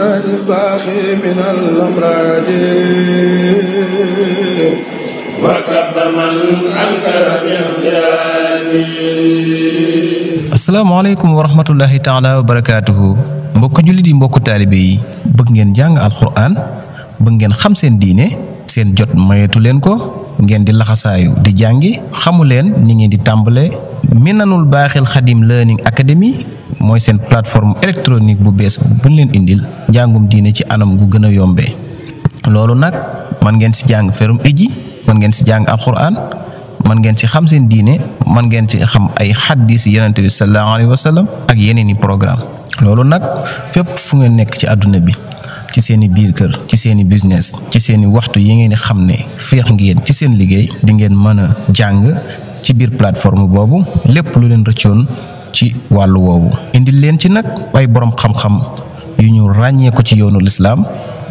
الباخي من الأمراض وقدم الأنكر باختياري asalaamaaleykum wa rahmatullahi taala wa barakaatuhu mbokk jullit yi mbokk taalibe yi bëgg ngeen jàng alxuraan bëgg ngeen xam seen diine seen jot mayetu leen ko ngeen di laxasaayu di jàngi xamu leen ñi ngeen di tàmbale nanul Baaxil Xadim Learning Academy mooy seen plateforme électronique bu bees buñ leen indil njàngum diine ci anam gu gën a yombee loolu nag man ngeen si jàng ferum iji man ngeen si jàng alquran man ngeen ci xam seen diine man ngeen ci xam ay xaddis yonent bi sallallahu alayhi wa ak yeneen i programme loolu nag fépp fu ngeen nekk ci àdduna bi ci seen i biir kër ci seeni i business ci seen waxtu yi ngeen di xam ne féex ngeen ci seen liggéey di ngeen mën a jàng ci biir plateforme boobu lépp lu leen rëccoon ci wàll woowu. indil leen ci nag ay boroom xam-xam yu ñu ràññee ko ci yoonu lislaam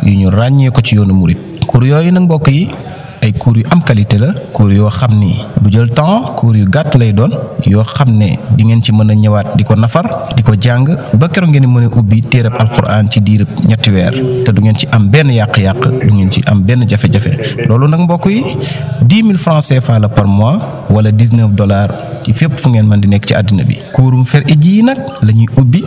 yu ñu ràññee ko ci yoonu murit kur yooyu nag mbokk yi. ay cours yu am qualité la cours yoo xam ni bu jël temps cours yu gàtt lay doon yoo xam ne di ngeen ci mën a ñëwaat di ko nafar di ko jàng ba keroog ngeen mën a ubbi téereb alquran ci diirub ñetti weer te du ngeen ci am benn yàq-yàq du ngeen ci am benn jafe-jafe loolu nag mbokk yi dix mille francs CFA la par mois wala dix neuf dollars ci fépp fu ngeen mën di nekk ci àddina bi. kuurum fer iji yi nag lañuy ubbi.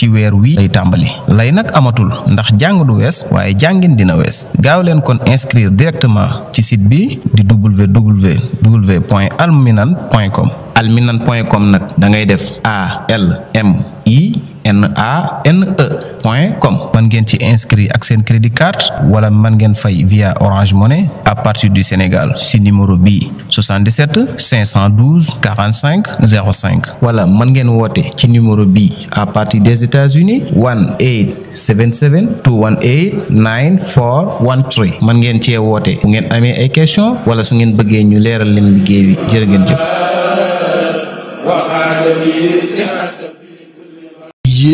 ci weer wi lay tàmbali lay nag amatul ndax jàng du wees waaye jàngin dina wees gaaw leen kon inscrire directement ci site bi di www point alminan point com alminan point com nag da ngay def a l m i NANE point com mën ngeen ci inscrit ak seen crédit card wala man ngeen fay via Orange Money à partir du Sénégal si numéro bii 77 512 45 05 wala man ngeen woote ci numéro bii à partir des États-Unis 1-877 218 9413 mën ngeen ce woote bu ngeen amee ay question wala su ngeen bëggee ñu leeral leen liggéey bi jërë ngeen jëf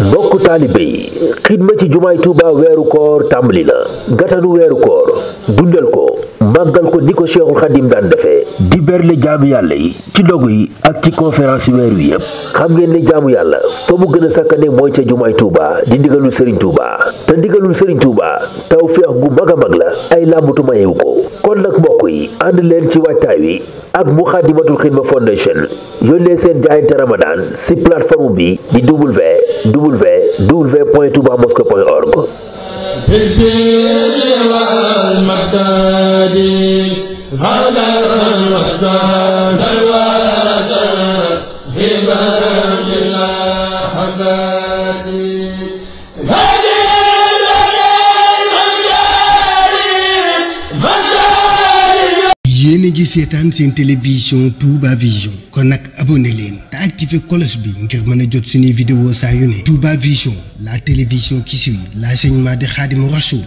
mbokk taalibe yi xidma ci jumaay Tuuba weeru koor tàmbali la gatanu weeru koor dundal ko màggal ko ni ko Cheikhul Khadim daan defee di berle jaamu yàlla yi ci ndogu yi ak ci conférence weer wi yëpp xam ngeen ne jaamu yàlla fa mu gën a sakkane mooy ca jumaay Tuuba di ndigalul Serigne Touba te ndigalul Serigne Touba taw feex gu mag a mag la ay làmbatu mayewu ko kon nag mbokk yi ànd leen ci waajtaay wi ak Muxaddamatul Xidma Foundation yónnee seen jaayante Ramadan si plateforme bi di double www.toubamosquée.org yéen a ngi seetaan seen télévision Touba Vision kon nag abonné leen activer cloche bi ngir mën a jot suñuy vidéo saa yu ne Touba Vision la télévision la suit l'enseignement de Khadimou Rassoul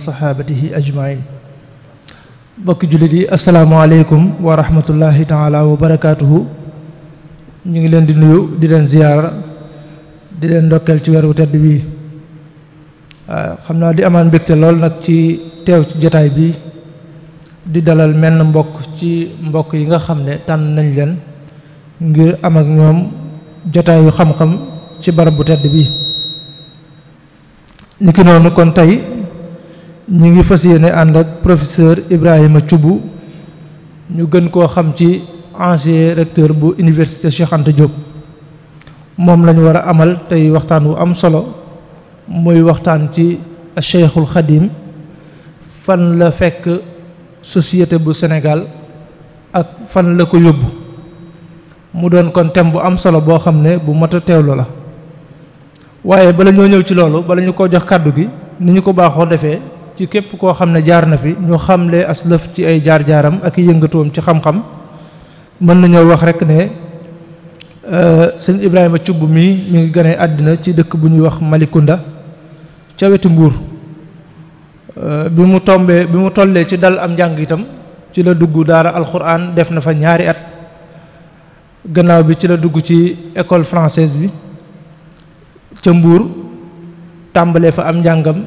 saxaabatihi ajmain bokki jullit yi asalaamaaleykum wa rahmatullahi taala wa barakaatuhu ñu ngi leen di nuyu di leen ziyaara di leen ndokkeel ci weer wu tedd bii xam naa di amaan mbégte lool nag ci teew ci jataay bi di dalal menn mbokk ci mbokk yi nga xam ne tànn nañ leen ngir am ak ñoom jotaayu xam-xam ci barab bu tedd bi niki noonu kon tey ñu ngi fas yéene ànd ak professeur Ibrahima Thioub ñu gën koo xam ci ancien recteur bu université Cheikh Anta moom lañu ñu war a amal tey waxtaan wu am solo muy waxtaan ci Cheikhul Khadim fan la fekk société bu Sénégal ak fan la ko yóbbu mu doon kon thème bu am solo boo xam ne bu mat a la waaye bala ñoo ñëw ci loolu bala ñu ko jox kàddu gi ni ñu ko baaxoo defee. ci képp koo xam ne jaar na fi ñu xamle aslëf ci ay jaar-jaaram ak yëngatoom ci xam-xam mën nañoo wax rek ne euh, sëñ Ibrahima Cubb mii mu ngi gane àddina ci dëkk bu ñuy wax Malikunda ca wetu Mbuur euh, bi mu tombee bi mu tollee ci dal am njàng itam ci la dugg daara alxuraan def na fa ñaari at gannaaw bi ci la dugg ci école française bi ca Mbuur tàmbalee fa am njàngam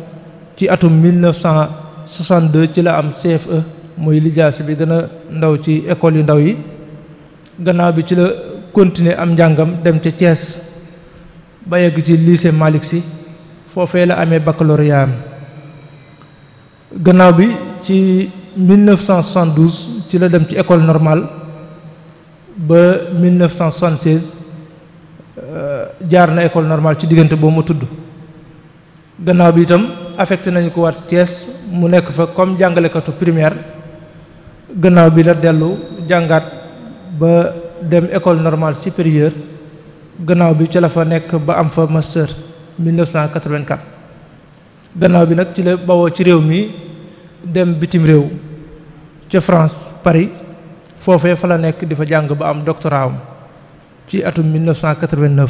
ci atum 1962 ci la am CFE mooy lijaasi bi gën a ndaw ci école yu ndaw yi gannaaw bi ci la continuer am njàngam dem ca Thiès ba yegg ci lycée Malick Sy foofee la amee baccalauréat am gannaaw bi ci 1972 ci la dem ci école normale ba 1976 euh, jaar na école normale ci diggante boobu mu tudd gannaaw bi itam affecté nañu ko waat Thiès mu nekk fa comme jàngalekatu primaire gannaaw bi la dellu jàngaat ba dem école normale supérieure gannaaw bi ci la fa nekk ba am fa master 1984 gannaaw bi nag ci la bawoo ci réew mi dem bitim réew ca France Paris foofee fa la nekk di fa jàng ba am doctorat ci atum 1989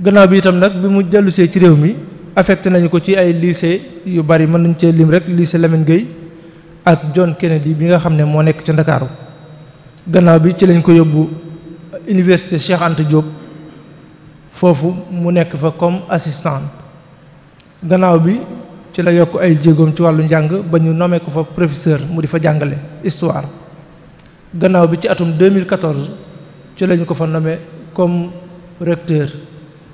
gannaaw bi itam nag bi mu dellusee ci réew mi affecté nañu ko ci ay lycée yu bari mën nañ cee lim rek lycée Lamine Gueye ak John Kennedy bi nga xam ne moo nekk ca Ndakaaru gannaaw bi ci lañ ko yóbbu université Cheikh Anta foofu mu nekk fa comme assistant gannaaw bi ci la yokk ay jéegoom ci wàllu njàng ba ñu nommé ko fa professeur mu di fa jàngale histoire gannaaw bi ci atum 2014 ci lañu ko fa nommé comme recteur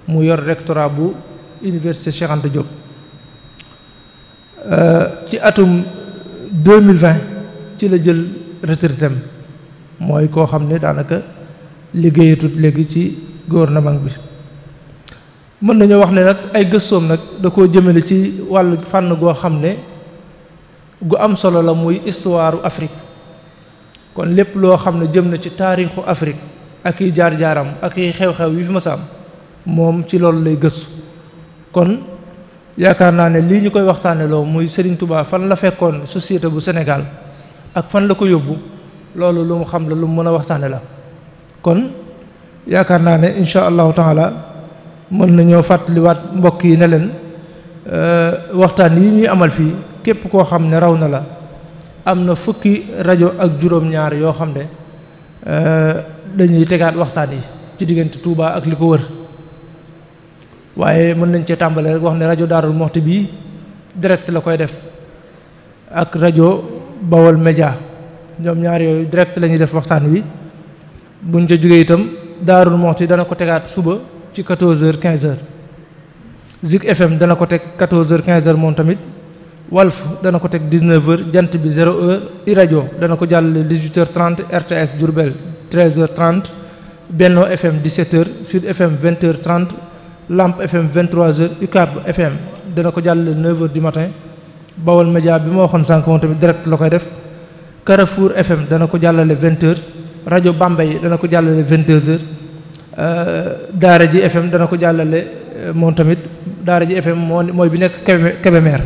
mu yor rectorat bu université Cheikh Anta Diop euh, ci atum deux mille ci la jël retraitem mooy koo xam ne daanaka liggéeyatu léegi ci gouvernement bi mën nañoo wax ne nag ay gëstoom nag da koo jëmale ci wàllu fànn goo xam ne gu am solo la muy histoire Afrique kon lépp loo xam ne jëm na ci taarixu Afrique ak i jaar-jaaram ak i xew-xew yi fi ma saam moom ci loolu lay gëstu kon yaakaar naa ne lii ñu koy waxtaane loo muy Serigne Touba fan la fekkoon société bu Sénégal ak fan la ko yóbbu loolu lu mu xam la lu mu mën a waxtaane la kon yaakaar naa ne incha allahu taala mën nañoo fàttaliwaat mbokk yi ne leen euh, waxtaan yi ñuy amal fii képp koo xam ne raw na la am na fukki rajo ak juróom-ñaar yoo xam ne euh, dañuy tegaat waxtaan yi ci diggante Touba ak li ko wër waaye mën nañ cee tàmbale wax ne rajo Daarul Muxti bii direct la koy def ak rajo Bawol Média ñoom ñaar yooyu direct la ñuy def waxtaan wi buñ ca jógee itam Daarul Muxti dana ko tegaat suba ci 14h 15h FM dana ko teg 14h 15h moom tamit Walf dana ko teg 19h jant bi 0 i rajo dana ko jàll 18h30 RTS Diourbel 13h30 Benno FM 17h Sud FM 20h30. LAMP FM 23h UCAB FM dana ko jàllale 9h du matin Bawol Média bi ma waxoon sànq moom tamit direct la koy def Carrefour FM dana ko jàllale 20h rajo Bambey dana ko jàllale 22h euh, Daara ji FM dana ko jàllale euh, moom tamit Daara ji FM moo mooy bi nekk Kébémer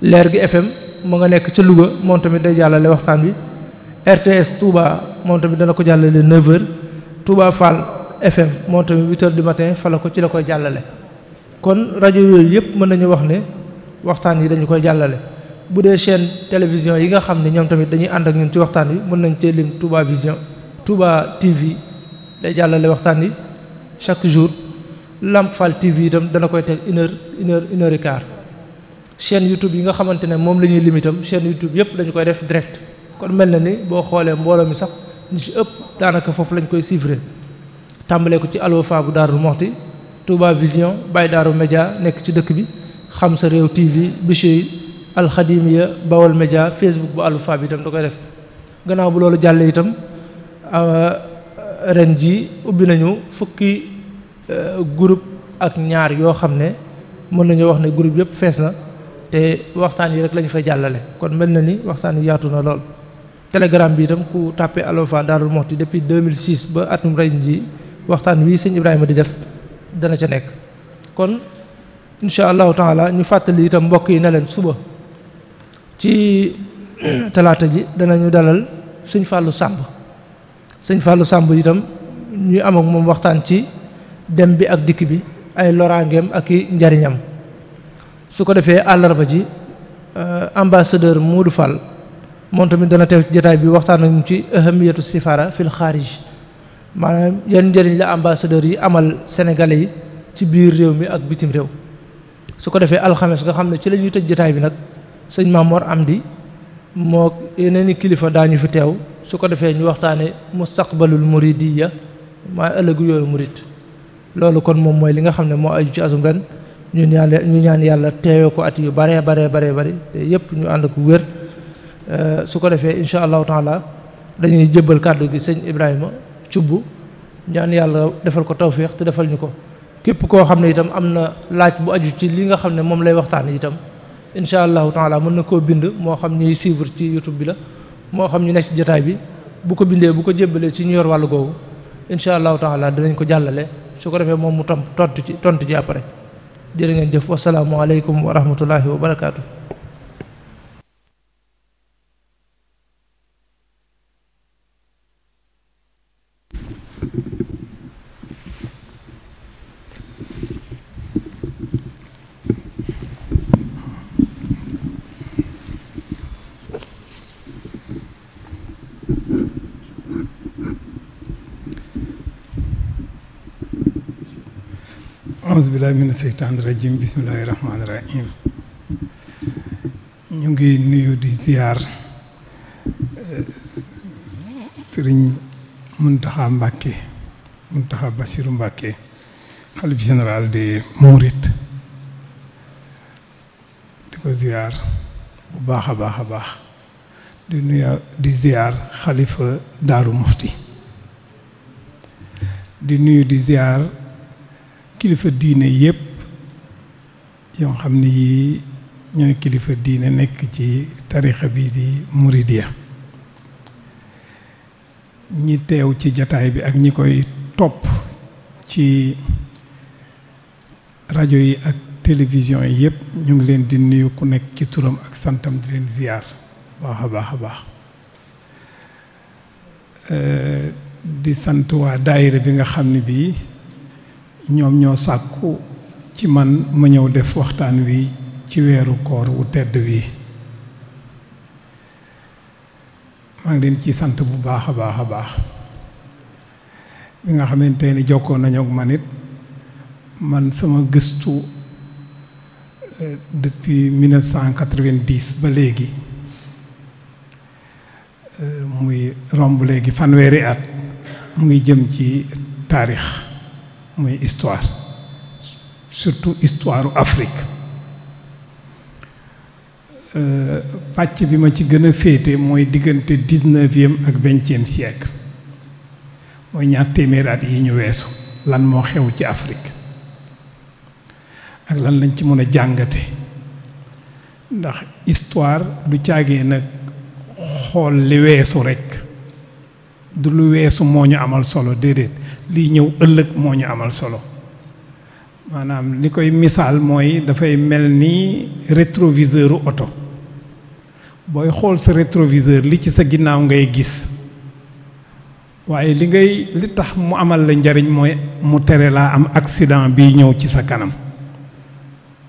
leer gi FM mu nga nekk ca Louga moom tamit day jàllale waxtaan bi RTS Touba moom tamit dana ko jàllale 9h Touba Fall. FM moom tamit huit heures du matin fa la ko ci la koy jàllale kon rajo yooyu yëpp mën nañu wax ne waxtaan yi dañu koy jàllale bu dee chaine télévision yi nga xam ne ñoom tamit dañuy ànd ak ñun ci waxtaan wi mën nañ cee lim Touba Vision Touba TV day jàllale waxtaan yi chaque jour Lamp Fall TV itam dana koy teg une heure une heure une YouTube yi nga xamante ne moom la ñuy lim itam chaîne YouTube yëpp dañu koy def direct kon mel na ni boo xoolee mbooloo mi sax ñi ci ëpp daanaka foofu lañ koy suivre tàmbalee ko ci alwafa bu daarul moxti Touba Vision Baye Daaru Média nekk ci dëkk bi xam sa réew TV Bichri alxadimiya Bawol media Facebook bu alwafa bi itam da koy def gannaaw bu loolu jàllee itam ah, ren ji ubbi nañu fukki eh, groupe ak ñaar yoo xam ne mën nañu wax ne group yëpp fees na te waxtaan yi rek lañu fay jàllale kon mel na ni waxtaan yi yaatu na lool telegram bi itam ku tàppe Alwafa Daarul Muxti depuis ba at ren ji waxtaan wii sëñ Ibrahima di def dana ca nekk kon incha allahu taala ñu fàttali itam mbokk yi na leen suba ci talaata ji danañu dalal sëñ fàllu sàmb sëñ fàllu Samb yitam ñuy am moom waxtaan ci dem bi ak dikk bi ay loraangeem ak i njariñam su ko defee àllarba ji euh, ambassadeur Modou Fall moom tamit dana teew ci jataay bi waxtaan ak mu ci ahamiyatu sifara fil xaarij maanaam yan njëriñ la ambassadeur yi amal sénégalais yi ci biir réew mi ak bitim réew su ko defee alxames nga xam ne ci lañuy tëj jotaay bi nag sëñ Mamoor Amdi moo yeneen i kilifa ñu fi teew su ko defee ñu waxtaane mustaqbalul muridiyya maa ëllëgu yoonu murid loolu kon moom mooy li nga xam ne moo aju ci asum ñu ñaan ñu ñaan yàlla teewee ko at yu baree baree baree bëri te yëpp ñu ànd ko wér euh, su ko defee incha allahu taala dañuy jëbal kàddu gi sëñ Ibrahima cubb ñaan yàlla defal ko tawféex te defal ñu ko képp koo xam ne itam am na laaj bu aju ci li nga xam ne moom lay waxtaan itam incha allahu taala mën na koo bind moo xam ñuy suivre ci youtube bi la moo xam ñu nekk ci jotaay bi bu ko bindee bu ko jébbalee ci ñu yor wàllu googu incha allahu taala dinañ ko jàllale su ko defee moom mu tam tontu ci tontu ji après jërë ngeen jëf wasalaamualeykum wa rahmatullahi wa barakaatu. aousubillahi mina seytaan rajim bismillahi rahmaani rahim ñu ngi nuyu di ziar eh, sëriñ Muntaxa Mbàkke Muntaxa Basiru Mbàkke xalif général de Mouride di ko ziar bu baax a baax a baax di nuyu di ziar xalifa Daaru Mufti di nuyu di ziar kilifa diine yépp yoo xam ne yii ñooy kilifa diine nekk ci tarixa bi di muridiya ñi teew ci jataay bi ak ñi koy topp ci rajo yi ak télévision yi yépp ñu ngi leen di nuyu ku nekk ci turam ak santam di leen ziyaar baax a baax eh, di sant waa daayira bi nga xam ne bii ñoom ñoo sàkku ci man ma ñëw def waxtaan wi ci weeru koor wu tedd wi maa ngi leen ci sant bu baax a baax a baax bi nga xamante ni jokkoo nañu ak man it man sama gëstu eh, depuis 1990 ba léegi eh, muy romb léegi fanweeri at mu ngi jëm ci taarix muy histoire surtout histoire Afrique euh, pàcc bi ma ci gën a féete mooy diggante dix-neuvième ak vingtième siècle mooy ñaar téeméeri at yi ñu weesu lan moo xew ci Afrique ak lan lañ ci mën a jàngate ndax histoire du càggee nag xool li weesu rekk du lu weesu moo ñu amal solo déedéet liy ñëw ëllëg moo ñu amal solo maanaam li koy misaal mooy dafay mel ni rétroviseuru oto booy xool sa rétroviseur li ci sa ginnaaw ngay gis waaye li ngay li tax mu amal la njariñ mooy mu tere laa am accident bi ñëw ci sa kanam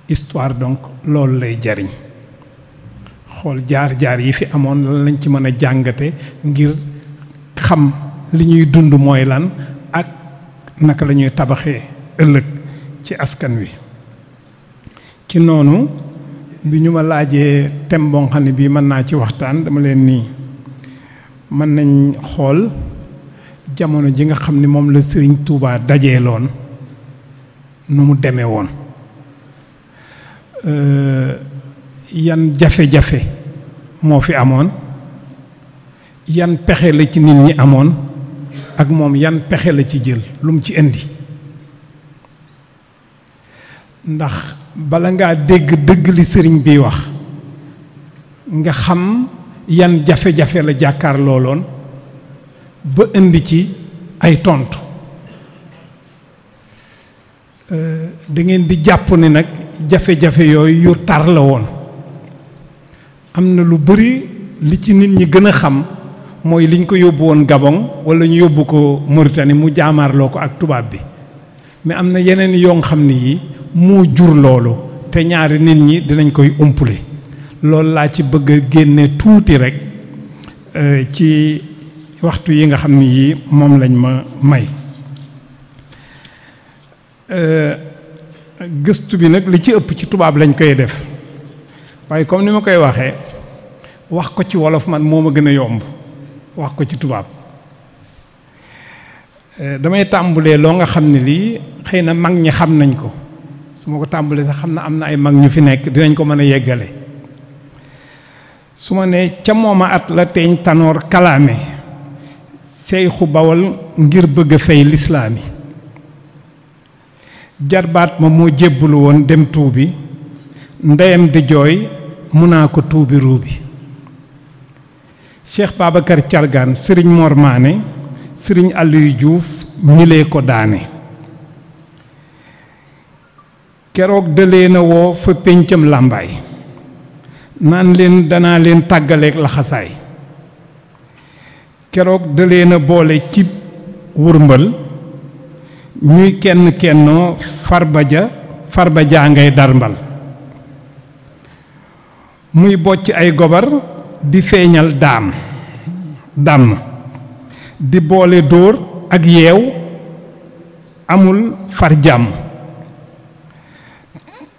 histoire donc loolu lay jariñ xool jaar-jaar yi fi amoon lan lañ ci mën a jàngate ngir xam li ñuy dund mooy lan naka la ñuy tabaxee ëllëg ci askan wi ci noonu bi ñu ma laajee thème boo bii mën naa ci waxtaan dama leen nii mën nañ xool jamono ji nga xam ni moom la Sëriñ Tuubaa daje loon nu mu demee woon euh, yan jafe-jafe moo fi amoon yan pexe la ci nit ñi amoon ak moom yan pexe la ci jël lu mu ci indi ndax bala ngaa dégg dëgg li sëriñ biy wax nga xam yan jafe-jafe la jàkkaar looloon ba indi ci ay tontu euh, da ngeen di jàpp ni nag jafe-jafe yooyu yu tar la woon am na lu bari li ci nit ñi gën a xam mooy liñ ko yóbbu woon Gabon wala ñu yóbbu ko Mauritanie mu jaamaarloo ko ak tubaab bi mais am na yeneen yoon xam ne yi moo jur loolu te ñaari nit ñi dinañ koy umpule loolu laa ci bëgg a génne tuuti rek euh, ci waxtu yi nga xam ne yii moom lañ ma may euh, gëstu bi nag li ci ëpp ci tubaab lañ koy def waaye comme ni ma koy waxee wax ko ci wolof man moo ma gën a yomb wax ko ci tubaab eh, damay tàmbulee loo nga xam ne lii xëy na mag ñi xam nañ ko su ma ko tàmbulee sax xam na am na ay mag ñu fi nekk dinañ ko mën a yeggale su ma nee ca mooma at la teeñ tanoor kalaame seyxu bawal ngir bëgg a fay lislaami jarbaat ma moo jébbalu woon dem tuubi ndeyam di jooy mun naa ko tuubi ruubi Cheikh Babacar Thiargane sëriñ Mor Mané sëriñ Aliou Diouf ñi lee ko daane keroog da leen woo fa péncam làmbaay naan leen danaa leen tàggaleeg laxasaay keroog da na boole ci wurmbal ñuy kenn kennoo farba ja farba jaa ngay darmbal muy bocc ay gobar di feeñal daam dàmm di boole dóor ak yeew amul far jàmm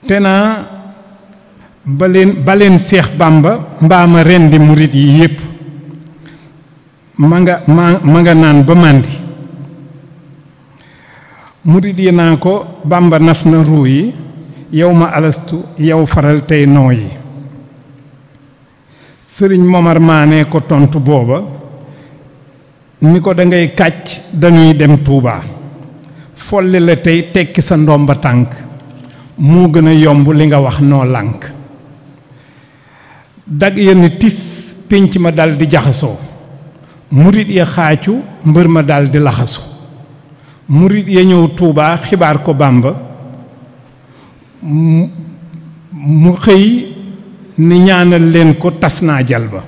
te naa baleen baleen seex bàmba mbaama ren di murit yi yépp ma nga ma nga naan ba màndi murit yi naa ko bàmba nas na ruu yi yow ma alastu yow faral tey noo yi sëriñ Momar Maane ko tontu booba ni ko dangay kàcc dañuy dem tuubaa folli la tey tekki sa ndomba tànk moo gën a yomb li nga wax noo lànk dag yenn tis pénc ma daldi jaxasoo murit ya xaacu mbër ma daldi laxasu murit ya ñëw Touba xibaar ko Bàmba mu xëy ni ñaanal leen ko tas naa jal ba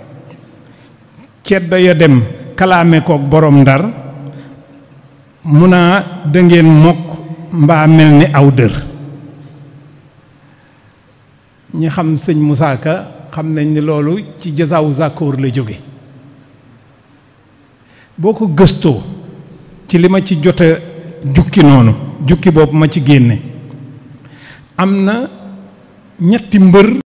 ceddo ya dem kalaame kook borom ndar mu dangeen mokk mbaa mel ni aw dër ñi xam sëñ Moussa Ka xam nañ ni loolu ci jasaw Zakoor la jóge boo ko gëstoo ci li ma ci jot a jukki noonu jukki boobu ma ci génne am na ñetti mbër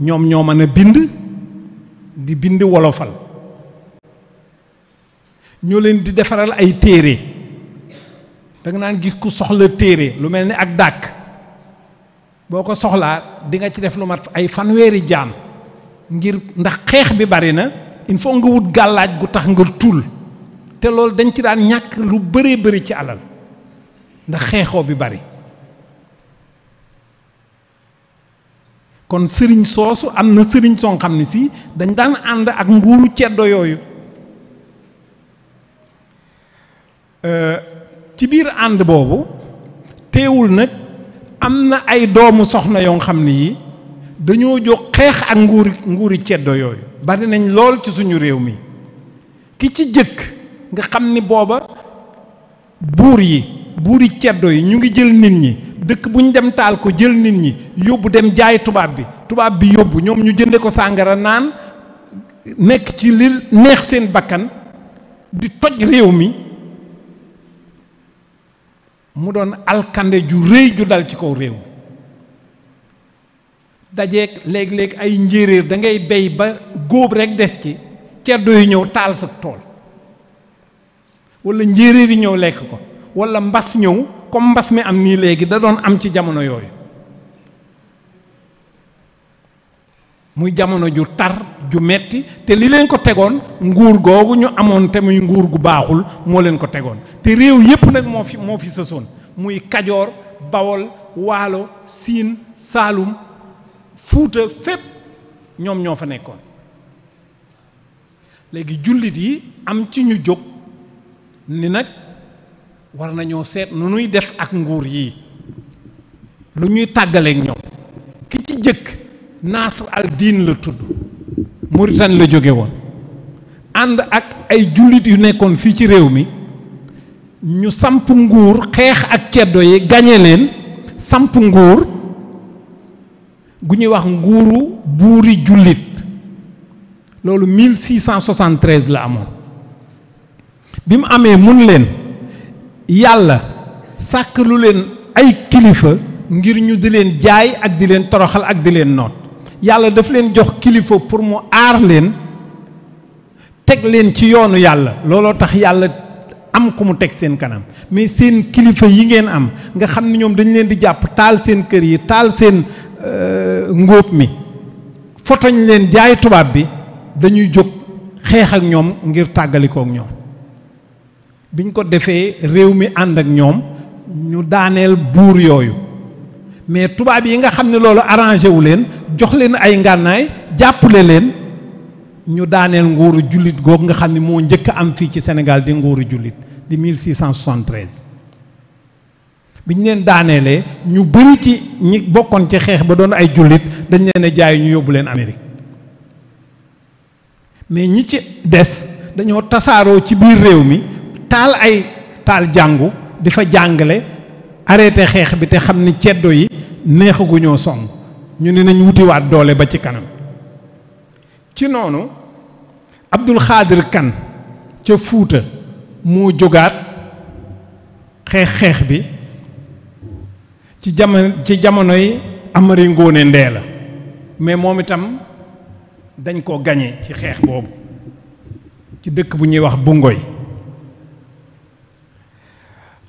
ñoom ñoo mën a bind di bindi wolofal ñoo leen di defaral ay téere danga nga gis ku soxla téere lu mel ni ak dàq boo ko soxlaa dinga ci def lu mat ay fanweeri jaam ngir ndax xeex bi bari na il faut nga wut gàllaaj gu tax nga tul te loolu dañ ci daan ñàkk lu bëree bëri ci alal ndax xeexoo bi bari kon sëriñ soosu am na sëriñ soo xam ne si dañ daan ànd ak nguuru ceddo yooyu euh, ci biir ànd boobu teewul nag am na ay doomu soxna yoo xam ne yi dañoo jóg xeex ak nguuri nguuri ceddo yooyu bari nañ lool ci suñu réew mi ki ci jëkk nga xam ni booba buur yi buuri ceddo yi ñu ngi jël nit ñi dëkk bu ñu dem taal ko jël nit ñi yóbbu dem jaay tubaab bi tubaab bi yóbbu ñoom ñu jënde ko sàngara naan nekk ci li neex seen bakkan di toj réew mi mu doon alkande ju rëy ju dal ci kaw réew dajeeg léeg-léeg ay njéeréer da ngay bey ba góob rekk des ci ceddo yi ñëw taal sa tool wala njéeréer yi ñëw lekk ko wala mbas ñëw comme mbas mi am nii léegi da doon am ci jamono yooyu muy jamono ju tar ju metti te li leen ko tegoon nguur googu ñu amoon te muy nguur gu baaxul moo leen ko tegoon te réew yépp nag moo fi moo fi sësoon muy Kajoor Bawol Waalo Siin Saalum Fuuta fépp ñoom ñoo fa nekkoon léegi jullit yi am ci ñu jóg ni nag war nañoo seet nu nuy def ak nguur yii lu ñuy tàggaleek ñoom ki ci jëkk Nasr al Din la tudd Mauritanie la jóge woon ànd ak ay jullit yu nekkoon fii ci réew mi ñu samp nguur xeex ak ceddo yi gañe leen samp nguur gu ñuy wax nguuru buuri jullit loolu 1673 la amoon bi mu amee mun leen yàlla sàkk lu leen ay kilifa ngir ñu di leen jaay ak di leen toroxal ak di leen noot yàlla daf leen jox kilifa pour mu aar leen teg leen ci yoonu yàlla looloo tax yàlla am ku mu teg seen kanam mais seen kilifa yi ngeen am nga xam ne ñoom dañ leen di jàpp taal seen kër yi taal seen euh, ngóob mi fotoñ leen jaay tubaab bi dañuy jóg xeex ak ñoom ngir tàggalikoo ak ñoom biñ ko defee réew mi ànd ak ñoom ñu daaneel buur yooyu mais tubaab yi nga xam ne loolu arrangé wu leen jox leen ay ngànnaay jàppale leen ñu daaneel nguuru jullit googu nga xam ni moo njëkk am fii ci Sénégal di nguuru jullit di 1673 biñ leen daaneelee ñu bëri ci ñi bokkoon ci xeex ba doon ay jullit dañ leen a jaay ñu yóbbu leen Amérique mais ñi ci des dañoo tasaaroo ci biir réew mi taal ay taal jàngu di fa jàngale arrêté xeex bi te xam ni ceddo yi neexaguñoo song ñu ne nañ wutiwaat doole ba ci kanam ci noonu Abdul Xaadir Kan ca Fuuta moo jógaat xeex-xeex bi ci jamono ci jamonoy Amari Ngoone Ndee la mais moom itam dañ ko gañe ci xeex boobu ci dëkk bu ñuy wax bu Bungoy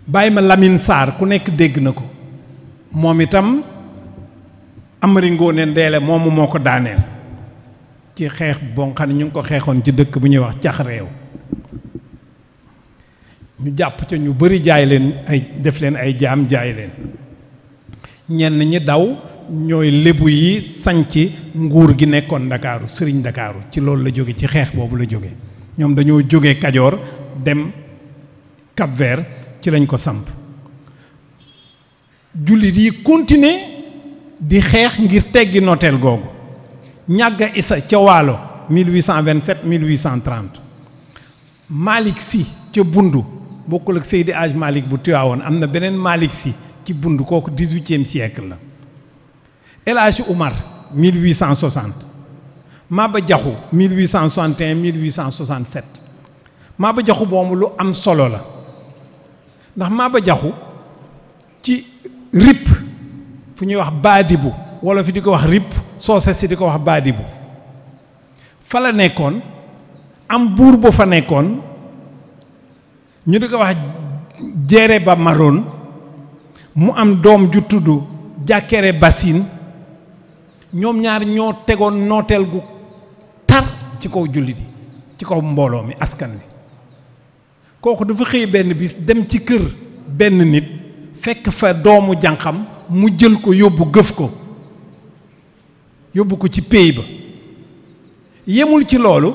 bàyyi ma lamin saar ku nekk dégg na ko moom itam Amari Ngoone Ndeele moomu moo ko daaneel ci xeex boo xam ñu ngi ko xeexoon ci dëkk bu ñuy wax cax réew ñu jàpp ca ñu bari jaay leen ay def leen ay jaam jaay leen ñenn ñi daw ñooy lébu yi sañc nguur gi nekkoon ndakaaru sëriñ ndakaaru ci loolu la jóge ci xeex boobu la jóge ñoom dañoo jóge kajoor dem Cap-Vert ci lañ ko samp jullit yi continuer di xeex ngir teggi noteel googu ñàgg isa ca waalo 1827 1830 Malick Sy ca Bundu bokkul ak Seydi Hadj Malick bu Tiwaawoon am na beneen Malick Sy ci Bundu kooku 18e siècle la El Hadj Oumar 1860 Maba Jaxu 1861 1867 Maba Jaxu boobu lu am solo la ndax Maba Jaxu ci fu ñuy wax baadibu wolof fi di ko wax ripp soo si di ko wax baadibu fa la nekkoon am buur bu fa nekkoon ñu di ko wax jeere ba maroon mu am doom ju tudd jàkkere basin ñoom ñaar ñoo tegoon nooteel gu tar ci kaw jullit yi ci kaw mbooloo mi askan wi kooku dafa xëy benn bis dem ci kër benn nit fekk fa doomu jànqam mu jël ko yóbbu gëf ko yóbbu ko ci pays ba yemul ci loolu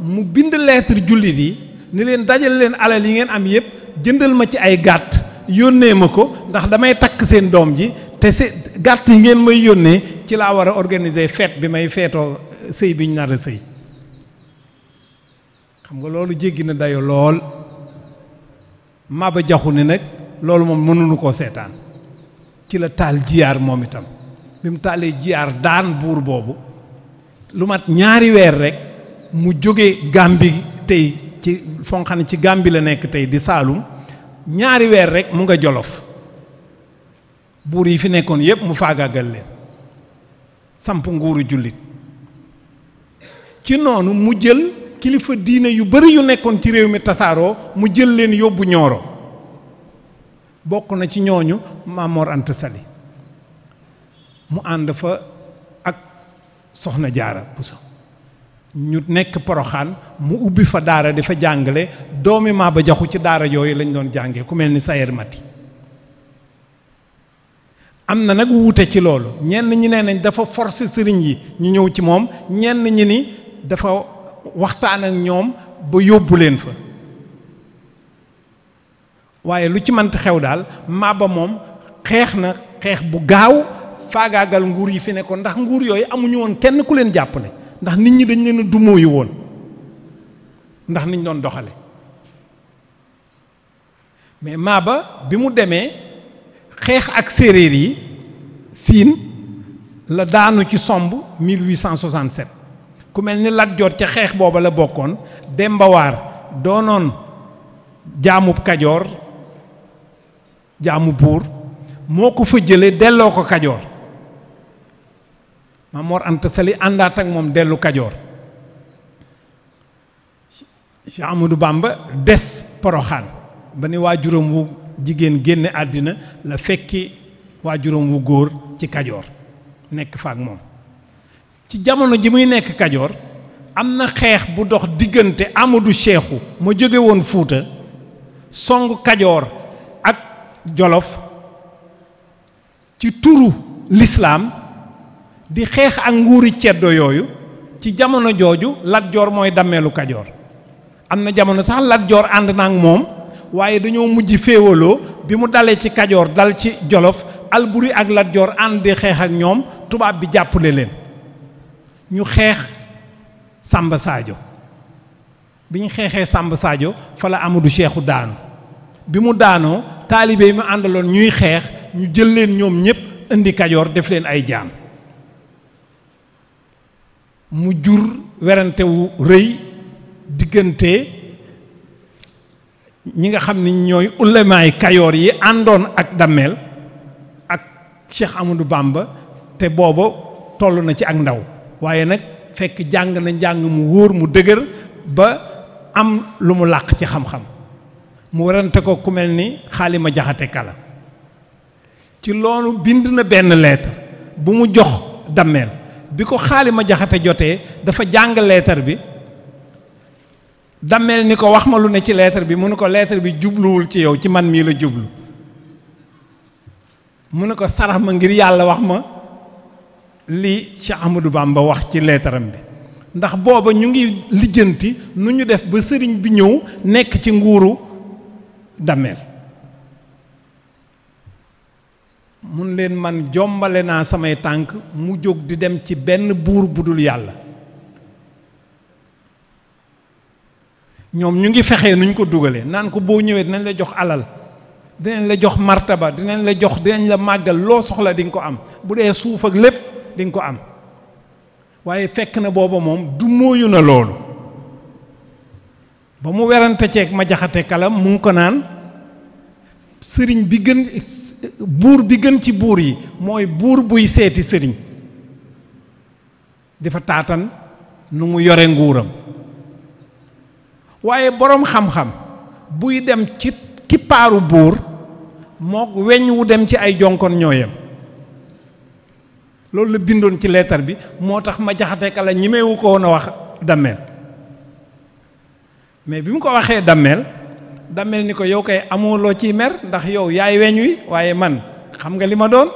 mu bind lettre jullit yi ni leen dajal leen alal yi ngeen am yépp jëndal ma ci ay gàtt yónnee ma ko ndax damay takk seen doom ji te se gàtt yi ngeen may yónnee ci laa war a organiser fête bi may feetoo sëy biñ nar a sëy xam nga loolu jéggi na dayo lool maba jaxu ni nag loolu moom mënuñu koo seetaan ci la taal jiyaar moom itam bi mu taalee jiyaar daan buur boobu lu mat ñaari weer rek mu jóge Gàmbi tey ci foo xam ne ci Gàmbi la nekk tey di Saalum ñaari weer rekk mu nga Jolof buur yi fi nekkoon yépp mu faagaagal leen samp nguuru jullit ci noonu mu jël kilifa diine yu bari yu nekkoon ci réew mi tasaaroo mu jël leen yóbbu ñooro bokk na ci ñooñu Mamor Anta Sali mu ànd fa ak soxna jaara Bousso ñu nekk poroxaan mu ubbi fa daara di fa jàngale doomi maa ba jaxu ci daara yooyu lañ doon jàngee ku mel ni Sayer Mati am na nag wuute ci loolu ñenn ñi nee nañ dafa forcer sëriñ yi ñu ñëw ci moom ñenn ñi ni dafa waxtaan ak ñoom ba yóbbu leen fa waaye lu ci mënti xew daal Maba moom xeex na xeex bu gaaw faagaagal nguur yi fi nekkoon ndax nguur yooyu amuñu woon kenn ku leen jàpp ne ndax nit ñi dañ leen a dumóoyu woon ndax niñ doon doxale mais Maba bi mu demee xeex ak séeréer yi siin la daanu ci somb 1867 ku mel ni Lat Joor ca xeex booba la bokkoon Demba doonoon jaamub Kajoor jaamu buur moo ko fa jële delloo ko kajoor Maam Mor Anta àndaat ak moom dellu kajoor Cheikh Amadou Bamba des poroxaan ba ni waajuram wu jigéen génne àddina la fekki waajuram wu góor ci kajoor nekk fa ak moom ci jamono ji muy nekk kajoor am na xeex bu dox diggante Amadou Cheikhou ma jóge woon Fuuta song kajoor jolof ci turu lislaam di xeex ak nguuri ceddo yooyu ci jamono jooju Lat mooy dammeelu Kajoor am na jamono sax Lat Joor ànd na moom waaye dañoo mujj féewaloo bi mu dalee ci Kajoor dal ci Jolof Alburi ak Lat Joor ànd di xeex ak ñoom tubaab bi jàppale leen ñu xeex Samba saajo bi ñu xeexee Samba Sadio fa la Amadou Cheikhou daanu bi mu daanoo taalibe yi ma àndaloon ñuy xeex ñu jël leen ñoom ñëpp indi kajoor def leen ay jaan mu jur werantewu rëy diggante ñi nga xam ni ñooy ulemaay kayoor yi àndoon ak dàmmeel ak Cheikh baam ba te booba toll na ci ak ndaw waaye nag fekk jàng na njàng mu wóor mu dëgër ba am lu mu làq ci xam-xam mu warante ko ku mel ni xaalima jaxate kala ci loolu bind na benn lettre bu mu jox dammeel bi ko xaalima jaxate jotee dafa jàng lettre bi dammeel ni ko wax ma lu ne ci lettre bi mu ne ko leetar bi jubluwul ci yow ci man mii la jublu mu ne ko sarax ma ngir yàlla wax ma li Cheikh Ahmadou Bamba wax ci leetaram bi ndax booba ñu ngi lijjanti nu ñu def ba sëriñ bi ñëw nekk ci nguuru dammeel mun leen man jombale naa samay tànk mu jóg di dem ci benn buur bu dul yàlla ñoom ñu ngi fexee nuñ ko dugalee naan ko boo ñëwee dinañ la jox alal dinañ la jox martaba dinañ la jox dinañ la màggal loo soxla di nga ko am bu dee suuf ak lépp di ko am waaye fekk na booba moom du móoyu na loolu ba mu werante ceeg ma jaxate kalam mu ngi ko naan sëriñ bi gën buur bi gën ci buur yi mooy buur buy seeti sëriñ dafa taatan nu mu yore nguuram waaye boroom xam-xam buy dem ci kippaaru buur mook weñ wu dem ci ay jonkon ñooyam loolu la bindoon ci leetar bi moo tax ma jaxate kala ñi mewu ko woon a wax dammeel mais bi mu ko waxee dammeel dammeel ni ko yow kay amuloo ciy mer ndax yow yaay weñ wi waaye man xam nga li ma doon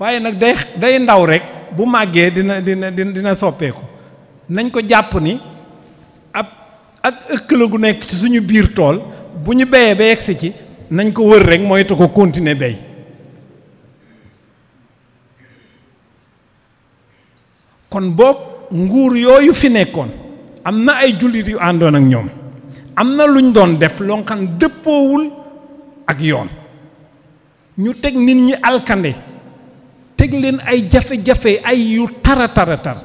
waaye nag day day ndaw rek bu màggee dina dina dina soppeeku nañ ko jàpp ni ab ak ëkk la gu nekk ci suñu biir tool bu ñu béyee ba yegsi ci nañ ko wër rek moytu ko continuer béy kon boob nguur yooyu fi nekkoon am na ay jullit yu àndoon ak ñoom am na lu ñu doon def lonkan dëppoowul ak yoon ñu teg nit ñi alkande teg leen ay jafe-jafe ay yu tara tara tar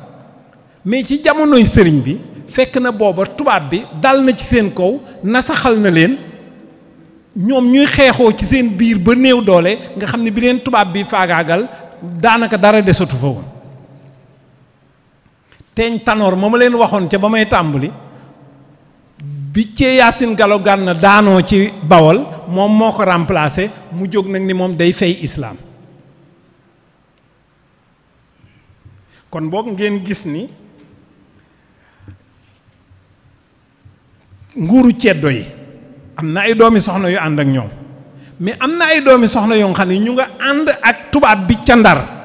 mais ci jamonoy sëriñ bi fekk na booba tubaab bi dal na ci seen kaw nasaxal na leen ñoom ñuy xeexoo ci seen biir ba néew doole nga xam ne bi leen tubaab bi faagaagal daanaka dara desatu fa woon teeñ tanoor ma ma leen waxoon ca ba may tàmbali bi cee yaasin galo gànn daanoo ci bawol moom moo ko remplacé mu jóg nag ni moom day fay islaam kon boog ngeen gis ni nguuru ceddo yi am na ay doomi soxna yu ànd ak ñoom mais am na ay doomi soxna yoo xam ne ñu nga ànd ak tubaab bi ca ndar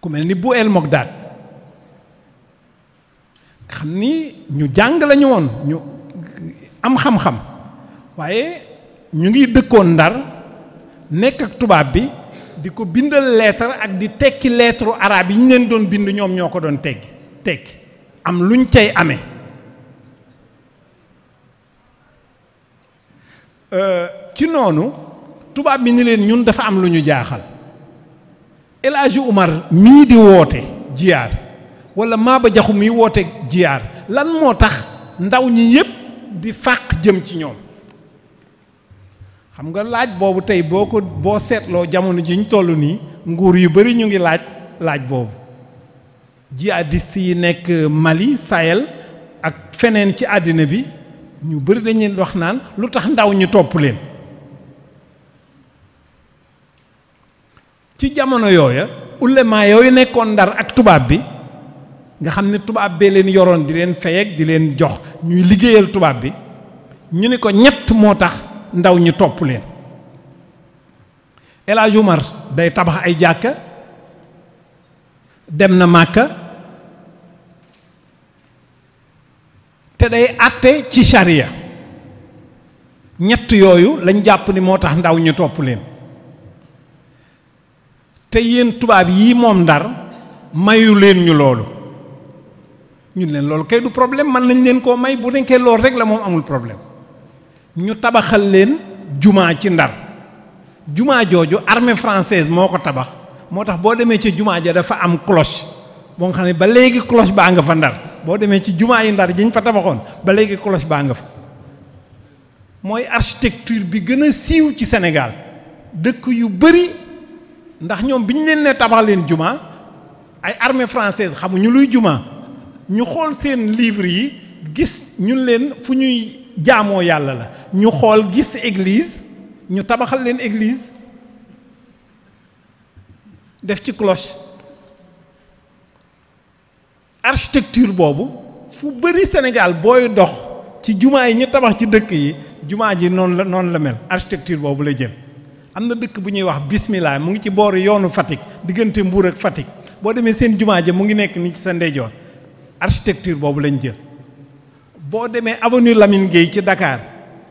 ku mel ni bu el Mogdad xam ni ñu jàng lañu woon ñu am xam-xam waaye ñu ngi dëkkoon ndar nekk ak tubaab bi di ko bindal lettre ak di tekki lettre araab yi ñu leen doon bind ñoom ñoo ko doon teggi tekki am luñ cay amee euh, ci noonu tubaab bi ni leen ñun dafa am lu ñu jaaxal El Hadj Umar mii di woote jiyaar wala Maba Jaxu mii woote jiyaar lan moo tax ndaw ñi yépp di fàq jëm ci ñoom xam nga laaj boobu tey boo ko boo seetloo jamono ji ñu toll nii nguur yu bari ñu ngi laaj laaj boobu jihadiste yi nekk Mali Sahel ak feneen ci àddina bi ñu bari dañuy wax naan lu tax ndaw ñi topp leen ci jamono yooya ulemaa yooyu nekkoon ndar ak tubaab bi nga xam ne tubaab bee leen yoroon di leen fayeg di leen jox ñuy liggéeyal tubaab bi ñu ne ko ñett moo tax ndaw ñu topp leen El day tabax ay jàkka dem na màkka te day àtte ci charia ñett yooyu lañ jàpp ni moo tax ndaw ñu topp leen te yéen tubaab yii moom ndar mayu leen ñu loolu ñun leen loolu kay du problème man nañ leen koo may bu nekkee loolu rek la moom amul problème ñu tabaxal leen jumaa ci ndar jumaa jooju armee française moo ko tabax moo tax boo demee ci jumaa ja dafa am cloche boo nga ne ba léegi cloche baa nga fa ndar boo demee ci jumaa yi ndar jiñ fa tabaxoon ba léegi cloche baa nga fa mooy architecture bi gën a siiw ci senegal dëkk yu bari ndax ñoom bi ñu leen ne tabax leen juma ay armée française xamuñu luy juma ñu xool seen livre yi gis ñun leen fu ñuy jaamoo yàlla la ñu xool gis église ñu tabaxal leen église def ci cloche architecture boobu fu bëri Sénégal booy dox ci jumaa yi ñu tabax ci dëkk yi jumaa ji noonu la noonu la mel architecture boobu la jël am na dëkk bu ñuy wax bismillah mu ngi ci booru yoonu Fatick diggante Mbour ak Fatick boo demee seen jumaa ja mu ngi nekk ni ci sa ndeyjoor architecture boobu lañ jël boo demee avenue Lamine Gueye ci dakaar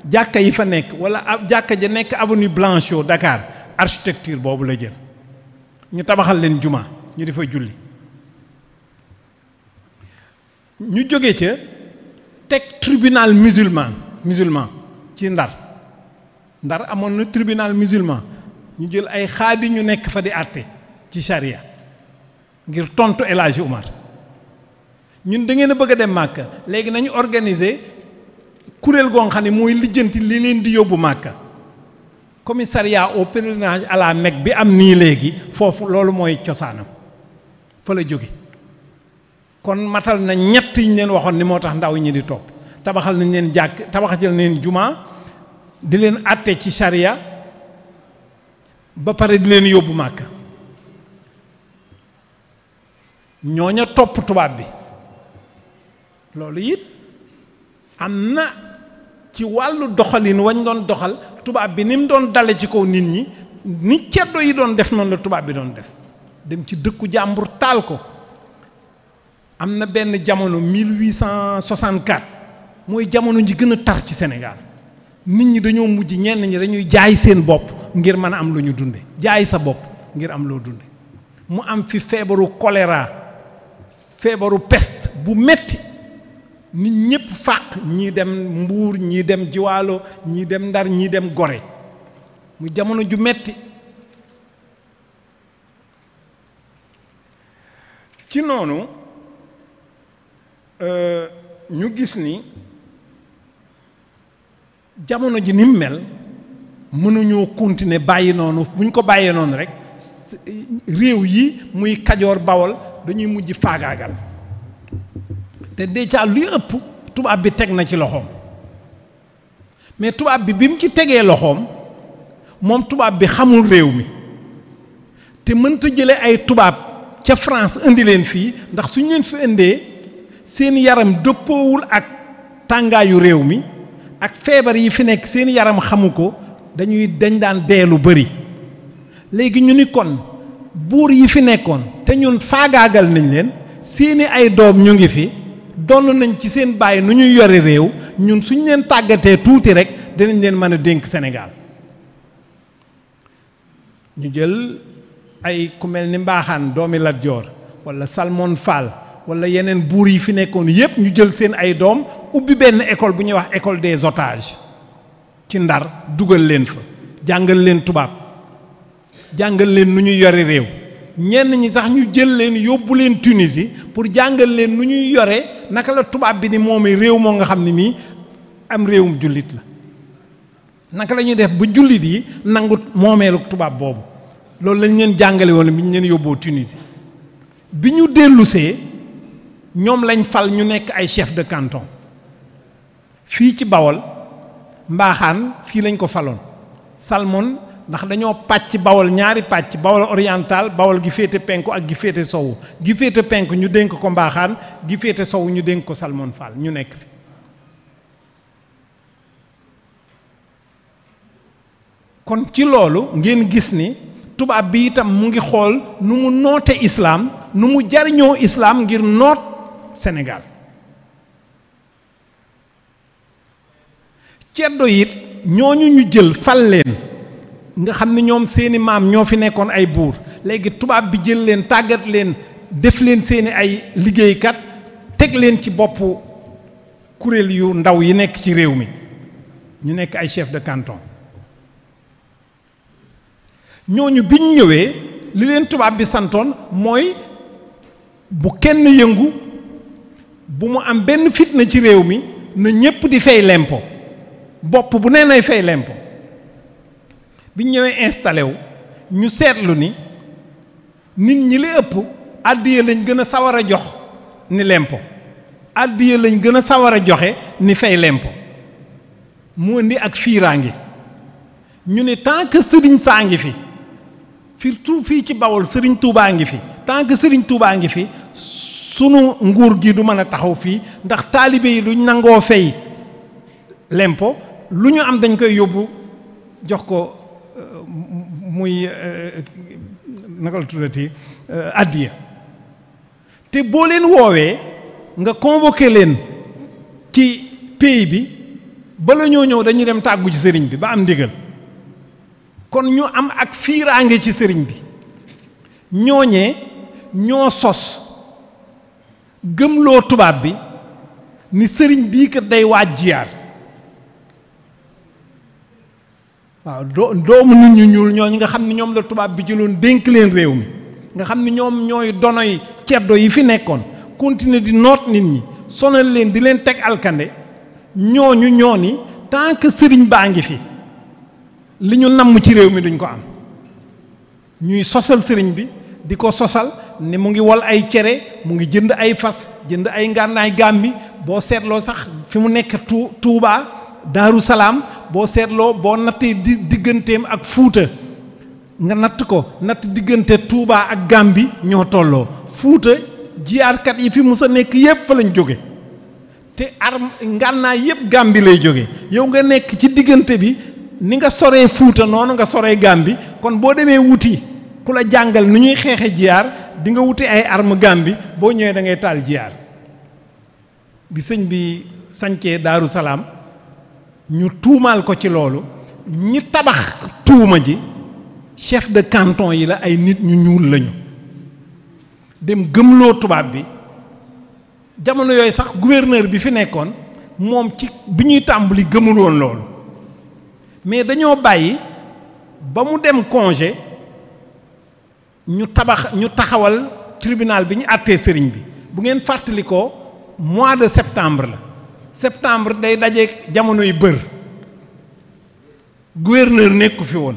jàkka yi fa nekk wala jàkka ja nekk avenue Blanchot dakaar architecture boobu la jël ñu tabaxal leen jumaa ñu di fa julli ñu jóge ca teg tribunal musulman musulman ci Ndar ndar amoon na tribunal musulman ñu jël ay xaadi ñu nekk fa di àtte ci charia ngir tontu El Hadji Umar ñun da ngeen a bëgg a dem màkka léegi nañu organiser kuréel goo xam ne mooy lijjanti li leen di yóbbu màkka commissariat au pèlerinage à la Mecque bi am nii léegi foofu loolu mooy cosaanam fa la jóge kon matal na ñett yi leen waxoon ni moo tax ndaw ñi di topp tabaxal nañ leen jàkk tabaxal nañ leen jumaa di leen àtte ci sariya ba pare di leen yóbbu màkk ñooña topp tubaab bi loolu it am na ci wàllu doxalin wañ doon doxal tubaab bi ni mu doon dale ci kaw nit ñi ni ceddo yi doon def noonu la tubaab bi doon def dem ci dëkku jàmbur taal ko am na benn jamono 1864 mooy jamono ji gën a tar ci senegaal nit ñi dañoo mujj ñenn ñi dañuy jaay seen bopp ngir mën a am lu ñu dunde jaay sa bopp ngir am loo dunde mu am fi feebaru choléra feebaru pest bu metti nit ñëpp fàq ñii dem mbuur ñii dem jiwaalo ñii dem ndar ñii dem gore mu jamono ju metti ci noonu euh, ñu gis ni jamono ji ni mu mel mënuñoo continuer bàyyi noonu bu ñu ko bàyyee noonu rek réew yi muy kajoor bawol dañuy mujj faagaagal te déjà luy ëpp tubaab bi teg na ci loxoom mais tubaab bi bi mu ci tegee loxoom moom tubaab bi xamul réew mi te mënta jële ay tubaab ca France indi leen fii ndax suñ leen fi indee seen yaram dëppoowul ak tàngaayu réew mi ak feebar yi fi nekk seen yaram xamu ko dañuy dañ daan dee lu bari léegi ñu ni kon buur yi fi nekkoon te ñun faagaagal nañ leen seeni ay doom ñu ngi fi donn nañ ci seen bàyyi nu ñuy yore réew ñun suñ leen tàggatee tuuti rek dinañ leen mën a dénk senegaal ñu jël ay ku mel ni mbaaxaan doomi Lat Joor wala Salmon Fall wala yeneen buur yi fi nekkoon yépp ñu jël seen ay doom ubbi benn école bu ñuy wax école des otages ci ndar dugal leen fa jàngal leen tubaab jàngal leen nu ñuy yore réew ñenn ñi sax ñu jël leen yóbbu leen Tunisie pour jàngal leen nu ñuy yore naka la tubaab bi ni moomee réew moo nga xam ne mii am réewum jullit la naka la ñuy def ba jullit yi nangu moomeelu tubaab boobu loolu lañ leen jàngale woon bi ñu leen yóbboo Tunisie bi ñu dellusee ñoom lañ fal ñu nekk ay chef de canton fii ci bawol mbaaxaan fii lañ ko faloon salmon ndax dañoo pàcc bawol ñaari pàcc bawol oriental bawol gi féete penku ak gi féete sowu gi féete penku ñu dénk ko mbaaxaan gi féete sowu ñu dénk ko salmon fall ñu nekk fi kon ci loolu ngeen gis ni tubaab bi itam mu ngi xool nu mu noote islaam nu mu jariñoo islaam ngir noot senegaal ceddo it ñooñu ñu jël fal leen nga xam ne ñoom seeni maam ñoo fi nekkoon ay buur léegi tubaab bi jël leen tàggat leen def leen seeni ay liggéeykat teg leen ci boppu kuréel yu ndaw yi nekk ci réew mi ñu nekk ay chef de kanton ñooñu bi ñu ñëwee li leen tubaab bi santoon mooy bu kenn yëngu bu mu am benn fitna ci réew mi na ñépp di fay lempo bopp bu nee nay fay lempo bi ñu ñëwee installé wu ñu seetlu ni nit ñi li ëpp àddiya lañ gën a sawar a jox ni lempo àddiya lañ gën a sawar a joxe ni fay lempo mu indi ak fiiraangi ñu ne tant que sëriñ saa ngi fi surtout fii ci bawul sëriñ Tuubaa ngi fi tant que sëriñ Tuubaa ngi fi sunu nguur gi du mën a taxaw fii ndax taalibe yi duñ nangoo fay lempo lu ñu am dañ koy yóbbu jox ko euh, muy euh, naka la tuddati euh, addiya te boo leen woowee nga convoqué leen ci pays bi bala ñoo ñëw dañuy dem tàggu ci sëriñ bi ba am ndigal kon ñu am ak fiiraange ci sëriñ bi ñooñee ñoo sos gëmloo tubaab bi ni sëriñ bii kat day waa jiyaar waaw doo doomu nit ñu ñuul ñoo ñi nga xam ne ñoom la tubaab bi jëloon dénk leen réew mi nga xam ne ñoom ñooy donoy ceddo yi fi nekkoon continuer di noot nit ñi sonal leen di leen teg alkande ñu ñoo ni tant que sëriñ baa ngi fi li ñu namm ci réew mi duñ ko am ñuy sosal sëriñ bi di ko sosal ni mu ngi wol ay cere mu ngi jënd ay fas jënd ay ngànnaay gàmmi boo seetloo sax fi mu nekk tu Tuubaa Daaru Salaam boo seetloo boo nattee di digganteem ak fuuta nga natt ko natt diggante tuubaa ak Gàmbi ñoo tolloo fuuta jiyaarkat yi fi musa nekk yépp fa lañ jóge te arm ngànnaay yépp Gàmbi lay jóge yow nga nekk ci diggante bi ni nga soree fuuta noonu nga soree Gàmbi kon boo demee wuti ku la jàngal nu ñuy xeexe jiyaar di nga wuti ay arm Gàmbi boo ñëwee da ngay taal jiyaar bi sëñ bi sancee Daaru Salaam ñu tuumaal ko ci loolu ñi tabax tuuma ji chef de canton yi la ay nit ñu ñuul lañu dem gëmloo tubaab bi jamono yooyu sax gouverneur bi fi nekkoon moom ci bi ñuy tàmbali gëmul woon loolu mais dañoo bàyyi ba mu dem congé ñu tabax ñu taxawal tribunal bi ñu àttee sëriñ bi bu ngeen fàttalikoo mois de septembre la septembre day jamono jamonoy bër gouverneur nekku fi woon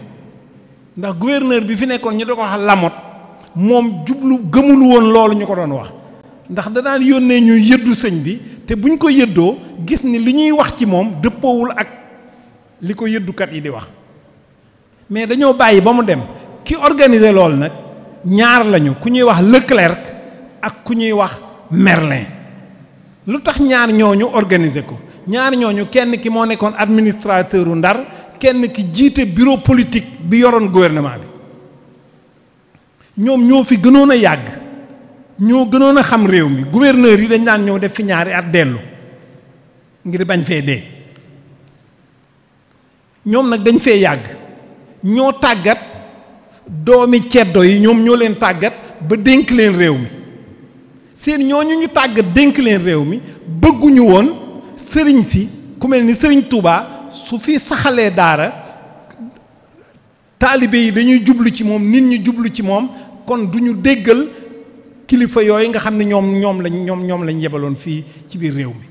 ndax gouverneur bi fi nekkoon ñu da ko wax lamot moom jublu gëmul woon loolu ñu ko doon wax ndax da yónnee ñu yëddu sëñ bi te buñ ko yëddoo gis ni li ñuy wax ci moom dëppoowul ak li ko yëddukat yi di wax mais dañoo bàyyi ba mu dem ki organise loolu nag ñaar lañu ku ñuy wax Leclerc ak ku ñuy wax Merlin lu tax ñaar ñooñu organiser ko ñaar ñooñu kenn ki moo nekkoon administrateur u Ndar kenn ki jiite bureau politique bi yoroon gouvernement bi ñoom ñoo fi gënoon a yàgg ñoo gënoon a xam réew mi gouverneur yi dañ daan ñëw def fi ñaari at dellu ngir bañ fee dee ñoom nag dañ fee yàgg ñoo tàggat doomi ceddo yi ñoom ñoo leen tàggat ba dénk leen réew mi seen ñooñu ñu tàggat dénk leen réew mi bëgguñu woon sëriñ si ku mel ni sëriñ Touba su fi saxalee daara taalibe yi dañuy jublu ci moom nit ñu jublu ci moom kon duñu déggal kilifa yooyu nga xam ne ñoom ñoom lañ ñoom lañ yebaloon fii ci biir réew mi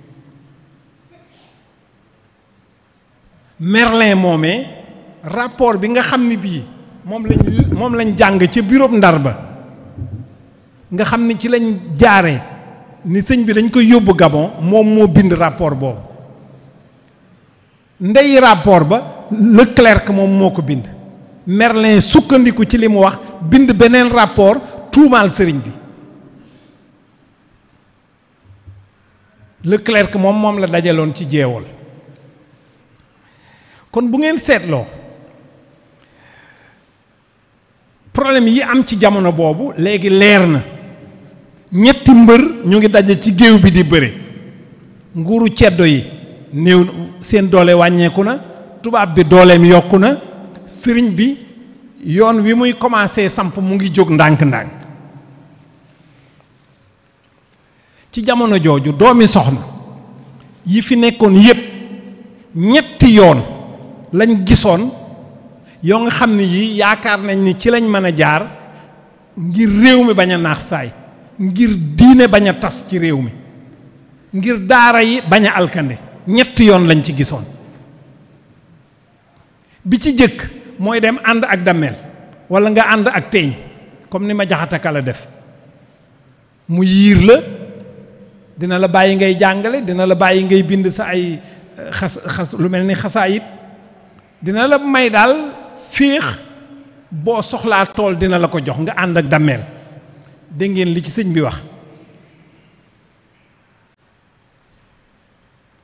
Merlin moomee rapport bi nga xam ne bii moom lañ jàng ca bureau Ndar ba nga xam ne ci lañ jaare ni sëñ bi dañ koy yóbbu Gabon moom moo bind rapport boobu ndey rapport ba Leclerc moom moo ko bind Merlin sukkandiku ci li mu wax bind beneen rapport tuumaal sëriñ bi Leclerc moom moom la dajaloon ci jeewal kon bu ngeen seetloo problème yi am ci jamono boobu léegi leer na ñetti mbër ñu ngi daje ci géew bi di bëre nguuru ceddo yi néew seen doole wàññeeku na tubaab bi dooleem yokku na sëriñ bi yoon wi muy commencé samp mu ngi jóg ndànk-ndànk ci jamono jooju doomi soxna yi fi nekkoon yépp ñetti yoon lañ gisoon yoo nga xam ne yii yaakaar nañ ni ci lañ mën a jaar ngir réew mi bañ a naax saay ngir diine bañ a tas ci réew mi ngir daara yi bañ a alkande ñetti yoon lañ ci gisoon bi ci jëkk mooy dem ànd ak dammeel walla nga ànd ak teeñ comme ni ma jaxataka la def mu yiir la dina la bàyyi ngay jàngale dina la bàyyi ngay bind sa ay eh, xas lu mel ni xasaayit dina la may daal féex boo soxlaa tool dina la ko jox nga ànd ak dammeel dégg li ci sëñ bi wax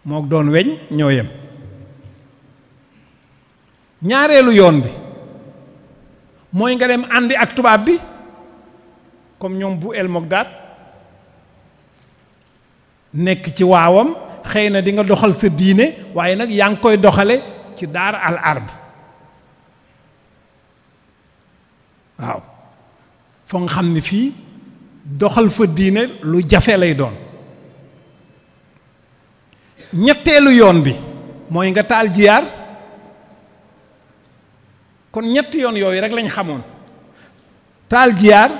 moo doon weñ ñoo yem ñaareelu yoon bi mooy nga dem àndi ak tubaab bi comme ñoom bu el Mogdad nekk ci waawam xëy na dinga doxal sa diine waaye nag yaa ngi koy doxale ci daar al arb waaw foo nga xam ne fii doxal fa diine lu jafe lay doon ñetteelu yoon bi mooy nga taal jiyaar kon ñetti yoon yooyu rek lañ xamoon taal jiyaar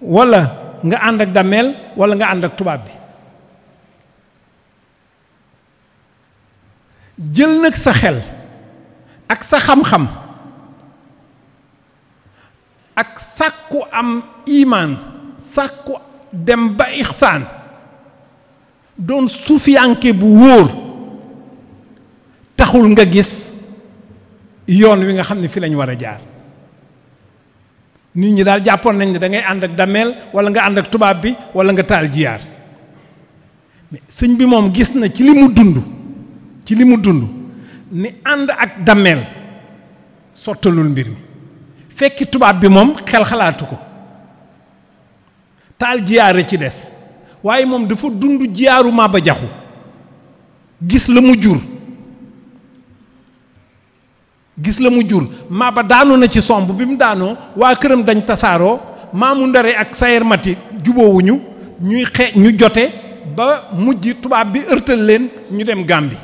wala nga ànd ak dameel wala nga ànd ak tubaab bi jël nag sa xel ak sa xam-xam ak sàkku am imaan sàkku dem ba ixsaan doon suufiyanke bu wóor taxul nga gis yoon wi nga xam ne fi lañ war a jaar nit ñi daal jàppoon nañ ne dangay ngay ànd ak dameel wala nga ànd ak tubaab bi wala nga taal jiyaar sëñ bi moom gis na ci li mu dund ci li mu dund ni ànd ak dameel sottalul mbir mi fekki tubaab bi moom xel xalaatu ko taal jiyaar ci des waaye moom dafa dund jiyaaru Maba Jaxu gis la mu jur gis la mu jur Maba daanu na ci somb bi mu daanoo waa këram dañ tasaaroo maamu ndare ak sayer mati juboowuñu ñuy xe ñu jote ba mujj tubaab bi ërtal leen ñu dem Gàmbi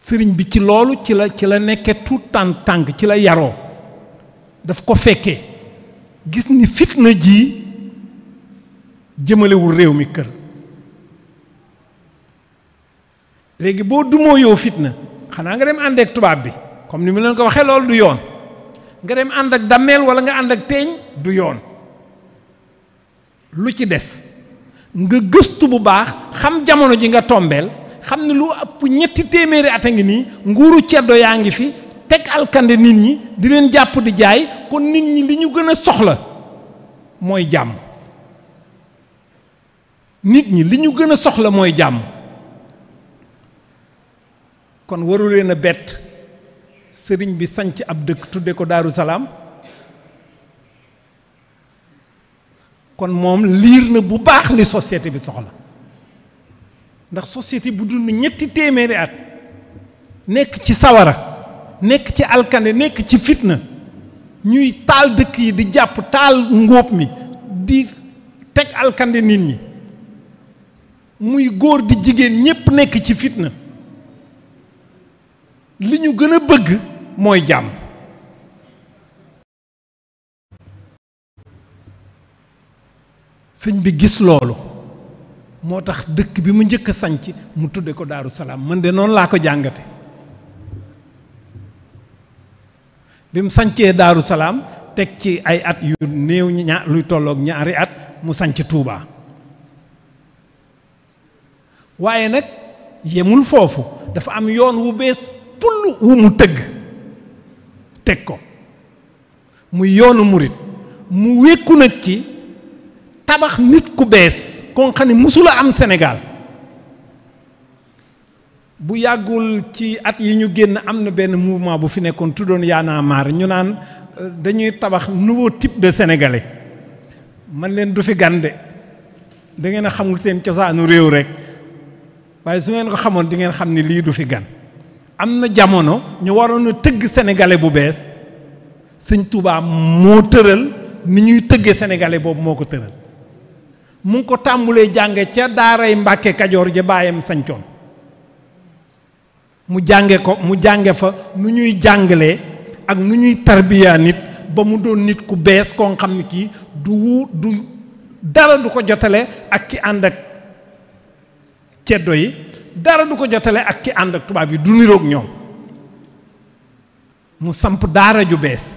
sëriñ bi ci loolu ci la ci la nekke tànk tànk ci la yaroo daf ko fekkee gis ni fitna ji jëmalewul réew mi kër léegi boo dumoo yow fitna xanaa nga dem àndeek tubaab bi comme ni mu leen ko waxee loolu du yoon nga dem ànd ak dammeel wala nga ànd ak teeñ du yoon lu ci des nga gëstu bu baax xam jamono ji nga tombeel xam ne lu ëpp ñetti téeméeri at a ngi nii nguuru ceddo yaa ngi fi teg alkande nit ñi di leen jàpp di jaay kon nit ñi li ñu gën a soxla mooy jàmm nit ñi li ñu gën a soxla mooy jàmm kon waru leen a bett sëriñ bi sanc ab dëkk tudde ko Daaru Salaam kon moom liir na bu baax li société bi soxla ndax société bu dund ñetti téeméeri at nekk ci sawara nekk ci alkande nekk ci fitna ñuy taal dëkk yi di jàpp taal ngóob mi di teg alkande nit ñi muy góor di jigéen ñépp nekk ci fitna li ñu gën a bëgg mooy jàmm sëñ bi gis loolu moo tax dëkk bi mu njëkk sanc mu tudde ko Daaru Salaam man de noonu laa ko jàngate bi mu sancee daaru salaam teg ci ay at yu néew ña luy tolloog ñaari at mu sanc Touba waaye nag yemul foofu dafa am yoon wu bees pull wu mu tëgg teg ko muy yoonu murit mu wékku nag ci tabax nit ku bees kon xam ne am senegaal bu yàggul ci at yi ñu génn am na benn mouvement bu fi nekkoon tuddoon yaana maar ñu naan euh, dañuy tabax nouveau type de sénégalais man leen du fi gande da ngeen a xamul seen cosaanu réew rek waaye su ngeen ko xamoon di ngeen xam ni lii du fi gan am na jamono ñu waroon a tëgg sénégalais bu bees sëñ Touba moo tëral ni ñuy tëggee sénégalais boobu moo ko tëral mu ko tàmbulee jàng ca daaray Mbàkke Kajoor ja baayam sañcoon mu jànge ko mu jànge fa nu ñuy jàngalee ak nu ñuy tarbiyaa nit ba mu doon nit ku bees koo xam ne kii du wu du dara du ko jotale ak ki ànd ak ceddo yi dara du ko jotale ak ki ànd ak tubaab yi du niroog ñoom mu samp daara ju bees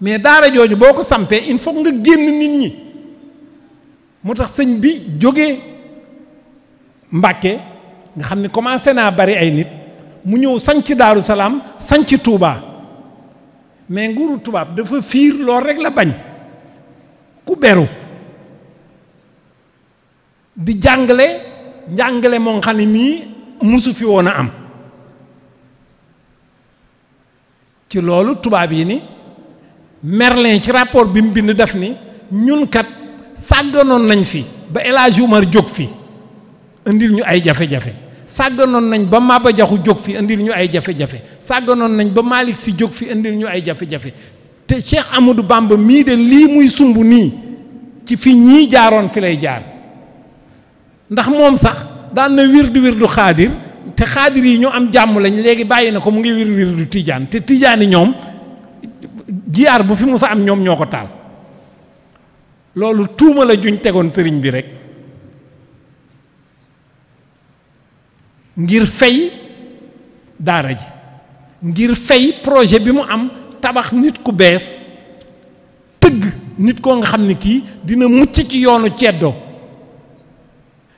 mais daara jooju boo ko sampee il faut nga génn nit ñi moo tax sëñ bi jóge Mbàkke nga xam ne commencé naa bari ay nit mu ñëw sanc daaru salaam sanc Touba mais nguuru tubaab dafa fiir lool rekk la bañ ku beru di jàngale jàngale moo xam ne mii musu fi woon a am ci loolu tubaab yi ni Merlin ci rapport bi mu bind def ni ñun kat sàgganoon nañ fi ba El Hadj jóg fi indil ñu ay jafe-jafe sàgganoon nañ ba Maba Jaxu jóg fi indil ñu ay jafe-jafe sàgganoon nañ ba Malick si jóg fi indil ñu ay jafe-jafe te Cheikh Amadou Bamba mii de lii muy sumb nii ci fi ñii jaaroon fi lay jaar ndax moom sax daan na wirdu wirdu xaadir te xaadir yi ñu am jàmm lañ léegi bàyyi na ko mu ngi wir wirdu tijaan te tijaani ñoom giyaar bu fi musa am ñoom ñoo ko taal loolu tuuma juñ tegoon sëriñ bi rek ngir fay daara ji ngir fay projet bi mu am tabax nit ku bees tëgg nit koo nga xam ne kii dina mucc ci yoonu ceddoo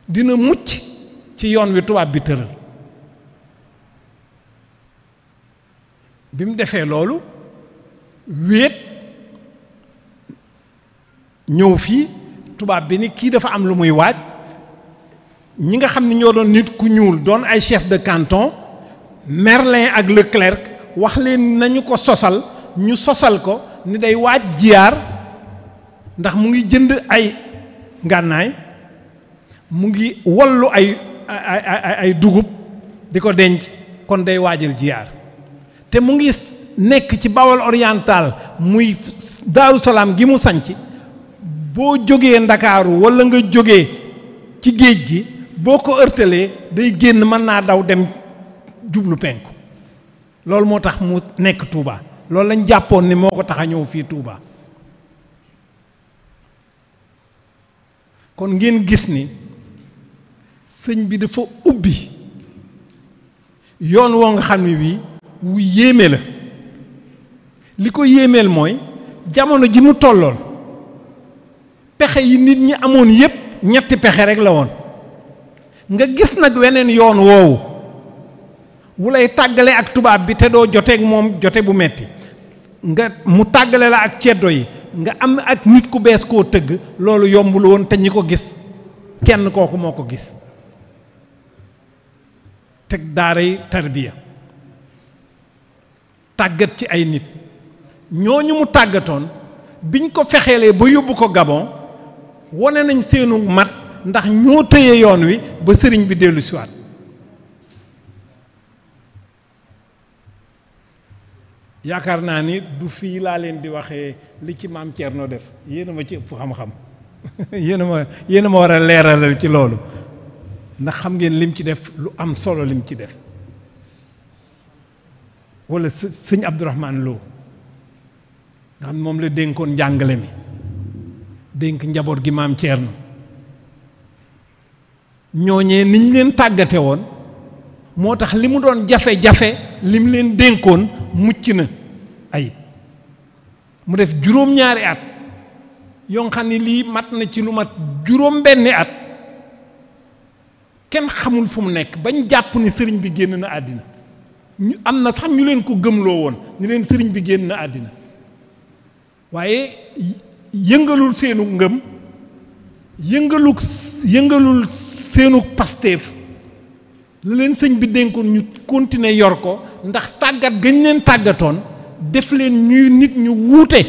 dina mucc ci yoon wi tubaab bi tëral bi mu defee loolu wéet ñëw fii tubaab bi ni kii dafa am lu muy waaj ñi nga xam ne ñoo doon nit ku ñuul doon ay chef de kanton Merlin ak Leclerc wax leen nañu ko sosal ñu sosal ko ni day waaj jiyaar ndax mu ngi jënd ay ngànnaay mu ngi wallu ay ay ay dugub di ko denc kon day waajal jiyaar te mu ngi nekk ci Bawol oriental muy Daaru Salaam gi mu sanc boo jógee Ndakaaru walla nga jóge ci géej gi boo ko ërtalee day génn mën naa daw dem jublu penku loolu moo tax mu nekk tuubaa loolu lañ jàppoon ni moo ko tax a ñëw fii Touba kon ngeen gis ni sëñ bi dafa ubbi yoon woo nga xam ne bii wu yéeme la li ko yéemeel mooy jamono ji mu tollool pexe yi nit ñi amoon yépp ñetti pexe rek la woon nga gis nag weneen yoon woowu wu lay tàggale ak tubaab bi te doo joteeg moom jote bu metti nga mu tàggale la ak ceddo yi nga am ak nit ku bees koo tëgg loolu yombul woon te ñi ko gis kenn kooku moo ko gis teg daaray tarbiya tàggat ci ay nit ñooñu mu tàggatoon biñ ko fexeelee ba yóbbu ko Gabon wone nañ seenu mat ndax ñoo tëye yoon wi ba sëriñ bi dellu siwaat yaakaar naa ni du fii laa leen di waxee li ci maam noo def yéen a ma ci ëpp xam-xam yéen a ma yéen a ma war a leeralal ci loolu ndax xam ngeen lim ci def lu am solo lim ci def wala sëñ Abdourahman loo nga xam moom la dénkoon njàngale mi dénk njaboot gi maam na ñooñee niñ leen tàggate woon moo tax li mu doon jafe-jafe lim leen dénkoon mucc na ayib mu def juróom-ñaari at yoo xam ne lii mat na ci lu mat juróom-benni at kenn xamul fu mu nekk bañ jàpp ni sëriñ bi génn na àddina ñu am na sax ñu leen ko gëmloo woon ñu leen sëriñ bi génn na àddina waaye yëngalul seenu ngëm yëngalul yëngalul seenu pasteef la leen sëñ bi dénkoon ñu continuer yor ko ndax tàggat gañ leen tàggatoon def leen ñuy nit ñu wuute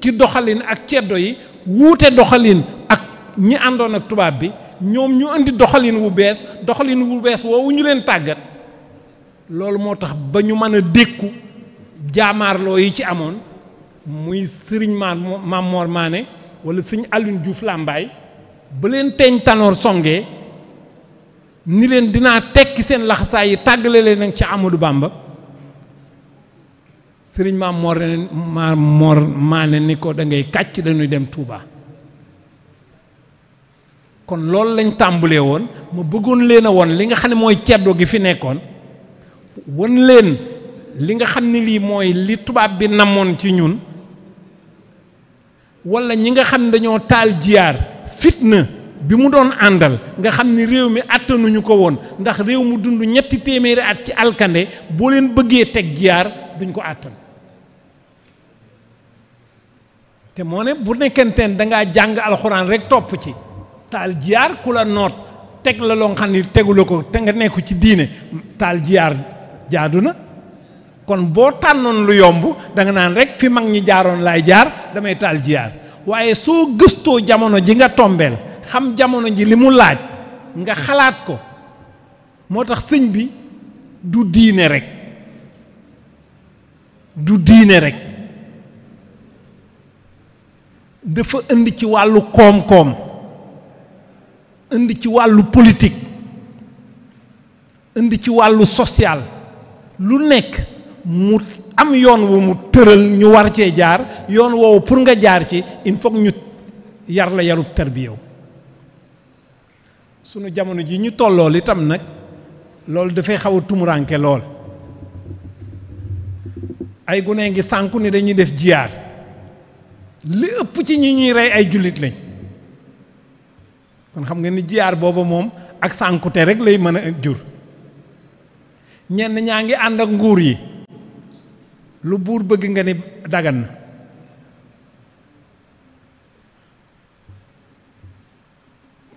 ci doxalin ak ceddo yi wuute doxalin ak ñi àndoon ak tubaab bi ñoom ñu indi doxalin wu bees doxalin wu bees woowu ñu leen tàggat loolu moo tax ba ñu mën a dékku jaamaarloo yi ci amoon muy sëriñ Maam Mor Maane wala sëñ Alioune juuf làmbaay ba leen teeñ tanoor songee ni leen dinaa tekki seen laxasaay yi tàggale leen nag ci Amadou bàmba sëriñ maam Mor maane ni ko da kàcc dañuy dem Touba kon loolu lañ tàmbalee woon ma bëggoon leen a woon li nga xam ne mooy ceddoo gi fi nekkoon won leen li nga xam ni lii mooy li tubaab bi namoon ci ñun wala ñi nga xam ne dañoo taal jiyaar fitna. bi mu doon àndal nga xam ni réew mi àttanuñu ko woon ndax réew mu dund ñetti téeméeri at ci alkande boo leen bëggee teg jiyaar duñ ko àttan te moo ne bu nekkenteen danga jàng alxuraan rek topp ci taal jiyaar ku la noot teg la loo xam ni tegu ko te nga nekk ci diine taal jiyaar jaadu na kon boo tànnoon lu yomb danga naan rekk fi mag ñi jaaroon laay jaar damay taal jiyaar waaye soo gëstoo jamono ji nga tombeel xam jamono ji li mu laaj nga xalaat ko moo tax sëñ bi du diine rek du diine rek dafa indi ci wàllu koom-koom indi ci wàllu politik indi ci wàllu social lu nekk mu am yoon wu mu tëral ñu war cee jaar yoon woowu pour nga jaar ci il faut ñu yar la yarub tarbiyaw sunu jamono ji ñu tollool itam nag loolu dafay xaw a tumuranke lool ay gune ngi sànku ni dañuy def jiyaar li ëpp ci ñi ñuy rey ay jullit lañ kon xam nga ni jiyaar booba moom ak sànkute rek lay mën a jur ñenn ñaa ngi ànd ak nguur yi lu buur bëgg nga ni dagan na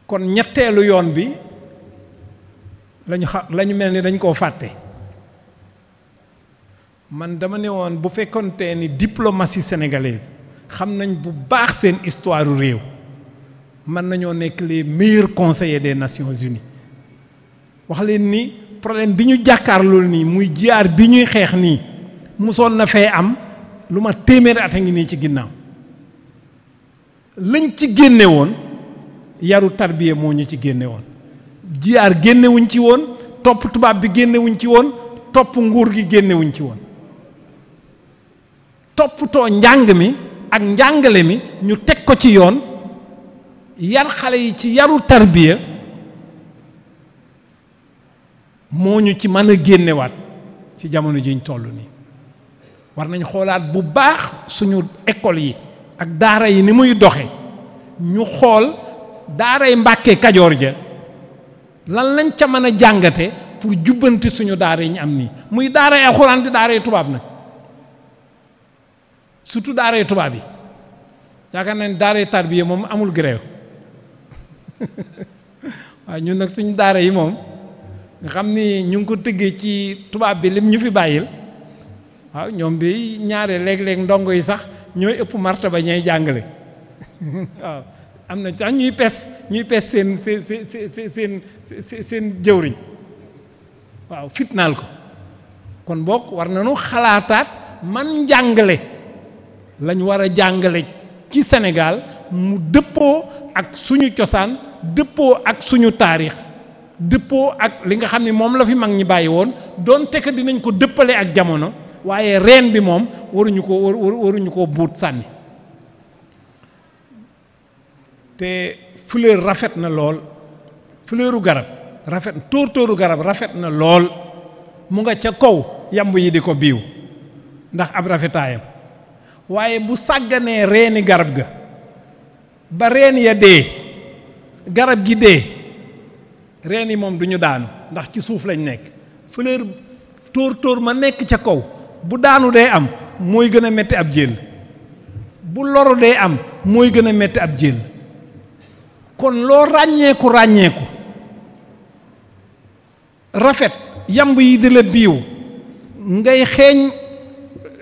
kon ñetteelu yoon bi lañu xa lañu mel ni dañ koo fàtte man dama ne woon bu fekkontee ni diplomatie sénégalaise xam nañ bu baax seen histoire réew mën nañoo nekk les meilleurs conseillers des Nations Unies wax leen ni problème bi ñu jàkkaarlool nii muy jiyaar bi ñuy xeex nii musoon na fee am lu ma téeméeri at a ngi nii ci ginnaaw lañ ci génne yaru tarbiya moo ñu ci génnewoon woon jiyaar génnewuñ ci woon topp tubaab bi génnewuñ ci woon topp nguur gi génnewuñ ci woon toppatoo njàng mi ak njàngale mi ñu teg ko ci yoon yar xale yi ci yaru tarbiya moo ñu ci mën a génnewaat ci jamono jiñ toll nii war nañ xoolaat bu baax suñu ekool yi ak daara yi ni muy doxe ñu xool daaray mbàkke kajoor ja lan lañ ca mën a jàngate pour jubbanti suñu daara yi ñu am nii muy daaray alxuraan di daaray tubaab nag surtout daaray tubaab yi yaakaar naa ne daaray tarbiya moom amul grève ñun nag suñu daara yi moom nga xam ni ñu ngi ko tëggee ci tubaab bi lim ñu fi bàyyil waaw ñoom bi ñaare léeg-léeg ndongo yi sax ñooy ëpp martaba ñay jàngale waaw am na sax ñuy pes ñuy pes seen seen seen jëwriñ waaw fitnaal ko kon bokk war nañu xalaataat man njàngale lañu war a jàngale ci Sénégal mu dëppoo ak suñu cosaan dëppoo ak suñu taarix dëppoo ak li nga xam ne moom la fi mag ñi bàyyi woon donte que dinañ ko dëppale ak jamono waaye reen bi moom waruñu ko waruñu koo buut sànni te fleur rafet na lool fleuru garab rafet tóor tóoru garab rafet na lool mu nga ca kaw yamb yi di ko biiw ndax ab rafetaayam waaye bu sàgganee reeni garab ga ba reen ya dee garab gi dee reen yi moom du ñu daanu ndax ci suuf lañ nekk fleur tóor tóor ma nekk ca kaw bu daanu dee am mooy gën a metti ab jël bu loru dee am mooy gën a metti ab jël kon loo ràññeeku ràññeeku rafet yamb yi di la biiw ngay xeeñ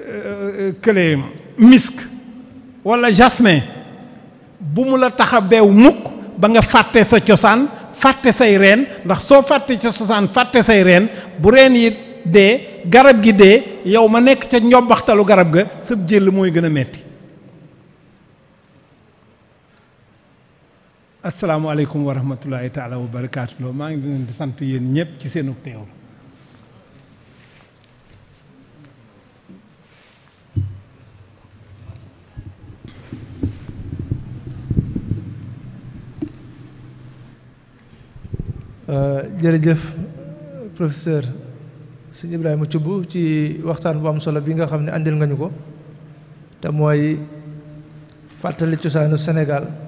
euh, kële misk walla jasmin bu mu la taxa beew mukk ba nga fàtte sa cosaan fàtte say reen ndax soo fàtte sa cosaan fàtte say reen bu reen yi dee garab gi dee yow ma nekk ca njobbaxtalu garab ga sëb jël mooy gën a metti asalaamaaleykum wa rahmatulahi taala wa barakaatu loo maa ngi leen di sant yéen ñëpp ci seenu teew euh, jërëjëf professeur sëñ Ibrahima Thioub ci waxtaan bu am solo bi nga xam ne àndil nga ñu ko te mooy fàttali cosaanu senegal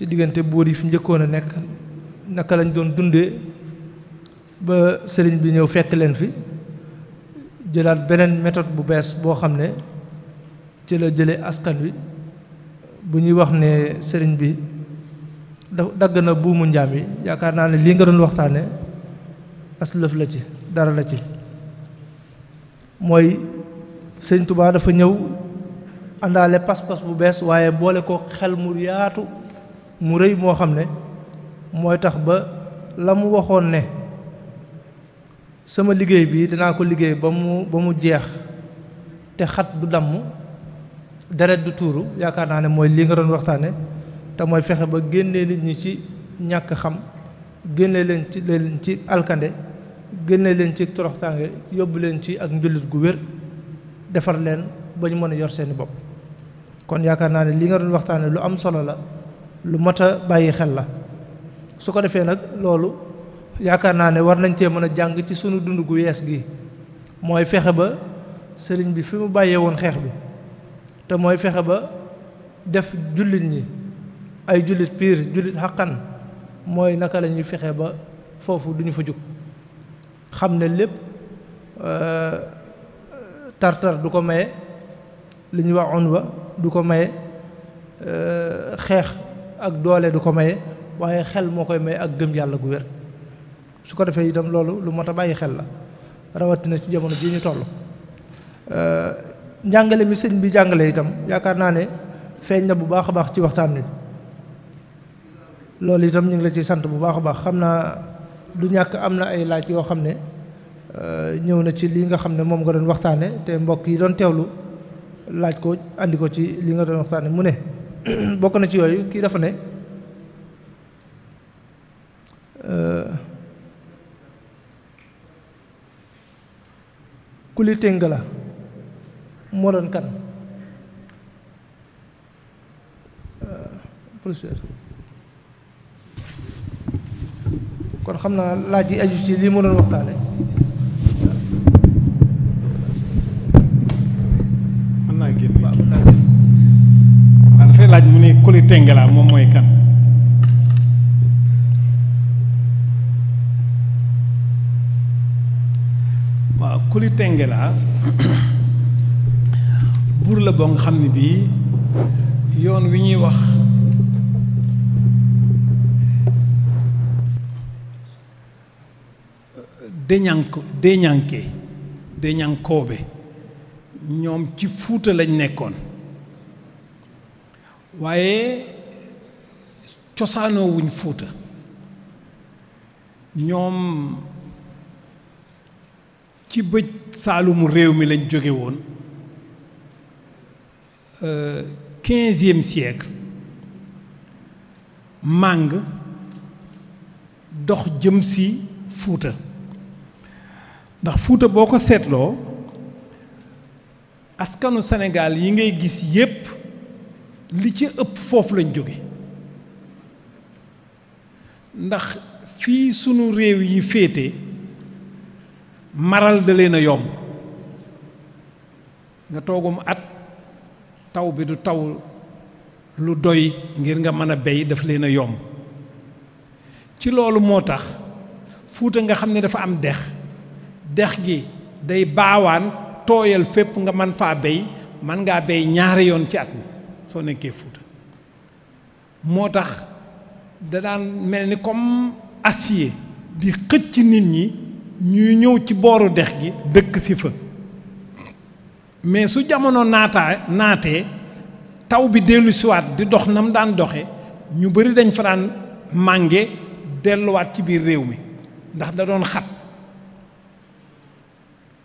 ci diggante buur yi fi njëkkoon a nekk naka lañ doon dundee ba sëriñ bi ñëw fekk leen fi jëlaat beneen méthode bu bees boo xam ne ci la jële askan wi bu ñuy wax ne sëriñ bi da dagg na buumu njaam yi yaakaar naa ne lii nga doon waxtaane as lëf la ci dara la ci mooy sëriñ tubaa dafa ñëw àndaale pas-pas bu bees waaye boole ko xel mu yaatu mu rëy moo xam ne mooy tax ba la mu waxoon ne sama liggéey bi danaa ko liggéey ba mu ba mu jeex te xat bu damm deret du tuuru yaakaar naa ne mooy lii nga doon waxtaane te mooy fexe ba génnee nit ñi ci ñàkk xam génne leen ci leen ci alkande génne leen ci toroxtaange yóbbu leen ci ak njullit gu wér defar leen ba ñu mën a yor seeni bopp kon yaakaar naa ne lii nga doon waxtaane lu am solo la lu mat a bàyyi xel la su ko defee nag loolu yaakaar naa ne war nañ cee mën a jàng ci sunu dund gu yees gi mooy fexe ba sëriñ bi fi mu bàyyee woon xeex bi te mooy fexe ba def jullit ñi ay jullit piir jullit xaqan mooy naka la ñuy fexe ba foofu duñu fa jóg xam ne lépp euh, tartar du ko maye li ñuy wax on wa du ko maye euh, xeex ak doole du ko maye waaye xel moo koy may ak gëm yàlla gu wér su ko defee itam loolu lu mot a bàyyi xel la rawatina ci jamono ji ñu toll njàngale mi sëñ bi jàngale itam yaakaar naa ne feeñ na bu baax a baax ci waxtaan wi loolu itam ñu ngi la ci sant bu baax a baax xam naa du ñàkk am na ay laaj yoo xam ne ñëw na ci lii nga xam ne moom nga doon waxtaane te mbokk yi doon teewlu laaj ko andi ko ci li nga doon waxtaane mu ne bokk na ci yooyu kii dafa ne kuli téng la moo doon kan euh, kon xam naa laaj yi aju ci lii mu doon waxtaane naa génn laaj mu ne Koli Tengela moom mooy kan waaw Koli Tengela buur la boo nga xam ne bii yoon wi ñuy wax deñank deñanke deñankoobe ñoom ci fuuta lañ nekkoon waaye cosaanoo fuuta ñoom ci bëj saalumu réew mi lañ jóge woon euh, quinzième siècle màng dox jëm si fuuta ndax fuuta boo ko seetloo askanu Sénégal yi ngay gis yépp li ci ëpp foofu lañ jóge ndax fii sunu réew yi féete maral da leen a yomb nga toogum at taw bi du taw lu doy ngir nga mën a bey daf leena a yomb ci loolu moo tax fuuta nga xam ni dafa am dex dex gi day baawaan tooyal fépp nga mën faa bey mën ngaa bey ñaari yoon ci at mi soo nekkee Fuuta moo tax da daan mel ni comme acier di xëcc nit ñi ñuy ñëw ci booru dex gi dëkk si fa mais su jamono naataa naatee taw bi dellusiwaat di dox nam daan doxe ñu bari dañ fa daan mànge delluwaat ci biir réew mi ndax da doon xat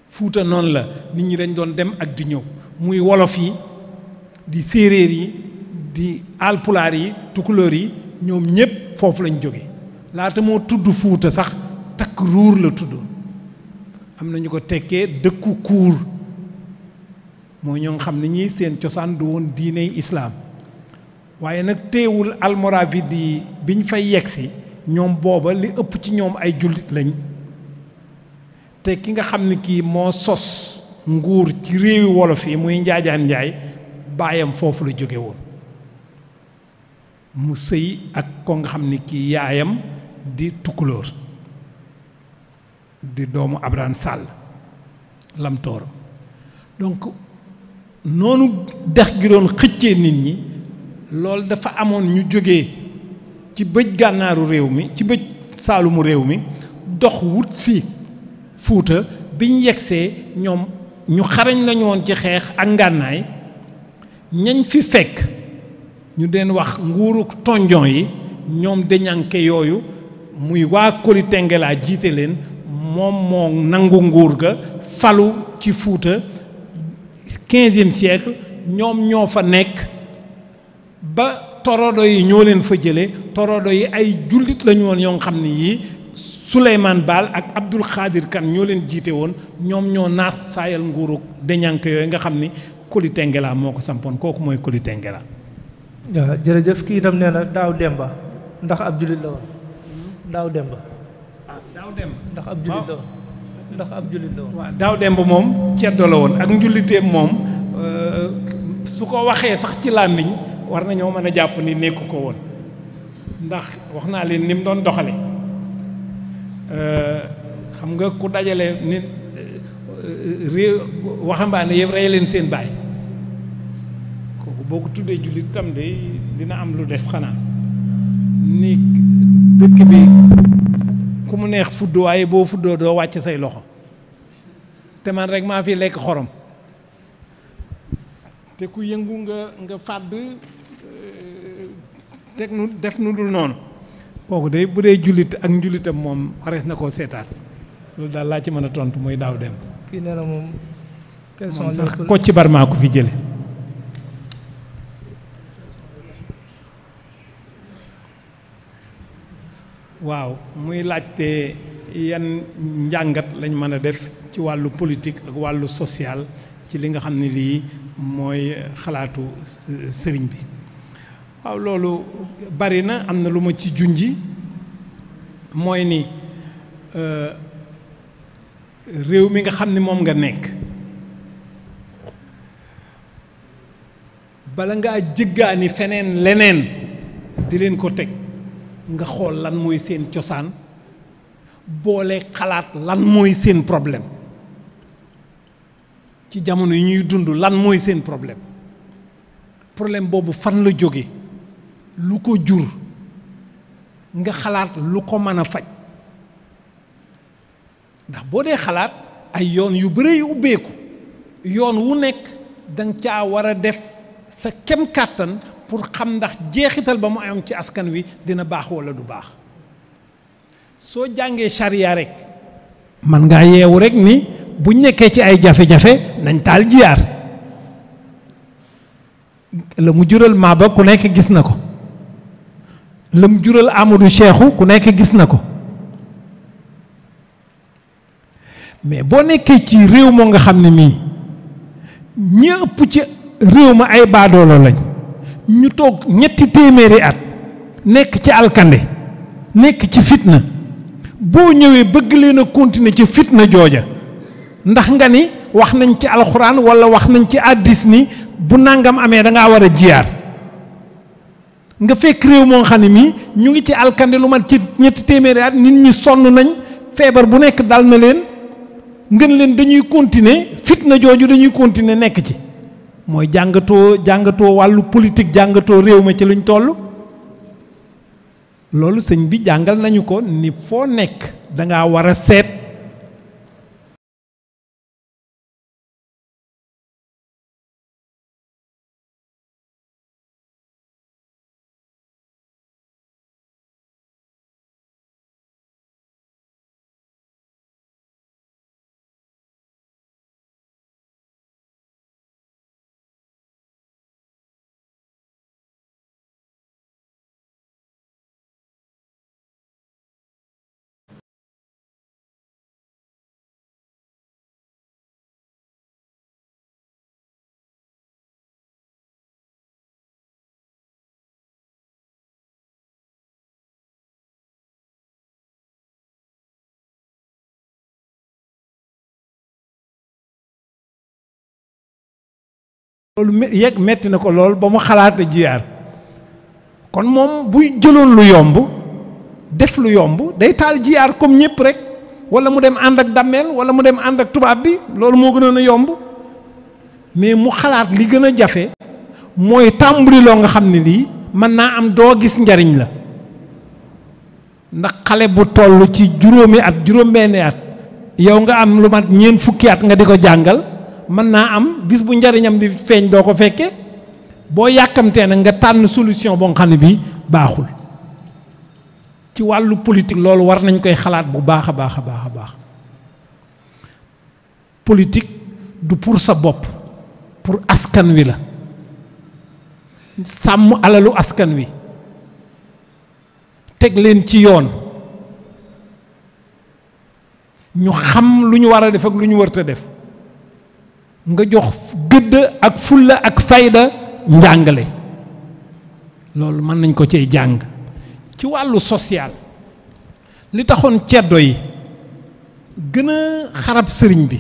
fuuta noonu la nit ñi dañ doon dem ak di ñëw muy wolof yi di séeréer yi di alpulaar yi tukulóor yi ñoom ñépp foofu lañ jóge laata moo tudd fuuta sax takk ruur la tuddoon am na ñu ko tekkee dëkku kuur mooy ñoo xam ne ñi seen cosaan du woon diiney islaam waaye nag teewul almoravide yi biñ fay yegsi ñoom booba li ëpp ci ñoom ay jullit lañ te ki nga xam ni kii moo sos nguur ci réewi wolof yi muy njaajaan njaay baayam foofu la jóge woon mu sëy ak ko nga xam ni kii yaayam di tukkulóor di doomu Abraham sàll Lamtoor donc noonu dex gi doon xëccee nit ñi lool dafa amoon ñu jóge ci bëj gànnaaru réew mi ci bëj saalumu réew mi dox wut si fuuta biñ yegsee ñoom ñu xarañ lañu woon ci xeex ak ngànnaay ñañ fi fekk ñu deen wax nguuruk tonjon yi ñoom deñanke yooyu muy waa kolitengelaa jiite leen moom moo nangu nguur ga falu ci Fuuta quinzième siècle ñoom ñoo fa nekk ba torodo yi ñoo leen fa jële torodo yi ay jullit lañu woon yoo xam ne yii Souleymane Baal ak Abdul Xaadir Kan ñoo leen jiite woon ñoom ñoo naas saayal nguuru deñanke yooyu nga xam ni Koli Tengela moo sampoon kooku mooy Koli Tengela. waaw jërëjëf kii itam nee na daaw Demba ndax ab jullit la woon daaw Demba. Ah, ndax ab jullit la woon ndax ab jullit la woon. waaw daaw Demba moom ceddo la woon ak njuliteem moom euh, su ko waxee sax ci làmmiñ war nañoo mën a jàpp ni nekku ko woon ndax wax naa leen ni mu doon doxale euh, xam nga ku dajale nit euh, réew waxambaane yëpp rey leen seen baay. boo ko tuddee jullit tam de dina am lu des xanaa ni dëkk bi ku mu neex fudd waaye boo fuddoo doo wàcc say loxo te man rek maa fi lekk xorom te ku yëngu nga nga fàdd euh, teg nu def nu dul noonu kooku de bu dee jullit ak njullitam moom xarees na koo seetaat loolu daal laa ci mën a tontu mooy daaw dem kii nee na moom fi jële waaw muy laajte yan njàngat lañ mën a def ci wàllu politik ak wàllu social ci li nga xam ne lii mooy xalaatu sëriñ bi waaw loolu bari na am na lu ma ci junji mooy ni euh, réew mi nga xam ni moom nga nekk bala ngaa jëggaani feneen leneen di leen ko teg nga xool lan mooy seen cosaan boole xalaat lan mooy seen problème ci jamono yi ñuy dund lan mooy seen problème problème boobu fan la jóge lu ko jur nga xalaat lu ko mën a faj ndax boo dee xalaat ay yoon yu bëre ubbeeku yoon wu nekk danga caa war a def sa kem kàttan pour xam ndax jeexital ba mu am ci askan wi dina baax wala du baax soo jàngee charia rekk man nga yeewu rekk ni bu nekkee ci ay jafe-jafe nañ taal jiyaar la mu jural Maba ku nekk gis na ko la mu jural Amadou Cheikhou ku nekk gis na ko mais boo nekkee ci réew moo nga xam ne mii ñi ëpp ci réew ma ay baadoolo lañ ñu toog ñetti téeméeri at nekk ci alkande nekk ci fitna boo ñëwee bëgg leen a ca fitna jooja ndax nga ni wax nañ ci alxuraan wala wax nañ ci àddis ni bu nangam amee da ngaa war a jiyaar nga fekk réew moo xam ne mii ñu ngi ci alkande lu mat ci ñetti téeméeri at nit ñi sonn nañ feebar bu nekk dal na leen ngën leen dañuy continuer fitna jooju dañuy continuer nekk ci mooy jàngatoo jàngatoo wàllu politique jàngatoo réew ma ci luñ toll loolu sëñ bi jàngal nañu ko ni foo nekk da ngaa war a seet loolu yegg metti na ko lool ba mu xalaat jiyaar kon moom buy jëloon lu yomb def lu yomb day taal jiyaar comme ñëpp rek wala mu dem ànd ak dammeel wala mu dem ànd ak tubaab bi loolu moo gënoon a yomb mais mu xalaat li gën a jafe mooy tàmbali loo nga xam ne lii mën naa am doo gis njariñ la ndax xale bu toll ci juróomi at juróom-benni at yow nga am lu mat ñeent fukki at nga di ko jàngal mën naa am bis bu njariñam di feeñ doo ko fekke boo yàkkamtee na nga tànn solution boo xam ne bi baaxul ci wàllu politik loolu war nañ koy xalaat bu baax a baax a baax a baax politique du pour sa bopp pour askan wi la sàmm alalu askan wi teg leen ci yoon ñu xam lu ñu war a def ak lu ñu wërta def nga jox gëdd ak fulla ak fayda njàngale loolu mën nañ ko cay jàng ci wàllu social li taxoon ceddo yi gën a xarab sëriñ bi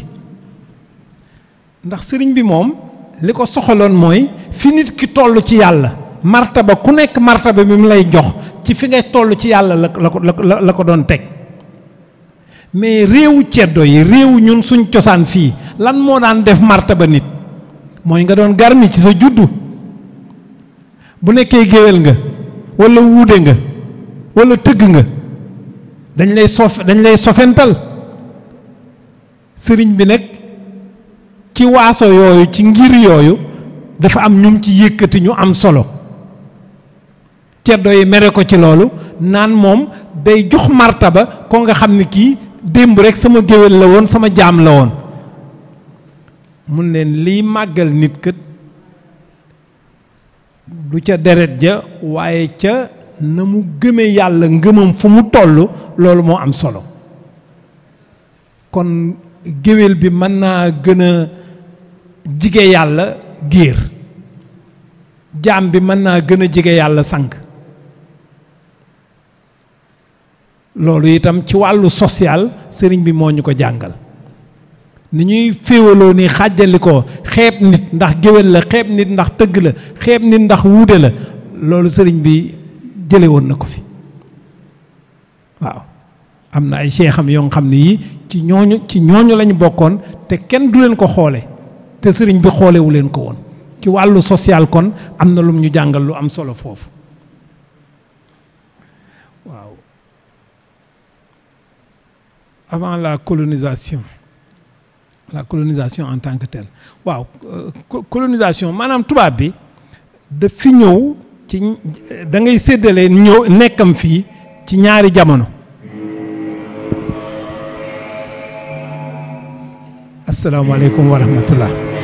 ndax sëriñ bi moom li ko soxaloon mooy fi nit ki toll ci yàlla martaba ku nekk martaba bi mu lay jox ci fi ngay toll ci yàlla la la ko la ko doon teg mais réew ceddo yi réewu ñun suñ cosaan fii lan moo daan def ba nit mooy nga doon garmi ci sa juddu bu nekkee géwél nga walla wuude nga walla tëgg nga dañ lay sof dañ lay sofental sëriñ bi nag ci waaso yooyu ci ngir yooyu dafa am ñum ci yëkkati ñu am solo ceddo yi mere ko ci loolu naan moom day jox ba ko nga xam ni kii démb rek sama géwél la woon sama jaam la woon mun leen liy màggal nit kët du ca deret ja waaye ca na mu gëme yàlla ngëmam fu mu toll loolu moo am solo kon géwél bi mën naa gën a jige yàlla giir jaam bi mën naa gën a jige yàlla sànq loolu itam ci wàllu social sëriñ bi moo ñu ko jàngal ni ñuy féewaloo ni xàjjali ko xeeb nit ndax géwél la xeeb nit ndax tëgg la xeeb nit ndax wuude la loolu sëriñ bi jële woon na ko fi waaw am na ay seexam yoo xam ne yii ci ñooñu ci ñooñu lañu bokkoon te kenn du leen ko xoole te sëriñ bi xoolewu leen ko woon ci wàllu social kon am na lum ñu jàngal lu am solo foofu avant la colonisation la colonisation en tant que telle waaw euh, colonisation maanaam tubaab bi da fi ñëw ci da ngay séddale nekk nekkam fii ci ñaari jamono asalaamaaleykum wa rahmatullah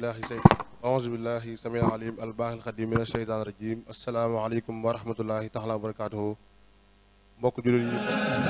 billahi say aouzu billahi samil alim albaaxil xadim min asheytaan rajim asalaamaaleykum wa rahmatullahi taala wa barakatuhu mbokk jullit yi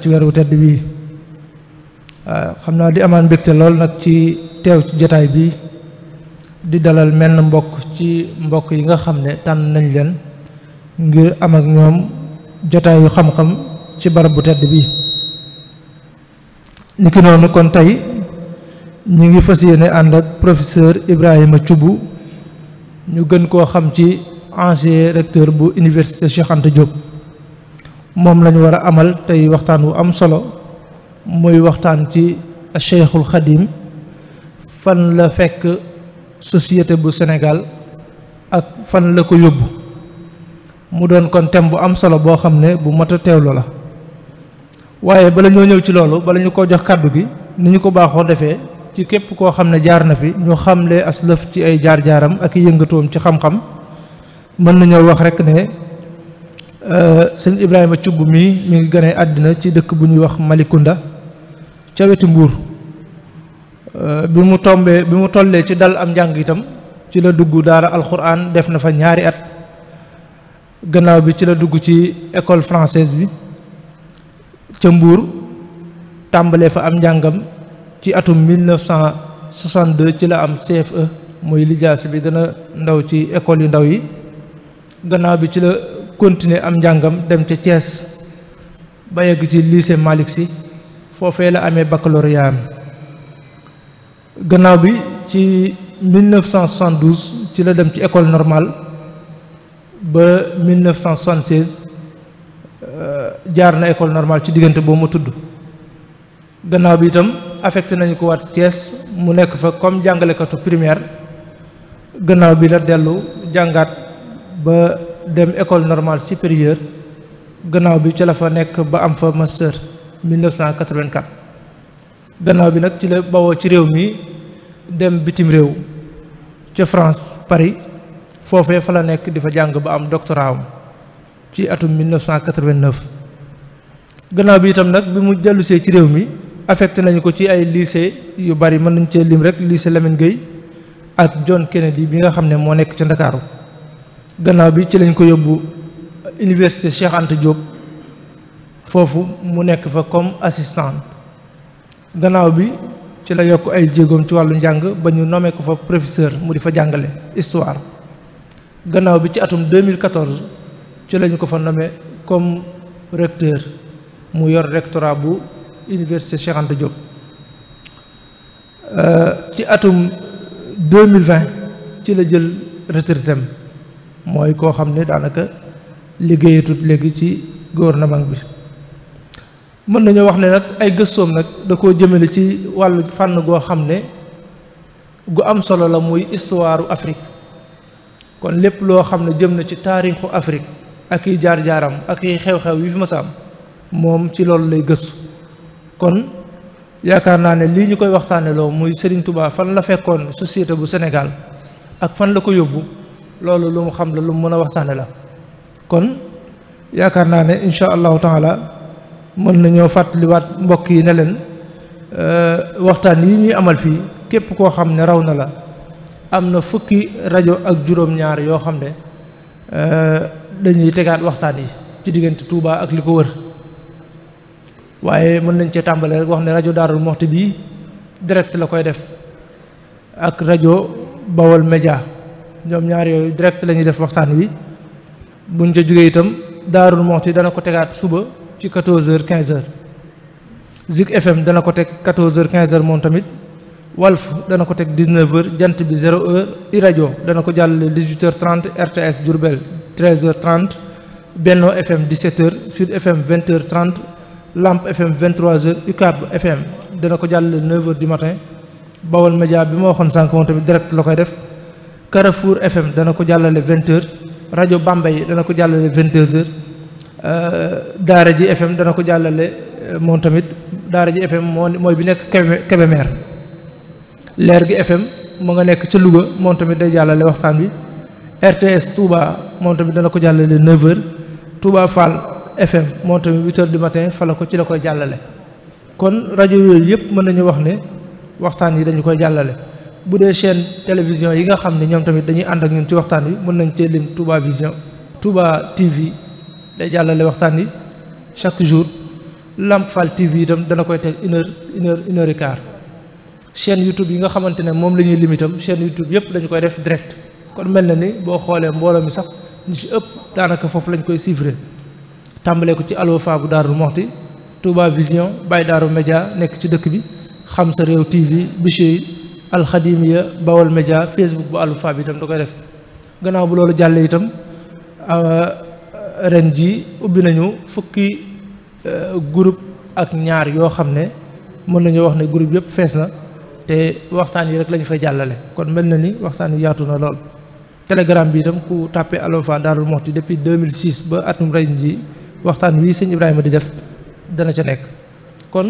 ci weer wu tedd bii xam naa di amaan mbégte lool nag ci teew ci jataay bi di dalal mel mbokk ci mbokk yi nga xam ne tànn nañ leen ngir am ak ñoom jotaayu xam-xam ci barab bu tedd bii niki noonu kon tey ñu ngi fas ne ànd ak professeur Ibrahima cubu ñu gën koo xam ci ancien recteur bu université Cheikh Anta Diop moom lañu ñu war a amal tey waxtaan wu am solo muy waxtaan ci Cheikhul Khadim fan la fekk société bu senegal ak fan la ko yóbbu mu doon kon thème bu am solo boo xam ne bu mat a teewlu la waaye bala ñoo ñëw ci loolu bala ñu ko jox kàddu gi ni ñu ko baaxoo defee ci képp koo xam ne jaar na fi ñu xamle aslëf ci ay jaar-jaaram ak yëngatoom ci xam-xam mën nañoo wax rekk ne Euh, seen Ibrahima Thioub mii mi ngi gane àddina ci dëkk bu ñuy wax malikunda ca weti Mbuur euh, bi mu tombee bi mu tollee ci dal am njàng itam ci la dugg daara alxuraan def na fa ñaari at gannaaw bi ci la dugg ci école française bi ca Mbuur tàmbalee fa am njàngam ci atum 1962 ci la am CFE muy lijaas bi gën ndaw ci école yu ndaw yi gannaaw bi ci la continuer am njàngam dem ca Thiès ba yegg ci lycée Malick Sy foofee la amee baccalauréat am gannaaw bi ci 1972 ci la dem ci école normale ba 1976 euh, jaar na école normal ci diggante boobu ma tudd gannaaw bi itam affecté nañu ko waat Thiès mu nekk fa comme jàngalekatu primaire gannaaw bi la dellu jàngaat ba dem école normale supérieure gannaaw bi ci la fa nekk ba am fa master 1984 gannaaw bi nag ci la bawoo ci réew mi dem bitim réew ca France Paris foofee fa la nekk di fa jàng ba am doctorat ci atum 1989 gannaaw bi itam nag bi mu dellusee ci réew mi affecté nañu ko ci ay lycée yu bari mën nañ cee lim rek lycée Lamine Gueye ak John Kennedy bi nga xam ne moo nekk ca Ndakaaru gannaaw bi ci lañ ko yóbbu université Cheikh Anta foofu mu nekk fa comme assistant gannaaw bi ci la yokk ay jéegoom ci wàllu njàng ba ñu nommé ko fa professeur mu di fa jàngale histoire gannaaw bi ci atum 2014 ci lañu ko fa nommé comme recteur mu yor rectorat bu université Cheikh Anta euh, ci atum 2020 ci la jël retraitem mooy koo xam ne daanaka liggéeyatut léegi ci gouvernement bi mën nañoo wax ne nag ay gëstoom nag da koo jëmale ci wàll fànn goo xam ne gu am solo la muy histoire Afrique kon lépp loo xam ne jëm na ci taarixu Afrique ak yi jaar-jaaram ak i xew-xew yi fi mës a am moom ci loolu lay gëstu kon yaakaar naa ne lii ñu koy waxtaane loo muy sëriñ tubaa fan la fekkoon société bu Sénégal ak fan la ko yóbbu loolu lu mu xam la lu mu mën a waxtaane la kon yaakaar naa ne incha allahu taala mën nañoo fàttaliwaat mbokk yi ne leen euh, waxtaan yi ñuy amal fii képp koo xam ne raw na la am na fukki rajo ak juróom-ñaar yoo xam ne euh, dañuy tegaat waxtaan yi ci diggante Touba ak li ko wër waaye mën nañ cee tàmbale rek wax ne rajo Daarul Muxti bii direct la koy def ak rajo Bawol Média ñoom ñaar yooyu direct la ñuy def waxtaan wi buñ ca jógee itam Daarul Muxti dana ko tegaat suba ci 14h 15h Zik FM dana ko teg 14h quinze h moom tamit Walf dana ko teg 19h jant bi 0h iRadio dana ko jàll 18h30 RTS Diourbel 13h30 Benno FM 17h Sud FM 20h30 Lamp FM 23h UCAB FM dana ko jàll 9h du matin Bawol media bi ma waxoon sànq tamit direct la koy def. four FM dana ko jàllale vingt heures rajo Bambey dana ko jàllale vingt deux heures euh, Daara ji FM dana ko jàllale euh, moom tamit Daara ji FM moo mooy bi nekk Kébémer leer gi FM mu nga nekk ca Louga moom tamit day jàllale waxtaan bi RTS Touba moom tamit dana ko jàllale neuf heures Touba Fall FM moom tamit huit heures du matin fa la ko ci la koy jàllale kon rajo yooyu yëpp mën nañu wax ne waxtaan yi dañu koy jàllale. bu dee chaîne télévision yi nga xam ne ñoom tamit dañuy ànd ak ñun ci waxtaan wi mën nañ cee lim Touba Vision Touba TV day jàllale waxtaan wi chaque jour Lamp Fall TV itam dana koy teg une heure une heure une YouTube yi nga xamante ne moom la ñuy lim itam chaîne YouTube yëpp dañu koy def direct kon mel na ni boo xoolee mbooloo mi sax ñu ci ëpp daanaka foofu lañ koy suivre tàmbalee ko ci Al Wafa bu Daarul Moxti Touba Vision Baye Daaru Média nekk ci dëkk bi xam alxadimiya bawal média facebook bu alufaa bi itam da koy def gannaaw bu loolu jàllee itam ah, ren ji ubbi nañu fukki eh, groupe ak ñaar yoo xam ne mën nañu wax ne groupe yëpp fees na te waxtaan yi rek lañu fay jàllale kon mel na ni waxtaan yi yaatu na lool telegram bi itam ku tàppe alufaa Daarul Muxti depuis 2006 ba atum ren ji waxtaan wi sëñ Ibrahima di def dana ca nekk kon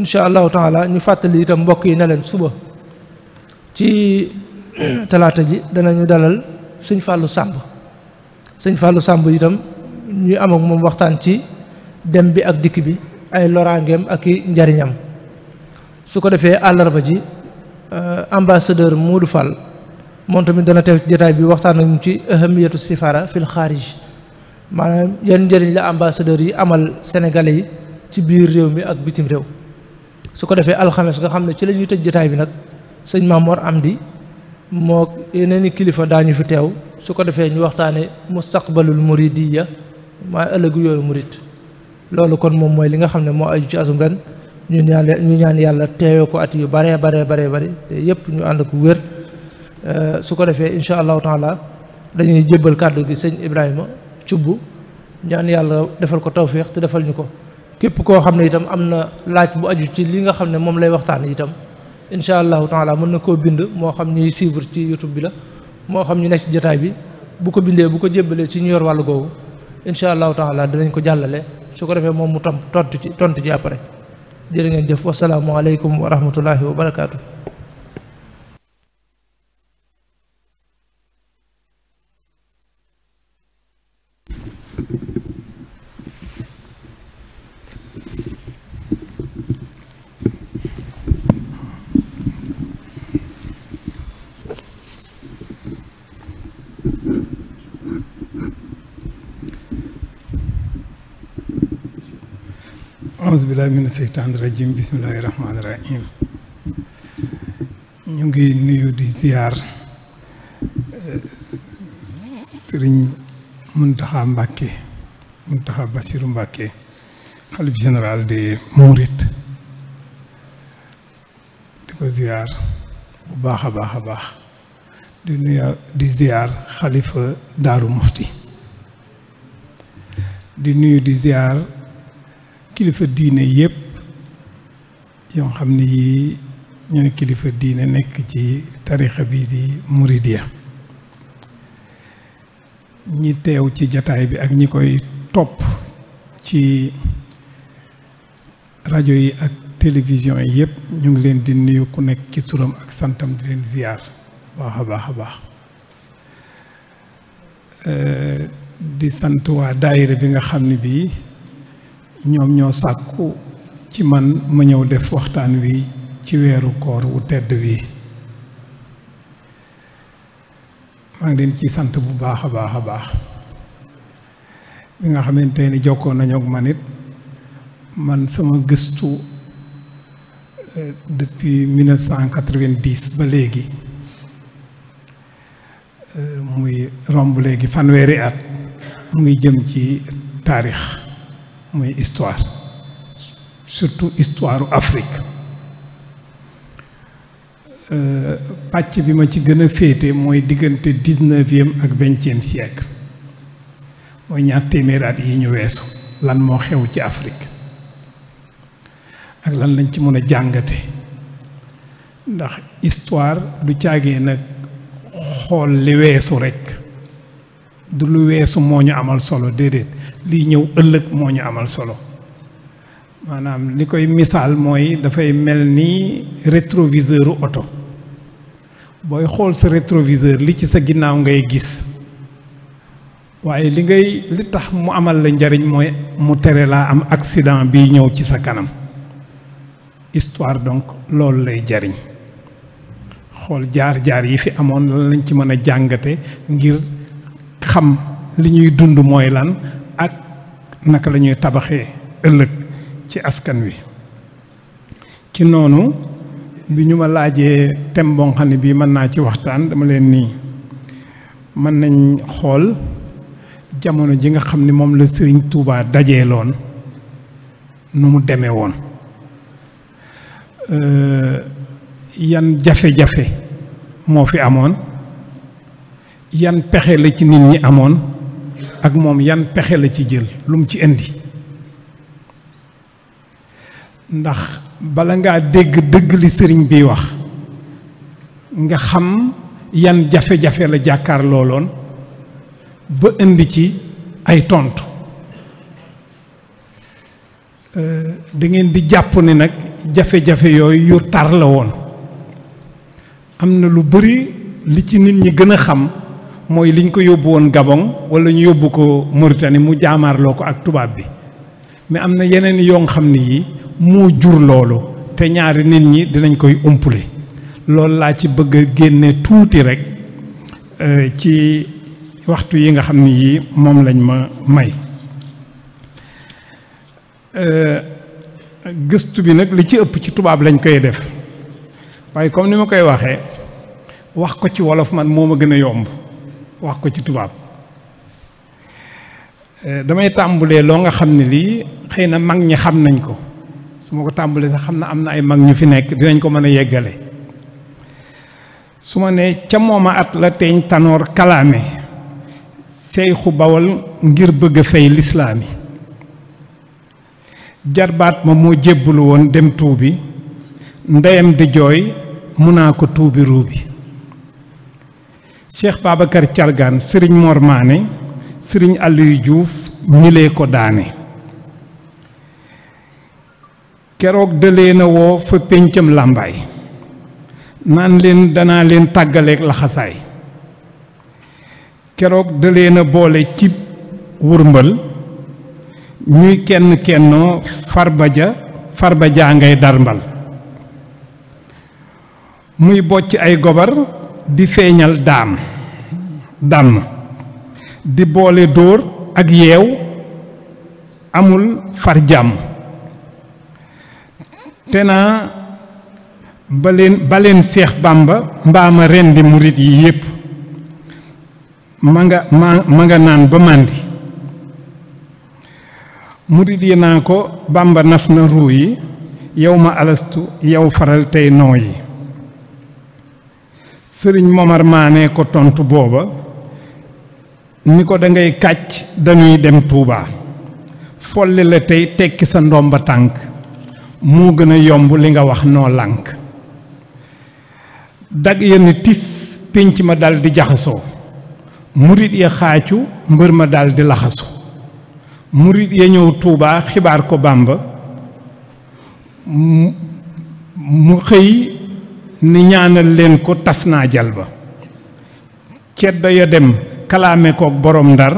incha allahu taala ñu fàttali itam mbokk yi ne leen suba ci talaata ji danañu dalal sëñ fàllu sàmb sëñ fàllu Samb yitam ñuy am moom waxtaan ci dem bi ak dikk bi ay loraangeem ak njariñam su ko defee àllarba ji euh, ambassadeur Modou Fall moom tamit dana teew ci jotaay bi waxtaan ak mu ci ahamiyatu sifara fil xaarij maanaam yan njëriñ la ambassadeur yi amal sénégalais yi ci biir réew mi ak bitim réew su ko defee alxames nga xam ne ci la ñuy tëj jotaay bi nag sëñ Mamoor Amdi moo yeneen i kilifa daañu fi teew su ko defee ñu waxtaane mustaqbalul muridiyya maa ëllëgu yooyu murid loolu kon moom mooy li nga xam ne moo aju ci asum ñu ñaan ñu ñaan yàlla teewee ko at yu baree baree bare bëri te yëpp ñu ànd ko wér euh, su ko defee incha allahu taala dañuy jëbbal kàddu gi sëñ Ibrahima cubb ñaan yàlla defal ko tawféex te defal ñu ko képp koo xam ne itam am na laaj bu aju ci li nga xam ne moom lay waxtaan itam incha allahu taala mën na koo bind moo xam ñuy suivre ci youtube bi la moo xam ñu nekk ci jotaay bi bu ko bindee bu ko jébbalee ci ñu yor wàllu googu incha allahu taala dinañ ko jàllale su ko defee moom mu tam tontu ci tontu ci après jërë ngeen jëf wasalaamualeykum wa rahmatullahi wa barakaatu. aousubillahi mina seytaan rajim bismillahi rahmaani rahim ñu ngi nuyu di ziar eh, sëriñ Muntaxa Mbàkke Muntaxa Basiru Mbàkke xalif général des Mourides di ko ziar bu baax a baax a baax di nuyu di ziar xalifa Daaru Mufti di nuyu di ziar kilifa diine yépp yoo xam ne yii ñooy kilifa diine nekk ci tarixa bi di muridiya ñi teew ci jataay bi ak ñi koy topp ci rajo yi ak télévision yi yépp ñu ngi leen di nuyu ku nekk ci turam ak santam di leen ziyaar baax a baax eh, di sant waa daayira bi nga xam ne bii ñoom ñoo sàkku ci man ma ñëw def waxtaan wi ci weeru koor wu tedd wi maa ngi leen ci sant bu baax a baax a baax bi nga xamante ni jokkoon nañu ak man it man sama gëstu eh, depuis 1990 ba léegi eh, muy romb léegi fanweeri at mu ngi jëm ci taarix mooy histoire surtout histoire Afrique euh, pàcc bi ma ci gën a féete mooy diggante dix-neuvième ak vingtième siècle mooy ñaar téeméeraat yi ñu weesu lan moo xew ci Afrique ak lan lañ ci mën a jàngate ndax histoire du caagee nag xool li weesu rekk du lu weesu moo ñu amal solo déedéet liy ñëw ëllëg moo ñu amal solo maanaam li koy misaal mooy dafay mel ni rétroviseuru oto booy xool sa rétroviseur li ci sa ginnaaw ngay gis waaye li ngay li tax mu amal la njariñ mooy mu tere laa am accident bi ñëw ci sa kanam histoire donc loolu lay jariñ xool jaar-jaar yi fi amoon lan lañ ci mën a jàngate ngir xam li ñuy dund mooy lan naka la ñuy tabaxee ëllëg ci askan wi ci noonu bi ñu ma laajee thème boo bii mën naa ci waxtaan dama leen nii mën nañ xool jamono ji nga xam ni moom la Sëriñ Tuubaa daje loon nu mu demee woon euh, yan jafe-jafe moo fi amoon yan pexe la ci nit ñi amoon ak moom yan pexe la ci jël lu mu ci indi ndax bala ngaa dégg dëgg li sëriñ biy wax nga xam yan jafe-jafe la jàkkaar looloon ba indi ci ay tontu euh, da ngeen di jàpp ni nag jafe-jafe yooyu yu tar la woon am na lu bari li ci nit ñi gën a xam mooy liñ ko yóbbu woon Gabon wala ñu yóbbu ko Mauritanie mu jaamaarloo ko ak tubaab bi mais am na yeneen yoon xam ne yi moo jur loolu te ñaari nit ñi dinañ koy umpule loolu laa ci bëgg a génne tuuti rek euh, ci waxtu yi nga xam ne yii moom lañ ma may euh, gëstu bi nag li ci ëpp ci tubaab lañ koy def waaye comme ni ma koy waxee wax ko ci wolof man moo ma gën a yomb wax ko ci tubaab eh, damay tàmbulee loo nga xam ne lii xëy na mag ñi xam nañ ko su ma ko tàmbulee sax xam na am na ay mag ñu fi nekk dinañ ko mën a yeggale su ma nee ca mooma at la teeñ tanoor kalaame seyxu bawal ngir bëgg a fay lislaami jarbaat ma moo jébbalu woon dem tuubi ndeyam di jooy mun naa ko tuubi ruubi Cheikh Babacar Thiargane sëriñ Mor Mané sëriñ Aliou Diouf ñilee ko daane keroog dëlee na woo fa péncam làmbaay naan leen danaa leen tàggaleeg laxasaay keroog dëlee na boole ci wurmbal ñuy kenn kennoo farba ja farba jaa ngay darmbal muy bocc ay gobar di feeñal daan dànn di boole dóor ak yeew amul far jàmm te naa baleen baleen seex bàmba mbaama rendi murit yi yépp ma nga ma nga naan ba màndi murit yi naa ko bàmba nas na ruu yi yow ma alastu yow faral tey noo yi sëriñ Momar Maane ko tontu booba ni ko dangay kàcc dañuy dem tuubaa folli la tey tekki sa ndomba tànk moo gën a yomb li nga wax noo lànk dag ya ni tis pénc ma daldi jaxasoo murit ya xaacu mbër ma daldi laxasu murit ya ñëw Touba xibaar ko Bàmba mu xëy ni ñaanal leen ko tas naa jal ba ceddo ya dem kalaame kook borom ndar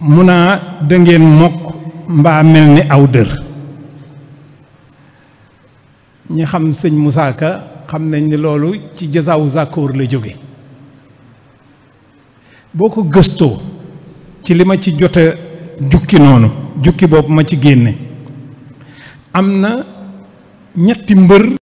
mu dangeen mokk mbaa mel ni aw dër ñi xam sëñ Moussa Ka xam nañ ni loolu ci jasaw Zakoor la jóge boo ko gëstoo ci li ma ci jot a jukki noonu jukki boobu ma ci génne am na ñetti mbër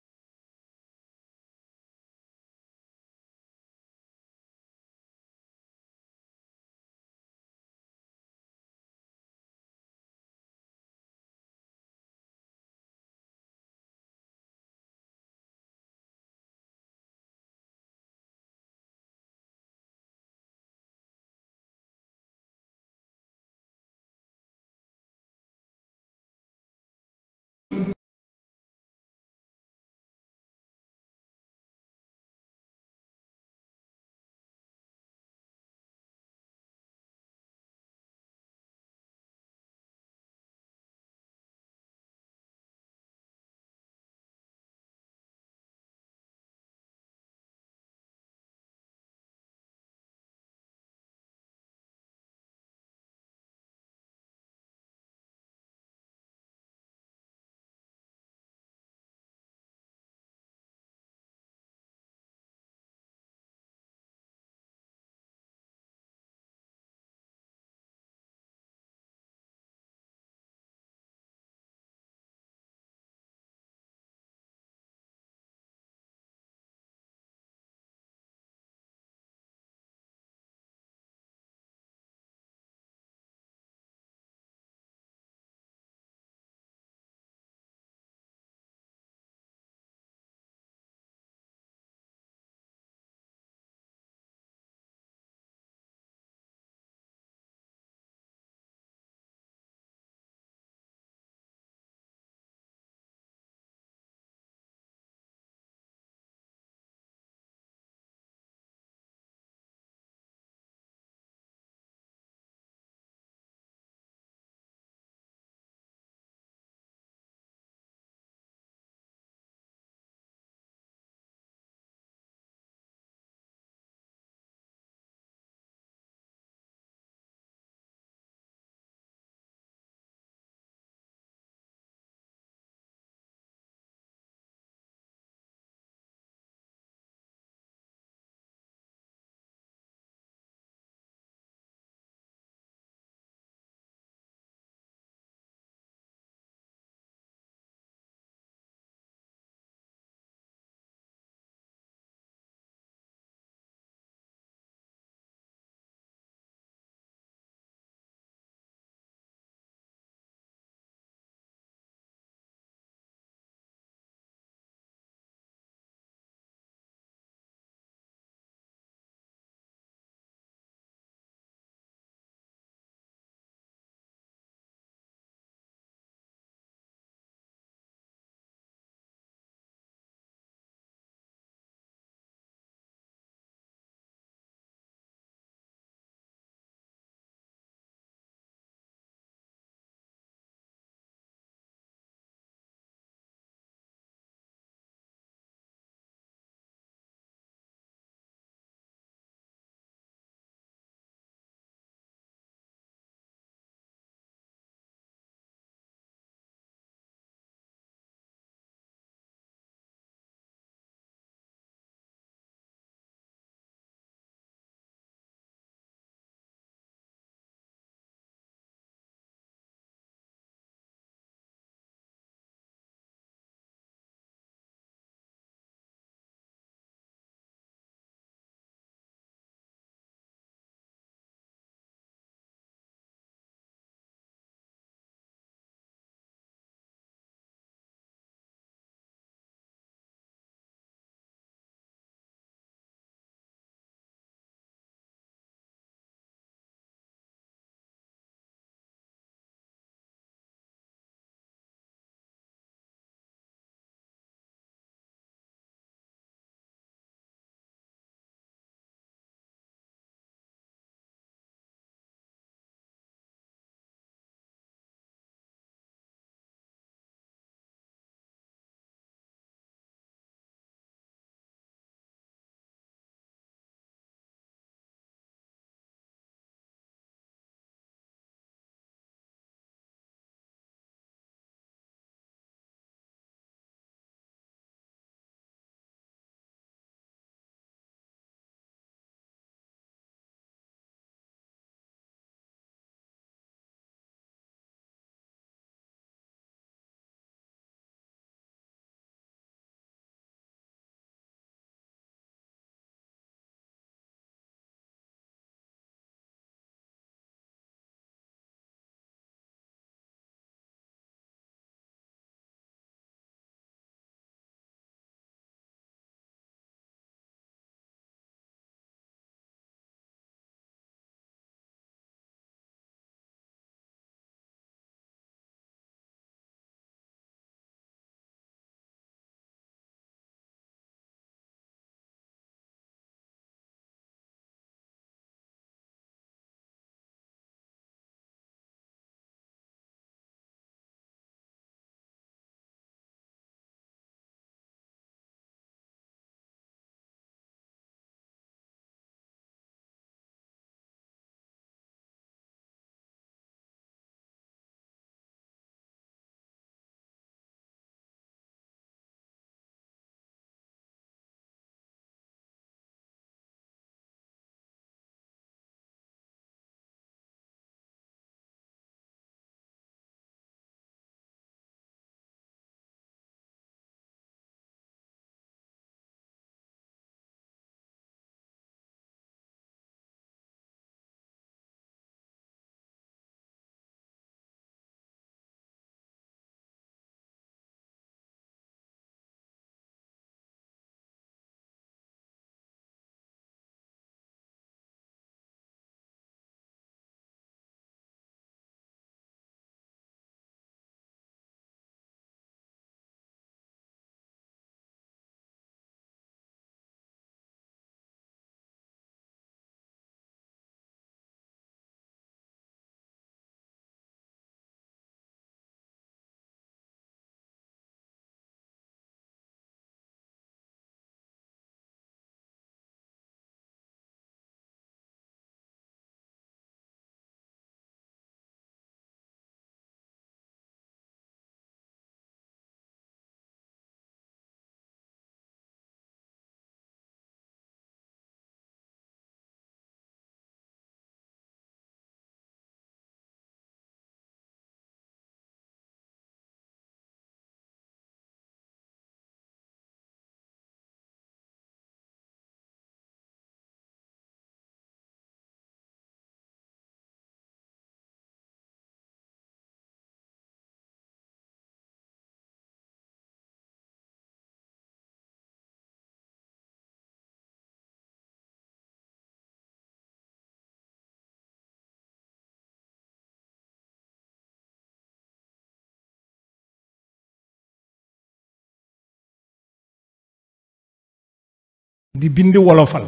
di bind wolofal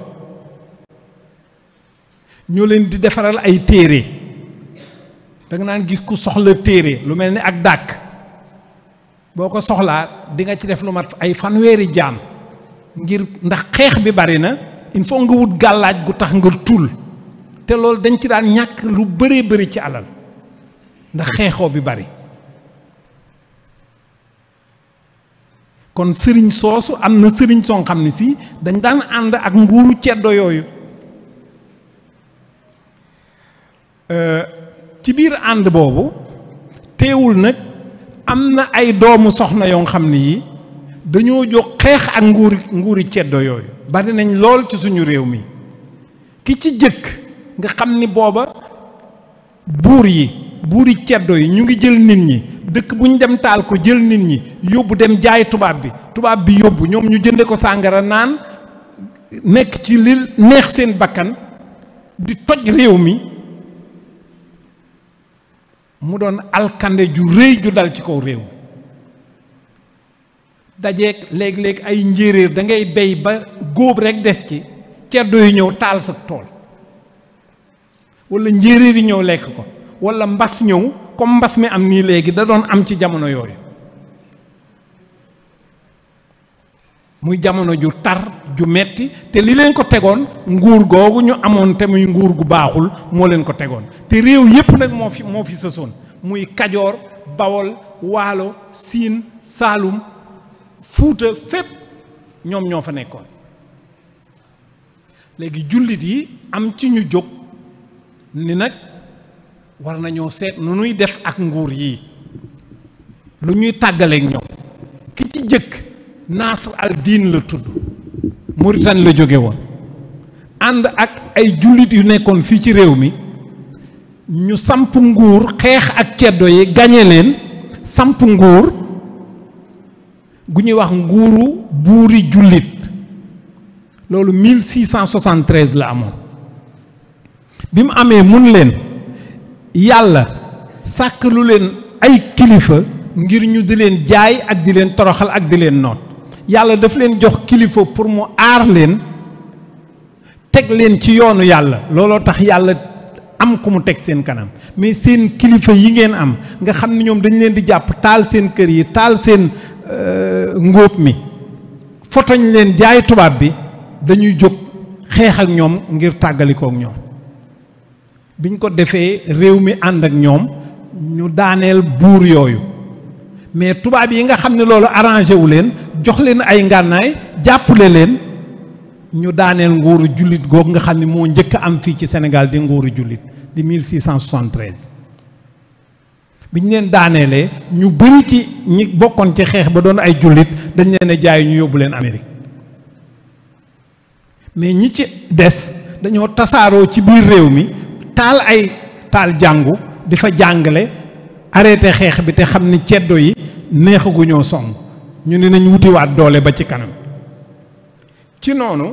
ñoo leen di defaral ay téere danga nga gis ku soxla téere lu mel ni ak dàkk boo ko soxlaa dinga ci def lu mat ay fanweeri jaam ngir ndax xeex bi bari na il faut nga wut gàllaaj gu tax nga tul te loolu dañ ci daan ñàkk lu bëree bëri ci alal ndax xeexoo bi bari kon sëriñ soosu am na sëriñ soo xam ne si dañ daan ànd ak nguuru ceddo yooyu euh, ci biir ànd boobu teewul nag am na ay doomu soxna yoo xam ne yi dañoo jóg xeex ak nguuri nguuri ceddo yooyu bari nañ lool ci suñu réew mi ki ci jëkk nga xam ni booba buur yi buur buuri ceddo yi ñu ngi jël nit ñi dëkk bu ñu dem taal ko jël nit ñi yóbbu dem jaay tubaab bi tubaab bi yóbbu ñoom ñu jënde ko sàngara naan nekk ci li neex seen bakkan di toj réew mi mu doon alkande ju rëy ju dal ci kaw réew dajeeg léeg-léeg ay njéeréer dangay ngay bey ba góob rekk des ci ceddo yi ñëw taal sa tool wala njéeréer yi ñëw lekk ko wala mbas ñëw comme mbas mi am nii léegi da doon am ci jamono yooyu muy jamono ju tar ju metti te li leen ko tegoon nguur googu ñu amoon te muy nguur gu baaxul moo leen ko tegoon te réew yépp nag moo fi moo fi sësoon muy Kajoor Bawol Waalo Siin Saalum Fuuta fépp ñoom ñoo fa nekkoon léegi jullit yi am ci ñu jóg ni nag war nañoo seet nu ñuy def ak nguur yi lu ñuy tàggaleek ñoom ki ci jëkk Nasr al Din la tudd Mauritanie la jóge woon ànd ak ay jullit yu nekkoon fii ci réew mi ñu samp nguur xeex ak ceddo yi gañe leen samp nguur gu ñuy wax nguuru buuri jullit loolu 1673 la amoon bi mu amee mun leen yàlla sàkk lu leen ay kilifa ngir ñu di leen jaay ak di leen toroxal ak di leen noot yàlla daf leen jox kilifa pour mu aar leen teg leen ci yoonu yàlla looloo tax yàlla am ku mu teg seen kanam mais seen kilifa yi ngeen am nga xam ne ñoom dañ leen di jàpp taal seen kër yi taal seen euh, ngóob mi fotoñ leen jaay tubaab bi dañuy jóg xeex ak ñoom ngir tàggalikook ñoom biñ ko defee réew mi ànd ak ñoom ñu daaneel buur yooyu mais tubaab yi nga xam ne loolu arrangé wu leen jox leen ay ngànnaay jàppale leen ñu daaneel nguuru jullit googu nga xam ne moo njëkk am fii ci Sénégal di nguuru jullit di 1673 biñ leen daaneelee ñu bëri ci ñi bokkoon ci xeex ba doon ay jullit dañ leen a jaay ñu yóbbu leen Amérique mais ñi ci des dañoo tasaaroo ci biir réew mi. taal ay taal jàngu di fa jàngale arrêté xeex bi te xam ni ceddo yi neexagu ñoo song ñu ne nañ wutiwaat doole ba ci kanam ci noonu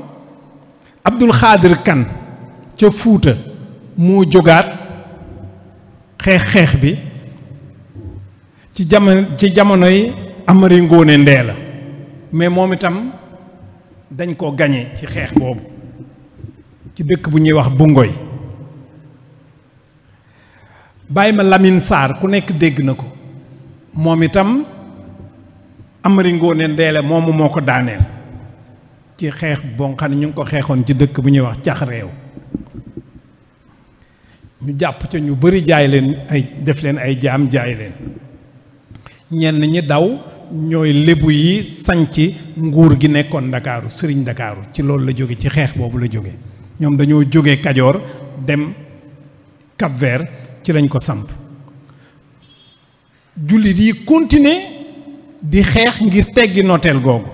Abdul Xaadir Kan ca Fuuta moo jógaat xeex xeex bi ci jamono ci Amari Ngoone Ndee la mais moom itam dañ ko gañe ci xeex boobu ci dëkk bu ñuy wax bungo yi bàyyi ma Lamine saar ku nekk dégg na ko moom itam Amari Ngoone Ndeele moomu moo ko daaneel ci xeex boo xam ñu ngi ko xeexoon ci dëkk bu ñuy wax cax réew ñu jàpp ca ñu bari jaay leen ay def leen ay jaam jaay leen ñenn ñi daw ñooy lébu yi sañc nguur gi nekkoon ndakaaru sëriñ ndakaaru ci loolu la jóge ci xeex boobu la jóge ñoom dañoo jóge kajoor dem Cap-Vert ci lañ ko samp jullit yi continuer di xeex ngir teggi nooteel googu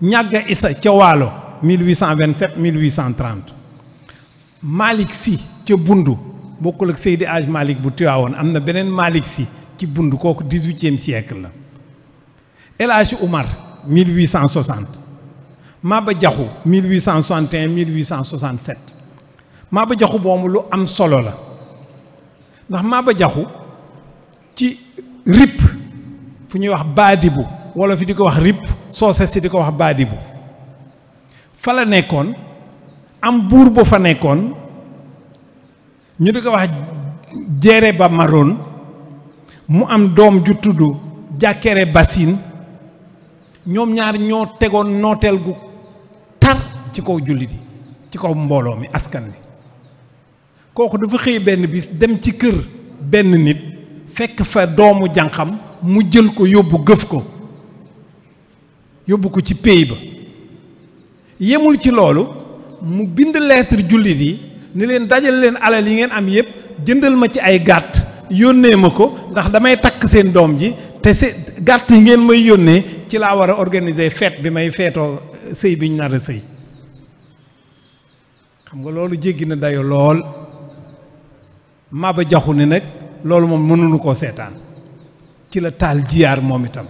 ñàgga isa ca waalo 1827 1830 Malick Sy ca Bundu bokkul ak Seydi Hadj Malick bu Tiwaawoon am na beneen Malick Sy ci Bundu kooku 18e siècle la El Hadj Oumar 1860 Maba Jaxu 1861 1867 Maba Jaxu boobu lu am solo la ndax Maba Jaxu ci ripp fu ñuy wax baadibu wolof yi di ko wax ripp soose si di ko wax baadibu fa la nekkoon am buur bu fa nekkoon ñu di ko wax jeere ba maroon mu am doom ju tudd jàkkere basin ñoom ñaar ñoo tegoon nooteel gu tar ci kaw jullit yi ci kaw mbooloo mi askan wi kooku dafa xëy benn bis dem ci kër benn nit fekk fa doomu jànqam mu jël ko yóbbu gëf ko yóbbu ko ci pey ba yemul ci loolu mu bind lettre jullit yi ni leen dajal leen alal yi ngeen am yépp jëndal ma ci ay gàtt yónnee ma ko ndax damay takk seen doom ji te se gàtt ngeen may yónnee ci laa war a organiser fête bi may feetoo sëy bi ñu nar a sëy xam nga loolu jéggi na dayo lool Maba Jaxu ne nag loolu moom mënuñu koo seetaan ci la taal jiyaar moom itam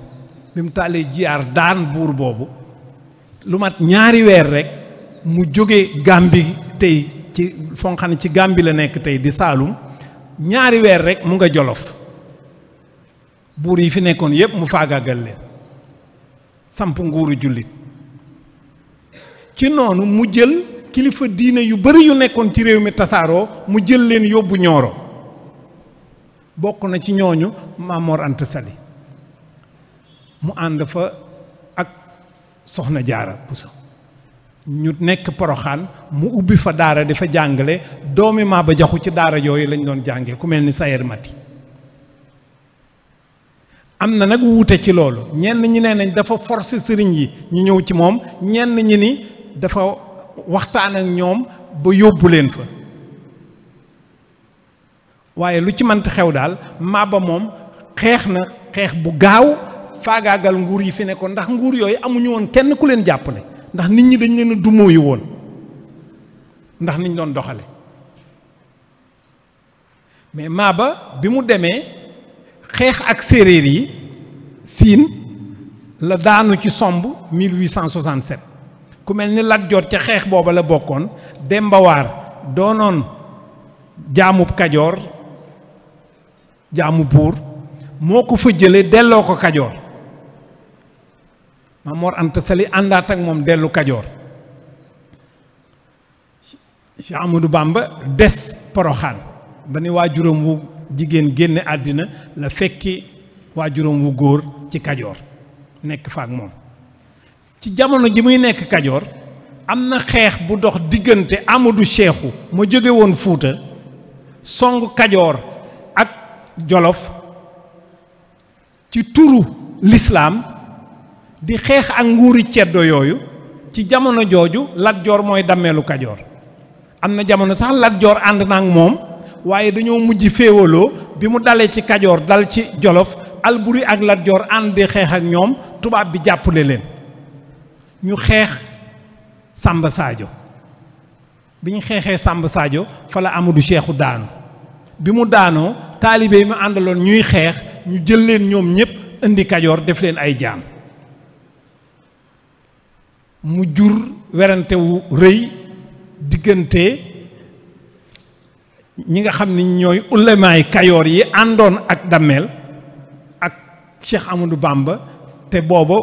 bi mu taalee jiyaar daan buur boobu lu mat ñaari weer rekk mu jóge Gàmbi tey ci foo ci Gàmbi la nekk tey di Saalum ñaari weer rekk mu nga Jolof buur yi fi nekkoon yépp mu faagaagal leen samp nguuru jullit ci noonu mu jël kilifa diine yu bari yu nekkoon ci réew mi tasaaroo mu jël leen yóbbu ñooro bokk na ci ñooñu Mamor Anta mu ànd fa ak Soxna Jaara Buso ñu nekk Poroxaan mu ubbi fa daara di fa jàngale doomi ba Jaxu ci daara yooyu lañ doon jàngee ku mel ni Sayer Mati am na nag wuute ci loolu ñenn ñi nee nañ dafa forcer sëriñ yi ñu ñëw ci moom ñenn ñi ni dafa waxtaan ak ñoom ba yóbbu leen fa waaye lu ci mënti xew daal Maba moom xeex na xeex bu gaaw faagaagal nguur yi fi ne ko ndax nguur yooyu amuñu woon kenn ku leen jàppale ndax nit ñi dañ leen a dumóoyu woon ndax niñ doon doxale mais Maba bi mu demee xeex ak séeréer yi siin la daanu ci somb 1867 ku mel ni Lat Joor ca xeex booba la bokkoon démbawaar doonoon jaamub kajoor jaamu buur moo ko fa jële delloo ko kajoor Maam Mor àndaat ak moom dellu kajoor Cheikh Amadou Bamba des poroxaan ba ni waajuram wu jigéen génne àddina la fekki waajuram wu góor ci kajoor nekk fa moom ci jamono ji muy nekk kajoor am na xeex bu dox diggante Amadou Cheikhou ma jóge woon Fuuta song kajoor ak Jolof ci turu lislaam di xeex ak nguuri ceddo yooyu ci jamono jooju Lat mooy dammeelu kajoor am na jamono sax Lat ànd na moom waaye dañoo mujj féewaloo bi mu dalee ci kajoor dal ci jolof alburi ak Lat ànd di xeex ak ñoom tubaab bi jàppale leen ñu xeex Samba saajo bi ñu xeexee Samba saajo fa la Amadou Cheikhou daanu bi mu daanoo taalibe yi mu àndaloon ñuy xeex ñu jël leen ñoom ñëpp indi Kajoor def leen ay jaan mu jur werantewu rëy diggante ñi nga xam ni ñooy ulamaay kayoor yi àndoon ak dàmmeel ak Cheikh Amadou Bamba te booba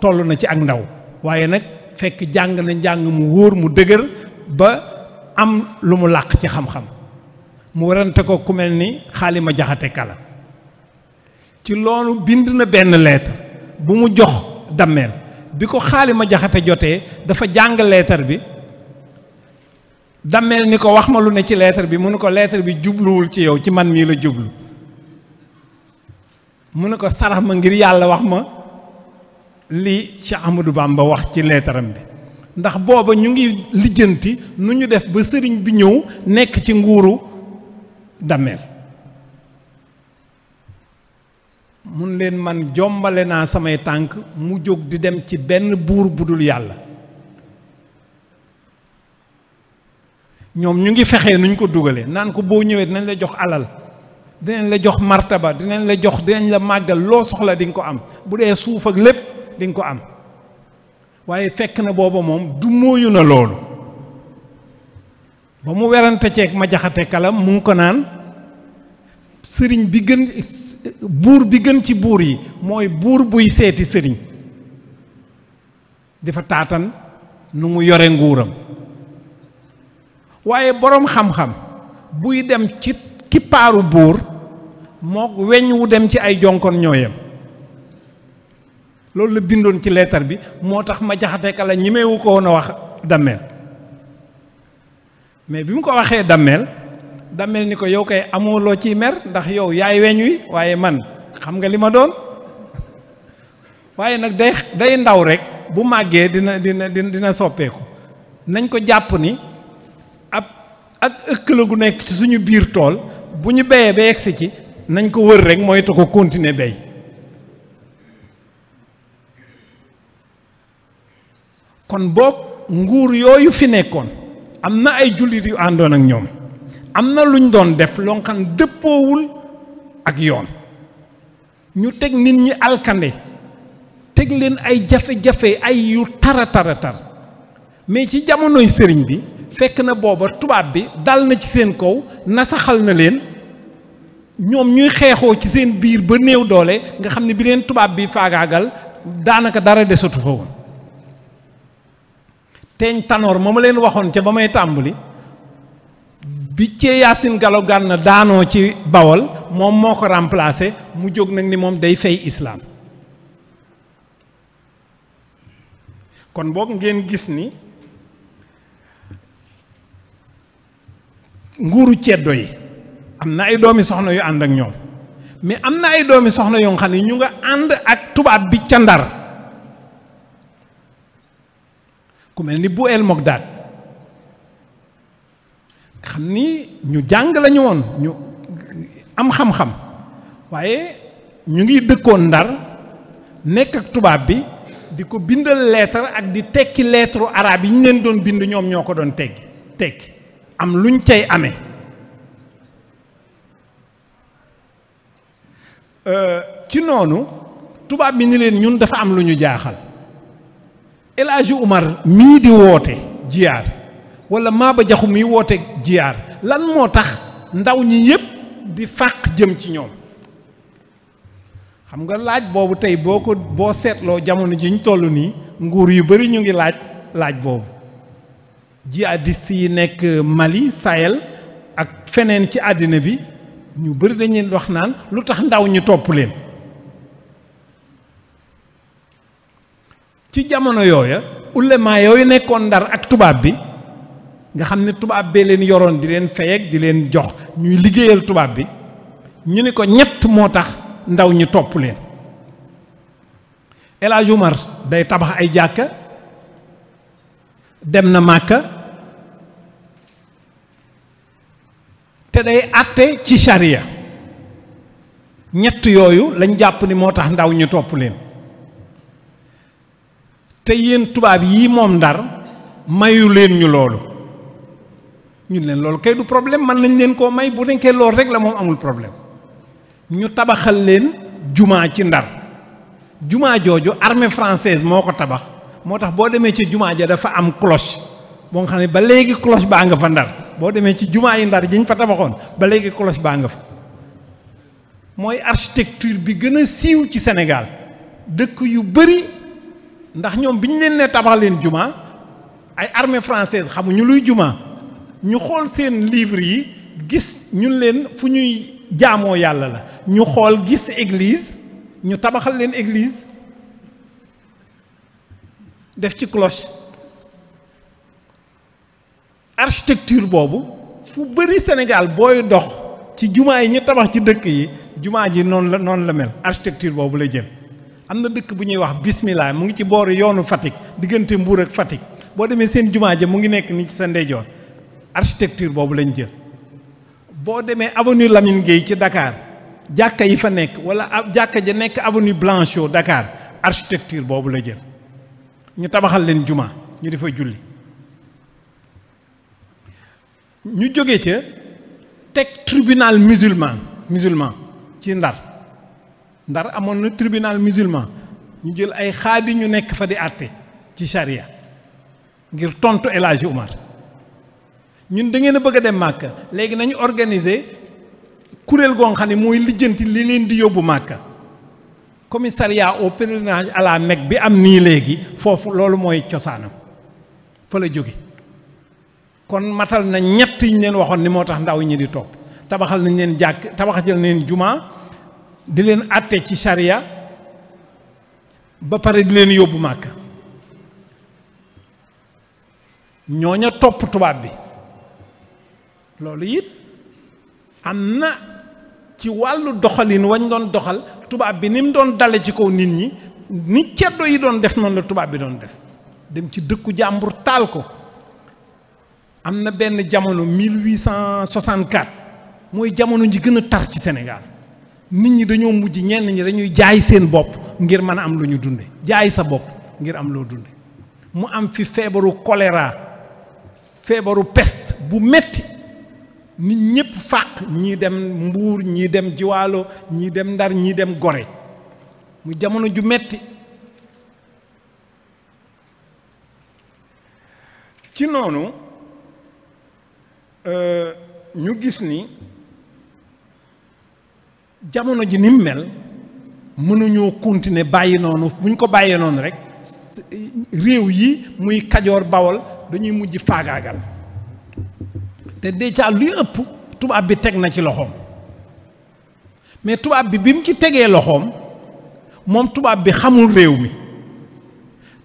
toll na ci ak ndaw waaye nag fekk jàng na njàng mu wóor mu dëgër ba am lu mu làq ci xam-xam mu warante ko ku mel ni xaalima jaxate kala ci loolu bind na benn lettre bu mu jox dammeel bi ko xaalima jaxate jotee dafa jàng leetar bi dammeel ni ko wax ma lu ne ci lettre bi mu ne ko leetar bi jubluwul ci yow ci man mii la jublu mu ne ko sarax ma ngir yàlla wax ma li Cheikh Ahmadou Bamba wax ci leetaram bi ndax booba ñu ngi lijjanti nu ñu def ba sëriñ bi ñëw nekk ci nguuru dammeel mun leen man jombale naa samay tànk mu jóg di dem ci benn buur bu dul yàlla ñoom ñu ngi fexee nuñ ko dugalee naan ko boo ñëwee dinañ la jox alal dinañ la jox martaba dinañ la jox dinañ la màggal loo soxla di nga ko am bu dee suuf ak lépp di ko am waaye fekk na booba moom du mooyu na loolu ba mu werante ceeg ma jaxate kalam mu ngi ko naan sëriñ bi gën buur bi gën ci buur yi mooy buur buy seeti sëriñ dafa taatan nu mu yore nguuram waaye boroom xam-xam buy dem ci kippaaru buur mook weñ wu dem ci ay jonkon ñooyam loolu la bindoon ci leetar bi moo tax ma jaxate kala ñimewu ko woon a wax dammeel mais bi mu ko waxee dammeel dammeel ni ko yow kay amoo ciy mer ndax yow yaay weñ wi waaye man xam nga li ma doon waaye nag day day ndaw rek bu màggee dina dina dina soppeeku nañ ko jàpp ni ab ak ëkk la gu nekk ci suñu biir tool bu ñu béyee ba yegsi ci nañ ko wër rek mooy te ko continuer béy kon boog nguur yooyu fi nekkoon am na ay jullit yu àndoon ak ñoom am na luñ doon def lonkan dëppoowul ak yoon ñu teg nit ñi alkande teg leen ay jafe-jafe ay yu tara tara tar mais ci jamonoy sëriñ bi fekk na booba tubaab bi dal na ci seen kaw nasaxal na leen ñoom ñuy xeexoo ci seen biir ba néew doole nga xam ne bi leen tubaab bi faagaagal daanaka dara desatu fa woon teeñ tanoor ma ma leen waxoon ca ba may tàmbali bi cee Yacine Gallo Gànna daanoo ci Bawol moom moo ko remplacé mu jóg nag ni moom day fay islaam kon boog ngeen gis ni nguuru ceddo yi am na ay doomi soxna yu ànd ak ñoom mais am na ay doomi soxna yoo xam ne ñu nga ànd ak tubaab bi ca Ndar ku mel ni bu el Mogdaad nga xam ni ñu jàng lañu woon ñu am xam-xam waaye ñu ngi dëkkoon ndar nekk ak tubaab bi di ko bindal lettre ak di tekki lettre araab yi ñu leen doon bind ñoom ñoo ko doon teggi tekki am luñ cay amee euh, ci noonu tubaab bi ni leen ñun dafa am lu ñu jaaxal El Hadji Umar mii di woote jiyaar wala maaba Jaxu mii woote jiyaar lan moo tax ndaw ñi yépp di fàq jëm ci ñoom xam nga laaj boobu tey boo ko boo seetloo jamono ji ñu toll nii nguur yu bari ñu ngi laaj laaj boobu jihadiste yi nekk Mali Sahel ak feneen ci àddina bi ñu bari dañuy wax naan lu tax ndaw ñi topp leen ci jamono yooya ulemaa yooyu nekkoon ndar ak tubaab bi nga xam ne tubaab bee leen yoroon di leen fayeg di leen jox ñuy liggéeyal tubaab bi ñu ni ko ñett moo tax ndaw ñi topp leen El Hadj day tabax ay jàkka dem na màkka te day àtte ci charia ñett yooyu lañ jàpp ni moo tax ndaw ñu topp leen te yéen tubaab yii moom ndar mayu leen ñu loolu ñun leen loolu kay du problème man nañ leen koo may bu nekkee loolu rek la moom amul problème ñu tabaxal leen jumaa ci ndar jumaa jooju armée francaise moo ko tabax moo tax boo demee ci jumaa ja dafa am cloche boo nga ne ba léegi cloche baa nga fa ndar boo demee ci jumaa yi ndar jiñ fa tabaxoon ba léegi cloche baa nga fa mooy architecture bi gën a siiw ci Sénégal dëkk yu bari ndax ñoom bi ñu leen ne tabax leen juma ay armée française xamuñu luy juma ñu xool seen livre yi gis ñun leen fu ñuy jaamoo yàlla la ñu xool gis église ñu tabaxal leen église def ci cloche architecture boobu fu bëri Sénégal booy dox ci jumaa yi ñu tabax ci dëkk yi jumaa ji noonu la noonu la mel architecture boobu la jël am na dëkk bu ñuy wax bismillah mu ngi ci booru yoonu Fatick diggante Mbour ak Fatick boo demee seen jumaa ja mu ngi nekk ni ci sa ndeyjoor architecture boobu lañu jël boo demee avenue Lamine Gueye ci dakaar jàkka yi fa nekk ab jàkka ja nekk avenue Blanchot dakaar architecture boobu la jël ñu tabaxal leen jumaa ñu di fa julli ñu jóge ca teg tribunal musulman musulman ci Ndar ndar amoon na tribunal musulman ñu jël ay xaadi ñu nekk fa di àtte ci charia ngir tontu El Hadji Umar ñun da ngeen a bëgg a dem màkka léegi nañu organiser kuréel goo xam ne mooy lijjanti li leen di yóbbu màkk commissariat au pèlerinage à la Mecque bi am nii léegi foofu loolu mooy cosaanam fa la jóge kon matal na ñett yi leen waxoon ni moo tax ndaw ñi di topp tabaxal nañ leen jàkk tabaxal nañ leen jumaa di leen àtte ci sariya ba pare di leen yóbbu màkk ñooña topp tubaab bi loolu it am na ci wàllu doxalin wañ doon doxal tubaab bi ni mu doon dale ci kaw nit ñi ni ceddo yi doon def noonu la tubaab bi doon def dem ci dëkku jàmbur taal ko am na benn jamono 1864 mooy jamono ji gën a tar ci senegaal nit ñi dañoo mujj ñenn ñi dañuy jaay seen bopp ngir mën a am lu ñu dunde jaay sa bopp ngir am loo dunde mu am fi feebaru choléra feebaru pest bu metti nit ñëpp fàq ñii dem mbuur ñii dem jiwaalo ñii dem ndar ñii dem gore mu jamono ju metti ci noonu euh, ñu gis ni jamono ji ni mu mel mënuñoo continuer bàyyi noonu bu ñu ko bàyyee noonu rek réew yi muy kajoor bawol dañuy mujj faagaagal te déjà luy ëpp tubaab bi teg na ci loxoom mais tubaab bi bi mu ci tegee loxoom moom tubaab bi xamul réew mi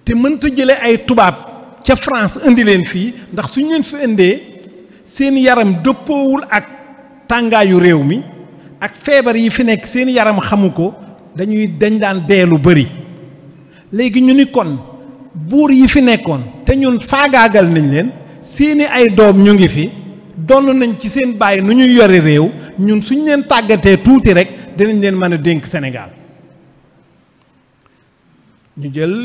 te mënta jële ay tubaab ca France indi leen fii ndax suñu leen fi indee seen yaram dëppoowul ak tàngaayu réew mi ak feebar yi fi nekk seen yaram xamu ko dañuy dañ daan dee lu bari léegi ñu ni kon buur yi fi nekkoon te ñun faagaagal nañ leen seeni ay doom ñu ngi fi donn nañ ci seen bàyyi nu ñuy yore réew ñun suñ leen tàggatee tuuti rek dinañ leen mën a dénk senegaal ñu jël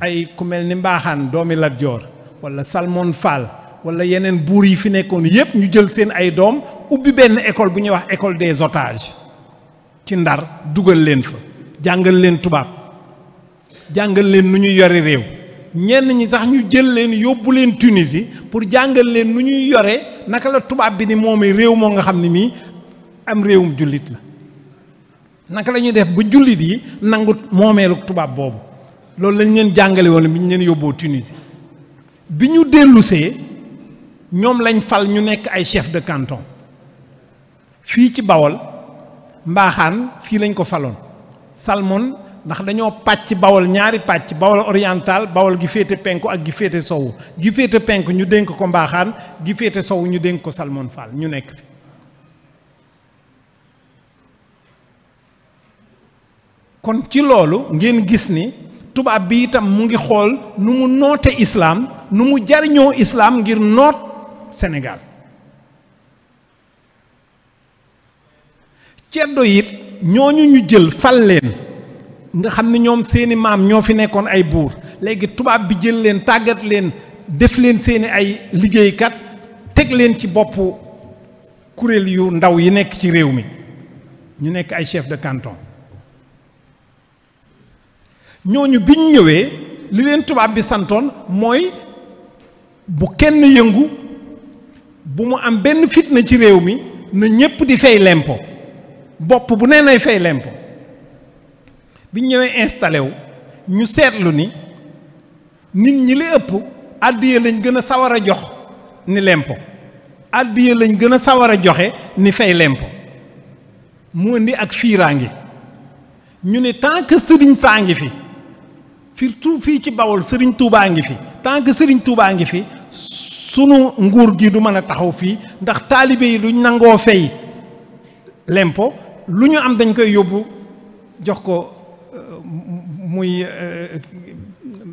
ay ku mel ni mbaaxaan doomi Lat Joor walla Salmon Fall wala yeneen buur yi fi nekkoon yépp ñu jël seen ay doom ubbi benn école bu ñuy wax école des otages ci ndar dugal leen fa jàngal leen tubaab jàngal leen nu ñuy yore réew ñenn ñi sax ñu jël leen yóbbu leen Tunisie pour jàngal leen nu ñuy yore naka la tubaab bi ni moomee réew moo nga xam ne mii am réewum jullit la naka la ñuy def ba jullit yi nangu moomeelu tubaab boobu loolu lañ leen jàngale woon bi ñu leen yóbboo Tunisie bi ñu dellusee ñoom lañ fal ñu nekk ay chef de canton fii ci Bawol mbaaxaan fii lañ ko faloon Salmon ndax dañoo pàcc Bawol ñaari pàcc Bawol oriental Bawol gi féete penku ak gi féete sowu gi féete penku ñu dénk ko mbaaxaan gi féete sowu ñu dénk ko Salmon Fall ñu nekk fi kon ci loolu ngeen gis ni tubaab bi itam mu ngi xool nu mu noote islaam nu mu jariñoo islaam ngir noot Sénégal ceddo it ñooñu ñu jël fal leen nga xam ne ñoom seeni maam ñoo fi nekkoon ay buur léegi tubaab bi jël leen tàggat leen def leen seeni ay liggéeykat teg leen ci boppu kuréel yu ndaw yi nekk ci réew mi ñu nekk ay chef de kanton ñooñu biñ ñëwee li leen tubaab bi santoon mooy bu kenn yëngu bu mu am benn fitna ci réew mi na ñépp di fay lempo bopp bu nee nay fay lempo bi ñëwee installé wu ñu seetlu ni nit ñi li ëpp àddiya lañ gën a sawar a jox ni lempo àddiya lañ gën a sawar a joxe ni fay lempo mu indi ak fiiraangi ñu ne tant que sëriñ saa ngi fi surtout fii ci Bawol sëriñ Tuubaa ngi fi tant que sëriñ Tuubaa ngi fi sunu nguur gi du mën a taxaw fii ndax taalibe yi duñ nangoo fay lempo lu ñu am dañ koy yóbbu jox ko euh, muy euh,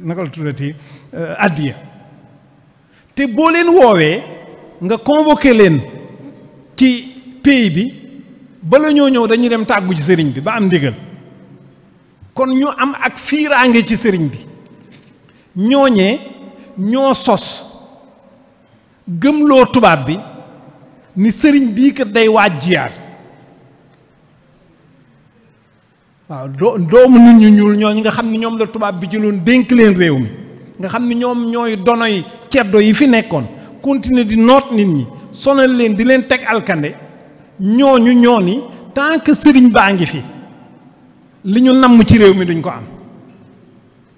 naka la tuddati euh, addiya te boo leen woowee nga convoqué leen ci pays bi bala ñoo ñëw dañuy dem tàggu ci sëriñ bi ba am ndigal kon ñu am ak fiiraange ci sëriñ bi ñooñee ñoo sos gëmloo tubaab bi ni sëriñ bii kat day waaj jiyaar waaw doo doomu nit ñu ñuul ñoo ñooñu nga xam ne ñoom la tubaab bi jëloon dénk leen réew mi nga xam ne ñoom ñooy donoy ceddo yi fi nekkoon continuer di noot nit ñi sonal leen di leen teg alkande ñooñu ñoo ni tant que sëriñ baa ngi fi li ñu namm ci réew mi duñ ko am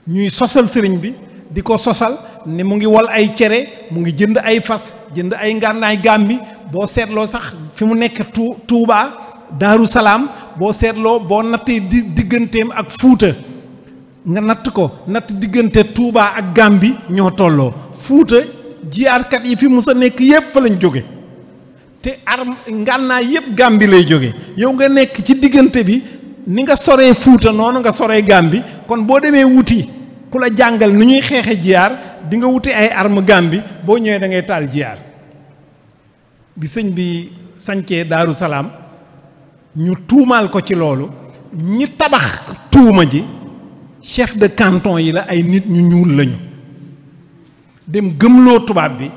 ñuy sosal sëriñ bi di ko sosal ni mu ngi wal ay cere mu ngi jënd ay fas jënd ay ngànnaay Gàmbi boo seetloo sax fi mu nekk tu Tuubaa Daaru Salaam boo seetloo boo nattee di digganteem ak Fuuta nga natt ko natt diggante Tuubaa ak Gàmbi ñoo tolloo Fuuta jiyaarkat yi fi musa nekk yépp fa lañ jóge te arm ngànnaay yépp Gàmbi lay jóge yow nga nekk ci diggante bi ni nga soree Fuuta noonu nga soree Gàmbi kon boo demee wuti ku la jàngal nu ñuy xeexe jiyaar di nga wuti ay arme bi boo ñëwee dangay taal jiyaar bi sëñ bi sancee Daaru Salaam ñu tuumaal ko ci loolu ñi tabax tuuma ji chef de canton yi la ay nit ñu ñuul lañu dem gëmloo tubaab bi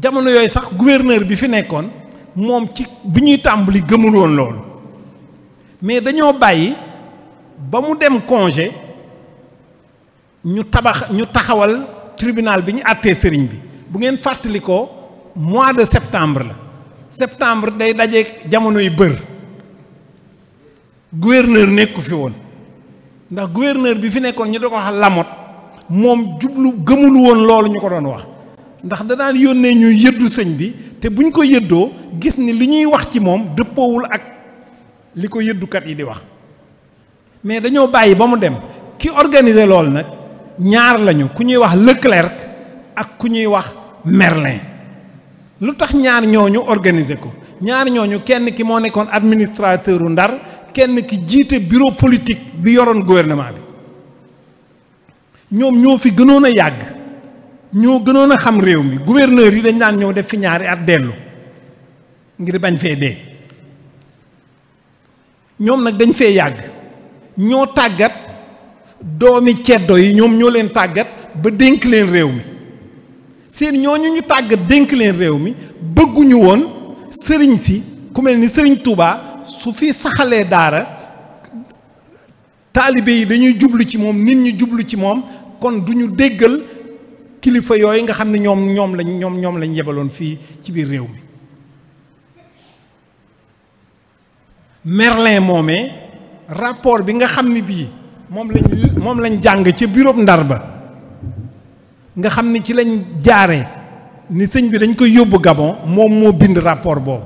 jamono yooyu sax gouverneur bi fi nekkoon moom ci bi ñuy tàmbali gëmuloon loolu mais dañoo bàyyi ba mu dem congé ñu tabax ñu taxawal tribunal bi ñu àttee sëriñ bi bu ngeen fàttalikoo mois de septembre la septembre day dajeek jamono yu bër gouverneur nekku fi woon ndax gouverneur bi fi nekkoon ñu da ko wax lamot moom jublu gëmul woon loolu ñu ko doon wax ndax da daan yónnee ñuy yëddu sëñ bi te buñ ko yëddoo gis ni li ñuy wax ci moom dëppoowul ak li ko yëddukat yi di wax mais dañoo bàyyi ba mu dem ki organiser loolu nag ñaar lañu ku ñuy wax Leclerc ak ku ñuy wax Merlin lu tax ñaar ñooñu organiser ko ñaar ñooñu kenn ki moo nekkoon administrateur u Ndar kenn ki jiite bureau politique bi yoroon gouvernement bi ñoom ñoo fi gënoon a yàgg ñoo gënoon a xam réew mi gouverneur yi dañ daan ñëw def fi ñaari at dellu ngir bañ fee dee ñoom nag dañ fee yàgg ñoo tàggat doomi ceddo yi ñoom ñoo leen tàggat ba dénk leen réew mi seen ñooñu ñu tàggat dénk leen réew mi bëgguñu woon sëriñ si ku mel ni sëriñ Touba su fi saxalee daara taalibe yi dañuy jublu ci moom nit ñu jublu ci moom kon duñu déggal kilifa yooyu nga xam ne ñoom ñoom lañ ñoom ñoom lañ yebaloon fii ci biir réew mi Merlin moomee rapport bi nga xam ne bii moom lañ moom lañ jàng ca bureau ndar ba nga xam ni ci lañ jaare ni sëñ bi dañ koy yóbbu Gabon moom moo bind rapport boobu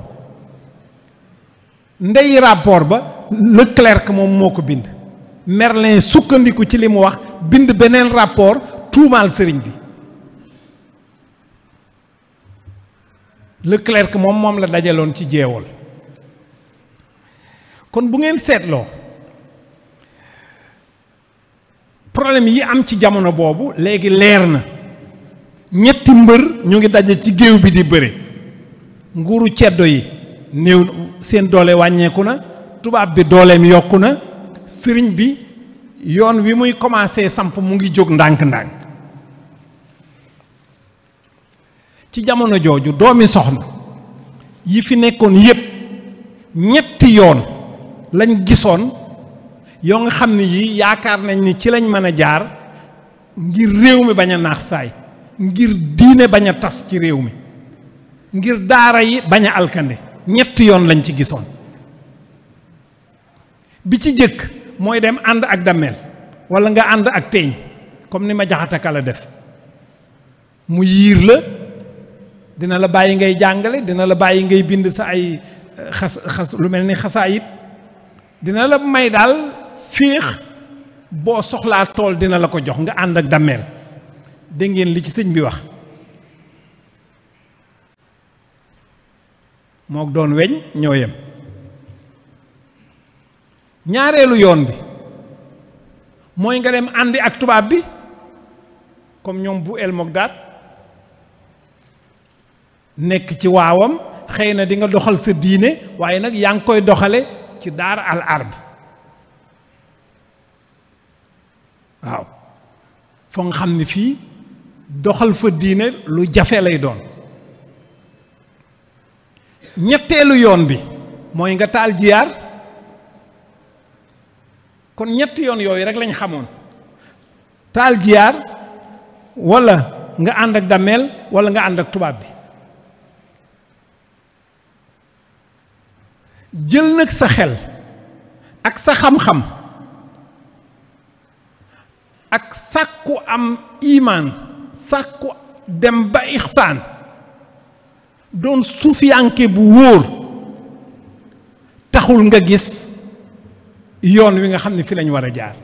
ndey rapport ba Leclerc moom moo ko bind Merlin sukkandiku ci li mu wax bind beneen rapport tuumaal sëriñ bi Leclerc moom moom la dajaloon ci jeewol kon bu ngeen seetloo problème yi am ci jamono boobu léegi leer na ñetti mbër ñu ngi daje ci géew bi di bëre nguuru ceddo yi néew seen doole wàññeeku na tubaab bi dooleem yokku na sëriñ bi yoon wi muy commencé samp mu ngi jóg ndànk-ndànk ci jamono jooju doomi soxna yi fi nekkoon yépp ñetti yoon lañ gisoon yoo nga xam ne yii yaakaar nañ ni ci lañ mën a jaar ngir réew mi bañ a naax saay ngir diine bañ a tas ci réew mi ngir daara yi bañ a alkande ñetti yoon lañ ci gisoon bi ci jëkk mooy dem ànd ak dammeel wala nga ànd ak teeñ comme ni ma jaxataka kala def mu yiir la dina la bàyyi ngay jàngale dina la bàyyi ngay bind sa ay xas lu mel ni xasaayit dina la may daal féex boo soxlaa tool dina la ko jox nga ànd ak dammeel dégg li ci sëñ bi wax mook doon weñ ñoo ñaareelu yoon bi mooy nga dem àndi ak tubaab bi comme ñoom bu el Mogdad nekk ci waawam xëy na dinga doxal sa diine waaye nag yaa ngi koy doxale ci daar al arab waaw foo nga xam ni fii doxal fa diine lu jafe lay doon ñetteelu yoon bi mooy nga taal jiyaar kon ñetti yoon yooyu rek lañ xamoon taal jiyaar wala nga ànd ak dameel wala nga ànd ak tubaab bi jël nag sa xel ak sa xam-xam ak sàkku am imaan sàkku dem ba ixsaan doon suufiyanke bu wóor taxul nga gis yoon wi nga xam ne fi lañ war a jaar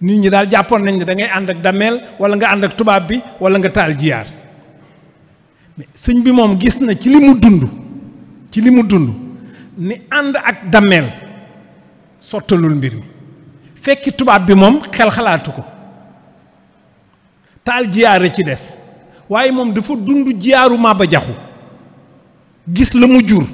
nit ñi daal jàppoon nañ ne dangay ngay ànd ak dameel wala nga ànd ak tubaab bi wala nga taal jiyaar mais sëñ bi moom gis na ci li mu dund ci li mu dund ni ànd ak dameel sottaluwul mbir mi fekki tubaab bi moom xel xalaatu ko taal jiyaare ci des waaye moom dafa dund jiyaaru Maba Jaxu gis la mu jur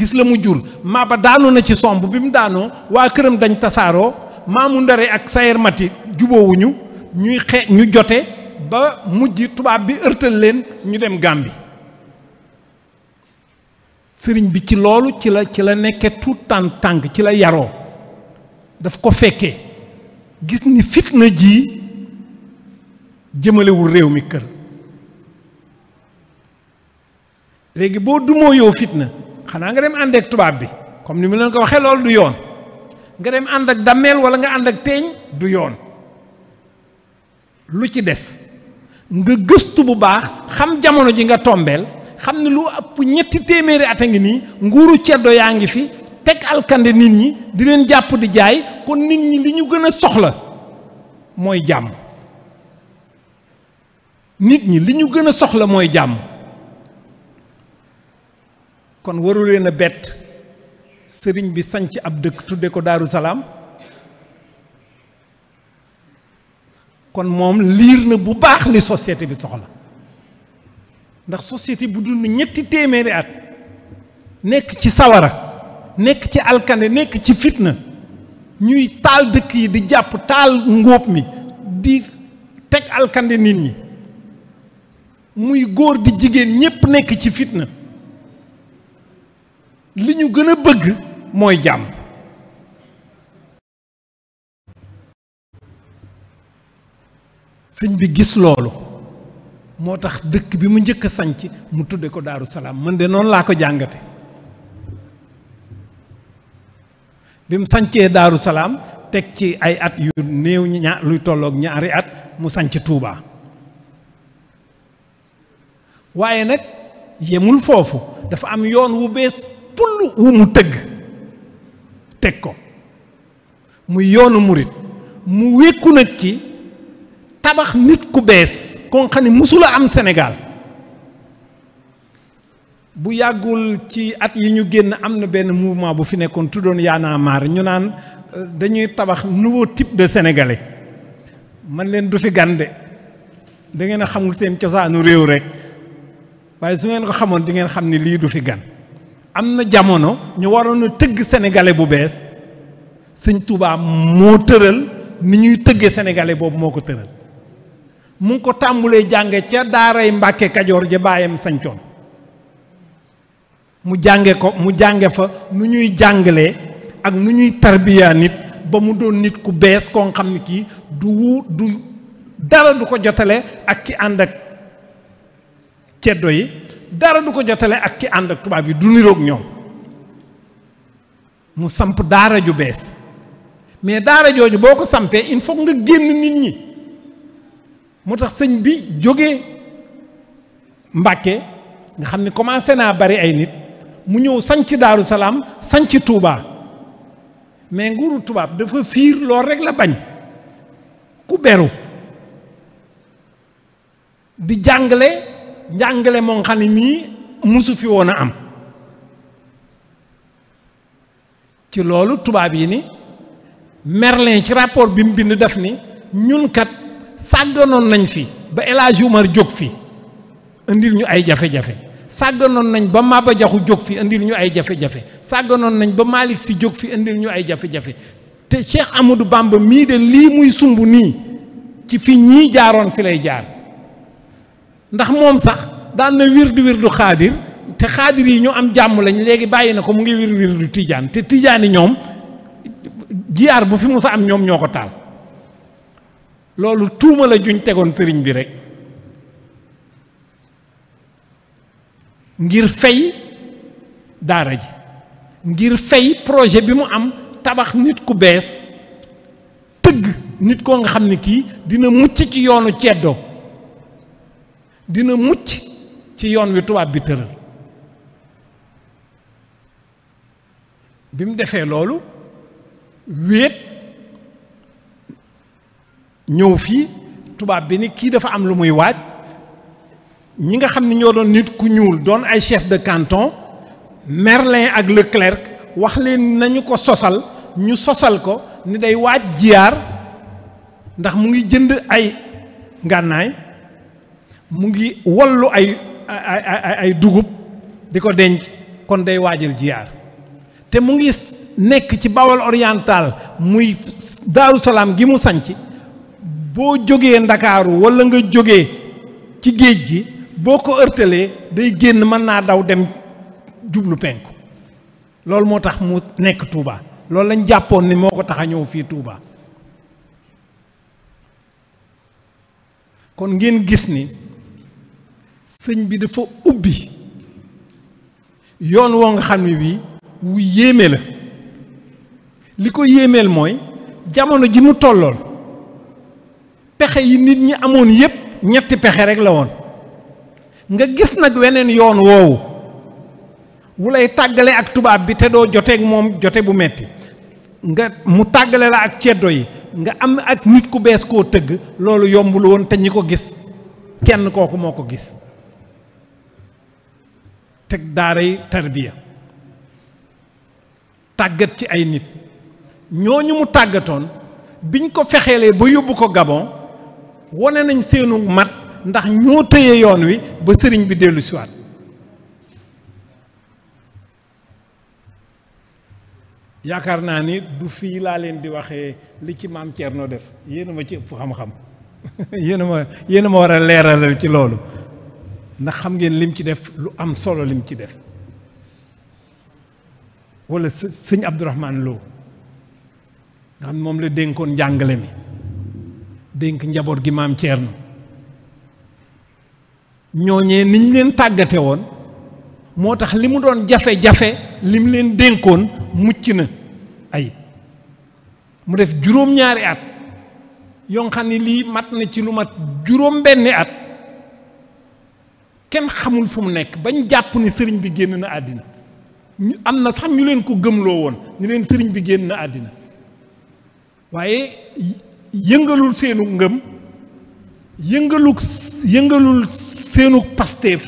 gis la mu jur Maba daanu na ci somb bi mu daanoo waa këram dañ tasaaroo maamu ndare ak sayer mati juboowuñu ñuy xe ñu jote ba mujj tubaab bi ërtal leen ñu dem Gàmbi sëriñ bi ci loolu ci la ci la nekke tout tànk tànk ci la yaroo daf ko fekkee gis ni fitna ji jëmalewul réew mi kër léegi boo dumoo yow fitna xanaa nga dem àndeek tubaab bi comme ni mu leen ko waxee loolu du yoon nga dem ànd ak dammeel wala nga ànd ak teeñ du yoon lu ci des nga gëstu bu baax xam jamono ji nga tombeel xam ne lu ëpp ñetti téeméeri at a ngi nii nguuru ceddo yaa ngi fi teg alkande nit ñi di leen jàpp di jaay kon nit ñi li ñu gën a soxla mooy jàmm nit ñi li ñu gën a soxla mooy jàmm kon waru leen a bett sëriñ bi sanc ab dëkk tudde ko Daaru Salaam kon moom liir na bu baax li societé bi soxla ndax société bu dund ñetti téeméeri at nekk ci sawara nekk ci alkande nekk ci fitna ñuy taal dëkk yi di jàpp taal ngóob mi di teg alkande nit ñi muy góor di jigéen ñépp nekk ci fitna li ñu gën a bëgg mooy jàmm sëñ bi gis loolu moo tax dëkk bi mu njëkk a sanc mu tudde ko daaru salaam man de noonu laa ko jàngate bi mu sancee daaru salaam teg ci ay at yu néew ña luy tolloog ñaari at mu sanc tuubaa waaye nag yemul foofu dafa am yoon wu bees pull wu mu tëgg teg ko muy yoonu murit mu wékku nag ci tabax nit ku bees ko nga xam ne musula am senegal bu yàggul ci at yi ñu génn am na benn mouvement bu fi nekkoon tuddoon yaana maar ñu naan euh, dañuy tabax nouveau type de sénégalais man leen du fi gande da ngeen a xamul seen cosaanu réew rek waaye su ngeen ko xamoon di ngeen xam ne lii du fi gan am na jamono ñu waroon a tëgg sénégalais bu bees sëñ Touba moo tëral ni ñuy tëggee sénégalais boobu moo ko tëral mu ko tàmbulee jànge ca daaray Mbàkke Kajoor ja baayam sañcoon mu jànge ko mu jànge fa nu ñuy jàngale ak nu ñuy tarbiyaa nit ba mu doon nit ku bees koo xam ne kii du wu du dara du ko jotale ak ki ànd ak ceddo ko jotale ak ki ànd tubaab yi du niroog ñoom mu samp daara ju bees mais daara jooju boo ko sampee il faut nga génn nit ñi moo tax sëñ bi jóge Mbàkke nga xam ne commencé naa bari ay nit mu ñëw sanc Daaru Salaam sanc Tuubaa mais nguuru tubaab dafa fiir loolu rek la bañ ku beru di jàngale njàngale moo xam ne musu fi woon a am ci loolu tubaab yi ni Merlin ci rapport bi mu bind def ni ñun kat sàgganoon nañ fi ba El Hadj jóg fi indil ñu ay jafe-jafe sàgganoon nañ ba Maba Jaxu jóg fi indil ñu ay jafe-jafe sàgganoon nañ ba Malick Sy jóg fi indil ñu ay jafe te Cheikh Amadou Bamba mii de lii muy sumb nii ci fi ñii jaaroon fi lay jaar ndax moom sax daan na wir du wir du xaadir te xaadir yi ñu am jàmm lañ léegi bàyyi na ko mu ngi wir wir du tiijaan te tijaan yi ñoom giyaar bu fi musa am ñoom ñoo ko taal loolu tuuma juñ tegoon sëriñ bi rek ngir fay daara ji ngir fay projet bi mu am tabax nit ku bees tëgg nit koo nga xam ne kii dina mucc ci yoonu ceddoo dina mucc ci yoon wi tubaab bi tëral bi mu defee loolu wéet ñëw fii tubaab bi ni kii dafa am lu muy waaj ñi nga xam ni ñoo doon nit ku ñuul doon ay chef de canton Merlin ak Leclerc wax leen nañu ko sosal ñu sosal ko ni day waaj jiyaar ndax mu ngi jënd ay ngànnaay mu ngi wallu ay ay ay dugub di ko denc kon day waajal jiyaar te mu ngi nekk ci Bawol oriental muy Daaru Salaam gi mu sanc boo jógee ndakaaru walla nga jóge ci géej gi boo ko ërtalee day génn mën naa daw dem jublu penku loolu moo tax mu nekk Touba loolu lañ jàppoon ni moo ko tax a ñëw fii Touba kon ngeen gis ni sëñ bi dafa ubbi yoon woo nga xam ne bii wu yéeme la li ko yéemeel mooy jamono ji mu tollool pexe yi nit ñi amoon yépp ñetti pexe rekk la woon nga gis nag weneen yoon woowu wu lay tàggale ak tubaab bi te doo joteeg moom jote bu metti nga mu tàggale la ak ceddo yi nga am ak nit ku bees koo tëgg loolu yombul woon te ñi ko gis kenn kooku moo ko gis teg daaray tarbiya tàggat ci ay nit ñooñu mu tàggatoon biñ ko fexeelee ba yóbbu ko Gabon wone nañ seenu mat ndax ñoo tëye yoon wi ba sëriñ bi dellu siwaat yaakaar naa ni du fii laa leen di waxee li ci maam noo def yéen ma ci ëpp xam-xam yéen ma yéen ma war a leeralal ci loolu ndax xam ngeen lim ci def lu am solo lim ci def wala sëñ Abdourahmane Lo nga xam moom la dénkoon njàngale mi dénk njaboot gi maam Thierno ñooñee niñ leen tàggate woon moo tax li mu doon jafe-jafe li mu leen dénkoon mucc na ayib mu def juróom-ñaari at yoo xam ne lii mat na ci lu mat juróom-benni at kenn xamul fu mu nekk bañ jàpp ni sëriñ bi génn na àddina ñu am na sax ñu leen ko gëmloo woon ñu leen sëriñ bi génn na àddina waaye yëngalul seenu ngëm yëngalul seenu pasteef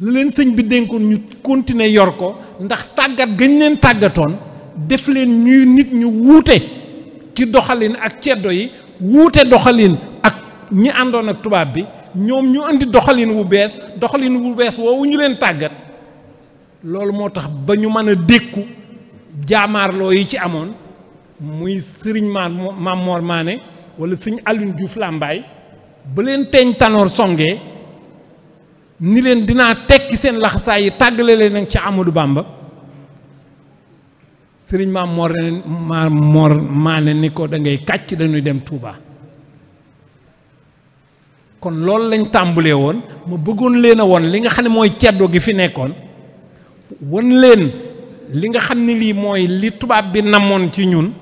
la leen sëñ bi dénkoon ñu continuer yor ko ndax tàggat gañ leen tàggatoon def leen ñuy nit ñu wuute ci doxalin ak ceddo yi wuute doxalin ak ñi àndoon ak tubaab bi ñoom ñu indi doxalin wu bees doxalin wu bees woowu ñu leen tàggat loolu moo tax ba ñu mën a dékku jaamaarloo yi ci amoon muy sëriñ Mamor Maane wala sëñ Alioune Diouf Lambaye ba leen teeñ tanoor songee ni leen dinaa tekki seen laxasaay yi tàggale leen nag ci Amadou Bamba sëriñ Mamor Mamor Maane ni ko da kàcc dañuy dem tuuba kon loolu lañ tàmbulee woon ma bëggoon leen a woon li nga xam ne mooy ceddoo gi fi nekkoon won leen li nga xam ne lii mooy li tubaab bi namoon ci ñun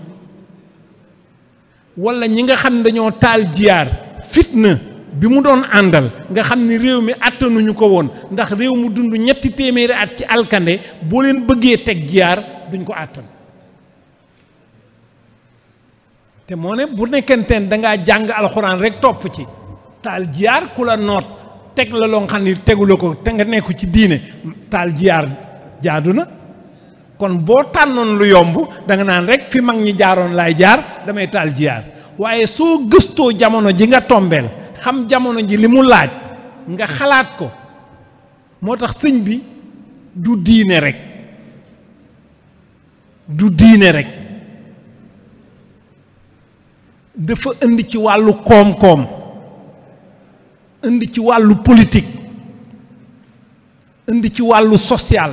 wala ñi nga xam dañoo taal jiyaar fitna bi mu doon àndal nga xam ni réew mi àttanuñu ko woon ndax réew mu dund ñetti téeméeri at ci alkande boo leen bëggee teg jiyaar duñ ko àttan te moo ne bu nekkenteen dangaa jàng alxuraan rek topp ci taal jiyaar ku la noot teg la loo xam ni tegu ko te nga nekku ci diine taal jiyaar jaadu na kon boo tànnoon lu yomb danga naan rekk fi mag ñi jaaroon laay jaar damay taal jiyaar waaye soo gëstoo jamono ji nga tombeel xam jamono ji li mu laaj nga xalaat ko moo tax sëñ bi du diine rekk du diine rek dafa indi ci wàllu koom-koom indi ci wàllu politique indi ci wàllu social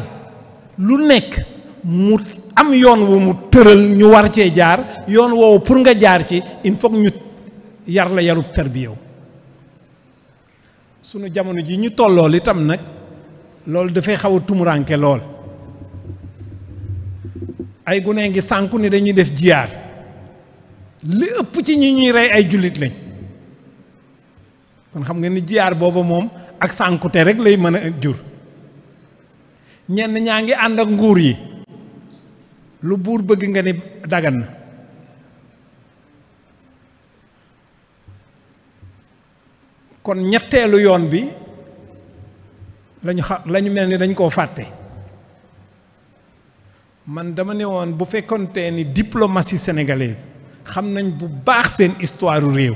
lu nekk mu am yoon wu mu tëral ñu war cee jaar yoon woowu pour nga jaar ci il faut ñu yar la yarub tarbiyaw sunu jamono ji ñu tollool itam nag loolu dafay xaw a tumuranke lool ay gune ngi sànku ni dañuy def jiyaar li ëpp ci ñi ñuy rey ay jullit lañ kon xam nga ni jiyaar booba moom ak sànkute rek lay mën a jur ñenn ñaa ngi ànd ak nguur yi lu buur bëgg nga ne dagan na kon ñetteelu yoon bi lañu xa lañu mel ni dañ koo fàtte man dama ne woon bu fekkontee ni diplomatie sénégalaise xam nañ bu baax seen histoire réew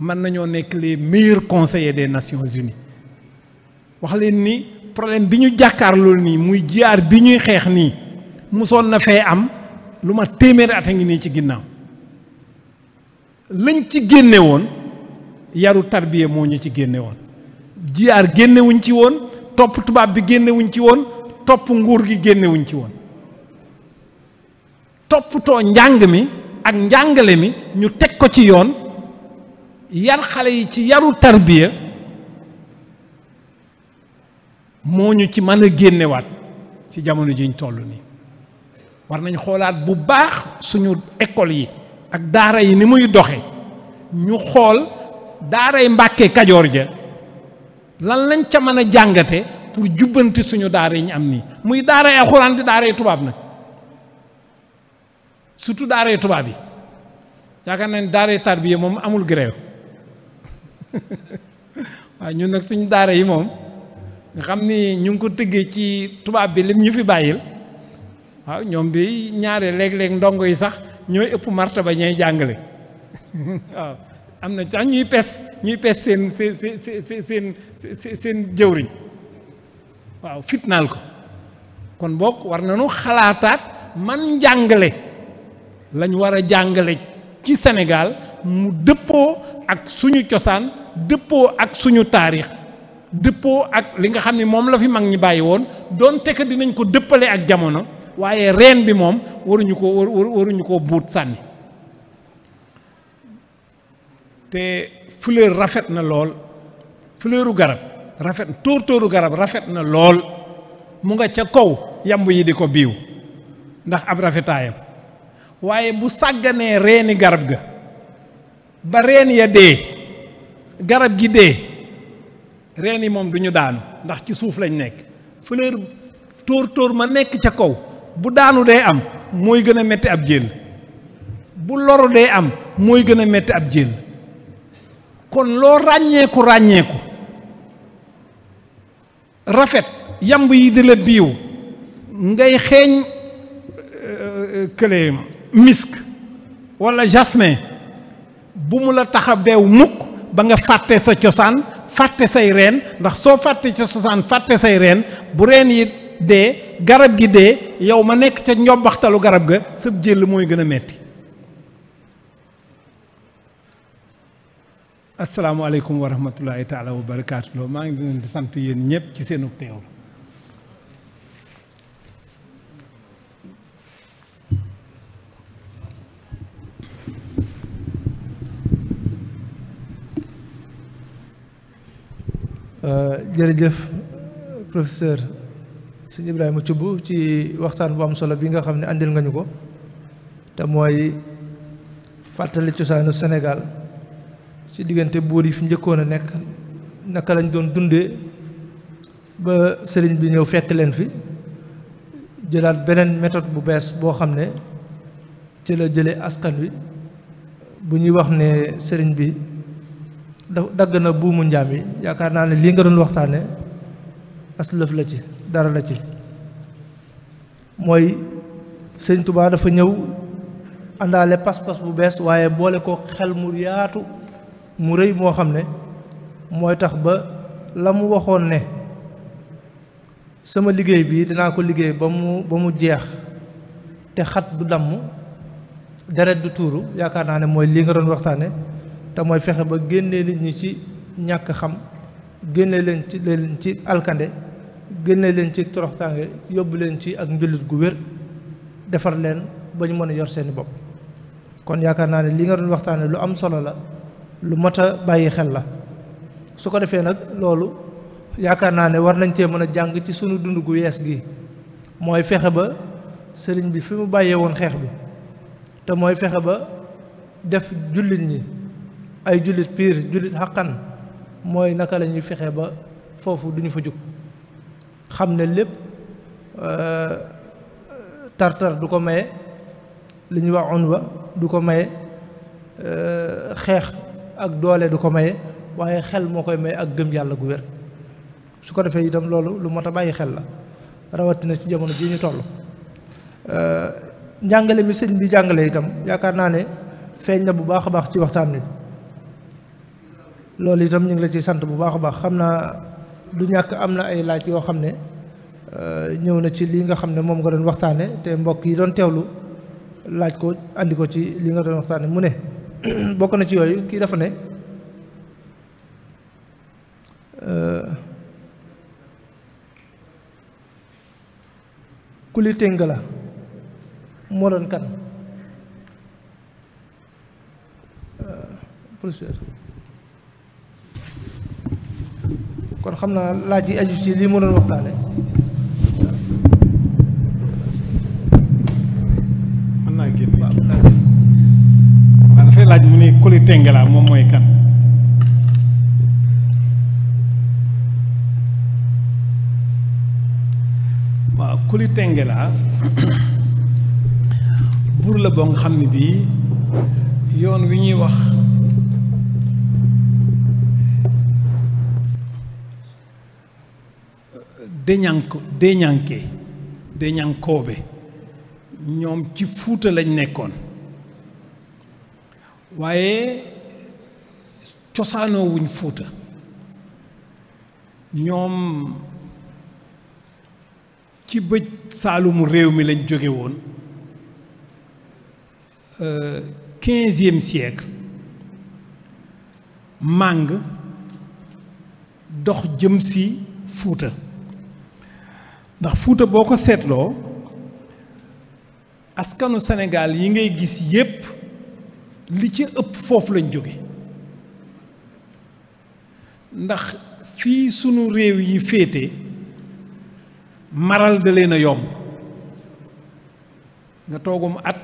mën nañoo nekk les meilleurs conseillers des Nations Unies wax leen ni problème bi ñu jàkkaarloo nii muy jiyaar bi ñuy xeex nii musoon na fee am lu ma téeméeri at a ngi nii ci ginnaaw lañ ci génnewoon yaru tarbiya moo ñu ci génnewoon woon jiyaar génnewuñ ci woon topp tubaab bi génnewuñ ci woon topp nguur gi génnewuñ ci woon toppatoo njàng mi ak njàngale mi ñu teg ko ci yoon yar xale yi ci yaru tarbiya moo ñu ci mën a génnewaat ci jamono jiñ toll nii war nañ xoolaat bu baax suñu école yi ak daara yi ni muy doxe ñu xool daaray Mbàkke Kajoor ja lan lañ ca mën a jàngate pour jubbanti suñu daara yi am nii muy daaray alxuraan di daaray tubaab nag surtout daaray tubaab yi yaakaar naa ne daaray tarbiya moom amul grève waaw ñun nag suñu daara yi moom nga xam ni ñu ngi ko tëggee ci tubaab bi lim ñu fi bàyyil waaw ñoom bi ñaaree léeg-léeg ndongo yi sax ñooy ëpp martaba ñay jàngale waaw am na sax ñuy pes ñuy pes seen seen seen jëwriñ waaw fitnaal ko kon bokk war nañu xalaataat man njàngale lañu war a jàngale ci Sénégal mu dëppoo ak suñu cosaan dëppoo ak suñu taarix dëppoo ak li nga xam ne moom la fi mag ñi bàyyi woon doon tekk dinañ ko dëppale ak jamono waaye reen bi moom waruñu ko waruñu koo buut sànni te fleur rafet na lool fleuru garab rafet tóor tóoru garab rafet na lool mu nga ca kaw yamb yi di ko biiw ndax ab rafetaayam waaye bu sàgganee reeni garab ga ba reen ya dee garab gi dee reen yi moom du daanu ndax ci suuf lañ nekk fleur tóor tóor ma nekk ca kaw bu daanu dee am mooy gën a metti ab jël bu loru dee am mooy gën a metti ab jël kon loo ràññeeku ràññeeku rafet yamb yi di la biiw ngay xeeñ euh, kële misk walla jasmin bu mu la taxa deew mukk ba nga fàtte sa cosaan fàtte say reen ndax soo fàtte sa cosaan fàtte say reen bu reen yi dee garab gi dee yow ma nekk ca njobbaxtalu garab ga sëb jël mooy gën a metti asalaamaaleykum wa rahmatullahi taala wa barakaatu loo maa ngi leen di sant yéen ñëpp ci seenu teewlu euh, jërëjëf sëñ Ibrahima Thioub ci waxtaan bu am solo bi nga xam ne àndil nga ñu ko te mooy fàttali cosaanu Sénégal ci diggante buur yi fi njëkkoon a nekk naka lañ doon dundee ba sëriñ bi ñëw fekk leen fi jëlaat beneen méthode bu bees boo xam ne ci la jële askan wi bu ñuy wax ne sëriñ bi da dagg na buumu njaam yi yaakaar naa ne lii nga doon waxtaane aslëf la ci dara la ci mooy sëñ Tuubaa dafa ñëw àndaale pas-pas bu bees waaye boole ko xel mu yaatu mu rëy moo xam ne mooy tax ba la mu waxoon ne sama liggéey bi dinaa ko liggéey ba mu ba mu jeex te xat du damm deret du tuuru yaakaar naa ne mooy lii nga doon waxtaane te mooy fexe ba génnee nit ñi ci ñàkk xam génne leen ci leen ci alkande génne leen ci toroxtaange yóbbu leen ci ak njullit gu wér defar leen ba ñu mën a yor seeni bopp kon yaakaar naa ne li nga doon waxtaane lu am solo la lu mat a bàyyi xel la su ko defee nag loolu yaakaar naa ne war nañ cee mën a jàng ci sunu dund gu yees gi mooy fexe ba sëriñ bi fi mu bàyyee woon xeex bi te mooy fexe ba def jullit ñi ay jullit piir jullit xaqan mooy naka lañuy ñuy fexe ba foofu duñu fa jóg xam ne lépp euh, tartar du ko maye li ñuy wax unwa du ko maye euh, xeex ak doole du ko maye waaye xel moo koy maye ak gëm yàlla gu wér su ko defee itam loolu lu mot a bàyyi xel la rawatina ci jamono ji ñu toll euh, njàngale mi sëñ bi jàngale itam yaakaar naa ne feeñ na bu baax a baax ci waxtaan wi loolu itam ñu ngi la ci sant bu baax a baax xam naa du ñàkk am na ay laaj yoo xam ne euh, ñëw na ci li nga xam ne moom nga doon waxtaane te mbokk yi doon teewlu laaj ko andi ko ci li nga doon waxtaane mu ne bokk na ci yooyu kii dafa ne euh, kuli téng la moo doon kan euh, professeur kon xam naa laaj yi aju ci lii mu doon naa génn waaw dafay laaj mu ne Koli Tengela moom mooy kan waaw Koli Tengela buur la boo nga xam ne bii yoon wi ñuy wax deñanko deñanke deñankoobe ñoom ci fuuta lañ nekkoon waaye cosaanoo fuuta ñoom ci bëj saalumu réew mi lañ jóge woon euh, quinzième siècle màng dox jëm si fuuta ndax Fuuta boo ko seetloo askanu senegaal yi ngay gis yépp li ci ëpp foofu lañ jóge ndax fii sunu réew yi féete maral da leen a yomb nga toogum at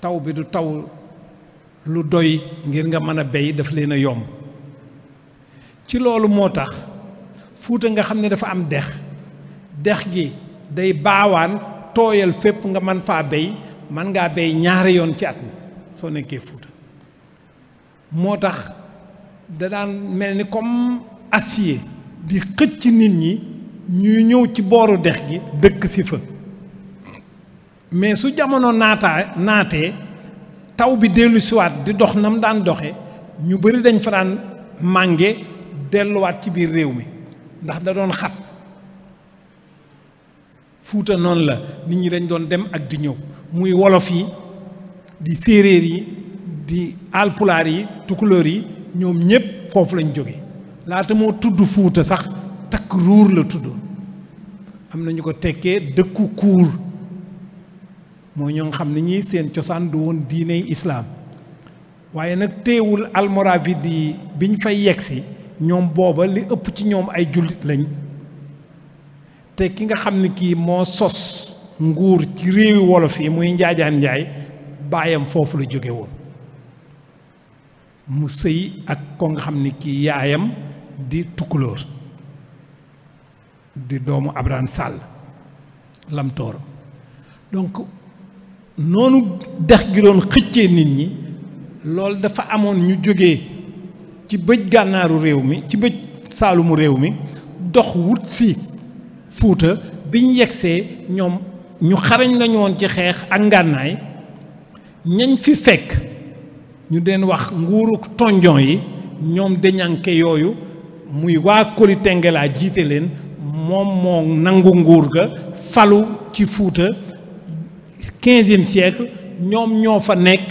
taw bi du taw lu doy ngir nga mën a bey daf leen a yomb ci loolu moo tax Fuuta nga xam ni dafa am dex dex gi day baawaan tooyal fépp nga mën faa bey man ngaa bey ñaari yoon ci at mi soo nekkee Fuuta moo tax da daan mel ni comme acier di xëcc nit ñi ñuy ñëw ci booru dex gi dëkk si fa mais su jamono naataa naatee taw bi dellu siwaat di dox nam daan doxe ñu bari dañ fa daan mànge delluwaat ci biir réew mi ndax da doon xat fuuta noonu la nit ñi dañ doon dem ak di ñëw muy wolof yi di séeréer yi di alpulaar yi tukulóor yi ñoom ñépp foofu lañ jóge laata moo tudd fuuta sax takk ruur la tuddoon am na ñu ko tekkee dëkku kuur mooy ñoo xam ni ñi seen cosaan du woon diiney islaam waaye nag teewul almoravide yi biñ fay yegsi ñoom booba li ëpp ci ñoom ay jullit lañ te ki nga xam ne kii moo sos nguur ci réewi wolof yi muy njaajaan njaay baayam foofu la jóge woon mu sëy ak ko nga xam ni kii yaayam di tukkulóor di doomu Abraham sàll lamtooro donk noonu dex gi doon xëccee nit ñi lool dafa amoon ñu jóge ci bëj gànnaaru réew mi ci bëj saalumu réew mi dox wut si fuuta bi ñu yegsee ñoom ñu xarañ lañu woon ci xeex ak ngànnaay ñañ fi fekk ñu deen wax nguuru tonjon yi ñoom deñanke yooyu muy waa Koli Tengelaa jiite leen moom moo nangu nguur ga falu ci fuuta quinzième siècle ñoom ñoo fa nekk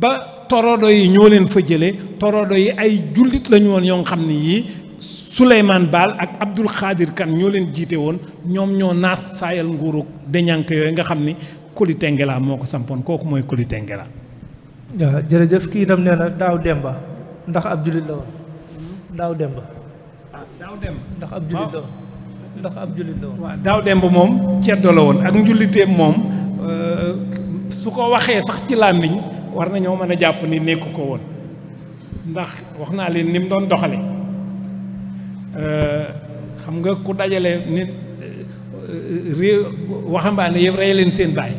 ba torodo yi ñoo leen fa jële torodo yi ay jullit lañu woon yoo xam ne yii Souleymane Baal ak Abdul Xaadir Kan ñoo leen jiite woon ñoom ñoo naas saayal nguurug deñànk yooyu nga xam ni Koli Tengela moo ko sampoon kooku mooy Koli Tengela. jërëjëf kii itam nee na daaw Demba ndax ab jullit la woon daaw Demba. Ah, ndax ab jullit ndax ab jullit la woon. waaw daaw moom ceddo la woon ak njulliteem moom euh, su ko waxee sax ci làmmiñ war nañoo mën a jàpp ni nekk ko woon ndax wax naa leen ni mu doon doxale Euh, xam nga ku dajale nit euh, réew waxambaane yëpp rey leen seen baay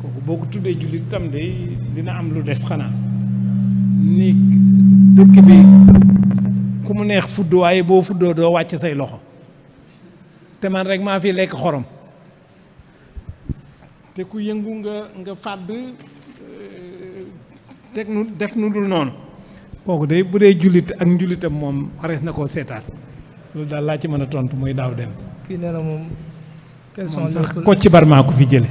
kooku boo ko tuddee jullit tam de dina am lu des xanaa ni dëkk bi ku mu neex fudd waaye boo fuddoo doo wàcc say loxo te man rek maa fi lekk xorom te ku yëngu nga nga fàdd euh, teg nu def nu dul noonu kooku day bu dee jullit ak njullitam moom xarees na koo seetaan loolu daal laa ci mën a tontu muy daaw dem. kii moom. question sax ko ci barmaa ko fi jële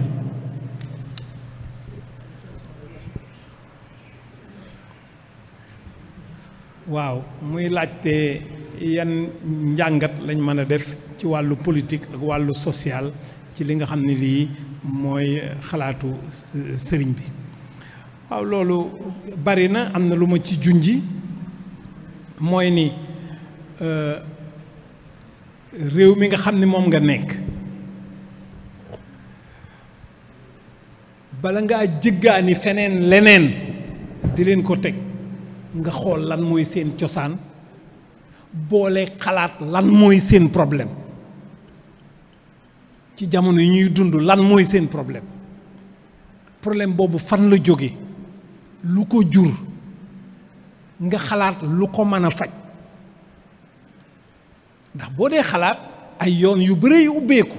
waaw muy laajte yan njàngat lañ mën a def ci wàllu politik ak wàllu social ci li nga xam ne lii mooy xalaatu sëriñ bi. waaw loolu bari na am na lu ma ci junji mooy ni euh, réew mi nga xam ni moom nga nekk bala ngaa jëggaani feneen leneen di leen ko teg nga xool lan mooy seen cosaan boole xalaat lan mooy seen problème ci jamono yi ñuy dund lan mooy seen problème problème boobu fan la jóge lu ko jur nga xalaat lu ko mën a faj ndax boo dee xalaat ay yoon yu bëri yu ubbeeku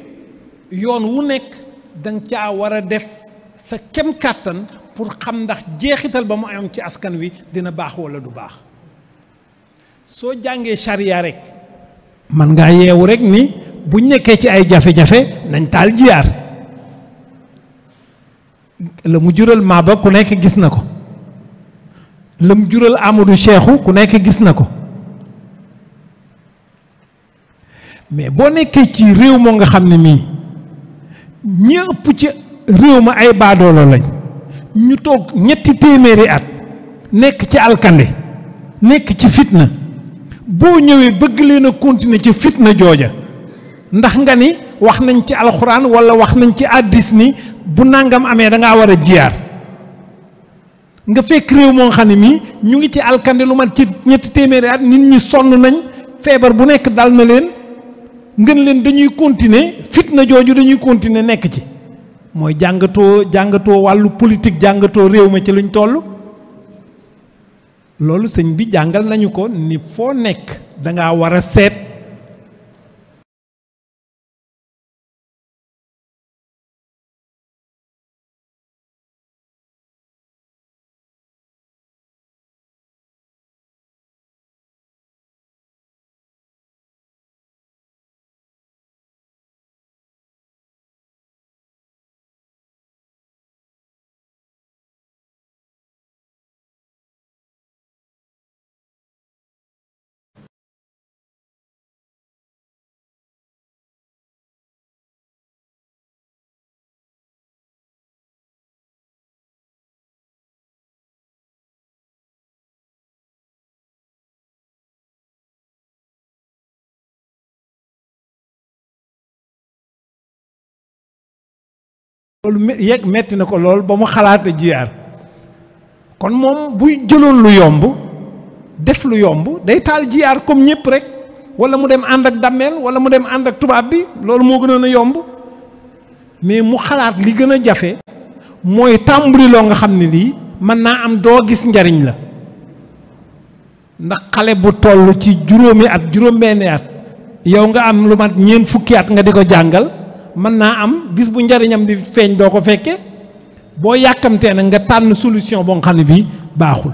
yoon wu nekk danga ca war a def sa kem kàttan pour xam ndax jeexital ba mu am ci askan wi dina baax walla du baax soo jàngee charia rekk man ngaa yeewu rekk ni bu nekkee ci ay jafe-jafe nañ taal jiyaar la mu jural maa ba ku nekk gis na ko lam jural Amadou Cheikhou ku nekk gis na ko mais boo nekkee ci réew moo nga xam ne mii ñi ëpp ci réew ma ay baadoolo lañ ñu toog ñetti téeméeri at nekk ci alkande nekk ci fitna boo ñëwee bëgg leen a continuer ci fitna jooja ndax nga ni wax nañ ci alxuraan walla wax nañ ci àddis ni bu nangam amee da ngaa war a jiyaar nga fekk réew moo xam ne mii ñu ngi ci alkande lu man ci ñetti téeméeri at nit ñi sonn nañ feebar bu nekk dal na leen ngeen leen dañuy continuer fitna jooju dañuy continuer nekk ci mooy jàngatoo jàngatoo wàllu politique jàngatoo réew ma ci luñ toll loolu sëñ bi jàngal nañu ko ni foo nekk da ngaa war a seet loolu yegg metti na ko lool ba mu xalaat a jiyaar kon moom buy jëloon lu yomb def lu yomb day taal jiyaar comme ñëpp rek wala mu dem ànd ak dammeel wala mu dem ànd ak tubaab bi loolu moo gënoon a yomb mais mu xalaat li gën a jafe mooy tàmbali nga xam ne lii mën naa am doo gis njariñ la ndax xale bu toll ci juróomi at juróom-benni at yow nga am lu mat ñeent fukki at nga di ko jàngal mën naa am bis bu njariñam di feeñ doo ko fekke boo yàkkamtee na nga tànn solution boo nga xam bii baaxul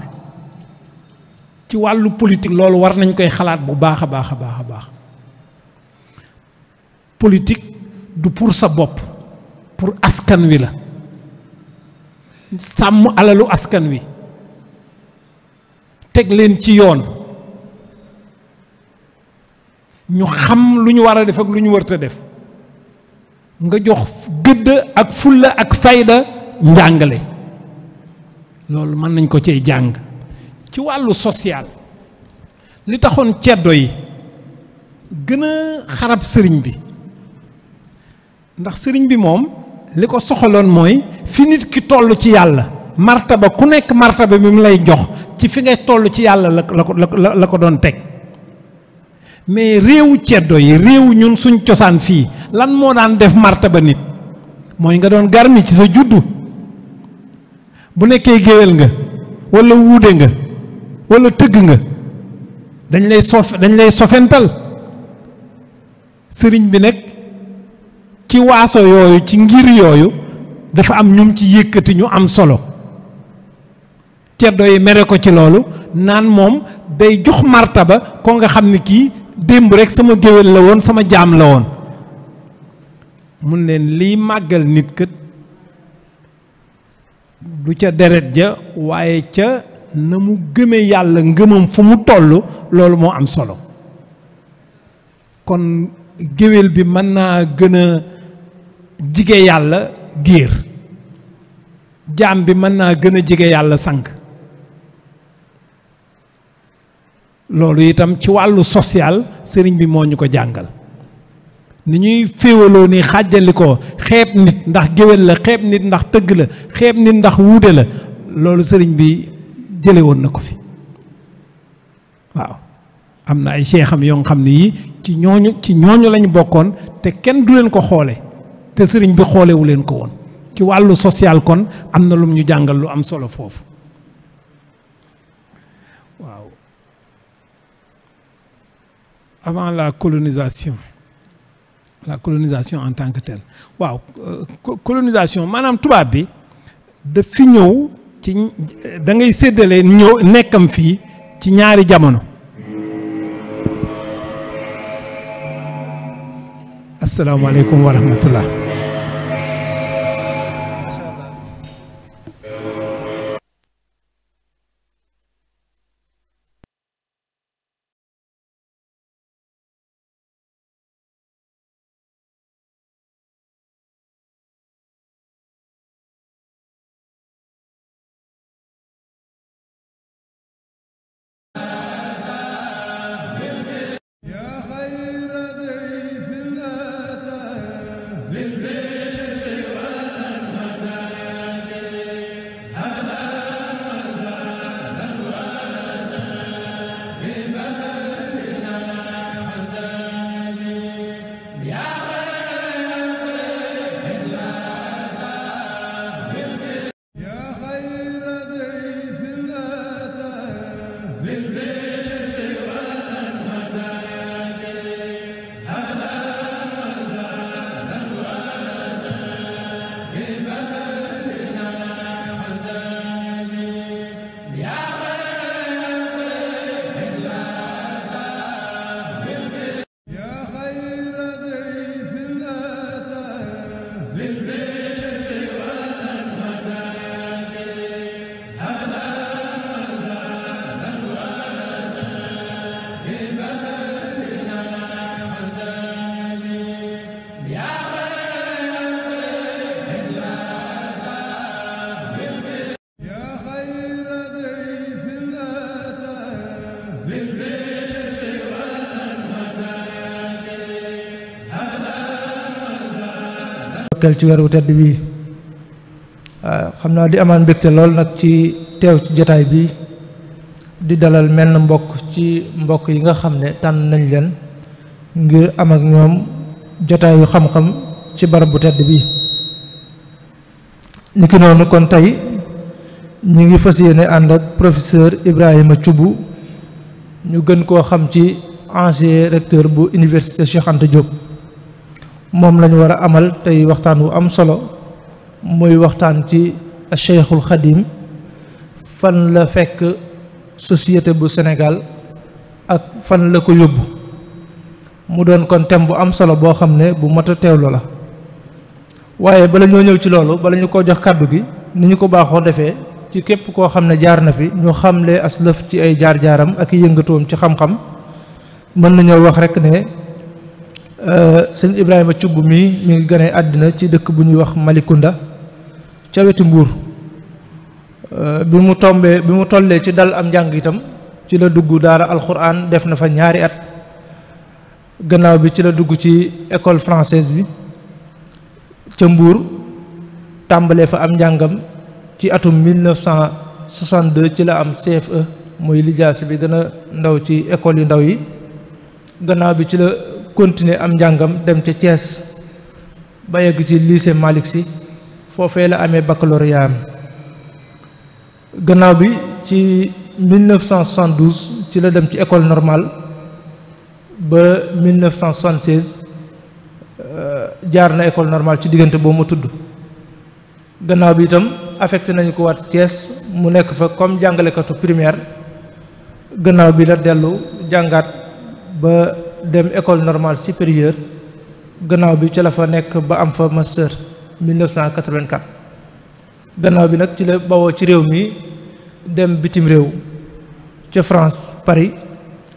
ci wàllu politik loolu war nañ koy xalaat bu baax a baax a baax a baax politique du pour sa bopp pour askan wi la sàmm alalu askan wi teg leen ci yoon ñu xam lu ñu war a def ak lu ñu wërta def nga jox gëdd ak fulla ak fayda njàngale loolu mën nañ ko cay jàng ci wàllu social li taxoon ceddo yi gën a xarab sëriñ bi ndax sëriñ bi moom li ko soxaloon mooy fi nit ki toll ci yàlla martaba ku nekk martaba bi mu lay jox ci fi ngay toll ci yàlla la la ko la ko doon teg mais réewu ceddo yi réew ñun suñ cosaan fii lan moo daan def ba nit mooy nga doon garmi ci sa juddu bu nekkee géwél nga walla wuude nga walla tëgg nga dañ lay sof dañ lay sofental sëriñ bi nekk ci waaso yooyu ci ngir yooyu dafa am ñum ci yëkkati ñu am solo ceddo yi mere ko ci loolu naan moom day jox ba ko nga xam ni kii démb rekk sama géwél la woon sama jaam la woon mun leen liy màggal nit kët du ca deret ja waaye ca na mu gëme yàlla ngëmam fu mu toll loolu moo am solo kon géwél bi mën naa gën a jige yàlla giir jaam bi mën naa gën a jige yàlla sànq loolu itam ci wàllu social sëriñ bi moo ñu ko jàngal ni ñuy féewaloo ni xàjjali ko xeeb nit ndax géwél la xeeb nit ndax tëgg la xeeb nit ndax wuude la loolu sëriñ bi jële woon na ko fi waaw am na ay seexam yoo xam ne yi ci ñooñu ci ñooñu lañu bokkoon te kenn du leen ko xoole te sëriñ bi xoolewu leen ko woon ci wàllu social kon am na lu ñu jàngal lu am solo foofu avant la colonisation la colonisation en tant que telle waaw euh, colonisation maanaam tubaab bi da fi ñëw ci da ngay séddale ñëw nekkam fii ci ñaari jamono. asalaamaaleykum wa rahmatullah ndokkeel ci weeru tedd bii xam naa di amaan mbégte lool nag ci teew ci jataay bi di dalal menn mbokk ci mbokk yi nga xam ne tànn nañ leen ngir am ak ñoom jotaayu xam-xam ci barab bu tedd bii ni ki noonu kon tey ñu ngi fas ne ànd ak professeur Ibrahima cubu ñu gën koo xam ci ancien recteur bu université Cheikh Anta moom lañu ñu war a amal tey waxtaan wu am solo muy waxtaan ci Cheikhul Xadim fan la fekk société bu senegal ak fan la ko yóbbu mu doon kon thème bu am solo boo xam ne bu mat a teewlu la waaye bala ñoo ñëw ci loolu bala ñu ko jox kàddu gi ni ñu ko baaxoo defee ci képp koo xam ne jaar na fi ñu xamle aslëf ci ay jaar-jaaram ak yëngatoom ci xam-xam mën nañoo wax rekk ne Euh, sëñ Ibrahima Cubb mi mu ngi gane àddina ci dëkk bu ñuy wax malikunda ca wetu Mbuur euh, bi mu tombee bi mu tollee ci dal am njàng itam ci la dugg daara alxuraan def na fa ñaari at gannaaw bi ci la dugg ci école française bi ca Mbuur tàmbalee fa am njàngam ci atum 1962 ci la am CFE muy lijaas bi gën a ndaw ci école yu ndaw yi gannaaw bi ci la continuer am njàngam dem ca Thiès ba yegg ci lycée Malick Sy foofee la amee baccalauréat am gannaaw bi ci 1972 ci la dem ci école normale ba 1976 euh, jaar na école normal ci diggante boo ma tudd gannaaw bi itam affecté nañu ko waat Thiès mu nekk fa comme jàngalekatu primaire gannaaw bi la dellu jàngaat ba dem école normale supérieure gannaaw bi ci la fa nekk ba am fa master 1984 gannaaw bi nag ci la bawoo ci réew mi dem bitim réew ca France Paris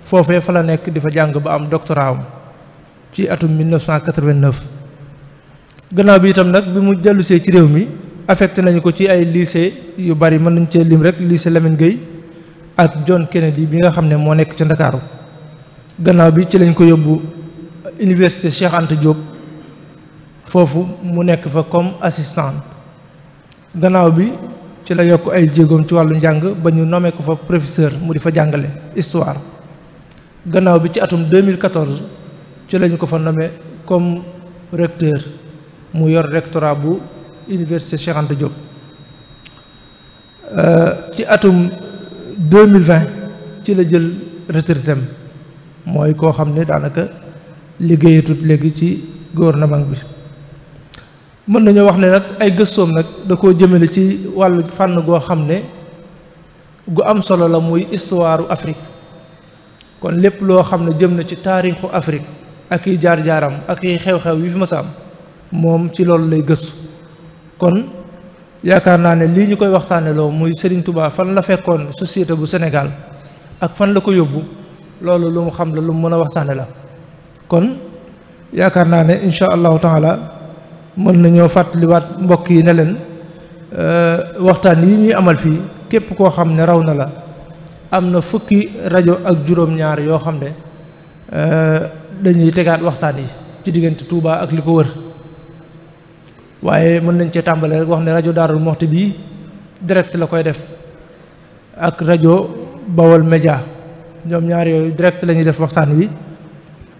foofee fa la nekk di fa jàng ba am doctorat am ci atum 1989 gannaaw bi itam nag bi mu dellusee ci réew mi affecté nañu ko ci ay lycée yu bari mën nañ cee lim rek lycée Lamine Gueye ak John Kennedy bi nga xam ne moo nekk ca Ndakaaru gannaaw bi ci lañ ko yóbbu université Cheikh Anta foofu mu nekk fa comme assistant gannaaw bi ci la yokk ay jéegoom ci wàllu njàng ba ñu nommé ko fa professeur mu di fa jàngale histoire gannaaw bi ci atum 2014 ci lañ ko fa nommé comme recteur mu yor rectorat bu université Cheikh Anta Diop euh, ci atum 2020 ci la jël retraitam mooy koo xam ne daanaka liggéeyatut léegi ci gouvernement bi mën nañoo wax ne nag ay gëstoom nag da koo jëmale ci wàll fànn goo xam ne gu am solo la muy histoire Afrique kon lépp loo xam ne jëm na ci taarixu Afrique ak i jaar-jaaram ak yi xew-xew yi fi ma am moom ci loolu lay gëstu kon yaakaar naa ne lii ñu koy waxtaaneloo muy sëriñ tubaa fan la fekkoon société bu Sénégal ak fan la ko yóbbu loolu lu mu xam la lu mu mën a waxtaane la kon yaakaar naa ne incha allahu taala mën nañoo fàttaliwaat mbokk yi ne leen euh, waxtaan yi ñuy amal fii képp koo xam ne raw na la am na fukki rajo ak juróom-ñaar yoo xam ne euh, dañuy tegaat waxtaan yi ci diggante Touba ak li ko wër waaye mën nañ cee tàmbale rek wax ne rajo Daarul Moxti bii direct la koy def ak rajo Bawol Média ñoom ñaar yooyu direct la ñuy def waxtaan wi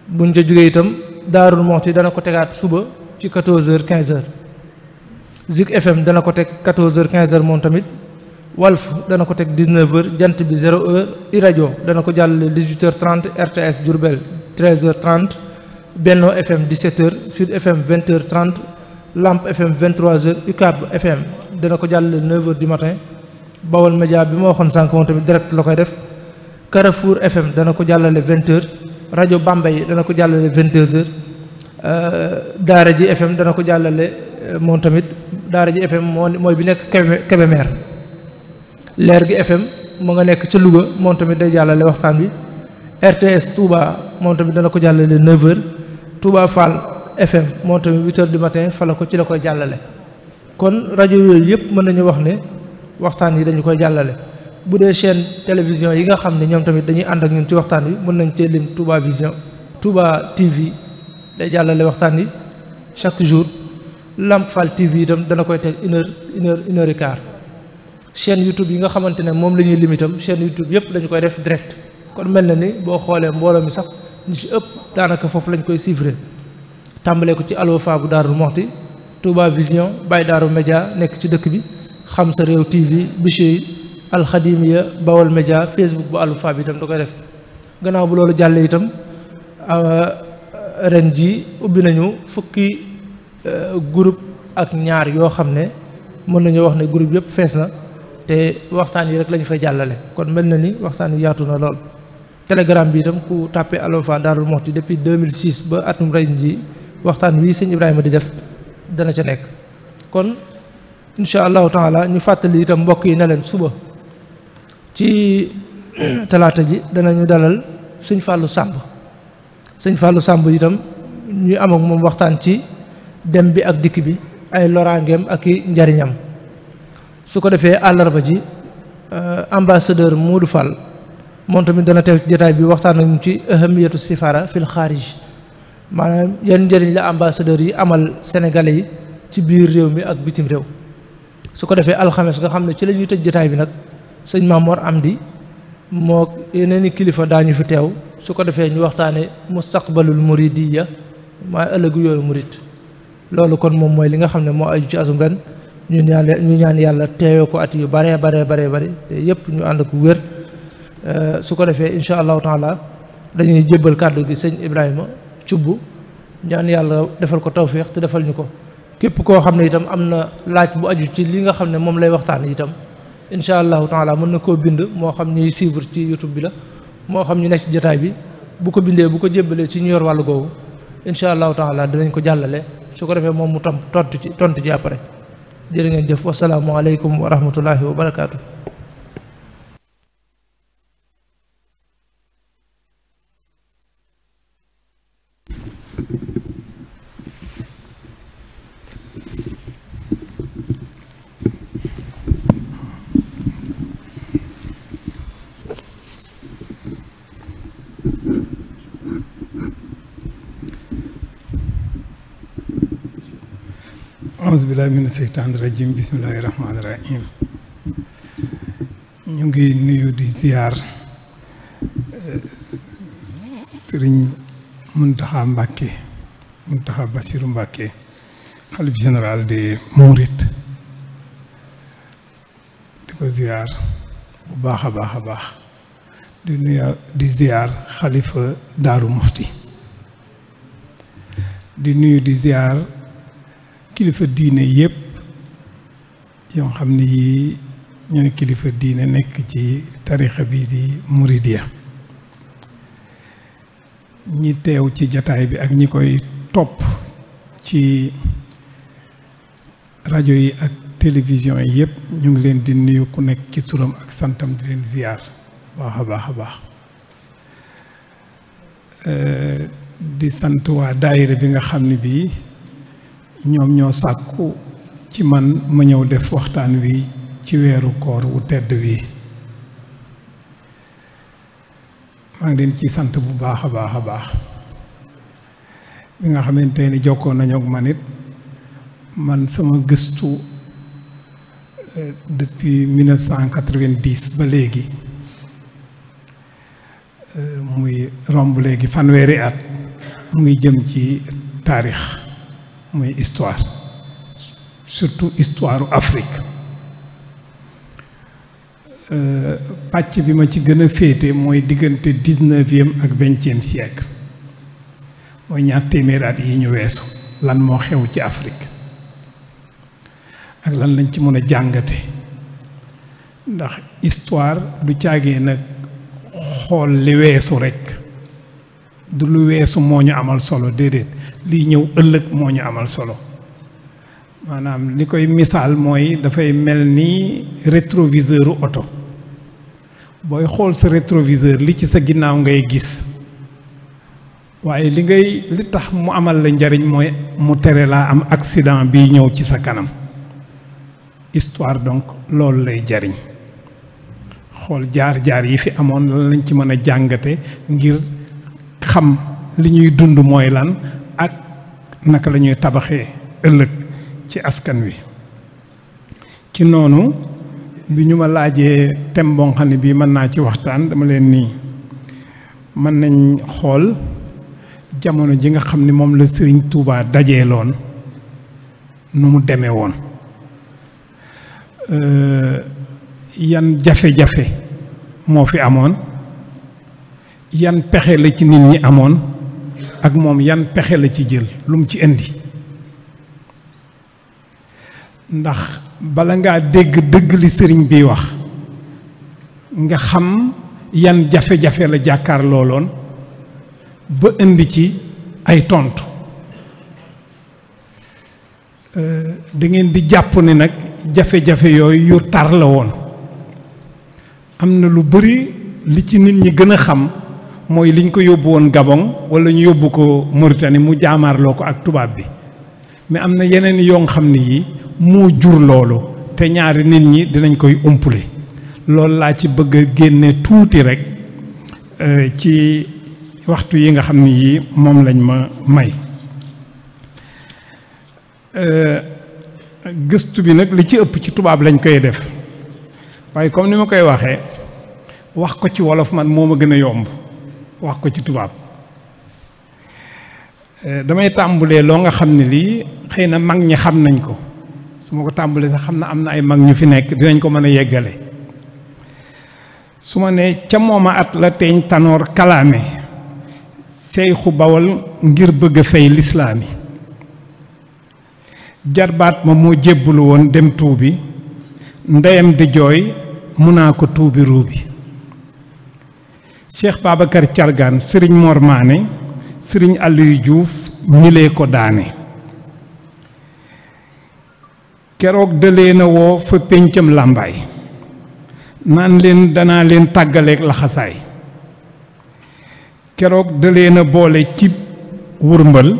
buñ ca jógee itam Daarul Muxti dana ko tegaat suba ci 14h 15h Zik FM dana ko teg 14h 15h moom tamit Walf dana ko teg 19h jant bi 0h iRadio dana ko jàll 18h30 RTS Diourbel 13h30 Benno FM 17h Sud FM 20h30 Lamp FM 23h UCAB FM dana ko jàll 9h du matin Bawol media bi ma waxoon sànq moom tamit direct la koy def. Carrefour FM dana ko jàllale vingt heures rajo Bambey dana ko jàllale vingt deux heures euh, Daara ji FM dana ko jàllale euh, moom tamit Daara ji FM moo mooy bi nekk Kébémer leer gi FM mu nga nekk ca Louga moom tamit day jàllale waxtaan bi RTS Touba moom tamit dana ko jàllale neuf heures Touba Fall FM moom tamit huit heures du matin fa la ko ci la koy jàllale kon rajo yooyu yëpp mën nañu wax ne waxtaan yi dañu koy jàllale bu dee chain télévision yi nga xam ne ñoom tamit dañuy ànd ak ñun ci waxtaan wi mën nañ cee lim Touba Vision Touba TV day jàllale waxtaan yi chaque jour Lamp Fall TV itam dana koy teg une heure une heure une YouTube yi nga xamante ne moom la ñuy lim itam chaîne YouTube yëpp dañu koy def direct kon mel na ni boo xoolee mbooloo mi sax ñu ci ëpp daanaka foofu lañ koy suivre tàmbalee ko ci Alwafa bu Daarul Moxti Touba Vision Baye Daaru Média nekk ci dëkk bi xam sa réew TV alxadimiya bawal média facebook bu Alwafa bi itam da koy def gannaaw bu loolu jàllee itam ah, ren ji ubbi nañu fukki eh, groupe ak ñaar yoo xam ne mën nañu wax ne groupe yëpp fees na te waxtaan yi rek lañu fay jàllale kon mel na ni waxtaan yi yaatu na lool telegram bi itam ku tàppe Alwafa Daarul Muxti depuis 2006 ba atum ren ji waxtaan wii sëñ Ibrahima di def dana ca nekk kon incha allahu taala ñu fàttali itam mbokk yi ne leen suba ci eh, talaata ji danañu dalal sëñ fàllu Samb sëñ fàllu Samb yitam ñuy am moom waxtaan ci dem bi ak dikk bi ay loraangeem ak i njariñam su ko defee àllarba ji eh, ambassadeur Modou Fall moom tamit dana teew ci jotaay bi waxtaan ak ñu ci ahamiyatu sifara fil xaarij maanaam yan njëriñ la ambassadeur yi amal sénégalais yi ci biir réew mi ak bitim réew su ko defee alxames nga xam ne ci la ñuy tëj jataay bi nag sëñ Mamoor Amdi moo yeneen i kilifa daañu fi teew su ko defee ñu waxtaane mustaqbalul muridiyya maa ëllëgu yoonu murid loolu kon moom mooy li nga xam ne moo aju ci asum ñu ñaan ñu ñaan yàlla teewee ko at yu baree baree baree bëri te yëpp ñu ànd ko wér euh, su ko defee incha allahu taala dañuy jëbbal kàddu gi sëñ Ibrahima cubb ñaan yàlla defal ko tawféex te defal ñu ko képp koo xam ne itam am na laaj bu aju ci li nga xam ne moom lay waxtaan itam incha allahu taala mën na koo bind moo xam ñuy suivre ci youtube bi la moo xam ñu nekk ci jotaay bi bu ko bindee bu ko jébbalee ci ñu yor wàllu googu incha allahu taala dinañ ko jàllale su ko defee moom mu tom tontu ci tontu ji après jërë ngeen jëf wasalaamualeykum wa rahmatullahi wa barakaatu. ahousubillah mina seytaan rajim bisimillahi rahmaani rahim ñu ngi nuyu di ziar eh, sëriñ Muntaxa Mbàkke Muntaxa Basiru Mbàkke xalif général de Mourid di ko ziar bu baax a baax a baax di nuyu di ziar xalifa Daaru Mufti di nuyu di ziar kilifa diine yépp yoo xam ne yii ñooy kilifa diine nekk ci tarixa bi di muridiya ñi teew ci jataay bi ak ñi koy topp ci rajo yi ak télévision yi yépp ñu ngi leen di nuyu ku nekk ci turam ak santam di leen ziyaar baax a baax euh, di sant waa daayira bi nga xam ne bii ñoom ñoo sàkku ci man ma ñëw def waxtaan wi ci weeru koor wu tedd wi maa ngi leen ci sant bu baax a baax a baax bi nga xamante ni jokkoon nañu ak man it man sama gëstu euh, depuis 1990 ba léegi euh, muy romb léegi fanweeri at mu ngi jëm ci taarix muy histoire surtout histoire Afrique euh, pàcc bi ma ci gën a féete mooy diggante dix-neuvième ak vingtième siècle mooy ñaar téeméer at yi ñu weesu lan moo xew ci Afrique ak lan lañ ci mën a jàngate ndax histoire du caagee nag xool li weesu rekk du lu weesu moo ñu amal solo déedéet lii ñëw ëllëg moo ñu amal solo maanaam li koy misaal mooy dafay mel ni rétroviseur oto booy xool sa rétroviseur li ci sa ginnaaw ngay gis waaye li ngay li tax mu amal la njariñ mooy mu tere laa am accident bi ñëw ci sa kanam histoire donc loolu lay jariñ xool jaar-jaar yi fi amoon lan lañ ci mën a jàngate ngir xam li ñuy dund mooy lan naka la ñuy tabaxee ëllëg ci askan wi ci noonu bi ñu ma laajee thème boo xam bii mën naa ci waxtaan dama leen nii mën nañ xool jamono ji nga xam ni moom la Sëriñ Tuubaa daje loon nu mu demee woon euh, yan jafe-jafe moo fi amoon yan pexe la ci nit ñi amoon ak moom yan pexe la ci jël lu mu ci indi ndax bala ngaa dégg dëgg li sëriñ biy wax nga xam yan jafe-jafe la jàkkaar looloon ba indi ci ay tontu euh, da ngeen di jàpp ni nag jafe-jafe yooyu yu tar la woon am na lu bari li ci nit ñi gën a xam mooy liñ ko yóbbu woon Gabon wala ñu yóbbu ko Mauritanie mu jaamaarloo ko ak tubaab bi mais am na yeneen yoon xam ne yi moo jur loolu te ñaari nit ñi dinañ koy umpule loolu laa ci bëgg a génne tuuti rek euh, ci waxtu yi nga xam ne yii moom lañ ma may euh, gëstu bi nag li ci ëpp ci tubaab lañ koy def waaye comme ni ma koy waxee wax ko ci wolof man moo ma gën a yomb wax ko ci tubaab eh, damay tàmbulee loo nga xam ne lii xëy na mag ñi xam nañ ko su ma ko tàmbulee sax xam na am na ay mag ñu fi nekk dinañ ko mën a yeggale su ma nee ca mooma at la teeñ tanoor kalaame seyxu bawal ngir bëgg a fay lislaami jarbaat ma moo jébbulu woon dem tuubi ndeyam di jooy mun naa ko tuubi ruubi Cheikh Babacar Thiargane sëriñ Mor Maane sëriñ Aliou juuf ñi lee ko daane keroog dalee na woo fa péncam làmbaay naan leen danaa leen tàggaleeg laxasaay keroog dalee na boole ci wurmbal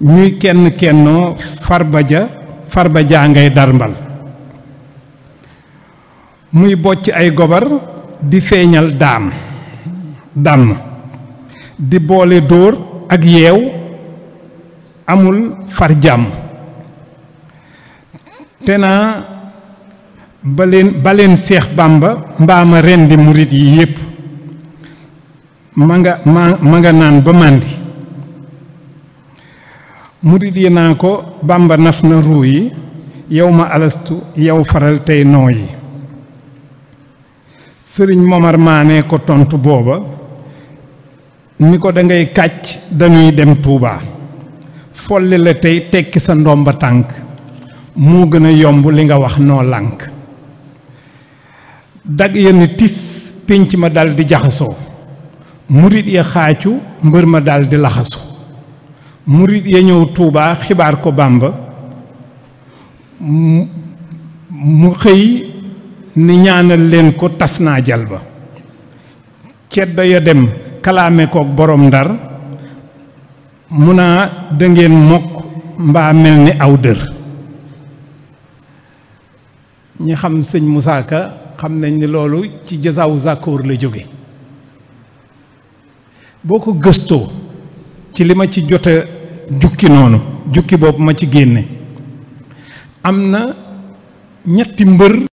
ñuy kenn kennoo farba ja farba jaa ngay darmbal muy bocc ay gobar di feeñal daam dàmm di boole dóor ak yeew amul far jàmm te naa baleen baleen seex bàmba mbaama rendi murit yi yépp ma nga ma nga naan ba màndi murit yi naa ko bàmba nas na ruu yi yow ma alastu yow faral tey noo yi sëriñ Momar Maane ko tontu booba ni ko dangay kàcc dañuy dem tuubaa folli la tey tekki sa ndomba tànk moo gën a yomb li nga wax noo lànk dag ya ni tis pénc ma dal di jaxasoo murit ya xaacu mbër ma daldi laxasu murit ya ñëw tuubaa xibaar ko Bàmba mu xëy ni ñaanal leen ko tas naa jal ba ceddo ya dem kalaame kook borom ndar mu naa dangeen mokk mbaa mel ni aw dër ñi xam sëñ Moussa Ka xam nañ ni loolu ci jasaw Zakoor la jóge boo ko gëstoo ci li ma ci jota jukki noonu jukki boobu ma ci génne am na ñetti mbër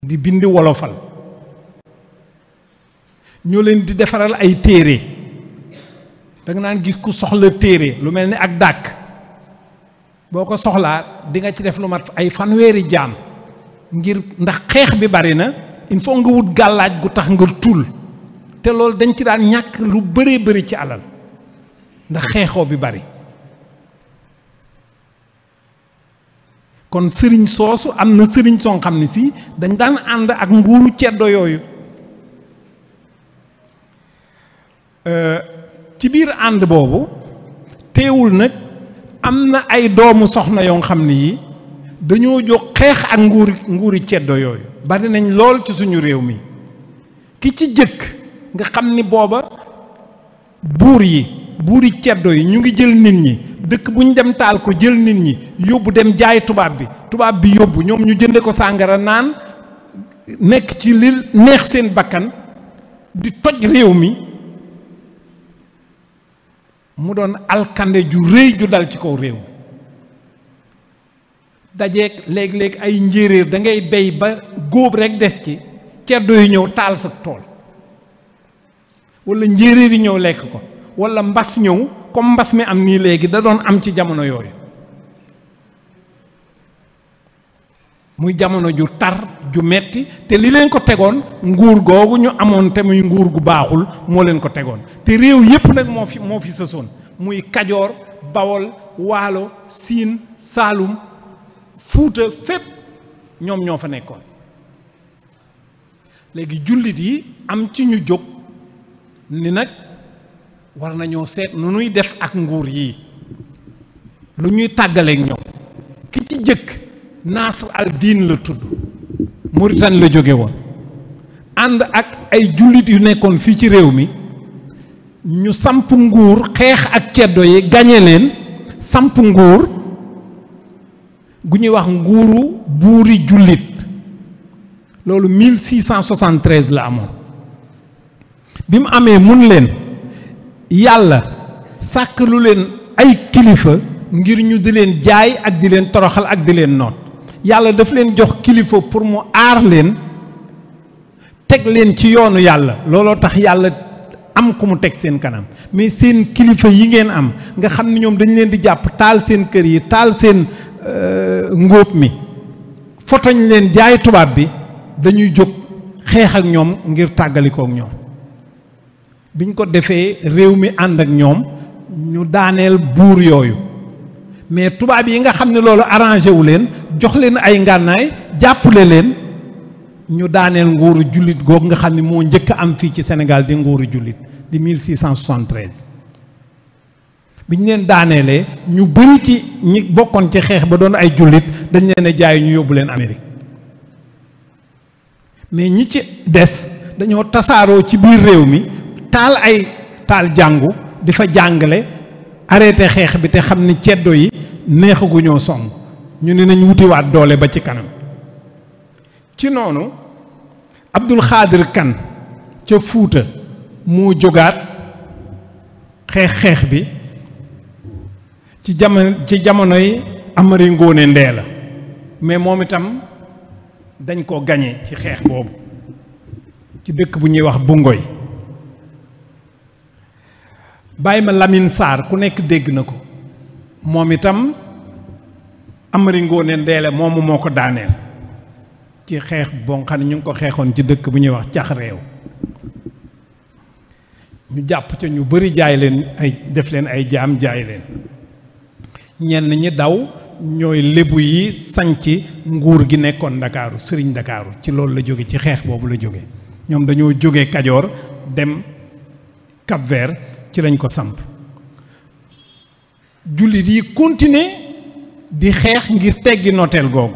di bind wolofal ñoo leen di defaral ay téere danga nga gis ku soxla téere lu mel ni ak dàkk boo ko soxlaa dinga ci def lu mat ay fanweeri jaam ngir ndax xeex bi bari na il faut nga wut gàllaaj gu tax nga tuul te loolu dañ ci daan ñàkk lu bëree bëri ci alal ndax xeexoo bi bari kon sëriñ soosu am na sëriñ soo xam ne si dañ daan ànd ak nguuru ceddo yooyu euh, ci biir ànd boobu teewul nag am na ay doomu soxna yoo xam ne yi dañoo jóg xeex ak nguuri nguuri ceddo yooyu bari nañ lool ci suñu réew mi ki ci jëkk nga xam ni booba buur yi buur buuri ceddo yi ñu ngi jël nit ñi dëkk bu ñu dem taal ko jël nit ñi yóbbu dem jaay tubaab bi tubaab bi yóbbu ñoom ñu jënde ko sàngara naan nekk ci li neex seen bakkan di toj réew mi mu doon alkande ju rëy ju dal ci kaw réew dajeeg léeg-léeg ay njéeréer da ngay bey ba góob rekk des ci ceddo yi ñëw taal sa tool wala njéeréer yi ñëw lekk ko wala mbas ñëw comme mbas mi am nii léegi da doon am ci jamono yooyu muy jamono ju tar ju metti te li leen ko tegoon nguur googu ñu amoon te muy nguur gu baaxul moo leen ko tegoon te réew yépp nag fi moo fi sësoon muy Kajoor Bawol Waalo Siin Saalum Fuuta fépp ñoom ñoo fa nekkoon léegi jullit yi am ci ñu jóg ni nag war nañoo seet nu nuy def ak nguur yi lu ñuy tàggaleek ñoom ki ci jëkk Nasr al-Din la tudd Mauritanie la jóge woon ànd ak ay jullit yu nekkoon fii ci réew mi ñu samp nguur xeex ak ceddo yi gañe leen samp nguur gu ñuy wax nguuru buuri jullit loolu 1673 la amoon bi mu amee mun leen yàlla sàkk lu leen ay kilifa ngir ñu di leen jaay ak di leen toroxal ak di leen noot yàlla daf leen jox kilifa pour mu aar leen teg leen ci yoonu yàlla looloo tax yàlla am ku mu teg seen kanam mais seen kilifa yi ngeen am nga xam ne ñoom dañ leen di jàpp taal seen kër yi taal seen euh, ngóob mi fotoñ leen jaay tubaab bi dañuy jóg xeex ak ñoom ngir tàggalikoo ak ñoom biñ ko defee réew mi ànd ak ñoom ñu daaneel buur yooyu mais tubaab yi nga xam ne loolu arrangé wu leen jox leen ay ngànnaay jàppale leen ñu daaneel nguuru jullit googu nga xam ni moo njëkk am fii ci Sénégal di nguuru jullit di 1673 biñ leen daaneelee ñu bëri ci ñi bokkoon ci xeex ba doon ay jullit dañ leen a jaay ñu yóbbu leen Amérique mais ñi ci des dañoo tasaaroo ci biir réew mi. taal ay taal jàngu di fa jàngale arrêté xeex bi te xam ni ceddo yi neexaguñoo song ñu ne nañ wutiwaat doole ba ci kanam ci noonu Abdul Xaadir Kan ca Fuuta moo jógaat xeex xeex bi ci jamono ci jamonoy Amari Ngoone Ndee la mais moom itam dañ ko gañe ci xeex boobu ci dëkk bu ñuy wax bungo yi bàyyi ma Lamine saar ku nekk dégg na ko moom itam Amari Ngoone Ndeele moomu moo ko daaneel ci xeex boo xam ñu ngi ko xeexoon ci dëkk bu ñuy wax cax réew ñu jàpp ca ñu bari jaay leen ay def leen ay jaam jaay leen ñenn ñi daw ñooy lébu yi sañc nguur gi nekkoon ndakaaru sëriñ ndakaaru ci loolu la jóge ci xeex boobu la jóge ñoom dañoo jóge kajoor dem Cap-Vert ci lañ ko samp jullit yi continuer di xeex ngir teggi nooteel googu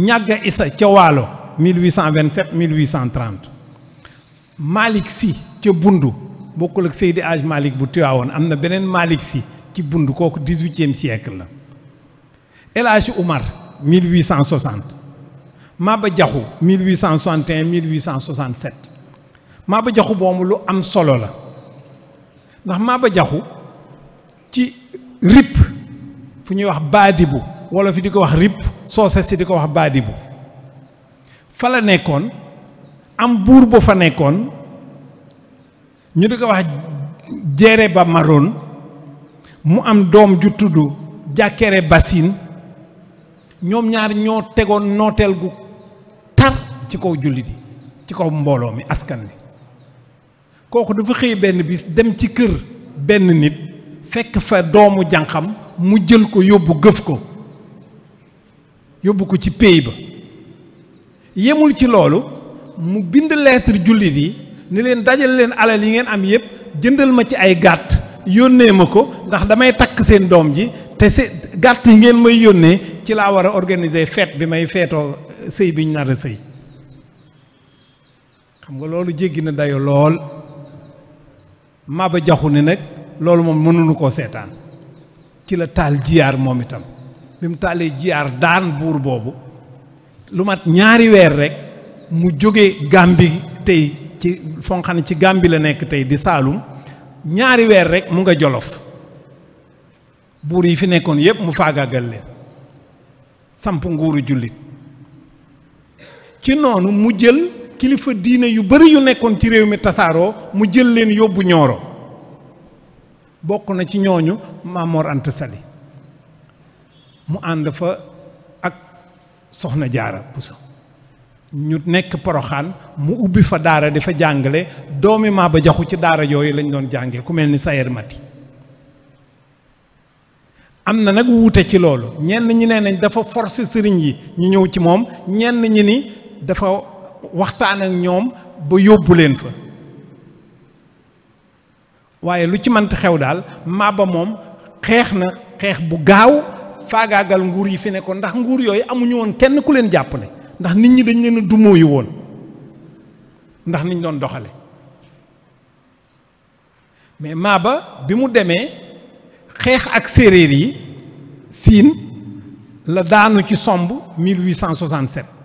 ñàgga isa ca waalo 1827 1830 Malick Sy ca Bundu bokkul ak Seydi Aj Malick bu Tiwaawoon am na beneen Malick Sy ci Bundu kooku 18e siècle la El Hadj Oumar 1860 Maba Jaxu 1861 1867 Maba Jaxu boobu lu am solo la ndax Maba Jaxu ci ripp fu ñuy wax baadibu wala fi di ko wax ripp soose si di ko wax baadibu fa la nekkoon am buur bu fa nekkoon ñu di ko wax jeere ba maroon mu am doom ju tudd jàkkere basin ñoom ñaar ñoo tegoon nooteel gu tar ci kaw jullit yi ci kaw mbooloo mi askan wi kooku dafa xëy benn bis dem ci kër benn nit fekk fa doomu jànqam mu jël ko yóbbu gëf ko yóbbu ko ci péey ba yemul ci loolu mu bind lettre jullit yi ni leen dajal leen alal yi ngeen am yépp jëndal ma ci ay gàtt yónnee ma ko ndax damay takk seen doom ji te se gàtt yi ngeen may yónnee ci laa war a organiser fête bi may feetoo sëy bi ñu nar a sëy xam nga loolu jéggi na dayo lool Maba Jaxu ne nag loolu moom mënuñu koo seetaan ci la taal jiyaar moom itam bi mu taalee jiyaar daan buur boobu lu mat ñaari weer rekk mu jóge Gàmbi tey ci foo xam ci Gàmbi la nekk tey di Saalum ñaari weer rekk mu nga Jolof buur yi fi nekkoon yépp mu faagaagal leen samp nguuru jullit ci noonu mu jël kilifa diine yu bari yu nekkoon ci réew mi tasaaroo mu jël leen yóbbu ñooro bokk na ci ñooñu Mamor Anta Sali mu ànd fa ak Soxna Jaara Buso ñu nekk Poroxaan mu ubbi fa daara di fa jàngale doomi Maba Jaxu ci daara yooyu lañ doon jàngee ku mel ni Sayer Mati am na nag wuute ci loolu ñenn ñi nee nañ dafa forcer sëriñ yi ñu ñëw ci moom ñenn ñi ni dafa waxtaan ak ñoom ba yóbbu leen fa waaye lu ci mënti xew daal Maba moom xeex na xeex bu gaaw faagaagal nguur yi fi ne ko ndax nguur yooyu amuñu woon kenn ku leen jàppale ndax nit ñi dañ leen a dumóoyu woon ndax niñ doon doxale mais Maba bi mu demee xeex ak séréer yi siin la daanu ci somb 1867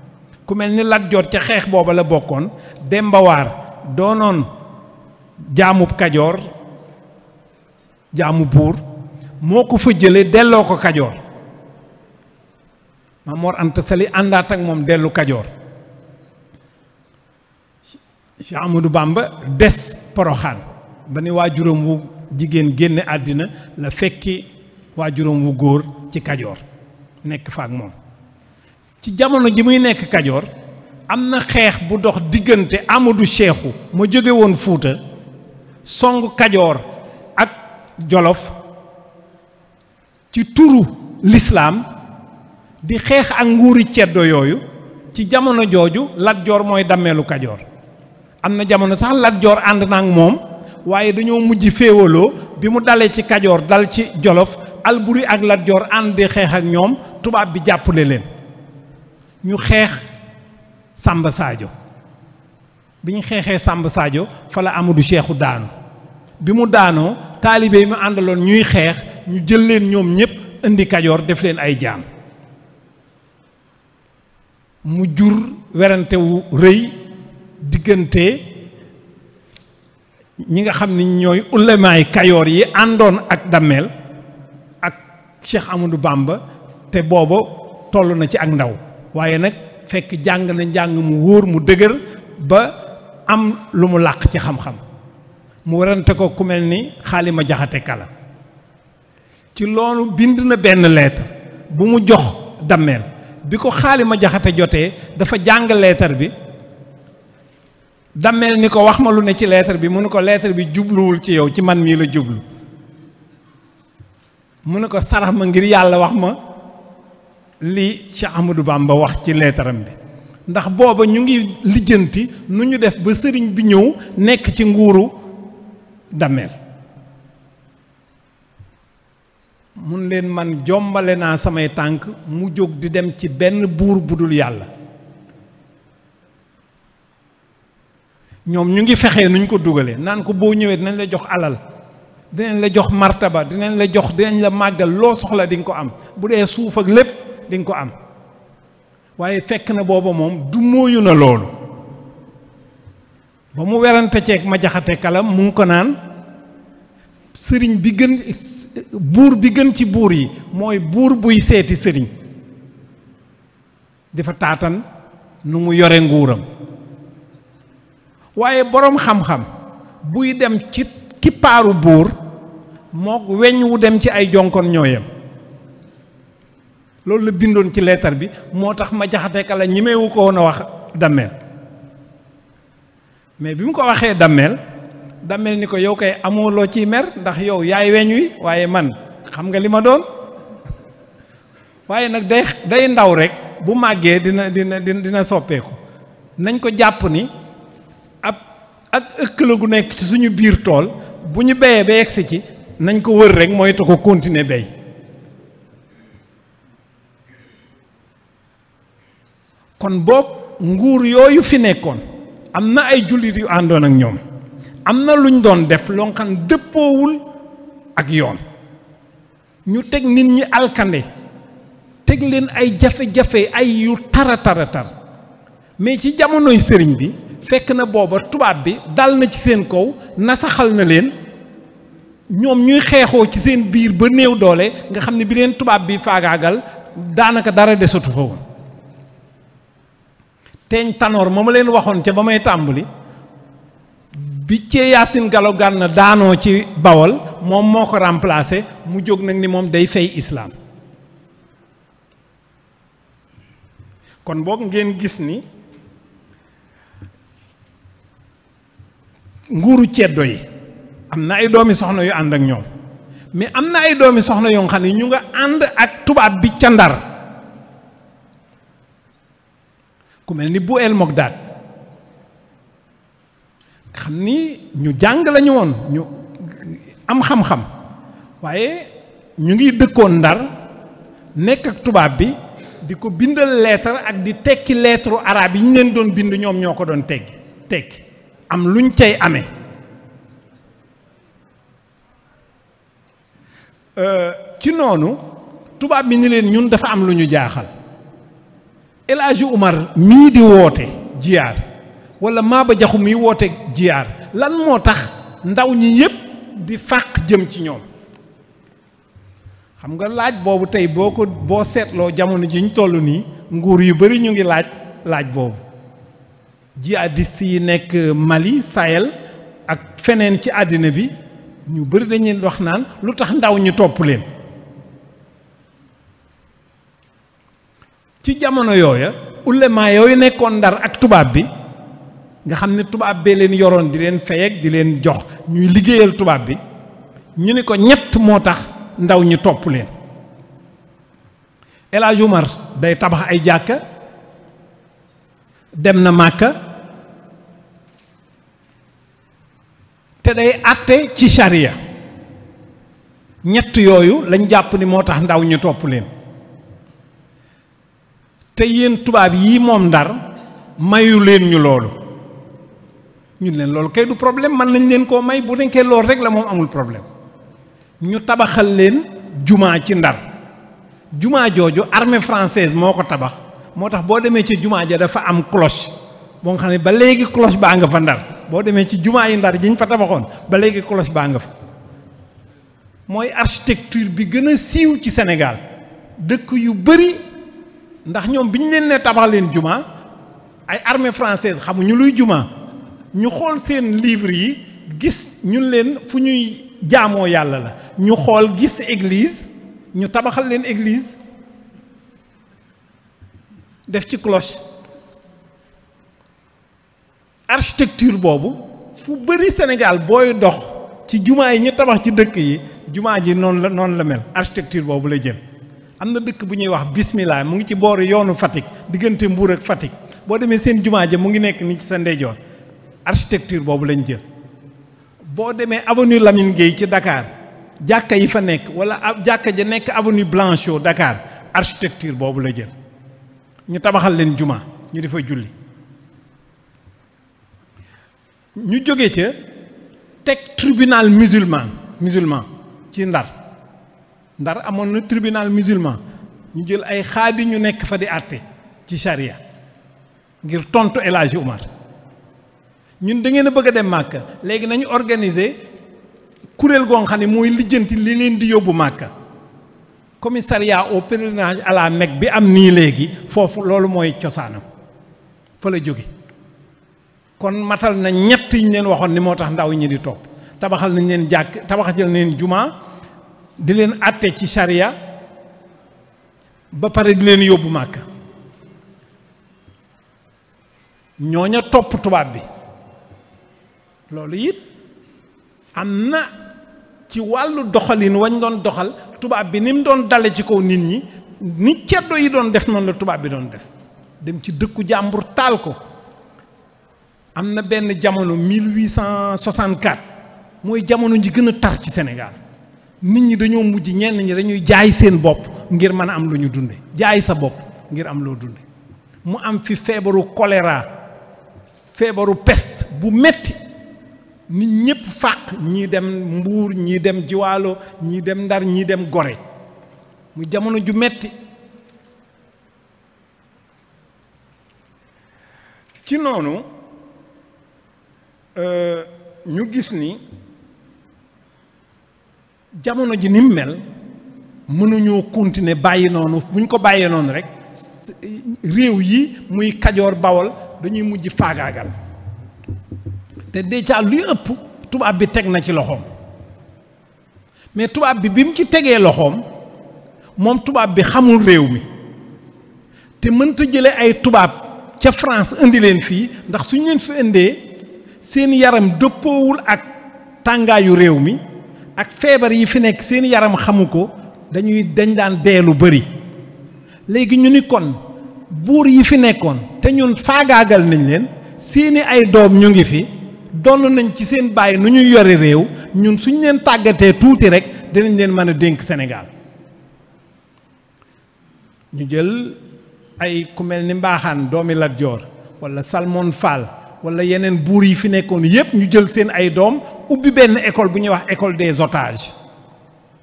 ku mel ni Lat Joor ca xeex booba la bokkoon Demba doonoon jaamub kajoor jaamu buur moo ko fa jële delloo ko kajoor Maam Mor Sali àndaat ak moom dellu kajoor Cheikh Amadou Bamba des poroxaan ba ni waajuram wu jigéen génne àddina la fekki waajuram wu góor ci kajoor nekk fa moom ci jamono ji muy nekk kajoor am na xeex bu dox diggante Amadou Cheikhou ma jóge woon Fuuta song kajoor ak Jolof ci turu lislaam di xeex ak nguuri ceddo yooyu ci jamono jooju Lat mooy dammeelu kajoor am na jamono sax Lat ànd na moom waaye dañoo mujj féewaloo bi mu dalee ci kajoor dal ci jolof Alburi ak Lat ànd di xeex ak ñoom tubaab bi jàppale leen ñu xeex Samba saajo bi ñu xeexee Samba Sadio fa la Amadou Cheikhou daanu bi mu daanoo taalibe yi mu àndaloon ñuy xeex ñu jël leen ñoom ñëpp indi Kajoor def leen ay jaan mu jur werantewu rëy diggante ñi nga xam ni ñooy ulamaay kayoor yi àndoon ak Damel ak Cheikh Amadou Bamba te booba toll na ci ak ndaw waaye nag fekk jàng na njàng mu wóor mu dëgër ba am lu mu làq ci xam-xam mu warante ko ku mel ni xaalima jaxate kala ci loolu bind na benn lettre bu mu jox dammeel bi ko xaalima jaxate jotee dafa jàng leetar bi dammeel ni ko wax ma lu ne ci lettre bi mu ne ko lettre bi jubluwul ci yow ci man mii la jublu mu ne ko sarax ma ngir yàlla wax ma li Cheikh Ahmadou Bamba wax ci leetaram bi ndax booba ñu ngi lijjanti nu ñu def ba sëriñ bi ñëw nekk ci nguuru dammeel mun leen man jombale naa samay tànk mu jóg di dem ci benn buur bu dul yàlla ñoom ñu ngi fexee nuñ ko dugalee naan ko boo ñëwee dinañ la jox alal dinañ la jox martaba dinañ la jox dinañ la màggal loo soxla di nga ko am bu dee suuf ak lépp di ko am waaye fekk na booba moom du mooyu na loolu ba mu werante ceeg ma jaxate kalam mu ngi ko naan sëriñ bi gën buur bi gën ci buur yi mooy buur buy seeti sëriñ dafa taatan nu mu yore nguuram waaye boroom xam-xam buy dem ci kippaaru buur mook weñ wu dem ci ay jonkon ñooyam loolu la bindoon ci leetar bi moo tax ma jaxate kala ñimewu ko woon a wax dammeel mais bi mu ko waxee dammeel dammeel ni ko yow kay amoo ciy mer ndax yow yaay weñ wi waaye man xam nga li ma doon waaye nag day day ndaw rek bu màggee dina dina dina soppeeku nañ ko jàpp ni ab ak ëkk la gu nekk ci suñu biir tool bu ñu béyee ba yegsi ci nañ ko wër rek mooy te ko continuer béy kon boog nguur yooyu fi nekkoon am na ay jullit yu àndoon ak ñoom am na lu luñ doon def loo dëppoowul ak yoon ñu teg nit ñi alkande teg leen ay jafe-jafe ay yu tara tara tar mais ci jamonoy sëriñ bi fekk na booba tubaab bi dal na ci seen kaw nasaxal na leen ñoom ñuy xeexoo ci seen biir ba néew doole nga xam ne bi leen tubaab bi faagaagal daanaka dara desatu fa woon teeñ tanoor ma ma leen waxoon ca ba may tàmbali bi cee Yacine Gallo Gana daanoo ci Bawol moom moo ko remplacé mu jóg nag ni moom day fay islaam kon boog ngeen gis ni nguuru ceddo yi am na ay doomi soxna yu ànd ak ñoom mais am na ay doomi soxna yoo xam ne ñu nga ànd ak tubaab bi ca Ndar ku mel ni bu el Mogdad nga xam ni ñu jàng lañu woon ñu am xam-xam waaye ñu ngi dëkkoon ndar nekk ak tubaab bi di ko bindal leetar ak di tekki lettre araab yi ñu leen doon bind ñoom ñoo ko doon teggi tekki am luñ cay amee euh, ci noonu tubaab bi ni leen ñun dafa am lu ñu jaaxal El Hadji Omar mii di woote jiyaar wala Maba Jaxu mii woote jiyaar lan moo tax ndaw ñi yépp di fàq jëm ci ñoom xam nga laaj boobu tey boo ko boo seetloo jamono ji ñu toll nii nguur yu bari ñu ngi laaj laaj boobu di si nekk Mali Sahel ak feneen ci àddina bi ñu bari dañuy wax naan lu tax ndaw ñi topp leen ci jamono yooya ulema yooyu nekkoon ndar ak tubaab bi nga xam ne tubaab bee leen yoroon di leen fayeg di leen jox ñuy liggéeyal tubaab bi ñu ni ko ñett moo tax ndaw ñi topp leen El day tabax ay jàkka dem na màkka te day àtte ci charia ñett yooyu lañ jàpp ni moo tax ndaw ñu topp leen te yéen tubaab yii moom ndar mayu leen ñu loolu ñun leen loolu kay du problème man nañ leen koo may bu nekkee loolu rek la moom amul problème ñu tabaxal leen jumaa ci ndar jumaa jooju armee française moo ko tabax moo tax boo demee ci jumaa ja dafa am cloche boo nga xam ne ba léegi cloche baa nga fa ndar boo demee ci jumaa yi ndar jiñ fa tabaxoon ba léegi cloche baa nga fa mooy architecture bi gën a siiw ci Sénégal dëkk yu bari ndax ñoom bi ñu leen ne tabax leen juma ay armée française xamuñu luy juma ñu xool seen livre yi gis ñun leen fu ñuy jaamoo yàlla la ñu xool gis église ñu tabaxal leen église def ci cloche architecture boobu fu bëri Sénégal booy dox ci jumaa yi ñu tabax ci dëkk yi jumaa ji noonu la noonu la mel architecture boobu la jël am na dëkk bu ñuy wax bismillah mu ngi ci booru yoonu Fatick diggante Mbour ak Fatick boo demee seen jumaa ja mu ngi nekk ni ci sa ndeyjoor architecture boobu lañu jël boo demee avenue Lamine Gueye ci dakaar jàkka yi fa nekk wala jàkka ja nekk avenue Blanchot dakaar architecture boobu la jël ñu tabaxal leen jumaa ñu di fa julli ñu jóge ca teg tribunal musulman musulman ci Ndar ndar amoon na tribunal musulman ñu jël ay xaadi ñu nekk fa di àtte ci charia ngir tontu El Hadji Oumar ñun dangeen a bëgg a dem màkk léegi nañu organiser kuréel goo xam ne mooy lijjanti li leen di yóbbu màkk commissariat au pèlerinage à la Mecque bi am nii léegi foofu loolu mooy cosaanam fa la jóge kon matal na ñett yi leen waxoon ni moo tax ndaw ñi di topp tabaxal nañ leen jàkk tabaxal nañ leen jumaa di leen àtte ci sariya ba pare di leen yóbbu màkk ñooña topp tubaab bi loolu it am na ci wàllu doxalin wañ doon doxal tubaab bi ni mu doon dale ci kaw nit ñi ni ceddo yi doon def noonu la tubaab bi doon def dem ci dëkku jàmbur taal ko am na benn jamono 1864 mooy jamono ji gën a tar ci senegaal nit ñi dañoo mujj ñenn ñi dañuy jaay seen bopp ngir mën a am lu ñu dunde jaay sa bopp ngir am loo dunde mu am fi feebaru choléra feebaru pest bu metti nit ñëpp fàq ñii dem mbuur ñii dem jiwaalo ñii dem ndar ñii dem gore mu jamono ju metti ci noonu euh, ñu gis ni jamono ji nim mu mel mënuñoo continuer bàyyi noonu buñ ko bàyyee noonu rek réew yi muy kajoor bawol dañuy mujj faagaagal te déjà luy ëpp tubaab bi teg na ci loxoom mais tubaab bi bi mu ci tegee loxoom moom tubaab bi xamul réew mi te mënta jële ay tubaab ca France indi leen fii ndax suñ leen fi indee seen yaram dëppoowul ak tàngaayu réew mi ak feebar yi fi nekk seen yaram xamu ko dañuy dañ daan dee lu bari léegi ñu ni kon buur yi fi nekkoon te ñun faagaagal nañ leen seeni ay doom ñu ngi fi donn nañ ci seen bàyyi nu ñuy yore réew ñun suñ leen tàggatee tuuti rek dinañ leen mën a dénk senegaal ñu jël ay ku mel ni mbaaxaan doomi Lat Joor walla Salmon Fall wala yeneen buur yi fi nekkoon yépp ñu jël seen ay doom ubbi benn école bu ñuy wax école des otages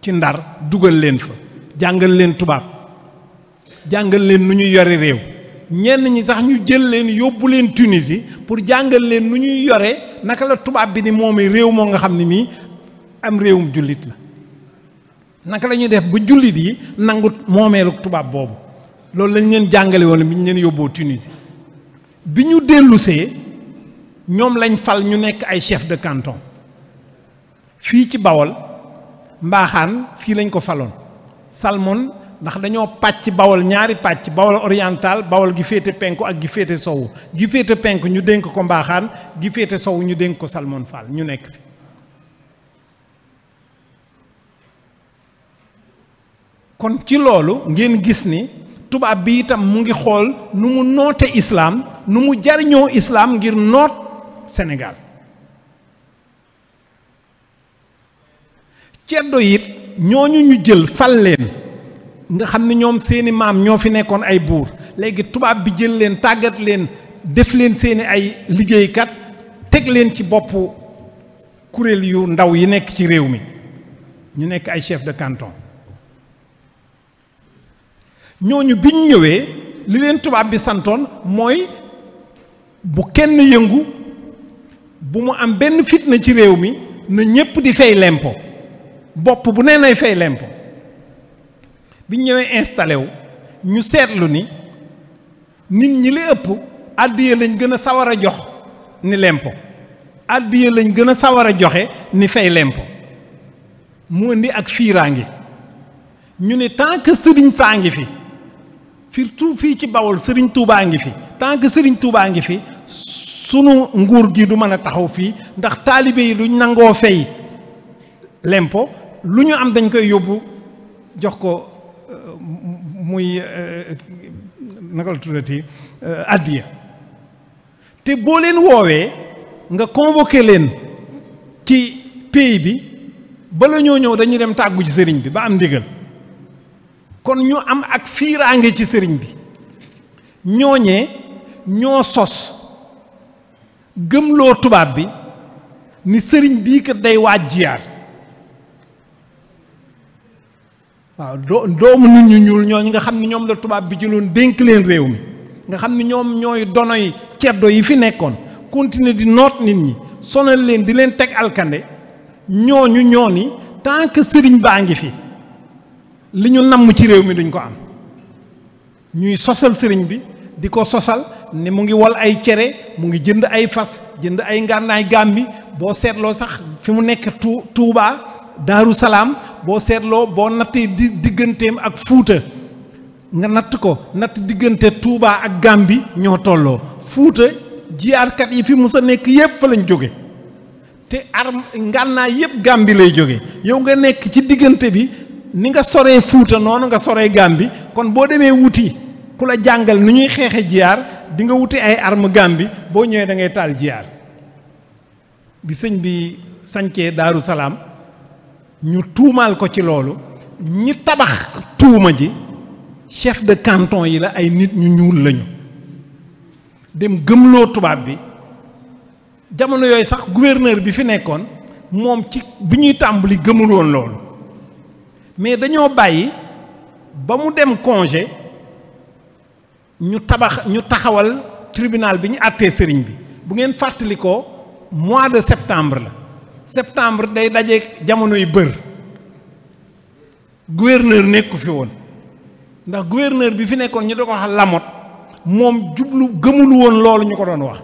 ci ndar dugal leen fa jàngal leen tubaab jàngal leen nu ñuy yore réew ñenn ñi sax ñu jël leen yóbbu leen Tunisie pour jàngal leen nu ñuy yore naka la tubaab bi ni moomee réew moo nga xam ne mii am réewum jullit la naka la def ba jullit yi nangu moomeelu tubaab boobu loolu lañ leen jàngale woon bi ñu leen yóbboo Tunisie bi ñu dellusee ñoom lañ fal ñu nekk ay chef de canton fii ci Bawol mbaaxaan fii lañ ko faloon Salmon ndax dañoo pàcc Bawol ñaari pàcc Bawol oriental Bawol gi féete penku ak gi féete sowu gi féete penku ñu dénk ko mbaaxaan gi féete sowu ñu dénk ko Salmon Fall ñu nekk fi kon ci loolu ngeen gis ni tubaab bi itam mu ngi xool nu mu noote islaam nu mu jariñoo islaam ngir noot Sénégal ceddo it ñooñu ñu jël fal leen nga xam ne ñoom seeni maam ñoo fi nekkoon ay buur léegi tubaab bi jël leen tàggat leen def leen seeni ay liggéeykat teg leen ci boppu kuréel yu ndaw yi nekk ci réew mi ñu nekk ay chef de kanton ñooñu bi ñu ñëwee li leen tubaab bi santoon mooy bu kenn yëngu bu mu am benn fitna ci réew mi na ñépp di fay lempo bopp bu nee nay fay lempo bi ñëwee installé wu ñu seetlu ni nit ñi li ëpp àddiya lañ gën a sawar a jox ni lempo àddiya lañ gën a sawar a joxe ni fay lempo mu indi ak fiiraangi ñu ni tant sëriñ saa ngi fi surtout fii ci Bawol sëriñ Tuubaa ngi fi tant que sëriñ Tuubaa ngi fi sunu nguur gi du mën a taxaw fii ndax taalibe yi duñ nangoo fay lempo lu ñu am dañ koy yóbbu jox ko euh, muy euh, nagal la tuddati euh, addiya te boo leen woowee nga convoqué leen ci pays bi bala ñoo ñëw dañuy dem tàggu ci sëriñ bi ba am ndigal kon ñu am ak fiiraange ci sëriñ bi ñooñee ñoo sos gëmloo tubaab bi ni sëriñ bii kat day waaj jiyaar waaw doo doomu nit ñu ñuul ñoo ñooñu nga xam ne ñoom la tubaab bi jëloon dénk leen réew mi nga xam ne ñoom ñooy donoy ceddo yi fi nekkoon continuer di noot nit ñi sonal leen di leen teg alkande ñooñu ñoo ni tant que sëriñ baa ngi fi li ñu namm ci réew mi duñ ko am ñuy sosal sëriñ bi di ko sosal ni mu ngi wal ay cere mu ngi jënd ay fas jënd ay ngànnaay Gàmbi boo seetloo sax fi mu nekk tu Tuubaa Daaru Salaam boo seetloo boo nattee di digganteem ak Fuuta nga natt ko natt diggante Tuubaa ak Gàmbi ñoo tolloo Fuuta jiyaarkat yi fi musa nekk yépp fa lañ jóge te arm ngànnaay yépp Gàmbi lay jóge yow nga nekk ci diggante bi ni nga soree Fuuta noonu nga soree Gàmbi kon boo demee wuti ku la jàngal nu ñuy xeexe jiyaar di nga wuti ay arme Gàmbi boo ñëwee da ngay taal jiyaar bi sëñ bi sancee Daaru Salaam ñu tuumaal ko ci loolu ñi tabax tuuma ji chef de canton yi la ay nit ñu ñuul lañu dem gëmloo tubaab bi jamono yooyu sax gouverneur bi fi nekkoon moom ci bi ñuy tàmbali gëmuloon loolu mais dañoo bàyyi ba mu dem congé ñu tabax ñu taxawal tribunal bi ñu àttee sëriñ bi bu ngeen fàttalikoo mois de septembre la septembre day daje jamono yu bër gouverneur nekku fi woon ndax gouverneur bi fi nekkoon ñu da ko wax lamot moom jublu gëmul woon loolu ñu ko doon wax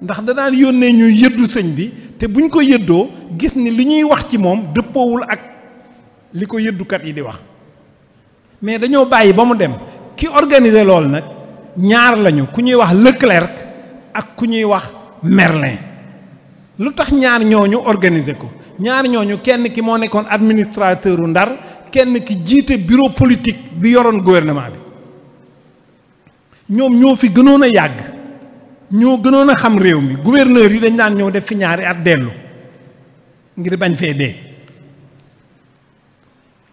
ndax da daan yónnee ñuy yëddu sëñ bi te buñ ko yëddoo gis ni li ñuy wax ci moom dëppoowul ak li ko yëddukat yi di wax mais dañoo bàyyi ba mu dem ki organiser loolu nag ñaar lañu ku ñuy wax Leclerc ak ku ñuy wax Merlin lu tax ñaar ñooñu organiser ko ñaar ñooñu kenn ki moo nekkoon administrateur u Ndar kenn ki jiite bureau politique bi yoroon gouvernement bi ñoom ñoo fi gënoon a yàgg ñoo gënoon a xam réew mi gouverneur yi dañ daan ñëw def fi ñaari at dellu ngir bañ fee dee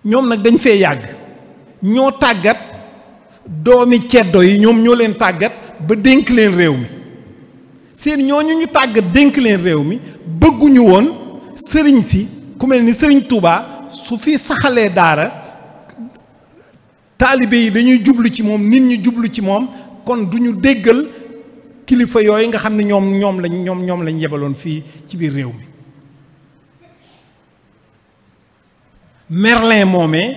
ñoom nag dañ fee yàgg ñoo tàggat doomi ceddo yi ñoom ñoo leen tàggat ba dénk leen réew mi seen ñooñu ñu tàggat dénk leen réew mi bëgguñu woon sëriñ si ku mel ni sëriñ Touba su fi saxalee daara taalibe yi dañuy jublu ci moom nit ñu jublu ci moom kon duñu déggal kilifa yooyu nga xam ne ñoom ñoom lañ ñoom ñoom lañ yebaloon fii ci biir réew mi Merlin moomee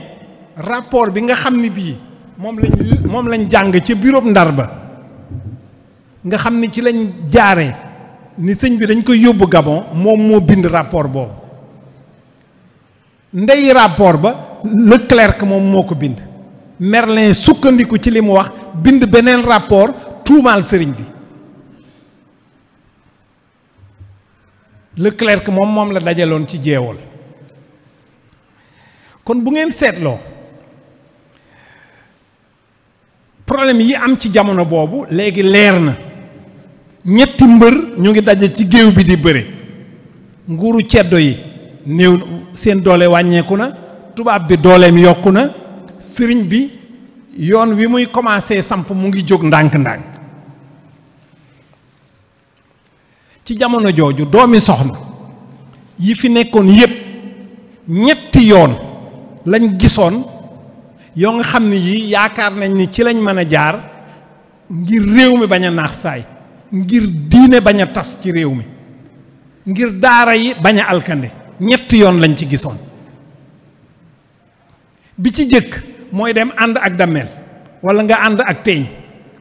rapport bi nga xam ne bii moom lañ moom lañ jàng ci bureau ndar ba nga xam ni ci lañ jaare ni sëñ bi dañ koy yóbbu Gabon moom moo bind rapport boobu ndey rapport ba Leclerc moom moo ko bind Merlin sukkandiku ci li mu wax bind beneen rapport tuumaal sëriñ bi Leclerc moom moom la dajaloon ci jeewal kon bu ngeen seetloo problème yi am ci jamono boobu léegi leer na ñetti mbër ñu ngi daje ci géew bi di bëre nguuru ceddo yi néew seen doole wàññeeku na tubaab bi dooleem yokku na sëriñ bi yoon wi muy commencé samp mu ngi jóg ndànk-ndànk ci jamono jooju doomi soxna yi fi nekkoon yépp ñetti yoon lañ gisoon yoo nga xam ne yii yaakaar nañ ni ci lañ mën a jaar ngir réew mi bañ a naax saay ngir diine bañ a tas ci réew mi ngir daara yi bañ a alkande ñett yoon lañ ci gisoon bi ci jëkk mooy dem ànd ak dammeel wala nga ànd ak teeñ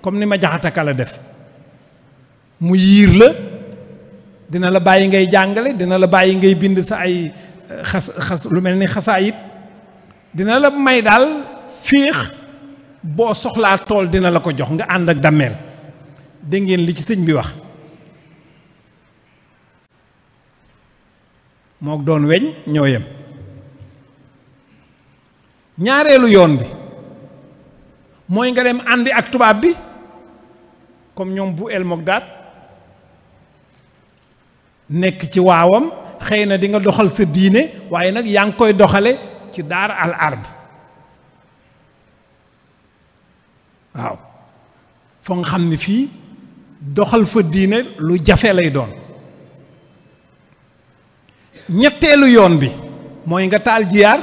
comme ni ma jaxataka kala def mu yiir la dina la bàyyi ngay jàngale dina la bàyyi ngay bind sa ay xas lu mel ni xasaayit dina la may daal féex boo soxlaa tool dina la ko jox nga ànd ak dammeel dégg li ci sëñ bi wax mook doon weñ ñoo ñaareelu yoon bi mooy nga dem àndi ak tubaab bi comme ñoom bu el mook daat nekk ci waawam xëy na di nga doxal sa diine waaye nag yaa ngi koy doxale ci daar al arab waaw foo nga xam ni fii doxal fa diine lu jafe lay doon ñetteelu yoon bi mooy nga taal jiyaar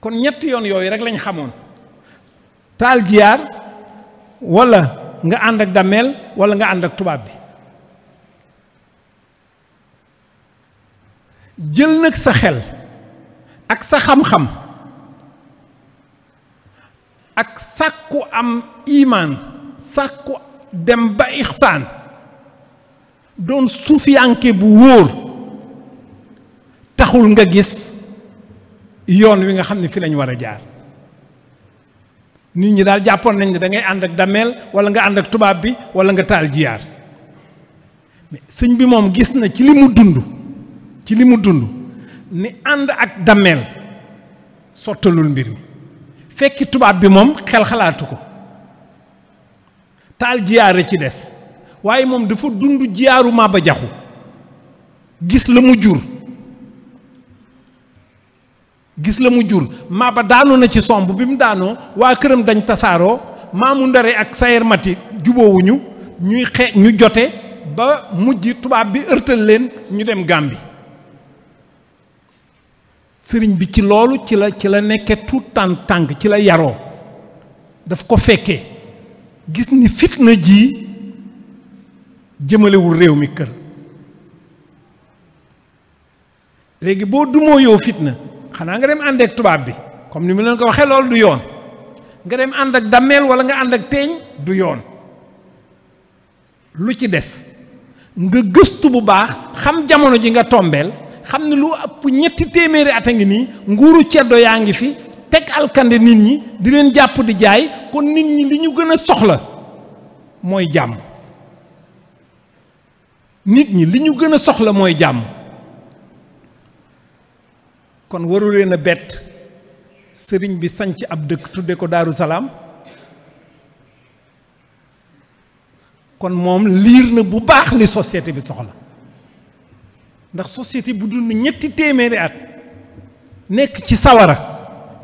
kon ñetti yoon yooyu rek lañ xamoon taal jiyaar wala nga ànd ak dammeel wala nga ànd ak tubaab bi jël nag sa xel ak sa xam-xam ak sàkku am imaan sàkku dem ba ixsaan doon suufiyanke bu wóor taxul nga gis yoon wi nga xam ne fi lañ war a jaar nit ñi daal jàppoon nañ ne dangay ngay ànd ak dameel wala nga ànd ak tubaab bi wala nga taal jiyaar mais sëñ bi moom gis na ci li mu dund ci li mu dund ni ànd ak dameel sottalul mbir mi fekki tubaab bi moom xel xalaatu ko taal jiyaare ci des waaye moom dafa dund jiyaaru Maba Jaxu gis la mu jur gis la mu jur Maba daanu na ci somb bi mu daanoo waa këram dañ tasaaroo maamu ndare ak sayer mati juboowuñu ñuy xe ñu jote ba mujj tubaab bi ërtal leen ñu dem Gàmbi sëriñ bi ci loolu ci la ci la nekke tout tàn tànk ci la yaroo daf ko fekkee gis ni fitna ji jëmalewul réew mi kër léegi boo dumoo yow fitna xanaa nga dem ànd ak tubaab bi comme ni mu leen ko waxee loolu du yoon nga dem ànd ak dammeel wala nga ànd ak teeñ du yoon lu ci des nga gëstu bu baax xam jamono ji nga tombeel xam ne lu ëpp ñetti téeméeri at a ngi nii nguuru ceddo yaa ngi fi teg alkande nit ñi di leen jàpp di jaay kon nit ñi li ñu gën a soxla mooy jàmm nit ñi li ñu gën a soxla mooy jàmm kon waru leen a bett sëriñ bi sanc ab dëkk tudde ko Daaru Salaam kon moom liir na bu baax li société bi soxla ndax société bu dund ñetti téeméeri at nekk ci sawara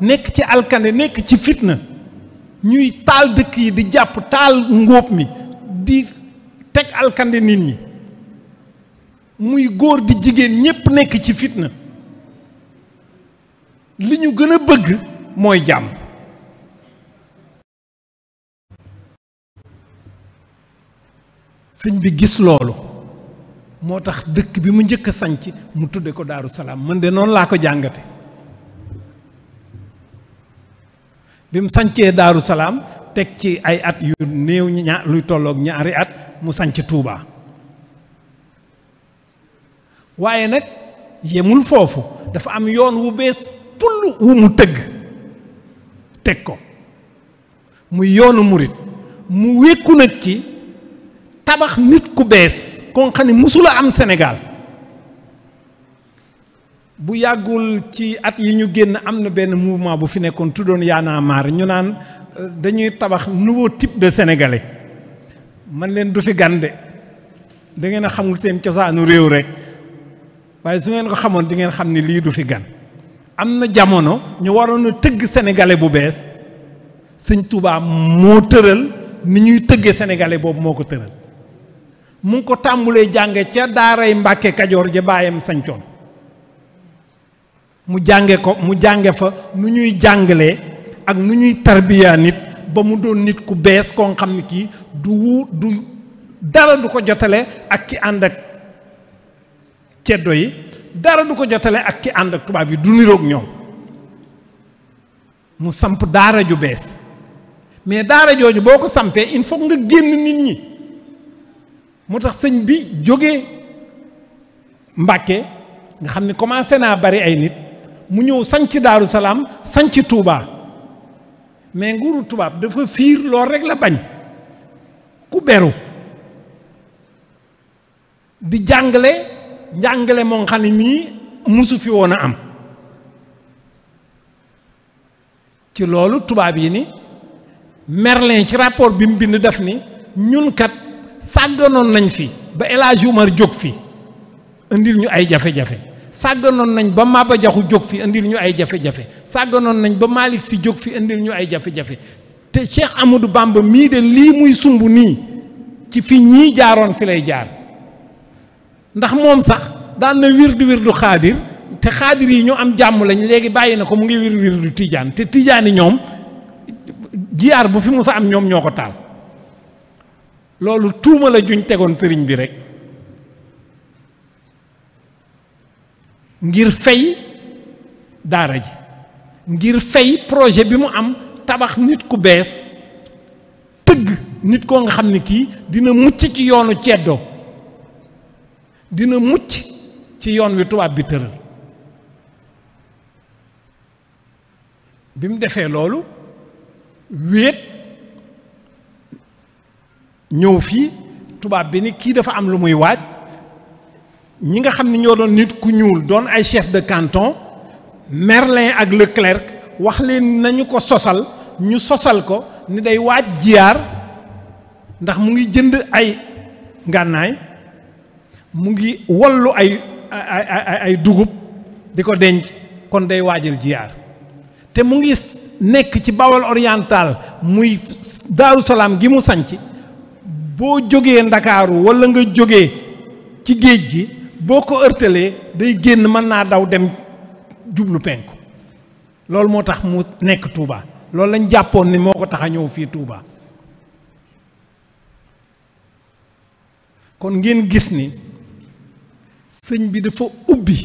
nekk ci alkande nekk ci fitna ñuy taal dëkk yi di jàpp taal ngóob mi di teg alkande nit ñi muy góor di jigéen ñépp nekk ci fitna li ñu gën a bëgg mooy jàmm sëñ bi gis loolu moo tax dëkk bi mu njëkk a sanc mu tudde ko daaru salaam man de noonu laa ko jàngate bi mu sancee daaru salaam teg ci ay at yu néew ña luy tolloog ñaari at mu sanc tuubaa waaye nag yemul foofu dafa am yoon wu bees pull wu mu tëgg teg ko muy yoonu murit mu wékku nag ci tabax nit ku bees kon xam ne musula am senegal bu yàggul ci at yi ñu génn am na benn mouvement bu fi nekkoon tuddoon Y'en a ñu naan euh, dañuy tabax nouveau type de sénégalais man leen du fi gande da ngeen a xamul seen cosaanu réew rek waaye su ngeen ko xamoon di ngeen xam ni lii du fi gan am na jamono ñu waroon a tëgg sénégalais bu bees sëñ tubaab moo tëral ni ñuy tëggee sénégalais boobu moo ko tëral mu ko tàmbulee jànge ca daaray mbàkke kajoor ja baayam sañcoon mu jànge ko mu jànge fa nu ñuy jàngale ak nu ñuy tarbiyaa nit ba mu doon nit ku bees koo xam ne kii du wu du dara du ko jotale ak ki ànd ak yi dara du ko jotale ak ki ànd tubaab yi du niroog ñoom mu samp daara ju bees mais daara jooju boo ko sampee il faut nga génn nit ñi moo tax sëñ bi jóge Mbàkke nga xam ne commencé naa bari ay nit mu ñëw sañc Daaru Salaam sanc Tuubaa mais nguuru tubaab dafa fiir loolu rekk la bañ ku beru di jàngale jàngale moo xam ne mii musu fi woon a am ci loolu tubaab yi ni Merlin ci rapport bi mu bind def ni ñun kat sàgganoon nañ fi ba El Hadj Umar jóg fi indil ñu ay jafe-jafe sàgganoon nañ ba Maba Jaxu jóg fi indil ñu ay jafe sàgganoon nañ ba Malick Sy jóg fi indil ñu ay jafe-jafe te Cheikh Amadou Bamba mii de lii muy sumb nii ci fi ñii jaaroon fi lay jaar ndax moom sax daan na wirdu wirdu xaadir te xaadir yi ñu am jàmm lañ léegi bàyyi na ko mu ngi wirdu wirdu tiijaan te tijaan yi ñoom giyaar bu fi mu musa am ñoom ñoo ko taal loolu tuuma juñ tegoon sëriñ bi rek ngir fay daara ji ngir fay projet bi mu am tabax nit ku bees tëgg nit koo nga xam ne kii dina mucc ci yoonu ceddoo dina mucc ci yoon wi tubaab bi tëral bi mu defee loolu wéet ñëw fii tubaab bi ni kii dafa am lu muy waaj ñi nga xam ne ñoo doon nit ku ñuul doon ay chef de kanton Merlin ak Leclerc wax leen nañu ko sosal ñu sosal ko ni day waaj jiyaar ndax mu ngi jënd ay ngànnaay mu ngi wallu ay ay ay dugub di ko denc kon day waajal jiyaar te mu ngi nekk ci Bawol oriental muy Daaru Salaam gi mu sanc boo jógee ndakaaru walla nga jóge ci géej gi boo ko ërtalee day génn mën naa daw dem jublu penku loolu moo tax mu nekk Touba loolu lañ jàppoon ni moo ko tax a ñëw fii Touba kon ngeen gis ni sëñ bi dafa ubbi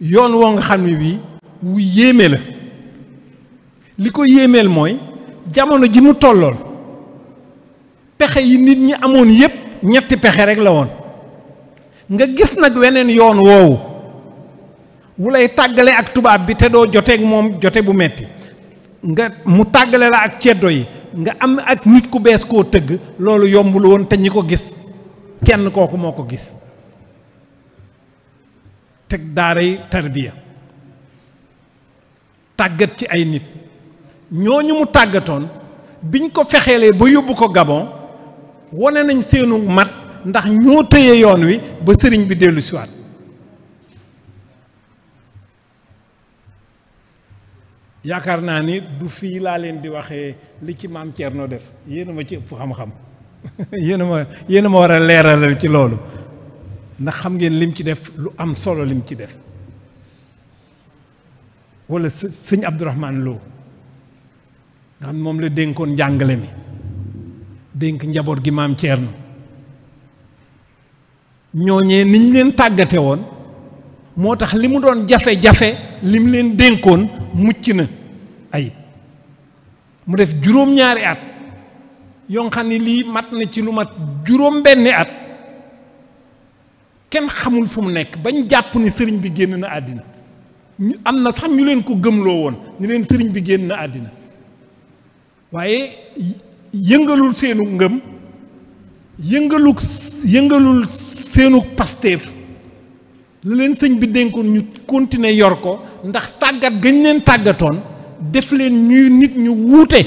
yoon woo nga xam ne bii wu yéeme la li ko yéemeel mooy jamono ji mu tollool pexe yi nit ñi amoon yépp ñetti pexe rekk la woon nga gis nag weneen yoon woowu wu lay tàggale ak tubaab bi te doo joteeg moom jote bu metti nga mu tàggale la ak ceddo yi nga am ak nit ku bees koo tëgg loolu yombul woon te ñi ko gis kenn kooku moo ko gis teg daaray tarbiya tàggat ci ay nit ñooñu mu tàggatoon biñ ko fexeelee ba yóbbu ko Gabon wane nañ seenu mat ndax ñoo tëye yoon wi ba sëriñ bi dellu siwaat yaakaar naa ni du fii laa leen di waxee li ci maam noo def yéen ma ci ëpp xam-xam yéen ma yéen a ma war a leeralal ci loolu ndax xam ngeen lim ci def lu am solo lim ci def wala sëñ Abdourahmane Lo nga xam moom la dénkoon njàngale mi dénk njaboot gi maam Thierno ñooñee niñ leen tàggate woon moo tax li mu doon jafe-jafe lim leen dénkoon mucc na ayib mu def juróom-ñaari at yoo xam ne lii mat na ci lu mat juróom-benni at kenn xamul fu mu nekk bañ jàpp ni sëriñ bi génn na àddina ñu am na sax ñu leen ko gëmloo woon ñu leen sëriñ bi génn na àddina waaye yëngalul seenu ngëm yëngalu yëngalul seenu pasteef la leen sëñ bi dénkoon ñu continuer yor ko ndax tàggat gañ leen tàggatoon def leen ñuy nit ñu wuute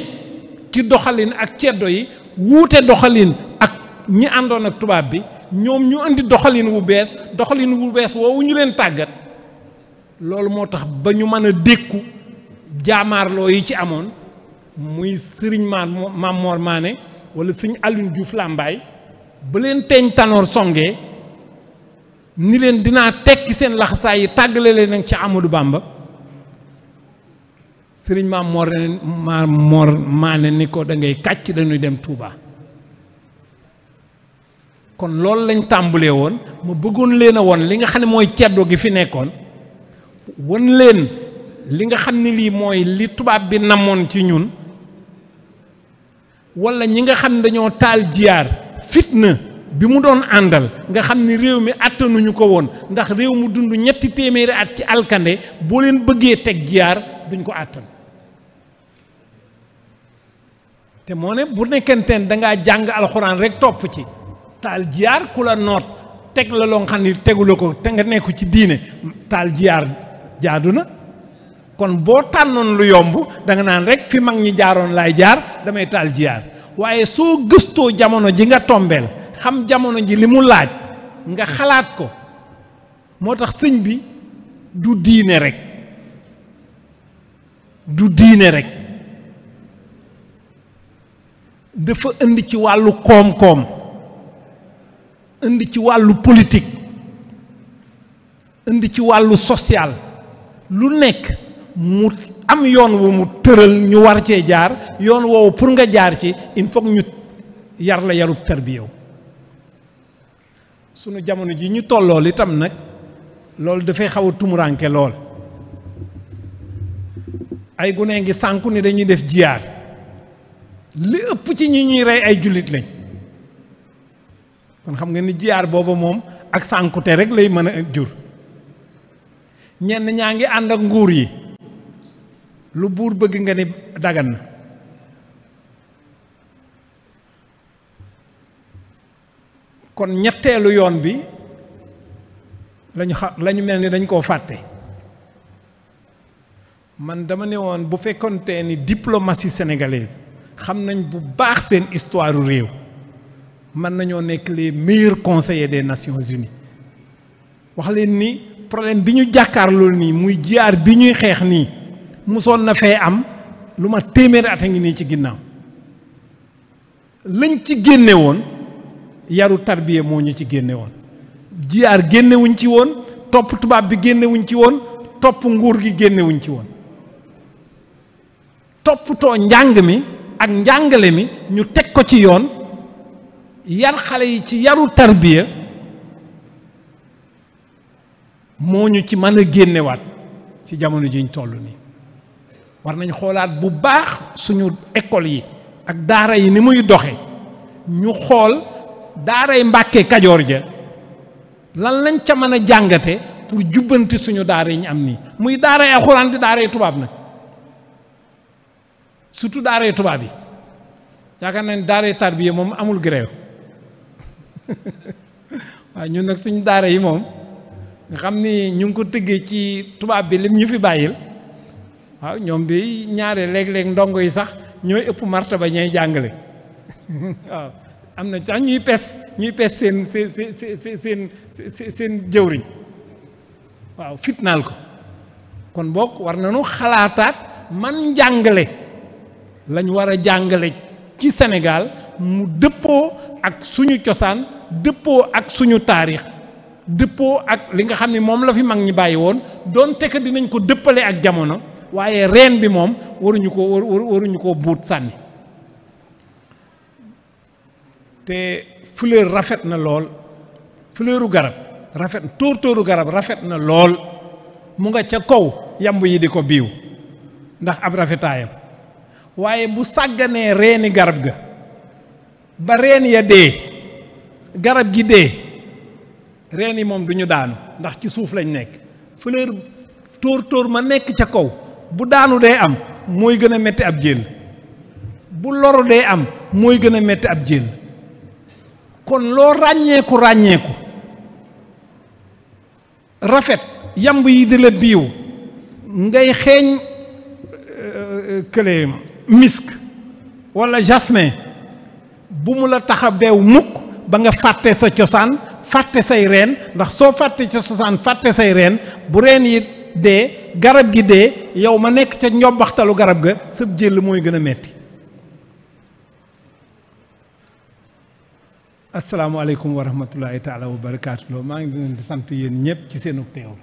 ci doxalin ak ceddo yi wuute doxalin ak ñi àndoon ak tubaab bi ñoom ñu indi doxalin wu bees doxalin wu bees woowu ñu leen tàggat loolu moo tax ba ñu mën a dékku jaamaarloo yi ci amoon muy sëriñ maam Mamor Maane wala sëñ Alioune Diouf Lambaay ba leen teeñ tanoor songe ni leen dinaa tekki seen laxasaay yi tàggale leen nag ci Amadou Bamba sëriñ Mamor Mamor Maane ni ko da kàcc dañuy dem Touba kon loolu lañ tàmbalee woon ma bëggoon leen a woon li nga xam ne mooy ceddo gi fi nekkoon won leen li nga xam ne lii mooy li tubaab bi namoon ci ñun wala ñi nga xam ne dañoo taal jiyaar fitna bi mu doon àndal nga xam ni réew mi attanuñu ko woon ndax réew mu dund ñetti téeméeri at ci alkande boo leen bëggee teg jiyaar duñ ko àttan te moo ne bu nekkenteen da ngaa jàng alxuraan rek topp ci taal jiyaar ku la noot teg la loo xam ni tegu ko te nga nekku ci diine taal jiyaar jaadu na kon boo tànnoon lu yomb danga naan rekk fi mag ñi jaaroon laay jaar damay taal jiyaar waaye soo gëstoo jamono ji nga tombeel xam jamono ji li mu laaj nga xalaat ko moo tax sëñ bi du diine rekk du diine rekk dafa indi ci wàllu koom-koom indi ci wàllu politique indi ci wàllu social lu nekk mu am yoon wu mu tëral ñu war cee jaar yoon woowu pour nga jaar ci il faut ñu yar la yarub tarbiyaw sunu jamono ji ñu tollool itam nag loolu dafay xaw a tumuranke lool ay gune ngi sànku ni dañuy def jiyaar li ëpp ci ñi ñuy rey ay jullit lañ kon xam nga ni jiyaar booba moom ak sànkute rek lay mën a jur ñenn ñaa ngi ànd ak nguur yi lu buur bëgg nga ni dagan na kon ñetteelu yoon bi lañu xa lañu mel ni dañ koo fàtte man dama ne woon bu fekkonte ni diplomatie sénégalaise xam nañ bu baax seen histoire réew mën nañoo nekk les meilleurs conseillers des Nations Unies wax leen ni problème bi ñu jàkkaarloo nii muy jiyaar bi ñuy xeex nii musoon na fee am lu ma téeméeri at a ngi nii ci ginnaaw lañ ci génnewoon yaru tarbiya moo ñu ci génnewoon woon jiyaar génnewuñ ci woon topp tubaab bi génnewuñ ci woon topp nguur gi génnewuñ ci woon toppatoo njàng mi ak njàngale mi ñu teg ko ci yoon yar xale yi ci yaru tarbiya moo ñu ci mën a génnewaat ci jamono ji ñu toll nii war nañ xoolaat bu baax suñu école yi ak daara yi ni muy doxe ñu xool daaray mbàkke kajoor ja lan lañ ca mën a jàngate pour jubbanti suñu daara yi am nii muy daaray alxuraan di daaray tubaab nag surtout daaray tubaab yi yaakaar nañ daaray tarbiya moom amul grève waaw ñun nag suñu daara yi moom nga xam ni ñu ngi ko tëggee ci tubaab bi lim ñu fi bàyyil waaw ñoom bi ñaaree léeg-léeg ndongo yi sax ñooy ëpp ba ñay jàngale waaw am na sax ñuy pes ñuy pes seen seen seen jëwriñ waaw fitnaal ko kon bokk war nañu xalaataat man njàngale lañu war a jàngale ci senegaal mu dëppoo ak suñu cosaan dëppoo ak suñu taarix dëppoo ak li nga xam ne moom la fi mag ñi bàyyi woon doonte que dinañ ko dëppale ak jamono waaye reen bi moom waruñu ko waruñu ko buut sànni te fleur rafet na lool fleuru garab rafet tóor tóoru garab rafet na lool mu nga ca kaw yamb yi di ko biiw ndax ab rafetaayam waaye bu sàgganee reeni garab ga ba reen ya dee garab gi dee reen yi moom du daanu ndax ci suuf lañ nekk fleur tóor tóor ma nekk ca kaw bu daanu dee am mooy gën a metti ab jël bu loru dee am mooy gën a metti ab jël kon loo ràññeeku ràññeeku rafet yamb yi di la biiw ngay xeeñ euh, kële misk walla jasmin bu mu la taxa beew mukk ba nga fàtte sa cosaan fàtte say reen ndax soo fàtte sa cosaan fàtte say reen bu reen yi dee garab gi dee yow ma nekk ca njobbaxtalu garab ga sab jël mooy gën a metti asalaamaaleykum wa rahmatullahi taala wa barakaatu maa ngi leen di sant yéen ñëpp ci seenu teew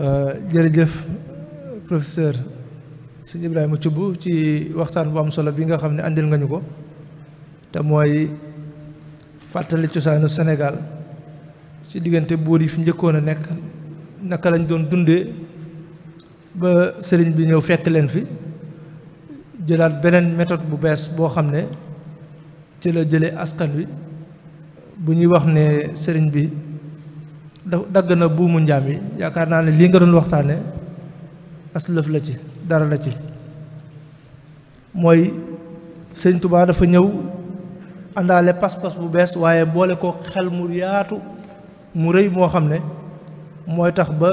euh, jërëjëf professeur sëñ Ibrahima Thioub ci waxtaan bu am solo bi nga xam ne àndil nga ñu ko te mooy fàttali cosaanu Sénégal ci diggante buur yi fi njëkkoon a nekk naka lañ doon dundee ba sëriñ bi ñëw fekk leen fi jëlaat beneen méthode bu bees boo xam ne ci la jële askan wi bu ñuy wax ne sëriñ bi da dagg na buumu njaam yi yaakaar naa ne lii nga doon waxtaane aslëf la ci dara la ci mooy sëñ Tuubaa dafa ñëw àndaale pas-pas bu bees waaye boole ko xel mu yaatu mu rëy moo xam ne mooy tax ba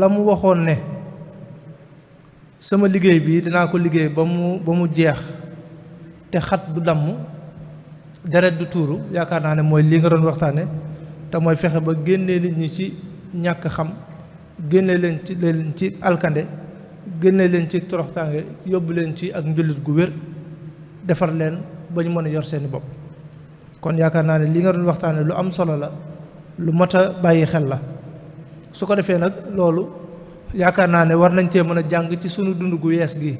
la mu waxoon ne sama liggéey bi dinaa ko liggéey ba mu ba mu jeex te xat du damm deret du tuuru yaakaar naa ne mooy lii nga doon waxtaane te mooy fexe ba génnee nit ñi ci ñàkk xam génne leen ci leen ci alkande génne leen ci toroxtaange yóbbu leen ci ak njullit gu wér defar leen ba ñu mën a yor seeni bopp kon yaakaar naa ne li nga doon waxtaane lu am solo la lu mat a bàyyi xel la su ko defee nag loolu yaakaar naa ne war nañ cee mën a jàng ci sunu dund gu yees gi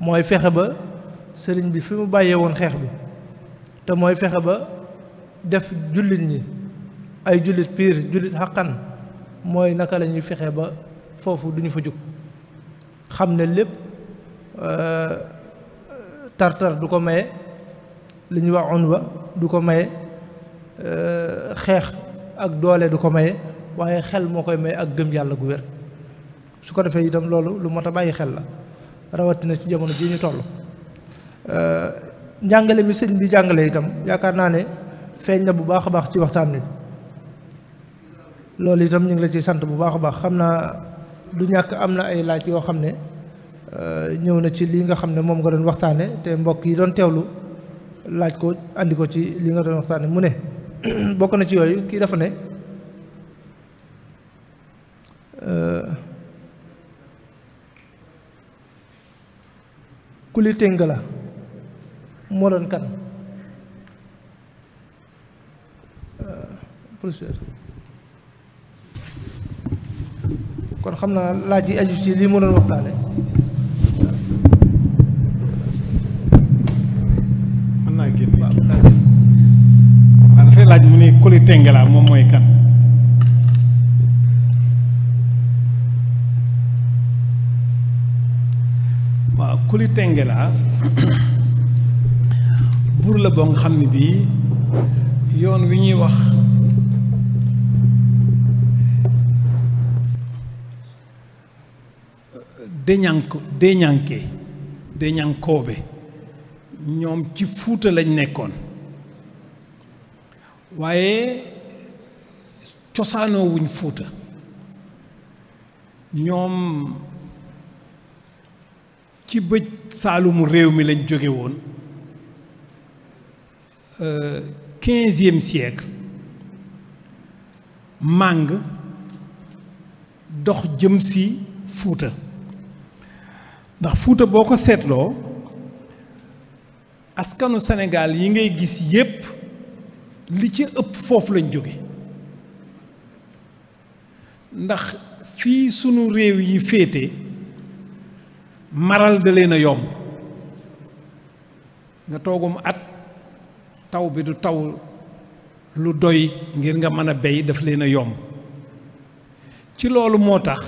mooy fexe ba sëriñ bi fi mu bàyyee woon xeex bi te mooy fexe ba def jullit ñi ay jullit piir jullit xaqan mooy naka lañuy ñuy fexe ba foofu duñu fa jóg xam ne lépp euh, tartar du ko maye li ñuy wax on wa du ko maye euh, xeex ak doole du ko maye waaye xel moo koy maye ak gëm yàlla gu wér su ko defee itam loolu lu mot a bàyyi xel la rawatina ci jamono ji ñu toll euh, njàngale mi sëñ bi jàngale itam yaakaar naa ne feeñ na bu baax a baax ci waxtaan wi loolu itam ñu ngi la ci sant bu baax a baax xam naa du ñàkk am na ay laaj yoo xam ne euh, ñëw na ci lii nga xam ne moom nga doon waxtaane te mbokk yi doon teewlu laaj ko andi ko ci li nga doon waxtaane mu ne bokk na ci yooyu kii dafa ne euh, kuli téng la moo doon kan euh, kon xam naa laaj yi aju ci lii mu doon waxtaane mën naa génn waaw dafay laaj mu ne Koli Tengela moom mooy kan waaw Koli Tengela buur la boo nga xam ne bii yoon wi ñuy wax deñanko deñanke deñankoobe ñoom ci fuuta lañ nekkoon waaye cosaanoo fuuta ñoom ci bëj saalumu réew mi lañ jóge woon euh, quinzième siècle màng dox jëm si fuuta ndax Fuuta boo ko seetloo askanu senegaal yi ngay gis yépp li ci ëpp foofu lañ jóge ndax fii sunu réew yi féete maral da leen a yomb nga toogum at taw bi du taw lu doy ngir nga mën a bey daf leen a yomb ci loolu moo tax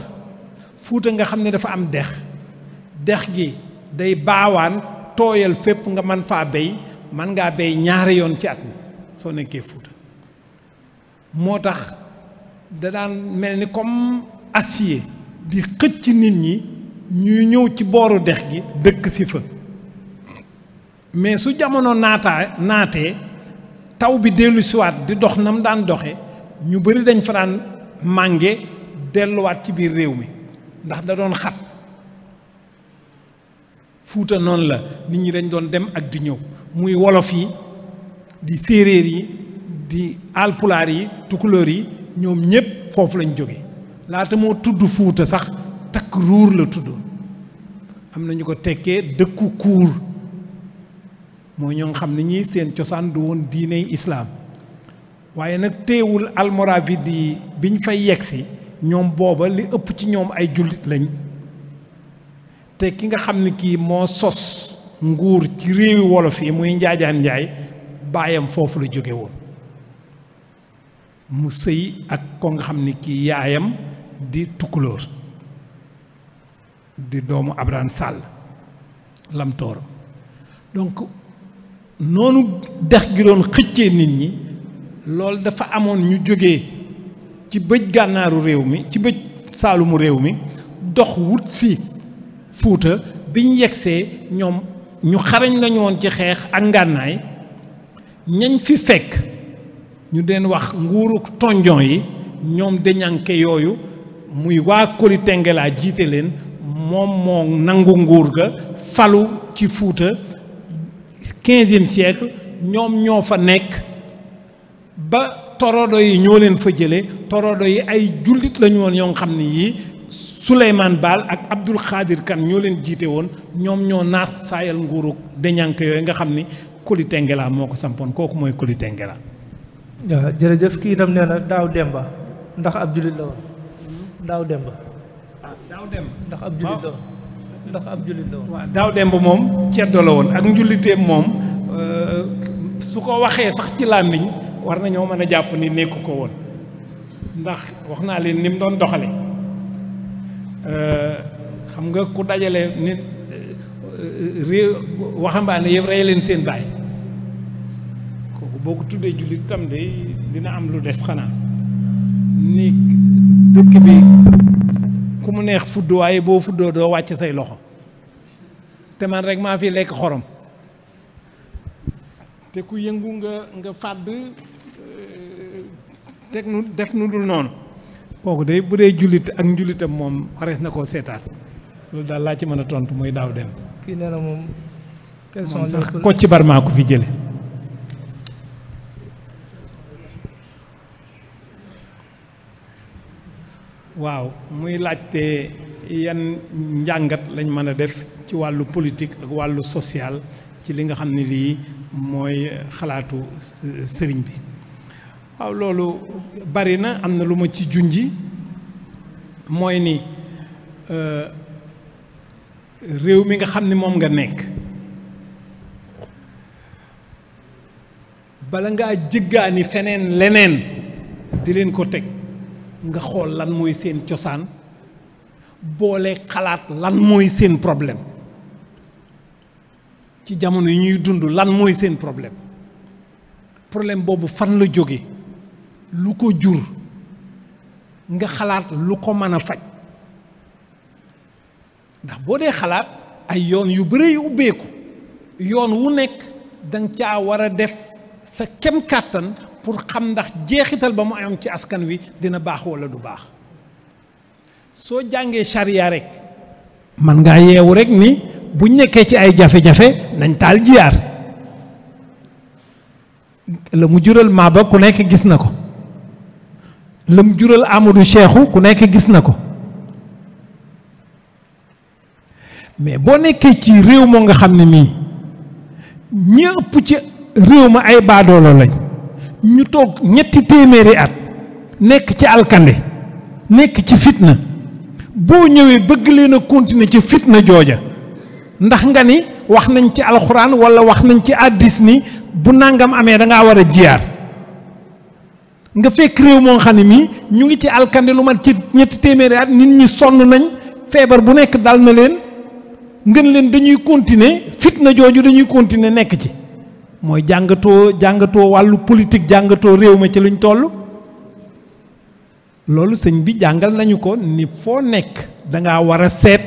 Fuuta nga xam ne dafa am dex dex gi day baawaan tooyal fépp nga mën faa bey man ngaa bey ñaari yoon ci at mi soo nekkee Fuuta moo tax da daan mel ni comme acier di xëcc nit ñi ñuy ñëw ci booru dex gi dëkk si fa mais su jamono naataa naatee taw bi dellu siwaat di dox nam daan doxe ñu bëri dañ fa daan mànge delluwaat ci biir réew mi ndax da doon xat fuuta noonu la nit ñi dañ doon dem ak di ñëw muy wolof yi di séeréer yi di alpulaar yi tukulóor yi ñoom ñépp foofu lañ jóge laata moo tudd fuuta sax takk ruur la tuddoon am nañu ko tekkee dëkku kuur mooy ñoo xam ni ñi seen cosaan du woon diiney islaam waaye nag teewul almoravide yi biñ fay yegsi ñoom booba li ëpp ci ñoom ay jullit lañ te ki nga xam ni kii moo sos nguur ci réewi wolof yi muy njaajaan njaay baayam foofu la jóge woon mu sëy ak ko nga xam ni kii yaayam di tukkulóor di doomu Abraham Sall Lamtooro donk noonu dex gi doon xëccee nit ñi lool dafa amoon ñu jóge ci bëj gànnaaru réew mi ci bëj saalumu réew mi dox wut si fuuta biñ ñu yegsee ñoom ñu xarañ lañu woon ci xeex ak ngànnaay ñañ fi fekk ñu deen wax nguuruk tonjon yi ñoom deñanke yooyu muy waa Koli Tengelaa jiite leen moom moo nangu nguur ga falu ci fuuta quinzième siècle ñoom ñoo fa nekk ba torodo yi ñoo leen fa jële torodo yi ay jullit lañu woon yoo xam ne yii Souleymane Baal ak Abdul Xaadir Kan ñoo leen jiite woon ñoom ñoo naas saayal nguuru deñànk yooyu nga xam ni Koli Tengela moo ko sampoon kooku mooy Koli Tengela. waaw jërëjëf kii itam nee na daaw Demba ndax ab jullit la woon daaw Demba. Ah, ndax ab jullit la woon ndax ab jullit la woon. waaw daaw Demba moom ceddo la woon ak njulliteem moom euh, su ko waxee sax ci làmmiñ war nañoo mën a jàpp ni nekku ko woon ndax wax naa leen ni mu doon doxale Euh, xam nga ku dajale nit euh, euh, réew waxambaane yëpp rey leen seen baay kooku boo ko tuddee jullit tam de dina am lu des xanaa ni dëkk bi ku mu neex fudd waaye boo fuddoo doo wàcc say loxo te man rek maa fi lekk xorom te ku yëngu nga nga fàdd teg nu def nu dul noonu kooku day bu dee jullit ak njulitam moom xarees na koo seetaan loolu daal laa ci mën a tontu muy daaw dem. moom. moom ko ci barmaa ko fi jële waaw muy laajte yan njàngat lañ mën a def ci wàllu politik ak wàllu social ci li nga xam ne lii mooy xalaatu sëriñ bi. waaw loolu bari na am na lu ma ci junji mooy ni euh, réew mi nga xam ni moom nga nekk bala ngaa jëggaani feneen leneen di leen ko teg nga xool lan mooy seen cosaan boole xalaat lan mooy seen problème ci jamono yi ñuy dund lan mooy seen problème problème boobu fan la jóge lu ko jur nga xalaat lu ko mën a faj ndax boo dee xalaat ay yoon yu bëre yu ubbeeku yoon wu nekk danga ca war a def sa kem kàttan pour xam ndax jeexital ba mu am ci askan wi dina baax walla du baax soo jàngee charia rekk man ngaa yeewu rekk ni bu nekkee ci ay jafe-jafe nañ taal jiyaar la mu jural maa ba ku nekk gis na ko lam jural Amadou Cheikhou ku nekk gis na ko mais boo nekkee ci réew moo nga xam ne mii ñi ëpp ci réew ma ay baadoolo lañ ñu toog ñetti téeméeri at nekk ci alkande nekk ci fitna boo ñëwee bëgg leen a continuer ci fitna jooja ndax nga ni wax nañ ci alxuraan walla wax nañ ci àddis ni bu nàngam amee da ngaa war a jiyaar nga fekk réew moo xam ne mii ñu ngi ci alkande lu mat ci ñetti téeméeri at nit ñi sonn nañ feebar bu nekk dal na leen ngeen leen dañuy continuer fitna jooju dañuy continuer nekk ci mooy jàngatoo jàngatoo wàllu politique jàngatoo réew ma ci luñ toll loolu sëñ bi jàngal nañu ko ni foo nekk da ngaa war a seet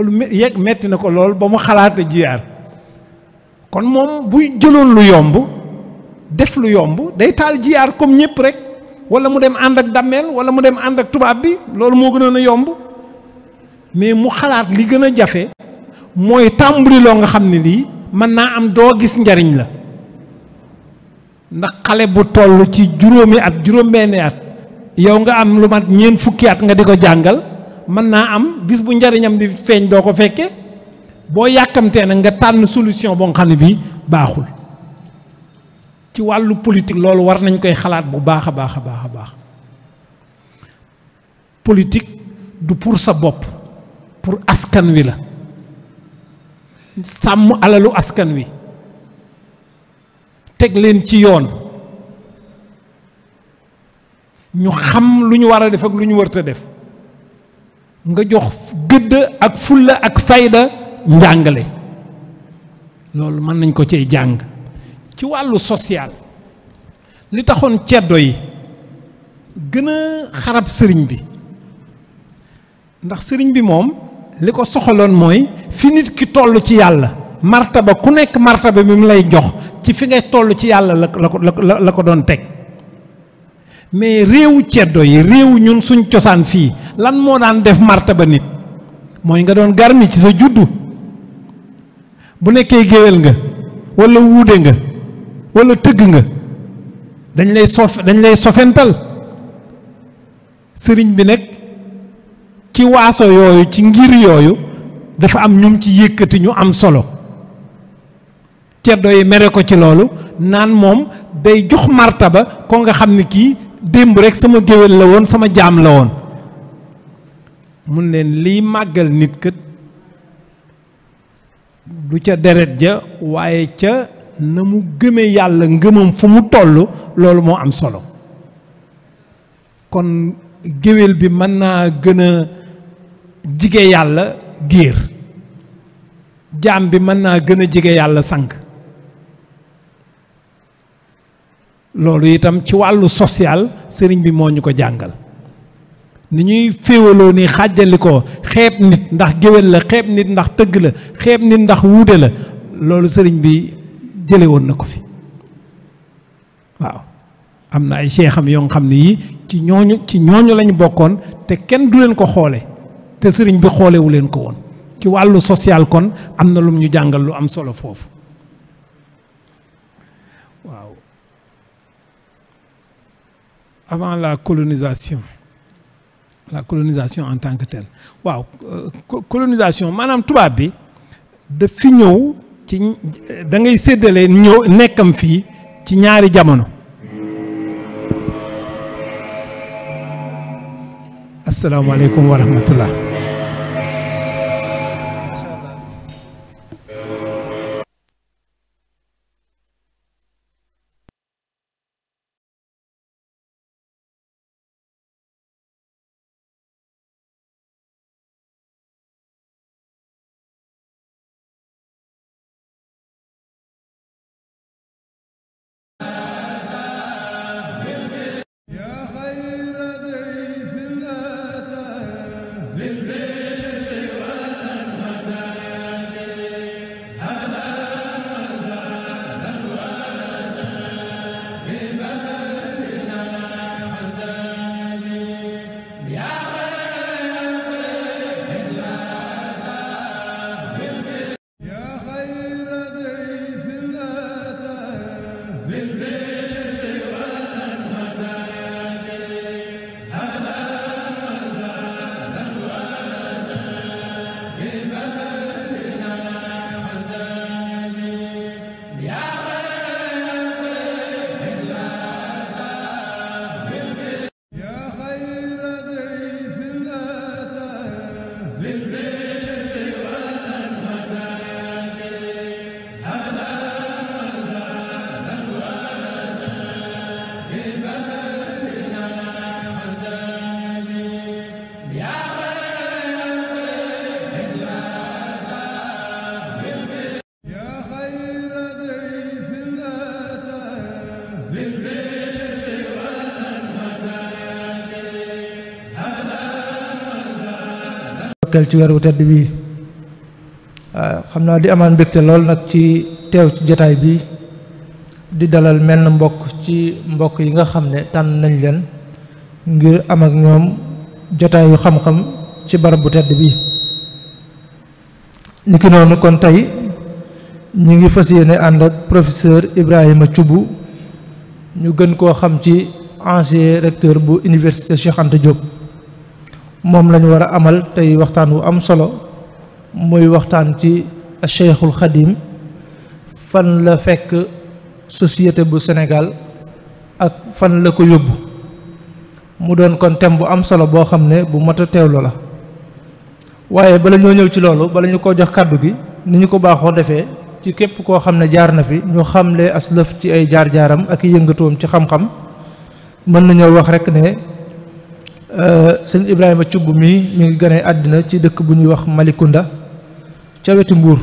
loolu yegg metti na ko lool ba mu xalaata jiyaar kon moom buy jëloon lu yomb def lu yomb day taal jiyaar comme ñëpp rek wala mu dem ànd ak dammeel wala mu dem ànd ak tubaab bi loolu moo gënoon a yomb mais mu xalaat li gën a jafe mooy tàmbali nga xam ne lii mën naa am doo gis njariñ la ndax xale bu toll ci juróomi at juróom-benni at yow nga am lu mat ñeent fukki at nga di ko jàngal mën naa am bis bu njariñam di feeñ doo ko fekke boo yàkkamtee na nga tànn solution boo xam ne bii baaxul ci wàllu politik loolu war nañ koy xalaat bu baax a baax a baax a baax politique du pour sa bopp pour askan wi la sàmm alalu askan wi teg leen ci yoon ñu xam lu ñu war a def ak lu ñu wërta def nga jox gëdd ak fulla ak fayda njàngale loolu mën nañ ko cay jàng ci wàllu social li taxoon ceddo yi gën a xarab sëriñ bi ndax sëriñ bi moom li ko soxaloon mooy fi nit ki toll ci yàlla martaba ku nekk martaba bi mu lay jox ci fi nga toll ci yàlla la la ko la ko doon teg mais réewu ceddo yi réew ñun suñ cosaan fii lan moo daan def ba nit mooy nga doon garmi ci sa juddu bu nekkee géwél nga walla wuude nga walla tëgg nga dañ lay sof dañ lay sofental sëriñ bi nag ci waaso yooyu ci ngir yooyu dafa am ñum ci yëkkati ñu am solo ceddo yi mere ko ci loolu naan moom day jox ba ko nga xam ne kii démb rekk sama géwél la woon sama jaam la woon mun leen liy màggal nit kët du ca deret ja waaye ca na mu gëme yàlla ngëmam fu mu toll loolu moo am solo kon géwél bi mën naa gën a jige yàlla giir jaam bi mën naa gën a jige yàlla sànq loolu itam ci wàllu social sëriñ bi moo ñu ko jàngal ni ñuy féewaloo ni xàjjali ko xeeb nit ndax géwél la xeeb nit ndax tëgg la xeeb nit ndax wuude la loolu sëriñ bi jële woon na ko fi waaw am na ay seexam yoo xam ne yi ci ñooñu ci ñooñu lañu bokkoon te kenn du leen ko xoole te sëriñ bi xoolewu leen ko woon ci wàllu social kon am na lum ñu jàngal lu am solo foofu avant la colonisation la colonisation en tant que telle waaw euh, colonisation maanaam tubaab bi daf fi ñëw ci da ngay séddale nekk nekkam fii ci ñaari jamono asalaamaaleykum wa rahmatullah xel ci weeru tedd bii waaw xam naa di amaan mbégte lool nag ci teew ci jataay bi di dalal menn mbokk ci mbokk yi nga xam ne tànn nañ leen ngir am ak ñoom jotaayu xam-xam ci barab bu tedd bii niki noonu kon tey ñu ngi fas ne ànd ak professeur Ibrahima cubu ñu gën koo xam ci ancien recteur bu université Cheikh Anta moom lañu war a amal tey waxtaan wu am solo muy waxtaan ci Cheikhul Khadim fan la fekk société bu senegal ak fan la ko yóbbu mu doon kon thème bu am solo boo xam ne bu mat a teewlu la waaye bala ñoo ñëw ci loolu bala ñu ko jox kàddu gi ni ñu ko baaxoo defee ci képp koo xam ne jaar na fi ñu xamle aslëf ci ay jaar-jaaram ak yëngatoom ci xam-xam mën nañoo wax rekk ne Euh, sëñ Ibrahima Cubb mii mu ngi gane àddina ci dëkk bu ñuy wax Malikunda ca wetu Mbuur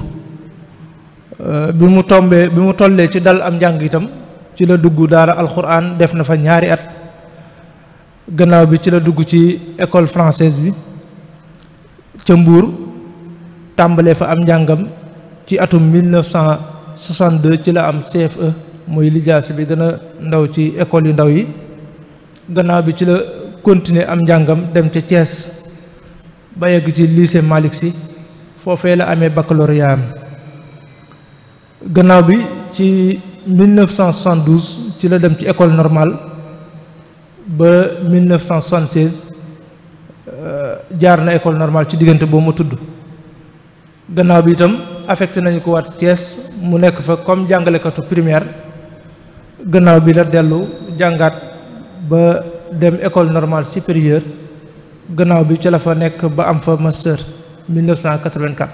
euh, bi mu tombee bi mu tollee ci dal am njàng itam ci la dugg daara alxuraan def na fa ñaari at gannaaw bi ci la dugg ci école française bi ca Mbuur tàmbalee fa am njàngam ci atum 1962 ci la am CFE muy lijaas bi gën a ndaw ci école yu ndaw yi gannaaw bi ci la continuer am njàngam dem ca Thiès ba yegg ci lycée Malick Sy foofee la amee baccalauréat am gannaaw bi ci 1972 ci la dem ci école normal ba 1976 euh, jaar na école normale ci diggante boo mu tudd gannaaw bi itam affecté nañu ko waat Thiès mu nekk fa comme jàngalekatu primaire gannaaw bi la dellu jàngaat ba dem école normale supérieure gannaaw bi ci la fa nekk ba am fa master 1984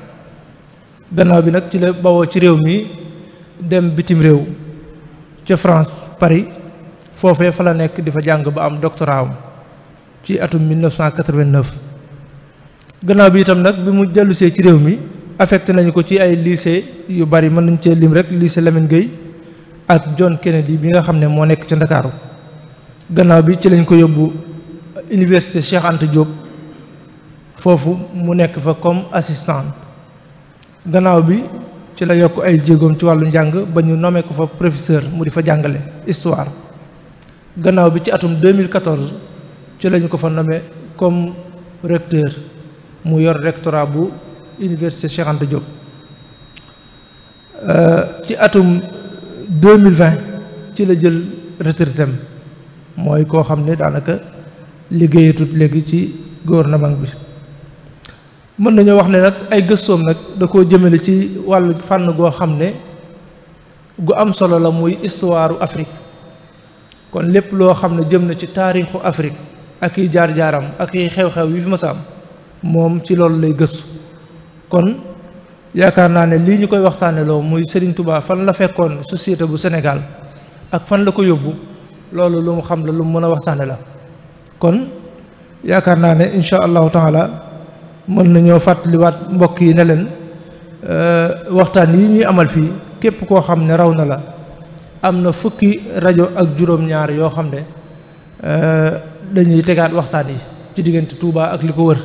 gannaaw bi nag ci la bawoo ci réew mi dem bitim réew ca France Paris foofee fa la nekk di fa jàng ba am doctorat am ci atum 1989 gannaaw bi itam nag bi mu dellusee ci réew mi affecté nañu ko ci ay lycée yu bari mën nañ cee lim rek lycée Lamine Gueye ak John Kennedy bi nga xam ne moo nekk ca Ndakaaru gannaaw bi ci lañ ko yóbbu université Cheikh Anta foofu mu nekk fa comme assistant gannaaw bi ci la yokk ay jéegoom ci wàllu njàng ba ñu nommé ko fa professeur mu di fa jàngale histoire gannaaw bi ci atum 2014 ci lañ ko fa nommé comme recteur mu yor rectorat bu université Cheikh Anta Diop euh, ci atum 2020 ci la jël retraitam mooy koo xam ne daanaka liggéeyatut léegi ci gouvernement bi mën nañoo wax ne nag ay gëstoom nag da koo jëmale ci wàll fànn goo xam ne gu am solo la muy histoire Afrique kon lépp loo xam ne jëm na ci taarixu Afrique ak i jaar-jaaram ak yi xew-xew yi fi ma am moom ci loolu lay gëstu kon yaakaar naa ne lii ñu koy waxtaanee loo muy sëriñ tubaa fan la fekkoon société bu Sénégal ak fan la ko yóbbu. loolu lu mu xam la lu mu mën a waxtaane la kon yaakaar naa ne incha allahu taala mën nañoo fàttaliwaat mbokk yi ne leen euh, waxtaan yi ñuy amal fii képp koo xam ne raw na la am na fukki rajo ak juróom-ñaar yoo xam ne euh, dañuy tegaat waxtaan yi ci diggante Touba ak li ko wër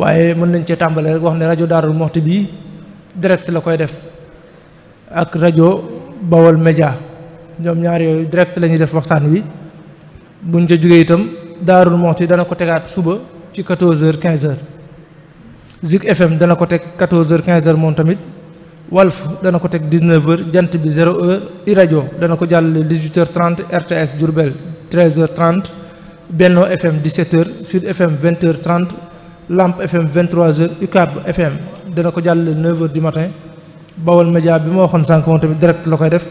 waaye mën nañ cee tàmbali rek wax ne rajo Daarul Muxti bii direct la koy def ak rajo Bawol Média ñoom ñaar yooyu direct la ñuy def waxtaan wi buñ ca jógee itam Daarul Muxti dana ko tegaat suba ci 14h 15h Zik FM dana ko teg 14h 15h moom tamit Walf dana ko teg 19h jant bi 0h iRadio dana ko jàll 18h30 RTS Diourbel 13h30 Benno FM 17h Sud FM 20h30 Lamp FM 23h UCAB FM dana ko jàll 9h du matin Bawol Média bi ma waxoon sànq tamit direct la koy def.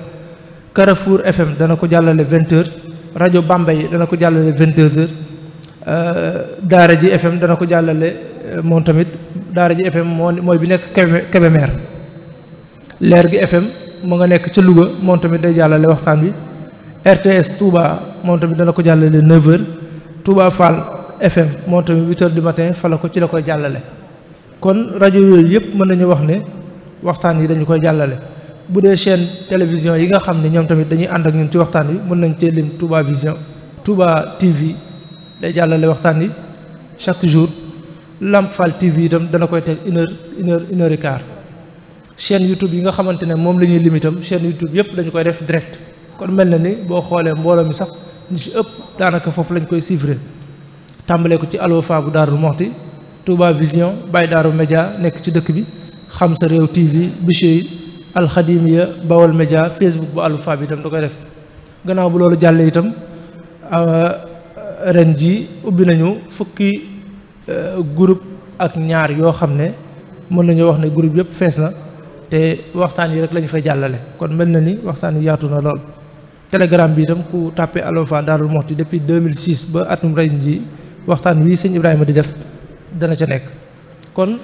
four FM dana ko jàllale vingt heures rajo Bambey dana ko jàllale vingt deux heures euh, Daara ji FM dana ko jàllale euh, moom tamit Daara ji FM moo mooy bi nekk Kébémer leer gi FM mu nga nekk ca Louga moom tamit day jàllale waxtaan bi RTS Touba moom tamit dana ko jàllale neuf heures Touba Fall FM moom tamit huit heures du matin fa la ko ci la koy jàllale kon rajo yooyu yëpp mën nañu wax ne waxtaan yi dañu koy jàllale. bu dee chaîne télévision yi nga xam ne ñoom tamit dañuy ànd ak ñun ci waxtaan wi mën nañ cee lim Touba Vision Touba TV day jàllale waxtaan yi chaque jour Lamp Fall TV itam dana koy teg une heure une heure une YouTube yi nga xamante ne moom la ñuy lim itam chaîne YouTube yëpp dañu koy def direct kon mel na ni boo xoolee mbooloo mi sax ñu ci ëpp daanaka foofu lañ koy suivre tàmbalee ko ci Alwafa bu Daarul Moxti Touba Vision Baye Daaru Média nekk ci dëkk bi xam sa alxadimiya bawal média facebook bu alufaa bi itam da koy def gannaaw bu loolu jàllee itam ah, ren ji ubbi nañu fukki eh, groupe ak ñaar yoo xam ne mën nañu wax ne groupe yëpp fees na te waxtaan yi rek lañu ñu fay jàllale kon mel na ni waxtaan yi yaatu na lool telegram bi tam ku tàppe alofaa Daarul Muxti depuis 2006 ba atum ren ji waxtaan wi sëñ Ibrahima di def dana ca nekk kon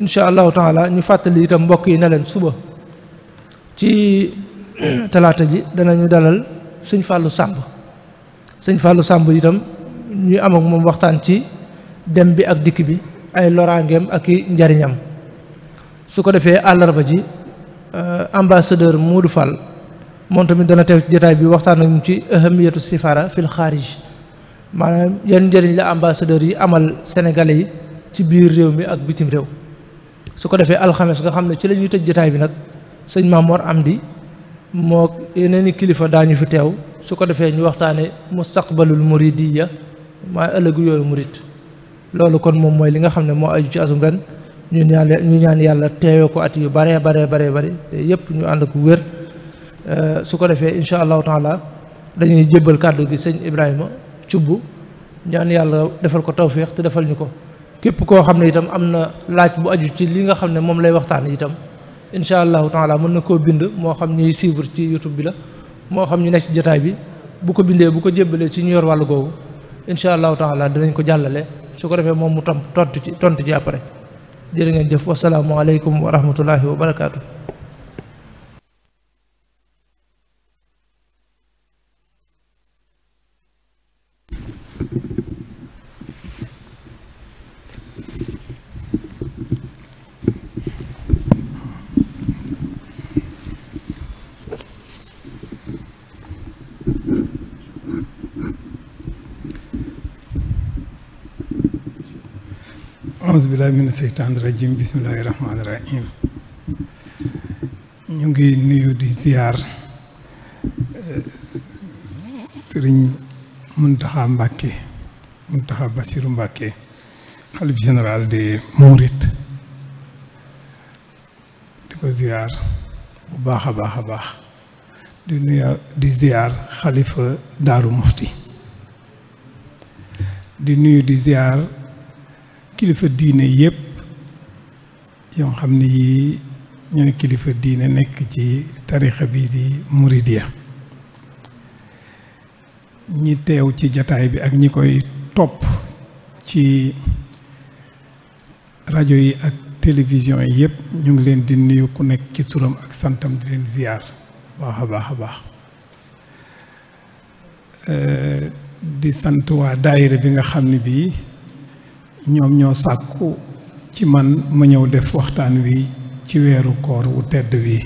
incha allahu taala ñu fàttali itam mbokk yi ne leen suba ci talaata ji danañu dalal suñ fàllu Samb sëñ fàllu Samb yitam ñuy am moom waxtaan ci dem bi ak dikk bi ay loraangeem ak i njariñam su ko defee àllarba ji euh, ambassadeur Modou Fall moom tamit dana teew ci jotaay bi waxtaan ak mu ci ahamiyatu sifara fil xaarij maanaam yan njëriñ la ambassadeur yi amal sénégalais yi ci biir réew mi ak bitim réew su ko defee alxames nga xam ne ci la ñuy tëj jotaay bi nag sëñ Mamoor Amdi moo yeneen i kilifa daañu fi teew su ko defee ñu waxtaane mustaqbalul muridiyya maa ëllëgu yooyu murid loolu kon moom mooy li nga xam ne moo aju ci asum ñu ñaan ñu ñaan yàlla teewee ko at yu baree baree baree bare te yëpp ñu ànd ko wér euh, su ko defee incha allahu taala dañuy jëbbal kàddu gi sëñ Ibrahima cubb ñaan yàlla defal ko tawféex te defal ñu ko képp koo xam ne itam am na laaj bu aju ci li nga xam ne moom lay waxtaan itam incha allahu taala mën na koo bind moo xam ñuy suivre ci youtube bi la moo xam ñu nekk ci jataay bi bu ko bindee bu ko jébbalee ci ñu yor wàllu googu incha allahu taala dinañ ko jàllale su ko defee moom mu tom tontu ci tontu ji après jërë ngeen jëf wasalaamualeykum wa rahmatullahi wa barakaatu. aousubillah mina seytaan rajim bisimillahi rahmaani rahim ñu ngi nuyu di ziar eh, sëriñ Muntaxa Mbàkke Muntaxa Basiru Mbàkke xalif général de Mouride di ko ziar bu baax a baax a baax di nuyu di ziar xalifa Daaru Mufti di nuyu di ziar kilifa diine yépp yoo xam ne yii ñooy kilifa diine nekk ci tarixa bi di muridiya ñi teew ci jataay bi ak ñi koy topp ci rajo yi ak télévision yi yépp ñu ngi leen di nuyu ku nekk ci turam ak santam di leen ziyaar baax a baax di sant waa daayira bi nga xam ne bii ñoom ñoo sàkku ci man ma ñëw def waxtaan wi ci weeru koor wu tedd wi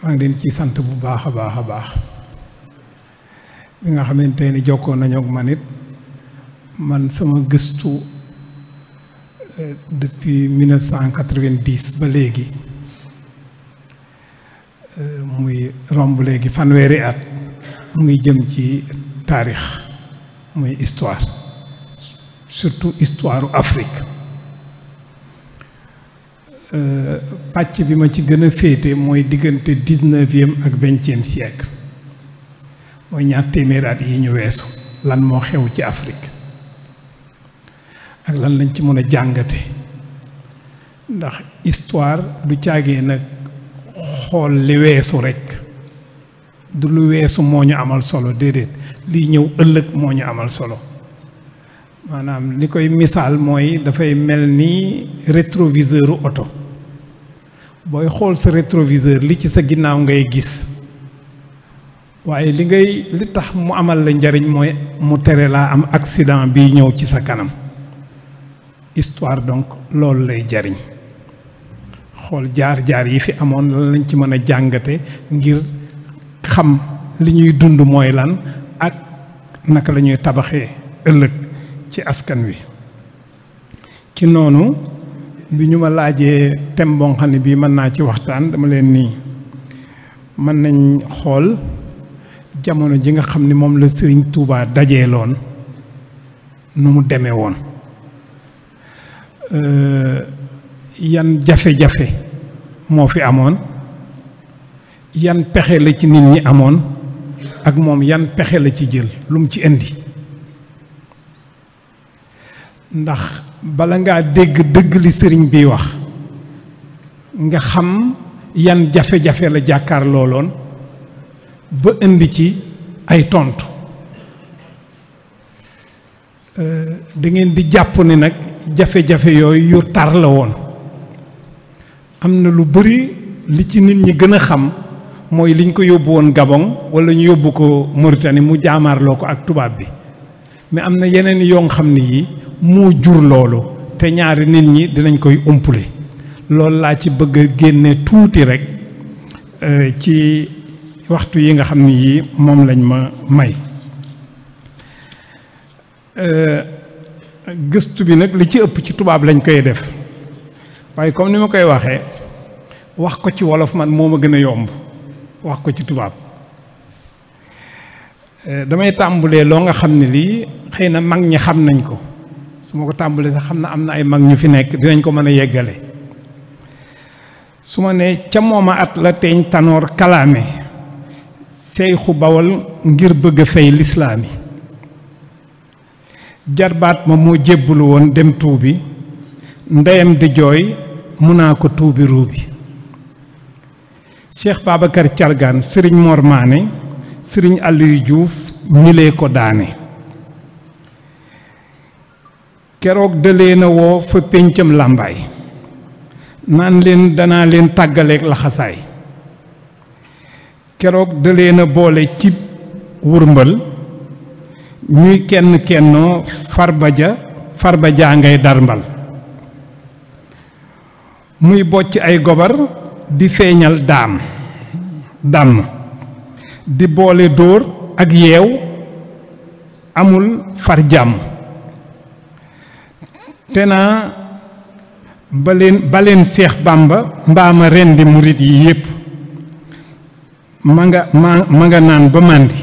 maa ngi leen ci sant bu baax a baax a baax bi nga xamante ni jokkoon nañu ma nit man sama gëstu euh, depuis 1990 ba léegi euh, muy romb léegi fanweeri at mu ngi jëm ci taarix muy histoire surtout histoire Afrique euh, pàcc bi ma ci gën a féete mooy diggante dix-neuvième ak vingtième siècle mooy ñaar téeméeri at yi ñu weesu lan moo xew ci Afrique ak lan lañ ci mën a jàngate ndax histoire du caagee nag xool li weesu rekk du lu weesu moo ñu amal solo déedéet lii ñëw ëllëg moo ñu amal solo maanaam li koy misaal mooy dafay mel ni rétroviseuru oto booy xool sa rétroviseur li ci sa ginnaaw ngay gis waaye li ngay li tax mu amal la njariñ mooy mu tere laa am accident bi ñëw ci sa kanam histoire donc loolu lay jariñ xool jaar-jaar yi fi amoon lan lañ ci mën a jàngate ngir xam li ñuy dund mooy lan naka lañuy tabaxee ëllëg ci askan wi ci noonu bi ñu ma laajee thème boo xam bii mën naa ci waxtaan dama leen nii mën nañ xool jamono ji nga xam ni moom la Sëriñ Tuubaa dajee loon nu mu demee woon euh, yan jafe-jafe moo fi amoon yan pexe la ci nit ñi amoon ak moom yan pexe la ci jël lu mu ci indi ndax bala ngaa dégg dëgg li sëriñ biy wax nga xam yan jafe-jafe la jàkkaar looloon ba indi ci ay tontu euh, da ngeen di jàpp ni nag jafe-jafe yooyu yu tar la woon am na lu bari li ci nit ñi gën a xam mooy liñ ko yóbbu woon Gabon wala ñu yóbbu ko Mauritanie mu jaamaarloo ko ak tubaab bi mais am na yeneen yoon xam ne yi moo jur loolu te ñaari nit ñi dinañ koy umpule loolu laa ci bëgg a génne tuuti rek euh, ci waxtu yi nga xam ne yii moom lañ ma may euh, gëstu bi nag li ci ëpp ci tubaab lañ koy def waaye comme ni ma koy waxee wax ko ci wolof man moo ma gën a yomb wax ko ci tubaab eh, damay tàmbulee loo nga xam ne lii xëy na mag ñi xam nañ ko su ma ko tàmbulee sax xam na am na ay mag ñu fi nekk dinañ ko mën a yeggale su ma ne ca mooma at la teeñ tanoor kalaame seyxu bawal ngir bëgg a fay lislaami jarbaat ma moo jébbulu woon dem tuubi ndeyam di jooy mun naa ko tuubi ruubi Cheikh Babacar Thiargane sëriñ Mor Mané Serigne Aliou Diouf ñi lee ko daane keroog da leen woo fa péncam làmbaay naan leen danaa leen tàggaleeg laxasaay keroog da leen boole ci wurmbal ñuy kenn kennoo farba ja farba jaa ngay darmbal muy bocc ay gobar di feeñal daam dàmm di boole dóor ak yeew amul far jàmm te naa baleen baleen seex bàmba mbaama ren di murit yi yépp ma nga ma nga naan ba màndi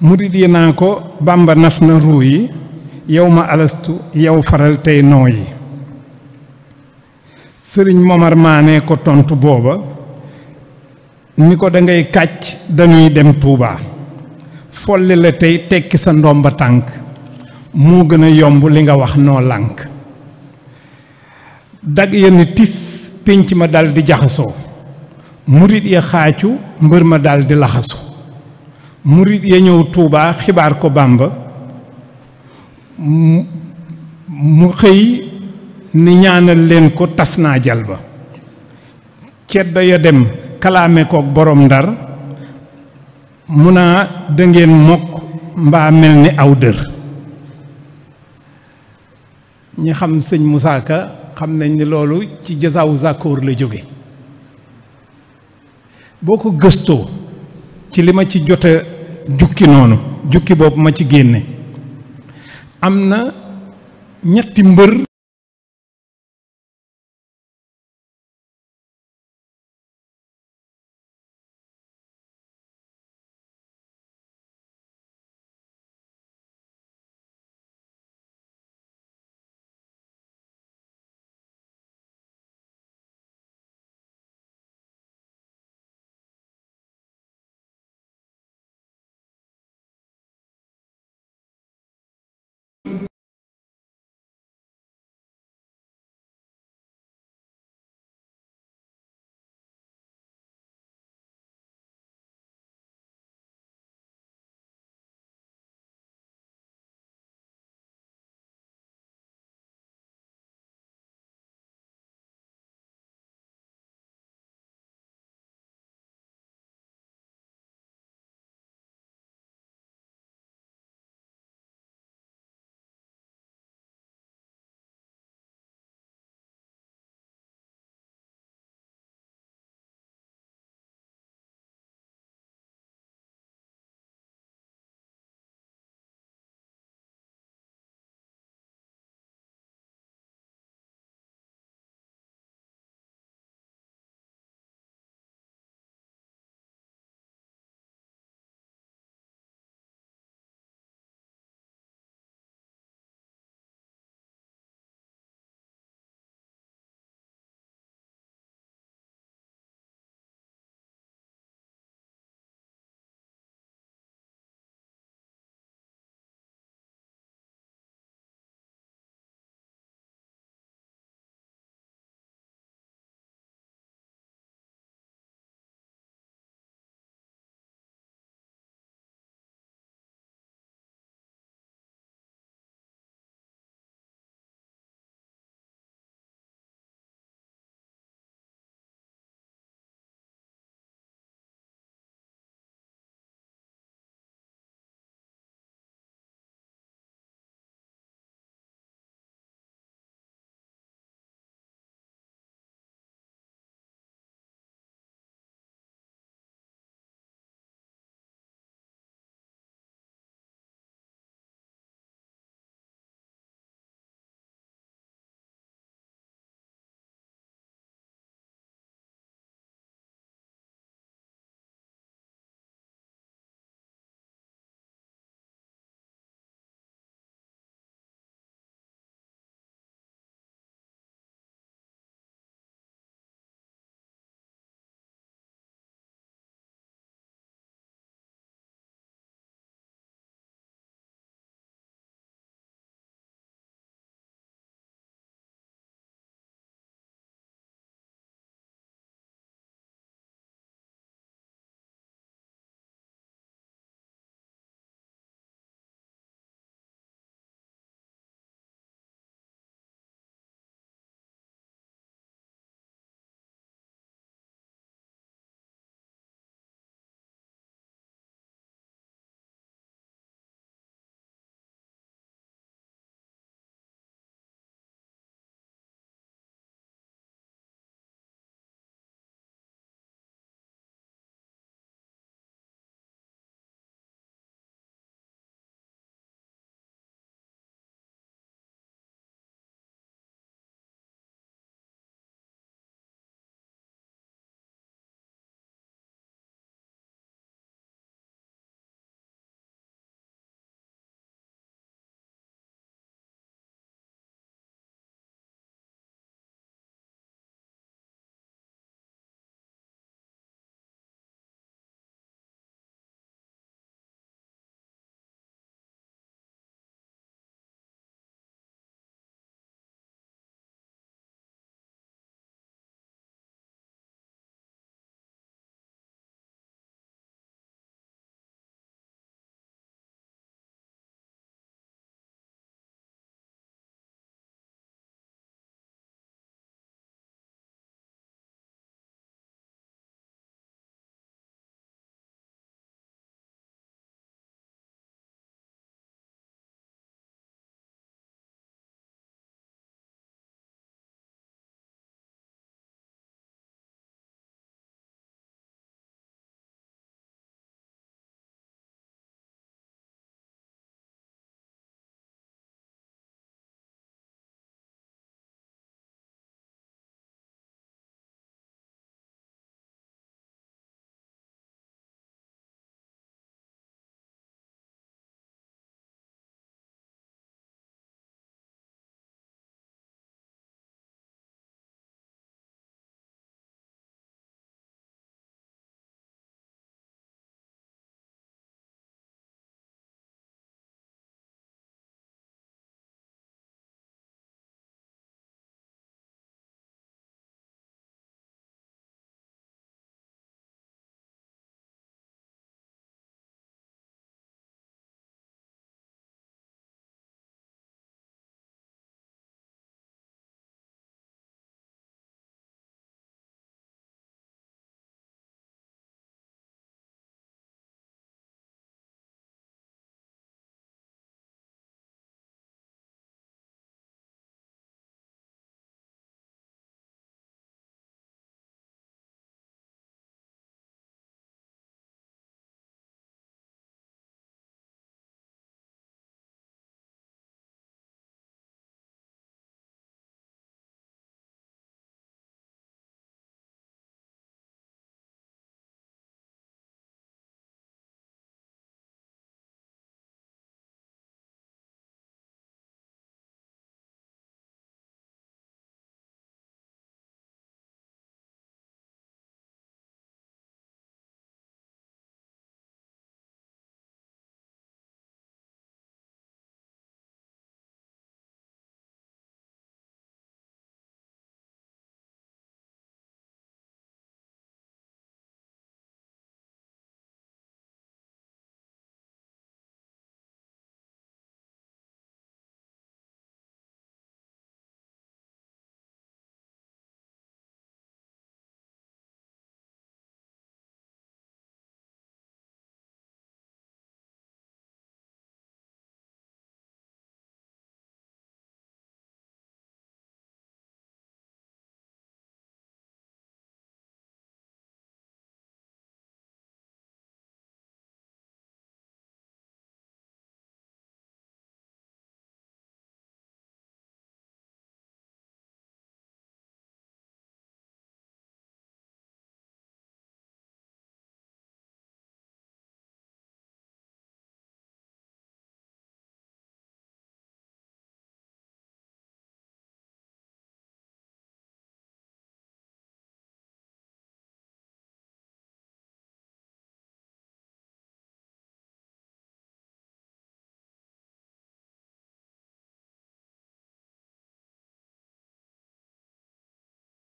murit yi naa ko bàmba nas na ruu yi yow ma alastu yow faral tey noo yi sëriñ Momar Maane ko tontu booba ni ko dangay kàcc dañuy dem tuubaa folli la tey tekki sa ndomba tànk moo gën a yomb li nga wax noo lànk dag ya ni tis pénc ma daldi jaxasoo murit ya xaacu mbër ma daldi laxasu murit ya ñëw tuubaa xibaar ko Bàmba mu xëy ni ñaanal leen ko tas naa jal ba ceddo ya dem kalaame kook borom ndar mu naa dangeen mokk mbaa mel ni aw dër ñi xam sëñ Moussa Ka xam nañ ni loolu ci jasaw Zakoor la jóge boo ko gëstoo ci li ma ci jot a jukki noonu jukki boobu ma ci génne am na ñetti mbër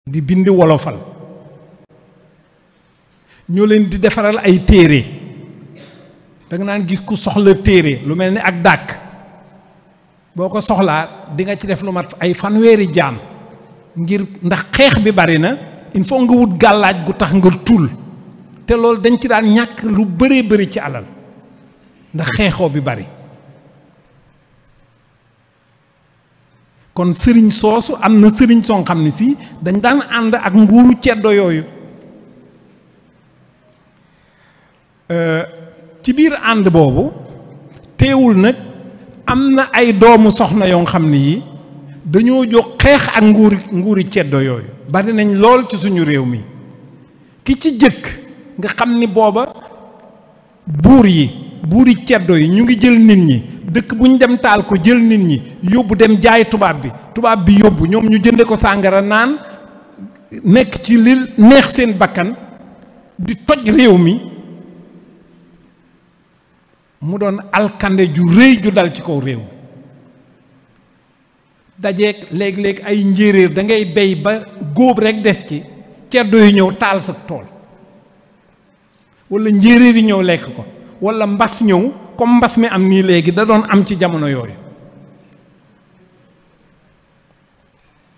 di bind wolofal ñoo leen di defaral ay téere danga nga gis ku soxla téere lu mel ni ak dàq boo ko soxlaa dinga ci def lu mat ay fanweeri jaan ngir ndax xeex bi bari na il faut nga wut gàllaaj gu tax nga tul te loolu dañ ci daan ñàkk lu bëree bëri ci alal ndax xeexoo bi bari kon sëriñ soosu am na sëriñ soo xam ne si dañ daan ànd ak nguuru ceddo yooyu euh, ci biir ànd boobu teewul nag am na ay doomu soxna yoo xam ne yi dañoo jóg xeex ak nguuri nguuri ceddo yooyu bari nañ lool ci suñu réew mi ki ci jëkk nga xam ni booba buur yi buur buuri ceddo yi ñu ngi jël nit ñi dëkk bu ñu dem taal ko jël nit ñi yóbbu dem jaay tubaab bi tubaab bi yóbbu ñoom ñu jënde ko sàngara naan nekk ci li neex seen bakkan di toj réew mi mu doon alkande ju rëy ju dal ci kaw réew dajeeg léeg-léeg ay njéeréer da ngay bey ba góob rekk des ci ceddo yi ñëw taal sa tool walla njéeréer yi ñëw lekk ko wala mbas ñëw comme mbas mi am nii léegi da doon am ci jamono yooyu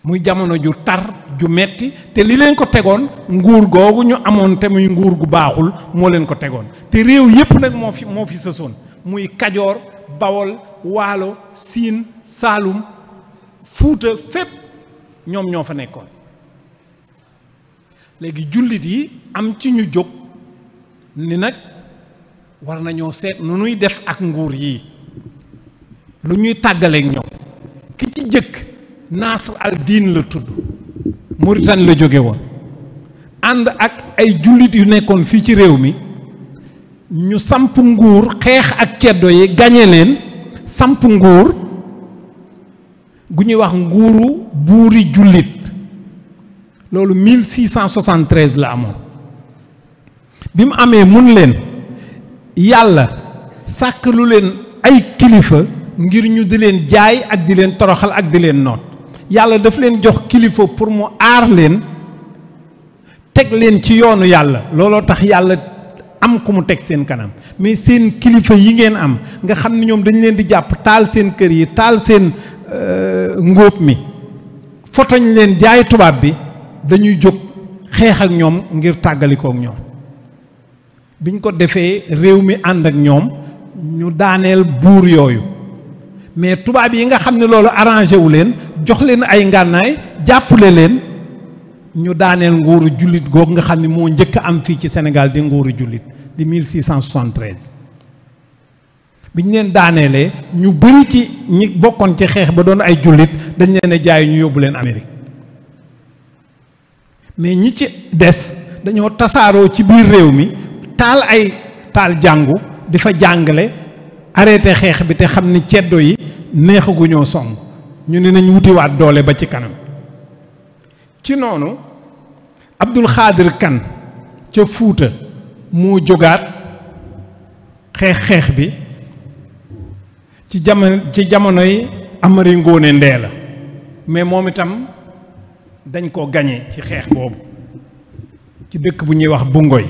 muy jamono ju tar ju metti te li leen ko tegoon nguur googu ñu amoon te muy nguur gu baaxul moo leen ko tegoon te réew yépp nag moo fi moo fi sësoon muy Kajoor Bawol Waalo Siin Saalum Fuuta fépp ñoom ñoo fa nekkoon léegi jullit yi am ci ñu jóg ni nag war nañoo seet nu nuy def ak nguur yi lu ñuy tàggaleek ñoom ki ci jëkk Nasr al Din la tudd Mauritanie la jóge woon ànd ak ay jullit yu nekkoon fii ci réew mi ñu samp nguur xeex ak ceddo yi gañe leen samp nguur gu ñuy wax nguuru buuri jullit loolu 1673 la amoon bi mu amee mun leen yàlla sàkk lu leen ay kilifa ngir ñu di leen jaay ak di leen toroxal ak di leen noot yàlla daf leen jox kilifa pour mu aar leen teg leen ci yoonu yàlla looloo tax yàlla am ku mu teg seen kanam mais seen kilifa yi ngeen am nga xam ne ñoom dañu leen di jàpp taal seen kër yi taal seen euh, ngóob mi fotoñ leen jaay tubaab bi dañuy jóg xeex ak ñoom ngir tàggalikook ñoom biñ ko defee réew mi ànd ak ñoom ñu daaneel buur yooyu mais tubaab yi nga xam ne loolu arrangé wu leen jox leen ay ngànnaay jàppale leen ñu daaneel nguuru jullit googu nga xam ne moo njëkk am fii ci Sénégal di nguuru jullit di 1673 biñ leen daaneelee ñu bëri ci ñi bokkoon ci xeex ba doon ay jullit dañ leen a jaay ñu yóbbu leen Amérique mais ñi ci des dañoo tasaaroo ci biir réew mi. taal ay taal jàngu di fa jàngale arrêté xeex bi te xam ni ceddo yi neexaguñoo song ñu ne nañ wutiwaat doole ba ci kanam ci noonu Abdul Xaadir Kan ca Fuuta mu jógaat xeex xeex bi ci jamono ci jamonoy Amari Ngoone Ndee la mais moom itam dañ ko gañe ci xeex boobu ci dëkk bu ñuy wax Bungoy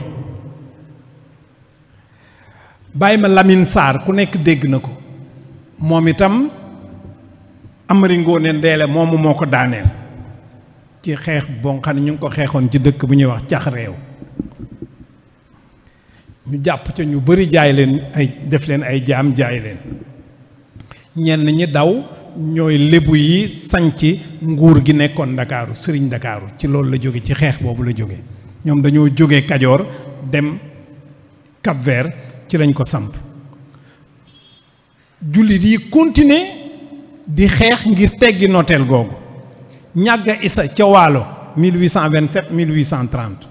bàyyi ma lamin saar ku nekk dégg na ko moom itam Amari Ngoone Ndeele moomu moo ko daaneel ci xeex boo xam ñu ngi ko xeexoon ci dëkk bu ñuy wax cax réew ñu jàpp ca ñu bari jaay leen ay def leen ay jaam jaay leen ñenn ñi daw ñooy lébu yi sañc nguur gi nekkoon ndakaaru sëriñ ndakaaru ci loolu la jóge ci xeex boobu la jóge ñoom dañoo jóge kajoor dem Cap-Vert ci lañ ko samp jullit yi continuer di xeex ngir teggi nooteel googu ñàgg isa ca waalo 1827 1830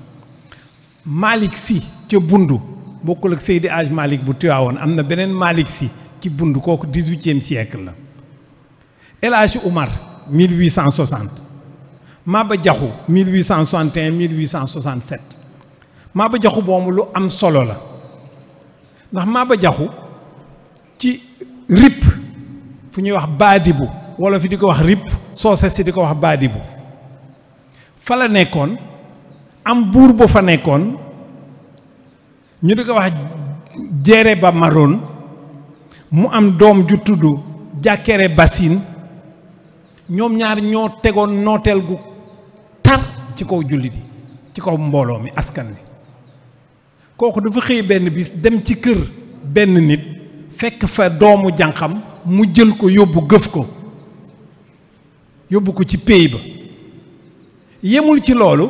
Malick Sy ca Bundu bokkul ak Seydi Hadj bu Tiwaawoon am na beneen Malick Sy ci Bundu kooku 18e siècle la El Hadj Oumar 1860 Maba Jaxu 1861 1867 Maba Jaxu boobu lu am solo la ndax Maba Jaxu ci ripp fu ñuy wax baadibu wolof yi di ko wax ripp soose si di ko wax baadibu fa la nekkoon am buur bu fa nekkoon ñu di ko wax jeere ba maroon mu am doom ju tudd jàkkere basin ñoom ñaar ñoo tegoon nooteel gu tar ci kaw jullit yi ci kaw mbooloo mi askan wi kooku dafa xëy benn bis dem ci kër benn nit fekk fa doomu jànqam mu jël ko yóbbu gëf ko yóbbu ko ci pays ba yemul ci loolu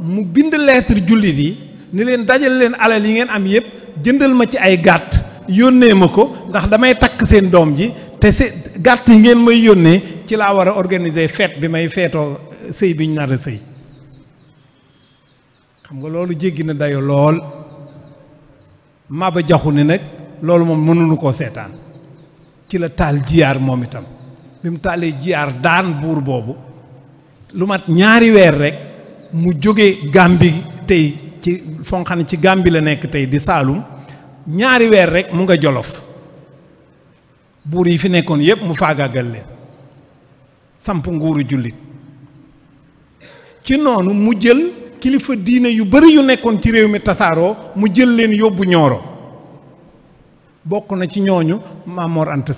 mu bind lettre jullit yi ni leen dajal leen alal yi ngeen am yépp jëndal ma ci ay gàtt yónnee ma ko ndax damay takk seen doom ji te se gàtt ngeen may yónnee ci laa war a organiser fête bi may feetoo sëy bi ñu nar a sëy xam nga loolu jéggi na dayo lool Maba Jaxu ni nag loolu moom mënuñu koo seetaan ci la taal jiyaar moom itam bi mu taalee jiyaar daan buur boobu lu mat ñaari weer rekk mu jóge Gàmbi tey ci foo xam ne ci Gàmbi la nekk tey di Saalum ñaari weer rekk mu nga Jolof buur yi fi nekkoon yépp mu faagaagal leen samp nguuru jullit ci noonu mu jël kilifa diine yu bari yu nekkoon ci réew mi tasaaroo mu jël leen yóbbu ñooro bokk na ci ñooñu Mamor Anta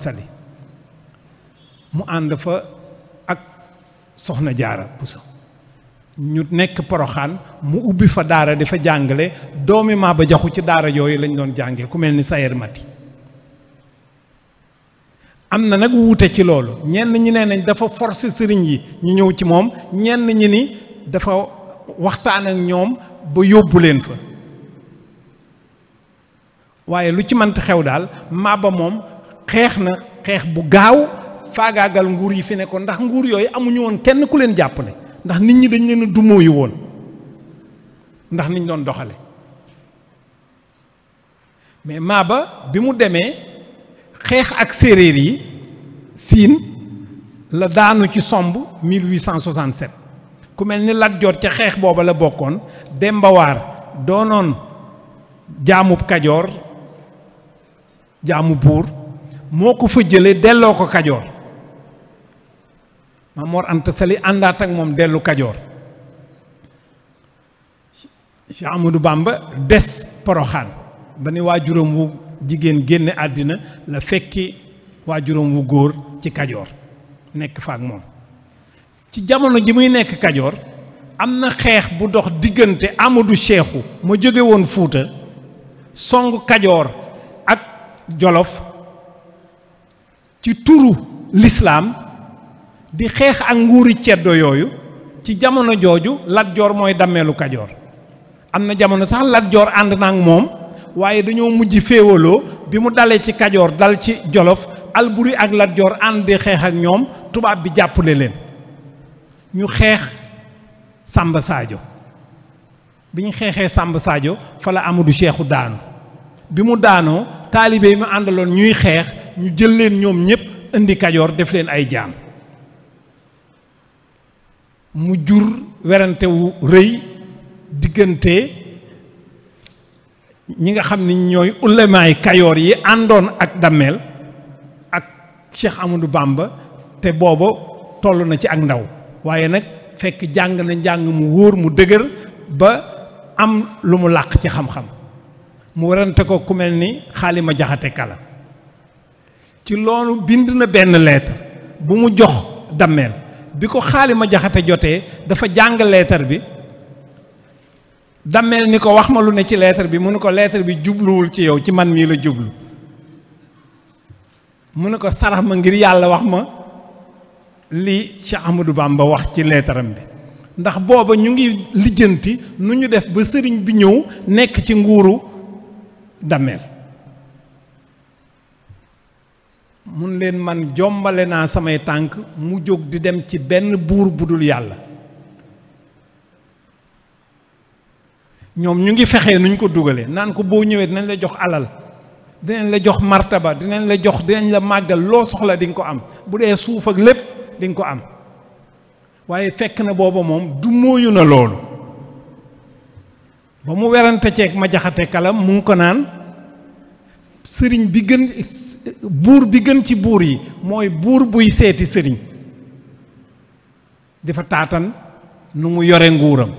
mu ànd fa ak Soxna Jaara Buso ñu nekk Poroxaan mu ubbi fa daara di fa jàngale doomi Maba Jaxu ci daara yooyu lañ doon jàngee ku mel ni Sayer Mati am na nag wuute ci loolu ñenn ñi nee nañ dafa forcer sëriñ yi ñu ñëw ci moom ñenn ñi ni dafa waxtaan ak ñoom ba yóbbu leen fa waaye lu ci mënti xew daal Maba moom xeex na xeex bu gaaw faagaagal nguur yi fi ne ko ndax nguur yooyu amuñu woon kenn ku leen jàpp jàppale ndax nit ñi dañ leen a dumóoyu woon ndax niñ doon doxale mais Maba bi mu demee xeex ak séeréer yi siin la daanu ci somb 1867 ku mel ni Lat Joor ca xeex booba la bokkoon Demba doonoon jaamub kajoor jaamu buur moo ko fa jële delloo ko kajoor Maam Mor Anta àndaat ak moom dellu kajoor Cheikh Amadou Bamba des poroxaan ba ni waajuram wu jigéen génne àddina la fekki waajuram wu góor ci kajoor nekk fa moom ci jamono ji muy nekk kajoor am na xeex bu dox diggante Amadou Cheikhou ma jóge woon Fuuta song kajoor ak Jolof ci turu lislaam di xeex ak nguuri ceddo yooyu ci jamono jooju Lat mooy dammeelu kajoor am na jamono sax Lat ànd na moom waaye dañoo mujj féewaloo bi mu dalee ci kajoor dal ci Jolof Alburi ak Lat ànd di xeex ak ñoom tubaab bi jàppale leen ñu xeex sàmb saajo bi ñu xeexee Samba saajo fala la Amadou Cheikhou daanu bi mu daanoo taalibe yi mu àndaloon ñuy xeex ñu jël leen ñoom ñëpp indi Kajoor def leen ay jaan mu jur werantewu rëy diggante ñi nga xam ni ñooy ulemaay kayoor yi àndoon ak dàmmeel ak Cheikh Amadou Bamba te booba toll na ci ak ndaw waaye nag fekk jàng na njàng mu wóor mu dëgër ba am lu mu làq ci xam-xam mu warante ko ku mel ni xaalima jaxate kala ci loolu bind na benn lettre bu mu jox dammeel bi ko xaalima jaxate jotee dafa jàng lettre bi dammeel ni ko wax ma lu ne ci lettre bi mu ne ko leetar bi jubluwul ci yow ci man mii la jublu mu ne ko sarax ma ngir yàlla wax ma li Cheikh Ahmadou Bamba wax ci leetaram bi ndax booba ñu ngi lijjanti nu ñu def ba sëriñ bi ñëw nekk ci nguuru dammeel mun leen man jombale naa samay tànk mu jóg di dem ci benn buur bu dul yàlla ñoom ñu ngi fexee nuñ ko dugalee naan ko boo ñëwee dinañ la jox alal dinañ la jox martaba dinañ la jox dinañ la màggal loo soxla di nga ko am bu dee suuf ak lépp di ko am waaye fekk na booba moom du móoyu na loolu ba mu werante ceeg ma jaxate kalam mu ngi ko naan sëriñ bi gën buur bi gën ci buur yi mooy buur buy seeti sëriñ dafa taatan nu mu yore nguuram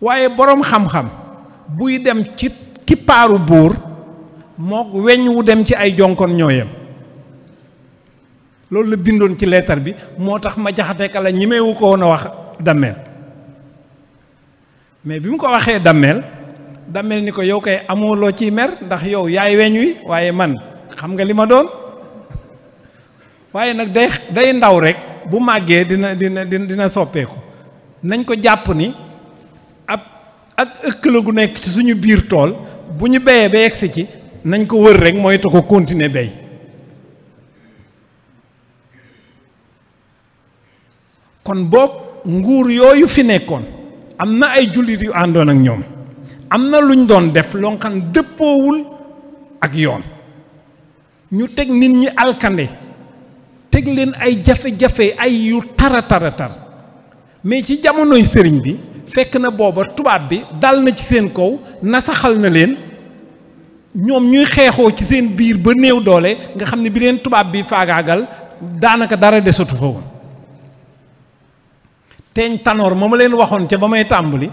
waaye boroom xam-xam buy dem ci kippaaru buur mook weñ wu dem ci ay jonkon ñooyam loolu la bindoon ci leetar bi moo tax ma jaxate kala ñimewu ko woon a wax dammeel mais bi mu ko waxee dammeel dammeel ni ko yow kay amuloo ciy mer ndax yow yaay weñ wi waaye man xam nga li ma doon waaye nag day day ndaw rek bu màggee dina dina dina soppeeku nañ ko jàpp ni ab ak ëkk la gu nekk ci suñu biir tool bu ñu béyee ba yegsi ci nañ ko wër rek mooy te ko continuer béy kon boog nguur yooyu fi nekkoon am na ay jullit yu àndoon ak ñoom am na luñ doon def lonkan dëppoowul ak yoon ñu teg nit ñi alkande teg leen ay jafe-jafe ay yu tara tara tar mais ci jamonoy sëriñ bi fekk na booba tubaab bi dal na ci seen kaw nasaxal na leen ñoom ñuy xeexoo ci seen biir ba néew doole nga xam ne bi leen tubaab bi faagaagal daanaka dara desatu fa woon teeñ tanoor ma ma leen waxoon ca ba may tàmbali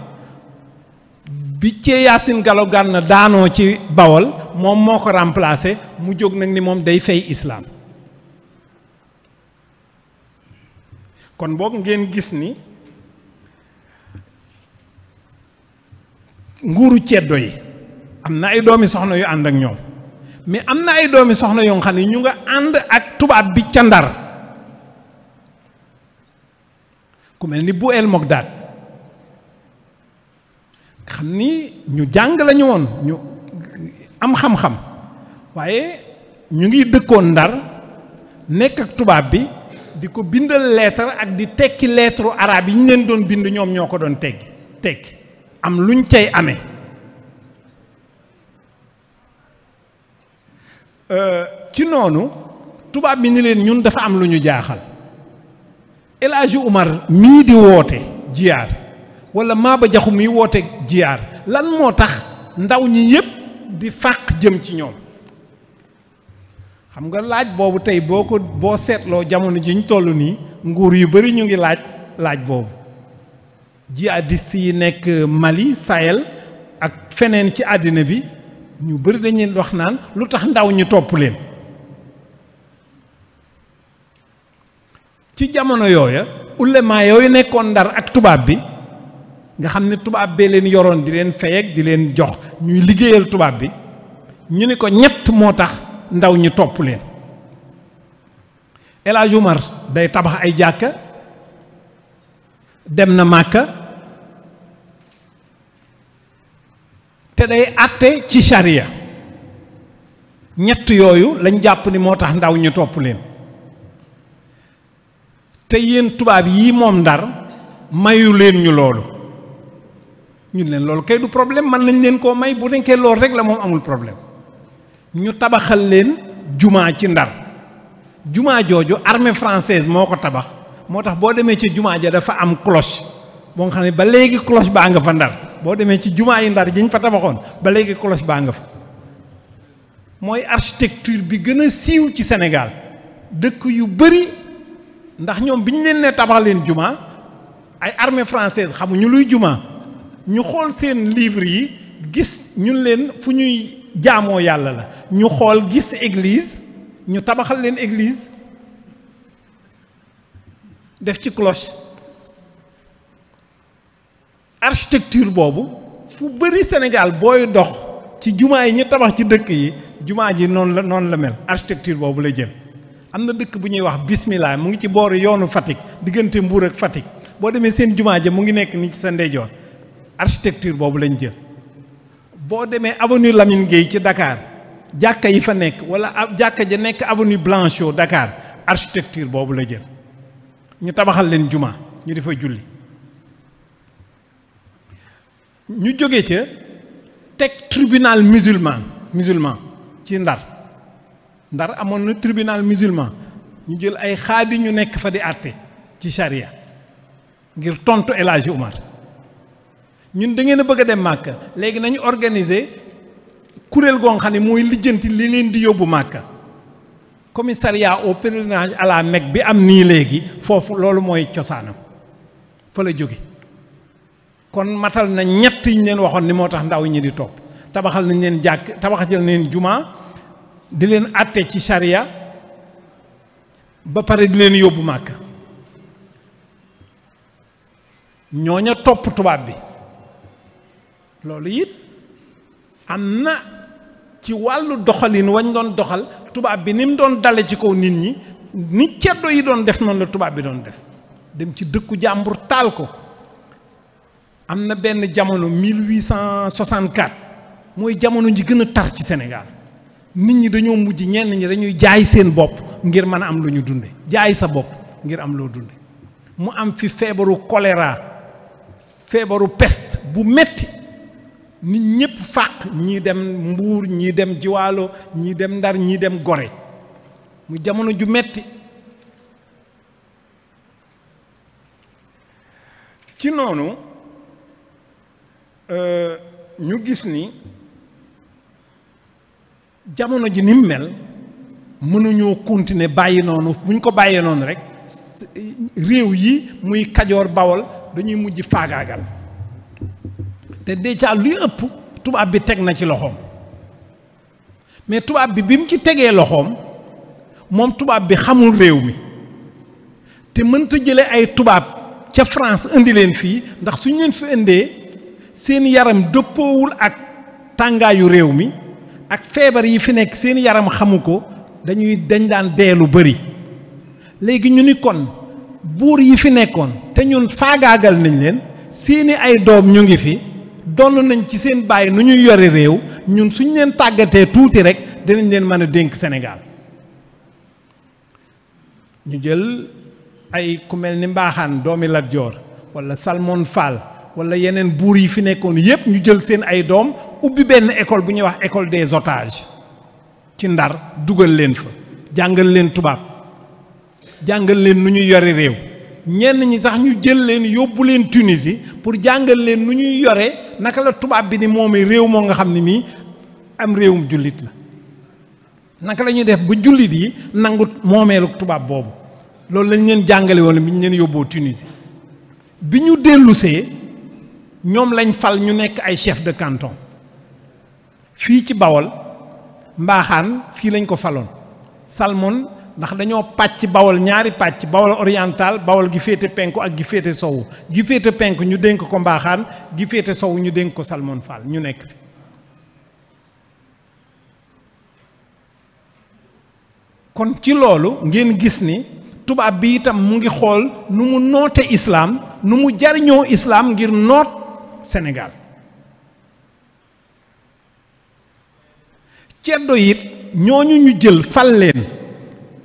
bi ci Yaasin Galo Gànna daanoo ci Bawol moom moo ko remplacé mu jóg nag ni moom day fay islaam kon boog ngeen gis ni nguuru ceddo yi am na ay doomi soxna yu ànd ak ñoom mais am na ay doomi soxna yoo xam ne ñu nga ànd ak tubaab bi ca Ndar ku mel ni bu el Mogdad nga xam ni ñu jàng lañu woon ñu am xam-xam waaye ñu ngi dëkkoon ndar nekk ak tubaab bi di ko bindal lettre ak di tekki lettre araab yi ñu leen doon bind ñoom ñoo ko doon teggi tekki am luñ cay amee euh, ci noonu tubaab bi ni leen ñun dafa am lu ñu jaaxal El Hadj Umar mii di woote jiyaar wala Maba Jaxu mii woote jiyaar lan moo tax ndaw ñi yépp di fàq jëm ci ñoom xam nga laaj boobu tey boo ko boo seetloo jamono ji ñu toll nii nguur yu bari ñu ngi laaj laaj boobu di si nekk Mali Sahel ak feneen ci àddina bi ñu bari dañuy wax naan lu tax ndaw ñu topp leen ci jamono yooya ulemaa yooyu nekkoon ndar ak tubaab bi nga xam ne tubaab bee leen yoroon di leen fayeg di leen jox ñuy liggéeyal tubaab bi ñu ni ko ñett moo tax ndaw ñi topp leen El day tabax ay jàkka dem na màkka te day àtte ci charia ñett yooyu lañ jàpp ni moo tax ndaw ñu topp leen te yéen tubaab yii moom ndar mayu leen ñu loolu ñun leen loolu kay du problème man nañ leen koo may bu nekkee loolu rek la moom amul problème ñu tabaxal leen jumaa ci ndar jumaa jooju armee française moo ko tabax moo tax boo demee ci jumaa ja dafa am cloche boo nga xam ne ba léegi cloche baa nga fa ndar boo demee ci jumaa yi ndar jiñ fa tabaxoon ba léegi cloche baa nga fa mooy architecture bi gën a siiw ci Sénégal dëkk yu bari ndax ñoom bi ñu leen ne tabax leen juma ay armée française xamuñu luy juma ñu xool seen livre yi gis ñun leen fu ñuy jaamoo yàlla la ñu xool gis église ñu tabaxal leen église def ci cloche architecture boobu fu bëri Sénégal booy dox ci jumaa yi ñu tabax ci dëkk yi jumaa ji noonu la noonu la mel architecture boobu la jël am na dëkk bu ñuy wax bismillah mu ngi ci booru yoonu Fatick diggante Mbour ak Fatick boo demee seen jumaa ja mu ngi nekk ni ci sa ndeyjoor architecture boobu lañ jël boo demee avenue lamin Gueye ci dakaar jàkka yi fa nekk wala jàkka ja nekk avenue Blanchot dakaar architecture boobu la jël ñu tabaxal leen jumaa ñu di fa julli ñu jóge ca teg tribunal musulman musulman ci Ndar ndar amoon na tribunal musulman ñu jël ay xaadi ñu nekk fa di àtte ci charia ngir tontu El Hadji Oumar ñun dangeen a bëgg a dem màkka léegi nañu organiser kuréel goo xam ne mooy lijjanti li leen di yóbbu màkka commissariat au pèlerinage à la bi am nii léegi foofu loolu mooy cosaanam fa la jóge kon matal na ñett yi leen waxoon ni moo tax ndaw ñi di topp tabaxal nañ leen jàkk tabaxal nañ leen jumaa di leen àtte ci sariya ba pare di leen yóbbu màkk ñooña topp tubaab bi loolu it am na ci wàllu doxalin wañ doon doxal tubaab bi ni mu doon dale ci kaw nit ñi ni ceddo yi doon def noonu la tubaab bi doon def dem ci dëkku jàmbur taal ko am na benn jamono 1864 mooy jamono ji gën a tar ci senegaal nit ñi dañoo mujj ñenn ñi dañuy jaay seen bopp ngir mën a am lu ñu dunde jaay sa bopp ngir am loo dunde mu am fi feebaru choléra feebaru pest bu metti nit ñëpp fàq ñii dem mbuur ñii dem jiwaalo ñii dem ndar ñii dem gore mu jamono ju metti ci noonu euh, ñu gis ni jamono ji nim mu mel mënuñoo continuer bàyyi noonu buñ ko bàyyee noonu rek réew yi muy kajoor bawol dañuy mujj faagaagal te déjà luy ëpp tubaab bi teg na ci loxoom mais tubaab bi bi mu ci tegee loxoom moom tubaab bi xamul réew mi te mënta jële ay tubaab ca France indi leen fii ndax suñu leen fi indee seen yaram dëppoowul ak tàngaayu réew mi ak feebar yi fi nekk seen yaram xamu ko dañuy dañ daan dee lu bari léegi ñu ni kon buur yi fi nekkoon te ñun faagaagal nañ leen seeni ay doom ñu ngi fi donn nañ ci seen bàyyi nu ñuy yore réew ñun suñ leen tàggatee tuuti rek dinañ leen mën a dénk senegaal ñu jël ay ku mel ni mbaaxaan doomi Lat Joor wala Salmon Fall wala yeneen buur yi fi nekkoon yépp ñu jël seen ay doom ubbi benn école bu ñuy wax école des otages ci ndar dugal leen fa jàngal leen tubaab jàngal leen nu ñuy yore réew ñenn ñi sax ñu jël leen yóbbu leen Tunisie pour jàngal leen nu ñuy yore naka la tubaab bi ni moomee réew moo nga xam ne mii am réewum jullit la naka la ñuy def ba jullit yi nangu moomeelu tubaab boobu loolu lañ leen jàngale woon bi ñu leen yóbboo Tunisie bi ñu dellusee ñoom lañ fal ñu nekk ay chef de canton fii ci bawol mbaaxaan fii lañ ko faloon salmon ndax dañoo pàcc bawol ñaari pàcc bawol oriental bawol gi féete penku ak gi féete sowu gi féete penku ñu dénk ko mbaaxaan gi féete sowu ñu dénk ko salmon fall ñu nekk fi kon ci loolu ngeen gis ni tubaab bi itam mu ngi xool nu mu noote islaam nu mu jariñoo islaam ngir noot senegaal ceddo it ñooñu ñu jël fal leen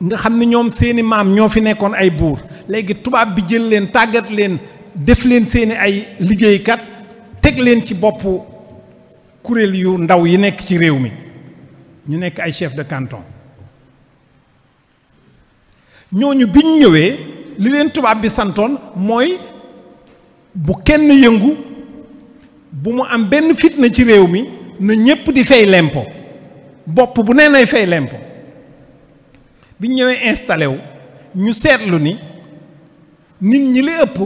nga xam ne ñoom seeni maam ñoo fi nekkoon ay buur léegi tubaab bi jël leen tàggat leen def leen seeni ay liggéeykat teg leen ci boppu kuréel yu ndaw yi nekk ci réew mi ñu nekk ay chef de kanton ñooñu bi ñu ñëwee li leen tubaab bi santoon mooy bu kenn yëngu bu mu am benn fitna ci réew mi na ñépp di fay lempo bopp bu nee nay fay lempo bi ñëwee installé wu ñu seetlu ni nit ñi li ëpp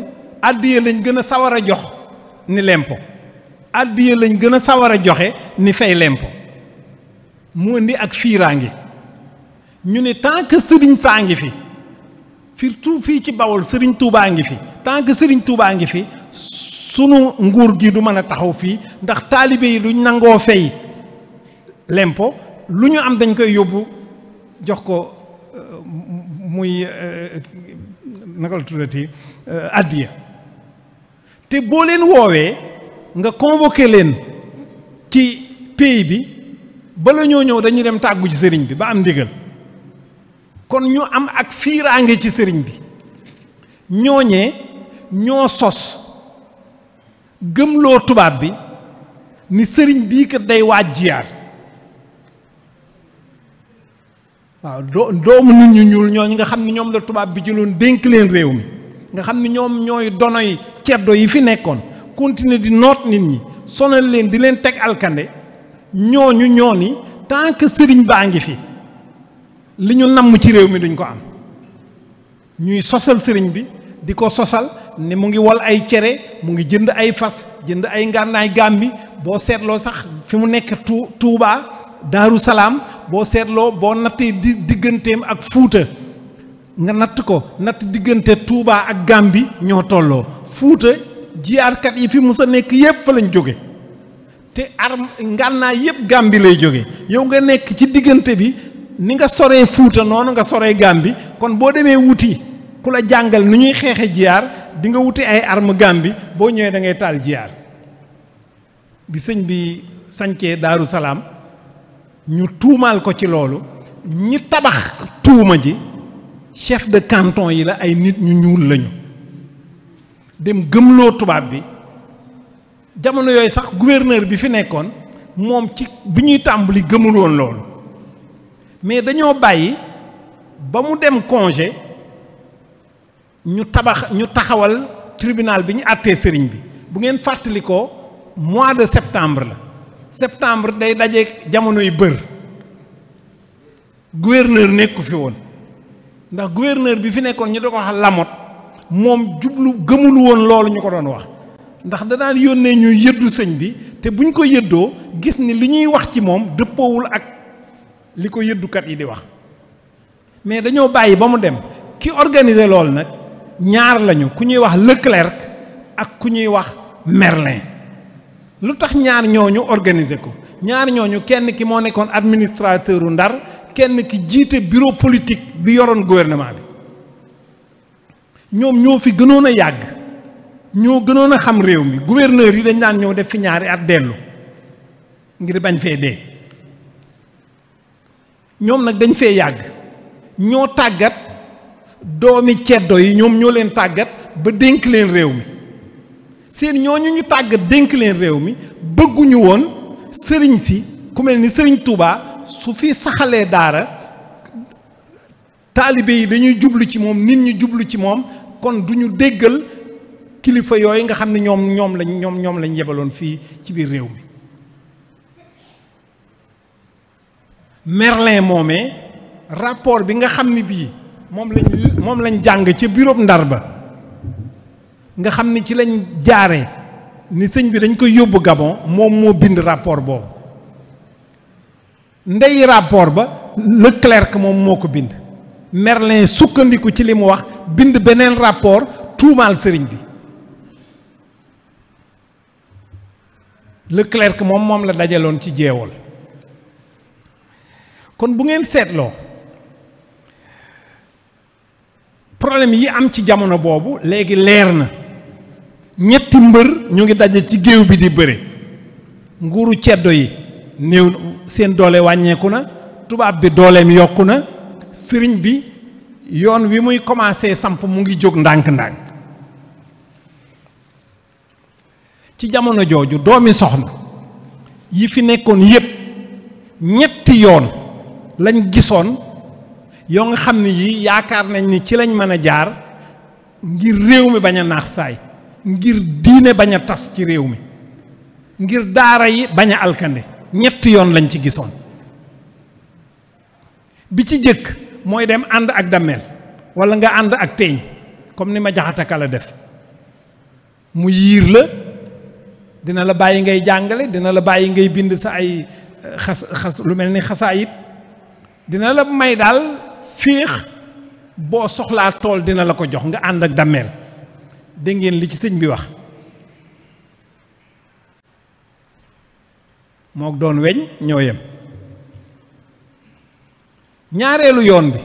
àddiya lañ gën a sawar a jox ni lempo àddiya lañ gën a sawar a joxe ni fay lempo mu indi ak fiiraangi ñu ne tant que sëriñ saa ngi fi surtout fii ci bawul sëriñ Tuubaa ngi fi tant que sëriñ Tuubaa ngi fi sunu nguur gi du mën a taxaw fii ndax taalibe yi duñ nangoo fay lempo lu ñu am dañ koy yóbbu jox ko euh, muy euh, naka la tuddati euh, addiya te boo leen woowee nga convoqué leen ci pays bi bala ñoo ñëw dañuy dem tàggu ci sëriñ bi ba am ndigal kon ñu am ak fiiraange ci sëriñ bi ñooñee ñoo sos gëmloo tubaab bi ni sëriñ bii kat day waa jiyaar waaw doo doomu nit ñu ñuul ñoo ñi nga xam ne ñoom la tubaab bi jëloon dénk leen réew mi nga xam ne ñoom ñooy donoy ceddo yi fi nekkoon continuer di noot nit ñi sonal leen di leen teg alkande ñu ñoo ni tant que sëriñ baa ngi fi li ñu namm ci réew mi duñ ko am ñuy sosal sëriñ bi di ko sosal ni mu ngi wal ay cere mu ngi jënd ay fas jënd ay ngànnaay gàmmi boo seetloo sax fi mu nekk tu Tuubaa Daaru Salaam boo seetloo boo nattee di digganteem ak fuuta nga natt ko natt diggante tuubaa ak Gàmbi ñoo tolloo fuuta jiyaarkat yi fi musa nekk yépp fa lañ jóge te arm ngànnaay yépp Gàmbi lay jóge yow nga nekk ci diggante bi ni nga soree fuuta noonu nga soree Gàmbi kon boo demee wuti ku la jàngal nu ñuy xeexe jiyaar di nga wuti ay arme Gàmbi boo ñëwee da ngay taal jiyaar bi sëñ bi sancee Daaru Salaam ñu tuumaal ko ci loolu ñi tabax tuuma ji chef de canton yi la ay nit ñu ñuul lañu dem gëmloo tubaab bi jamono yooyu sax gouverneur bi fi nekkoon moom ci bi ñuy tàmbali gëmul woon loolu mais dañoo bàyyi ba mu dem congé ñu tabax ñu taxawal tribunal bi ñu àttee sëriñ bi bu ngeen fàttalikoo mois de septembre la septembre day daje jamonoy bër gouverneur nekku fi woon ndax gouverneur bi fi nekkoon ñu da ko wax lamot moom jublu gëmul woon loolu ñu ko doon wax ndax da daan yónnee ñuy yëddu sëñ bi te buñ ko yëddoo gis ni li ñuy wax ci moom dëppoowul ak li ko yëddukat yi di wax mais dañoo bàyyi ba mu dem ki organiser loolu nag ñaar lañu ku ñuy wax Leclerc ak ku ñuy wax Merlin lu tax ñaar ñooñu organiser ko ñaar ñooñu kenn ki moo nekkoon administrateur u Ndar kenn ki jiite bureau politique bi yoroon gouvernement bi ñoom ñoo fi gënoon a yàgg ñoo gënoon a xam réew mi gouverneur yi dañ daan ñëw def fi ñaari at dellu ngir bañ fee dee ñoom nag dañ fee yàgg ñoo tàggat doomi ceddo yi ñoom ñoo leen tàggat ba dénk leen réew mi seen ñoo ñu tàggat dénk leen réew mi bëgguñu woon sëriñ si ku mel ni sëriñ Touba su fi saxalee daara taalibe yi dañuy jublu ci moom nit ñu jublu ci moom kon du ñu déggal kilifa yooyu nga xam ne ñoom ñoom lañ ñoom ñoom lañ yebaloon fii ci biir réew mi Merlin moomee rapport bi nga xam ne bii moom lañ jàng ca bureau Ndar ba nga xam ni ci lañ jaare ni sëñ bi dañ koy yóbbu Gabon moom moo bind rapport boobu ndey rapport ba Leclerc moom moo ko bind Merlin sukkandiku ci li mu wax bind beneen rapport tuumaal sëriñ bi Leclerc moom moom la dajaloon ci jeewal kon bu ngeen seetloo problème yi am ci jamono boobu léegi leer na ñetti mbër ñu ngi daje ci géew bi di bëre nguuru ceddo yi néew seen doole wàññeeku na tubaab bi dooleem yokku na sëriñ bi yoon wi muy commencé samp mu ngi jóg ndànk-ndànk ci jamono jooju doomi soxna yi fi nekkoon yépp ñetti yoon lañ gisoon yoo nga xam ne yii yaakaar nañ ni ci lañ mën a jaar ngir réew mi bañ a naax saay ngir diine bañ a tas ci réew mi ngir daara yi bañ a alkande ñetti yoon lañ ci gisoon bi ci jëkk mooy dem ànd ak dammeel wala nga ànd ak teeñ comme ni ma jaxataka la def mu yiir la dina la bàyyi ngay jàngale dina la bàyyi ngay bind sa ay eh, xas lu mel ni xasaayit dina la may daal féex boo soxlaa tool dina la ko jox nga ànd ak dammeel dégg ngeen li ci sëñ bi wax moo doon weñ ñoo yem ñaareelu yoon bi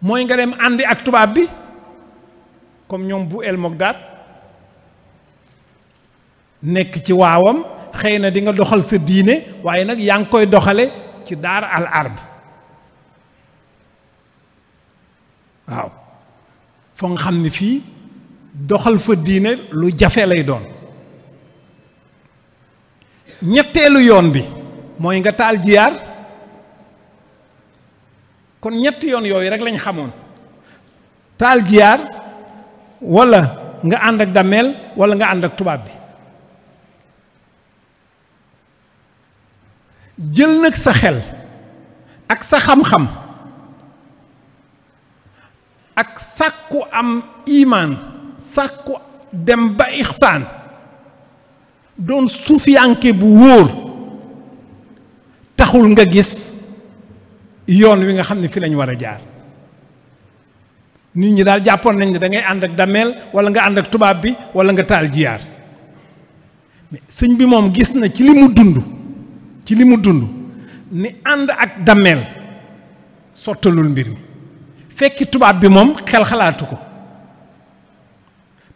mooy nga dem àndi ak tubaab bi comme ñoom bu el Mogdad nekk ci waawam xëy na dinga doxal sa diine waaye nag yaa ngi koy doxale ci daara al arb waaw foo nga xam ne fii doxal fa diine lu jafe lay doon ñetteelu yoon bi mooy nga taal jiyaar kon ñetti yoon yooyu rek lañ xamoon taal jiyaar wala nga ànd ak dameel wala nga ànd ak tubaab bi jël nag sa xel ak sa xam-xam ak sàkku am imaan sàkku dem ba ixsaan doon suufiyanke bu wóor taxul nga gis yoon wi nga xam ne fi lañ war a jaar nit ñi daal jàppoon nañ ne dangay ngay ànd ak dameel wala nga ànd ak tubaab bi wala nga taal jiyaar sëñ bi moom gis na ci li mu dund ci li mu dund ni ànd ak dameel sottaluwul mbir mi fekki tubaab bi moom xel xalaatu ko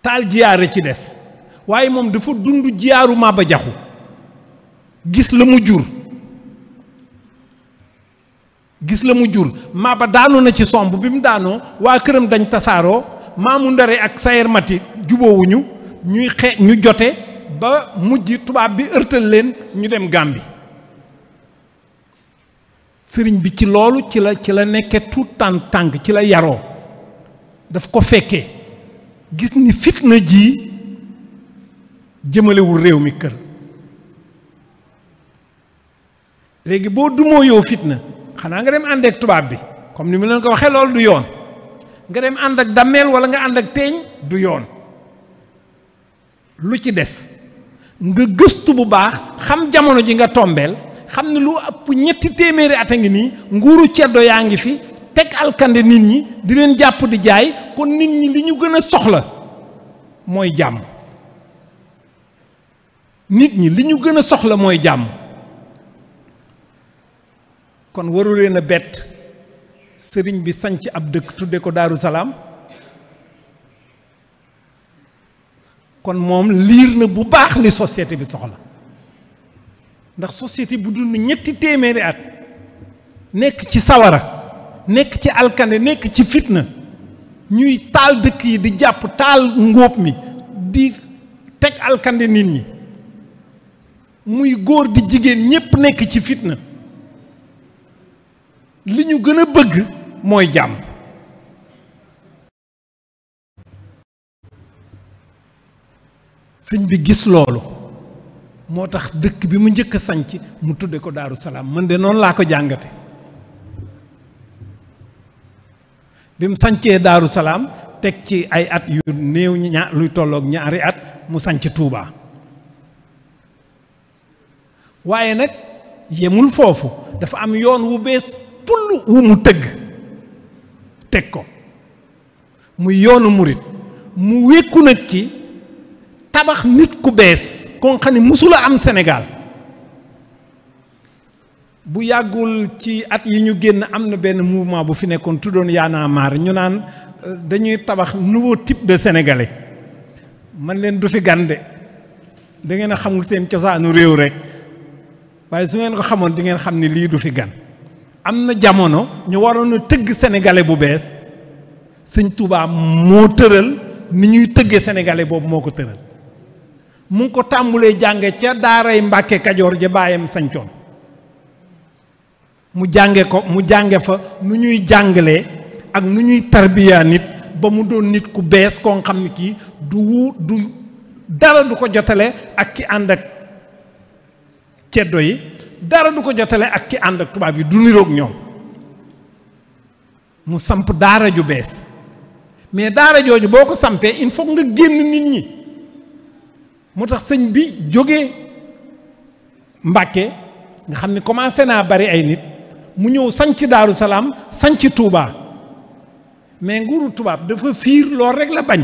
taal jiyaar ci des waaye moom dafa dund jiyaaru Maba Jaxu gis la mu jur gis la mu jur Maba daanu na ci somb bi mu daanoo waa këram dañ tasaaroo maamu ndare ak sayer mati juboowuñu ñuy xe ñu jote ba mujj tubaab bi ërtal leen ñu dem Gàmbi sëriñ bi ci loolu ci la ci la nekke tànk ci la yaroo daf ko fekkee gis ni fitna ji jëmalewul réew mi kër léegi boo dumoo yow fitna xanaa nga dem ànd tubaab bi comme ni mu leen ko waxee loolu du yoon nga dem ànd ak dammeel wala nga ànd ak teeñ du yoon lu ci des nga gëstu bu baax xam jamono ji nga tombeel xam ne lu ëpp ñetti téeméeri at a ngi nii nguuru ceddo yaa ngi fi teg alkande nit ñi di leen jàpp di jaay kon nit ñi li ñu gën a soxla mooy jàmm nit ñi li ñu gën a soxla mooy jàmm kon waru leen a bett sëriñ bi sanc ab dëkk tudde ko Daaru Salaam kon moom liir na bu baax li société bi soxla ndax société bu dund ñetti téeméeri at nekk ci sawara nekk ci alkande nekk ci fitna ñuy taal dëkk yi di jàpp taal ngóob mi di teg alkande nit ñi muy góor di jigéen ñépp nekk ci fitna li ñu gën a bëgg mooy jàmm sëñ bi gis loolu moo tax dëkk bi mu njëkk a sanc mu tudde ko Daaru Salaam man de noonu laa ko jàngate bi mu sancee daaru salaam teg ci ay at yu néew ña luy tolloog ñaari at mu sanc Touba waaye nag yemul foofu dafa am yoon wu bees pull wu mu tëgg teg ko muy yoonu murit mu wékku nag ci tabax nit ku bees kon xam musula am senegaal bu yàggul ci at yi ñu génn am na benn mouvement bu fi nekkoon tuddoon yaana maar ñu naan euh, dañuy tabax nouveau type de sénégalais man leen du fi gande da ngeen a xamul seen cosaanu réew rek waaye su ngeen ko xamoon di ngeen xam ni lii du fi gan am na jamono ñu waroon a tëgg sénégalais bu bees sëñ tubaab moo tëral ni ñuy tëggee sénégalais boobu moo ko tëral mu ko tàmbulee jàng ca daaray Mbàkke Kajoor ja baayam sañcoon mu jànge ko mu jànge fa nu ñuy jàngalee ak nu ñuy tarbiyaa nit ba mu doon nit ku bees koo xam ne kii du wu du dara du ko jotale ak ki ànd ak ceddo yi dara du ko jotale ak ki ànd ak tubaab yi du niroog ñoom mu samp daara ju bees mais daara jooju boo ko sampee il faut nga génn nit ñi moo tax sëñ bi jóge Mbàkke nga xam ne commencé naa bari ay nit mu ñëw sañc daaru salaam sanc Touba mais nguuru tubaab dafa fiir lool rekk la bañ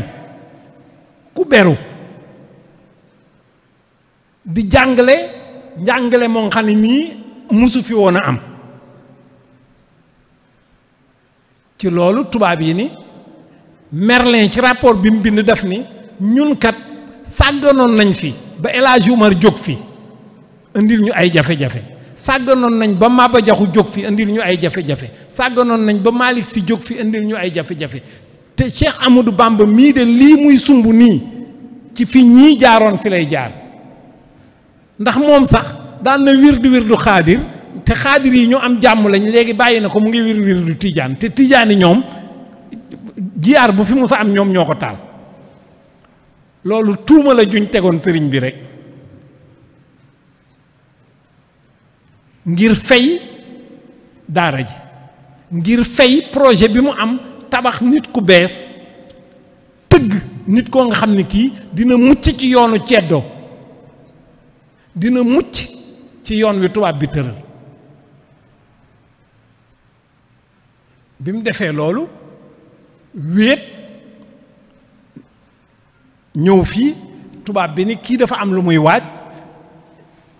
ku beru di jàngale njàngale moo xam ne musu fi woon a am ci loolu tubaab yi ni Merlin ci rapport bi mu bind def ni ñun kat sàgganoon nañ fi ba El Hadj Umar jóg fi indil ñu ay jafe-jafe sàgganoon nañ ba Maba Jaxu jóg fi indil ñu ay jafe sàgganoon nañ ba Malick Sy jóg fi indil ñu ay jafe-jafe te Cheikh Amadou Bamba mii de lii muy sumb nii ci fi ñii jaaroon fi lay jaar ndax moom sax daan na wirdu wirdu xaadir te xaadir yi ñu am jàmm lañ léegi bàyyi na ko mu ngi wir wirdu tijaan te tijaani ñoom jiyaar bu fi musa am ñoom ñoo ko taal loolu tuuma la juñ tegoon sëriñ bi rek ngir fay daara ji ngir fay projet bi mu am tabax nit ku bees tëgg nit koo nga xam ne kii dina mucc ci yoonu ceddoo dina mucc ci yoon wi tubaab bi tëral bi mu defee loolu wéet ñëw fii tubaab bi ni kii dafa am lu muy waaj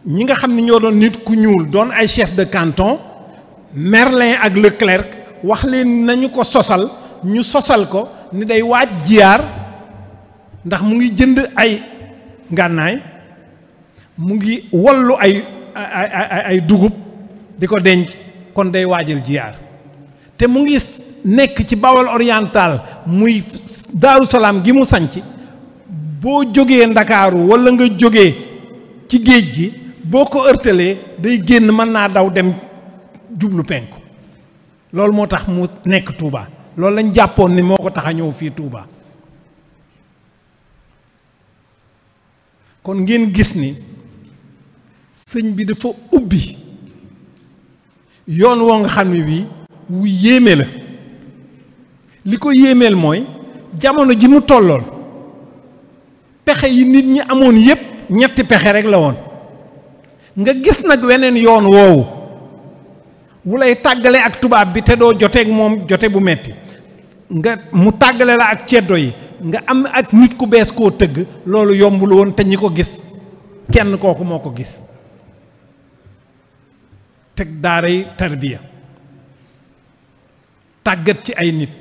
ñi nga xam ne ñoo doon nit ku ñuul doon ay chef de kanton Merlin ak Leclerc wax leen nañu ko sosal ñu sosal ko ni day waaj jiyaar ndax mu ngi jënd ay ngànnaay mu ngi wallu ay ay ay dugub di ko denc kon day waajal jiyaar te mu ngi nekk ci Bawol oriental muy Daaru Salaam gi mu sanc boo jógee Ndakaaru walla nga jóge ci géej gi boo ko ërtalee day génn mën naa daw dem jublu penku loolu moo tax mu nekk tuubaa loolu lañ jàppoon ni moo ko tax a ñëw fii Touba kon ngeen gis ni sëñ bi dafa ubbi yoon woo nga xam ne bii wu yéeme la li ko yéemeel mooy jamono ji mu tollool pexe yi nit ñi amoon yépp ñetti pexe rek la woon nga gis nag weneen yoon woowu wu lay tàggale ak tubaab bi te doo joteeg moom jote bu metti nga mu tàggale la ak ceddo yi nga am ak nit ku bees koo tëgg loolu yombul woon te ñi ko gis kenn kooku moo ko gis teg daaray tarbiya tàggat ci ay nit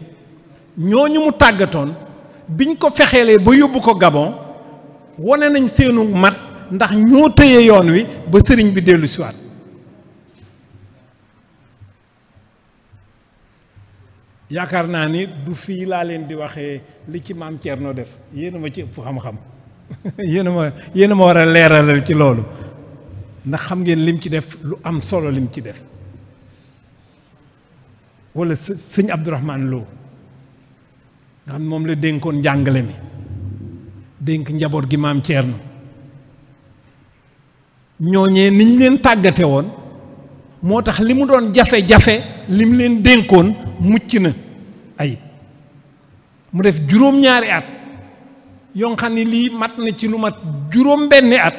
ñooñu mu tàggatoon biñ ko fexeelee ba yóbbu ko Gabon wone nañ seenu mat ndax ñoo tëye yoon wi ba sëriñ bi dellu siwaat yaakaar naa ni du fii laa leen di waxee li ci maam Thierno def yéena ma ci ëpp xam-xam yéena ma yéena ma war a leeralal ci loolu ndax xam ngeen lim ci def lu am solo lim ci def wala sëñ Abdourahman loo nga xam moom la dénkoon njàngale mi dénk njaboot gi maam na ñooñee niñ leen tàggate woon moo tax li mu doon jafe-jafe lim leen dénkoon mucc na ayib mu def juróom-ñaari at yoo xam ne lii mat na ci lu mat juróom-benni at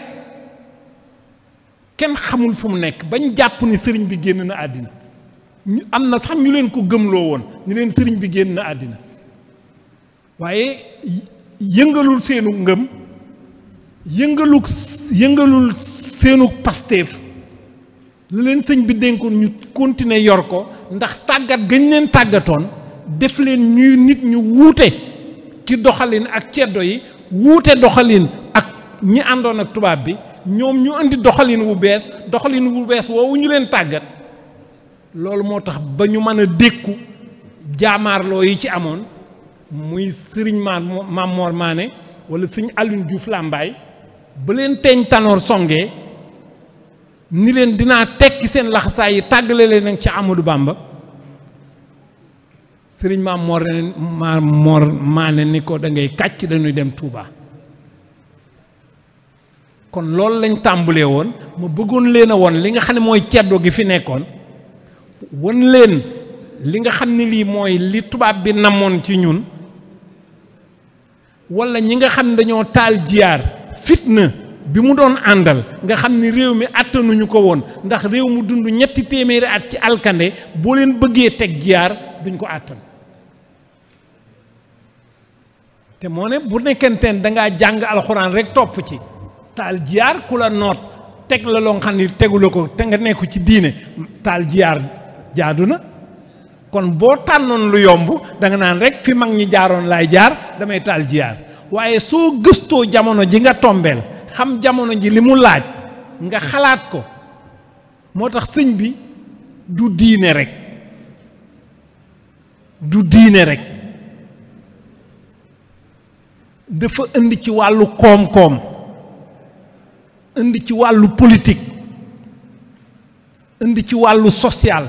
kenn xamul fu mu nekk bañ jàpp ni sëriñ bi génn na àddina ñu am na sax ñu leen ko gëmloo woon ñu leen sëriñ bi génn na àddina waaye yëngalul seenu ngëm yëngalul yëngalul seenu pasteef la leen sëñ bi dénkoon ñu continuer yor ko ndax tàggat gañ leen tàggatoon def leen ñuy nit ñu wuute ci doxalin ak ceddo yi wuute doxalin ak ñi àndoon ak tubaab bi ñoom ñu indi doxalin wu bees doxalin wu bees woowu ñu leen tàggat loolu moo tax ba ñu mën a dékku jaamaarloo yi ci amoon muy sëriñ Maam Mor Maane wala sëñ Alioune Diouf làmbaay ba leen teeñ tanoor songe ni leen dinaa tekki seen laxasaay yi tàggale leen nag ci Amadou bàmba sëriñ maam moor maane ni ko da kàcc dañuy dem Touba kon loolu lañ tàmbalee woon ma bëggoon leen a woon li nga xam ne mooy ceddoo gi fi nekkoon won leen li nga xam ni lii mooy li tubaab bi namoon ci ñun wala ñi nga xam ne dañoo taal jiyaar fitna bi mu doon àndal nga xam ni réew mi àttanuñu ko woon ndax réew mu dund ñetti téeméeri at ci alkande boo leen bëggee teg jiyaar duñ ko àttan te moo ne bu nekkenteen dangaa jàng alxuraan rek topp ci taal jiyaar ku la noot teg la loo xam ni tegu ko te nga nekku ci diine taal jiyaar jaadu na kon boo tànnoon lu yomb danga naan rek fi mag ñi jaaroon laay jaar damay taal jiyaar waaye soo gëstoo jamono ji nga tombeel xam jamono ji li mu laaj nga xalaat ko moo tax sëñ bi du diine rek du diine rek dafa indi ci wàllu koom-koom indi ci wàllu politik indi ci wàllu social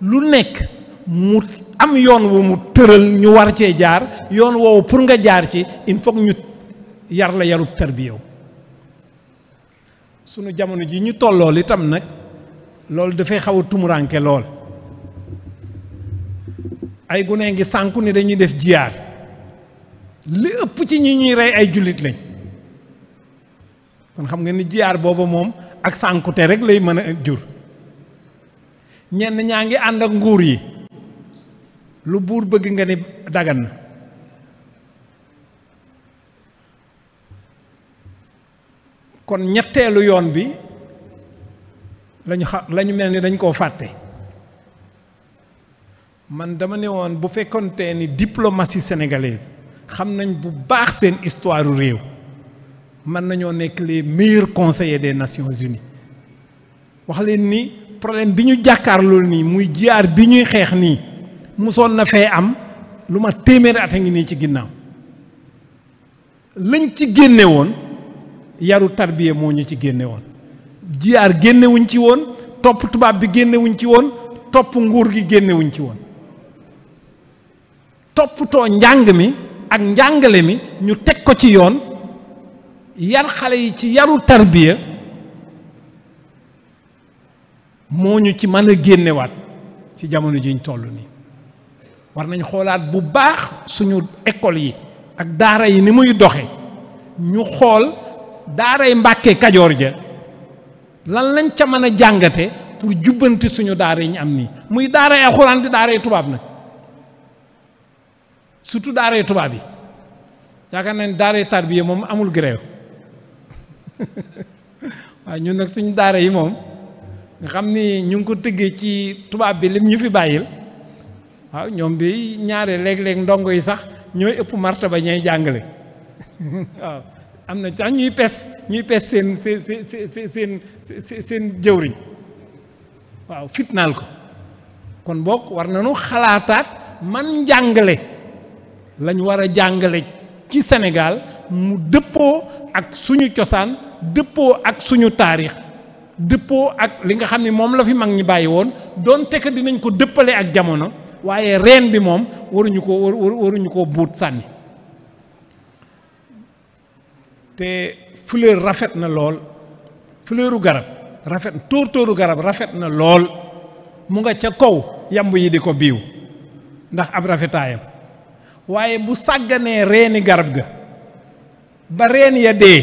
lu nekk mu am yoon wu mu tëral ñu war cee jaar yoon woowu pour nga jaar ci il faut ñu yar la yarub tarbiyaw sunu jamono ji ñu tollool itam nag loolu dafay xaw a tumuranke lool ay gune ngi sànku ni dañuy def jiyaar li ëpp ci ñi ñuy rey ay jullit lañ kon xam nga ni jiyaar booba moom ak sànkute rek lay mën a jur ñenn ñaa ngi ànd ak nguur yi lu buur bëgg nga ni dagan na kon ñetteelu yoon bi lañu xa lañu mel ni dañ koo fàtte man dama ne woon bu fekkontee ni diplomatie sénégalaise xam nañ bu baax seen istoiru réew mën nañoo nekk les meilleurs conseillers des Nations Unies wax leen ni problème bi ñu jàkkaarlool nii muy jiyaar bi ñuy xeex nii musoon na fee am lu ma téeméeri at a ngi nii ci ginnaaw lañ ci génne yaru tarbiya moo ñu ci génnewoon woon jiyaar génnewuñ ci woon topp tubaab bi génnewuñ ci woon topp nguur gi génnewuñ ci woon toppatoo njàng mi ak njàngale mi ñu teg ko ci yoon yar xale yi ci yaru tarbiya moo ñu ci mën a génnewaat ci jamono jiñ toll nii war nañ xoolaat bu baax suñu ekool yi ak daara yi ni muy doxe ñu xool daaray mbàkke kajoor ja lan lañ ca mën a jàngate pour jubbanti suñu daara yi ñu am nii muy daaray alxuraan di daaray tubaab nag surtout daaray tubaab yi yaakaar naa ne daaray tarbiya moom amul grève waaw ñun nag suñu daara yi moom nga xam ni ñu ngi ko tëggee ci tubaab bi lim ñu fi bàyyil waaw ñoom bi ñaare léeg-léeg ndongo yi sax ñooy ëpp martaba ñay jàngale waaw am na sax ñuy pes ñuy pes seen seen seen jëwriñ waaw fitnaal ko kon bokk war nañu xalaataat man njàngale lañu war a jàngale ci Sénégal mu dëppoo ak suñu cosaan dëppoo ak suñu taarix dëppoo ak li nga xam ne moom la fi mag ñi bàyyi woon donte que dinañ ko dëppale ak jamono waaye reen bi moom waruñu ko waruñu koo buut sànni te fleur rafet na lool fleuru garab rafet tóor tóoru garab rafet na lool mu nga ca kaw yamb yi di ko biiw ndax ab rafetaayam waaye bu sàgganee reeni garab ga ba reen ya dee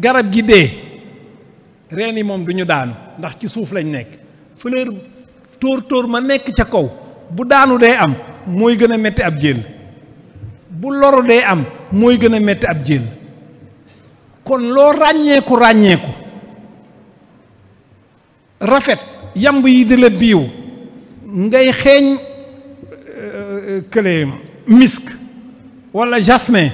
garab gi dee reen yi moom du ñu daanu ndax ci suuf lañ nekk fleur tóor tóor ma nekk ca kaw bu daanu dee am mooy gën a metti ab jël bu loru dee am mooy gën a metti ab jël kon loo ràññeeku ràññeeku rafet yamb yi di la biiw ngay xeeñ euh, kële misk walla jasmin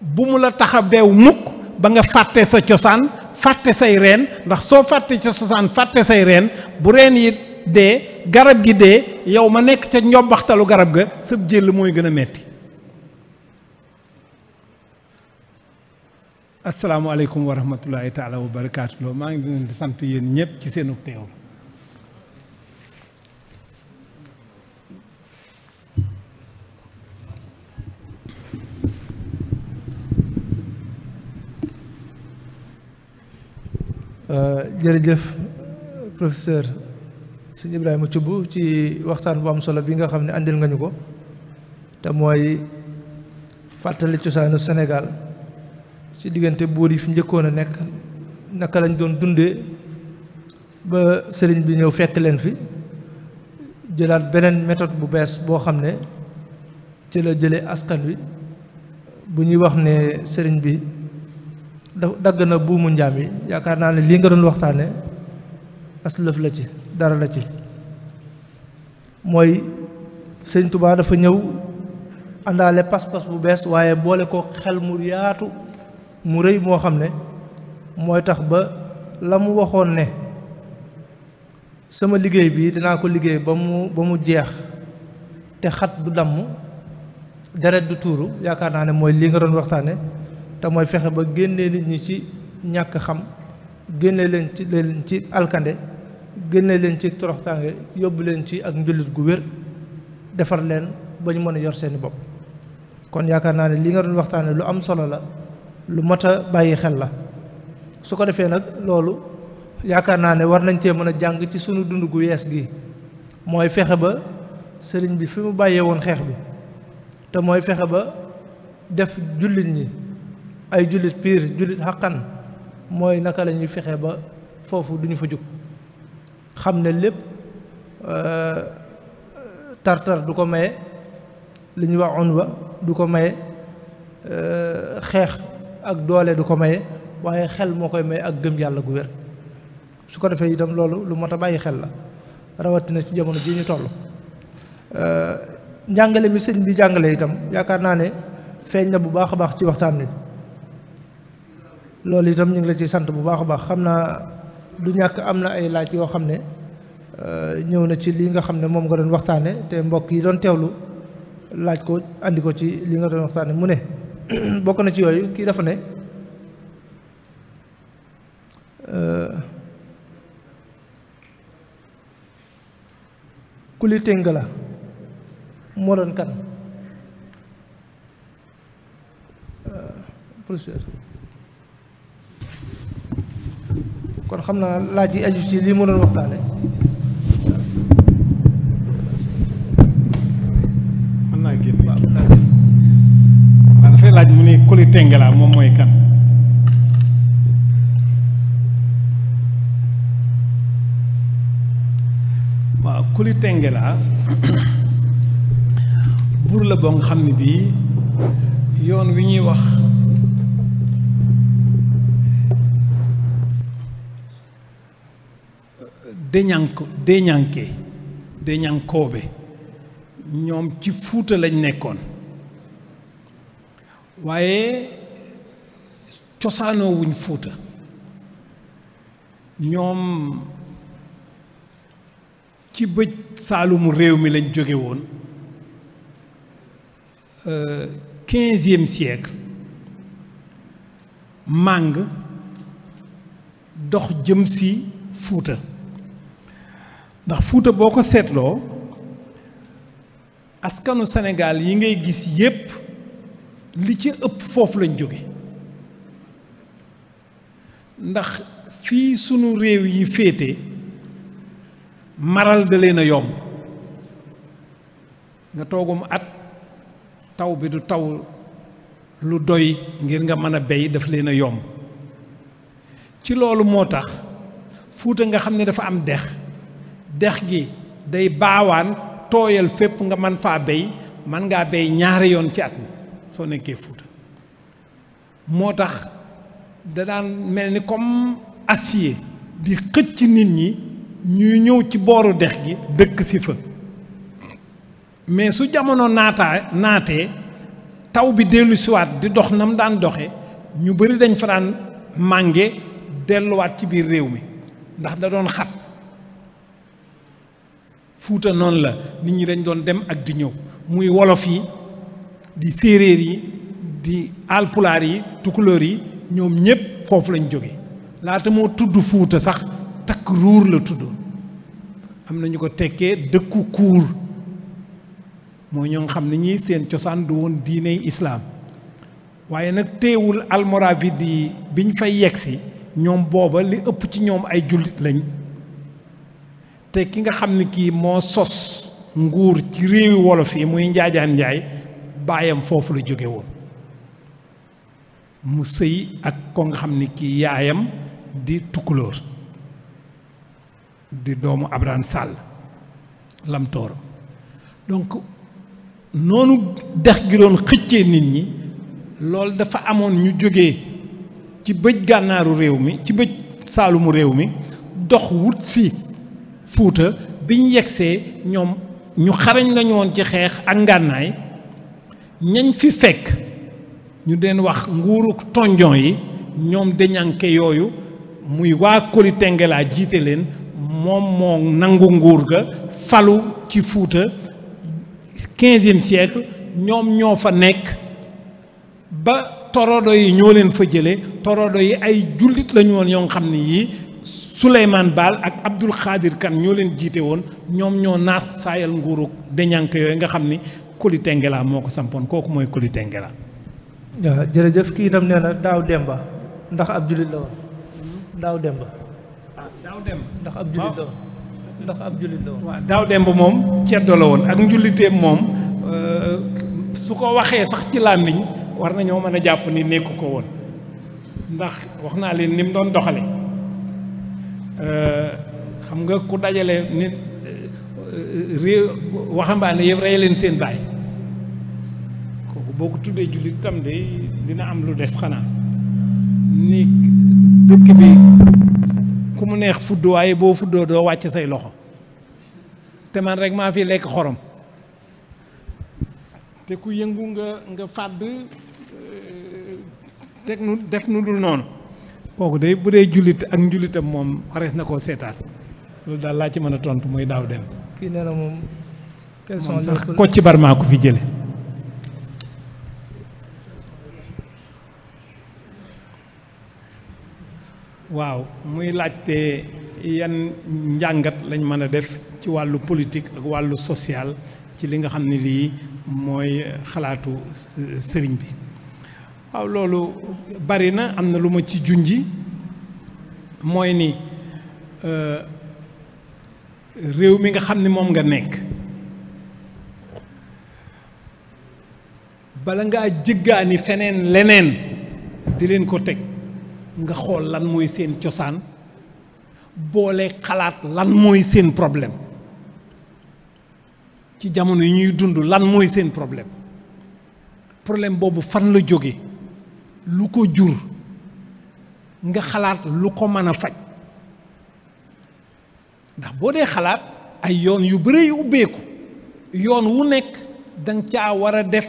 bu mu la taxa beew mukk ba nga fàtte sa cosaan fàtte say reen ndax soo fàtte sa cosaan fàtte say reen bu reen yi dee garab gi dee yow ma nekk ca njombaxtalu garab ga sëb jël mooy gën a metti asalaamaaleykum wa rahmatulahi taala wa barakaatu maa ngi leen di sant yéen ñëpp ci seenu teew euh, jërëjëf professeur sëñ Ibrahima Thioub ci waxtaan bu am solo bi nga xam ne àndil nga ñu ko te mooy fàttali cosaanu senegal ci diggante buur yi fi njëkkoon a nekk naka lañ doon dundee ba sëriñ bi ñëw fekk leen fi jëlaat beneen méthode bu bees boo xam ne ci la jëlee askan wi bu ñuy wax ne sëriñ bi da dagg na buumu njaam yi yaakaar naa ne lii nga doon waxtaane aslëf la ci dara la ci mooy sëriñ tubaa dafa ñëw àndaale pas-pas bu bees waaye boole ko xel mu yaatu mu rëy moo xam ne mooy tax ba la mu waxoon ne sama liggéey bi dinaa ko liggéey ba mu ba mu jeex te xat du damm deret du tuuru yaakaar naa ne mooy lii nga doon waxtaane te mooy fexe ba génnee nit ñi ci ñàkk xam génne leen ci leen ci alkande génne leen ci toroxtaange yóbbu leen ci ak njullit gu wér defar leen ba ñu mën a yor seeni bopp kon yaakaar naa ne lii nga doon waxtaane lu am solo la lu mot a bàyyi xel la su ko defee nag loolu yaakaar naa ne war nañ cee mën a jàng ci sunu dund gu yees gi mooy fexe ba sëriñ bi fi mu bàyyee woon xeex bi te mooy fexe ba def jullit ñi ay jullit piir jullit xaqan mooy naka la ñuy fexe ba foofu duñu fa jóg xam ne lépp euh, tartar du ko maye li ñuy wax on wa du ko maye euh, xeex ak doole du ko maye waaye xel moo koy may ak gëm yàlla gu wér su ko defee itam loolu lu mot a bàyyi xel la rawatina ci jamono ji ñu toll njàngale mi sëñ bi jàngale itam yaakaar naa ne feeñ na bu baax a baax ci waxtaan wi loolu tam ñu ngi la ci sant bu baax a baax xam naa du ñàkk am na ay laaj yoo xam ne ñëw na ci lii nga xam ne moom nga doon waxtaane te mbokk yi doon teewlu laaj ko andi ko ci li nga doon waxtaane mu ne bokk na ci yooyu kii dafa ne euh, kuli téng la moo doon kan euh, professeur kon xam naa laaj yi aju ci lii mu doon waxtaane naa génn dafay laaj mu ne Koli moom mooy kan waaw Koli buur la boo nga xam ne bii yoon wi ñuy wax deñank deñanke deñankoobe ñoom ci fuuta lañ nekkoon waaye cosaanoo fuuta ñoom ci bëj saalumu réew mi lañ jóge woon euh, quinzième siècle màng dox jëm si fuuta ndax fuuta boo ko seetloo askanu Sénégal yi ngay gis yépp li ci ëpp foofu lañ jóge ndax fii sunu réew yi féete maral da leen a yomb nga toogum at taw bi du taw lu doy ngir nga mën a bey daf leena a yomb ci loolu moo tax fuuta nga xam ne dafa am dex dex gi day baawaan tooyal fépp nga mën faa bey mën ngaa bey ñaari yoon ci at mi soo nekkee Fuuta moo tax da daan mel ni comme acier di xëcc nit ñi ñuy ñëw ci booru dex gi dëkk si fa mais su jamono naataa naatee taw bi dellusiwaat di dox nam daan doxe ñu bari dañ fa daan mànge delluwaat ci biir réew mi ndax da doon xat fuuta noonu la nit ñi dañ doon dem ak di ñëw muy wolof yi di séeréer yi di alpulaar yi tukulóor yi ñoom ñépp foofu lañ jóge laata moo tudd fuuta sax takk ruur la tuddoon am na ñu ko tekkee dëkku kuur mooy ñoo xam ne ñi seen cosaan du woon diiney islaam waaye nag teewul almoravide yi biñ fay yegsi ñoom booba li ëpp ci ñoom ay jullit lañ te ki nga xam ni kii moo sos nguur ci réewi wolof yi muy njaajaan njaay baayam foofu la jóge woon mu sëy ak ko nga xam ni kii yaayam di tukkulóor di doomu Abraham Sall Lamtoor donc noonu dex gi doon xëccee nit ñi lool dafa amoon ñu jóge ci bëj gànnaaru réew mi ci bëj saalumu réew mi dox wut si fuuta biñ yegsee ñoom ñu xarañ lañu woon ci xeex ak ngànnaay ñañ fi fekk ñu deen wax nguuruk tonjon yi ñoom deñanke yooyu muy waa kolitengelaa jiite leen moom moo nangu nguur ga falu ci Fuuta quinzième siècle ñoom ñoo fa nekk ba torodo yi ñoo leen fa jële torodo yi ay jullit lañu woon yoo xam ne yii Souleymane Baal ak Abdul Xaadir Kan ñoo leen jiite woon ñoom ñoo naas saayal nguuru deñanke yooyu nga xam ni Koli tengelaa moo ko sampoon kooku mooy Koli Tengela. waaw jërëjëf kii itam nee na daaw Demba ndax ab jullit la woon daaw Demba. Ah, ndax ab jullit la woon ab jullit la woon. waaw daaw Demba moom ceddo la woon ak njuliteem moom euh, su ko waxee sax ci làmmiñ war nañoo mën a jàpp ni nekku ko woon ndax wax naa leen ni mu doon doxale euh, xam nga ku dajale nit. Euh, réew waxambaane yëpp rey leen seen baay kooku boo ko tuddee jullit tam de dina am lu des xanaa ni dëkk bi ku mu neex fudd waaye boo fuddoo doo wàcce say loxo te man rek maa fi lekk xorom te ku yëngu nga nga fàdd euh, teg nu def nu dul noonu kooku day bu dee jullit ak njullitam moom xarees na koo seetaan loolu daal laa ci mën a tontu muy daaw dem kii nee na moom. question sax ko ci fi jële waaw muy laajte yan njàngat lañ mën a def ci wàllu politique ak wàllu social ci li nga xam ne lii mooy xalaatu sëriñ bi waaw loolu bari na am na lu ma ci junji mooy ni euh, réew mi nga xam ni moom nga nekk bala ngaa jëggaani feneen leneen di leen ko teg nga xool lan mooy seen cosaan boole xalaat lan mooy seen problème ci jamono yi ñuy dund lan mooy seen problème problème boobu fan la jóge lu ko jur nga xalaat lu ko mën a faj ndax boo dee xalaat ay yoon yu bëre yu ubbeeku yoon wu nekk danga ca war a def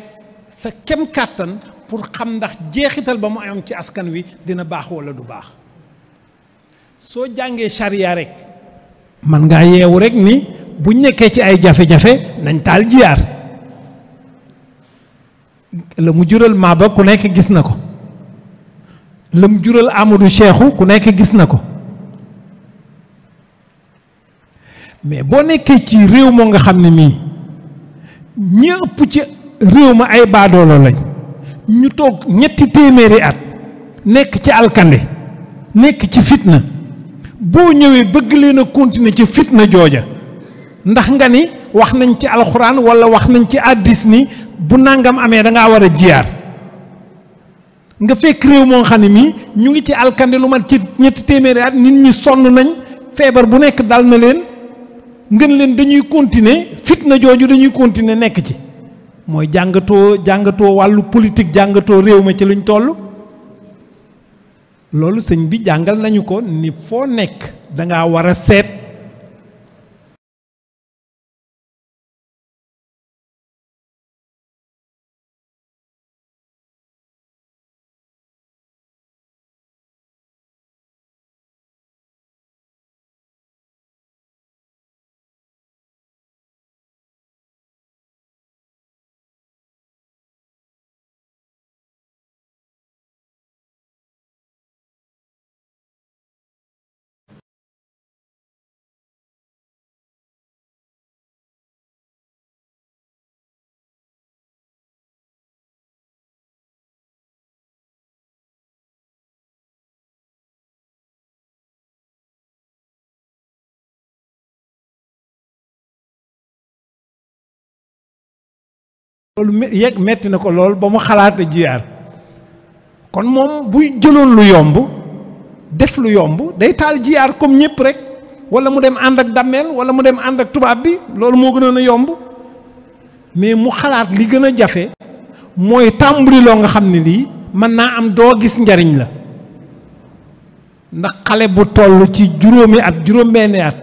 sa kem kàttan pour xam ndax jeexital ba mu am ci askan wi dina baax walla du baax soo jàngee charia rekk man ngaa yeewu rekk ni bu nekkee ci ay jafe-jafe nañ taal jiyaar la mu jural Maba ku nekk gis na ko la mu jural Amadou Cheikhou ku nekk gis na ko mais boo nekkee ci réew moo nga xam ne mii ñi ëpp ci réew ma ay baadoolo lañ ñu toog ñetti téeméeri at nekk ci alkande nekk ci fitna boo ñëwee bëgg leen a continuer ci fitna jooja ndax nga ni wax nañ ci alxuraan wala wax nañ ci àddis ni bu nangam amee da ngaa war a jiyaar nga fekk réew moo xam ne mii ñu ngi ci alkande lu mat ci ñetti téeméeri at nit ñi sonn nañ feebar bu nekk dal na leen ngeen leen dañuy continuer fitna jooju dañuy continuer nekk ci mooy jàngatoo jàngatoo wàllu politique jàngatoo réew ma ci luñ toll loolu sëñ bi jàngal nañu ko ni foo nekk da ngaa war a seet loolu yegg metti na ko lool ba mu xalaat a jiyaar kon moom buy jëloon lu yomb def lu yomb day taal jiyaar comme ñëpp rek wala mu dem ànd ak dammeel wala mu dem ànd ak tubaab bi loolu moo gënoon a yomb mais mu xalaat li gën a jafe mooy tàmbali loo nga xam ne lii mën naa am doo gis njariñ la ndax xale bu toll ci juróomi at juróom-benni at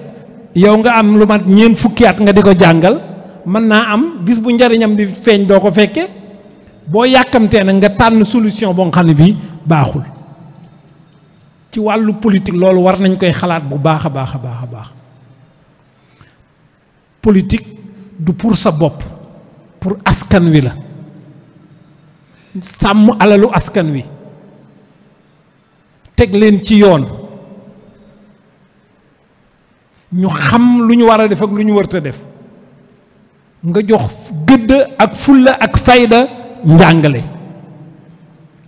yow nga am lu mat ñeent fukki at nga di ko jàngal mën naa am bis bu njariñam di feeñ doo ko fekke boo yàkkamtee na nga tànn solution boo xam bi baaxul ci wàllu politik loolu war nañ koy xalaat bu baax a baax a baax a baax politique du pour sa bopp pour askan wi la sàmm alalu askan wi teg leen ci yoon ñu xam lu ñu war a def ak lu ñu wërta def nga jox gëdd ak fulla ak fayda njàngale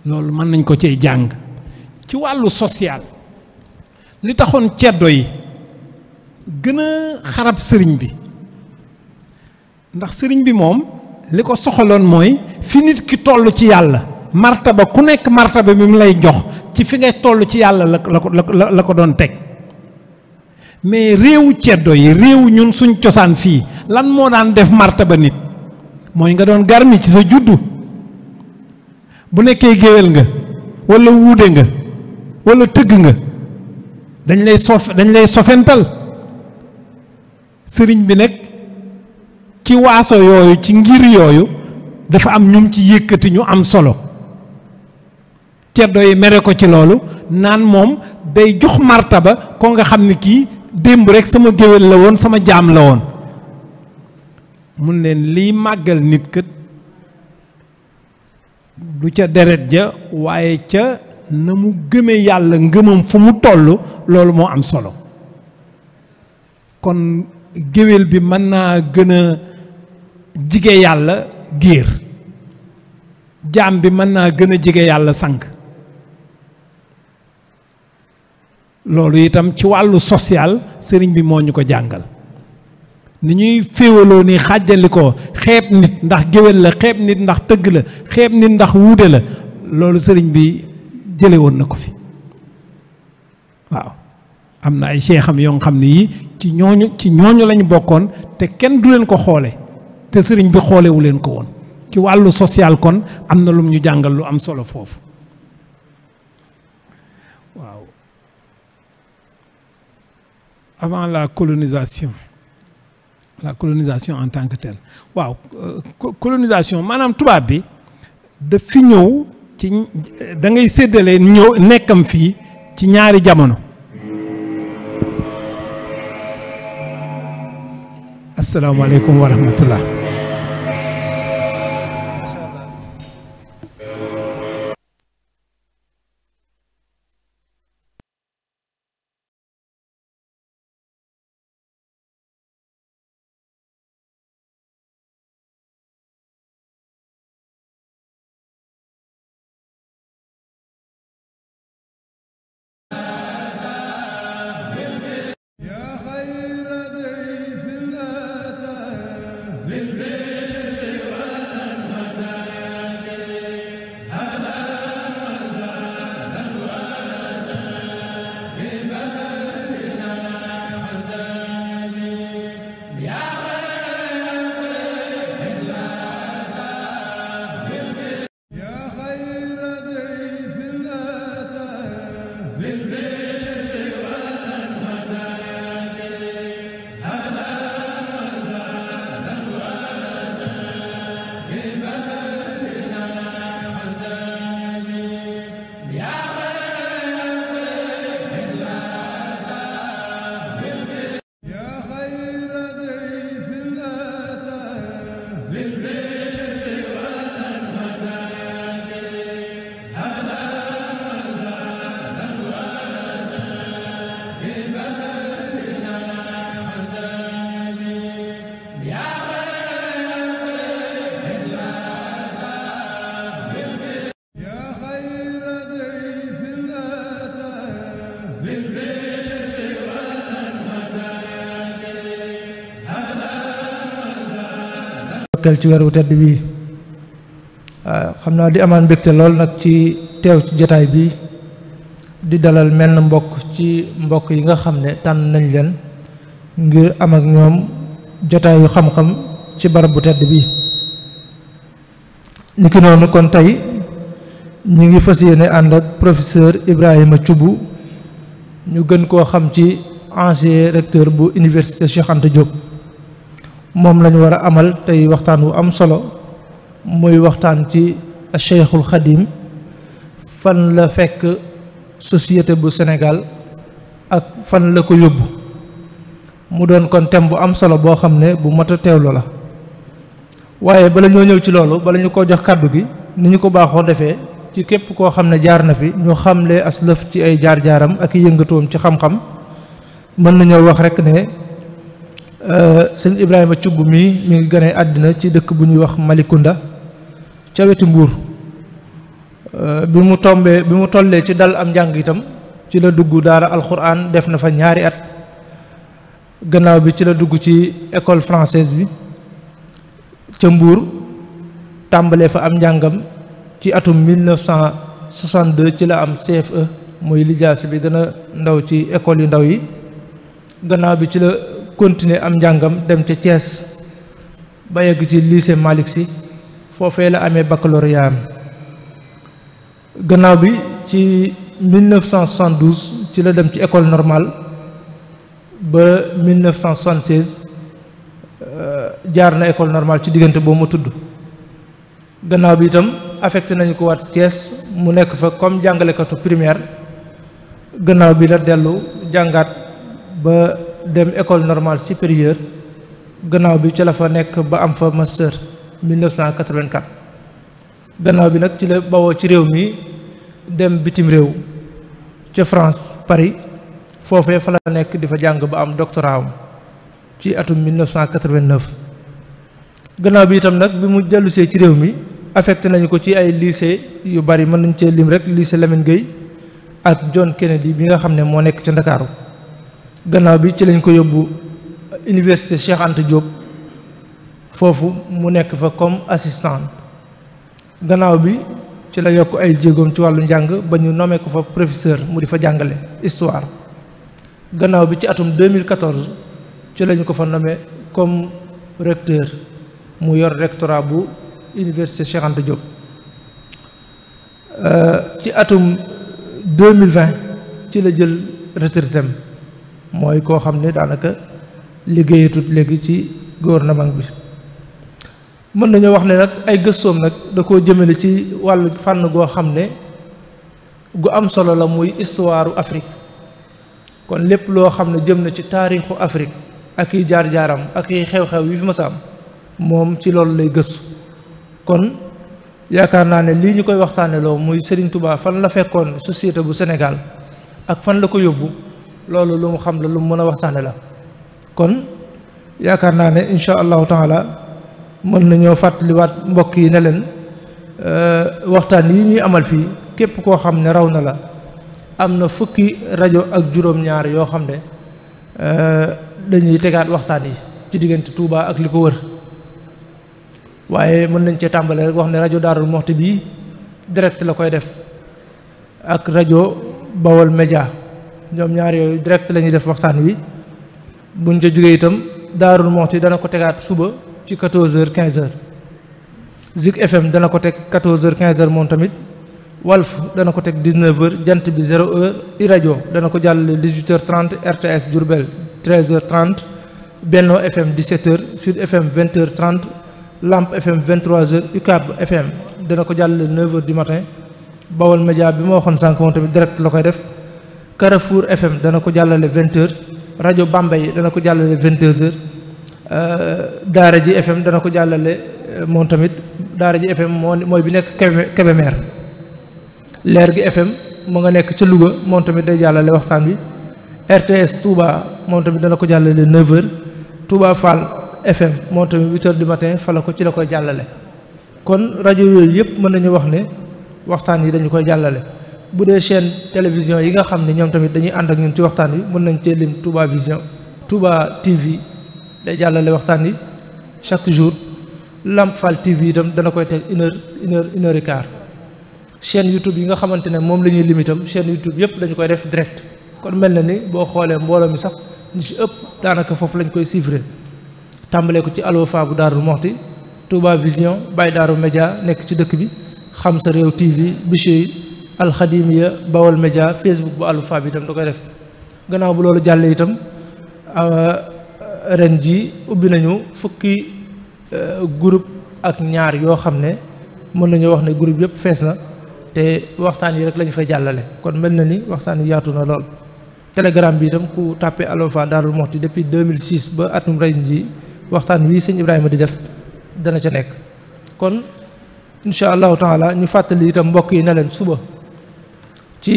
loolu mën nañ ko cee jàng ci wàllu social li taxoon ceddo yi gën a xarab sëriñ bi ndax sëriñ bi moom li ko soxaloon mooy fi nit ki toll ci yàlla martaba ku nekk martaba bi mu lay jox ci fi nga toll ci yàlla la la ko la ko doon teg mais réewu ceddo yi réew ñun suñ cosaan fii lan moo daan def ba nit mooy nga doon garmi ci sa juddu bu nekkee géwél nga walla wuude nga walla tëgg nga dañ lay sof dañ lay sofental sëriñ bi nag ci waaso yooyu ci ngir yooyu dafa am ñum ci yëkkati ñu am solo ceddo yi mere ko ci loolu naan moom day jox ba ko nga xam ni kii démb rek sama géwél la woon sama jaam la woon mun leen liy màggal nit kët du ca deret ja waaye ca na mu gëme yàlla ngëmam fu mu toll loolu moo am solo kon géwél bi mën naa gën a jige yàlla giir jaam bi mën naa gën a jige yàlla sànq loolu itam ci wàllu social sëriñ bi moo ñu ko jàngal ni ñuy féewaloo ni xàjjali ko xeeb nit ndax géwél la xeeb nit ndax tëgg la xeeb nit ndax wuude la loolu sëriñ bi jële woon na ko fi waaw am na ay seexam yoo xam ne yii ci ñooñu ci ñooñu lañu bokkoon te kenn du leen ko xoole te sëriñ bi xoolewu leen ko woon ci wàllu social kon am na lu ñu jàngal lu am solo foofu avant la colonisation la colonisation en tant que telle waaw euh, colonisation maanaam tubaab bi da fi ñëw ci da ngay séddale ñëw nekkam fii ci ñaari jamono asalaamaaleykum wa rahmatullah tegtal ci weeru tedd bii xam naa di amaan mbégte lool nag ci teew ci jataay bi di dalal menn mbokk ci mbokk yi nga xam ne tànn nañ leen ngir am ak ñoom jotaayu xam-xam ci barab bu tedd bii ni ki noonu kon tey ñu ngi fas ne ànd ak professeur Ibrahima cubu ñu gën koo xam ci ancien recteur bu université Cheikh Anta moom lañu war a amal tey waxtaan wu am solo muy waxtaan ci Cheikhul Xadim fan la fekk société bu senegal ak fan la ko yóbbu mu doon kon thème bu am solo boo xam ne bu mat a teewlu la waaye bala ñoo ñëw ci loolu bala ñu ko jox kàddu gi ni ñu ko baaxoo defee ci képp koo xam ne jaar na fi ñu xamle aslëf ci ay jaar-jaaram ak yëngatoom ci xam-xam mën nañoo wax rekk ne Euh, seen Ibrahima Thioub mii mi ngi gane àddina ci dëkk bu ñuy wax Malicounda ca wetu Mbuur euh, bi mu tombee bi mu tollee ci dal am njàng itam ci la dugg daara alxuraan def na fa ñaari at gannaaw bi ci la dugg ci école française bi ca Mbuur tàmbalee fa am njàngam ci atum 1962 ci la am CFE muy lijaas bi gën a ndaw ci école yu ndaw yi gannaaw bi ci la continuer am njàngam dem ca Thiès ba yegg ci lycée Malick Sy foofee la amee baccalauréat am gannaaw bi ci 1972 ci la dem ci école normale ba 1976 euh, jaar na école normal ci diggante boobu ma tudd gannaaw bi itam affecté nañu ko waat Thiès mu nekk fa comme jàngalekatu primaire gannaaw bi la dellu jàngaat ba dem école normale supérieure gannaaw bi ci la fa nekk ba am fa master 1984 gannaaw bi nag ci la bawoo ci réew mi dem bitim réew ca France Paris foofee fa la nekk di fa jàng ba am doctorat ci atum 1989 gannaaw bi itam nag bi mu dellusee ci réew mi affecté nañu ko ci ay lycée yu bari mën nañ cee lim rek lycée Lamine Gueye ak John Kennedy bi nga xam ne moo nekk ca Ndakaaru gannaaw bi ci lañ ko yóbbu université Cheikh Anta foofu mu nekk fa comme assistant gannaaw bi ci la yokk ay jéegoom ci wàllu njàng ba ñu nommé ko fa professeur mu di fa jàngale histoire gannaaw bi ci atum 2014 ci lañu ko fa nommé comme recteur mu yor rectorat bu université Cheikh Anta Diop euh, ci atum 2020 ci la jël retraitem mooy koo xam ne daanaka liggéeyatut léegi ci gouvernement bi mën nañoo wax ne nag ay gëstoom nag da koo jëmale ci wàll fànn goo xam ne gu am solo la muy histoire Afrique kon lépp loo xam ne jëm na ci taarixu Afrique ak i jaar-jaaram ak yi xew-xew yi fi mës am moom ci loolu lay gëstu kon yaakaar naa ne lii ñu koy waxtaane loo muy sëriñ tubaa fan la fekkoon société bu Sénégal ak fan la ko yóbbu loolu lu mu xam la lu mu mën a waxtaane la kon yaakaar naa ne incha allahu taala mën nañoo fàttaliwaat mbokk yi ne leen euh, waxtaan yi ñuy amal fii képp koo xam ne raw na la am na fukki rajo ak juróom-ñaar yoo xam ne euh, dañuy tegaat waxtaan yi ci diggante Touba ak li ko wër waaye mën nañ cee tàmbale rek wax ne rajo Daarul Muxti bii direct la koy def ak rajo Bawol Média ñoom ñaar yooyu direct la ñuy def waxtaan wi buñ ca jógee itam Daarul Muxti dana ko tegaat suba ci 14h 15h Zik FM dana ko teg 14h 15h moom tamit Walf dana ko teg 19h jant bi 0h iRadio dana ko jàll 18h30 RTS Diourbel 13h30 Benno FM 17h Sud FM 20h30 Lamp FM 23h UCAB FM dana ko jàll 9h du matin Bawol media bi ma waxoon sànq moom tamit direct la koy def. Carrefour FM dana ko jàllale vingt heures rajo Bambey dana ko jàllale vingt deux heures euh, Daara ji FM dana ko jàllale euh, moom tamit Daara ji FM moo mooy bi nekk Kébémer leer gi FM mu nga nekk ca Louga moom tamit day jàllale waxtaan bi RTS Touba moom tamit dana ko jàllale neuf heures Touba Fall FM moom tamit huit heures du matin fa la ko ci la koy jàllale kon rajo yooyu yëpp mën nañu wax ne waxtaan yi dañu koy jàllale. bu dee chain télévision yi nga xam ne ñoom tamit dañuy ànd ak ñun ci waxtaan wi mën nañ cee lim Touba Vision Touba TV day jàllale waxtaan wi chaque jour Lamp Fall TV itam dana koy teg une heure une heure une heure YouTube yi nga xamante ne moom la ñuy lim itam chaîne YouTube yëpp dañu koy def direct kon mel na ni boo xoolee mbooloo mi sax ñu ci ëpp daanaka foofu lañ koy suivre tàmbalee ko ci Al Wafa bu Daarul Moxti Touba Vision Baye Daaru Média nekk ci dëkk bi xam sa réew TV Bichri alxadimiya bawal média facebook bu alwafa bi itam da koy def gannaaw bu loolu jàllee itam ah, ren ji ubbi nañu fukki eh, groupe ak ñaar yoo xam ne mën nañu wax ne groupe yëpp fees na te waxtaan yi rek lañu fay jàllale kon mel na ni waxtaan yi yaatu na lool telegram bi itam ku tàppe alwafa daarul moxti depuis 2006 ba atum ren ji waxtaan wii sëñ Ibrahima di def dana ca nekk kon incha allahu taala ñu fàttali itam mbokk yi ne leen suba ci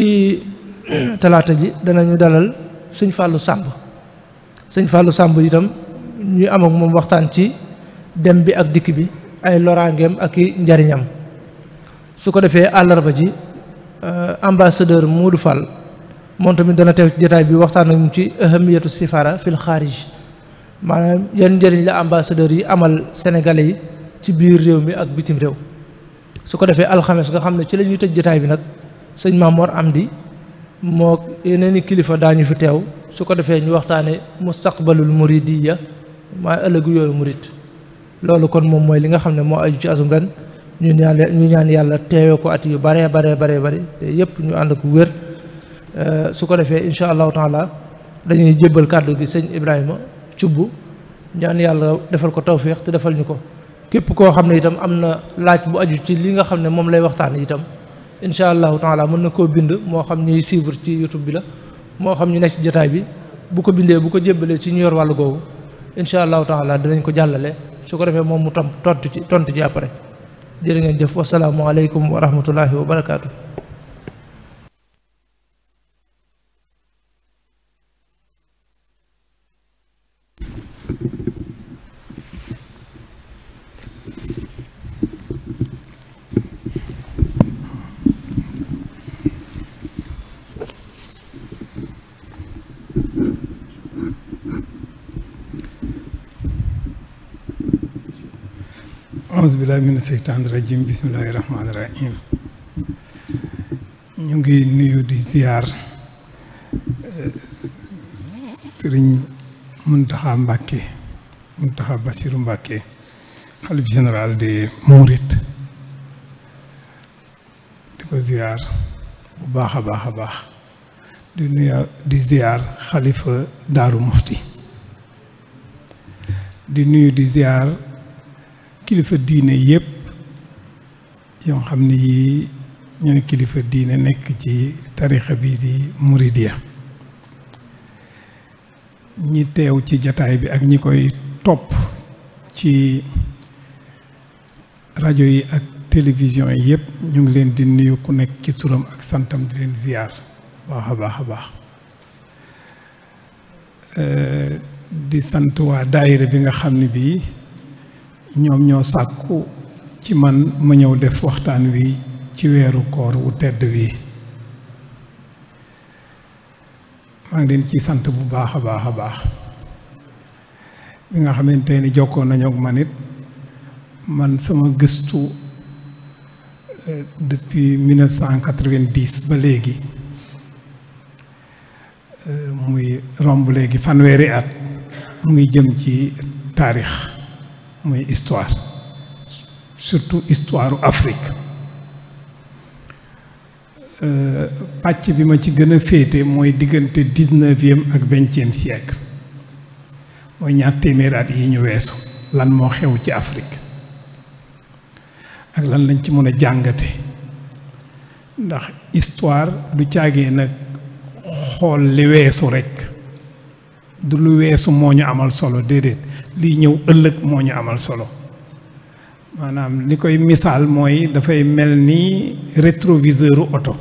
talaata ji danañu dalal sëñ fàllu sàmb sëñ fàllu sàmb yitam ñuy am moom waxtaan ci dem bi ak dikk bi ay loraangeem ak njariñam su ko defee àllarba ji euh, ambassadeur Modou Fall moom tamit dana tew ci jotaay bi waxtaan ak ci ahamiyatu sifara fil xaarij maanaam yan njëriñ la ambassadeur yi amal sénégalais yi ci biir réew mi ak bitim réew su ko defee alxames nga xam ne ci la ñuy tëj jataay bi nag sëñ Mamoor Amdi moo yeneen i kilifa daañu fi teew su ko defee ñu waxtaane mustaqbalul muridiyya maa ëllëgu yoonu murid loolu kon moom mooy li nga xam ne moo aju ci asum ñu ñaan ñu ñaan yàlla teewe ko at yu baree baree baree bëri te yëpp ñu ànd ko wér euh, su ko defee incha allahu taala dañuy jëbbal kàddu gi sëñ Ibrahima cubb ñaan yàlla defal ko tawféex te defal ñu ko képp koo xam ne itam am na laaj bu aju ci li nga xam ne moom lay waxtaan itam incha allahu taala mën na koo bind moo xam ñuy suivre ci youtube bi la moo xam ñu nekk ci jotaay bi bu ko bindee bu ko jébbalee ci ñu yor wàllu googu incha allahu taala dinañ ko jàllale su ko defee moom mu tam tontu ci tontu ci après jërë ngeen jëf wasalaamualeykum wa rahmatullahi wa barakaatu. aousubillahi mina seytaan rajim bismillahi rahmaani rahim ñu ngi nuyu di ziar eh, sëriñ taxa Mbàkke Muntaxa Basiru Mbàkke xalif général des Mourides di ko ziar bu baax a baax a baax di nuyu di ziar xalifa Daaru Mufti di nuyu di ziar kilifa diine yépp yoo xam ni yii ñooy kilifa diine nekk ci tarixa bi di muridiya ñi teew ci jataay bi ak ñi koy topp ci rajo yi ak télévision yi yépp ñu ngi leen di nuyu ku nekk ci turam ak santam di leen ziyaar baax a baax eh, di sant waa daayira bi nga xam ne bii ñoom ñoo sàkku ci man ma ñëw def waxtaan wi ci weeru koor wu tedd wi maa ngi leen ci sant bu baax a baax a baax bi nga xamante ni jokkoon nañu ak man it man sama gëstu eh, depuis 1990 ba léegi eh, muy romb léegi fanweeri at mu ngi jëm ci taarix mooy histoire surtout histoire Afrique euh, pàcc bi ma ci gën a féete mooy diggante dix-neuvième ak vingtième siècle mooy ñaar téeméeraat yi ñu weesu lan moo xew ci Afrique ak lan lañ ci mën a jàngate ndax histoire du caagee nag xool li weesu rekk du lu weesu moo ñu amal solo déedéet liy ñëw ëllëg moo ñu amal solo maanaam li koy misaal mooy dafay mel ni rétroviseuru oto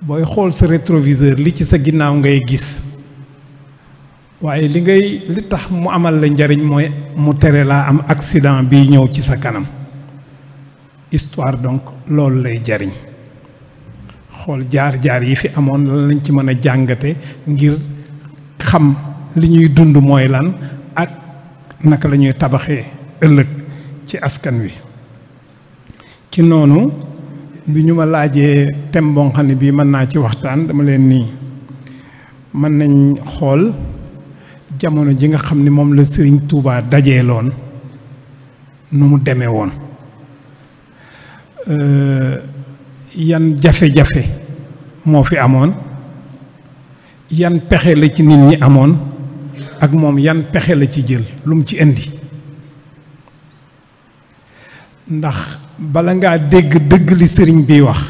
booy xool sa rétroviseur li ci sa ginnaaw ngay gis waaye li ngay li tax mu amal la njariñ mooy mu tere laa am accident bi ñëw ci sa kanam histoire donc loolu lay jariñ xool jaar-jaar yi fi amoon lan lañ ci mën a jàngate ngir xam li ñuy dund mooy lan naka la ñuy tabaxee ëllëg ci askan wi ci noonu bi ñu ma laajee thème boo xam bii mën naa ci waxtaan dama leen nii mën nañ xool jamono ji nga xam ni moom la Sëriñ Tuubaa daje loon nu mu demee woon euh, yan jafe-jafe moo fi amoon yan pexe la ci nit ñi amoon ak moom yan pexe la ci jël lu mu ci indi ndax bala ngaa dégg dëgg li sëriñ biy wax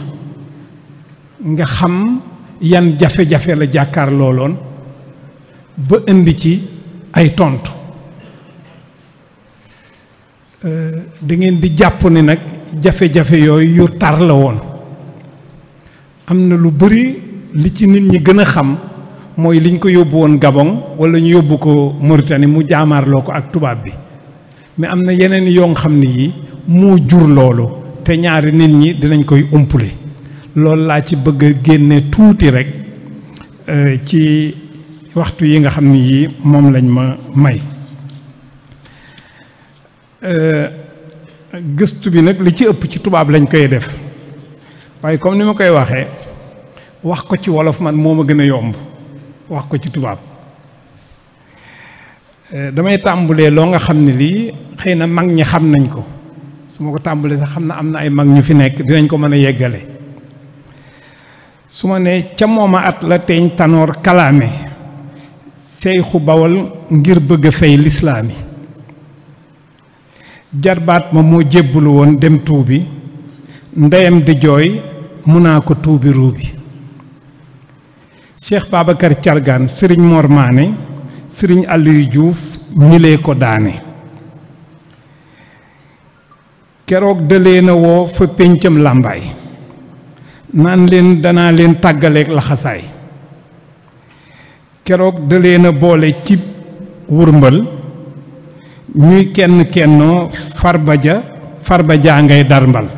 nga xam yan jafe-jafe la jàkkaar looloon ba indi ci ay tontu euh, da ngeen di jàpp ni nag jafe-jafe yooyu yu tar la woon am na lu bari li ci nit ñi gën a xam mooy liñ ko yóbbu woon Gabon wala ñu yóbbu ko Mauritanie mu jaamaarloo ko ak tubaab bi mais am na yeneen yoon xam ne yi moo jur loolu te ñaari nit ñi dinañ koy umpule loolu laa ci bëgg a génne tuuti rek euh, ci waxtu yi nga xam ne yii moom lañ ma may euh, gëstu bi nag li ci ëpp ci tubaab lañ koy def waaye comme ni ma koy waxee wax ko ci wolof man moo ma gën a yomb wax ko ci tubaab eh, damay tàmbulee loo nga xam ne lii xëy na mag ñi xam nañ ko su ma ko tàmbulee sax xam na am na ay mag ñu fi nekk dinañ ko mën a yeggale su ma ne ca mooma at la teeñ tanoor kalaame seyxu bawal ngir bëgg a fay lislaami jarbaat ma moo jébbulu woon dem tuubi ndeyam di jooy mun naa ko tuubi ruubi Cheikh Babacar Thiargane sëriñ Mor Mané sëriñ Aliou Diouf milee ko daane keroog da leen a woo fa péncam làmbaay naan leen danaa leen tàggaleeg laxasaay keroog da na boole ci wurmbal ñuy kenn kennoo farba ja farba jaa ngay darmbal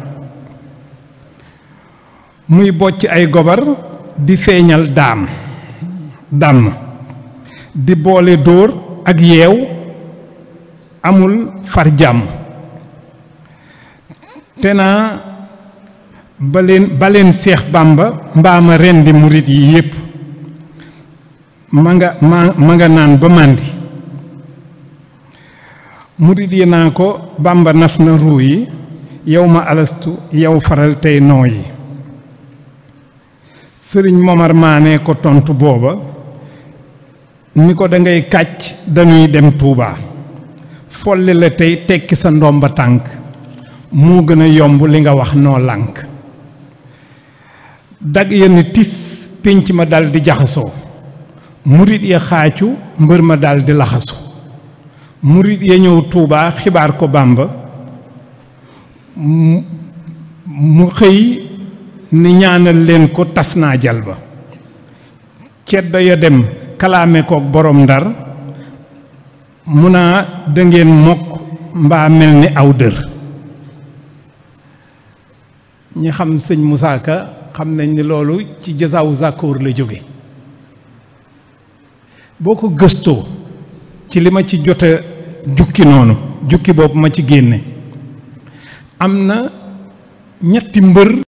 muy bocc ay gobar di feeñal daam dàmm di boole dóor ak yeew amul far jàmm te naa baleen baleen seex bàmba mbaama rendi murit yi yépp ma nga ma nga naan ba màndi murit yi naa ko bàmba nas na ruu yi yow ma alastu yow faral tey noo yi sëriñ Momar Maane ko tontu booba ni ko dangay kàcc dañuy dem tuubaa folli la tey tekki sa ndomba tànk moo gën a yomb li nga wax noo lànk dag ya ni tis pénc ma daldi jaxasoo murit ya xaacu mbër ma daldi laxasu murit ya ñëw Touba xibaar ko Bàmba mu xëy ni ñaanal leen ko tas naa jal ba ceddo ya dem kalaame kook borom ndar mu naa dangeen mokk mbaa mel ni aw dër ñi xam sëñ Moussa Ka xam nañ ni loolu ci jasaw Zakoor la jóge boo ko gëstoo ci li ma ci jot a jukki noonu jukki boobu ma ci génne am na ñetti mbër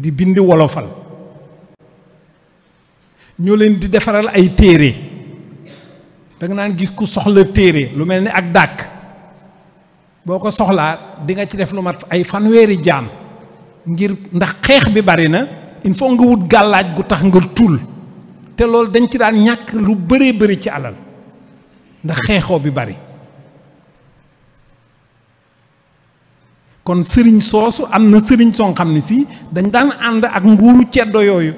di bind wolofal ñoo leen di defaral ay téere danga nga gis ku soxla téere lu mel ni ak dàkk boo ko soxlaa dinga ci def lu mat ay fanweeri jaan ngir ndax xeex bi bari na il faut nga wut gàllaaj gu tax nga tuul te loolu dañ ci daan ñàkk lu bëree bëri ci alal ndax xeexoo bi bari kon sëriñ soosu am na sëriñ soo xam ne si dañ daan ànd ak nguuru ceddo yooyu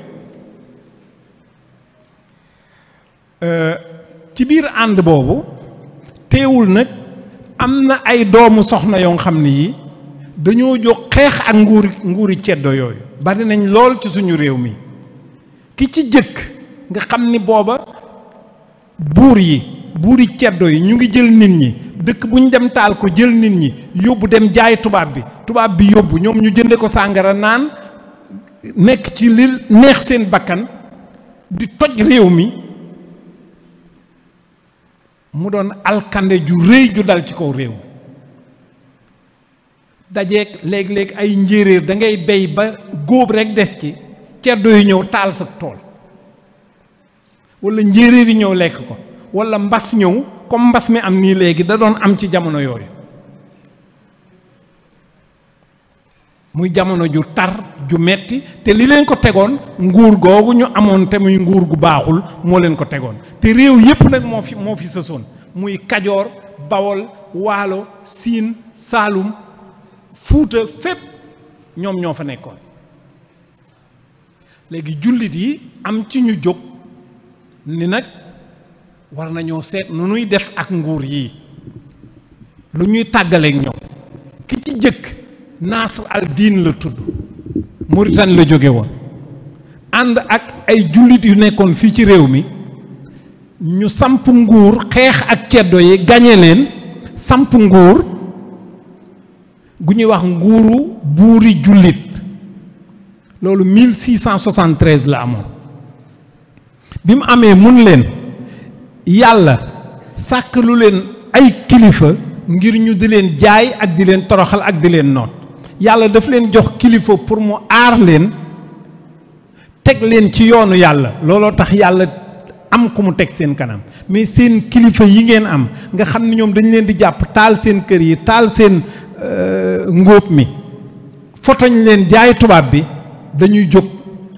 euh, ci biir ànd boobu teewul nag am na ay doomu soxna yoo xam ne yi dañoo jóg xeex ak nguuri nguuri ceddo yooyu bari nañ lool ci suñu réew mi ki ci jëkk nga xam ni booba buur yi buuri ceddo yi ñu ngi jël nit ñi dëkk bu ñu dem taal ko jël nit ñi yóbbu dem jaay tubaab bi tubaab bi yóbbu ñoom ñu jënde ko sàngara naan nekk ci li neex seen bakkan di toj réew mi mu doon alkande ju rëy ju dal ci kaw réew dajeeg léeg-léeg ay njéeréer da ngay bey ba góob rekk des ci ceddo yi ñëw taal sa tool wala njéeréer yi ñëw lekk ko walla mbas ñëw comme mbas mi am nii léegi da doon am ci jamono yooyu muy jamono ju tar ju metti te li leen ko tegoon nguur googu ñu amoon te muy nguur gu baaxul moo leen ko tegoon te réew yépp nag moo fi moo fi sësoon muy kajoor bawol waalo siin saalum fuuta fépp ñoom ñoo fa nekkoon léegi jullit yi am ci ñu jóg ni nag war nañoo seet nu nuy def ak nguur yi lu ñuy tàggaleek ñoom ki ci jëkk Nasr al Din la tudd Mauritanie la jóge woon ànd ak ay jullit yu nekkoon fii ci réew mi ñu samp nguur xeex ak ceddo yi gañe leen samp nguur gu ñuy wax nguuru buuri jullit loolu 1673 la amoon bi mu amee mun leen yàlla sàkk lu leen ay kilifa ngir ñu di leen jaay ak di leen toroxal ak di leen noot yàlla daf leen jox kilifa pour mu aar leen teg leen ci yoonu yàlla looloo tax yàlla am ku mu teg seen kanam mais seen kilifa yi ngeen am nga xam ne ñoom dañ leen di jàpp taal seen kër yi taal seen euh, ngóob mi fotoñ leen jaay tubaab bi dañuy jóg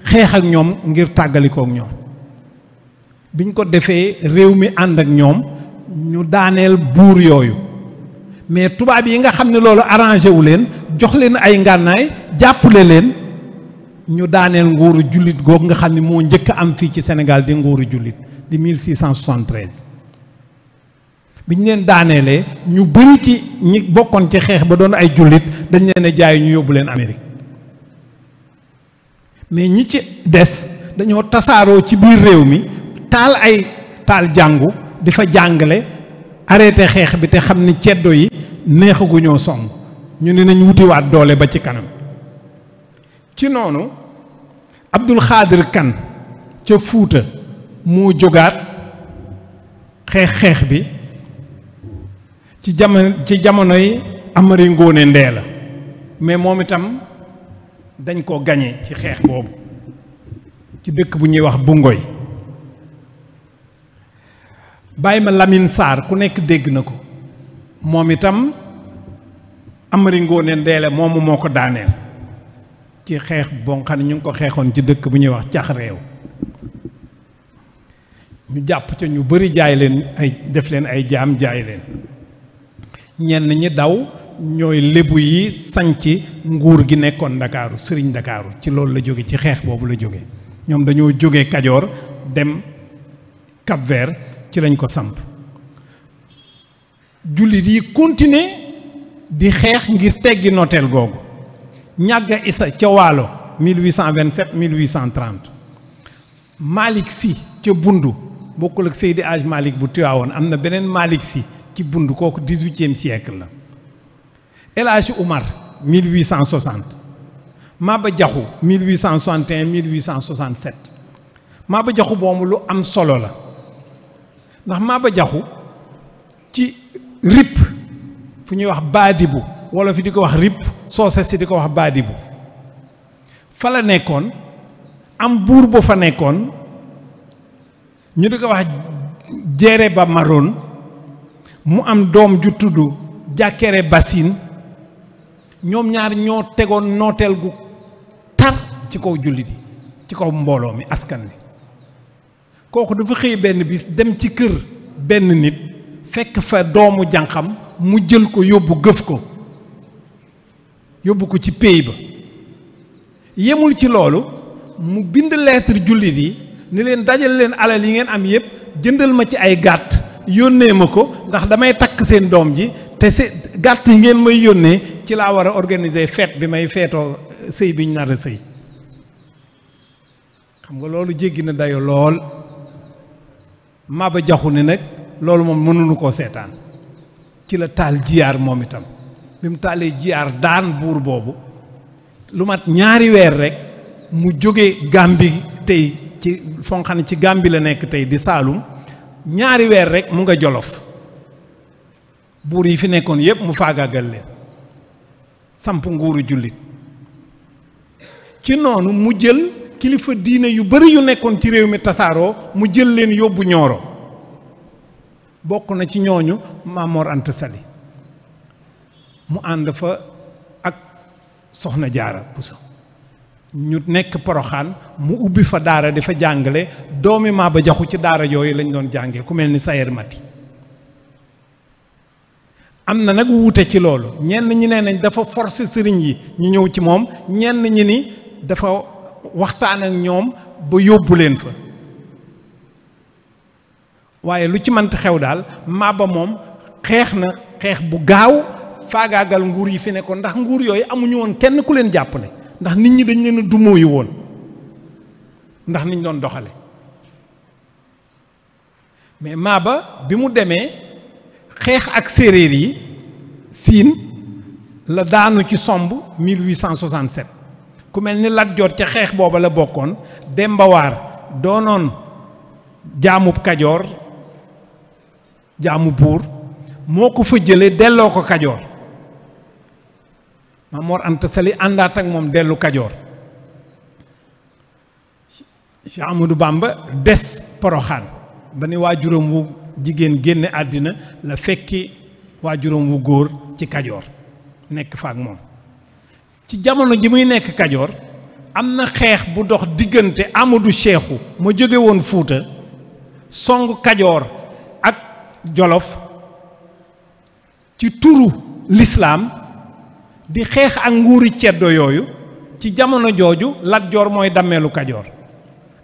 xeex ak ñoom ngir tàggalikook ñoom biñ ko defee réew mi ànd ak ñoom ñu daaneel buur yooyu mais tubaab yi nga xam ne loolu arrangé wu leen jox leen ay ngànnaay jàppale leen ñu daaneel nguuru jullit googu nga xam ni moo njëkk am fii ci Sénégal di nguuru jullit di 1673. biñ leen daaneelee ñu bëri ci ñi bokkoon ci xeex ba doon ay jullit dañ leen a jaay ñu yóbbu leen Amérique mais ñi ci des dañoo tasaaroo ci biir réew mi taal ay taal jàngu di fa jàngale arrêté xeex bi te xam ni ceddo yi neexagu ñoo song ñu ne nañ wutiwaat doole ba ci kanam ci noonu Abdul Xaadir Kan ca Fuuta moo jógaat xeex xeex bi ci jamono ci jamonoy Amari Ngoone Ndee la mais moom itam dañ ko gañe ci xeex boobu ci dëkk bu ñuy wax Bungoy bàyyi ma lamin saar ku nekk dégg na ko moom itam Amari Ngoone Ndeele moomu moo ko daaneel ci xeex boo xam ñu ngi ko xeexoon ci dëkk bu ñuy wax cax réew ñu jàpp ca ñu bari jaay leen ay def leen ay jaam jaay leen ñenn ñi daw ñooy lébu yi sañc nguur gi nekkoon ndakaaru sëriñ ndakaaru ci loolu la jóge ci xeex boobu la jóge ñoom dañoo jóge kajoor dem Cap-Vert ci lañ ko samp jullit yi continuer di xeex ngir teggi nooteel googu ñàgga isa ca waalo 1827 1830 Malick Sy ca Bundu bokkul ak Seydi Aj Malick bu Tiwaawoon am na beneen Malick Sy ci Bundu kooku 18e siècle la El Hadj Oumar 1860 Maba Jaxu 1861 1867 Maba Jaxu boobu lu am solo la ndax Maba Jaxu ci rip fu ñuy wax baadibu wala fi di ko wax rip soose si di ko wax baadibu fa la nekkoon am buur bu fa nekkoon ñu di ko wax jeere ba maroon mu am doom ju tudd jàkkere basin ñoom ñaar ñoo tegoon nooteel gu tar ci kaw jullit yi ci kaw mbooloo mi askan wi kooku dafa xëy benn bis dem ci kër benn nit fekk fa doomu jànqam mu jël ko yóbbu gëf ko yóbbu ko ci pey ba yemul ci loolu mu bind lettre jullit yi ni leen dajal leen alal yi ngeen am yépp jëndal ma ci ay gàtt yónnee ma ko ndax damay takk seen doom ji te se gàtt yi ngeen may yónnee ci laa war a organiser fête bi may feetoo sëy bi ñu nar a sëy xam nga loolu jéggi na dayo lool Maba Jaxu ne nag loolu moom mënuñu koo seetaan ci la taal jiyaar moom itam bi mu taalee jiyaar daan buur boobu lu mat ñaari weer rekk mu jóge Gàmbi tey ci foo xam ne ci Gàmbi la nekk tey di Saalum ñaari weer rekk mu nga Jolof buur yi fi nekkoon yépp mu faagaagal leen samp nguuru jullit ci noonu mu jël kilifa diine yu bari yu nekkoon ci réew mi tasaaroo mu jël leen yóbbu ñooro bokk na ci ñooñu Mamor Anta mu ànd fa ak Soxna Jaara Buso ñu nekk Poroxaan mu ubbi fa daara di fa jàngale doomi ba Jaxu ci daara yooyu lañ doon jàngee ku mel ni Sayer Mati am na nag wuute ci loolu ñenn ñi nee nañ dafa forcer sëriñ yi ñu ñëw ci moom ñenn ñi ni dafa waxtaan ak ñoom ba yóbbu leen fa waaye lu ci mënti xew daal Maba moom xeex na xeex bu gaaw faagaagal nguur yi fi ne ko ndax nguur yooyu amuñu woon kenn ku leen jàppale ndax nit ñi dañu leen a dumóoyu woon ndax niñ doon doxale mais Maba bi mu demee xeex ak séréer yi siin la daanu ci somb 1867 ku mel ni Lat Joor ca xeex booba la bokkoon Demba doonoon jaamub kajoor jaamu buur moo ko fa jële delloo ko kajoor Maam Mor Anta àndaat ak moom dellu kajoor Cheikh Amadou Bamba des poroxaan ba ni waajuram wu jigéen génne àddina la fekki waajuram wu góor ci kajoor nekk fa moom ci jamono ji muy nekk kajoor am na xeex bu dox diggante Amadou Cheikhou ma jóge woon Fuuta song kajoor ak Jolof ci turu lislaam di xeex ak nguuri ceddo yooyu ci jamono jooju Lat mooy dammeelu kajoor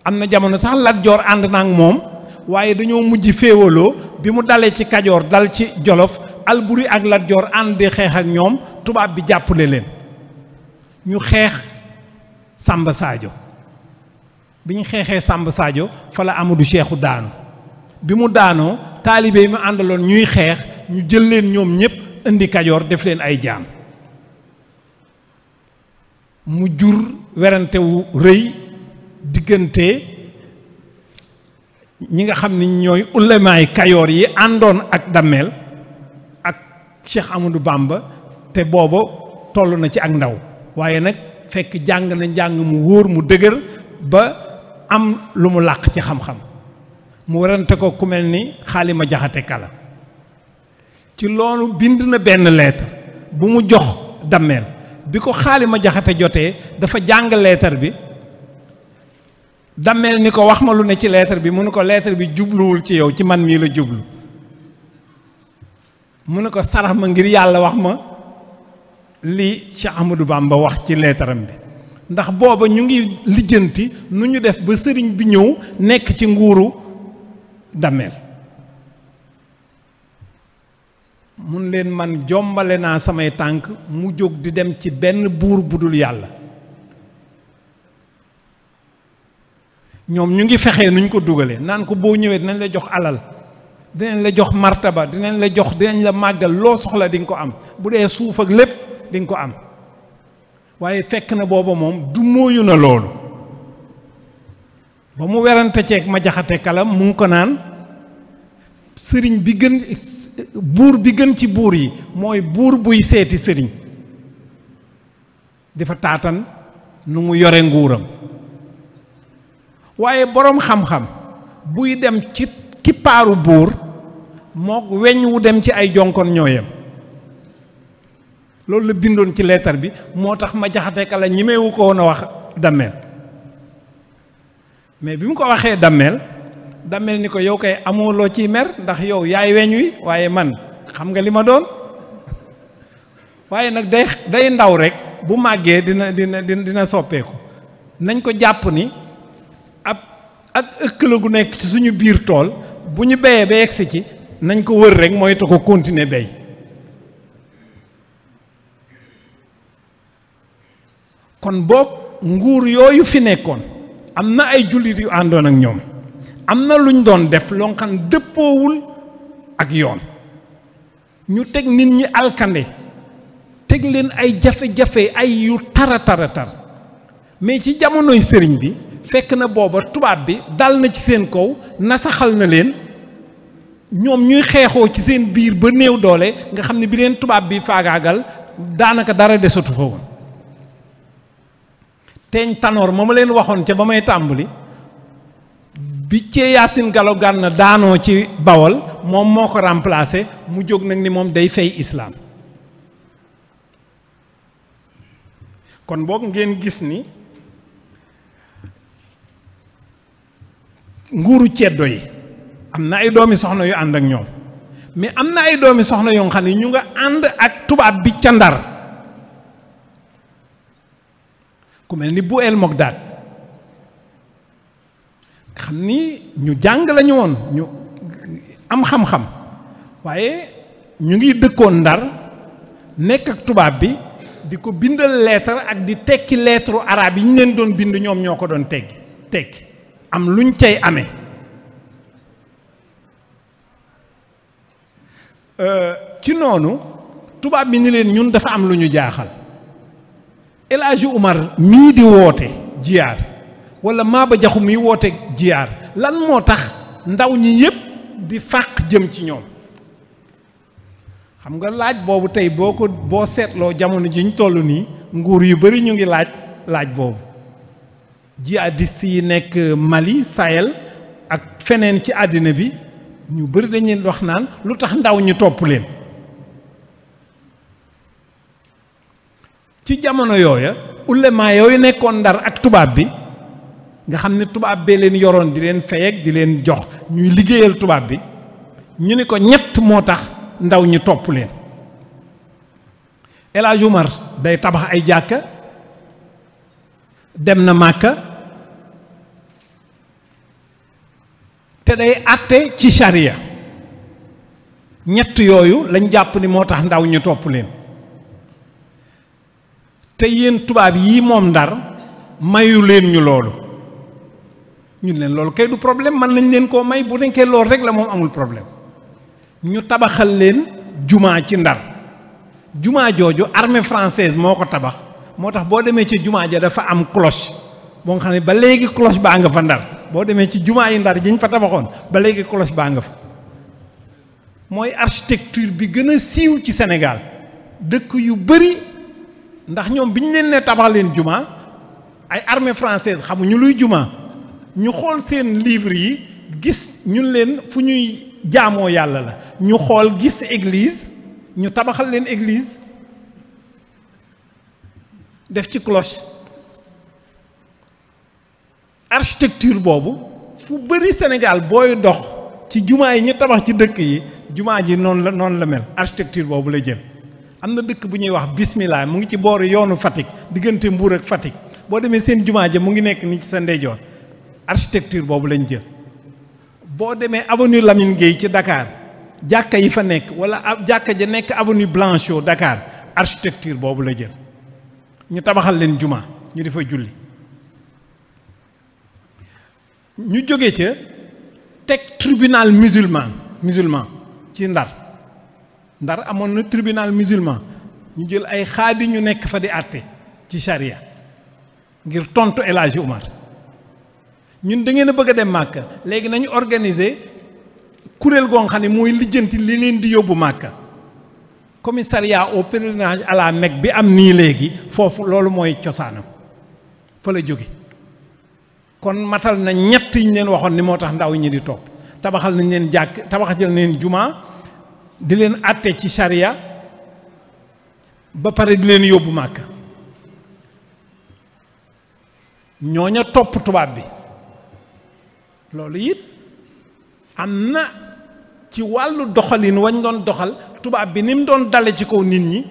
am na jamono sax Lat ànd na moom waaye dañoo mujj féewaloo bi mu dalee ci kajoor dal ci jolof Alburi ak Lat ànd di xeex ak ñoom tubaab bi jàppale leen ñu xeex Samba saajo bi ñu xeexee sàmb saajo fa la Amadou Cheikhou daanu bi mu daanoo taalibe yi mu àndaloon ñuy xeex ñu jël leen ñoom ñëpp indi Kajoor def leen ay jaam mu jur werantewu rëy diggante ñi nga xam ni ñooy ulamaay Kajoor yi àndoon ak dàmmeel ak Cheikh Amadou Bamba te booba toll na ci ak ndaw waaye nag fekk jàng na njàng mu wóor mu dëgër ba am lu mu làq ci xam-xam mu warante ko ku mel ni xaalima jaxate kala ci loolu bind na benn lettre bu mu jox dammeel bi ko xaalima jaxate jotee dafa jàng leetar bi dammeel ni ko wax ma lu ne ci lettre bi mu ne ko leetar bi jubluwul ci yow ci man mii la jublu mu ne ko sarax ma ngir yàlla wax ma li Cheikh Ahmadou Bamba wax ci leetaram bi ndax booba ñu ngi lijjanti nu ñu def ba sëriñ bi ñëw nekk ci nguuru dammeel mun leen man jombale naa samay tànk mu jóg di dem ci benn buur bu dul yàlla ñoom ñu ngi fexee nuñ ko dugalee naan ko boo ñëwee dinañ la jox alal dinañ la jox martaba dinañ la jox dinañ la màggal loo soxla di nga ko am bu dee suuf ak lépp di ko am waaye fekk na booba moom du móoyu na loolu ba mu werante ceeg ma jaxate kalam mu ngi ko naan sëriñ bi gën buur bi gën ci buur yi mooy buur buy seeti sëriñ dafa taatan nu mu yore nguuram waaye boroom xam-xam buy dem ci kippaaru buur mook weñ wu dem ci ay jonkon ñooyam loolu la bindoon ci leetar bi moo tax ma jaxate kala ñimewu ko woon a wax dammeel mais bi mu ko waxee dammeel dammeel ni ko yow kay amoo ciy mer ndax yow yaay weñ wi waaye man xam nga li ma doon waaye nag day day ndaw rek bu màggee dina dina dina soppeeku nañ ko jàpp ni ab ak ëkkla gu nekk ci suñu biir tool bu ñu béyee ba yegsi ci nañ ko wër rek mooy te ko continuer béy kon boog nguur yooyu fi nekkoon am na ay jullit yu àndoon ak ñoom am na luñ doon def loo dëppoowul ak yoon ñu teg nit ñi alkande teg leen ay jafe-jafe ay yu tara tara tar mais ci jamonoy sëriñ bi fekk na booba tubaab bi dal na ci seen kaw nasaxal na leen ñoom ñuy xeexoo ci seen biir ba néew doole nga xam ne bi leen tubaab bi faagaagal daanaka dara desatu fa woon teeñ tanoor ma ma leen waxoon ca ba may tàmbali bi cee Yacine Gallo Gànna daanoo ci Bawol moom moo ko remplacé mu jóg nag ni moom day fay islaam kon boog ngeen gis ni nguuru ceddo yi am na ay doomi soxna yu ànd ak ñoom mais am na ay doomi soxna yoo xam ne ñu nga ànd ak tubaab bi ca ndar ku mel ni bu el Mogdad nga xam ni ñu jàng lañu woon ñu am xam-xam waaye ñu ngi dëkkoon ndar nekk ak tubaab bi di ko bindal lettre ak di tekki lettre araab yi ñu leen doon bind ñoom ñoo ko doon teggi tekki am luñ cay amee euh, ci noonu tubaab bi ni leen ñun dafa am lu ñu jaaxal El Hadji Umar mii di woote jiyaar wala Maba Jaxu mii woote jiyaar lan moo tax ndaw ñi yépp di fàq jëm ci ñoom xam nga laaj boobu tey boo ko boo seetloo jamono ji ñu toll nii nguur yu bari ñu ngi laaj laaj boobu di si nekk Mali Sahel ak feneen ci àddina bi ñu bari dañuy wax naan lu tax ndaw ñi topp leen ci jamono yooya ulema yooyu nekkoon ndar ak tubaab bi nga xam ne tubaab bee leen yoroon di leen fayeg di leen jox ñuy liggéeyal tubaab bi ñu ni ko ñett moo tax ndaw ñi topp leen El day tabax ay jàkka dem na màkka te day àtte ci charia ñett yooyu lañ jàpp ni moo tax ndaw ñu topp leen te yéen tubaab yii moom ndar mayu leen ñu loolu ñun leen loolu kay du problème man nañ leen koo may bu nekkee loolu rek la moom amul problème ñu tabaxal leen jumaa ci ndar jumaa jooju armee française moo ko tabax moo tax boo demee ci jumaa ja dafa am cloche boo nga xam ne ba léegi cloche baa nga fa ndar boo demee ci jumaa yi ndar jiñ fa tabaxoon ba léegi cloche baa nga fa mooy architecture bi gën a siiw ci Sénégal dëkk yu bari ndax ñoom bi ñu leen ne tabax leen juma ay armée française xamuñu luy juma ñu xool seen livre yi gis ñun leen fu ñuy jaamoo yàlla la ñu xool gis église ñu tabaxal leen église def ci cloche architecture boobu fu bëri Sénégal booy dox ci jumaa yi ñu tabax ci dëkk yi jumaa ji noonu la noonu la mel architecture boobu la jël am na dëkk bu ñuy wax bismillah mu ngi ci booru yoonu Fatick diggante Mbour ak Fatick boo demee seen jumaa ja mu ngi nekk ni ci sa ndeyjoor architecture boobu lañ jël boo demee avenue Lamine Gueye ci Dakar jàkka yi fa nekk wala jàkka ja nekk avenue Blanchot dakaar architecture boobu la jël ñu tabaxal leen jumaa ñu di fa julli ñu jóge ca teg tribunal musulman musulman ci Ndar ndar amoon na tribunal musulman ñu jël ay xaadi ñu nekk fa di àtte ci charia ngir tontu El Hadji Umar ñun da ngeen a bëgg a dem màkka léegi nañu organiser kuréel goo xam ne mooy lijjanti li leen di yóbbu màkka commissariat au pèlerinage à la Mecque bi am nii léegi foofu loolu mooy cosaanam fa la jóge kon matal na ñett yi leen waxoon ni moo tax ndaw ñi di topp tabaxal nañ leen jàkk tabaxal nañ leen jumaa di leen àtte ci sariya ba pare di leen yóbbu màkka ñooña topp tubaab bi loolu it am na ci wàllu doxalin wañ doon doxal tubaab bi ni mu doon dale ci kaw nit ñi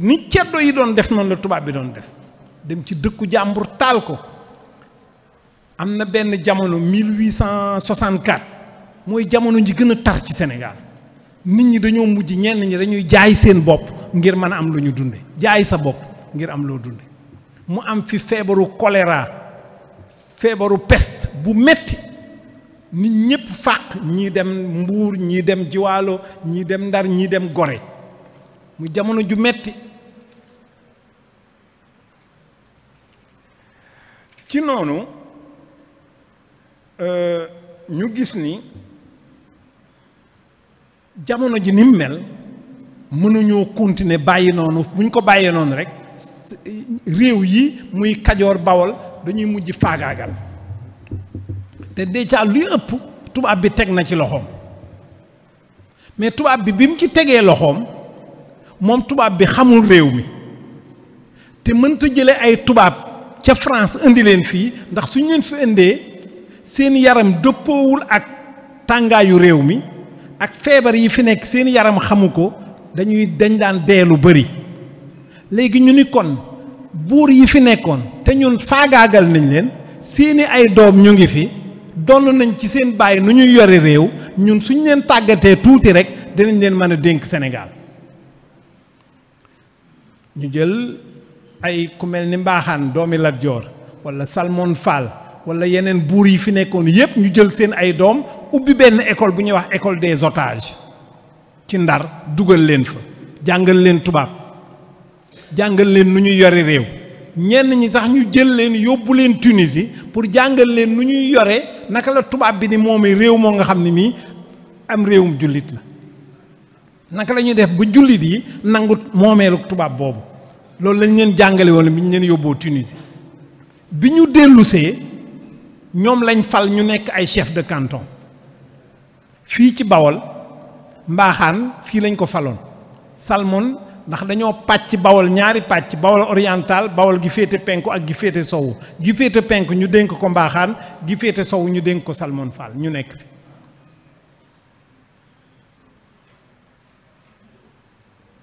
ni ceddo yi doon def noonu la tubaab bi doon def dem ci dëkku jàmbur taal ko am na benn jamono 1864 mooy jamono ji gën a tar ci senegaal nit ñi dañoo mujj ñenn ñi dañuy jaay seen bopp ngir mën a am lu ñu dunde jaay sa bopp ngir am loo dunde mu am fi feebaru choléra feebaru pest bu metti nit ñëpp fàq ñii dem mbuur ñii dem jiwaalo ñii dem ndar ñii dem gore mu jamono ju metti ci noonu euh, ñu gis ni jamono ji nim mu mel mënuñoo continuer bàyyi noonu buñ ko bàyyee noonu rek réew yi muy kajoor bawol dañuy mujj faagaagal te déjà luy ëpp tubaab bi teg na ci loxoom mais tubaab bi bi mu ci tegee loxoom moom tubaab bi xamul réew mi te mënta jële ay tubaab ca France indi leen fii ndax suñu leen fi indee seen yaram dëppoowul ak tàngaayu réew mi ak feebar yi fi nekk seen yaram xamu ko dañuy dañ daan dee lu bari léegi ñu ni kon buur yi fi nekkoon te ñun faagaagal nañ leen seeni ay doom ñu ngi fi donn nañ ci seen bàyyi nu ñuy yore réew ñun suñ leen tàggatee tuuti rek dinañ leen mën a dénk senegaal ñu jël ay ku mel ni mbaaxaan doomi Lat Joor wala Salmon Fall wala yeneen buur yi fi nekkoon yépp ñu jël seen ay doom ubbi benn école bu ñuy wax école des otage ci ndar dugal leen fa jàngal leen tubaab jàngal leen nu ñuy yore réew ñenn ñi sax ñu jël leen yóbbu leen Tunisie pour jàngal leen nu ñuy yore naka la tubaab bi ni moomee réew moo nga xam ne mii am réewum jullit la naka la ñuy def ba jullit yi nangu moomeelu tubaab boobu loolu lañ leen jàngale woon bi ñu leen yóbboo Tunisie bi ñu dellusee ñoom lañ fal ñu nekk ay chef de canton fii ci bawol mbaaxaan fii lañ ko faloon salmon ndax dañoo pàcc bawol ñaari pàcc bawol oriental bawol gi féete penku ak gi féete sowu gi féete penku ñu dénk ko mbaaxaan gi féete sowu ñu dénk ko salmon fall ñu nekk fi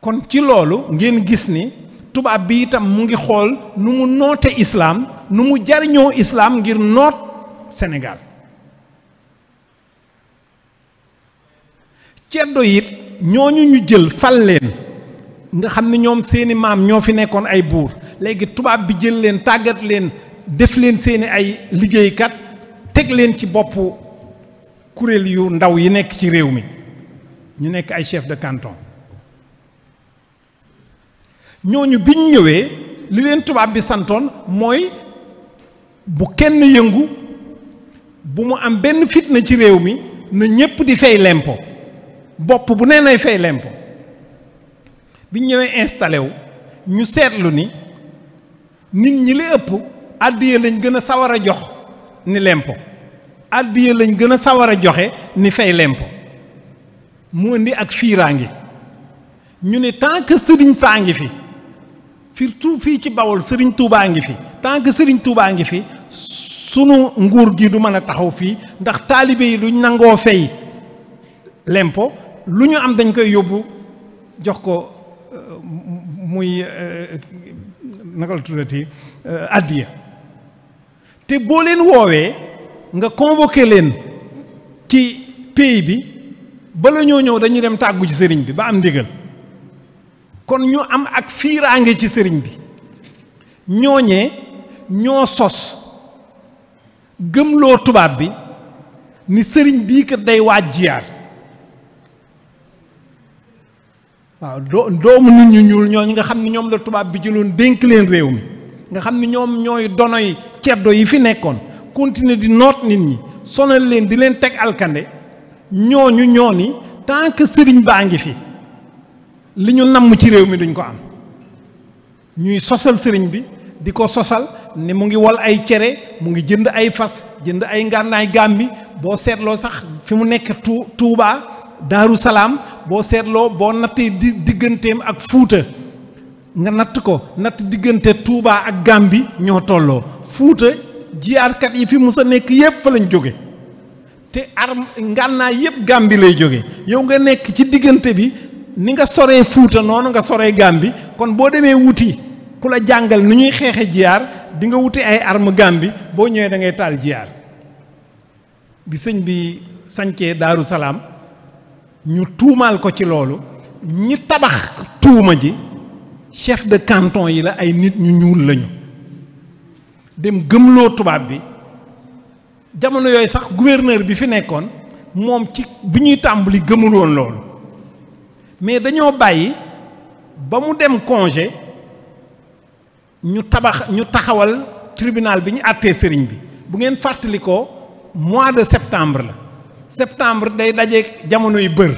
kon ci loolu ngeen gis ni tubaab bi itam mu ngi xool nu mu noote islaam nu mu jariñoo islaam ngir noot senegaal ceddo it ñooñu ñu jël fal leen nga xam ne ñoom seeni maam ñoo fi nekkoon ay buur léegi tubaab bi jël leen tàggat leen def leen seeni ay liggéeykat teg leen ci boppu kuréel yu ndaw yi nekk ci réew mi ñu nekk ay chef de kanton ñooñu biñ ñëwee li leen tubaab bi santoon mooy bu kenn yëngu bu mu am benn fitna ci réew mi na ñépp di fay lempo bopp bu nee nay fay l'impôt bi ñëwee installé wu ñu seetlu ni nit ñi li ëpp àddiya lañ gën a sawar a jox ni l'impôt àddiya lañ gën a sawar a joxe ni fay l'impôt mu indi ak fiiraangi ñu ne tant que sëriñ saa ngi fi surtout fii ci bawul sëriñ Tuubaa ngi fi tant que sëriñ Tuubaa ngi fi sunu nguur gi du mën a taxaw fii ndax taalibe yi duñ nangoo fay lempo lu ñu am dañ koy yóbbu jox ko euh, muy euh, naka la tuddati euh, addiya te boo leen woowee nga convoqué leen ci pays bi bala ñoo ñëw dañuy dem tàggu ci sëriñ bi ba am ndigal kon ñu am ak fiiraange ci sëriñ bi ñooñee ñoo sos gëmloo tubaab bi ni sëriñ bii kat day waa jiyaar waaw doo doomu nit ñu ñuul ñoo ñooñu nga xam ne ñoom la tubaab bi jëloon dénk leen réew mi nga xam ne ñoom ñooy donoy ceddo yi fi nekkoon continuer di noot nit ñi sonal leen di leen teg alkande ñu ñoo ni tant que sëriñ baa ngi fi li ñu namm ci réew mi duñ ko am ñuy sosal sëriñ bi di ko sosal ni mu ngi wal ay cere mu ngi jënd ay fas jënd ay ngànnaay gàmmi boo seetloo sax fi mu nekk tu Tuubaa Daaru Salaam boo seetloo boo nattee di digganteem ak fuuta nga natt ko natt diggante tuubaa ak Gàmbi ñoo tolloo fuuta jiyaarkat yi fi musa nekk yépp fa lañ jóge te arm ngànnaay yépp Gàmbi lay jóge yow nga nekk ci diggante bi ni nga soree fuuta noonu nga soree Gàmbi kon boo demee wuti ku la jàngal nu ñuy xeexe jiyaar di nga wuti ay arme Gàmbi boo ñëwee da ngay taal jiyaar bi sëñ bi sancee Daaru Salaam ñu tuumaal ko ci loolu ñi tabax tuuma ji chef de canton yi la ay nit ñu ñuul lañu dem gëmloo tubaab bi jamono yooyu sax gouverneur bi fi nekkoon moom ci bi ñuy tàmbali gëmul woon loolu mais dañoo bàyyi ba mu dem congé ñu tabax ñu taxawal tribunal bi ñu àttee sëriñ bi bu ngeen fàttalikoo mois de septembre la septembre day daje jamonoy bër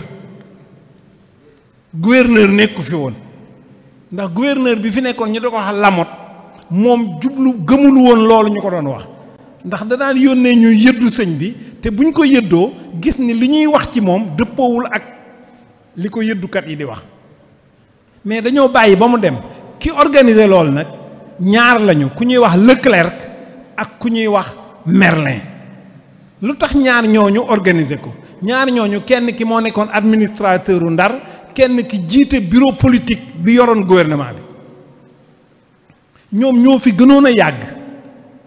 gouverneur nekku fi woon ndax gouverneur bi fi nekkoon ñu da ko wax lamot moom jublu gëmul woon loolu ñu ko doon wax ndax da daan yónnee ñuy yëddu sëñ bi te buñ ko yëddoo gis ni li ñuy wax ci moom dëppoowul ak li ko yëddukat yi di wax mais dañoo bàyyi ba mu dem ki organiser loolu nag ñaar lañu ku ñuy wax Leclerc ak ku ñuy wax Merlin lu tax ñaar ñooñu organiser ko ñaar ñooñu kenn ki moo nekkoon administrateur u Ndar kenn ki jiite bureau politique bi yoroon gouvernement bi ñoom ñoo fi gënoon a yàgg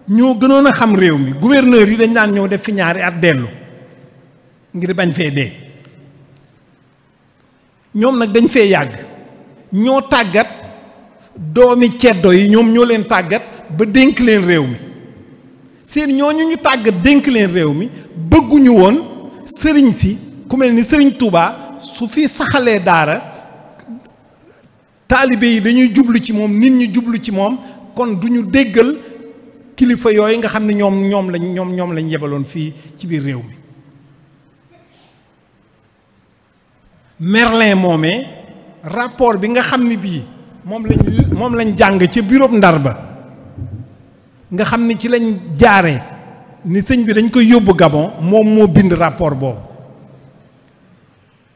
ñoo gënoon a xam réew mi gouverneur yi dañ daan ñëw def fi ñaari at dellu ngir bañ fee dee ñoom nag dañ fee yàgg ñoo tàggat doomi ceddo yi ñoom ñoo leen tàggat ba dénk leen réew mi seen ñooñu ñu tàggat dénk leen réew mi bëgguñu woon sëriñ si ku mel ni sëriñ Touba su fi saxalee daara taalibe yi dañuy jublu ci moom nit ñu jublu ci moom kon du ñu déggal kilifa yooyu nga xam ne ñoom ñoom lañ ñoom ñoom lañ yebaloon fii ci biir réew mi Merlin moomee rapport bi nga xam ne bii moom lañ jàng ca bureau Ndar ba nga xam ni ci lañ jaare ni sëñ bi dañ koy yóbbu Gabon moom moo bind rapport boobu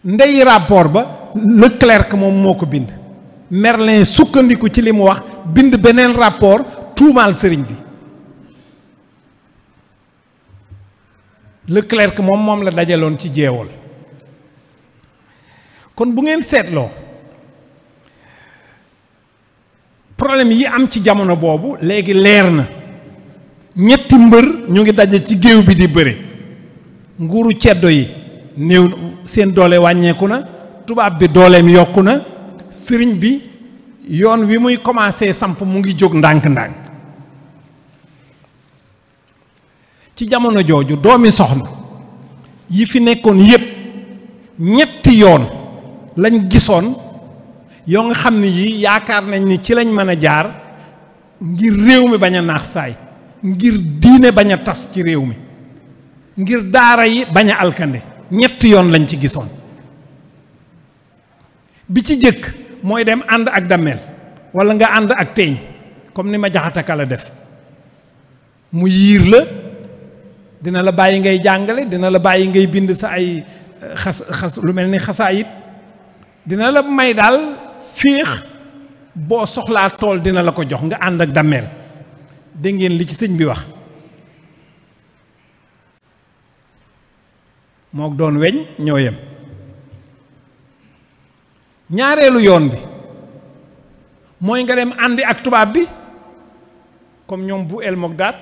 ndey rapport ba Leclerc moom moo ko bind Merlin sukkandiku ci li mu wax bind beneen rapport tuumaal sëriñ bi Leclerc moom moom la dajaloon ci jeewol kon bu ngeen seetloo problème yi am ci jamono boobu léegi leer na ñetti mbër ñu ngi daje ci géew bi di bëre nguuru ceddo yi néew seen doole wàññeeku na tubaab bi dooleem yokku na sëriñ bi yoon wi muy commencé samp mu ngi jóg ndànk-ndànk ci jamono jooju doomi soxna yi fi nekkoon yépp ñetti yoon lañ gisoon yoo nga xam ne yii yaakaar nañ ni ci lañ mën a jaar ngir réew mi bañ a naax saay ngir diine bañ a tas ci réew mi ngir daara yi bañ a alkande ñetti yoon lañ ci gisoon bi ci jëkk mooy dem ànd ak dammeel wala nga ànd ak teeñ comme ni ma jaxataka kala def mu yiir la dina la bàyyi ngay jàngale dina la bàyyi ngay bind sa ay xas lu mel ni xasaayit dina la may daal féex boo soxlaa tool dina la ko jox nga ànd ak dammeel dégg li ci sëñ bi wax mook doon weñ ñoo yem ñaareelu yoon bi mooy nga dem àndi ak tubaab bi comme ñoom bu el daat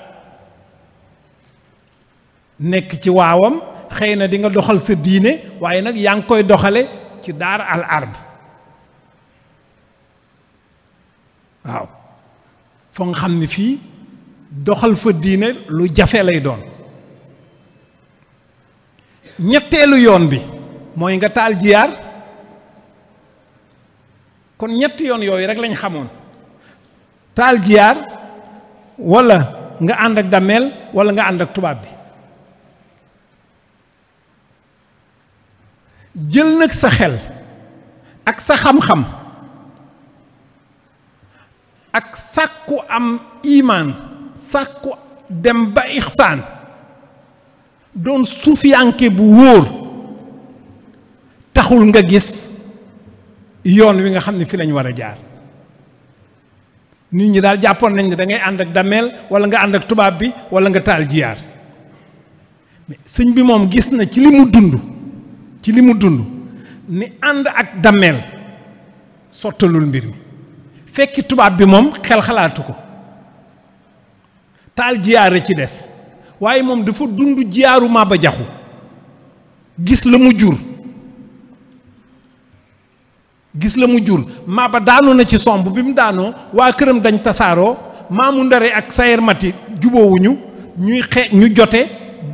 nekk ci waawam xëy na di nga doxal sa diine waaye nag yaa ngi koy doxale ci daar al arab waaw foo nga xam ni fii doxal fa diine lu jafe lay doon ñetteelu yoon bi mooy nga taal jiyaar kon ñetti yoon yooyu rek lañ xamoon taal jiyaar wala nga ànd ak dameel wala nga ànd ak tubaab bi jël nag sa xel ak sa xam-xam ak sàkku am imaan sàkku dem ba ixsaan doon suufiyanke bu wóor taxul nga gis yoon wi nga xam ne fi lañ war a jaar nit ñi daal jàppoon nañ ne dangay ngay ànd ak dameel wala nga ànd ak tubaab bi wala nga taal jiyaar mais sëñ bi moom gis na ci li mu dund ci li mu dund ni ànd ak dameel sottalul mbir mi fekki tubaab bi moom xel xalaatu ko taal jiyaare ci des waaye moom dafa dund jiyaaru Maba Jaxu gis la mu jur gis la mu jur Maba daanu na ci somb bi mu daanoo waa këram dañ tasaaroo maamu ndare ak sayer mati juboowuñu ñuy xe ñu jote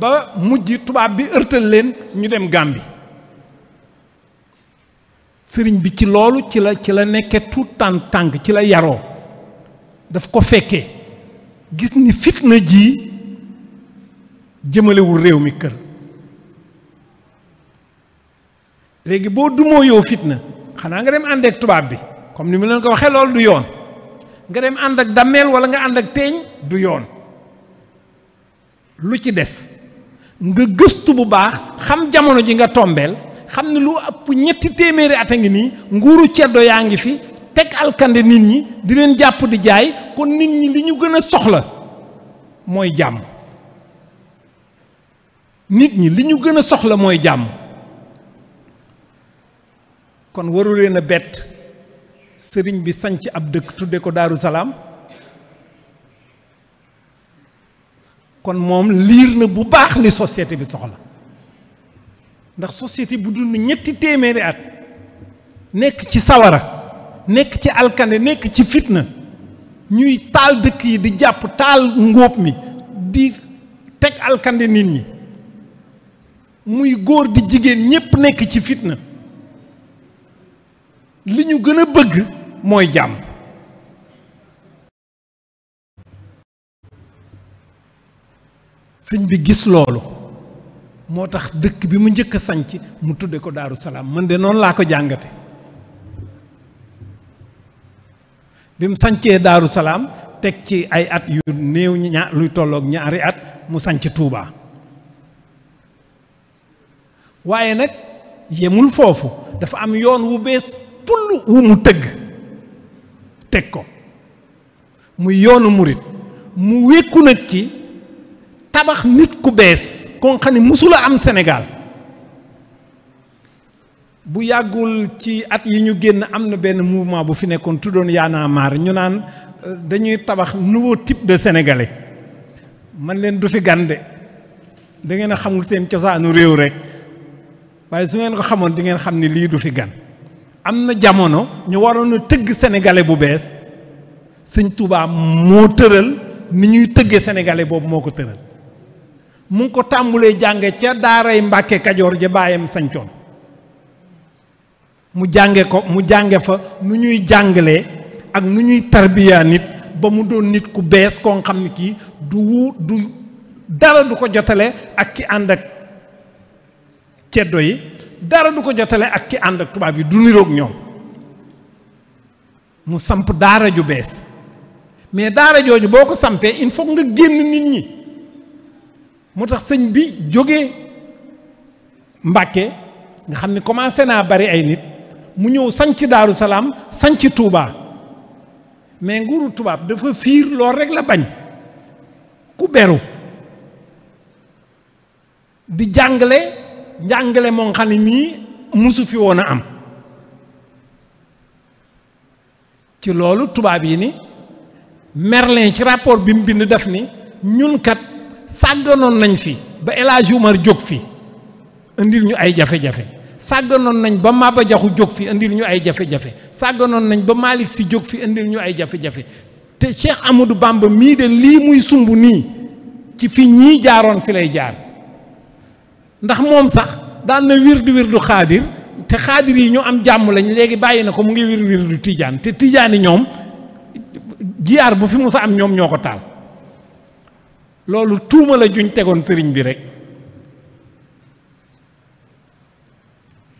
ba mujj tubaab bi ërtal leen ñu dem Gàmbi sëriñ bi ci loolu ci la ci la nekke tout tànk tànk ci la yaroo daf ko fekkee gis ni fitna ji jëmalewul réew mi kër léegi boo dumoo yow fitna xanaa nga dem àndeek tubaab bi comme ni mu leen ko waxee loolu du yoon nga dem ànd ak dammeel wala nga ànd ak teeñ du yoon lu ci des nga gëstu bu baax xam jamono ji nga tombeel xam ne lu ëpp ñetti téeméeri at a ngi nii nguuru ceddo yaa ngi fi teg alkande nit ñi di leen jàpp di jaay kon nit ñi li ñu gën a soxla mooy jàmm nit ñi li ñu gën a soxla mooy jàmm kon waru leen a bett sëriñ bi sanc ab dëkk tudde ko Daaru Salaam kon moom liir na bu baax li societé bi soxla ndax société bu dund ñetti téeméeri at nekk ci sawara nekk ci alkande nekk ci fitna ñuy taal dëkk yi di jàpp taal ngóob mi di teg alkande nit ñi muy góor di jigéen ñépp nekk ci fitna li ñu gën a bëgg mooy jàmm sëñ bi gis loolu moo tax dëkk bi mu njëkk a sanc mu tudde ko daaru salaam man de noonu laa ko jàngate bi mu sancee daaru salaam teg ci ay at yu néew ña luy tolloog ñaari at mu sanc tuubaa waaye nag yemul foofu dafa am yoon wu bees pull wu mu tëgg teg ko muy yoonu murit mu wékku nag ci tabax nit ku bees kon xam ne musula am senegal bu yàggul ci at yi ñu génn am na benn mouvement bu fi nekkoon tuddoon yaana maar ñu naan euh, dañuy tabax nouveau type de sénégalais man leen du fi gande da ngeen a xamul seen cosaanu réew rek waaye su ngeen ko xamoon di ngeen xam ni lii du fi gan am na jamono ñu waroon a tëgg sénégalais bu bees sëñ tubaab moo tëral ni ñuy tëggee sénégalais boobu moo ko tëral mu ko tàmbulee jànge ca daaray mbàkke kajoor ja baayam sañcoon mu jànge ko mu jànge fa nu ñuy jàngale ak nu ñuy tarbiyaa nit ba mu doon nit ku bees koo xam ne kii du wu du dara du ko jotale ak ki ànd ak dara du ko jotale ak ki ànd tubaab yi du niroog ñoom mu samp daara ju bees mais daara jooju boo ko sampee il faut nga génn nit ñi moo tax sëñ bi jóge Mbàkke nga xam ne commencé naa bari ay nit mu ñëw sañc Daaru Salaam sanc Tuubaa mais nguuru tubaab dafa fiir loolu rekk la bañ ku beru di jàngale njàngale moo xam ne mii musu fi woon a am ci loolu tubaab yi ni Merlin ci rapport bi mu bind def ni ñun kat sàgganoon nañ fi ba El Hadj Umar jóg fi indil ñu ay jafe-jafe sàgganoon nañ ba Maba Jaxu jóg fi indil ñu ay jafe sàgganoon nañ ba Malick Sy jóg fi indil ñu ay jafe-jafe te Cheikh Amadou Bamba mii de lii muy sumb nii ci fi ñii jaaroon fi lay jaar ndax moom sax daan na wirdu wirdu xaadir te xaadir yi ñu am jàmm lañ léegi bàyyi na ko mu ngi wir wirdu tiijaan te tijaan yi ñoom giyaar bu fi mu musa am ñoom ñoo ko taal loolu tuuma juñ tegoon sëriñ bi rek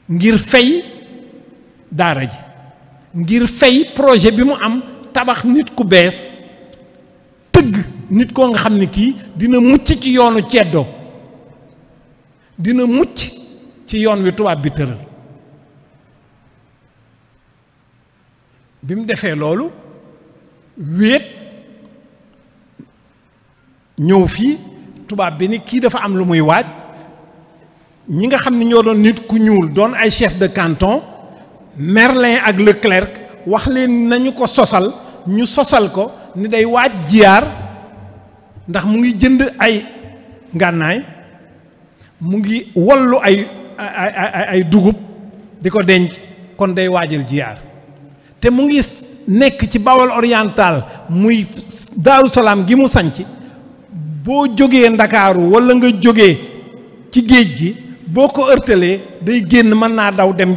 ngir fay daara ji ngir fay projet bi mu am tabax nit ku bees tëgg nit koo nga xam ni kii dina mucc ci yoonu ceddoo dina mucc ci yoon wi tubaab bi tëral bi mu defee loolu wéet ñëw fii tubaab bi ni kii dafa am lu muy waaj ñi nga xam ne ñoo doon nit ku ñuul doon ay chef de canton Merlin ak Leclerc wax leen nañu ko sosal ñu sosal ko ni day waaj jiyaar ndax mu ngi jënd ay ngànnaay mu ngi wallu ay ay ay dugub di ko denc kon day waajal jiyaar te mu ngi nekk ci Bawol oriental muy Daaru Salaam gi mu sanc boo jógee ndakaaru walla nga jóge ci géej gi boo ko ërtalee day génn mën naa daw dem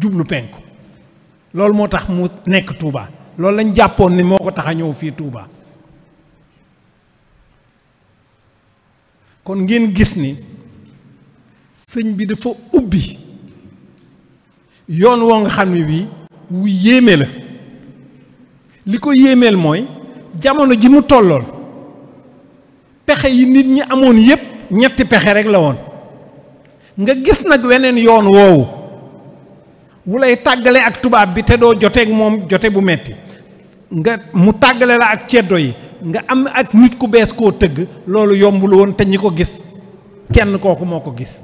jublu penku loolu moo tax mu nekk Touba loolu lañ jàppoon ni moo ko tax a ñëw fii Touba kon ngeen gis ni sëñ bi dafa ubbi yoon woo nga xam ne bii wu yéeme la li ko yéemeel mooy jamono ji mu tollool pexe yi nit ñi amoon yépp ñetti pexe rekk la woon nga gis nag weneen yoon woowu wu lay tàggale ak tubaab bi te doo joteeg moom jote bu metti nga mu tàggale la ak ceddo yi nga am ak nit ku bees koo tëgg loolu yombul woon te ñi ko gis kenn kooku moo ko gis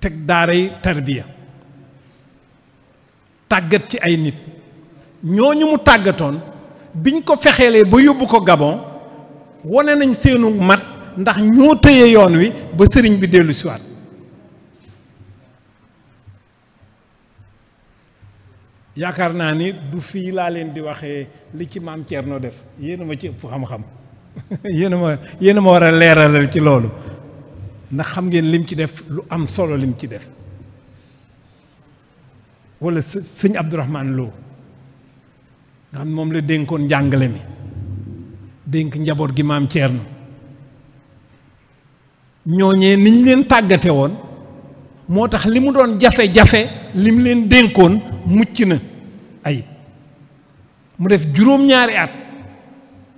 teg daaray tarbiya tàggat ci ay nit ñooñu mu tàggatoon biñ ko fexeelee ba yóbbu ko Gabon wone nañ seenu mat ndax ñoo téye yoon wi ba sëriñ bi dellu siwaat yaakaar naa ni du fii laa leen di waxee li ci maam noo def yéen a ma ci ëpp xam-xam yéen ma yéen a ma war a leeralal ci loolu ndax xam ngeen lim ci def lu am solo lim ci def wala sëñ Abdourahmane Lo nga xam moom la dénkoon njàngale mi dénk njaboot gi maam Thierno ñooñee niñ leen tàggate woon moo tax li mu doon jafe-jafe lim leen dénkoon mucc na ayib mu def juróom-ñaari at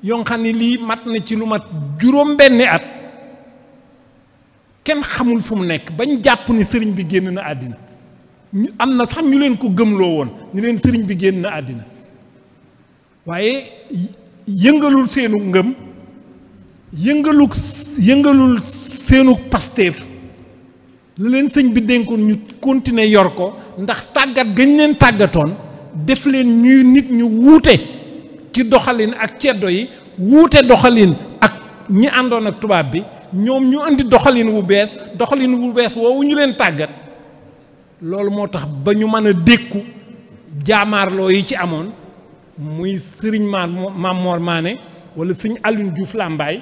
yoo xam ne lii mat na ci lu mat juróom-benni at kenn xamul fu mu nekk bañ jàpp ni sëriñ bi génn na àddina ñu am na sax ñu leen ko gëmloo woon ñu leen sëriñ bi génn na àddina waaye yëngalul seenu ngëm yëngaluk yëngalul seenu pasteef la leen sëñ bi dénkoon ñu continuer yor ko ndax tàggat gañ leen tàggatoon def leen ñuy nit ñu wuute ci doxalin ak ceddo yi wuute doxalin ak ñi àndoon ak tubaab bi ñoom ñu indi doxalin wu bees doxalin wu bees woowu ñu leen tàggat loolu moo tax ba ñu mën a dékku jaamaarloo yi ci amoon muy sëriñ Mamor Maane wala sëñ Alioune Diouf Lambaye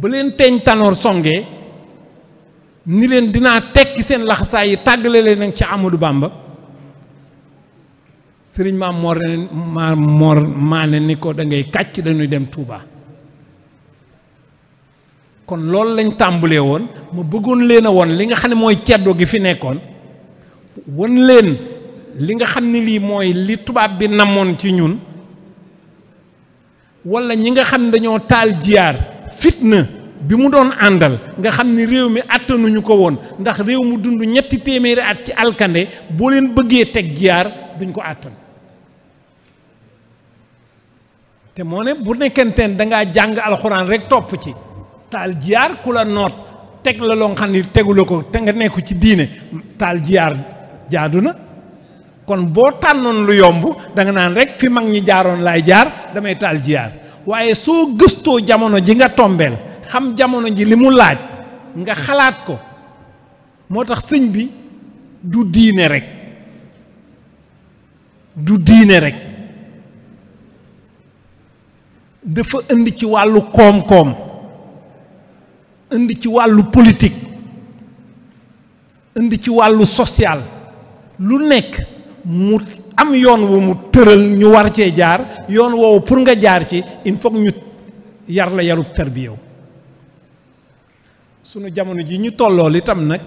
ba leen teeñ tanoor songee ni leen dinaa tekki seen laxasaay yi tàggale leen nag ci Amadou Bamba sëriñ Mamor Mamor Maane ni ko da kàcc dañuy dem Touba kon loolu lañ tàmbalee woon ma bëggoon leen a woon li nga xam ne mooy ceddoo gi fi nekkoon won leen li nga xam ne lii mooy li tubaab bi namoon ci ñun wala ñi nga xam dañoo taal jiyaar fitna bi mu doon àndal nga xam ni réew mi attanuñu ko woon ndax réew mu dund ñetti téeméeri at ci alkande boo leen bëggee teg jiyaar buñ ko àttan te moo ne bu nekkenteen danga jàng alxuraan rek topp ci taal jiyaar ku la noot teg la loo xam ni tegu ko te nga nekku ci diine taal jiyaar jaadu na kon boo tànnoon lu yomb danga naan rekk fi mag ñi jaaroon laay jaar damay taal jiyaar waaye soo gëstoo jamono ji nga tombeel xam jamono ji li mu laaj nga xalaat ko moo tax sëñ bi du diine rekk du diine rekk dafa indi ci wàllu koom-koom indi ci wàllu politik indi ci wàllu social lu nekk mu am yoon wu mu tëral ñu war cee jaar yoon woowu pour nga jaar ci il faut ñu yar la yarub tarbiya sunu jamono ji ñu tolloo itam nag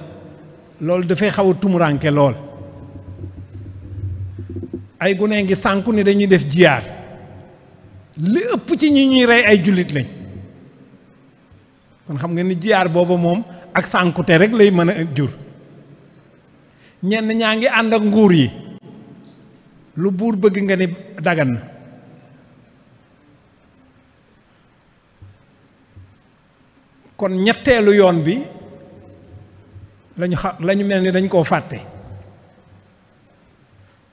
loolu dafay xaw a tumuranke lool ay gune ngi sànku ni dañuy def jiyaar li ëpp ci ñi ñuy rey ay jullit lañ kon xam nga ni jiyaar booba moom ak sànkute rek lay mën a jur ñenn ñaa ngi ànd ak nguur yi lu buur bëgg nga ne dagan kon ñetteelu yoon bi lañu xa lañu mel ni dañ koo fàtte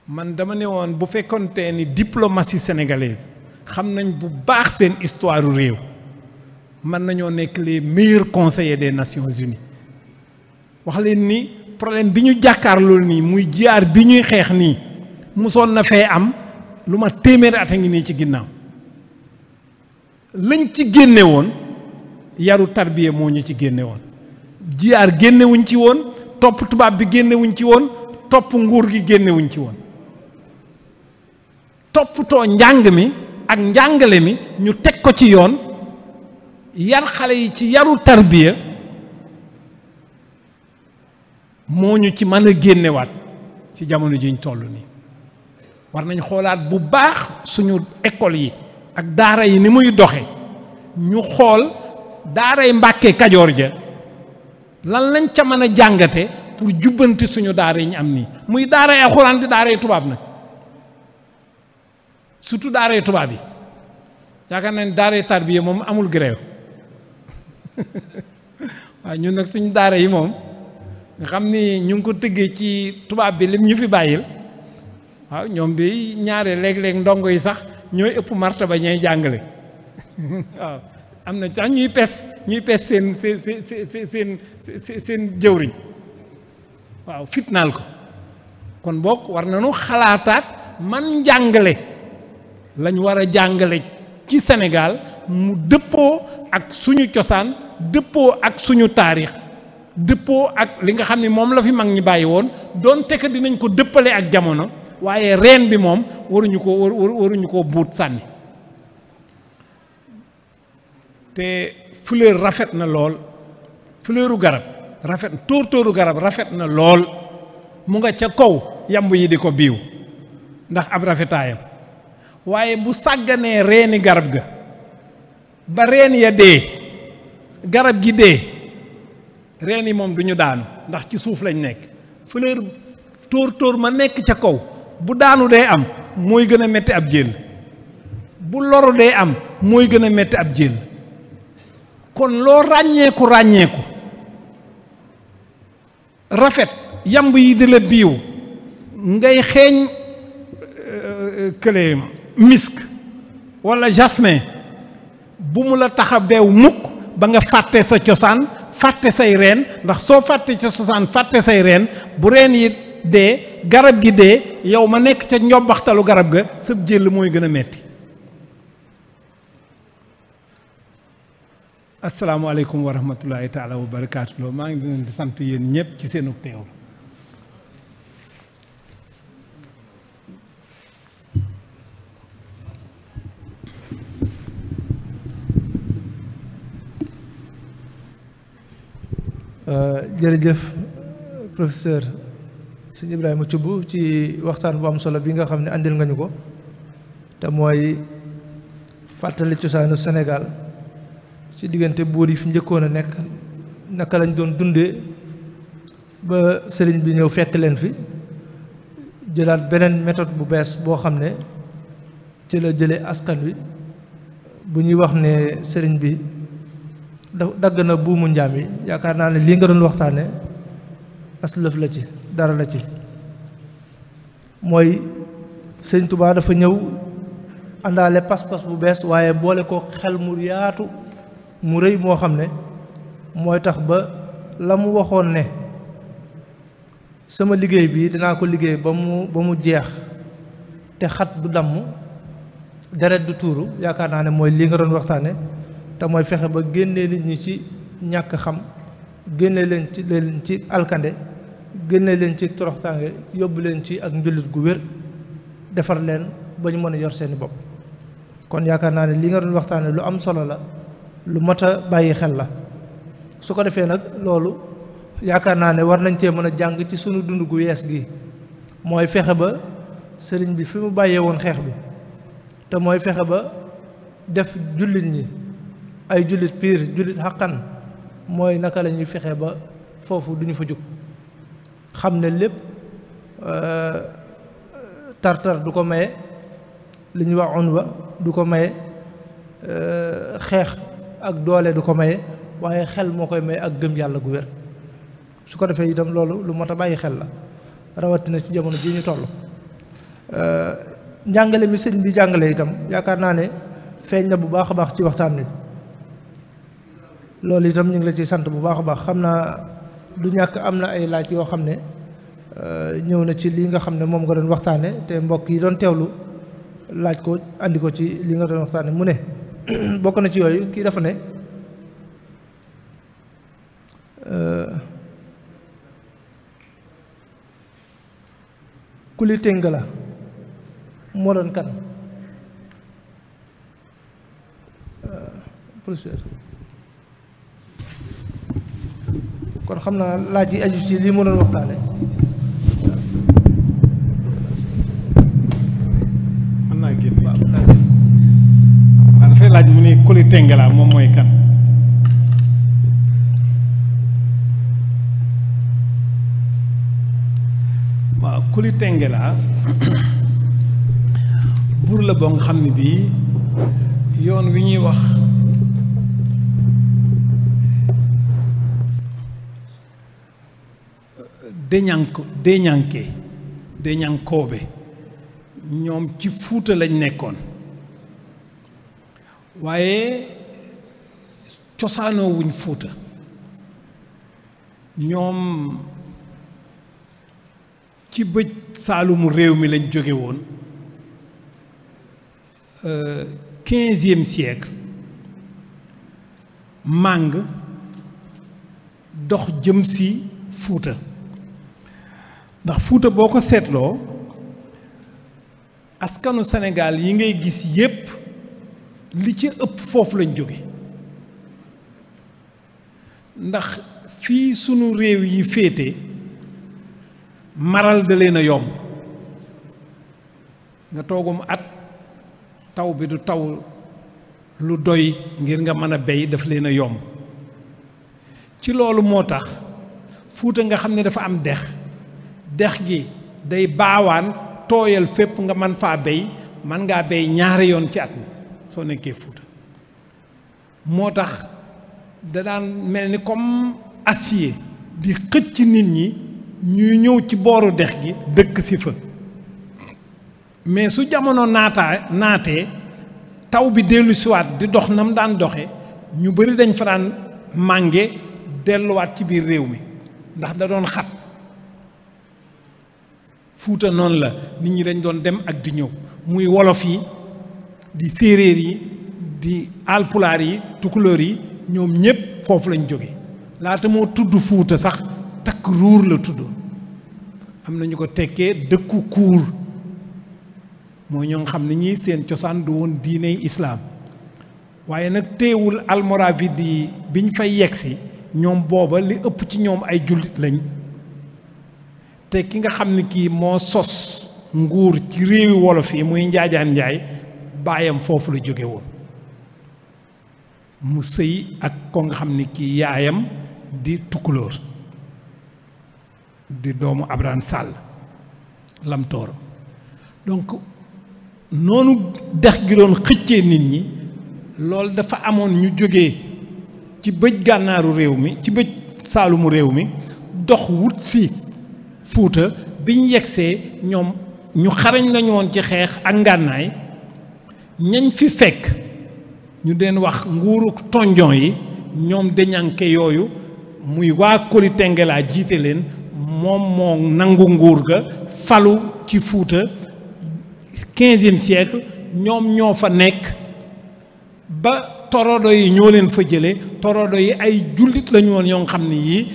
man dama ne woon bu fekkonte ni diplomatie sénégalaise xam nañ bu baax seen histoire réew mën nañoo nekk les meilleurs conseillers des Nations Unies wax leen ni problème bi ñu jàkkaarloo nii muy jiyaar bi ñuy xeex nii musoon na fee am lu ma téeméeri at a ngi nii ci ginnaaw lañ ci génnewoon yaru tarbiya moo ñu ci génnewoon woon jiyaar génnewuñ ci woon topp tubaab bi génnewuñ ci woon topp nguur gi génnewuñ ci woon toppatoo njàng mi ak njàngale mi ñu teg ko ci yoon yar xale yi ci yaru tarbiya moo ñu ci mën a génnewaat ci jamono jiñ ñu toll nii war nañ xoolaat bu baax suñu école yi ak daara yi ni muy doxe ñu xool daaray mbàkke kajoor ja lan lañ ca mën a jàngate pour jubbanti suñu daara yi am nii muy daaray alxuraan di daaray tubaab nag surtout daaray tubaab yi yaakaar naa ne daaray tarbiya moom amul grève waaw ñun nag suñu daara yi moom nga xam ni ñu ngi ko tëggee ci tubaab bi lim ñu fi bàyyil waaw ñoom bi ñaaree léeg-léeg ndongo yi sax ñooy ëpp ba ñay jàngale waaw am na sax ñuy pes ñuy pes seen seen jëwriñ waaw fitnaal ko kon boog war nañu xalaataat man njàngale lañu war a jàngale ci Sénégal mu dëppoo ak suñu cosaan dëppoo ak suñu taarix dëppoo ak li nga xam ne moom la fi mag ñi bàyyi woon doonte que dinañ ko dëppale ak jamono waaye reen bi moom waruñu ko waruñu koo buut sànni te fleur rafet na lool fleuru garab rafet tóor tóoru garab rafet na lool mu nga ca kaw yamb yi di ko biiw ndax ab rafetaayam waaye bu sàgganee reeni garab ga ba reen ya dee garab gi dee reen yi moom du ñu daanu ndax ci suuf lañ nekk fleur tóor tóor ma nekk ca kaw bu daanu dee am mooy gën a metti ab jël bu loru dee am mooy gën a metti ab jël kon loo ràññeeku ràññeeku rafet yamb yi di la biiw ngay xeeñ euh, kële misk walla jasmin bu mu la taxa beew mukk ba nga fàtte sa cosaan fàtte say reen ndax soo fàtte sa cosaan fàtte say reen bu reen yi dee garab gi dee yow ma nekk ca njombaxtalu garab ga sëb jël mooy gën a metti asalaamaaleykum wa rahmatullahi taala wa barakaatu maa ngi leen di sant yéen ñëpp ci seenu teew euh, jërëjëf sëñ Ibrahima Thioub ci waxtaan bu am solo bi nga xam ne àndil nga ñu ko te mooy fàttali cosaanu Sénégal ci diggante buur yi fi njëkkoon a nekk naka lañ doon dundee ba sëriñ bi ñëw fekk leen fi jëlaat beneen méthode bu bees boo xam ne ci la jële askan wi bu ñuy wax ne sëriñ bi da dagg na buumu njaam yi yaakaar naa ne lii nga doon waxtaanee. aslëf la ci dara la ci mooy sëñ Tuubaa dafa ñëw àndaale pas-pas bu bees waaye boole ko xel mu yaatu mu rëy moo xam ne mooy tax ba la mu waxoon ne sama liggéey bi dinaa ko liggéey ba mu ba mu jeex te xat du damm deret du tuuru yaakaar naa ne mooy lii nga doon waxtaane te mooy fexe ba génnee nit ñi ci ñàkk xam génne leen ci leen ci alkande génne leen ci toroxtaange yóbbu leen ci ak njulit gu wér defar leen ba ñu mën a yor seeni bopp kon yaakaar naa ne li nga doon waxtaane lu am solo la lu mat a bàyyi xel la su ko defee nag loolu yaakaar naa ne war nañ cee mën a jàng ci sunu dund gu yees gi mooy fexe ba sëriñ bi fi mu bàyyee woon xeex bi te mooy fexe ba def jullit ñi ay jullit piir jullit xaqan mooy naka lañuy ñuy fexe ba foofu duñu fa jóg xam ne lépp euh, tartar du ko maye li ñuy wax on wa du ko maye euh, xeex ak doole du ko maye waaye xel moo koy maye ak gëm yàlla gu wér su ko defee itam loolu lu mot a bàyyi xel la rawatina ci jamono ji ñu toll euh, njàngale mi sëñ bi jàngale itam yaakaar naa ne feeñ na bu baax a baax ci waxtaan wi loolu itam ñu ngi la ci sant bu baax a baax xam naa du ñàkk am na ay laaj yoo xam ne euh, ñëw na ci lii nga xam ne moom nga doon waxtaane te mbokk yi doon teewlu laaj ko andi ko ci li nga doon waxtaane mu ne bokk na ci yooyu kii dafa ne euh, kuli téng la moo doon kan euh, professeur kon xam naa laaj yi aju ci lii mu doon waxtaane mën naa génn waaw dafay laaj mu ne Koli Tengela moom mooy kan waaw Koli Tengela buur la boo nga xam ne bii yoon wi ñuy wax deñanko deñanke deñankoobe ñoom ci fuuta lañ nekkoon waaye cosaanoo fuuta ñoom ci bëj saalumu réew mi lañ jóge woon euh, quinzième siècle màng dox jëm si fuuta ndax Fuuta boo ko seetloo askanu senegaal yi ngay gis yépp li ci ëpp foofu lañ jóge ndax fii sunu réew yi féete maral da leen a yomb nga toogum at taw bi du taw lu doy ngir nga mën a bey daf leen a yomb ci loolu moo tax Fuuta nga xam ne dafa am dex dex gi day baawaan tooyal fépp nga mën faa béy man ngaa béy ñaari yoon ci at mi soo nekkee Fuuta moo tax da daan mel ni comme acier di xëcc nit ñi ñuy ñëw ci booru dex gi dëkk si fa mais su jamono naataa naatee taw bi dellu siwaat di dox na mu daan doxe ñu bari dañ fa daan mànge delluwaat ci biir réew mi ndax da doon xat fuuta noonu la nit ñi dañ doon dem ak di ñëw muy wolof yi di séeréer yi di alpulaar yi tukulóor yi ñoom ñépp foofu lañ jóge laata moo tudd fuuta sax takk ruur la tuddoon am na ñu ko tekkee dëkku kuur mooy ñoo xam ni ñi seen cosaan du woon diiney islaam waaye nag teewul almoravide yi biñ fay yegsi ñoom booba li ëpp ci ñoom ay jullit lañ te ki nga xam ne kii moo sos nguur ci réewi wolof yi muy njaajaan njaay baayam foofu la jóge woon mu sëy ak ko nga xam ni kii yaayam di tukkulóor di doomu Abraham Sall lamtooro donk noonu dex gi doon xëccee nit ñi lool dafa amoon ñu jóge ci bëj gànnaaru réew mi ci bëj saalumu réew mi dox wut si fuuta biñ ñu yegsee ñoom ñu xarañ lañu woon ci xeex ak ngànnaay ñañ fi fekk ñu deen wax nguuruk tonjon yi ñoom deñanke yooyu muy waa Koli Tenge jiite leen moom moo nangu nguur ga falu ci fuuta quinzième siècle ñoom ñoo fa nekk ba torodo yi ñoo leen fa jële torodo yi ay jullit lañu woon yoo xam ne yii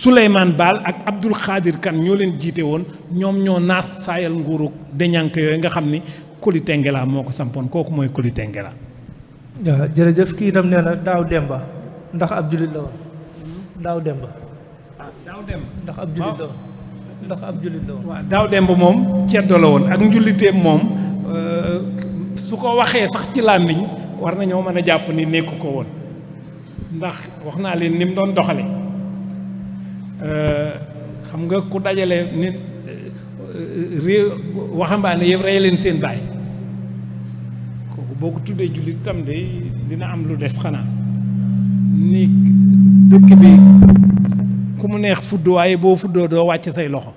Souleymane Baal ak Abdul Xaadir Kan ñoo leen jiite woon ñoom ñoo naas saayal nguuru deñànk yooyu nga xam ni Koli Tengela moo ko sampoon kooku mooy Koli Tengela. jërëjëf kii itam nee na daaw Demba ndax ab jullit la woon daaw Demba. Ah, ndax ab jullit ab jullit la woon. waaw moom ceddo la woon ak njulliteem moom euh, su ko waxee sax ci làmmiñ war nañoo mën a jàpp ni nekk ko woon ndax wax naa leen ni mu doon doxale Euh, xam nga ku dajale nit euh, réew waxambaane yëpp rey leen seen baay kooku boo ko tuddee jullit tam de dina am lu des xanaa ni dëkk bi ku mu neex fudd waaye boo fuddoo doo wàcc say loxo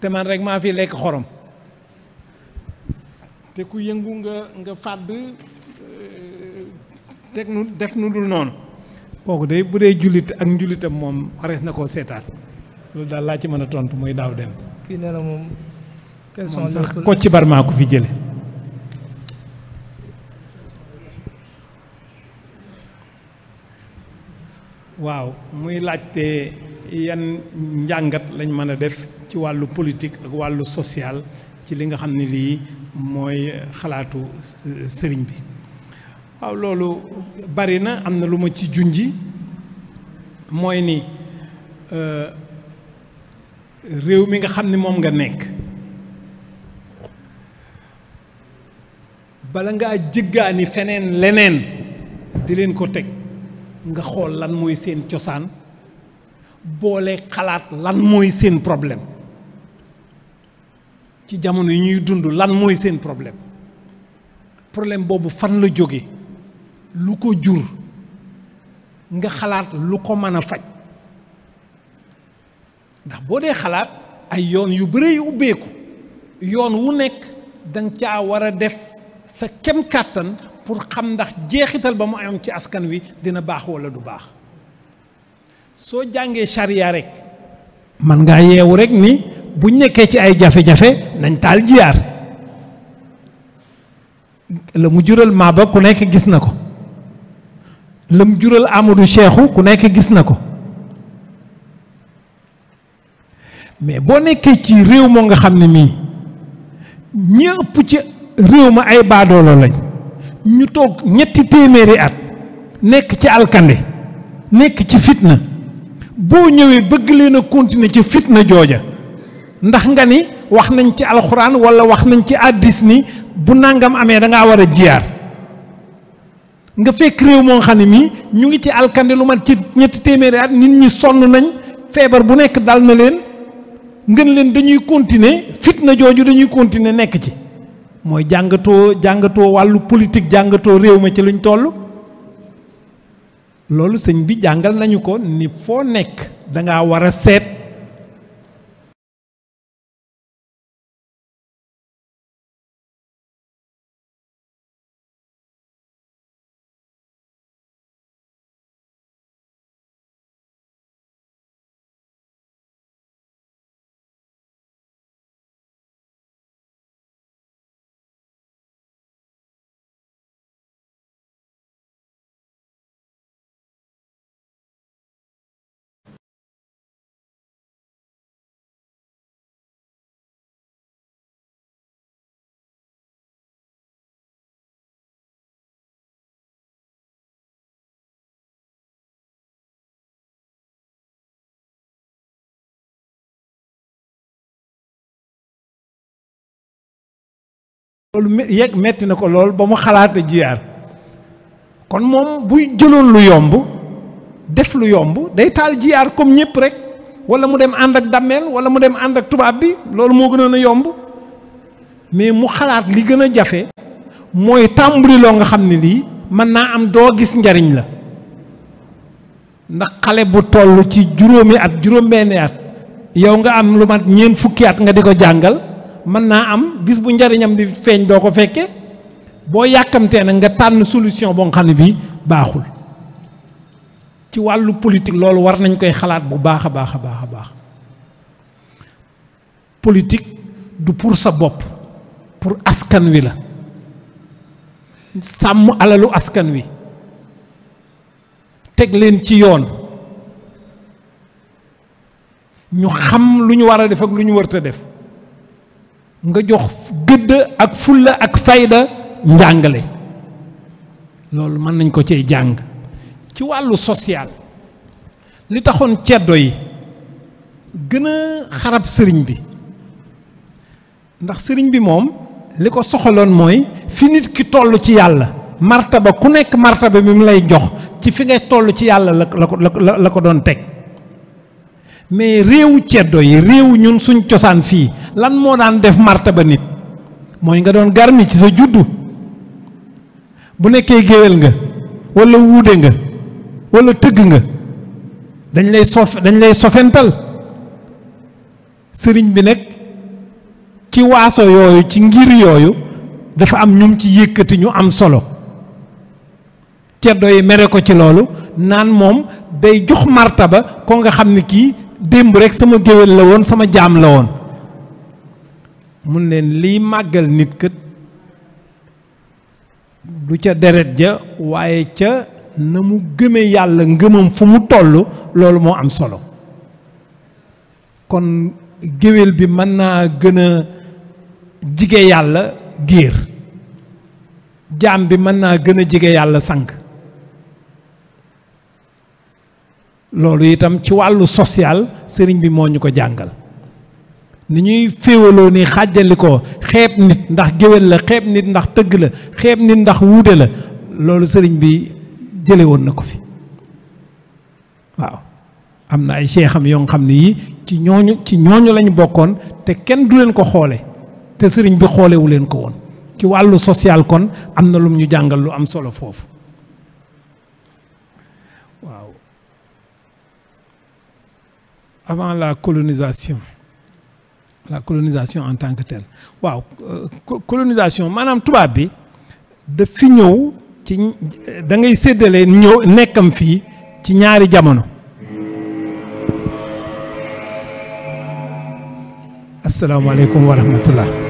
te man rek maa fi lekk xorom te ku yëngu nga nga fàdd euh, teg nu def nu dul noonu kooku day bu dee jullit ak njulitam moom xarees na koo seetaan loolu daal laa ci mën a tontu muy daaw dem. kii moom. quels sont ko ci barmaa ko fi jële waaw muy laajte yan njàngat lañ mën a def ci wàllu politique ak wàllu social ci li nga xam ne lii mooy xalaatu sëriñ bi. waaw loolu bari na am na lu ma ci junji mooy ni euh, réew mi nga xam ni moom nga nekk bala ngaa jëggaani feneen leneen di leen ko teg nga xool lan mooy seen cosaan boole xalaat lan mooy seen problème ci jamono yi ñuy dund lan mooy seen problème problème boobu fan la jóge lu ko jur nga xalaat lu ko mën a faj ndax boo dee xalaat ay yoon yu bëre yu ubbeeku yoon wu nekk danga ca war a def sa kem kàttan pour xam ndax jeexital ba mu am ci askan wi dina baax walla du baax soo jàngee charia rek man ngaa yeewu rek ni bu nekkee ci ay jafe-jafe nañ taal jiyaar la mu jural maa ba ku nekk gis na ko lam jural Amadou Cheikhou ku nekk gis na ko mais boo nekkee ci réew moo nga xam ne mii ñi ëpp ci réew ma ay baadoolo lañ ñu toog ñetti téeméeri at nekk ci alkande nekk ci fitna boo ñëwee bëgg leen a continuer ci fitna jooja ndax nga ni wax nañ ci alxuraan walla wax nañ ci àddis ni bu nàngam amee da ngaa war a jiyaar nga fekk réew moo xam ne mii ñu ngi ci alkande lu mat ci ñetti téeméeri at nit ñi sonn nañ feebar bu nekk dal na leen ngeen leen dañuy continuer fitna jooju dañuy continuer nekk ci mooy jàngatoo jàngatoo wàllu politique jàngatoo réew ma ci luñ toll loolu sëñ bi jàngal nañu ko ni foo nekk da ngaa war a seet loolu yegg metti na ko lool ba mu xalaat jiyaar kon moom buy jëloon lu yomb def lu yomb day taal jiyaar comme ñëpp rek wala mu dem ànd ak dammeel wala mu dem ànd ak tubaab bi loolu moo gënoon a yomb mais mu xalaat li gën a jafe mooy tàmbali loo nga xam ne lii mën naa am doo gis njariñ la ndax xale bu toll ci juróomi at juróom-benni at yow nga am lu mat ñeent fukki at nga di ko jàngal mën naa am bis bu njariñam di feeñ doo ko fekke boo yàkkamtee na nga tànn solution boo xam ne baaxul ci wàllu politik loolu war nañ koy xalaat bu baax a baax a baax a baax politique du pour sa bopp pour askan wi la sàmm alalu askan wi teg leen ci yoon ñu xam lu ñu war a def ak lu ñu wërta def nga jox gëdd ak fulla ak fayda njàngale loolu mën nañ ko cee jàng ci wàllu social li taxoon ceddo yi gën a xarab sëriñ bi ndax sëriñ bi moom li ko soxaloon mooy fi nit ki toll ci yàlla martaba ku nekk martaba bi mu lay jox ci fi ngay toll ci yàlla la la ko la ko doon teg mais réew ceddo yi réew ñun suñ cosaan fii lan moo daan def ba nit mooy nga doon garmi ci sa juddu bu nekkee géwél nga walla wuude nga walla tëgg nga dañ lay sof dañ lay sofental sëriñ bi nag ci waaso yooyu ci ngir yooyu dafa am ñum ci yëkkati ñu am solo ceddo yi mere ko ci loolu naan moom day jox ba ko nga xam ne kii démb rekk sama géwél la woon sama jaam la woon mun leen liy màggal nit kët du ca deret ja waaye ca na mu gëme yàlla ngëmam fu mu toll loolu moo am solo kon géwél bi mën naa gën a jige yàlla giir jaam bi mën naa gën a jige yàlla sànq loolu itam ci wàllu social sëriñ bi moo ñu ko jàngal ni ñuy féewaloo ni xàjjali ko xeeb nit ndax géwél la xeeb nit ndax tëgg la xeeb nit ndax wuude la loolu sëriñ bi jële woon na ko fi waaw am na ay seexam yoon xam ne yi ci ñooñu ci ñooñu lañu bokkoon te kenn du leen ko xoole te sëriñ bi xoolewu leen ko woon ci wàllu social kon am na lum ñu jàngal lu am solo foofu avant la colonisation la colonisation en tant que telle waaw euh, colonisation maanaam tubaab bi da fi ñëw ci da ngay séddale ñëw nekkam fii ci ñaari jamono asalaamaaleykum wa rahmatullah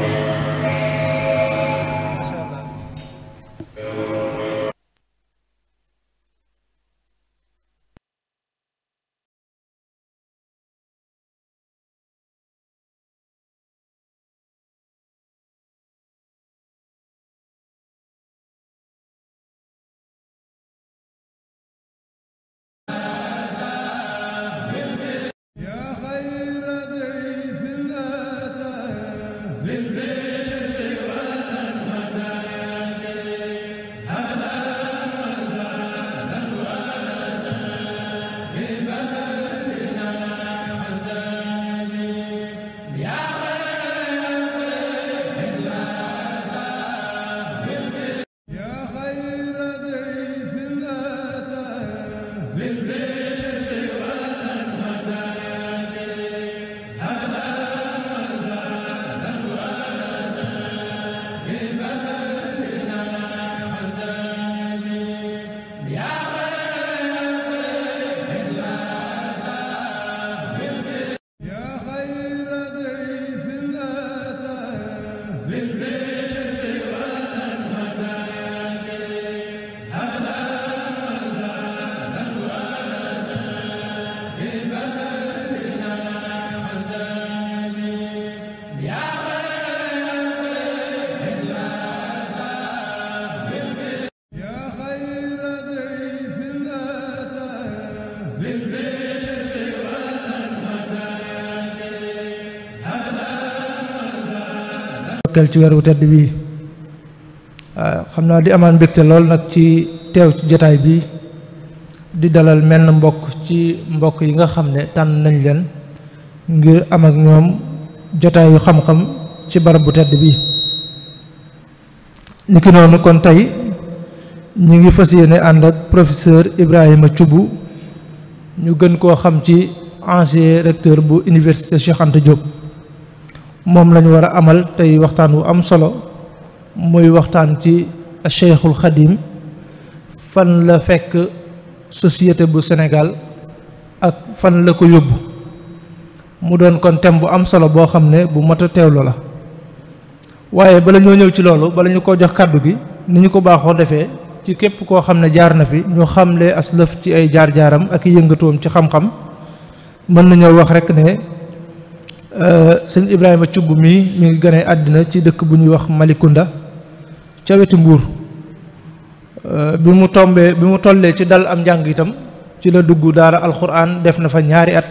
ndokkeel ci weeru tedd bii xam naa di amaan mbégte lool nag ci teew ci jataay bi di dalal menn mbokk ci mbokk yi nga xam ne tànn nañ leen ngir am ak ñoom jotaayu xam-xam ci barab bu tedd bii ni ki noonu kon tey ñu ngi fas yéene ànd ak professeur Ibrahima cubu ñu gën koo xam ci ancien recteur bu université Cheikh Anta moom lañu war a amal tey waxtaan wu am solo muy waxtaan ci Cheikhul Xadim fan la fekk société bu senegal ak fan la ko yóbbu mu doon kon thème bu am solo boo xam ne bu mat a teewlu la waaye bala ñoo ñëw ci loolu bala ñu ko jox kàddu gi ni ñu ko baaxoo defee ci képp koo xam ne jaar na fi ñu xamle aslëf ci ay jaar-jaaram ak yëngatuwam ci xam-xam mën nañoo wax rekk ne Euh, seen Ibrahima Thioub mii mi ngi gane àddina ci dëkk bu ñuy wax Malicounda ca wetu Mbuur euh, bi mu tombee bi mu tollee ci dal am njàng itam ci la dugg daara alxuraan def na fa ñaari at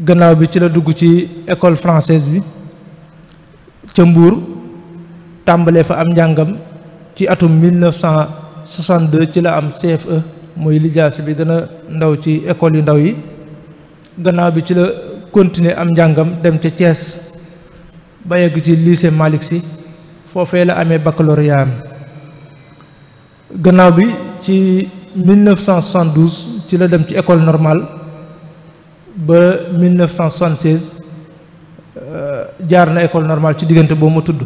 gannaaw bi ci la dugg ci école française bi ca Mbuur tàmbalee fa am njàngam ci atum 1962 ci la am CFE muy lijaas bi gën ndaw ci école yu ndaw yi gannaaw bi ci la continuer am njàngam dem ca Thiès ba yegg ci lycée Malick Sy foofee la amee baccalauréat am gannaaw bi ci 1972 ci la dem ci école normale ba 1976 euh, jaar na école normal ci diggante boobu ma tudd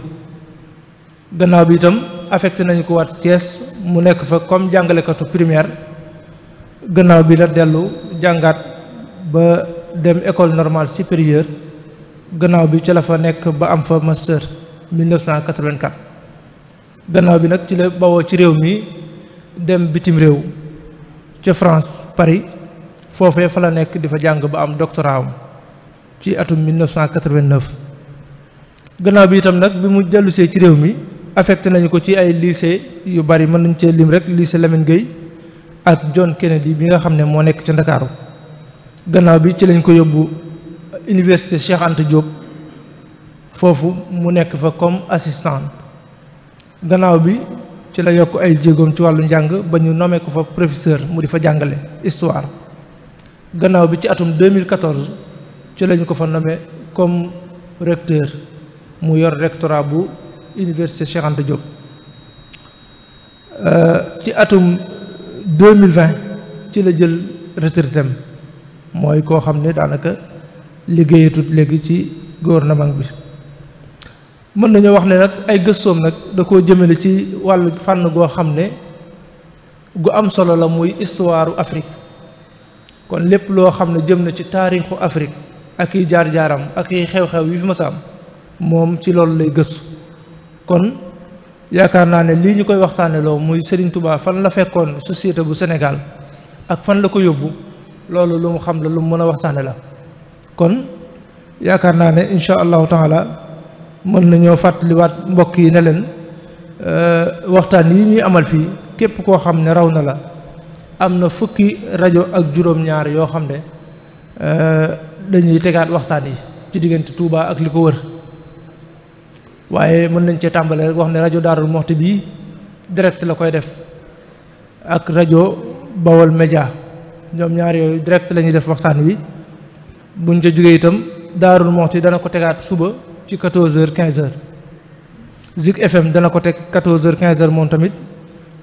gannaaw bi itam affecté nañu ko waat Thiès mu nekk fa comme jàngalekatu primaire gannaaw bi la dellu jàngaat ba. dem école normal supérieure gannaaw bi ci la fa nekk ba am fa master 1984 gannaaw bi nag ci la bawoo ci réew mi dem bitim réew ca France Paris foofee fa la nekk di fa jàng ba am doctorat ci atum 1989 gannaaw bi itam nag bi mu dellusee ci réew mi affecté nañu ko ci ay lycée yu bari mën nañ cee lim rek lycée Lamine Gueye ak John Kennedy bi nga xam ne moo nekk ca Ndakaaru gannaaw bi ci lañ ko yóbbu université Cheikh Anta foofu mu nekk fa comme assistant gannaaw bi ci la yokk ay jéegoom ci wàllu njàng ba ñu nommé ko fa professeur mu di fa jàngale histoire gannaaw bi ci atum 2014 ci lañu ko fa nommé comme recteur mu yor rectorat bu université Cheikh Anta Diop euh, ci atum 2020 ci la jël retraitam mooy koo xam ne daanaka liggéeyatut léegi ci gouvernement bi mën nañoo wax ne nag ay gëstoom nag da koo jëmale ci wàll fànn goo xam ne gu am solo la muy histoire Afrique kon lépp loo xam ne jëm na ci taarixu Afrique ak i jaar-jaaram ak yi xew-xew yi fi ma moom ci loolu lay gëstu kon yaakaar naa ne lii ñu koy waxtaane loo muy sëriñ tubaa fan la fekkoon société bu Sénégal ak fan la ko yóbbu loolu lu mu xam la lu mu mën a waxtaane la kon yaakaar naa ne incha allahu taala mën nañoo fàttaliwaat mbokk yi ne leen euh, waxtaan yi ñuy amal fii képp koo xam ne raw na la am na fukki rajo ak juróom-ñaar yoo xam ne euh, dañuy tegaat waxtaan yi ci diggante Touba ak li ko wër waaye mën nañ cee tàmbale wax ne rajo Daarul Muxti bii direct la koy def ak rajo Bawol Média ñoom ñaar yooyu direct la ñuy def waxtaan wi buñ ca jógee itam daarul moxti dana ko tegaat suba ci 14 heures 15 heures Zik FM dana ko teg 14 heures 15 heures moom tamit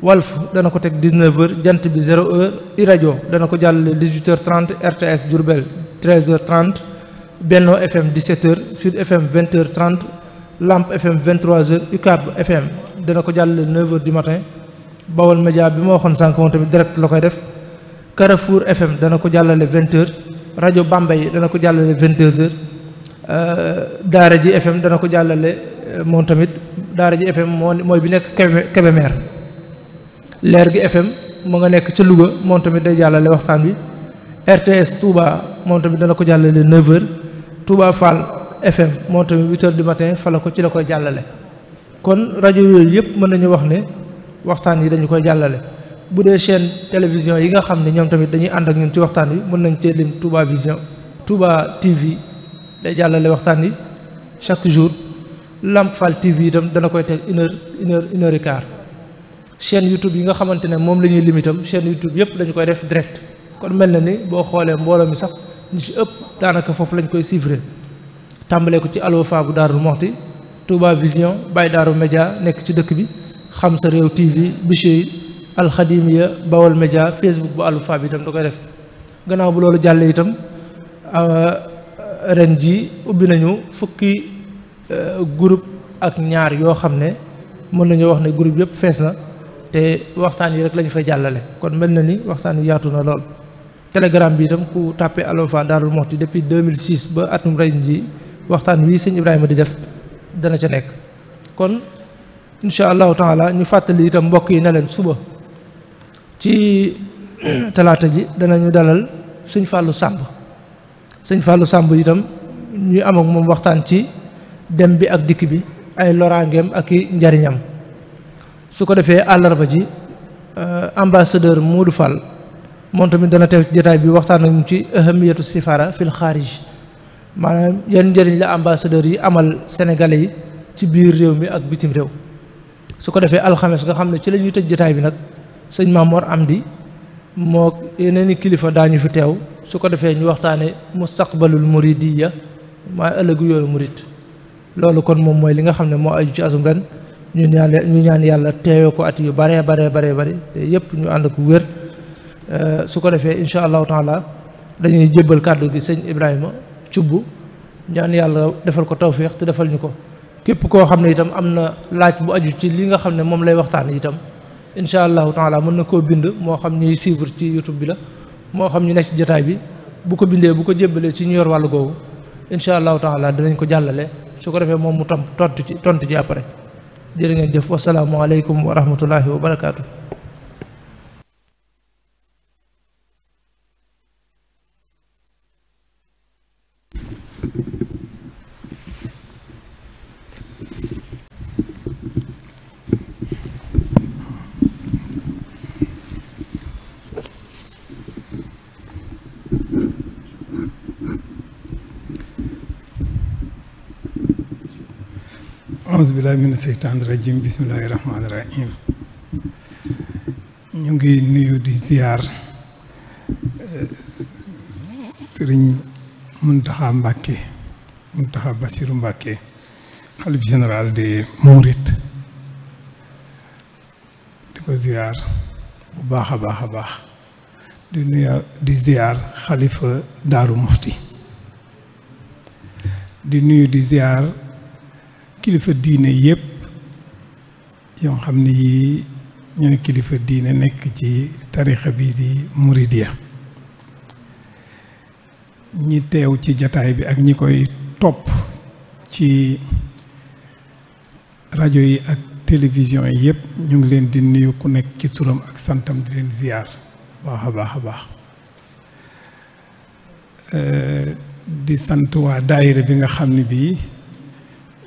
Walf dana ko teg 19 heures jant bi 0 heure i rajo dana ko jàll 18 heures 30 RTS Diourbel 13 heures 30 Benno FM 17 heures Sud FM 20 heures 30 Lamp FM 23 heures UCAB FM dana ko jàll 9 heures du matin Bawol media bi ma waxoon sànq moom tamit direct la koy def Carrefour FM dana ko jàllale vingt heures rajo Bambey dana ko jàllale vingt deux heures euh, Daara ji FM dana ko jàllale euh, moom tamit Daara ji FM moo mooy bi nekk Kébémer leer gi FM mu nga nekk ca Louga moom tamit day jàllale waxtaan wi RTS Touba moom tamit dana ko jàllale neuf heures Touba Fall FM moom tamit huit heures du matin fa la ko ci la koy jàllale kon rajo yooyu yëpp mën nañu wax ne waxtaan yi dañu koy jàllale. bu dee chain télévision yi nga xam ne ñoom tamit dañuy ànd ak ñun ci waxtaan wi mën nañ cee lim Touba Vision Touba TV day jàllale waxtaan wi chaque jour Lamp Fall TV itam dana koy teg une heure une heure une YouTube yi nga xamante ne moom la ñuy lim itam chaîne YouTube yëpp dañu koy def direct kon mel na ni boo xoolee mbooloo mi sax ñu ci ëpp daanaka foofu lañ koy suivre tàmbalee ko ci Alwafa bu Daarul Moxti Touba Vision Baye Daaru Média nekk ci dëkk bi xam sa réew TV Bichri alxadimiya bawal média facebook bu Alwafa bi itam da koy def gannaaw bu loolu jàllee itam euh, ren ji ubbi nañu fukki euh, groupe ak ñaar yoo xam ne mën nañu wax ne groupe yëpp fees na te waxtaan yi rek lañu fay jàllale kon mel na ni waxtaan yi yaatu na lool telegram bi itam ku tàppe Alwafa Daarul Muxti depuis 2006 ba atum ren ji waxtaan wii sëñ Ibrahima di def dana ca nekk kon incha allahu taala ñu fàttali itam mbokk yi ne leen suba ci talaata ji danañu dalal sëñ Fallou Samb sëñ fàllu sàmb yitam ñuy am moom waxtaan ci dem bi ak dikk bi ay loraangeem ak i njariñam su ko defee àllarba ji euh, ambassadeur Modou Fall moom tamit dana teew ci jotaay bi waxtaan ak mu ci ahamiyatu sifara fil xaarij maanaam yan njëriñ la ambassadeur yi amal sénégalais yi ci biir réew mi ak bitim réew su ko defee alxames nga xam ne ci la ñuy tëj jataay bi nag sëñ Mamoor Amdi moo yeneen i kilifa daañu fi teew su ko defee ñu waxtaane mustaqbalul muridiyya maa ëllëgu yoonu murid loolu kon moom mooy li nga xam ne moo aju ci asum ñu ñaan ñu ñaan yàlla teewe ko at yu baree baree baree bëri te yëpp ñu ànd ko wér euh, su ko defee incha allahu taala dañuy jëbbal kàddu gi sëñ Ibrahima cubb ñaan yàlla defal ko tawféex te defal ñu ko képp koo xam ne itam am na laaj bu aju ci li nga xam ne moom lay waxtaan itam incha allahu taala mën na koo bind moo xam ñuy suivre ci youtube bi la moo xam ñu nekk ci jataay bi bu ko bindee bu ko jébbalee ci ñu yor wàllu googu incha allahu taala dinañ ko jàllale su ko defee moom mu tom tontu ci tontu ci après jërë ngeen jëf wasalaamualeykum wa rahmatullahi wa barakaatu. ahousubillah mina seytaan rajim bisimillahi rahmaani rahim ñu ngi nuyu di ziar eh, sëriñ Muntaxa Mbàkke Muntaxa Basiru Mbàkke xalif général de Mourid di ko ziar bu baax a baax a baax di nuyu di ziar xalifa Daaru Mufti di nuyu di ziar kilifa diine yépp yoo xam ne yii ñooy kilifa diine nekk ci tarixa bi di muridiya ñi teew ci jataay bi ak ñi koy topp ci rajo yi ak télévision yi yépp ñu ngi leen di nuyu ku nekk ci turam ak santam di leen ziyaar baax a baax euh, di sant waa daayira bi nga xam ne bii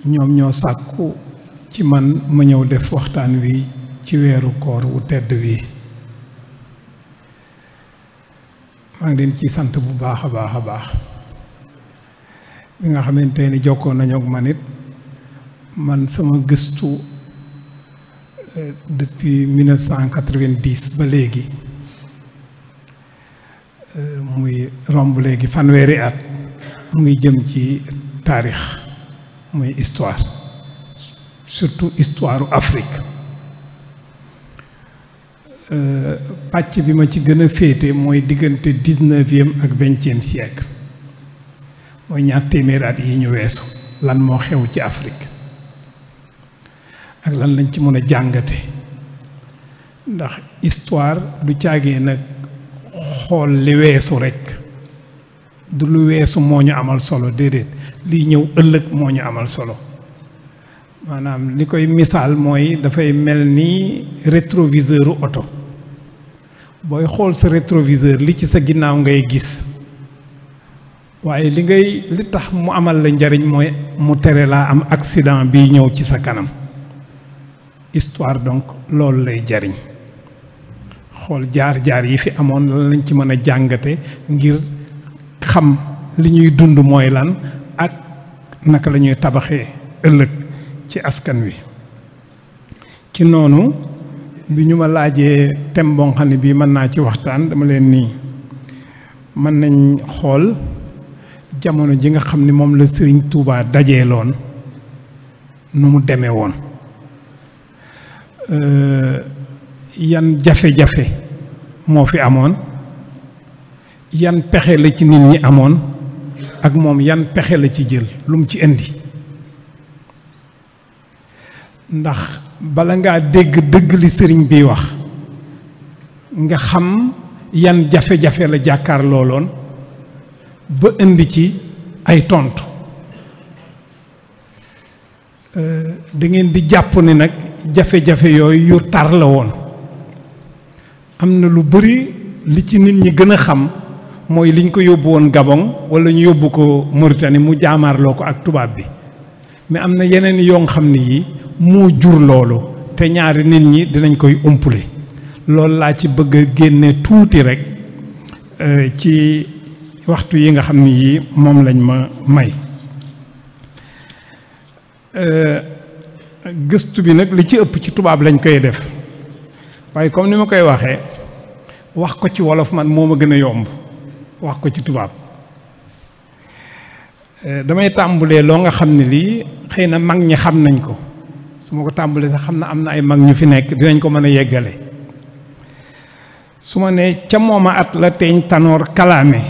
ñoom ñoo sàkku ci man ma ñëw def waxtaan wi ci weeru koor wu tedd wi maa ngi leen ci sant bu baax a baax a baax bi nga xamante ni jokkoon nañu ak man it man sama gëstu euh, depuis 1990 ba léegi euh, muy romb léegi fanweeri at mu ngi jëm ci taarix mooy histoire surtout histoire Afrique euh, pàcc bi ma ci gën a féete mooy diggante dix-neuvième ak vingtième siècle mooy ñaar téeméeri at yi ñu weesu lan moo xew ci Afrique ak lan lañ ci mën a jàngate ndax histoire du càggee nag xool li weesu rekk du lu weesu moo ñu amal solo déedéet li ñëw ëllëg moo ñu amal solo maanaam li koy misaal mooy dafay mel ni rétroviseur oto booy xool sa rétroviseur li ci sa ginnaaw ngay gis waaye li ngay li tax mu amal la njariñ mooy mu tere laa am accident bi ñëw ci sa kanam histoire donc loolu lay jariñ xool jaar-jaar yi fi amoon lan lañ ci mën a jàngate ngir xam li ñuy dund mooy lan naka la ñuy tabaxee ëllëg ci askan wi ci noonu bi ñu ma laajee thème boo xam bii mën naa ci waxtaan dama leen nii mën nañ xool jamono ji nga xam ni moom la Sëriñ Tuubaa daje loon nu mu demee woon euh, yan jafe-jafe moo fi amoon yan pexe la ci nit ñi amoon ak moom yan pexe la ci jël lu mu ci indi ndax bala ngaa dégg dëgg li sëriñ biy wax nga xam yan jafe-jafe la jàkkaar looloon ba indi ci ay tontu euh, da ngeen di jàpp ni nag jafe-jafe yooyu yu tar la woon am na lu bari li ci nit ñi gën a xam mooy liñ ko yóbbu woon Gabon wala ñu yóbbu ko Mauritanie mu jaamaarloo ko ak tubaab bi mais am na yeneen yoon xam ne yii moo jur loolu te ñaari nit ñi dinañ koy umpule loolu laa ci bëgg a génne tuuti rek euh, ci waxtu yi nga xam ne yii moom lañ ma may euh, gëstu bi nag li ci ëpp ci tubaab lañ koy def waaye comme ni ma koy waxee wax ko ci wolof man moo ma gën a yomb wax ko ci tubaab eh, damay tàmbulee loo nga xam ne lii xëy na mag ñi xam nañ ko su ma ko tàmbulee sax xam na am na ay mag ñu fi nekk dinañ ko mën a yeggale su ma nee ca mooma at la teeñ tanoor kalaame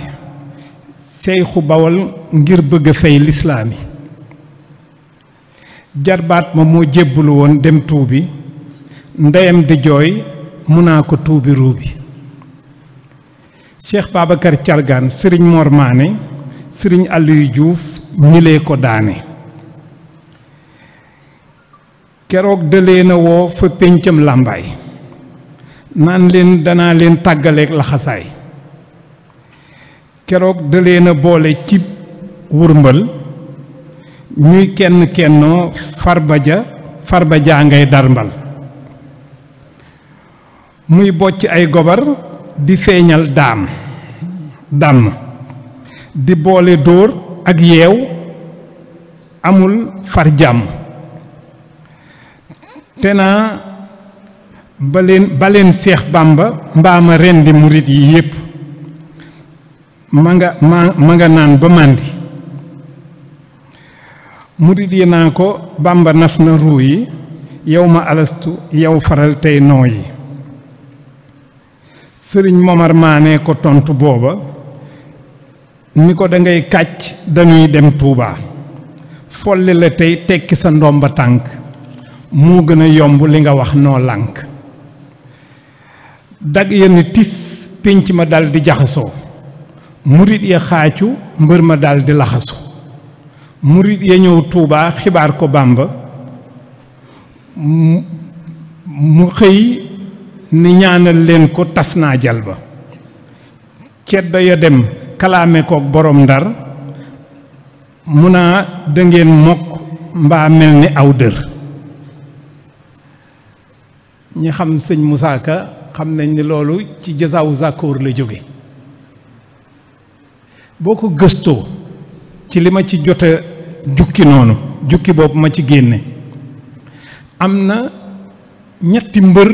seyxu bawal ngir bëgg a fay lislaami jarbaat ma moo jébbulu woon dem tuubi ndeyam di jooy mun naa ko tuubi ruubi Cheikh Babacar Thiargane sëriñ Mor sëriñ Aliou Diouf ñi lee ko daane keroog dalee na woo fa péncam làmbaay naan leen danaa leen tàggaleeg laxasaay keroog dalee na boole ci wurmbal ñuy kenn kennoo farba ja farba jaa ngay darmbal muy bocc ay gobar di feeñal daam dàmm di boole dóor ak yeew amul far jàmm te naa baleen baleen seex bàmba mbaama rendi murit yi yépp ma nga ma nga naan ba màndi murit yi naa ko bàmba nas na ruu yi yow ma alastu yow faral tey noo yi sëriñ Momar Maane ko tontu booba ni ko dangay kàcc dañuy dem tuubaa folli la tey tekki sa ndomba tànk moo gën a yomb li nga wax noo lànk dag ya ni tis pénc ma daldi jaxasoo murit ya xaacu mbër ma daldi laxasu murit ya ñëw Touba xibaar ko Bàmba mu xëy ni ñaanal leen ko tas naa jal ba ceddo ya dem kalaame kook borom ndar mu naa dangeen mokk mbaa mel ni aw dër ñi xam sëñ Moussa Ka xam nañ ni loolu ci jasaw Zakoor la jóge boo ko gëstoo ci li ma ci jota jukki noonu jukki boobu ma ci génne am na ñetti mbër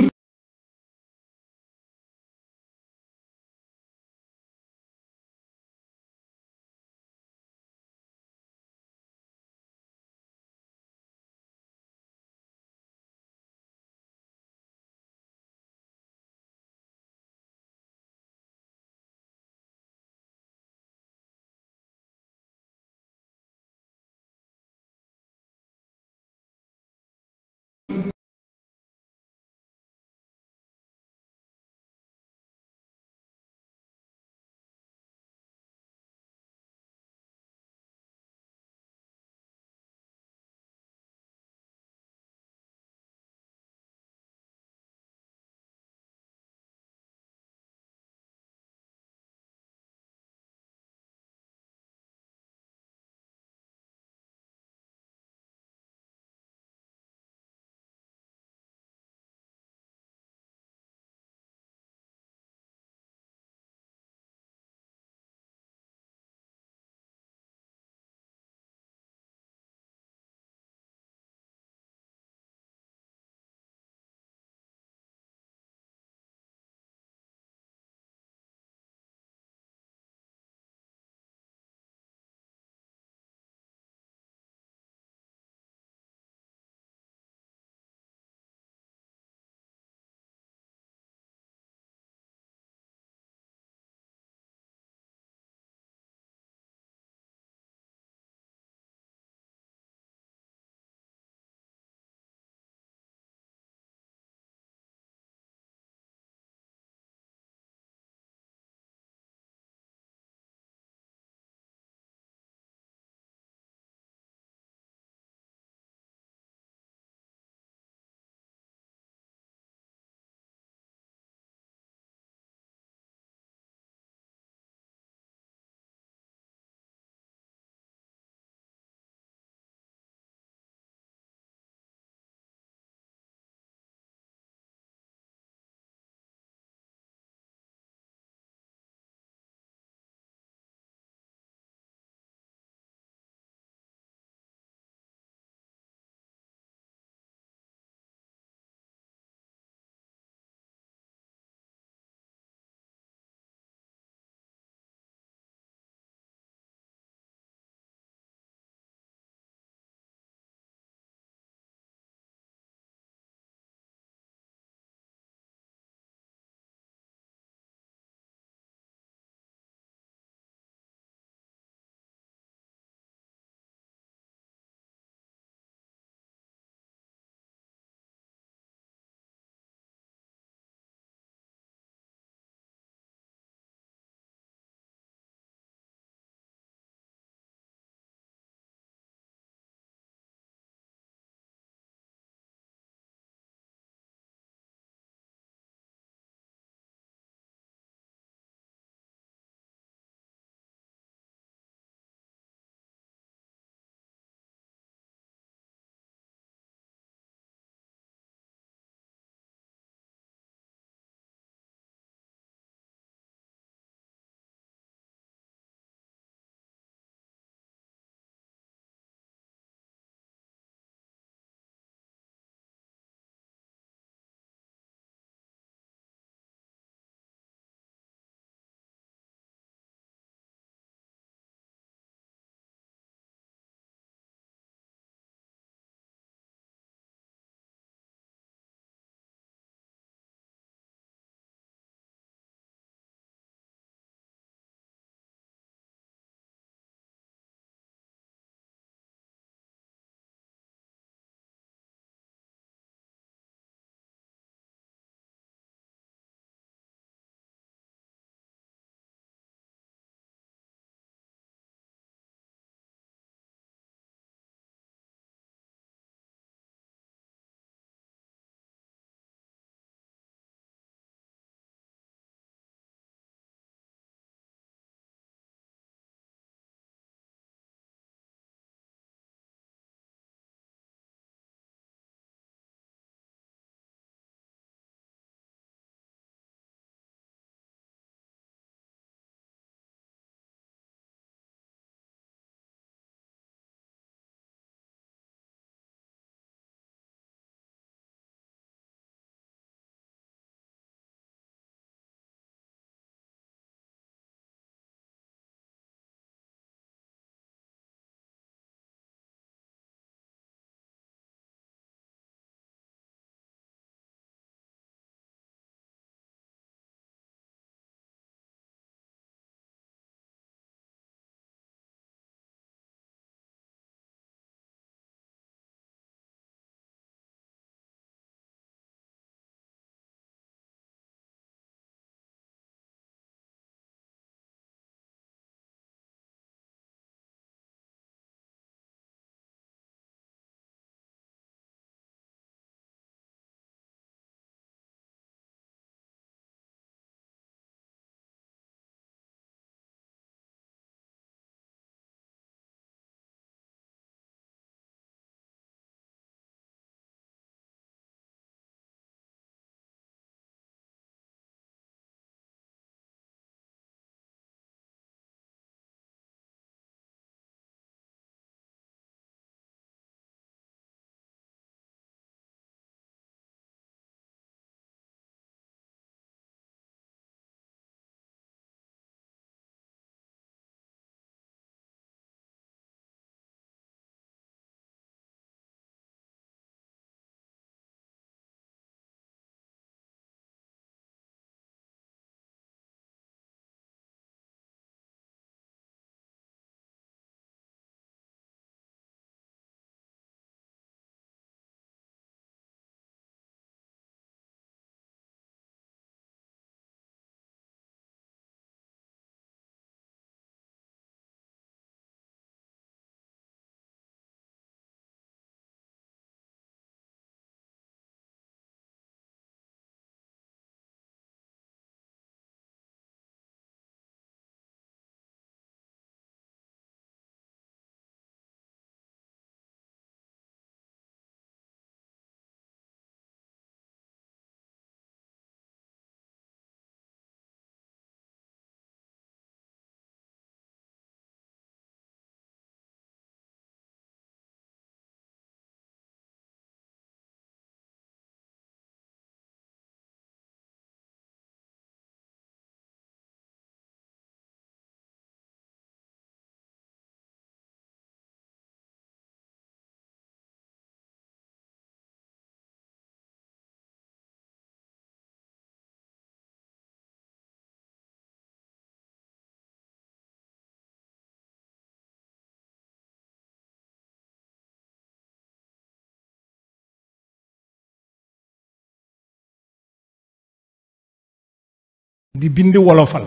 di bind wolofal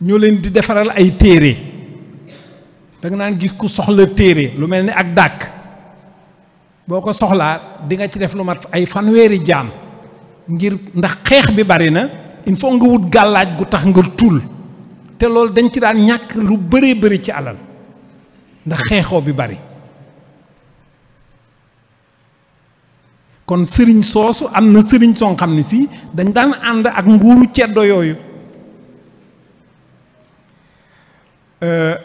ñoo leen di defaral ay téere danga nga naan gis ku soxla téere lu mel ni ak dàq boo ko soxlaa dinga ci def lu mat ay fanweeri jaam ngir ndax xeex bi bari na il faut nga wut gàllaaj gu tax nga tuul te loolu dañ ci daan ñàkk lu bare bëri ci alal ndax xeexoo bi bari kon sëriñ soosu am na sëriñ soo xam ne si dañ daan ànd ak nguuru ceddo yooyu euh,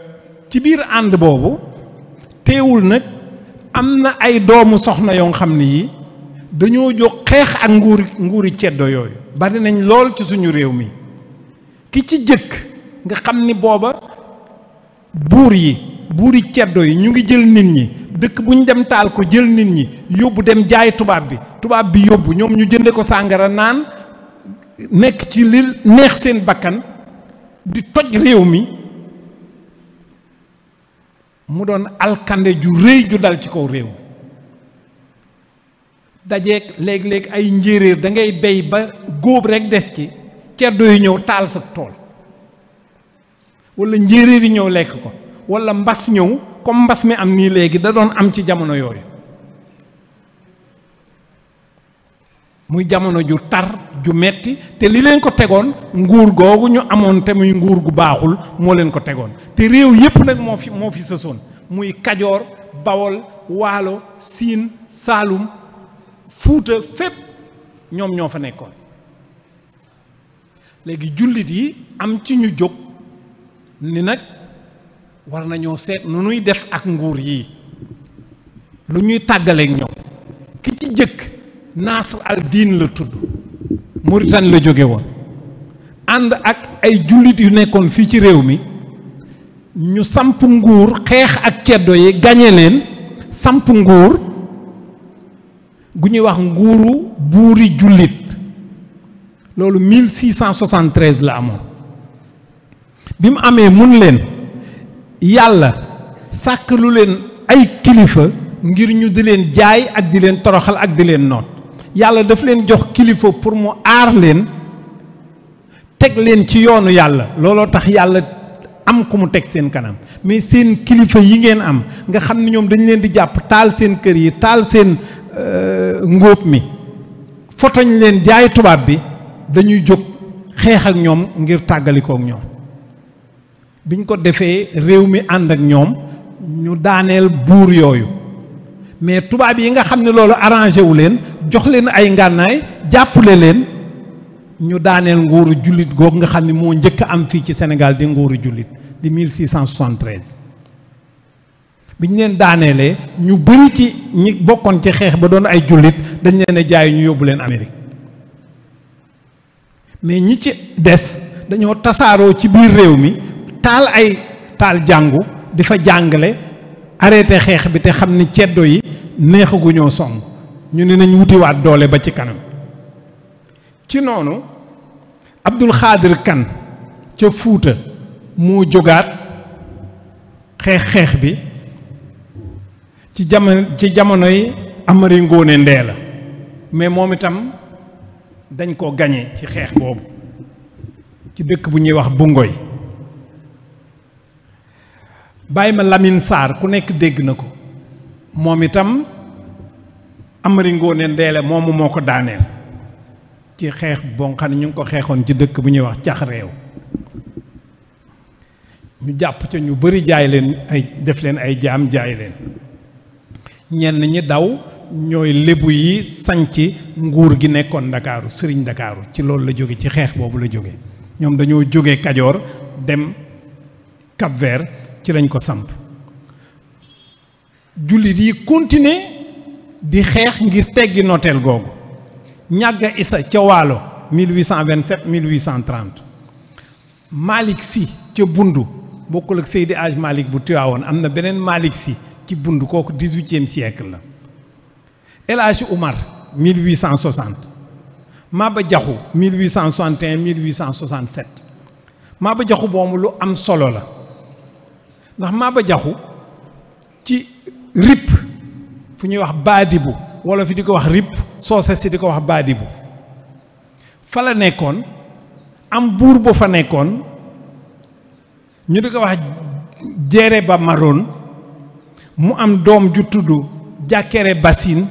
ci biir ànd boobu teewul nag am na ay doomu soxna yoo xam ne yi dañoo jóg xeex ak nguuri nguuri ceddo yooyu bari nañ lool ci suñu réew mi ki ci jëkk nga xam ni booba buur yi buur buuri ceddo yi ñu ngi jël nit ñi dëkk bu ñu dem taal ko jël nit ñi yóbbu dem jaay tubaab bi tubaab bi yóbbu ñoom ñu jënde ko sàngara naan nekk ci li neex seen bakkan di toj réew mi mu doon alkande ju rëy ju dal ci kaw réew dajeeg léeg-léeg ay njéeréer da ngay bey ba góob rekk des ci ceddo yi ñëw taal sa tool wala njéeréer yi ñëw lekk ko wala mbas ñëw comme mbas mi am nii léegi da doon am ci jamono yooyu muy jamono ju tar ju metti te li leen ko tegoon nguur googu ñu amoon te muy nguur gu baaxul moo leen ko tegoon te réew yépp nag moo fi moo fi sësoon muy Kajoor Bawol Waalo Siin Saalum Fuuta fépp ñoom ñoo fa nekkoon léegi jullit yi am ci ñu jóg ni nag war nañoo seet nu nuy def ak nguur yi lu ñuy tàggaleek ñoom ki ci jëkk Nasr al-Din la tudd Mauritanie la jóge woon ànd ak ay jullit yu nekkoon fii ci réew mi ñu samp nguur xeex ak ceddo yi gañe leen samp nguur gu ñuy wax nguuru buuri jullit loolu 1673 la amoon bi mu amee mun leen yàlla sàkk lu leen ay kilifa ngir ñu di leen jaay ak di leen toroxal ak di leen noot yàlla daf leen jox kilifa pour mu aar leen teg leen ci yoonu yàlla looloo tax yàlla am ku mu teg seen kanam mais seen kilifa yi ngeen am nga xam ne ñoom dañ leen di jàpp taal seen kër yi taal seen euh, ngóob mi fotoñ leen jaay tubaab bi dañuy jóg xeex ak ñoom ngir tàggalikoo ak ñoom biñ ko defee réew mi ànd ak ñoom ñu daaneel buur yooyu mais tubaab yi nga xam ne loolu arrangé wu leen jox leen ay ngànnaay jàppale leen ñu daaneel nguuru jullit googu nga xam ni moo njëkk am fii ci Sénégal di nguuru jullit di 1673 biñ leen daaneelee ñu bëri ci ñi bokkoon ci xeex ba doon ay jullit dañ leen a jaay ñu yóbbu leen Amérique mais ñi ci des dañoo tasaaroo ci biir réew mi. taal ay taal jàngu di fa jàngale arrêté xeex bi te xam ni ceddo yi neexaguñoo song ñu ne nañ wutiwaat doole ba ci kanam ci noonu Abdul Xaadir Kan ca Fuuta moo jógaat xeex xeex bi ci jamono ci Amari Ngoone Ndee la mais moom itam dañ ko gañe ci xeex boobu ci dëkk bu ñuy wax Bungoy bàyyi ma lamin saar ku nekk dégg na ko moom itam Amari Ngoone Ndeele moomu moo ko daaneel ci xeex boo xam ñu ngi ko xeexoon ci dëkk bu ñuy wax cax réew ñu jàpp ca ñu bari jaay leen ay def leen ay jaam jaay leen ñenn ñi daw ñooy lébu yi sañc nguur gi nekkoon ndakaaru sëriñ ndakaaru ci loolu la jóge ci xeex boobu la jóge ñoom dañoo jóge kajoor dem Cap-Vert ci lañ ko samp jullit yi continuer di xeex ngir teggi nooteel googu ñàgga isa ca waalo 1827 1830 Malick Sy ca Bundu bokkul ak Seydi Aj bu Tiwaawoon am na beneen Malick Sy ci Bundu kooku 18e siècle la El Hadj Oumar 1860 Maba Jaxu 1861 1867 Maba Jaxu boobu lu am solo la ndax maa ba Jaxu ci rip fu ñuy wax baadibu wala fi di ko wax rip soose si di ko wax baadibu fa la nekkoon am buur bu fa nekkoon ñu di ko wax jeere ba maroon mu am doom ju tudd jàkkere basin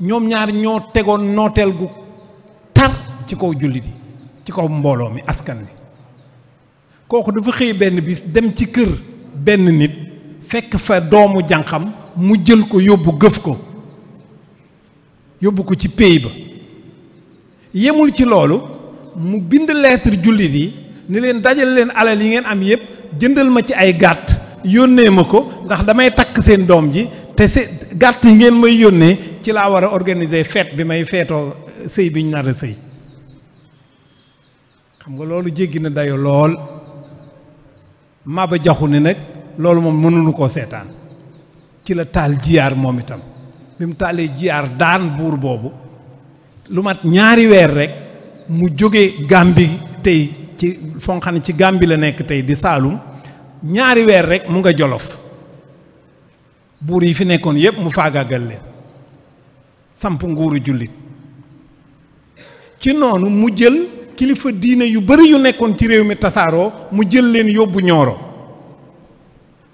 ñoom ñaar ñoo tegoon nooteel gu tar ci kaw jullit yi ci kaw mbooloo mi askan wi kooku dafa xëy benn bis dem ci kër benn nit fekk fa doomu jànqam mu jël ko yóbbu gëf ko yóbbu ko ci péy ba yemul ci loolu mu bind lettre jullit yi ni leen dajal leen alal yi ngeen am yépp jëndal ma ci ay gàtt yónnee ma ko ndax damay takk seen doom ji te se gàtt yi ngeen may yónnee ci laa war a organiser fête bi may feetoo sëy bi ñu nar a sëy xam nga loolu jéggi na dayo lool Maba Jaxu ne nag loolu moom mënuñu koo seetaan ci la taal jiyaar moom itam bi mu taalee jiyaar daan buur boobu lu mat ñaari weer rekk mu jóge Gàmbi tey ci foo xam ne ci Gàmbi la nekk tey di Saalum ñaari weer rekk mu nga Jolof buur yi fi nekkoon yépp mu faagaagal leen samp nguuru jullit ci noonu mu jël kilifa diine yu bari yu nekkoon ci réew mi tasaaroo mu jël leen yóbbu ñooro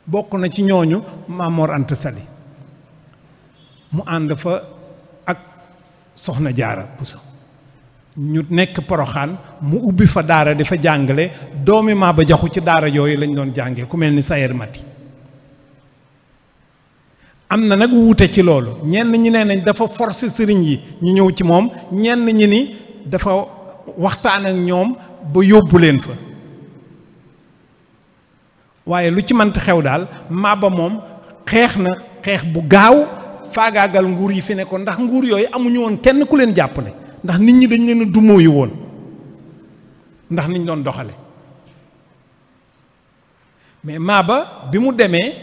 bokk na ci ñooñu Mamor Anta Sali mu ànd fa ak Soxna Jaara Buso ñu nekk Poroxaan mu ubbi fa daara di fa jàngale doomi Maba Jaxu ci daara yooyu lañ doon jàngee ku mel ni Sayer Mati am na nag wuute ci loolu ñenn ñi nee nañ dafa forcer sëriñ yi ñu ñëw ci moom ñenn ñi ni dafa waxtaan ak ñoom ba yóbbu leen fa waaye lu ci mënti xew daal Maba moom xeex na xeex bu gaaw faagaagal nguur yi fi ne ko ndax nguur yooyu amuñu woon kenn ku leen jàppale ndax nit ñi dañu leen a dumóoyu woon ndax niñ doon doxale mais Maba bi mu demee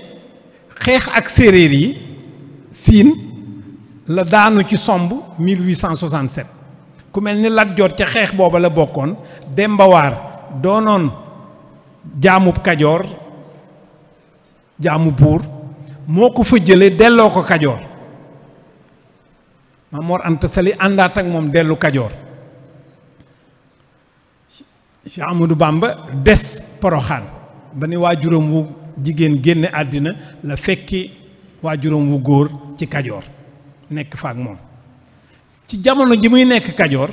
xeex ak séréer yi siin la daanu ci somb 1867 ku mel ni Lat Joor ca xeex booba la bokkoon Demba doonoon jaamub kajoor jaamu buur moo ko fa jële delloo ko kajoor Maam Mor àndaat ak moom dellu kajoor Cheikh Amadou Bamba des poroxaan ba ni waajuram wu jigéen génne àddina la fekki waajuram wu góor ci kajoor nekk fa moom ci jamono ji muy nekk kajoor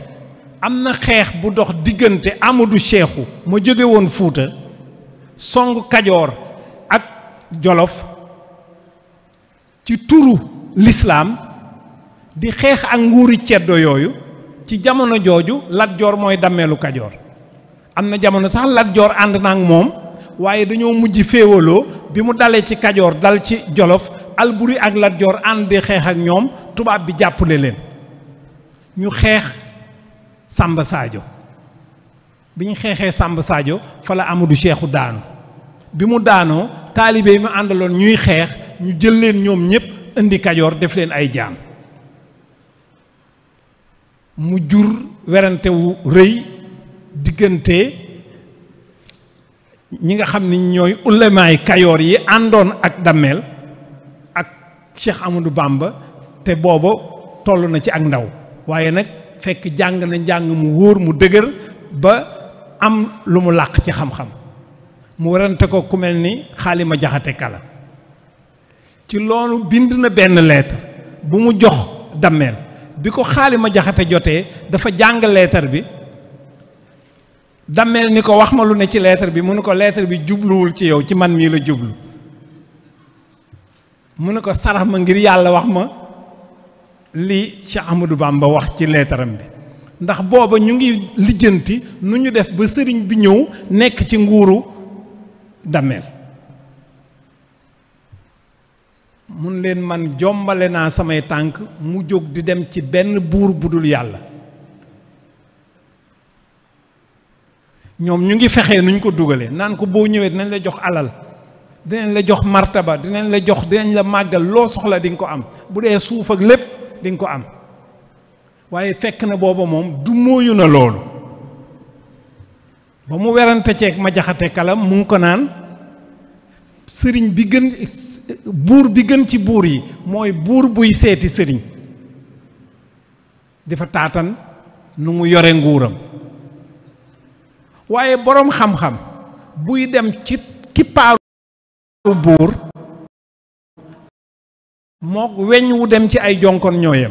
am na xeex bu dox diggante Amadou Cheikhou ma jóge woon Fuuta song kajoor ak Jolof ci turu lislaam di xeex ak nguuri ceddo yooyu ci jamono jooju Lat mooy dammeelu kajoor am na jamono sax Lat ànd na moom waaye dañoo mujj féewaloo bi mu dalee ci kajoor dal ci jolof Alburi ak Lat ànd di xeex ak ñoom tubaab bi jàppale leen ñu xeex Samba saajo bi ñu xeexee Samba Sadio fa la Amadou Cheikhou daanu bi mu daanoo taalibe yi mu àndaloon ñuy xeex ñu jël leen ñoom ñëpp indi Kajoor def leen ay jaam mu jur werantewu rëy diggante ñi nga xam ni ñooy ulamaay kayoor yi àndoon ak Damel ak Cheikh Amadou Bamba te booba toll na ci ak ndaw waaye nag fekk jàng na njàng mu wóor mu dëgër ba am lu mu làq ci xam-xam mu warante ko ku mel ni xaalima jaxate kala ci loolu bind na benn lettre bu mu jox dammeel bi ko xaalima jaxate jotee dafa jàng lettre bi dammeel ni ko wax ma lu ne ci lettre bi mu ne ko lettre bi jubluwul ci yow ci man mii la jublu mu ne ko sarax ma ngir yàlla wax ma li Cheikh Ahmadou Bamba wax ci leetaram bi ndax booba ñu ngi lijjanti nu ñu def ba sëriñ bi ñëw nekk ci nguuru dammeel mun leen man jombale naa samay tànk mu jóg di dem ci benn buur bu dul yàlla ñoom ñu ngi fexee nuñ ko dugalee naan ko boo ñëwee dinañ la jox alal dinañ la jox martaba dinañ la jox dinañ la màggal loo soxla di nga ko am bu dee suuf ak lépp di nga ko am waaye fekk na booba moom du móoyu na loolu ba mu werante ceeg ma jaxate kalam mu ngi ko naan sëriñ bi gën buur bi gën ci buur yi mooy buur buy seeti sëriñ dafa taatan nu mu yore nguuram waaye boroom xam-xam buy dem ci kippaaru buur mook weñ wu dem ci ay jonkon ñoo yem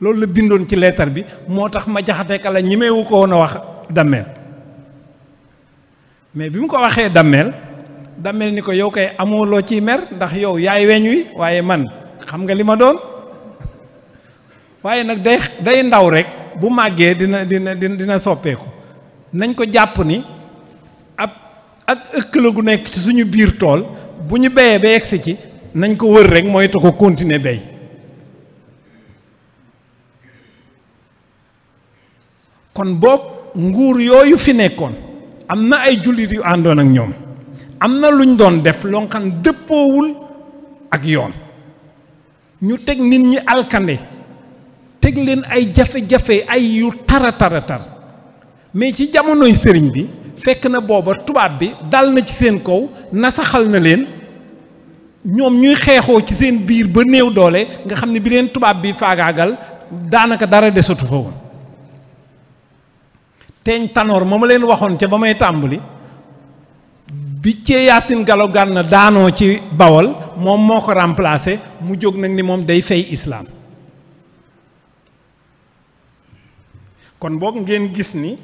loolu la bindoon ci leetar bi moo tax ma jaxate kala ñemewu ko woon a wax dammeel mais bi mu ko waxee dammeel dammeel ni ko yow kay amoo ciy mer ndax yow yaay weñ wi waaye man xam nga li ma doon waaye nag day day ndaw rek bu màggee dina dina dina soppeeku nañ ko jàpp ni ab ak ëkk la gu nekk ci suñu biir tool bu ñu béyee ba yegsi ci nañ ko wër rekk mooy te ko continuer bay kon boobu nguur yooyu fi nekkoon am na ay jullit yu àndoon ak ñoom am na luñ doon def lonkan dëppoowul ak yoon ñu teg nit ñi alkande teg leen ay jafe-jafe ay yu tara tara tar mais ci jamonoy sëriñ bi fekk na booba tubaab bi dal na ci seen kaw nasaxal na leen ñoom ñuy xeexoo ci seen biir ba néew doole nga xam ne bi leen tubaab bi faagaagal daanaka dara desatu fa woon teeñ tanoor ma ma leen waxoon ca ba may tàmbali bi cee Yaasin Galo Gànna daanoo ci Bawol moom moo ko remplacé mu jóg nag ni moom day fay islaam kon boog ngeen gis ni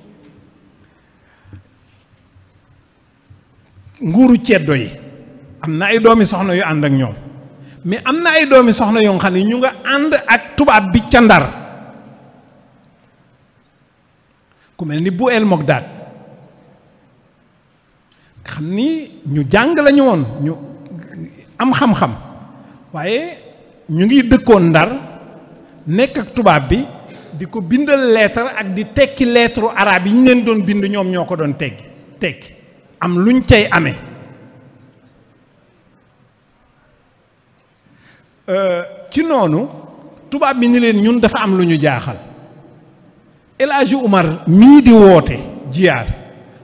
nguuru ceddo yi am na ay doomi soxna yu ànd ak ñoom mais am na ay doomi soxna yoo xam ne ñu nga ànd ak tubaab bi ca ndar ku mel ni bu el Mogdad xam ni ñu jàng lañu woon ñu am xam-xam waaye ñu ngi dëkkoon ndar nekk ak tubaab bi di ko bindal lettre ak di tekki lettre arabe yi ñu leen doon bind ñoom ñoo ko doon teggi tekki am luñ cay amee Euh, ci noonu tubaab bi ni leen ñun dafa am lu ñu jaaxal El Hadj Umar mii di woote jiyaar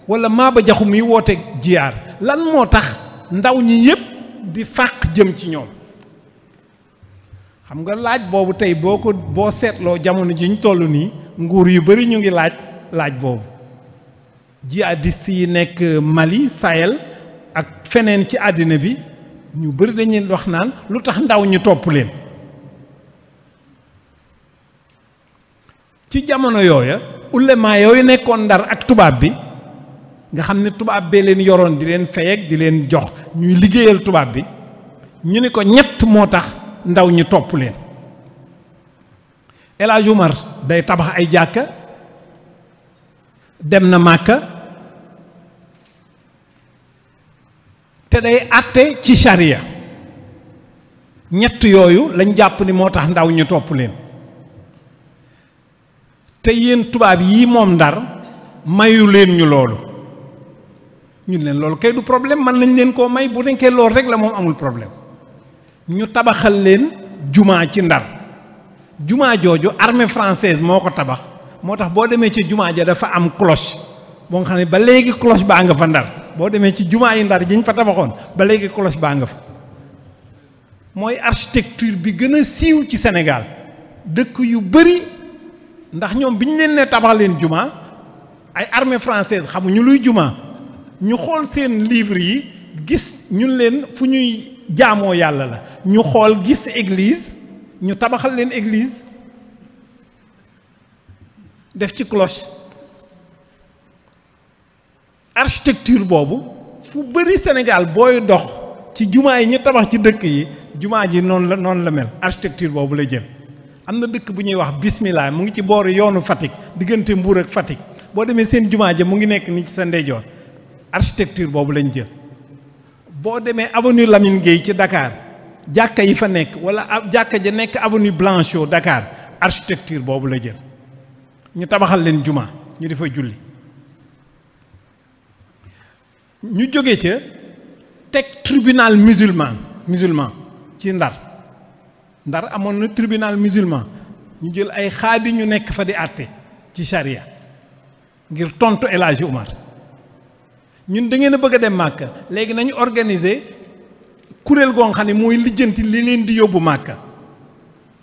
wala maaba Jaxu mii woote jiyaar lan moo tax ndaw ñi yépp di fàq jëm ci ñoom xam nga laaj boobu tey boo ko boo seetloo jamono ji ñu toll nii nguur yu bari ñu ngi laaj laaj boobu di si nekk Mali Sahel ak feneen ci àddina bi ñu bari dañuy wax naan lu tax ndaw ñu topp leen ci jamono yooya ulema yooyu nekkoon ndar ak tubaab bi nga xam ne tubaab bee leen yoroon di leen fayeg di leen jox ñuy liggéeyal tubaab bi ñu ni ko ñett moo tax ndaw ñu topp leen El day tabax ay jàkka dem na Màkka te day àtte ci sharia ñett yooyu lañ jàpp ni moo tax ndaw ñu topp leen te yéen tubaab yii moom ndar mayu leen ñu loolu ñun leen loolu kay du problème mën nañ leen koo may bu nekkee loolu rek la moom amul problème ñu tabaxal leen jumaa ci ndar jumaa jooju armee française moo ko tabax moo tax boo demee ci jumaa ja dafa am cloche boo nga xam ne ba léegi cloche baa nga fa ndar boo demee ci jumaa yi ndar jiñ fa tabaxoon ba léegi cloche baa nga fa mooy architecture bi gën a siiw ci Sénégal dëkk yu bëri ndax ñoom bi ñu leen ne tabax leen jumaa ay armée française xamuñu luy jumaa ñu xool seen livre yi gis ñun leen fu ñuy jaamoo yàlla la ñu xool gis église ñu tabaxal leen église def ci cloche architecture boobu fu bëri Sénégal booy dox ci jumaa yi ñu tabax ci dëkk yi jumaa ji noonu la noonu la mel architecture boobu la jël am na dëkk bu ñuy wax bismillah mu ngi ci boori yoonu Fatick diggante Mbour ak Fatick boo demee seen jumaa ja mu ngi nekk ni ci sa ndeyjoor architecture boobu lañ jël boo demee avenue Lamine Gueye ci dakaar jàkka yi fa nekk wala jàkka ja nekk avenue Blanchot dakaar architecture boobu la jël ñu tabaxal leen jumaa ñu di ñu jóge ca teg tribunal musulman musulman ci ndar ndar amoon na tribunal musulman ñu jël ay xaabi ñu nekk fa di àtte ci charia ngir tontu El Hadji Oumar ñun da ngeen a bëgg a dem màkka léegi nañu organiser kuréel goo xam ne mooy lijjanti li leen di yóbbu màkka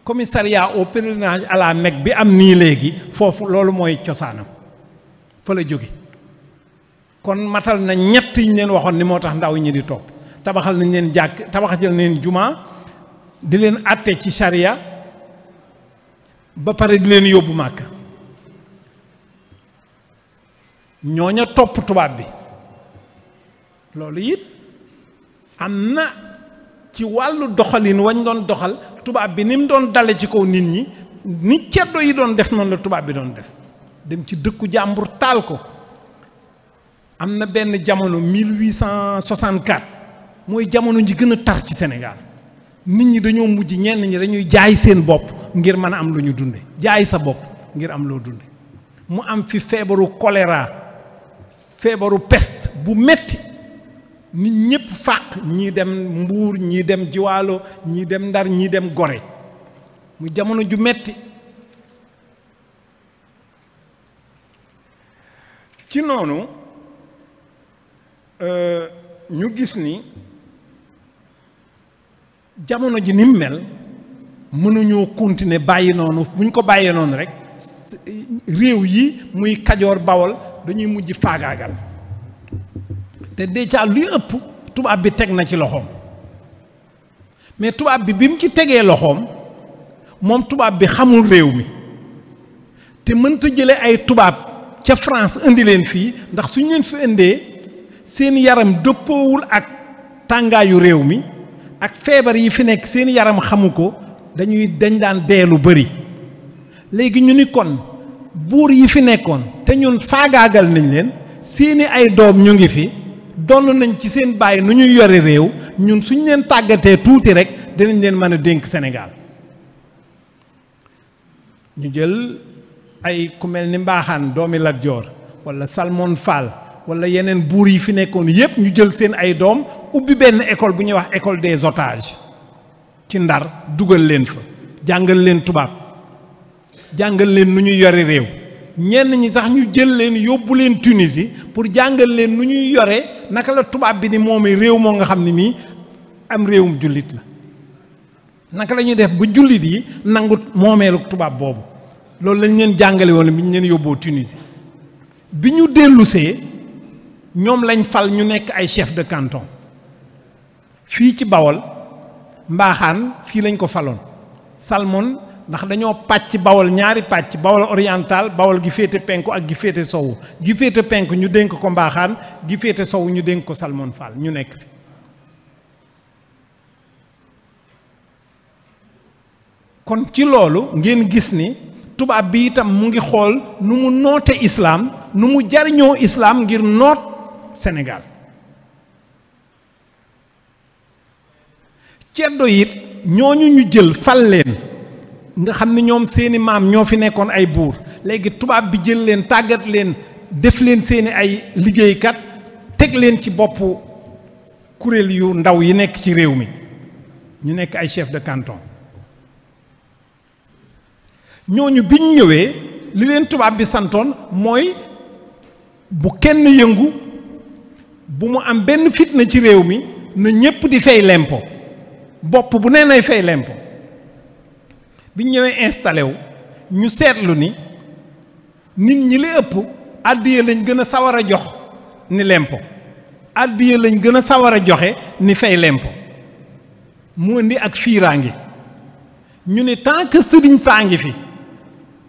commissariat au pèlerinage à la Mecque bi am nii léegi foofu loolu mooy cosaanam fa la jóge kon matal na ñett yi ñu leen waxoon ni moo tax ndaw ñi di topp tabaxal nañ leen jàkk tabaxal nañ leen jumaa di leen àtte ci sariya ba pare di leen yóbbu màkk ñooña topp tubaab bi loolu it am na ci wàllu doxalin wañ doon doxal tubaab bi ni mu doon dale ci kow nit ñi ni ceddo yi doon def noonu la tubaab bi doon def dem ci dëkku jàmbur taal ko am na benn jamono 1864 mooy jamono ji gën a tar ci Sénégal nit ñi dañoo mujj ñenn ñi dañuy jaay seen bopp ngir mën a am lu ñu dunde jaay sa bopp ngir am loo dunde mu am fi feebaru choléra feebaru pest bu metti nit ñëpp fàq ñii dem Mbuur ñii dem Jiwaalo ñii dem Ndar ñii dem Gore mu jamono ju metti ci noonu ñu gis ni jamono ji nim mu mel mënuñoo continuer bàyyi noonu bu ñu ko bàyyee noonu rek réew yi muy kajoor bawol dañuy mujj faagaagal te déjà luy ëpp tubaab bi teg na ci loxoom mais tubaab bi bi mu ci tegee loxoom moom tubaab bi xamul réew mi te mënta jële ay tubaab ca France indi leen fii ndax suñ leen fi indee seen yaram dëppoowul ak tàngaayu réew mi ak feebar yi fi nekk seen yaram xamu ko dañuy dañ daan dee lu bari léegi ñu ni kon buur yi fi nekkoon te ñun faagaagal nañ leen seeni ay doom ñu ngi fi donn nañ ci seen bàyyi nu ñuy yore réew ñun suñ leen tàggatee tuuti rek dinañ leen mën a dénk senegaal ñu jël ay ku mel ni mbaaxaan doomi Lat Joor walla Salmon Fall wala yeneen buur yi fi nekkoon yépp ñu jël seen ay doom ubbi benn école bu ñuy wax école des otages ci ndar dugal leen fa jàngal leen tubaab jàngal leen nu ñuy yore réew ñenn ñi sax ñu jël leen yóbbu leen Tunisie pour jàngal leen nu ñuy yore naka la tubaab bi ni moomee réew moo nga xam ne mii am réewum jullit la naka la def ba jullit yi nangu moomeelu tubaab boobu loolu lañ leen jàngale woon bi ñu leen yóbboo Tunisie bi ñu dellusee ñoom lañ fal ñu nekk ay chef de canton fii ci Bawol mbaaxaan fii lañ ko faloon Salmon ndax dañoo pàcc Bawol ñaari pàcc Bawol oriental Bawol gi féete penku ak gi féete sowu gi féete penku ñu dénk ko mbaaxaan gi féete sowu ñu dénk ko Salmon Fall ñu nekk fi kon ci loolu ngeen gis ni tubaab bi itam mu ngi xool nu mu noote islaam nu mu jariñoo islaam ngir noot Sénégal ceddo it ñooñu ñu jël fal leen nga xam ne ñoom seeni maam ñoo fi nekkoon ay buur léegi tubaab bi jël leen tàggat leen def leen seeni ay liggéeykat teg leen ci boppu kuréel yu ndaw yi nekk ci réew mi ñu nekk ay chef de kanton ñooñu bi ñu ñëwee li leen tubaab bi santoon mooy bu kenn yëngu bu mu am benn fitna ci réew mi na ñépp di fay lempo bopp bu nee nay fay lempo bi ñëwee installé wu ñu seetlu ni nit ñi li ëpp àddiya lañ gën a sawar a jox ni lempo àddiya lañ gën a sawar a joxe ni fay lempo mu indi ak fiiraangi ñu ne tant sëriñ saa ngi fi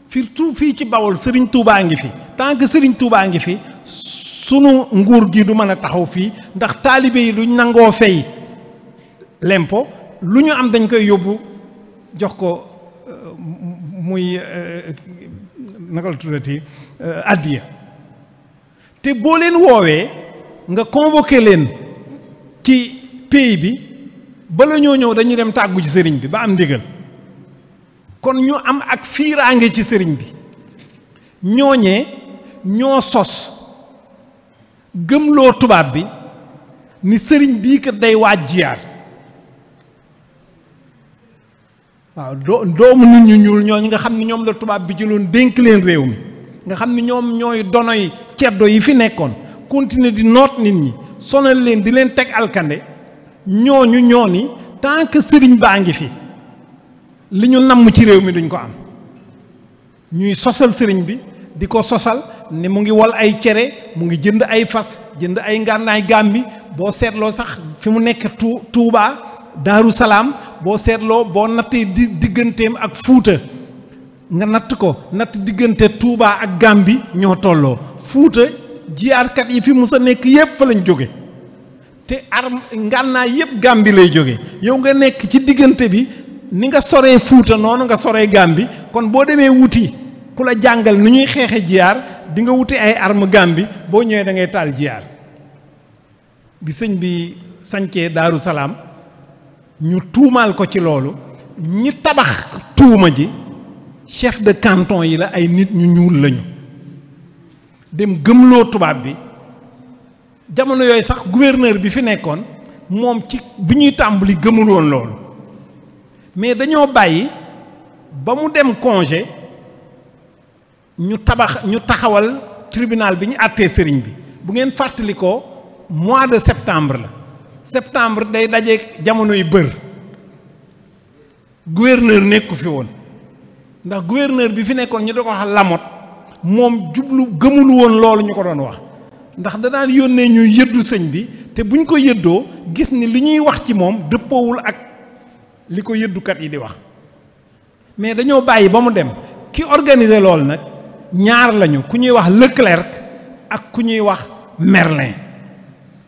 surtout fii ci Bawol sëriñ Tuubaa ngi fi tant que sëriñ Tuubaa ngi fi sunu nguur gi du mën a taxaw fii ndax taalibe yi duñ nangoo fay lempo lu ñu am dañ koy yóbbu jox ko euh, muy euh, naka la tuddati euh, addiya te boo leen woowee nga convoqué leen ci pays bi bala ñoo ñëw dañuy dem tàggu ci sëriñ bi ba am ndigal kon ñu am ak fiiraange ci sëriñ bi ñooñee ñoo sos gëmloo tubaab bi ni sëriñ bii kat day waaj jiyaar waaw doo doomu nit ñu ñuul ñoo ñooñu nga xam ne ñoom la tubaab bi jëloon dénk leen réew mi nga xam ne ñoom ñooy donoy ceddo yi fi nekkoon continuer di noot nit ñi sonal leen di leen teg alkande ñu ñoo ni tant que sëriñ baa ngi fi li ñu namm ci réew mi duñ ko am ñuy sosal sëriñ bi di ko sosal ni mu ngi wal ay cere mu ngi jënd ay fas jënd ay ngànnaay gàmmi boo seetloo sax fi mu nekk tu Tuubaa Daaru Salaam boo seetloo boo nattee di digganteem ak Fuuta nga natt ko natt diggante Tuubaa ak Gàmbi ñoo tolloo Fuuta jiyaarkat yi fi musa nekk yépp fa lañ jóge te arm ngànnaay yépp Gàmbi lay jóge yow nga nekk ci diggante bi ni nga soree Fuuta noonu nga soree Gàmbi kon boo demee wuti ku la jàngal nu ñuy xeexe jiyaar di nga wuti ay arme Gàmbi boo ñëwee da ngay taal jiyaar bi sëñ bi sancee Daaru Salaam ñu tuumaal ko ci loolu ñi tabax tuuma ji chef de canton yi la ay nit ñu ñuul lañu dem gëmloo tubaab bi jamono yooyu sax gouverneur bi fi nekkoon moom ci bi ñuy tàmbali gëmul woon loolu mais dañoo bàyyi ba mu dem congé ñu tabax ñu taxawal tribunal bi ñu àttee sëriñ bi bu ngeen fàttalikoo mois de septembre la septembre day daje jamonoy bër gouverneur nekku fi woon ndax gouverneur bi fi nekkoon ñu da ko wax lamot moom jublu gëmul woon loolu ñu ko doon wax ndax da daan yónnee ñuy yëddu sëñ bi te buñ ko yëddoo gis ni li ñuy wax ci moom dëppoowul ak li ko yëddukat yi di wax mais dañoo bàyyi ba mu dem ki organiser loolu nag ñaar lañu ku ñuy wax Leclerc ak ku ñuy wax Merlin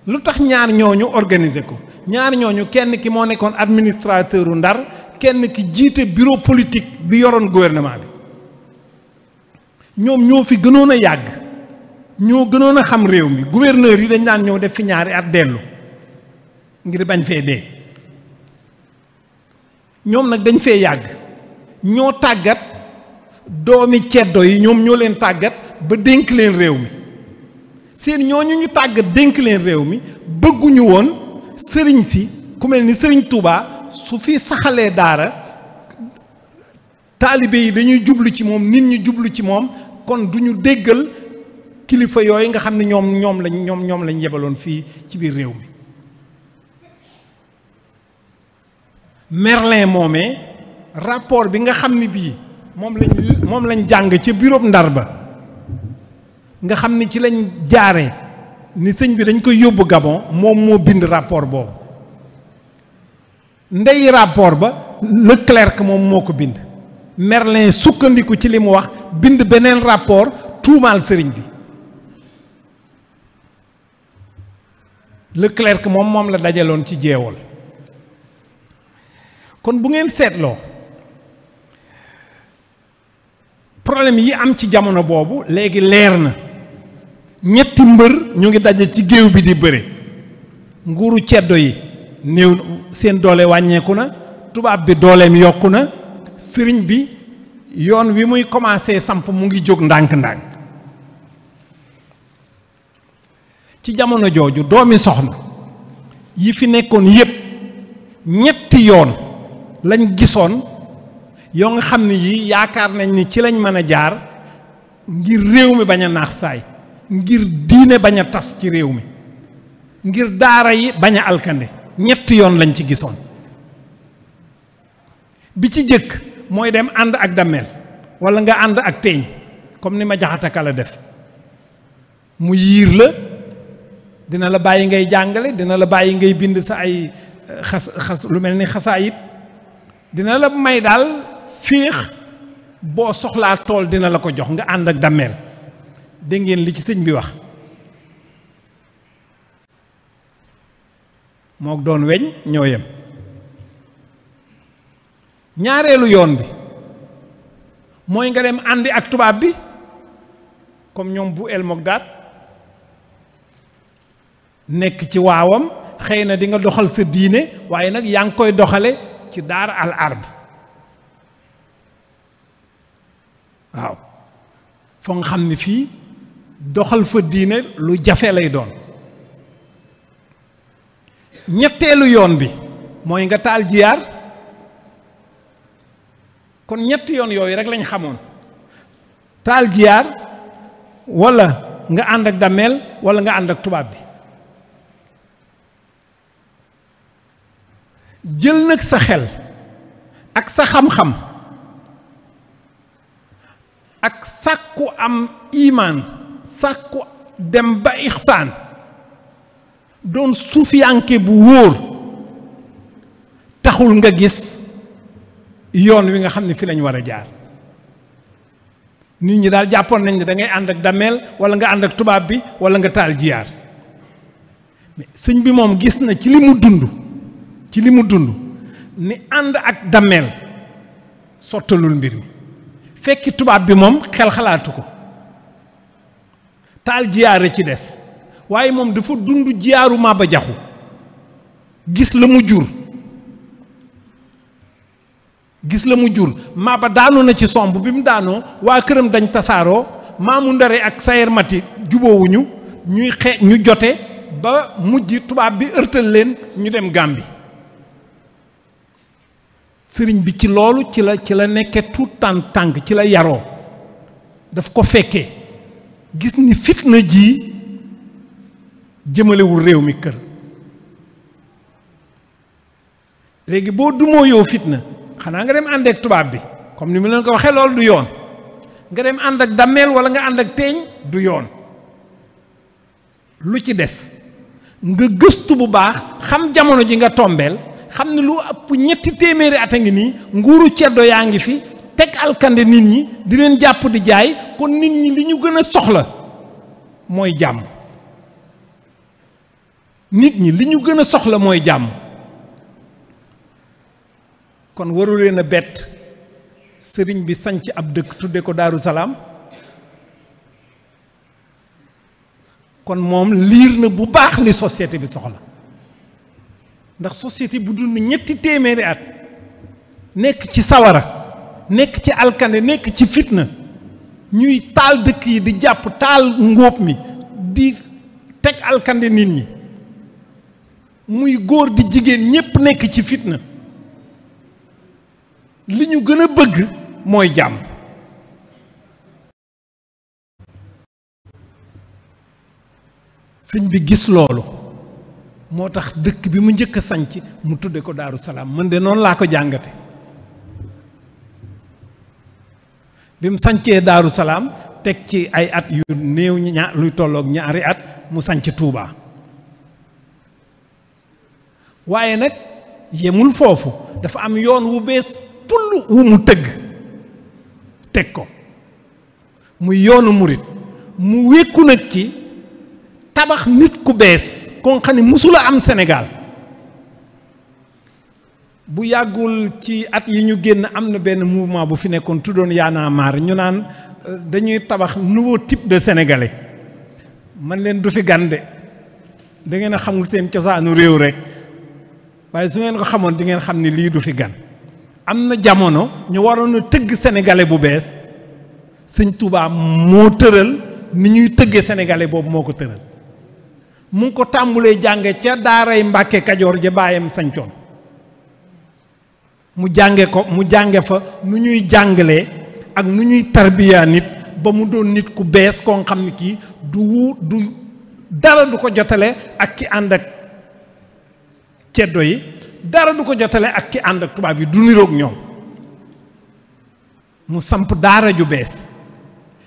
lu tax ñaar ñooñu organiser ko ñaar ñooñu kenn ki moo nekkoon administrateur u Ndar kenn ki jiite bureau politique bi yoroon gouvernement bi ñoom ñoo fi gënoon a yàgg ñoo gënoon a xam réew mi gouverneur yi dañ daan ñëw def fi ñaari at dellu ngir bañ fee dee ñoom nag dañ fee yàgg ñoo tàggat doomi ceddo yi ñoom ñoo leen tàggat ba dénk leen réew mi seen ñooñu ñu tàggat dénk leen réew mi bëgguñu woon sëriñ si ku mel ni sëriñ Touba su fi saxalee daara taalibe yi dañuy jublu ci moom nit ñu jublu ci moom kon du ñu déggal kilifa yooyu nga xam ne ñoom ñoom lañ ñoom ñoom lañ yebaloon fii ci biir réew mi Merlin moomee rapport bi nga xam ne bii moom lañ moom lañ jàng ci bureau ndar ba nga xam ni ci lañ jaare ni sëñ bi dañ koy yóbbu Gabon moom moo bind rapport boobu ndey rapport ba Leclerc moom moo ko bind Merlin sukkandiku ci li mu wax bind beneen rapport tuumaal sëriñ bi Leclerc moom moom la dajaloon ci jeewal kon bu ngeen seetloo problème yi am ci jamono boobu léegi leer na ñetti mbër ñu ngi daje ci géew bi di bëre nguuru ceddo yi néew seen doole wàññeeku na tubaab bi dooleem yokku na sëriñ bi yoon wi muy commencé samp mu ngi jóg ndànk-ndànk ci jamono jooju doomi soxna yi fi nekkoon yépp ñetti yoon lañ gisoon yoo nga xam ne yii yaakaar nañ ni ci lañ mën a jaar ngir réew mi bañ a naax saay ngir diine bañ a tas ci réew mi ngir daara yi bañ a alkande ñetti yoon lañ ci gisoon bi ci jëkk mooy dem ànd ak dammeel wala nga ànd ak teeñ comme ni ma jaxataka la def mu yiir la dina la bàyyi ngay jàngale dina la bàyyi ngay bind sa ay xas xas lu mel ni xasaayit dina la may daal féex boo soxlaa tool dina la ko jox nga ànd ak dammeel dégg li ci sëñ bi wax mook doon weñ ñoo yem ñaareelu yoon bi mooy nga dem àndi ak tubaab bi comme ñoom bu el mogdaat nekk ci waawam xëy na dinga doxal sa diine waaye nag yaa ngi koy doxale ci daar al arb waaw foo nga xam ni fii doxal fa diine lu jafe lay doon ñetteelu yoon bi mooy nga taal jiyaar kon ñetti yoon yooyu rek lañ xamoon taal jiyaar wala nga ànd ak dameel wala nga ànd ak tubaab bi jël nag sa xel ak sa xam-xam ak sàkku am imaan sàkku dem ba ixsaan doon suufiyanke bu wóor taxul nga gis yoon wi nga xam ne fi lañ war a jaar nit ñi daal jàppoon nañ ne dangay ngay ànd ak dameel wala nga ànd ak tubaab bi wala nga taal jiyaar mais sëñ bi moom gis na ci li mu dund ci li mu dund ni ànd ak dameel sottaluwul mbir mi fekki tubaab bi moom xel xalaatu ko taal jiyaare ci des waaye moom dafa dund jiyaaru Maba Jaxu gis la mu jur gis la mu jur Maba daanu na ci somb bi mu daanoo waa këram dañ tasaaroo maamu ndare ak sayer mati juboowuñu ñuy xe ñu jote ba mujj tubaab bi ërtal leen ñu dem Gàmbi sëriñ bi ci loolu ci la ci la nekke tout tànk tànk ci la yaroo daf ko fekkee gis ni fitna ji jëmalewul réew mi kër léegi boo dumoo yow fitna xanaa nga dem àndeek tubaab bi comme ni mu leen ko waxee loolu du yoon nga dem ànd ak dammeel wala nga ànd ak teeñ du yoon lu ci des nga gëstu bu baax xam jamono ji nga tombeel xam ne lu ëpp ñetti téeméeri at a ngi nii nguuru ceddo yaa ngi fi teg alkande nit ñi di leen jàpp di jaay kon nit ñi li ñu gën a soxla mooy jàmm nit ñi li ñu gën a soxla mooy jàmm kon waru leen a bett sëriñ bi sanc ab dëkk tudde ko Daaru Salaam kon moom liir na bu baax li societé bi soxla ndax société bu dund ñetti téeméeri at nekk ci sawara nekk ci alkande nekk ci fitna ñuy taal dëkk yi di jàpp taal ngóob mi di teg alkande nit ñi muy góor di jigéen ñépp nekk ci fitna li ñu gën a bëgg mooy jàmm sëñ bi gis loolu moo tax dëkk bi mu njëkk a sanc mu tudde ko daaru salaam mën de noon laa ko jàngate bi mu sancee daaru salaam teg ci ay at yu néew ña luy tolloog ñaari at mu sanc tuubaa waaye nag yemul foofu dafa am yoon wu bees pull wu mu tëgg teg ko muy yoonu murit mu wékku nag ci tabax nit ku bees ko nga xam ne musula am senegal bu yàggul ci at yi ñu génn am na benn mouvement bu fi nekkoon tuddoon yaana maar ñu naan euh, dañuy tabax nouveau type de sénégalais man leen du fi gande da ngeen a xamul seen cosaanu réew rek waaye su ngeen ko xamoon di ngeen xam ni lii du fi gan am na jamono ñu waroon a tëgg sénégalais bu bees sëñ Touba moo tëral ni ñuy tëggee sénégalais boobu moo ko tëral mu ko tàmbulee jànge ca daaray mbàkke kajoor ja baayam sañcoon mu jànge ko mu jànge fa nu ñuy jàngale ak nu ñuy tarbiyaa nit ba mu doon nit ku bees koo xam ne kii du wu du dara du ko jotale ak ki ànd ak yi dara du ko jotale ak ki ànd ak tubaab yi du niroog ñoom mu samp daara ju bees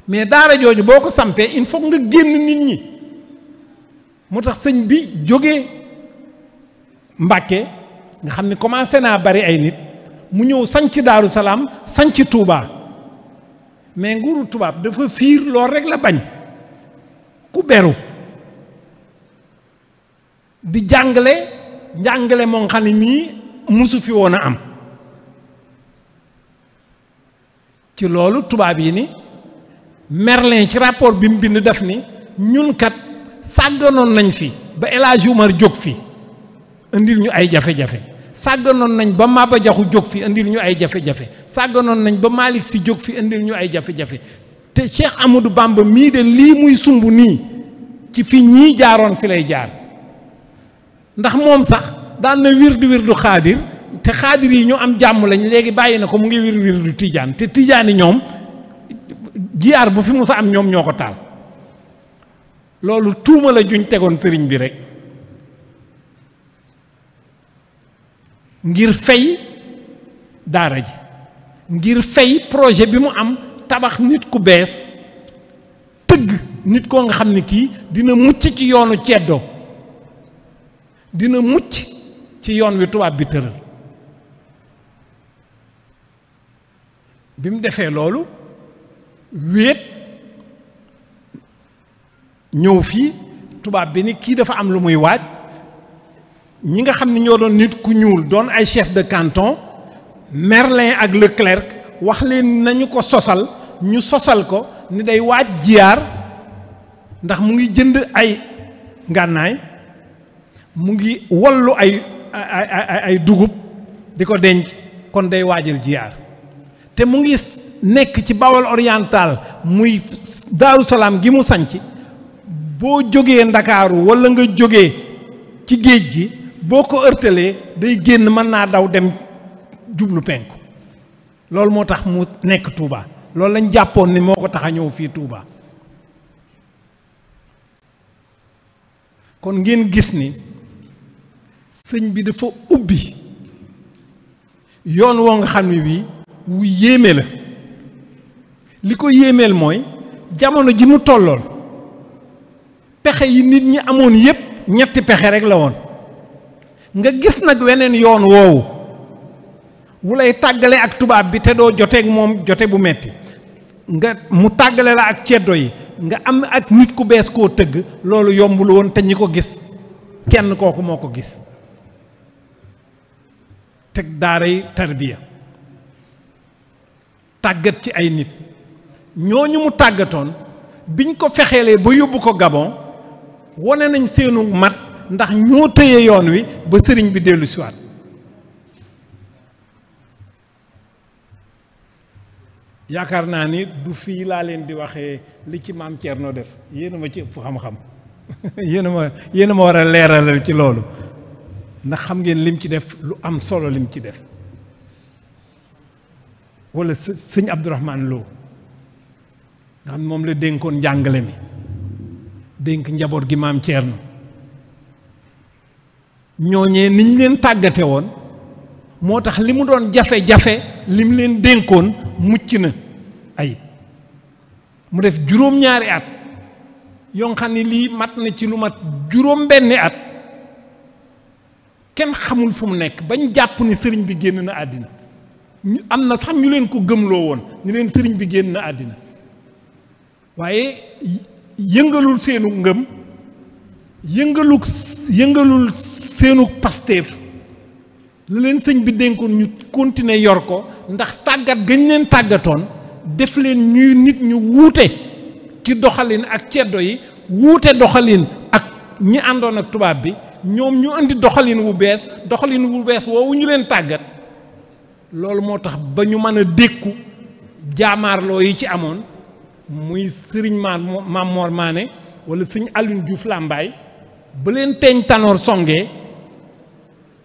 mais daara jooju boo ko sampee il faut nga génn nit ñi moo tax sëñ bi jóge Mbàkke nga xam ne commencé naa bari ay nit mu ñëw sañc Daaru Salaam sanc Tuubaa mais nguuru tubaab dafa fiir loolu rekk la bañ ku beru di jàngale njàngale moo xam ne mii musu fi woon a am ci loolu tubaab yi ni Merlin ci rapport bi mu bind def ni ñun kat sàgganoon nañ fi ba El Hadj jóg fi indil ñu ay jafe-jafe sàgganoon nañ ba Maba Jaxu jóg fi indil ñu ay jafe-jafe sàgganoon nañ ba Malick Sy jóg fi indil ñu ay jafe te Cheikh Amadou Bamba mii de lii muy sumb nii ci fi ñii jaaroon fi lay jaar ndax moom sax daan na wirdu wirdu xaadir te xaadir yi ñu am jàmm lañ léegi bàyyi na ko mu ngi wir wir wirdu tiijaan te tijaan yi ñoom giyaar bu fi mu musa am ñoom ñoo ko taal loolu tuuma la juñ tegoon sëriñ bi rekk ngir fay daara ji ngir fay projet bi mu am tabax nit ku bees tëgg nit koo nga xam ne kii dina mucc ci yoonu ceddoo dina mucc ci yoon wi tubaab bi tëral bi mu defee loolu wéet ñëw fii tubaab bi ni kii dafa am lu muy waaj ñi nga xam ni ñoo doon nit ku ñuul doon ay chef de kanton Merlin ak Leclerc wax leen nañu ko sosal ñu sosal ko ni day waaj jiyaar ndax mu ngi jënd ay ngànnaay mu ngi wallu ay ay ay dugub di ko denc kon day waajal jiyaar te mu ngi nekk ci Bawol oriental muy Daaru Salaam gi mu sanc boo jógee ndakaaru walla nga jóge ci géej gi boo ko ërtalee day génn mën naa daw dem jublu penku loolu moo tax mu nekk Touba loolu lañ jàppoon ni moo ko tax a ñëw fii Touba kon ngeen gis ni sëñ bi dafa ubbi yoon woo nga xam ne bii wu yéeme la li ko yéemeel mooy jamono ji mu tollool pexe yi nit ñi amoon yépp ñetti pexe rekk la woon nga gis nag weneen yoon woowu wu lay tàggale ak tubaab bi te doo joteeg moom jote bu metti nga mu tàggale la ak ceddo yi nga am ak nit ku bees koo tëgg loolu yombul woon te ñi ko gis kenn kooku moo ko gis teg daaray tarbiya tàggat ci ay nit ñooñu mu tàggatoon biñ ko fexeelee ba yóbbu ko Gabon wone nañ seenu mat ndax ñoo tëye yoon wi ba sëriñ bi dellu siwaat yaakaar naa ni du fii laa leen di waxee li ci maam Thierno def yéena ma ci ëpp xam-xam yéena ma yéena ma war a leeralal ci loolu ndax xam ngeen lim ci def lu am solo lim ci def wala sëñ Abdourahmane Lo nga xam moom la dénkoon njàngale mi dénk njaboot gi maam Thierno ñooñee niñ leen tàggate woon moo tax li mu doon jafe-jafe lim leen dénkoon mucc na ay mu def juróom-ñaari at yoo xam ne lii mat na ci lu mat juróom-benni at kenn xamul fu mu nekk bañ jàpp ni sëriñ bi génn na àddina ñu am na sax ñu leen ko gëmloo woon ñu leen sëriñ bi génn na àddina waaye yëngalul seenu ngëm yëngalul yëngalul seenu pasteef la leen sëñ bi dénkoon ñu continuer yor ko ndax tàggat gañ leen tàggatoon def leen ñuy nit ñu wuute ci doxalin ak ceddo yi wuute doxalin ak ñi àndoon ak tubaab bi ñoom ñu indi doxalin wu bees doxalin wu bees woowu ñu leen tàggat loolu moo tax ba ñu mën a dékku jaamaarloo yi ci amoon muy sëriñ Mamor Maane wala sëñ Alioune Diouf Lambaye ba leen teeñ tanoor songee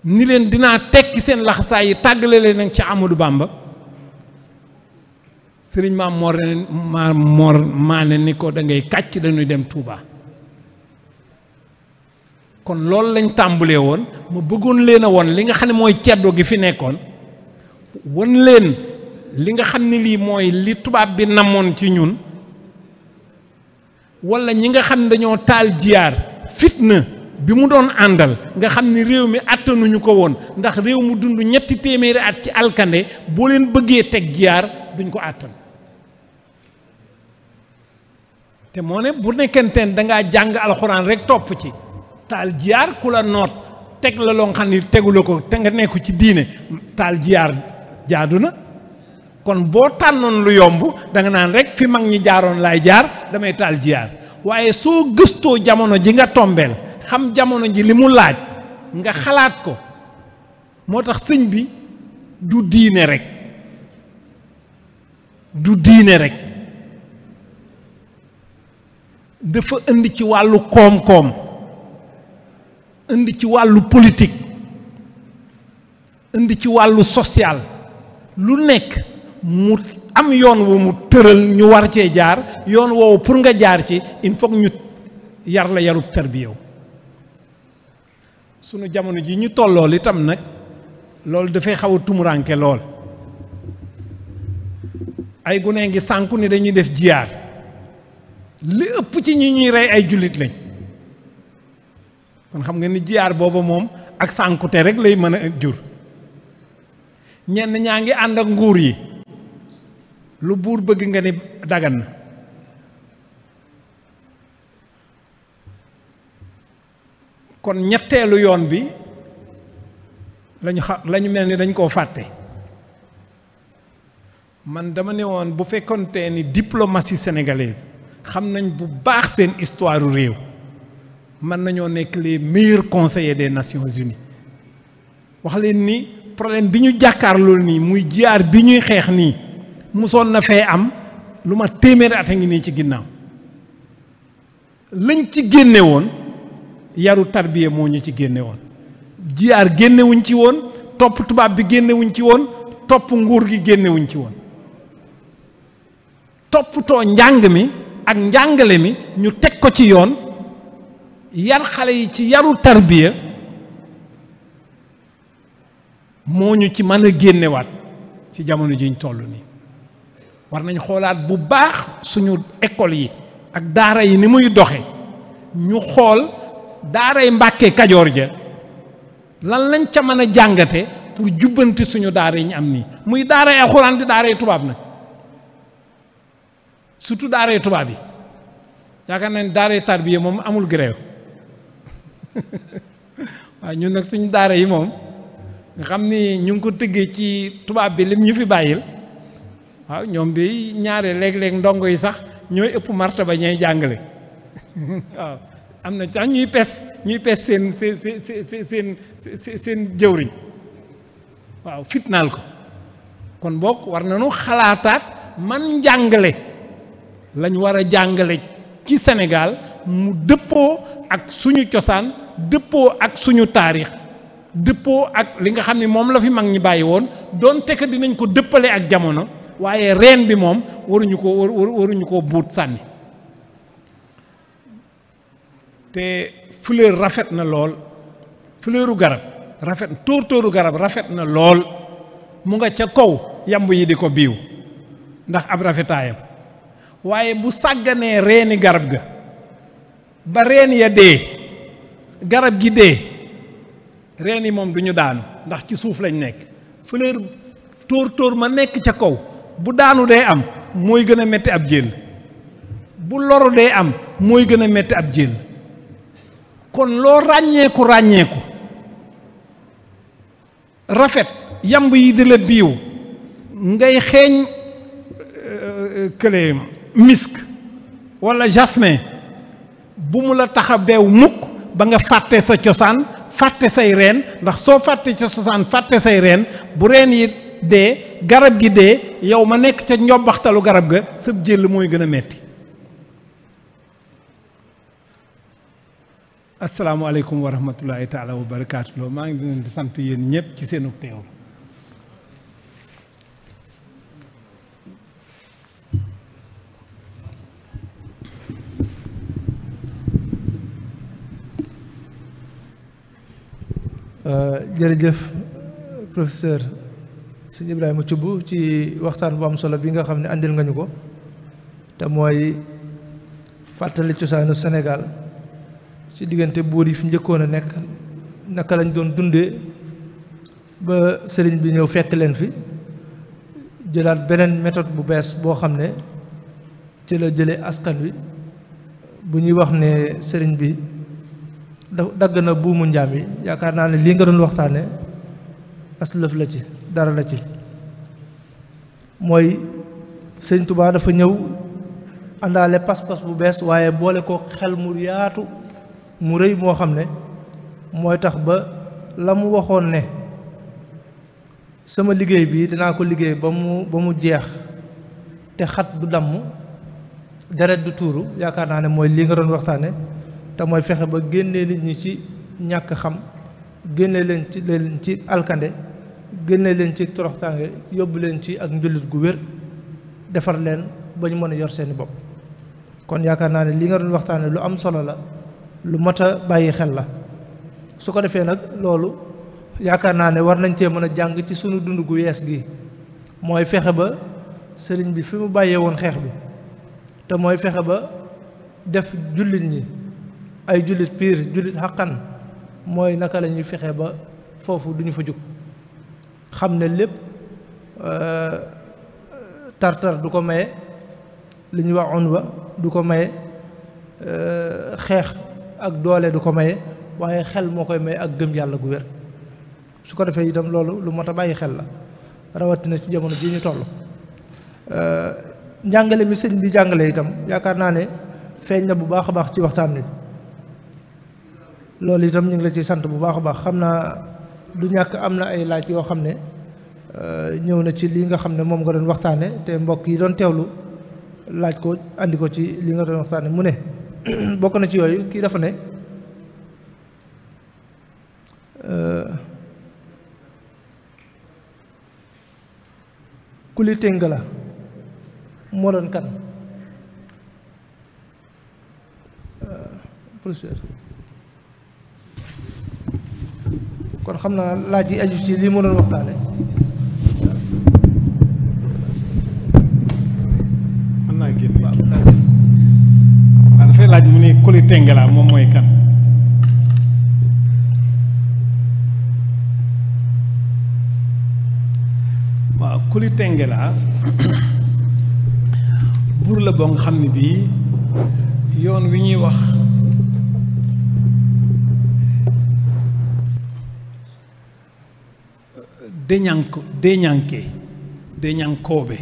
ni leen dinaa tekki seen laxasaay yi tàggale leen nag ci Amadou Bamba sëriñ Mamor Mamor Maane ni ko da kàcc dañuy dem Touba kon loolu lañ tàmbalee woon ma bëggoon leen a woon li nga xam ne mooy ceddoo gi fi nekkoon won leen li nga xam ne lii mooy li tubaab bi namoon ci ñun wala ñi nga xam ne dañoo taal jiyaar fitna bi mu doon àndal nga xam ni réew mi attanuñu ko woon ndax réew mu dund ñetti téeméeri at ci alkande boo leen bëggee teg jiyaar duñ ko àttan te moo ne bu nekkenteen danga jàng alxuraan rek topp ci taal jiyaar ku la noot teg la loo xam ne tegula ko te nga nekku ci diine taal jiyaar jaadu na kon boo tànnoon lu yomb danga naan rekk fi mag ñi jaaroon laay jaar damay taal jiyaar waaye soo gëstoo jamono ji nga tombeel xam jamono ji li mu laaj nga xalaat ko moo tax sëñ bi du diine rekk du diine rekk dafa indi ci wàllu koom-koom indi ci wàllu politik indi ci wàllu social lu nekk mu am yoon wu mu tëral ñu war cee jaar yoon woowu pour nga jaar ci il faut ñu yar la yarub tarbiyaw sunu jamono ji ñu tollool itam nag loolu dafay xaw a tumuranke lool ay gune ngi sànku ni dañuy def jiyaar li ëpp ci ñi ñuy rey ay jullit lañ kon xam nga ni jiyaar booba moom ak sànkute rek lay mën a jur ñenn ñaa ngi ànd ak nguur yi lu buur bëgg nga ne dagan na kon ñetteelu yoon bi lañu xa lañu mel ni dañ koo fàtte man dama ne woon bu fekkonte ni diplomatie sénégalaise xam nañ bu baax seen histoire réew mën nañoo nekk les meilleurs conseillers des Nations Unies wax leen ni problème bi ñu jàkkaarloo nii muy jiyaar bi ñuy xeex nii musoon na fee am lu ma téeméeri at a ngi nii ci ginnaaw lañ ci génnewoon yaru tarbiye moo ñu ci génnewoon woon jiyaar génnewuñ ci woon topp tubaab bi génnewuñ ci woon topp nguur gi génnewuñ ci woon toppatoo njàng mi ak njàngale mi ñu teg ko ci yoon yar xale yi ci yaru tarbiya moo ñu ci mën a génnewaat ci jamono jiñ ñu toll nii war nañ xoolaat bu baax suñu école yi ak daara yi ni muy doxe ñu xool daaray mbàkke kajoor ja lan lañ ca mën a jàngate pour jubbanti suñu daara yi am nii muy daaray alxuraan di daaray tubaab nag surtout daaray tubaab yi yaakaar naa ne daaray tarbiya moom amul grève waaw ñun nag suñu daara yi moom nga xam ni ñu ngi ko tëggee ci tubaab bi lim ñu fi bàyyil waaw ñoom de ñaare léeg-léeg ndongo yi sax ñooy ëpp martaba ñay jàngale waaw am na sax ñuy pes ñuy pes seen seen jëwriñ waaw fitnaal ko kon bokk war na nañu xalaataat man njàngale lañu war a jàngale ci senegaal mu dëppoo ak suñu cosaan dëppoo ak suñu taarix dëppoo ak li nga xam ne moom la fi mag ñi bàyyi woon doonte que dinañ ko dëppale ak jamono waaye reen bi moom waruñu ko waruñu ko buut sànni te fleur rafet na lool fleuru garab rafet tóor tóoru garab rafet na lool mu nga ca kaw yamb yi di ko biiw ndax ab rafetaayam waaye bu sàgganee reeni garab ga ba reen ya dee garab gi dee reen yi moom du ñu daanu ndax ci suuf lañ nekk fleur tóor tóor ma nekk ca kaw bu daanu dee am mooy gën a metti ab jël bu loru dee am mooy gën a metti ab jël kon loo ràññeeku ràññeeku rafet yamb yi di la biiw ngay xeeñ euh, kële misk walla jasmin bu mu la taxa beew mukk ba nga fàtte sa cosaan fàtte say reen ndax soo fàtte sa cosaan fàtte say reen bu reen yi dee garab gi de yow ma nekk ca njobbaxtalu garab ga sëb jël mooy gën a metti asalaamaaleykum wa rahmatullahi taala wa barakaatu loo maa ngi leen di sant yéen ñëpp ci seenu teew euh, jërëjëf sëñ Ibrahima Thioub ci waxtaan bu am solo bi nga xam ne àndil nga ñu ko te mooy fàttali cosaanu Sénégal ci diggante buur yi fi njëkkoon a nekk naka lañ doon dundee ba sëriñ bi ñëw fekk leen fi jëlaat beneen méthode bu bees boo xam ne ci la jële askan wi bu ñuy wax ne sëriñ bi dagg na buumu njaam yi yaakaar naa ne lii nga doon waxtaane aslëf la ci dara la ci mooy sëñ Tuubaa dafa ñëw àndaale pas-pas bu bees waaye boole ko xel mu yaatu mu rëy moo xam ne mooy tax ba la mu waxoon ne sama liggéey bi dinaa ko liggéey ba mu ba mu jeex te xat du damm deret du tuuru yaakaar naa ne mooy lii nga doon waxtaane te mooy fexe ba génnee nit ñi ci ñàkk xam génne leen ci leen ci alkande génne leen ci toroxtaange yóbbu leen ci ak njullit gu wér defar leen ba ñu mën a yor seeni bopp kon yaakaar naa ne li nga doon waxtaane lu am solo la lu mat a bàyyi xel la su ko defee nag loolu yaakaar naa ne war nañ cee mën a jàng ci sunu dund gu yees gi mooy fexe ba sëriñ bi fi mu bàyyee woon xeex bi te mooy fexe ba def jullit ñi ay jullit piir jullit xaqan mooy naka la ñuy fexe ba foofu duñu fa jóg xam ne lépp euh, tartar du ko maye li ñuy wax wa du ko maye euh, xeex ak doole du ko maye waaye xel moo koy maye ak gëm yàlla gu wér su ko defee itam loolu lu mot a bàyyi xel la rawatina ci jamono ji ñu toll euh, njàngale mi sëñ bi jàngale itam yaakaar naa ne feeñ na bu baax a baax ci waxtaan wi loolu itam ñu ngi la ciy sant bu baax a baax xam naa du ñàkk am na ay laaj yoo xam ne euh, ñëw na ci lii nga xam ne moom nga doon waxtaane te mbokk yi doon teewlu laaj ko andi ko ci li nga doon waxtaane mu ne bokk na ci yooyu kii dafa ne euh, kuli téng la moo doon kan euh, professeur kon xam naa laaj yi aju ci lii mu doon waxtaane mën naa génne waaw dafay laaj mu ne Koli Tengela moom mooy kan waaw Koli Tengela buur la boo nga xam ne bii yoon wi ñuy wax deñanko deñanke deñankoobe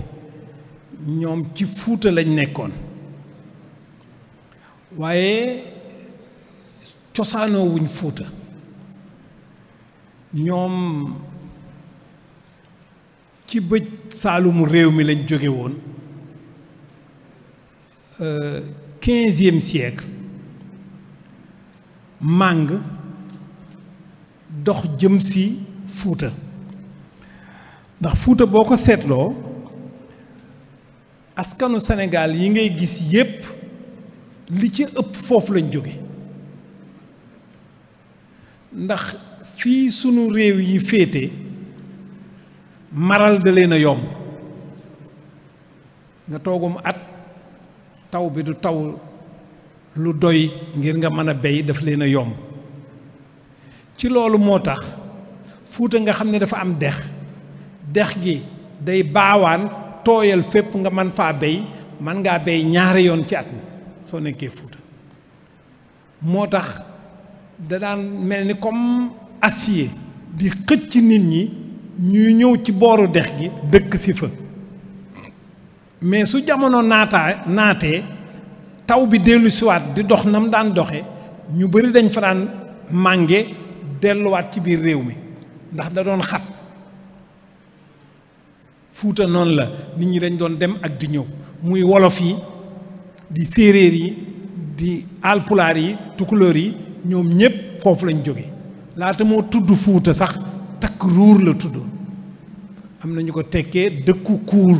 ñoom ci fuuta lañ nekkoon waaye cosaanoo fuuta ñoom ci bëj saalumu réew mi lañ jóge woon euh, quinzième siècle màng dox jëm si fuuta ndax Fuuta boo ko seetloo askanu senegaal yi ngay gis yépp li ci ëpp foofu lañ jóge ndax fii sunu réew yi féete maral da leen a yomb nga toogum at taw bi du taw lu doy ngir nga mën a bey daf leen a yomb ci loolu moo tax Fuuta nga xam ne dafa am dex dex gi day baawaan tooyal fépp nga mën faa bey man ngaa bey ñaari yoon ci at mi soo nekkee Fuuta moo tax da daan mel ni comme acier di xëcc nit ñi ñuy ñëw ci booru dex gi dëkk si fa mais su jamono naataa naatee taw bi dellu siwaat di dox nam daan doxe ñu bari dañ fa daan mànge delluwaat ci biir réew mi ndax da doon xat fuuta noonu la nit ñi dañ doon dem ak di ñëw muy wolof yi di séeréer yi di alpulaar yi tukulóor yi ñoom ñépp foofu lañ jóge laata moo tudd fuuta sax takk ruur la tuddoon am na ñu ko tekkee dëkku kuur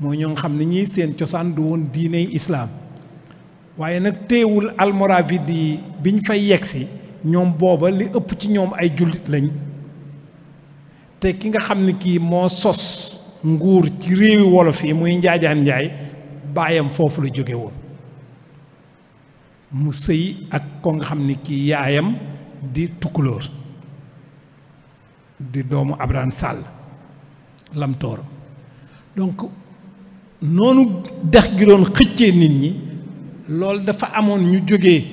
mooy ñoo xam ni ñi seen cosaan du woon diiney islaam waaye nag teewul almoravide yi biñ fay yegsi ñoom booba li ëpp ci ñoom ay jullit lañ te ki nga xam ni kii moo sos nguur ci réewi wolof yi muy njaajaan njaay baayam foofu la jóge woon mu sëy ak ko nga xam ni kii yaayam di tukkulóor di doomu Abraham Sall lamtoor donk noonu dex gi doon xëccee nit ñi lool dafa amoon ñu jóge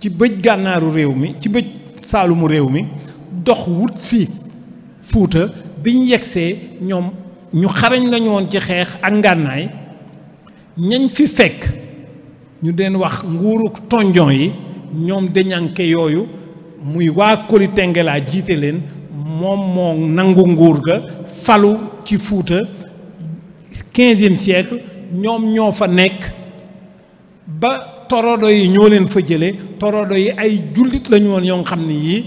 ci bëj gànnaaru réew mi ci bëj saalumu réew mi dox wut si fuuta bi ñu yegsee ñoom ñu xarañ lañu woon ci xeex ak ngànnaay ñañ fi fekk ñu deen wax nguuru tonjon yi ñoom deñanke yooyu muy waa Koli Tengelaa jiite leen moom moo nangu nguur ga falu ci fuuta quinzième siècle ñoom ñoo fa nekk ba torodo yi ñoo leen fa jële torodo yi ay jullit lañu woon yoo xam ne yii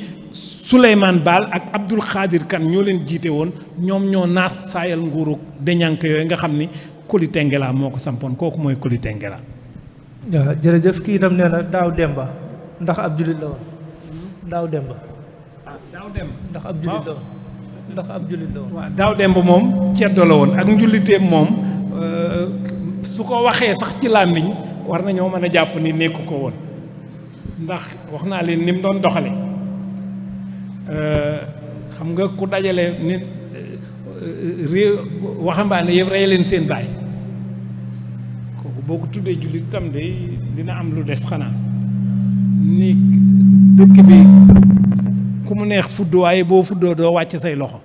Souleymane Baal ak Abdul Xaadir Kan ñoo leen jiite woon ñoom ñoo naas saayal nguuru deñànk yooyu nga xam ni Koli Tengela moo ko sampoon kooku mooy Koli Tengela. jërëjëf kii itam nee na daaw Demba ndax ab jullit la woon daaw Demba. ndax ab jullit ndax ab jullit la woon. moom ceddo la woon ak njuliteem moom euh, su ko waxee sax ci làmmiñ war nañoo mën a jàpp ni nekku ko woon ndax wax naa leen ni mu doon doxale Euh, xam nga ku dajale nit euh, réew waxambaane yëpp rey leen seen baay kooku boo ko tuddee jullit tam de dina am lu des xanaa ni dëkk bi ku mu neex fudd waaye boo fuddoo doo wàcc say loxo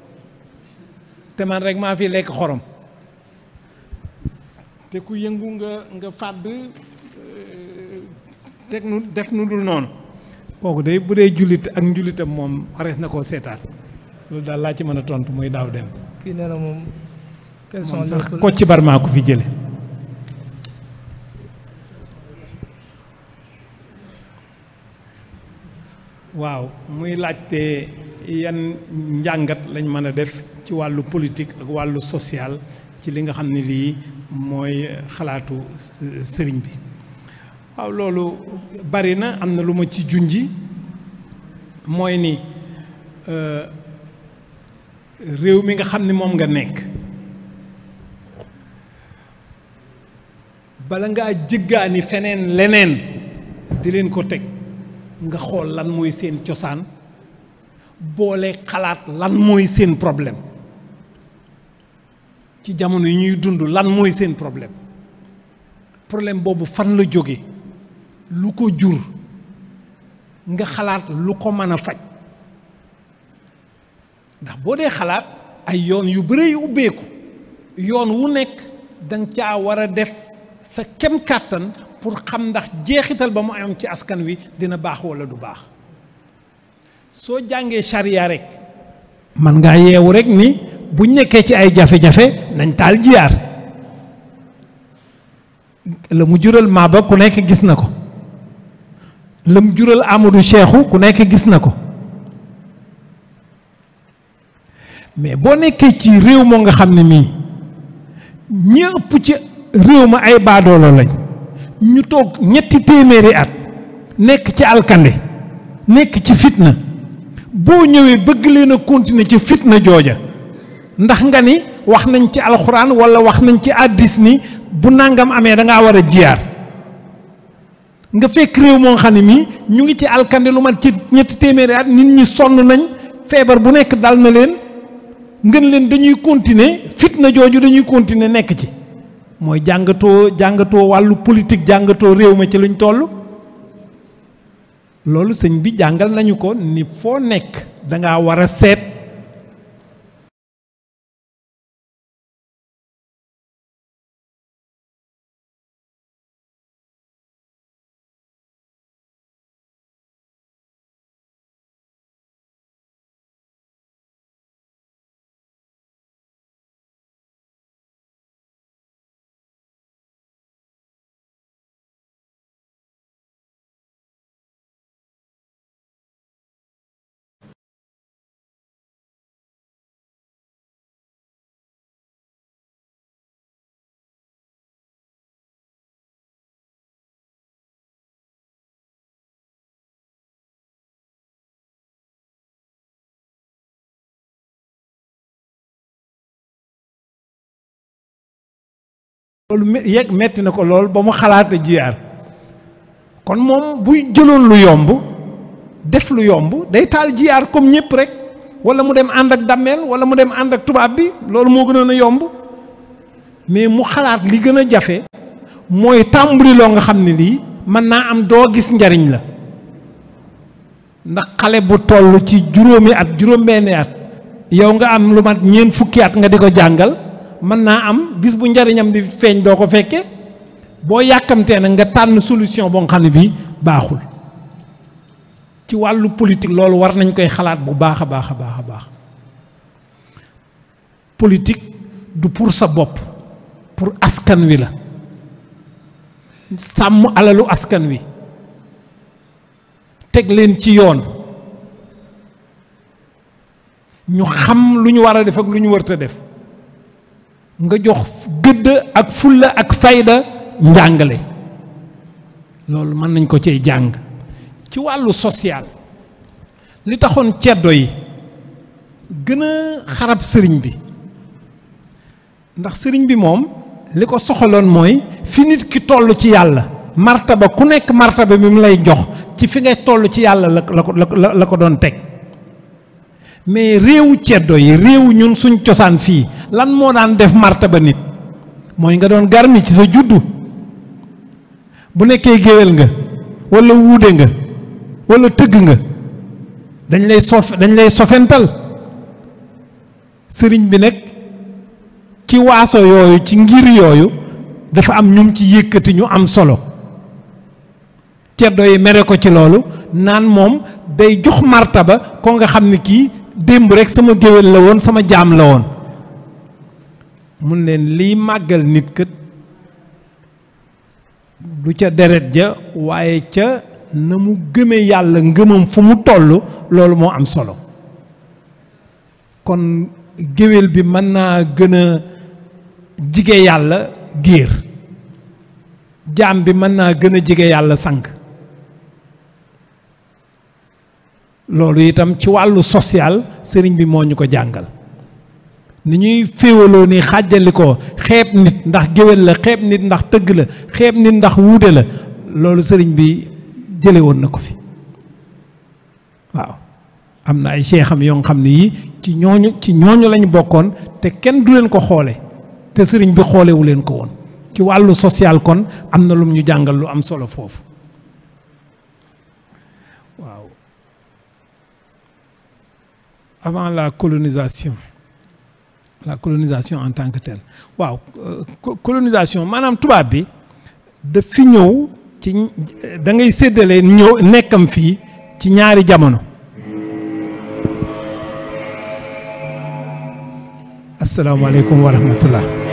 te man rek maa fi lekk xorom te ku yëngu nga nga fàdd euh, teg nu def nu dul noonu kooku de bu dee jullit ak njullitam moom xarees na koo seetaan loolu daal laa ci mën a tontu muy daaw dem. kii moom. moom sax ko ci barmaa ko fi jële waaw muy laajte yan njàngat lañ mën a def ci wàllu politique ak wàllu social ci li nga xam ne lii mooy xalaatu sëriñ bi. waaw loolu bari na am na lu ma ci junji mooy ni euh, réew mi nga xam ni moom nga nekk bala ngaa jëggaani feneen leneen di leen ko teg nga xool lan mooy seen cosaan boole xalaat lan mooy seen problème ci jamono yi ñuy dund lan mooy seen problème problème boobu fan la jóge lu ko jur nga xalaat lu ko mën a faj ndax boo dee xalaat ay yoon yu bëre yu ubbeeku yoon wu nekk danga ca war a def sa kem kàttan pour xam ndax jeexital ba mu am ci askan wi dina baax walla du baax soo jàngee charia rekk man ngaa yeewu rekk ni bu nekkee ci ay jafe-jafe nañ taal jiyaar la mu jural maaba ku nekk gis na ko lam jural Amadou Cheikhou ku nekk gis na ko mais boo nekkee ci réew moo nga xam ne mii ñi ëpp ci réew ma ay baadoolo lañ ñu toog ñetti téeméeri at nekk ci alkande nekk ci fitna boo ñëwee bëgg leen a continuer ci fitna jooja ndax nga ni wax nañ ci alxuraan walla wax nañ ci àddis ni bu nàngam amee da ngaa war a jiyaar nga fekk réew moo xam ne mii ñu ngi ci alkande lu man ci ñetti téeméeri at nit ñi sonn nañ feebar bu nekk dal na leen ngeen leen dañuy continuer fitna jooju dañuy continuer nekk ci mooy jàngatoo jàngatoo wàllu politique jàngatoo réew ma ci luñ toll loolu sëñ bi jàngal nañu ko ni foo nekk da ngaa war a seet loolu yegg metti na ko lool ba mu xalaat a jiyaar kon moom buy jëloon lu yomb def lu yomb day taal jiyaar comme ñëpp rek wala mu dem ànd ak dammeel wala mu dem ànd ak tubaab bi loolu moo gënoon a yomb mais mu xalaat li gën a jafe mooy tàmbali loo nga xam ne lii mën naa am doo gis njariñ la ndax xale bu toll ci juróomi at juróom-benni at yow nga am lu mat ñeent fukki at nga di ko jàngal mën naa am bis bu njariñam di feeñ doo ko fekke boo yàkkamtee na nga tànn solution boo xam ne bi baaxul ci wàllu politik loolu war nañ koy xalaat bu baax a baax a baax a baax politique du pour sa bopp pour askan wi la sàmm alalu askan wi teg leen ci yoon ñu xam lu ñu war a def ak lu ñu wërta def nga jox gëdd ak fulla ak fayda njàngale loolu mën nañ ko cee jàng ci wàllu social li taxoon ceddo yi gën a xarab sëriñ bi ndax sëriñ bi moom li ko soxaloon mooy fi nit ki toll ci yàlla martaba ku nekk martaba bi mu lay jox ci fi nga toll ci yàlla la la ko la ko doon teg mais réewu ceddo yi réew ñun suñ cosaan fii lan moo daan def ba nit mooy nga doon garmi ci sa juddu bu nekkee géwél nga walla wuude nga walla tëgg nga dañ lay sof dañ lay sofental sëriñ bi nag ci waaso yooyu ci ngir yooyu dafa am ñum ci yëkkati ñu am solo ceddo yi mere ko ci loolu naan moom day jox ba ko nga xam ne kii démb rek sama géwél la woon sama jaam la woon mun leen liy màggal nit kët du ca deret ja waaye ca na mu gëme yàlla ngëmam fu mu toll loolu moo am solo kon géwél bi mën naa gën a jige yàlla giir jaam bi mën naa gën a jige yàlla sànq loolu itam ci wàllu social sëriñ bi moo ñu ko jàngal ni ñuy féewaloo ni xàjjali ko xeeb nit ndax géwél la xeeb nit ndax tëgg la xeeb nit ndax wuude la loolu sëriñ bi jële woon na ko fi waaw am na ay seexam yoo xam ne yi ci ñooñu ci ñooñu lañu bokkoon te kenn du leen ko xoole te sëriñ bi xoolewu leen ko woon ci wàllu social kon am na lum ñu jàngal lu am solo foofu avant la colonisation la colonisation en tant que telle waaw euh, colonisation maanaam tubaab bi da fi ñëw ci da ngay séddale ñëw nekkam fii ci ñaari jamono asalaamaaleykum wa rahmatullah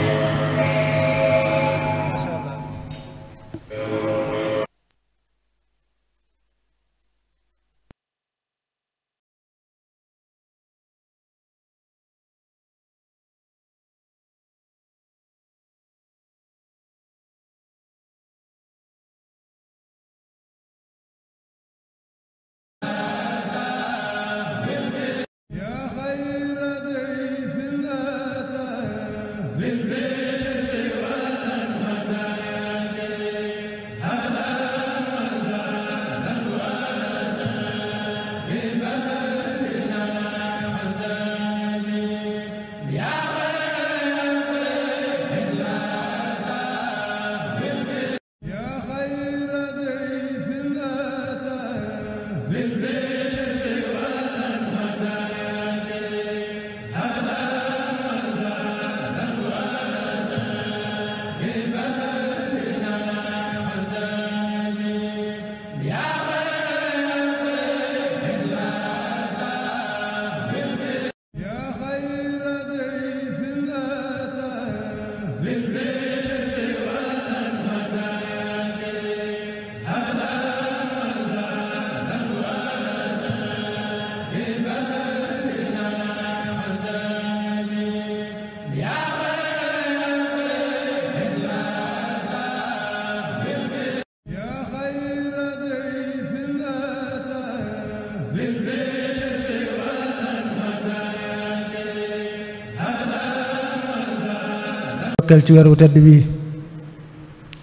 ndokkeel ci tedd bii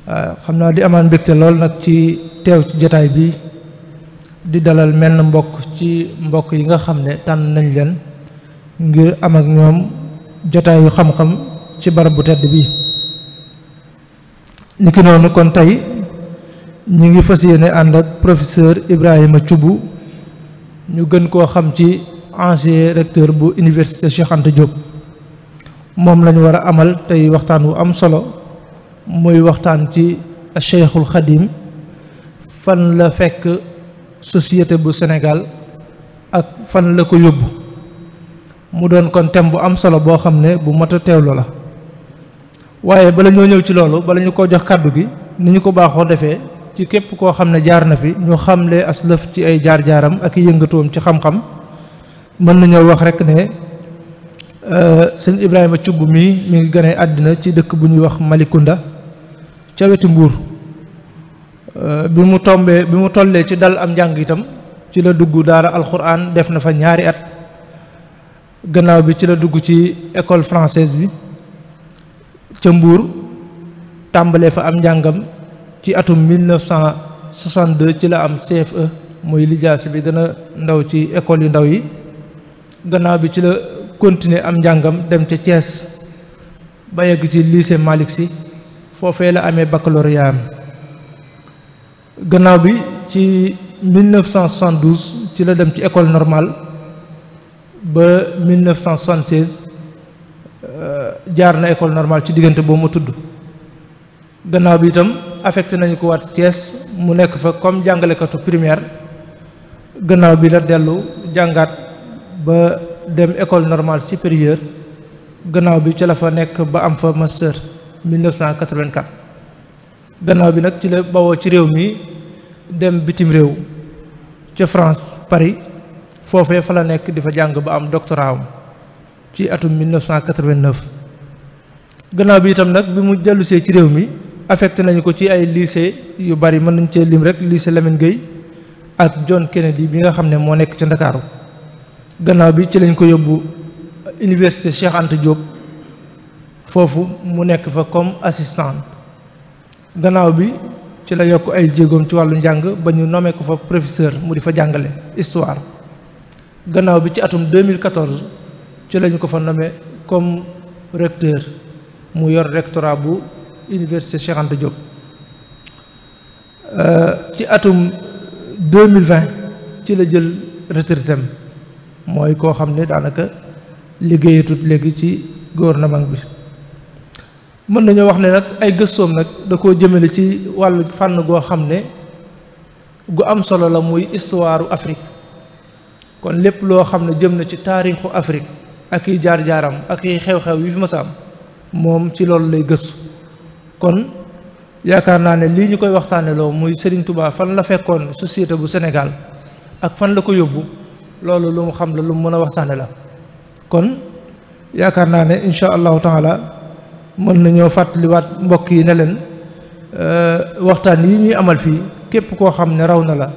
waaw xam naa di amaan mbégte lool nag ci teew ci jataay bi di dalal menn mbokk ci mbokk yi nga xam ne tànn nañ leen ngir am ak ñoom jotaayu xam-xam ci barab bu tedd bii niki noonu kon tey ñu ngi fas yéene ànd ak professeur Ibrahima Thioub ñu gën koo xam ci ancien recteur bu université Cheikh Anta Diop moom lañu war a amal tey waxtaan wu am solo muy waxtaan ci Cheikhul Khadim fan la fekk société bu senegal ak fan la ko yóbbu mu doon kon thème bu am solo boo xam ne bu mat a teewlu la waaye bala ñoo ñëw ci loolu bala ñu ko jox kàddu gi ni ñu ko baaxoo defee ci képp koo xam ne jaar na fi ñu xamle aslëf ci ay jaar-jaaram ak yëngatuwam ci xam-xam mën nañoo wax rekk ne Euh, sëñ Ibrahima Cubb mii mu ngi gane àddina ci dëkk bu ñuy wax Malikunda ca wetu Mbuur euh, bi mu tombee bi mu tollee ci dal am njàng itam ci la dugg daara alxuraan def na fa ñaari at gannaaw bi ci la dugg ci école française bi ca Mbuur tàmbalee fa am njàngam ci atum 1962 ci la am CFE muy lijaas bi gën a ndaw ci école yu ndaw yi gannaaw bi ci la continuer am njàngam dem ca Thiès ba yegg ci lycée Malick Sy foofee la amee baccalauréat am gannaaw bi ci 1972 ci la dem ci école normale ba 1976 euh, jaar na école normal ci diggante boobu ma tudd gannaaw bi itam affecté nañu ko waat Thiès mu nekk fa comme jàngalekatu primaire gannaaw bi la dellu jàngaat ba dem école normale supérieure gannaaw bi ci la fa nekk ba am fa master 1984 gannaaw bi nag ci la bawoo ci réew mi dem bitim réew ca France Paris foofee fa la nekk di fa jàng ba am doctorat ci atum 1989 gannaaw bi itam nag bi mu dellusee ci réew mi affecté nañu ko ci ay lycée yu bari mën nañ cee lim rek lycée Lamine Gueye ak John Kennedy bi nga xam ne moo nekk ca Ndakaaru gannaaw bi ci lañ ko yóbbu université Cheikh jóob foofu mu nekk fa comme assistant gannaaw bi ci la yokk ay jéegoom ci wàllu njàng ba ñu nommé ko fa professeur mu di fa jàngale histoire gannaaw bi ci atum 2014 ci lañ ko fa nommé comme recteur mu yor rectorat bu université Cheikh Anta Diop euh, ci atum 2020 ci la jël retraitam mooy koo xam ne daanaka liggéeyatut léegi ci gouvernement bi mën nañoo wax ne nag ay gëstoom nag da koo jëmale ci wàll fànn goo xam ne gu am solo la muy histoire Afrique kon lépp loo xam ne jëm na ci taarixu Afrique ak i jaar-jaaram ak yi xew-xew yi fi ma am moom ci loolu lay gëstu kon yaakaar naa ne lii ñu koy waxtaanee loo muy sëriñ tubaa fan la fekkoon société bu Sénégal ak fan la ko yóbbu. loolu lu mu xam la lu mu mën a waxtaane la kon yaakaar naa ne incha allahu taala mën nañoo fàttaliwaat mbokk yi ne leen euh, waxtaan yi ñuy amal fii képp koo xam ne raw na la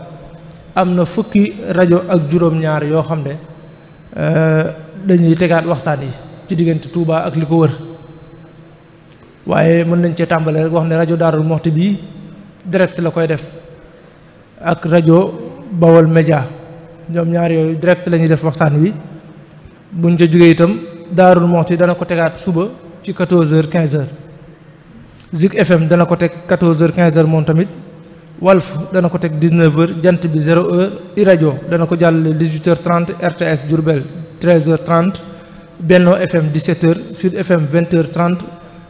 am na fukki rajo ak juróom-ñaar yoo xam ne euh, dañuy tegaat waxtaan yi ci diggante Touba ak li ko wër waaye mën nañ cee tàmbale rek wax ne rajo Daarul Muxti bii direct la koy def ak rajo Bawol Média ñoom ñaar yooyu direct la ñuy def waxtaan wi buñ ca jógee itam Daarul Moxti dana ko tegaat suba ci 14h quinze h Zik FM dana ko teg 14h 15h moom tamit Walf dana ko teg 19h jant bi 0h iRadio dana ko jàllale 18h30 RTS Diourbel 13h30 Benno FM 17h Sud FM 20h30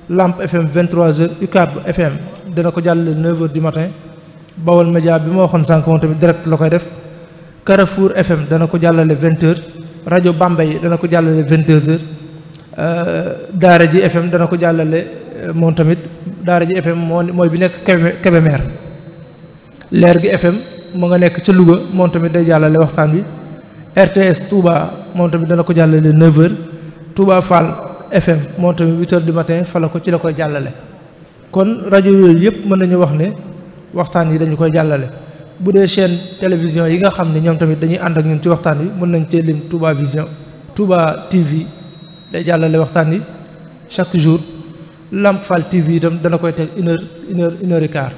Lamp FM 23h UCAB FM dana ko jàllale 9h du matin Bawol Média bi ma waxoon sànq tamit direct la koy def. Carrefour FM dana ko jàllale vingt heures rajo Bambey dana ko jàllale vingt deux heures euh, Daara ji FM dana ko jàllale euh, moom tamit Daara ji FM moo mooy bi nekk Kébémer leer gi FM mu nga nekk ca Louga moom tamit day jàllale waxtaan bi RTS Touba moom tamit dana ko jàllale neuf heures Touba Fall FM moom tamit huit heures du matin fa la ko ci la koy jàllale kon rajo yooyu yëpp mën nañu wax ne waxtaan yi dañu koy jàllale. bu dee chaîne télévision yi nga xam ne ñoom tamit dañuy ànd ak ñun ci waxtaan wi mën nañ cee lim Touba Vision Touba TV day jàllale waxtaan yi chaque jour Lamp Fall TV itam dana koy teg une heure une heure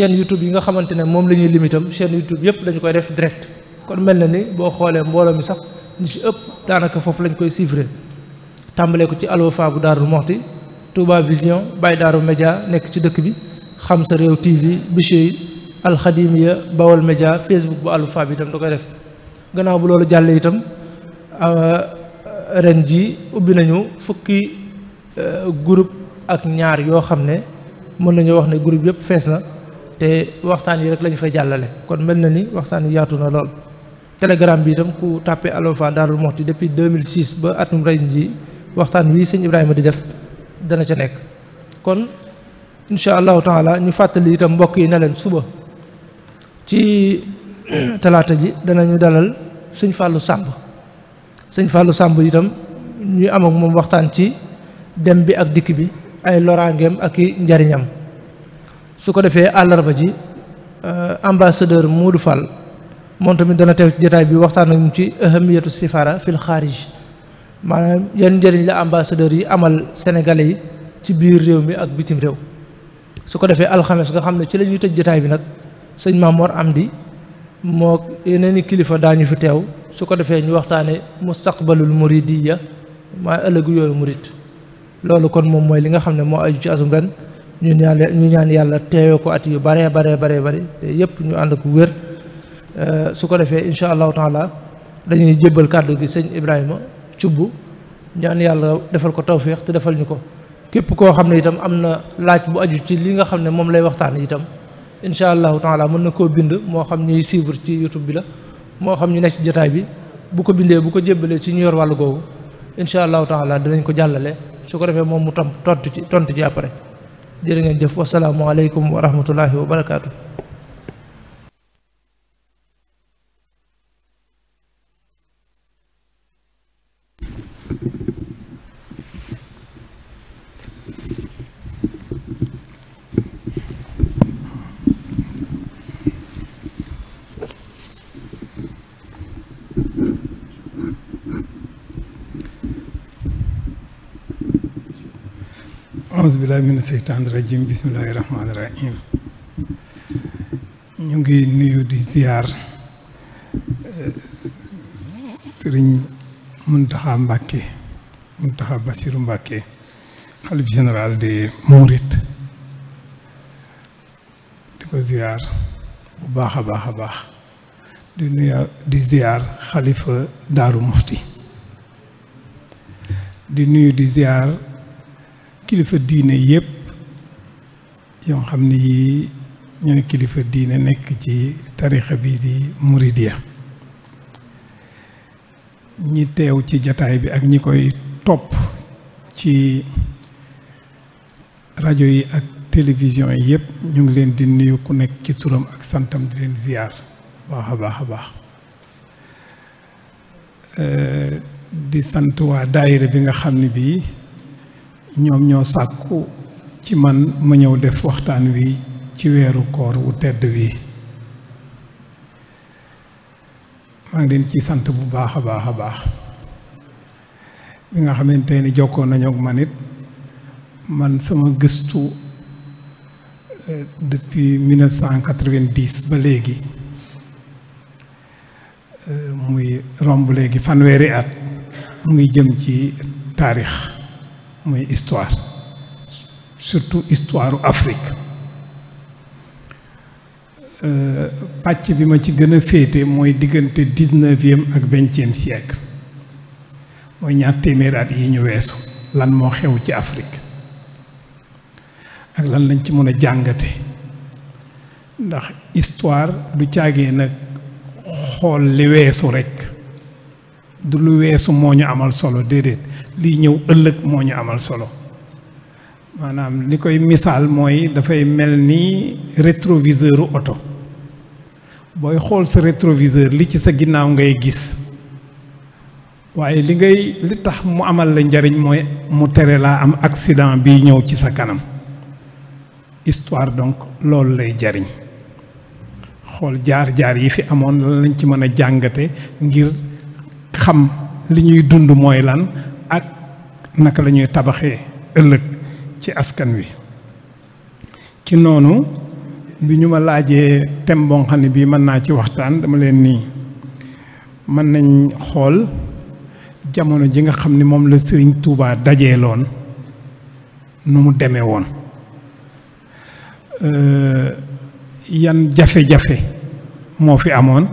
une YouTube yi nga xamante ne moom la ñuy lim itam chaîne YouTube yëpp dañu koy def direct kon mel na ni boo xoolee mbooloo mi sax ñu ci ëpp daanaka foofu lañ koy suivre tàmbalee ko ci Alwafa bu Daarul Moxti Touba Vision Baye Daaru Média nekk ci dëkk bi xam sa réew alxadimiya bawal média facebook bu àllu faab itam da koy def gannaaw bu loolu jàllee itam ah, ren ji ubbi nañu fukki eh, groupe ak ñaar yoo xam ne mën nañu wax ne groupe yëpp fees na te waxtaan yi rek lañu ñu fay jàllale kon mel na ni waxtaan yi yaatu na lool telegram bi tam ku tàppe alofa daarul moxti depuis 2006 ba atum ren ji waxtaan wi sëñ Ibrahima di def dana ca nekk kon incha allahu taala ñu fàttali itam mbokk yi ne leen suba ci talaata ji danañu dalal sëñ fàllu Samb sëñ fàllu sàmb itam ñuy am moom waxtaan ci dem bi ak dikk bi ay loraangeem ak njariñam su ko defee àllarba ji euh, ambassadeur Modou Fall moom tamit dana teew ci jataay bi waxtaan ak mu ci ahamiyatu sifara fil xaarij maanaam yenn njëriñ la ambassadeur yi amal sénégalais yi ci biir réew mi ak bitim réew su ko defee alxames nga xam ne ci la ñuy tëj jataay bi nag sëñ Mamoor Amdi moo yeneen i kilifa daañu fi teew su ko defee ñu waxtaane mustaqbalul muridiyya maa ëllëgu yoonu murid loolu kon moom mooy li nga xam ne moo aju ci asum ñu ñaan ñu ñaan yàlla teewe ko at yu baree baree baree bëri te yëpp ñu ànd ko wér euh, su ko defee incha allahu taala dañuy jëbbal kàddu gi sëñ Ibrahima cubb ñaan yàlla defal ko tawféex te defal ñu ko képp koo xam ne itam am na laaj bu aju ci li nga xam ne moom lay waxtaan itam incha allahu taala mën na koo bind moo xam ñuy suivre ci youtube bi la moo xam ñu nekk ci jotaay bi bu ko bindee bu ko jébbalee ci ñu yor wàllu googu incha allahu taala dinañ ko jàllale su ko defee moom mu tom tontu ci tontu ci après jërë ngeen jëf wasalaamualeykum wa rahmatullahi wa barakaatu. auzu billahi mina seytaani rajim bismillahi rahmaani rahim ñu ngi nuyu di ziar eh, sëriñ Muntaxa Mbàkke Muntaxa Basiru Mbàkke xalif général de Mouride di ko ziar bu baax a baax a baax di nuyu di ziar xalifa Daaru Muxti di nuyu di ziar kilifa diine yépp yoo xam ne yii ñooy kilifa diine nekk ci tarixa bi di muridiya ñi teew ci jataay bi ak ñi koy topp ci rajo yi ak télévision yi yépp ñu ngi leen di nuyu ku nekk ci turam ak santam di leen ziyaar baax a baax di sant waa daayira bi nga xam ne bii ñoom ñoo sàkku ci man ma ñëw def waxtaan wi ci weeru koor wu tedd wi maa ngi leen ci sant bu baax a baax a baax bi nga xamante ni jokkoon nañu ak man it man sama gëstu euh, depuis 1990 ba léegi euh, muy romb léegi fanweeri at mu ngi jëm ci taarix mooy histoire surtout histoire Afrique euh, pàcc bi ma ci gën a féete mooy diggante dix-neuvième ak vingtième siècle mooy ñaar téeméeri at yi ñu weesu lan moo xew ci Afrique ak lan lañ ci mën a jàngate ndax histoire du caagee nag xool li weesu rekk du lu weesu moo ñu amal solo déedéet lii ñëw ëllëg moo ñu amal solo maanaam li koy misaal mooy dafay mel ni rétroviseuru oto booy xool sa rétroviseur li ci sa ginnaaw ngay gis waaye li ngay li tax mu amal la njariñ mooy mu tere laa am accident bi ñëw ci sa kanam histoire donc loolu lay jariñ xool jaar-jaar yi fi amoon lan lañ ci mën a jàngate ngir xam li ñuy dund mooy lan ak naka lañuy tabaxee ëllëg ci askan wi ci noonu bi ñu ma laajee thème boo xam bii mën naa ci waxtaan dama leen nii mën nañ xool jamono ji nga xam ni moom la Sëriñ Tuubaa dajee loon nu mu demee woon euh, yan jafe-jafe moo fi amoon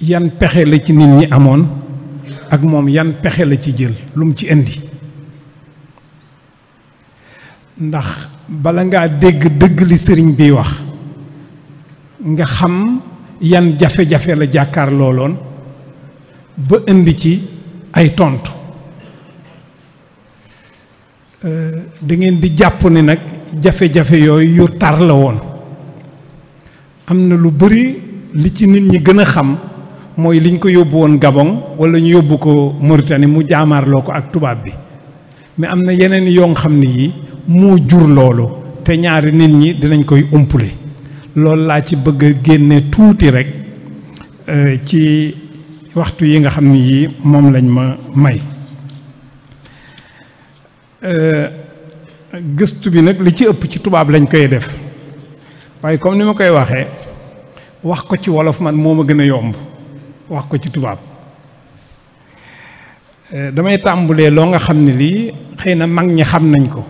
yan pexe la ci nit ñi amoon ak moom yan pexe la ci jël lu mu ci indi ndax bala ngaa dégg dëgg li sëriñ biy wax nga xam yan jafe-jafe la jàkkaar looloon ba indi ci ay tontu euh, da ngeen di jàpp ni nag jafe-jafe yooyu yu tar la woon am na lu bari li ci nit ñi gën a xam mooy liñ ko yóbbu woon Gabon wala ñu yóbbu ko Mauritanie mu jaamaarloo ko ak tubaab bi mais am na yeneen yoon xam ne yi moo jur loolu te ñaari nit ñi dinañ koy umpule loolu laa ci bëgg a génne tuuti rek euh, ci waxtu yi nga xam ne yii moom lañ ma may euh, gëstu bi nag li ci ëpp ci tubaab lañ koy def waaye comme ni ma koy waxee wax ko ci wolof man moo ma gën a yomb wax ko ci tubaab eh, damay tàmbulee loo nga xam ne lii xëy na mag ñi xam nañ ko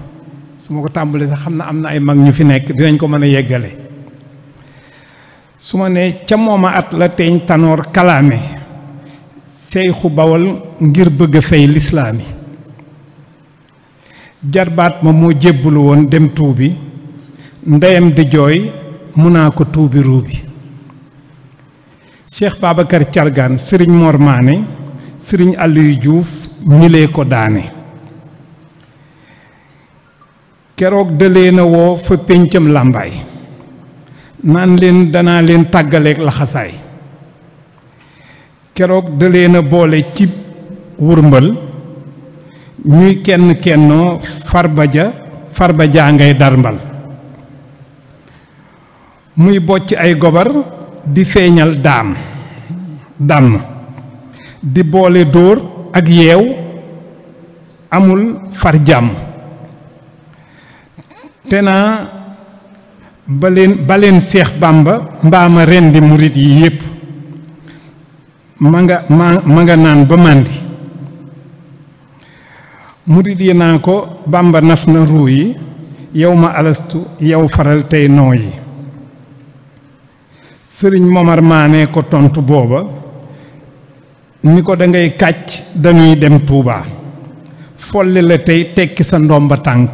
su ma ko tàmbulee sax xam na am na ay mag ñu fi nekk dinañ ko mën a yeggale su ma ne ca mooma at la teeñ tanoor kalaame seyxu bawal ngir bëgg a fay lislaami jarbaat ma moo jébbulu woon dem tuubi ndeyam di jooy mun naa ko tuubi ruubi Cheikh Babacar Thiargane sëriñ Mor Mané Serigne Aliou Diouf ñi lee ko daane keroog da leen a woo fa péncam làmbaay naan leen danaa leen tàggaleeg laxasaay keroog da na boole ci wurmbal ñuy kenn kennoo farba ja farba jaa ngay darmbal muy bocc ay gobar di feeñal daam dàmm di boole dóor ak yeew amul far jàmm te naa baleen baleen seex bàmba mbaama ren di murit yi yépp ma nga ma nga naan ba màndi murit yi naa ko bàmba nas na ruu yi yow ma alastu yow faral tey noo yi sëriñ Momar Maane ko tontu booba ni ko dangay kàcc dañuy dem tuubaa folli la tey tekki sa ndomba tànk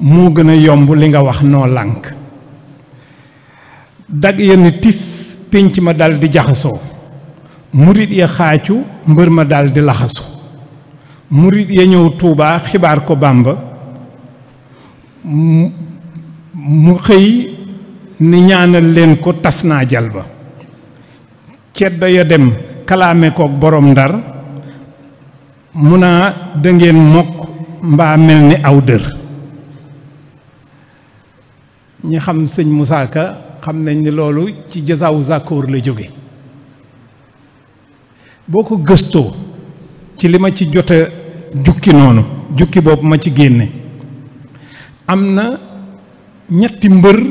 moo gën a yomb li nga wax noo lànk dag ya ni tis pénc ma daldi jaxasoo murit ya xaacu mbër ma daldi laxasu murit ya ñëw Touba xibaar ko Bàmba mu xëy ni ñaanal leen ko tas naa jal ba ceddo ya dem kalaame kook borom ndar mu naa dangeen mokk mbaa mel ni aw dër ñi xam sëñ Moussa Ka xam nañ ni loolu ci jasaw Zakoor la jóge boo ko gëstoo ci li ma ci jot a jukki noonu jukki boobu ma ci génne am na ñetti mbër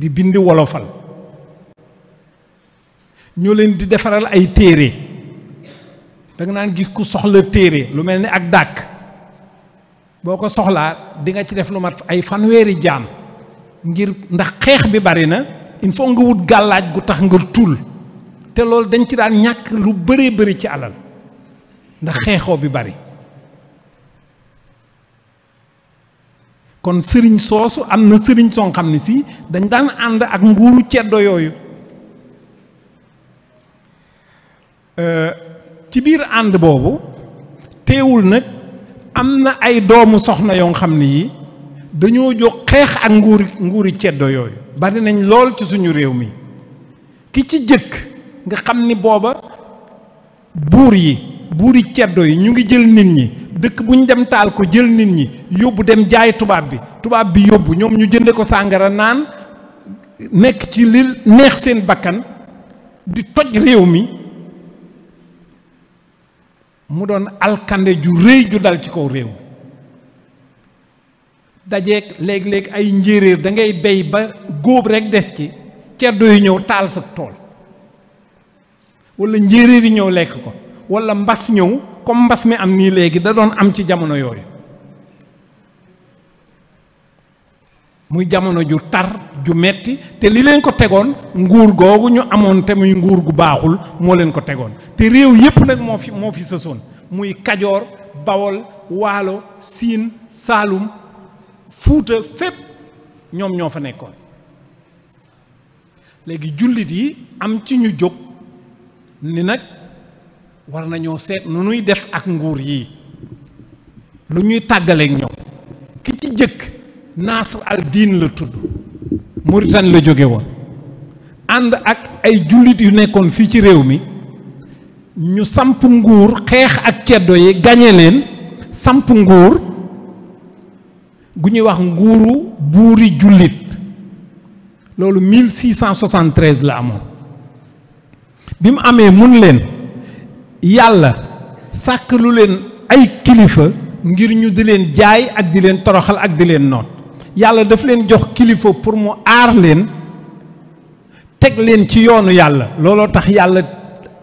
di bind wolofal ñoo leen di defaral ay téere danga nga gis ku soxla téere lu mel ni ak dàq boo ko soxlaa dinga ci def lu mat ay fanweeri jaam ngir ndax xeex bi bari na il faut nga wut gàllaaj gu tax nga tuul te loolu dañ ci daan ñàkk lu bare bëri ci alal ndax xeexoo bi bari kon sëriñ soosu am na sëriñ soo xam ne si dañ daan ànd ak nguuru ceddo yooyu euh, ci biir ànd boobu teewul nag am na ay doomu soxna yoo xam ne yi dañoo jóg xeex ak nguuri nguuri ceddo yooyu bari nañ lool ci suñu réew mi ki ci jëkk nga xam ni booba buur yi buuri ceddo yi ñu ngi jël nit ñi dëkk bu ñu dem taal ko jël nit ñi yóbbu dem jaay tubaab bi tubaab bi yóbbu ñoom ñu jënde ko sàngara naan nekk ci li neex seen bakkan di toj réew mi mu doon alkande ju rëy ju dal ci kaw réew dajeeg léeg-léeg ay njéeréer da ngay bey ba góob rekk des ci ceddo yi ñëw taal sa tool walla njéeréer yi ñëw lekk ko walla mbas ñëw comme mbas mi am nii léegi da doon am ci jamono yooyu muy jamono ju tar ju metti te li leen ko tegoon nguur googu ñu amoon te muy nguur gu baaxul moo leen ko tegoon te réew yépp nag moo fi sësoon muy Kajoor Bawol Waalo Siin Saalum Fuuta fépp ñoom ñoo fa nekkoon léegi jullit yi am ci ñu jóg ni nag war nañoo seet nu nuy def ak nguur yi lu ñuy tàggaleek ñoom ki ci jëkk Nasr al-Din la tudd Mauritanie la jóge woon ànd ak ay jullit yu nekkoon fii ci réew mi ñu samp nguur xeex ak ceddo yi gañe leen samp nguur gu ñuy wax nguuru buuri jullit loolu 1673 la amoon bi mu amee mun leen yàlla sàkk lu leen ay kilifa ngir ñu di leen jaay ak di leen toroxal ak di leen noot yàlla daf leen jox kilifa pour mu aar leen teg leen ci yoonu yàlla looloo tax yàlla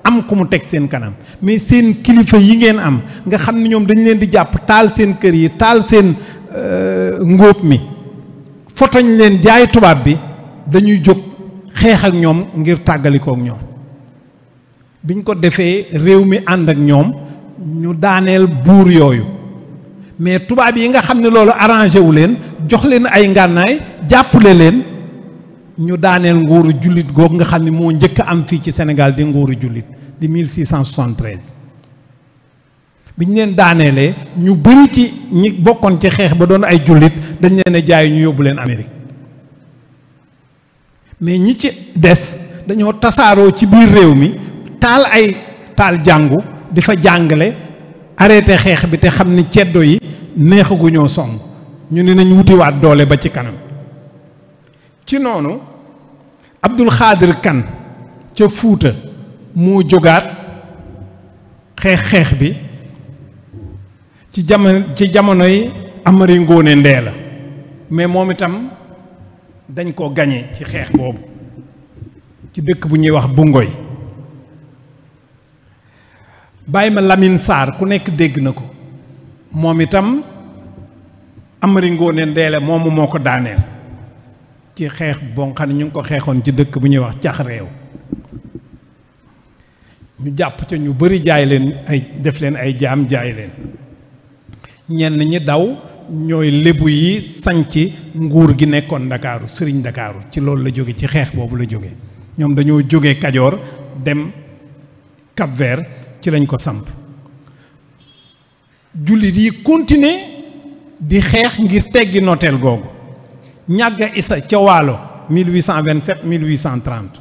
am ku mu teg seen kanam mais seen kilifa yi ngeen am nga xam ne ñoom dañ leen di jàpp taal seen kër yi taal seen euh, ngóob mi fotoñ leen jaay tubaab bi dañuy jóg xeex ak ñoom ngir tàggalikoo ak ñoom biñ ko defee réew mi ànd ak ñoom ñu daaneel buur yooyu mais tubaab yi nga xam ne loolu arrangé wu leen jox leen ay ngànnaay jàppale leen ñu daaneel nguuru jullit googu nga xam ni moo njëkk am fii ci Sénégal di nguuru jullit di 1673 biñ leen daaneelee ñu bëri ci ñi bokkoon ci xeex ba doon ay jullit dañ leen a jaay ñu yóbbu leen Amérique mais ñi ci des dañoo tasaaroo ci biir réew mi. taal ay taal jàngu di fa jàngale arrêté xeex bi te xam ni ceddo yi neexaguñoo song ñu ne nañu wutiwaat doole ba ci kanam ci noonu Abdul Xaadir Kan ca Fuuta mu jógaat xeex xeex bi ci jamono ci jamonoy Amari Ngoone Ndee la mais moom itam dañ ko gañe ci xeex boobu ci dëkk bu ñuy wax Bungoy bàyyi ma Lamine saar ku nekk dégg na ko moom itam Amari Ngoone Ndeele moomu moo ko daaneel ci xeex boo xam ñu ngi ko xeexoon ci dëkk bu ñuy wax cax réew ñu jàpp ca ñu bari jaay leen ay def leen ay jaam jaay leen ñenn ñi daw ñooy lébu yi sañc nguur gi nekkoon ndakaaru sëriñ ndakaaru ci loolu la jóge ci xeex boobu la jóge ñoom dañoo jóge kajoor dem Cap-Vert ci lañ ko samp jullit yi continuer di xeex ngir teggi nooteel googu ñàgga isa ca waalo 1827 1830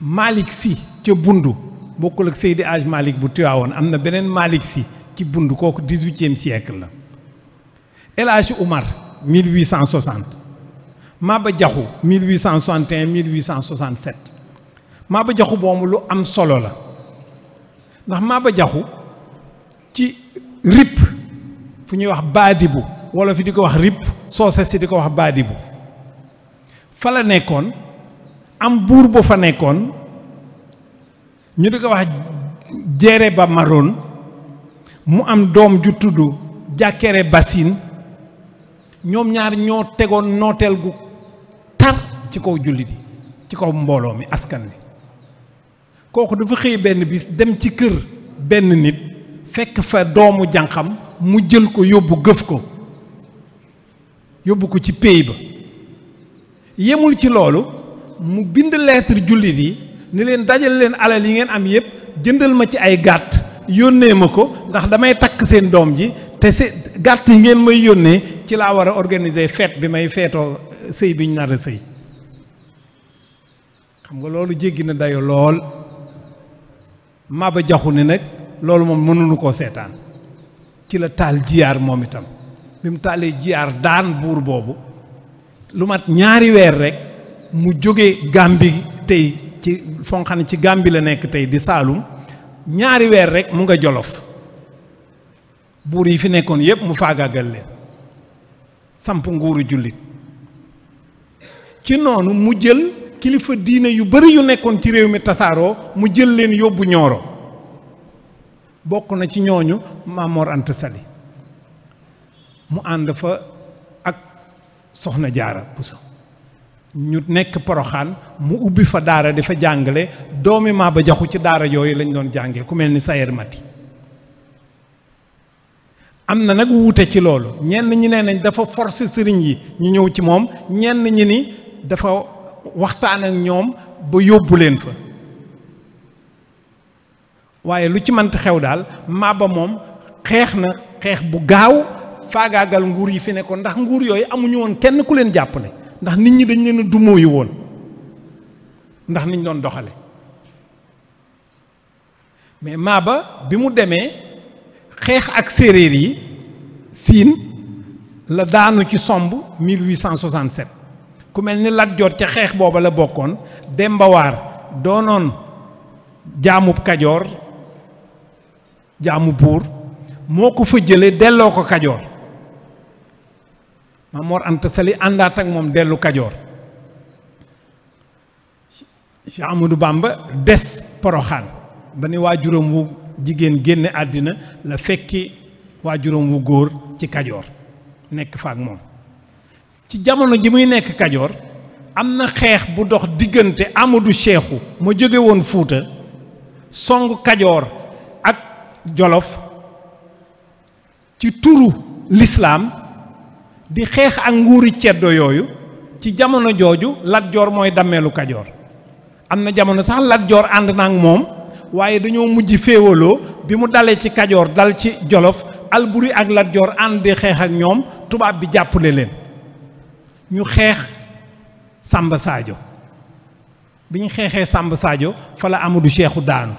Malick Sy ca Bundu bokkul ak Seydi Aj bu Tiwaawoon am na beneen Malick Sy ci Bundu kooku 18e siècle la El Hadj Oumar 1860 Maba Jaxu 1861 1867 Maba Jaxu boobu lu am solo la ndax Maba Jaxu ci rip fu ñuy wax baadibu wala fi di ko wax rip soose si di ko wax baadibu fa la nekkoon am buur bu fa nekkoon ñu di ko wax jeere ba maroon mu am doom ju tudd jàkkere basin ñoom ñaar ñoo tegoon nooteel gu tar ci kaw jullit yi ci kaw mbooloo mi askan wi kooku dafa xëy benn bis dem ci kër benn nit fekk fa doomu jànqam mu jël ko yóbbu gëf ko yóbbu ko ci péy ba yemul ci loolu mu bind lettre jullit yi ni leen dajal leen alal yi ngeen am yépp jëndal ma ci ay gàtt yónnee ma ko ndax damay takk seen doom ji te se gàtt yi ngeen may yónnee ci laa war a organiser fête bi may feetoo sëy bi ñu nar a sëy xam nga loolu jéggi na dayo lool Maba Jaxu ne nag loolu moom mënuñu koo seetaan ci la taal jiyaar moom itam bi mu taalee jiyaar daan buur boobu lu mat ñaari weer rek mu jóge Gàmbi tey ci foo xam ci Gàmbi la nekk tey di Saalum ñaari weer rekk mu nga Jolof buur yi fi nekkoon yépp mu faagaagal leen samp nguuru jullit ci noonu mu jël kilifa diine yu bari yu nekkoon ci réew mi tasaaroo mu jël leen yóbbu ñooro bokk na ci ñooñu Mamor Anta Sali mu ànd fa ak Soxna Jaara Buso ñu nekk Poroxaan mu ubbi fa daara di fa jàngale doomi ba Jaxu ci daara yooyu lañ doon jàngee ku mel ni Sayer Mati am na nag wuute ci loolu ñenn ñi nee nañ dafa forcer sëriñ yi ñu ñëw ci moom ñenn ñi ni dafa waxtaan ak ñoom ba yóbbu leen fa waaye lu ci mënti xew daal Maba moom xeex na xeex bu gaaw faagaagal nguur yi fi ne ko ndax nguur yooyu amuñu woon kenn ku leen jàppale ndax nit ñi dañu leen a dumóoyu woon ndax niñ doon doxale mais Maba bi mu demee xeex ak séréer yi siin la daanu ci somb 1867 ku mel ni Lat Joor ca xeex booba la bokkoon Demba doonoon jaamub kajoor jaamu buur moo ko fa jële delloo ko kajoor Maam Mor àndaat ak moom dellu kajoor Cheikh Amadou Bamba des poroxaan ba ni waajuram wu jigéen génne àddina la fekki waajuram wu góor ci kajoor nekk fa moom ci jamono ji muy nekk kajoor am na xeex bu dox diggante Amadou Cheikhou ma jóge woon Fuuta song kajoor ak Jolof ci turu lislaam di xeex ak nguuri ceddo yooyu ci jamono jooju Lat mooy dammeelu kajoor am na jamono sax Lat ànd na moom waaye dañoo mujj féewaloo bi mu dalee ci kajoor dal ci jolof Alburi ak Lat ànd di xeex ak ñoom tubaab bi jàppale leen ñu xeex Samba saajo bi ñu xeexee Samba Sadio fala la Amadou Cheikhou daanu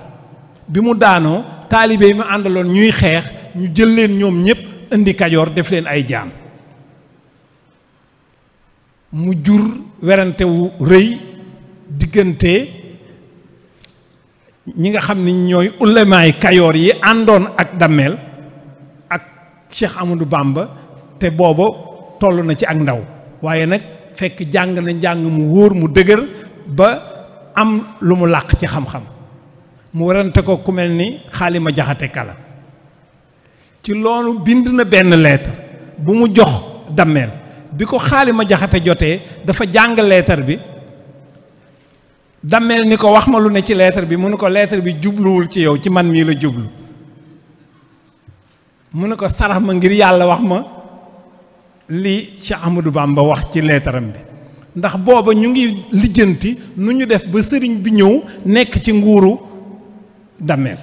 bi mu daanoo taalibe yi mu àndaloon ñuy xeex ñu jël leen ñoom ñëpp indi Kajoor def leen ay jaan mu jur werantewu rëy diggante ñi nga xam ni ñooy ulamaay kayoor yi àndoon ak Damel ak Cheikh Amadou Bamba te booba toll na ci ak ndaw waaye nag fekk jàng na njàng mu wóor mu dëgër ba am lu mu làq ci xam-xam mu warante ko ku mel ni xaalima jaxate kala ci loolu bind na benn lettre bu mu jox dammeel bi ko xaalima jaxate jotee dafa jàng lettre bi dammeel ni ko wax ma lu ne ci lettre bi mu ne ko lettre bi jubluwul ci yow ci man mii la jublu mu ne ko sarax ma ngir yàlla wax ma li Cheikh Ahmadou Bamba wax ci leetaram bi ndax booba ñu ngi lijjanti nu ñu def ba sëriñ bi ñëw nekk ci nguuru dammeel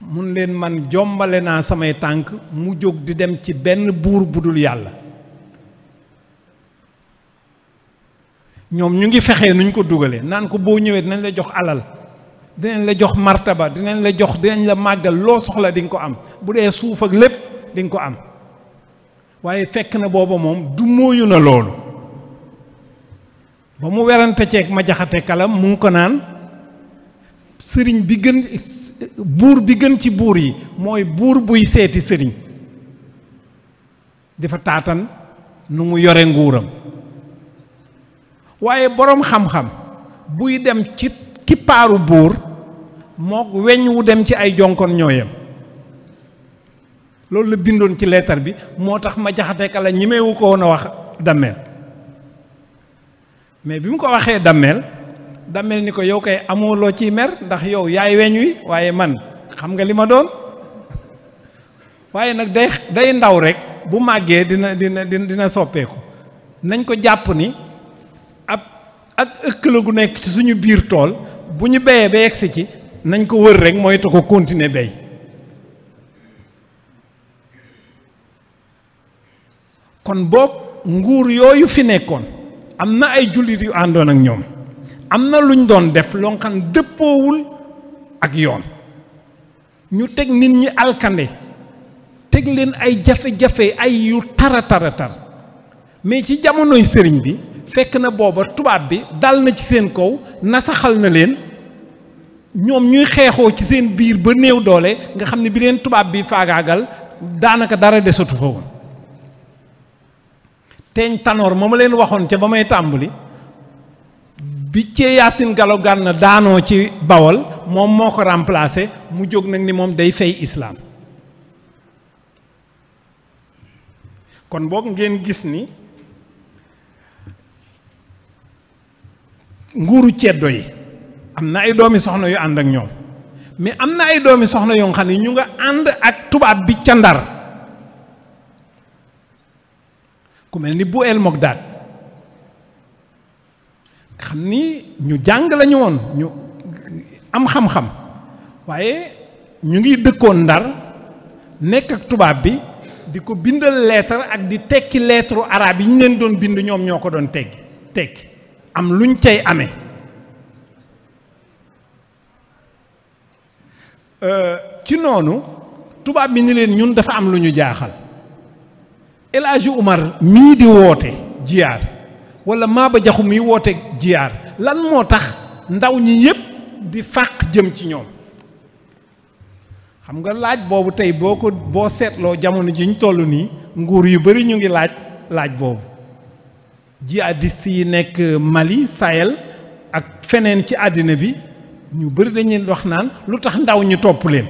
mun leen man jombale naa samay tànk mu jóg di dem ci benn buur bu dul yàlla ñoom ñu ngi fexee nuñ ko dugalee naan ko boo ñëwee dinañ la jox alal dinañ la jox martaba dinañ la jox dinañ la màggal loo soxla di nga ko am bu dee suuf ak lépp di ko am waaye fekk na booba moom du mooyu na loolu ba mu werante ceeg ma jaxate kalam mu ngi ko naan sëriñ bi gën buur bi gën ci buur yi mooy buur buy seeti sëriñ dafa taatan nu mu yore nguuram waaye boroom xam-xam buy dem ci kippaaru buur mook weñ wu dem ci ay jonkon ñooyam loolu la bindoon ci leetar bi moo tax ma jaxate kala ñimewu ko woon a wax dammeel mais bi mu ko waxee dammeel dammeel ni ko yow kay amuloo loo ciy mer ndax yow yaay weñ wi waaye man xam nga li ma doon waaye nag day day ndaw rek bu màggee dina dina dina soppeeku nañ ko jàpp ni ab ak ëkk la gu nekk ci suñu biir tool bu ñu béyee ba egsi ci nañ ko wër rek mooy te ko continuer béy kon boog nguur yooyu fi nekkoon am na ay jullit yu àndoon ak ñoom am na lu luñ doon def loo dëppoowul ak yoon ñu teg nit ñi alkande teg leen ay jafe-jafe ay yu tara tara tar mais ci jamonoy sëriñ bi fekk na booba tubaab bi dal na ci seen kaw nasaxal na leen ñoom ñuy xeexoo ci seen biir ba néew doole nga xam ne bi leen tubaab bi faagaagal daanaka dara desatu fa woon teeñ tanoor ma ma leen waxoon ca ba may tàmbali bi cee Yacine Gallo Gànna daanoo ci Bawol moom moo ko remplacé mu jóg nag ni moom day fay islaam kon boog ngeen gis ni nguuru ceddo yi am na ay doomi soxna yu ànd ak ñoom mais am na ay doomi soxna yoo xam ne ñu nga ànd ak tubaab bi ca Ndar ku mel ni bu el Mogdad nga xam ni ñu jàng lañu woon ñu am xam-xam waaye ñu ngi dëkkoon ndar nekk ak tubaab bi di ko bindal lettre ak di tekki lettre araab yi ñu leen doon bind ñoom ñoo ko doon teggi tekki am luñ cay amee euh, ci noonu tubaab bi ni leen ñun dafa am lu ñu jaaxal El Hadji Omar mii di woote jiyaar wala Maba Jaxu mii woote jiyaar lan moo tax ndaw ñi yépp di fàq jëm ci ñoom xam nga laaj boobu tey boo ko boo seetloo jamono ji ñu toll nii nguur yu bari ñu ngi laaj laaj boobu di si nekk Mali Sahel ak feneen ci àddina bi ñu bari dañuy wax naan lu tax ndaw ñi topp leen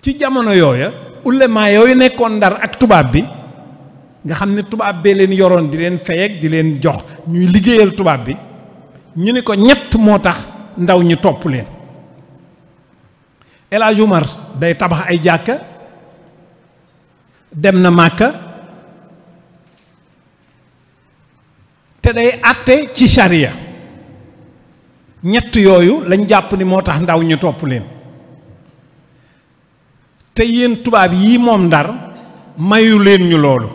ci jamono yooya ulema yooyu nekkoon ndar ak tubaab bi nga xam ne tubaab bee leen yoroon di leen fayeg di leen jox ñuy liggéeyal tubaab bi ñu ne ko ñett moo tax ndaw ñi topp leen El Hadj day tabax ay jàkka dem na màkka te day àtte ci charia ñett yooyu lañ jàpp ni moo tax ndaw ñu topp leen te yéen tubaab yii moom ndar mayu leen ñu loolu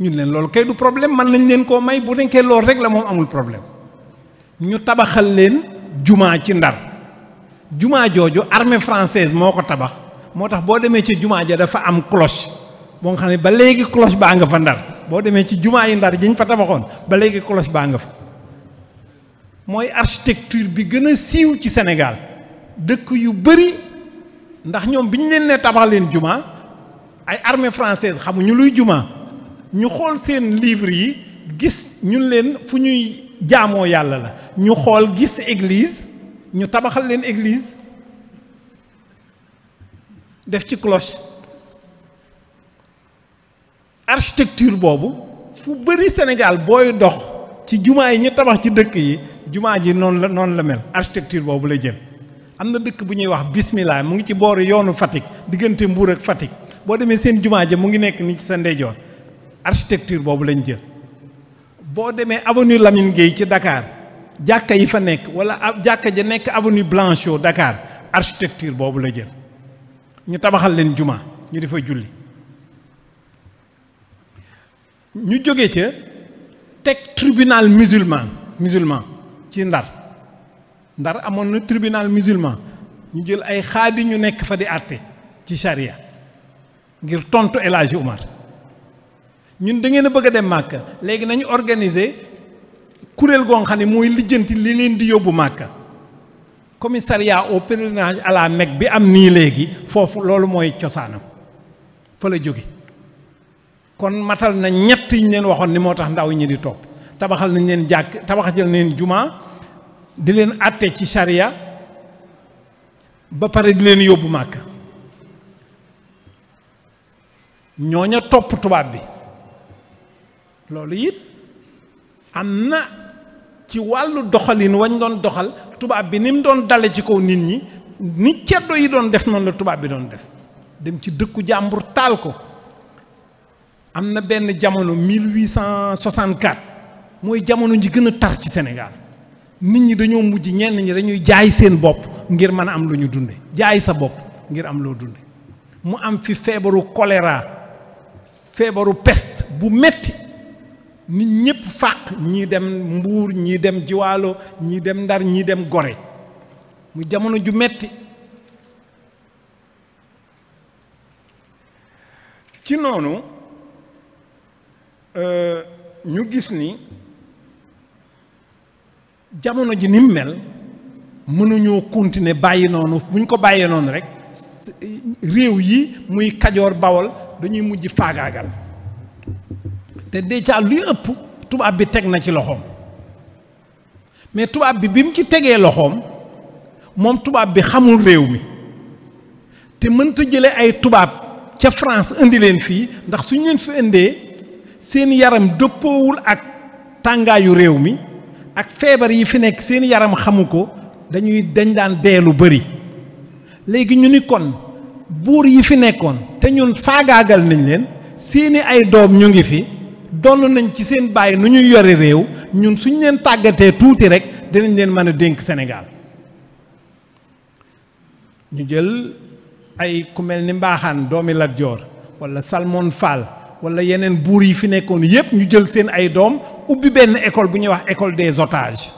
ñun leen loolu kay du problème man nañ leen koo may bu nekkee loolu rek la moom amul problème ñu tabaxal leen jumaa ci ndar jumaa jooju armee française moo ko tabax moo tax boo demee ci jumaa ja dafa am cloche boo nga xam ne ba léegi cloche baa nga fa ndar boo demee ci jumaa yi ndar jiñ fa tabaxoon ba léegi cloche baa nga fa mooy architecture bi gën a siiw ci Sénégal dëkk yu bari ndax ñoom bi ñu leen ne tabax leen juma ay armée française xamuñu luy juma ñu xool seen livre yi gis ñun leen fu ñuy jaamoo yàlla la ñu xool gis église ñu tabaxal leen église def ci cloche architecture boobu fu bëri Sénégal booy dox ci jumaa yi ñu tabax ci dëkk yi jumaa ji noonu la noonu la mel architecture boobu la jël am na dëkk bu ñuy wax bismillah mu ngi ci booru yoonu Fatick diggante Mbour ak Fatick boo demee seen jumaa ja mu ngi nekk ni ci sa ndeyjoor architecture boobu lañ jël boo demee avenue lamin Gueye ci dakaar jàkka yi fa nekk wala jàkka ja nekk avenue Blanchot dakaar architecture boobu la jël ñu tabaxal leen jumaa ñu di fa julli ñu jóge ca teg tribunal musulman musulman ci Ndar ndar amoon na tribunal musulman ñu jël ay xaadi ñu nekk fa di àtte ci charia ngir tontu El Hadji Oumar ñun dangeen a bëgg a dem màkk léegi nañu organiser kuréel goo xam ne mooy lijjanti li leen di yóbbu màkk commissariat au pèlerinage à la Mecque bi am nii léegi foofu loolu mooy cosaanam fa la jóge kon matal na ñett yi leen waxoon ni moo tax ndaw ñi di topp tabaxal nañ leen jàkk tabaxal nañ leen jumaa di leen àtte ci sariya ba pare di leen yóbbu màkk ñooña topp tubaab bi loolu it am na ci wàllu doxalin wañ doon doxal tubaab bi ni mu doon dale ci kaw nit ñi ni ceddo yi doon def noonu la tubaab bi doon def dem ci dëkku jàmbur taal ko am na benn jamono 1864 mooy jamono ji gën a tar ci senegaal nit ñi dañoo mujj ñenn ñi dañuy jaay seen bopp ngir mën a am lu ñu dunde jaay sa bopp ngir am loo dunde mu am fi feebaru choléra feebaru pest bu metti nit ñëpp fàq ñii dem mbuur ñii dem jiwaalo ñii dem ndar ñii dem gore mu jamono ju metti ci noonu euh, ñu gis ni jamono ji nim mu mel mënuñoo continuer bàyyi noonu bu ñu ko bàyyee noonu rek réew yi muy kajoor bawol dañuy mujj faagaagal te déjà luy ëpp tubaab bi teg na ci loxoom mais tubaab bi bi mu ci tegee loxoom moom tubaab bi xamul réew mi te mënta jële ay tubaab ca France indi leen fii ndax suñ leen fi indee seen yaram dëppoowul ak tàngaayu réew mi ak feebar yi fi nekk seen yaram xamu ko dañuy dañ daan dee lu bari léegi ñu ni kon buur yi fi nekkoon te ñun faagaagal nañ leen seeni ay doom ñu ngi fi donn nañ ci seen bàyyi nu ñuy yore réew ñun suñ leen tàggatee tuuti rek dinañ leen mën a dénk senegaal ñu jël ay ku mel ni mbaaxaan doomi Lat Joor wala Salmon Fall wala yeneen buur yi fi nekkoon yépp ñu jël seen ay doom ubbi benn école bu ñuy wax école des otages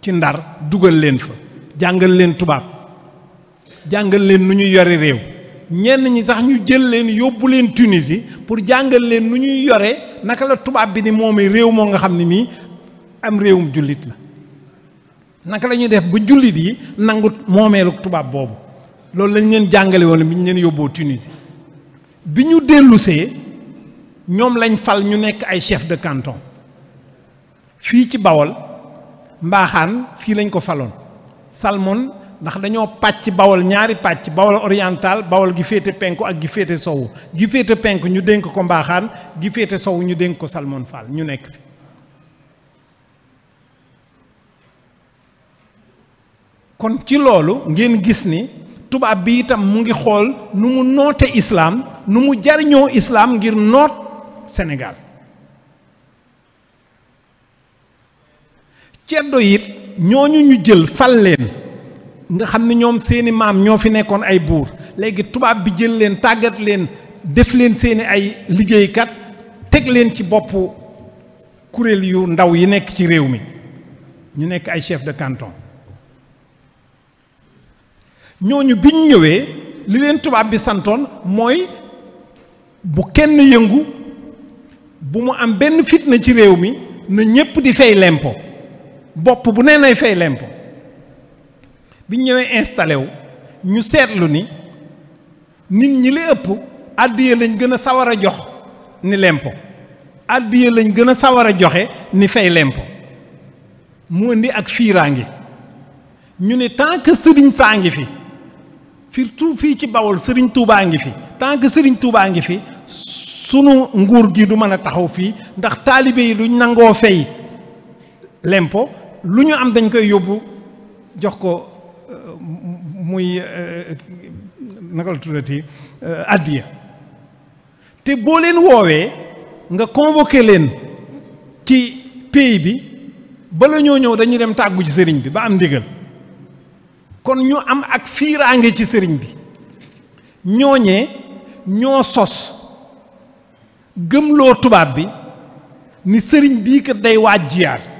ci ndar dugal leen fa jàngal leen tubaab jàngal leen nu ñuy yore réew ñenn ñi sax ñu jël leen yóbbu leen Tunisie pour jàngal leen nu ñuy yore naka la tubaab bi ni moomee réew moo nga xam ne mii am réewum jullit la naka lañuy def ba jullit yi nangu moomeelu tubaab boobu loolu lañ leen jàngale woon bi ñu leen yóbboo Tunisie bi ñu dellusee ñoom lañ fal ñu nekk ay chef de canton fii ci bawol mbaaxaan fii lañ ko faloon salmon ndax dañoo pàcc bawol ñaari pàcc bawol oriental bawol gi féete penku ak gi féete sowu gi féete penku ñu dénk ko mbaaxaan gi féete sowu ñu dénk ko salmon fall ñu nekk fi kon ci loolu ngeen gis ni tubaab bi itam mu ngi xool nu mu noote islaam nu mu jariñoo islaam ngir noot senegaal ceddo it ñooñu ñu jël fal leen nga xam ne ñoom seeni maam ñoo fi nekkoon ay buur léegi tubaab bi jël leen tàggat leen def leen seeni ay liggéeykat teg leen ci boppu kuréel yu ndaw yi nekk ci réew mi ñu nekk ay chef de canton ñooñu biñ ñëwee li leen tubaab bi santoon mooy bu kenn yëngu bu mu am benn fitna ci réew mi na ñépp di fay lempo bopp bu nee nay fay lempo bi ñëwee installé wu ñu seetlu ni nit ñi li ëpp àddiya lañ gën a sawar a jox ni lempo àddiya lañ gën a sawar a joxe ni fay lempo mu indi ak fiiraangi ñu ne tant que sëriñ saa ngi fi surtout fii ci bawul sëriñ Tuubaa ngi fi tant que sëriñ Tuubaa ngi fi sunu nguur gi du mën a taxaw fii ndax taalibe yi duñ nangoo fey lempo lu ñu am dañ koy yóbbu jox ko euh, muy euh, naka la tuddati euh, addiya te boo leen woowee nga convoqué leen ci pays bi bala ñoo ñëw dañuy dem tàggu ci sëriñ bi ba am ndigal kon ñu am ak fiiraange ci sëriñ bi ñooñee ñoo sos gëmloo tubaab bi ni sëriñ bii kat day waa jiyaar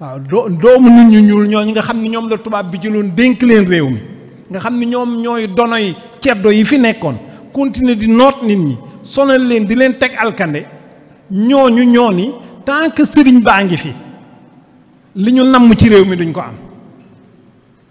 waaw doo doomu nit ñu ñuul ñoo ñi nga xam ne ñoom la tubaab bi jëloon dénk leen réew mi nga xam ne ñoom ñooy donoy ceddo yi fi nekkoon continuer di noot nit ñi sonal leen di leen teg alkande ñu ñoo ni tant que sëriñ baa ngi fi li ñu namm ci réew mi duñ ko am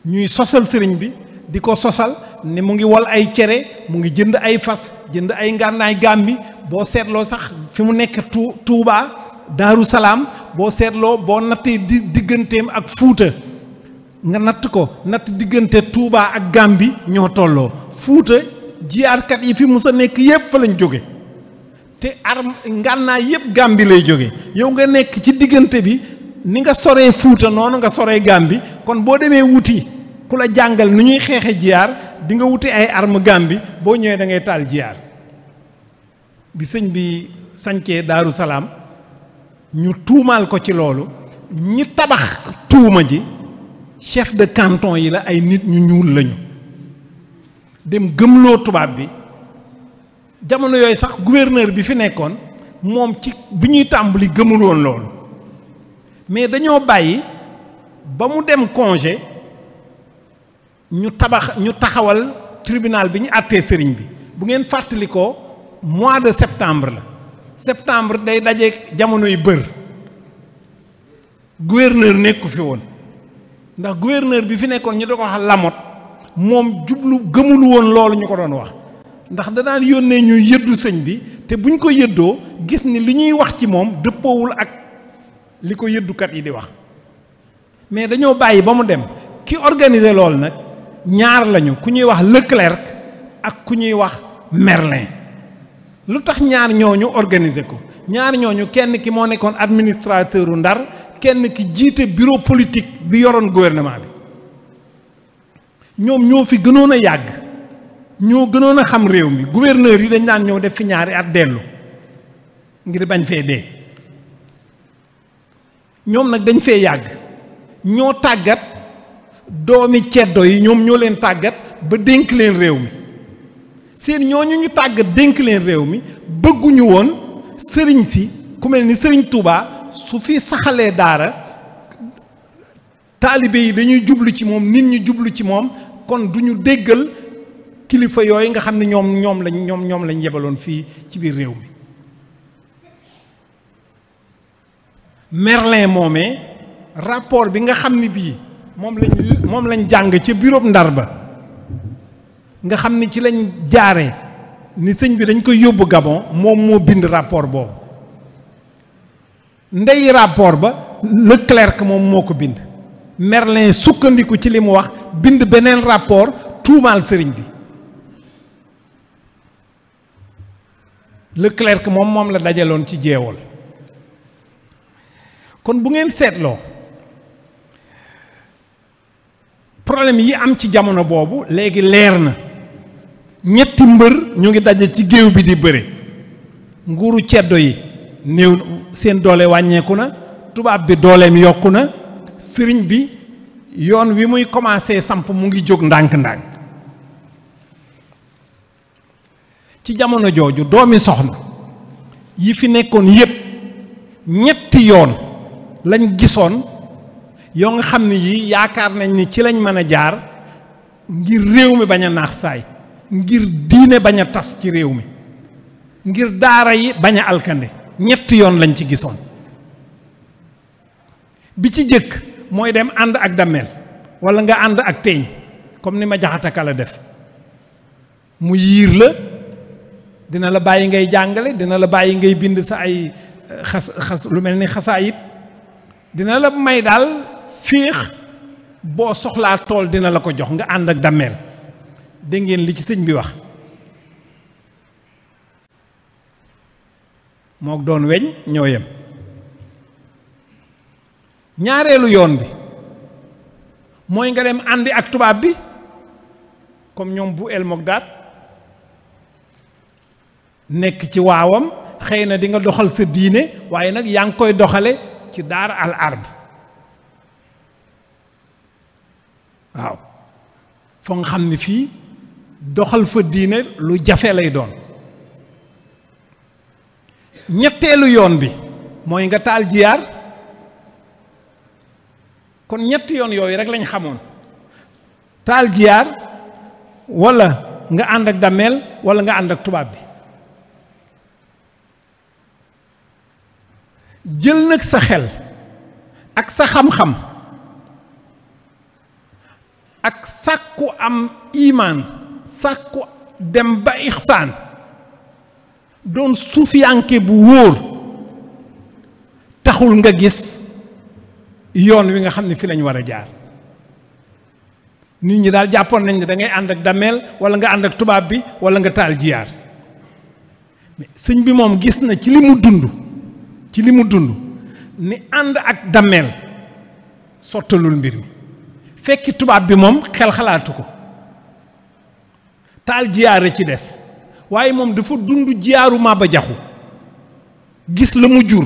ñuy sosal sëriñ bi di ko sosal ni mu ngi wal ay cere mu ngi jënd ay fas jënd ay ngànnaay gàmbi boo seetloo sax fi mu nekk tu Tuubaa Daaru Salaam boo seetloo boo nattee di digganteem ak fuuta nga natt ko natt diggante tuubaa ak Gàmbi ñoo tolloo fuuta jiyaarkat yi fi musa nekk yépp fa lañ jóge te arm ngànnaay yépp Gàmbi lay jóge yow nga nekk ci diggante bi ni nga soree fuuta noonu nga soree Gàmbi kon boo demee wuti ku la jàngal nu ñuy xeexe jiyaar di nga wuti ay arm Gàmbi boo ñëwee da ngay taal jiyaar bi sëñ bi sancee Daaru Salaam ñu tuumaal ko ci loolu ñi tabax tuuma ji chef de canton yi la ay nit ñu ñuul lañu dem gëmloo tubaab bi jamono yooyu sax gouverneur bi fi nekkoon moom ci bi ñuy tàmbali gëmul woon loolu mais dañoo bàyyi ba mu dem congé ñu tabax ñu taxawal tribunal bi ñu àttee sëriñ bi bu ngeen fàttalikoo mois de septembre la septembre day daje jamonoy bër gouverneur nekku fi woon ndax gouverneur bi fi nekkoon ñu da ko wax lamot moom jublu gëmul woon loolu ñu ko doon wax ndax da daan yónnee ñuy yëddu sëñ bi te buñ ko yëddoo gis ni li ñuy wax ci moom dëppoowul ak li ko yëddukat yi di wax mais dañoo bàyyi ba mu dem ki organiser loolu nag ñaar lañu ku ñuy wax Leclerc ak ku ñuy wax Merlin lu tax ñaar ñooñu organiser ko ñaar ñooñu kenn ki moo nekkoon administrateur u Ndar kenn ki jiite bureau politique bi yoroon gouvernement bi ñoom ñoo fi gënoon a yàgg ñoo gënoon a xam réew mi gouverneur yi dañ daan ñëw def fi ñaari at dellu ngir bañ fee dee ñoom nag dañ fee yàgg ñoo tàggat doomi ceddo yi ñoom ñoo leen tàggat ba dénk leen réew mi seen ñoo ñu tàgg dénk leen réew mi bëgguñu woon sëriñ si ku mel ni sëriñ Touba su fi saxalee daara taalibe yi dañuy jublu ci moom nit ñu jublu ci moom kon du ñu déggal kilifa yooyu nga xam ne ñoom ñoom lañ ñoom ñoom lañ yebaloon fii ci biir réew mi Merlin moomee rapport bi nga xam ne bii moom lañ jàng ca bureau Ndar ba nga xam ni ci lañ jaare ni sëñ bi dañ koy yóbbu Gabon moom moo bind rapport boobu ndey rapport ba Leclerc moom moo ko bind Merlin sukkandiku ci li mu wax bind beneen rapport tuumaal sëriñ bi Leclerc moom moom la dajaloon ci jeewal kon bu ngeen seetloo problème yi am ci jamono boobu léegi leer na ñetti mbër ñu ngi daje ci géew bi di bëre nguuru ceddo yi néew seen doole wàññeeku na tubaab bi dooleem yokku na sëriñ bi yoon wi muy commencé samp mu ngi jóg ndànk-ndànk ci jamono jooju doomi soxna yi fi nekkoon yépp ñetti yoon lañ gisoon yoo nga xam ne yii yaakaar nañ ni ci lañ mën a jaar ngir réew mi bañ a naax saay ngir diine bañ a tas ci réew mi ngir daara yi bañ a alkande ñetti yoon lañ ci gisoon bi ci jëkk mooy dem ànd ak dammeel wala nga ànd ak teeñ comme ni ma jaxataka la def mu yiir la dina la bàyyi ngay jàngale dina la bàyyi ngay bind sa ay eh, xas lu mel ni xasaayit dina la may daal féex boo soxlaa tool dina la ko jox nga ànd ak dammeel dégg ngeen li ci sëñ bi wax mook doon weñ ñoo ñaareelu yoon bi mooy nga dem àndi ak tubaab bi comme ñoom bu el Mogdad nekk ci waawam xëy na dinga doxal sa diine waaye nag yaa ngi koy doxale ci daar al arab waaw foo nga xam ne fii doxal fa diine lu jafe lay doon ñetteelu yoon bi mooy nga taal jiyaar kon ñetti yoon yooyu rek lañ xamoon taal jiyaar wala nga ànd ak dammeel wala nga ànd ak tubaab bi jël nag sa xel ak sa xam-xam ak sàkku am imaan sàkku dem ba ixsaan doon suufiyanke bu wóor taxul nga gis yoon wi nga xam ne fi lañ war a jaar nit ñi daal jàppoon nañ ne dangay ngay ànd ak dameel wala nga ànd ak tubaab bi wala nga taal jiyaar mais sëñ bi moom gis na ci li mu dund ci li mu dund ni ànd ak dameel sottalul mbir mi fekki tubaab bi moom xel xalaatu ko taal jiyaare ci des waaye moom dafa dund jiyaaru Maba Jaxu gis la mu jur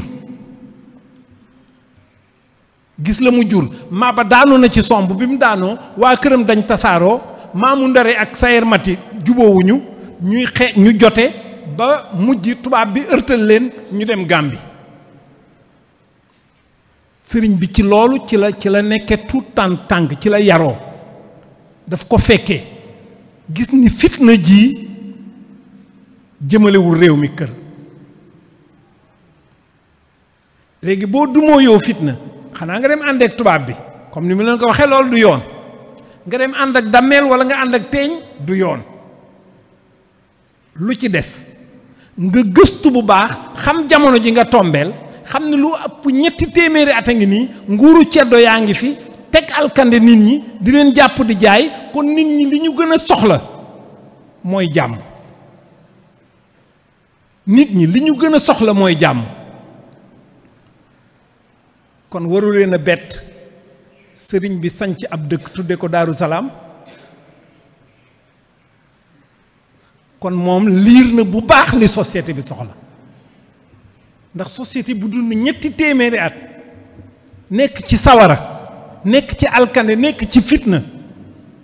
gis la mu jur Maba daanu na ci somb bi mu daanoo waa këram dañ tasaaroo maamu ndare ak sayer mati juboowuñu ñuy xe ñu jote ba mujj tubaab bi ërtal leen ñu dem Gàmbi sëriñ bi ci loolu ci la ci la nekke tout tànk ci la yaroo daf ko fekkee gis ni fitna ji jëmalewul réew mi kër léegi boo dumoo yow fitna xanaa nga dem àndeek tubaab bi comme ni mu leen ko waxee loolu du yoon nga dem ànd ak dammeel wala nga ànd ak teeñ du yoon lu ci des nga gëstu bu baax xam jamono ji nga tombeel xam ne lu ëpp ñetti téeméeri at a ngi nii nguuru ceddo yaa ngi fi teg alkande nit ñi di leen jàpp di jaay kon nit ñi li ñu gën a soxla mooy jàmm nit ñi li ñu gën a soxla mooy jàmm kon waru leen a bett sëriñ bi sañc ab dëkk tudde ko Daaru Salaam kon moom liir na bu baax li société bi soxla ndax société bu dund ñetti téeméeri at nekk ci sawara nekk ci alkande nekk ci fitna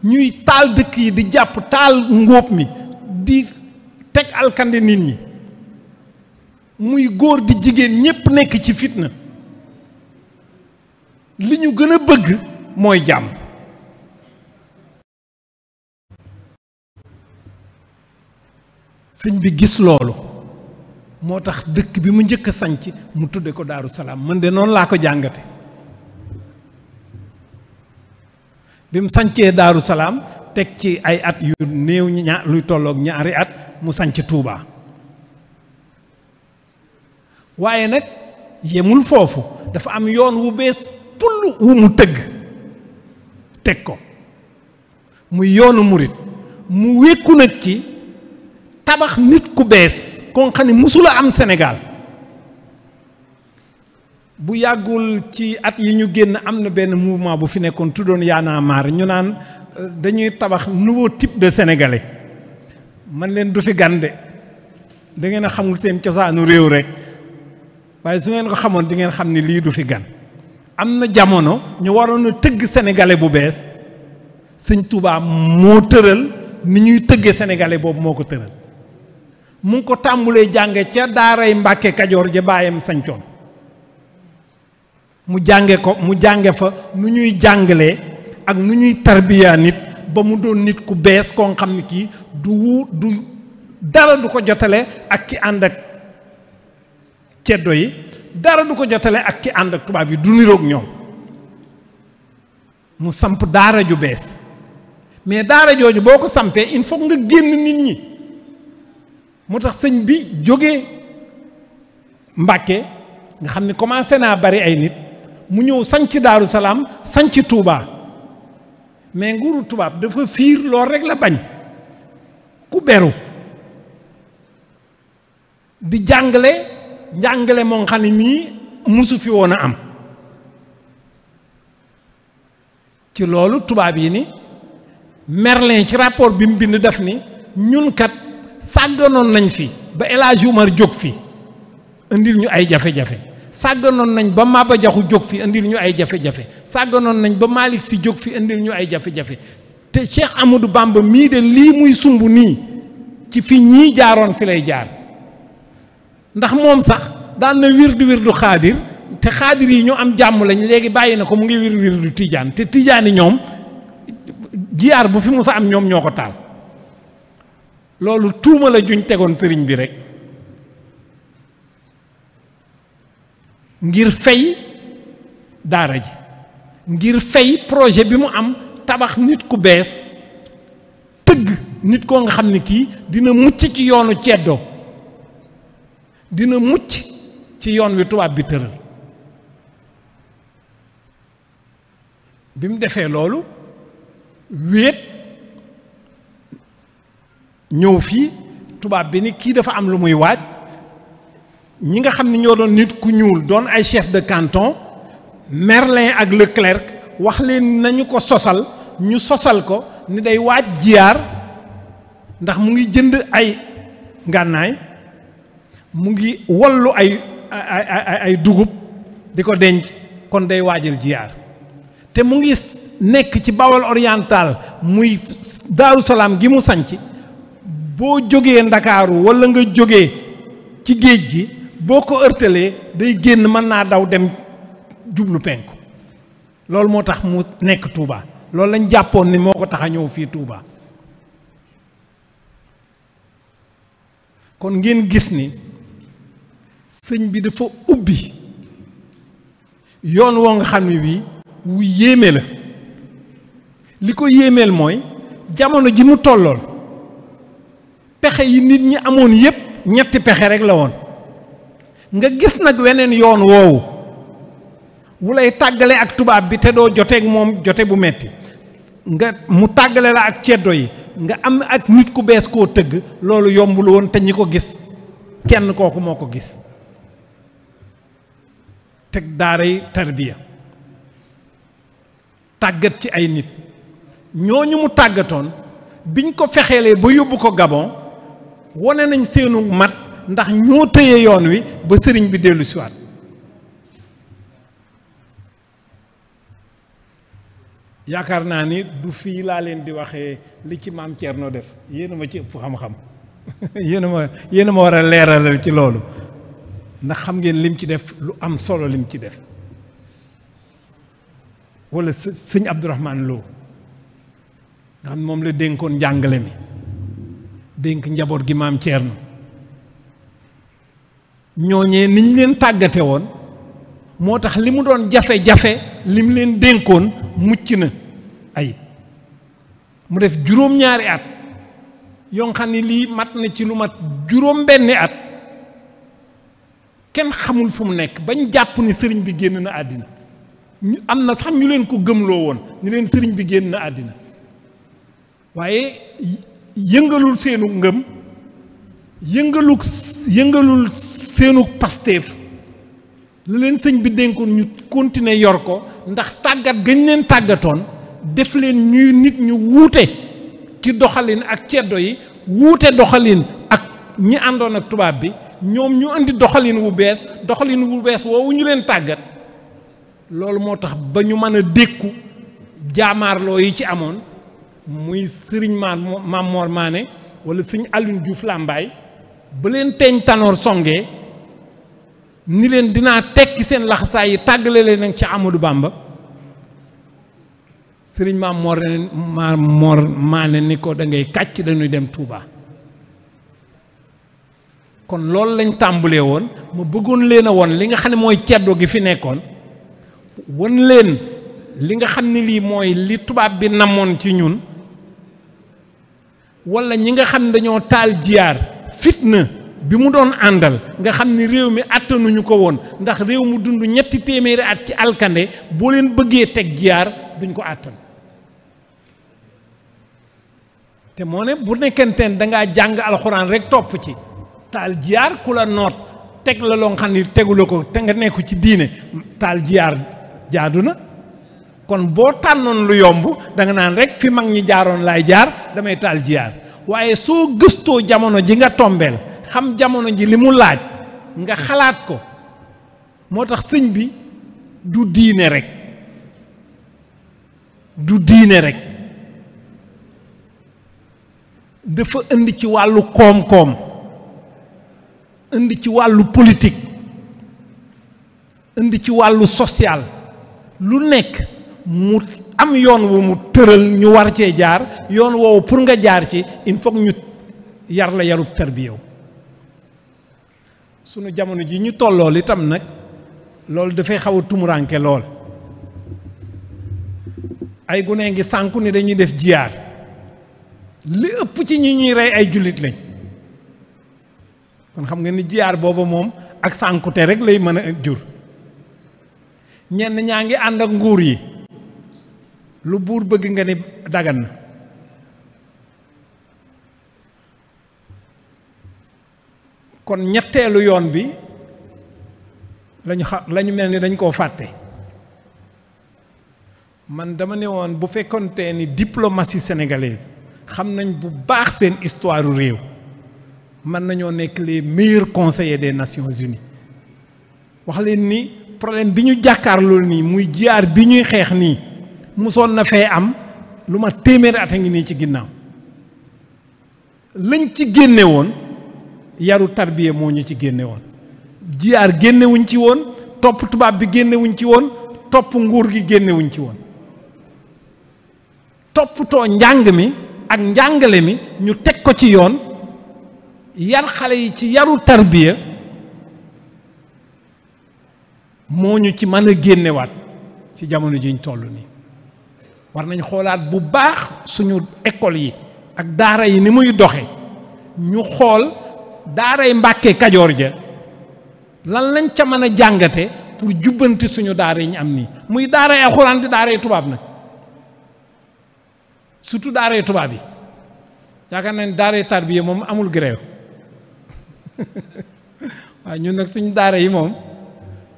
ñuy taal dëkk yi di jàpp taal ngóob mi di teg alkande nit ñi muy góor di jigéen ñépp nekk ci fitna li ñu gën a bëgg mooy jàmm sëñ bi gis loolu moo tax dëkk bi mu njëkk a sanc mu tudde ko Daaru Salaam mën de noonu laa ko jàngate bi mu sancee daaru salaam teg ci ay at yu néew ña luy tolloog ñaari at mu sanc Touba waaye nag yemul foofu dafa am yoon wu bees pull wu mu tëgg teg ko muy yoonu murit mu wékku nag ci tabax nit ku bees kon xam musula am senegaal bu yàggul ci at yi ñu génn am na benn mouvement bu fi nekkoon tuddoon Y'en a ñu naan euh, dañuy tabax nouveau type de sénégalais man leen du fi gande da ngeen a xamul seen cosaanu réew rek waaye su ngeen ko xamoon di ngeen xam ni lii du fi gan am na jamono ñu waroon a tëgg sénégalais bu bees sëñ Touba moo tëral ni ñuy tëggee sénégalais boobu moo ko tëral mu ko tàmbulee jàng ca daaray Mbàkke Kajoor ja baayam sañcoon mu jànge ko mu jànge fa nu ñuy jàngalee ak nu ñuy tarbiyaa nit ba mu doon nit ku bees koo xam ne kii du wu du dara du ko jotale ak ki ànd ak ceddo yi dara du ko jotale ak ki ànd ak tubaab yi du niroog ñoom mu samp daara ju bees mais daara jooju boo ko sampee il faut nga génn nit ñi moo tax sëñ bi jóge Mbàkke nga xam ne commencé naa bari ay nit mu ñëw sañc daaru salaam sanc Touba mais nguuru tubaab dafa fiir lool rekk la bañ ku beru di jàngale njàngale moo xam ne mii musu fi woon a am ci loolu tubaab yi ni Merlin ci rapport bi mu bind def ni ñun kat sàgganoon nañ fi ba El Hadj Umar jóg fi indil ñu ay jafe-jafe sàgganoon nañ ba Maba Jaxu jóg fi indil ñu ay jafe sàgganoon nañ ba Malick Sy jóg fi indil ñu ay jafe-jafe te Cheikh Amadou bàmb mii de lii muy sumb nii ci fi ñii jaaroon fi lay jaar ndax moom sax daan na wirdu wirdu xaadir te xaadir yi ñu am jàmm lañ léegi bàyyi na ko mu ngi wir wirdu tiijaan te tijaan yi ñoom jiyaar bu fi musa am ñoom ñoo ko taal loolu tuuma la juñ tegoon sëriñ bi rek ngir fay daara ji ngir fay projet bi mu am tabax nit ku bees tëgg nit koo nga xam ne kii dina mucc ci yoonu ceddoo dina mucc ci yoon wi tubaab bi tëral bi mu defee loolu wéet ñëw fii tubaab bi ni kii dafa am lu muy waaj ñi nga xam ne ñoo doon nit ku ñuul doon ay chef de kanton Merlin ak Leclerc wax leen nañu ko sosal ñu sosal ko ni day waaj jiyaar ndax mu ngi jënd ay ngànnaay mu ngi wallu ay ay ay dugub di ko denc kon day waajal jiyaar te mu ngi nekk ci Bawol oriental muy Daaru Salaam gi mu sanc boo jógee Ndakaaru walla nga jóge ci géej gi boo ko ërtalee day génn mën naa daw dem jublu penku loolu moo tax mu nekk tuubaa loolu lañ jàppoon ni moo ko tax a ñëw fii Touba kon ngeen gis ni sëñ bi dafa ubbi yoon woo nga xam ne bii wu yéeme la li ko yéemeel mooy jamono ji mu tollool pexe yi nit ñi amoon yépp ñetti pexe rek la woon nga gis nag weneen yoon woowu wu lay tàggale ak tubaab bi te doo joteeg moom jote bu metti nga mu tàggale la ak ceddo yi nga am ak nit ku bees koo tëgg loolu yombul woon te ñi ko gis kenn kooku moo ko gis teg daaray tarbiya tàggat ci ay nit ñooñu mu tàggatoon biñ ko fexeelee ba yóbbu ko Gabon wone nañ seenu mat ndax ñoo tëye yoon wi ba sëriñ bi dellu siwaat yaakaar naa ni du fii laa leen di waxee li ci maam Thierno def yéen ma ci ëpp xam-xam yéen ma yéen a ma war a leeralal ci loolu ndax xam ngeen lim ci def lu am solo lim ci def wala sëñ Abdourahman Lo nga xam moom la dénkoon njàngale mi dénk njaboot gi maam na ñooñee niñ leen tàggate woon moo tax li mu doon jafe-jafe lim leen dénkoon mucc na ayib mu def juróom-ñaari at yoo xam ne lii mat na ci lu mat juróom-benni at kenn xamul fu mu nekk bañ jàpp ni sëriñ bi génn na àddina ñu am na sax ñu leen ko gëmloo woon ñu leen sëriñ bi génn na àddina waaye yëngalul seenu ngëm yëngalul yëngalul seenu pasteef la leen sëñ bi dénkoon ñu continuer yor ko ndax tàggat gañ leen tàggatoon def leen ñuy nit ñu wuute ci doxalin ak ceddo yi wuute doxalin ak ñi àndoon ak tubaab bi ñoom ñu indi doxalin wu bees doxalin wu bees woowu ñu leen tàggat loolu moo tax ba ñu mën a dékku jaamaarloo yi ci amoon muy sëriñ Maam Mor Maane wala sëñ Alioune Diouf Lambaye ba leen teeñ tanoor songee ni leen dinaa tekki seen laxasaay yi tàggale leen nag ci Amadou bàmba sëriñ maam moor maane ni ko da kàcc dañuy dem Touba kon loolu lañ tàmbalee woon ma bëggoon leen a woon li nga xam ne mooy ceddoo gi fi nekkoon won leen li nga xam ni lii mooy li tubaab bi namoon ci ñun wala ñi nga xam ne dañoo taal jiyaar fitna bi mu doon àndal nga xam ni réew mi attanuñu ko woon ndax réew mu dund ñetti téeméeri at ci alkande boo leen bëggee teg jaar duñ ko àttan te moo ne bu nekkenteen da ngaa jàng alxuraan rek topp ci taal jiyaar ku la noot teg la loo xam ni tegu la ko te nga nekku ci diine taal jiyaar jaadu na kon boo tànnoon lu yomb danga nga naan rek fi mag ñi jaaroon laay jaar damay taal jiyaar waaye soo gëstoo jamono ji nga tombeel xam jamono ji li mu laaj nga xalaat ko moo tax sëñ bi du diine rek du diine rek dafa indi ci wàllu koom-koom indi ci wàllu politik indi ci wàllu social lu nekk mu am yoon wu mu tëral ñu war cee jaar yoon woowu pour nga jaar ci il faut ñu yar la yarub tarbiya sunu jamono ji ñu tollool itam nag loolu dafay xaw a tumuranke lool ay gune ngi sànku ni dañuy def jiyaar li ëpp ci ñi ñuy rey ay jullit lañ kon xam nga ni jiyaar booba moom ak sànkute rek lay mën a jur ñenn ñaa ngi ànd ak nguur yi lu buur bëgg nga ni dagan na kon ñetteelu yoon bi lañu xa lañu mel ni dañ koo fàtte man dama ne woon bu fekkontee ni diplomatie sénégalaise xam nañ bu baax seen histoire réew mën nañoo nekk les meilleurs conseillers des Nations Unies wax leen ni problème bi ñu jàkkaarloo nii muy jiyaar bi ñuy xeex nii musoon na fee am lu ma téeméeri at a ngi nii ci ginnaaw lañ ci génnewoon yaru tarbiya moo ñu ci génnewoon woon jiyaar génnewuñ ci woon topp tubaab bi génnewuñ ci woon topp nguur gi génnewuñ ci woon toppatoo njàng mi ak njàngale mi ñu teg ko ci yoon yar xale yi ci yaru tarbiya moo ñu ci mën a génnewaat ci jamono jiñ toll nii war nañ xoolaat bu baax suñu ekool yi ak daara yi ni muy doxe ñu xool daaray mbàkke kajoor ja lan lañ ca mën a jàngate pour jubbanti suñu daara yi ñu am nii muy daaray alxuraan di daaray tubaab nag surtout daaray tubaab yi yaakaar naa ne daaray tarbiya moom amul grève waaw ñun nag suñu daara yi moom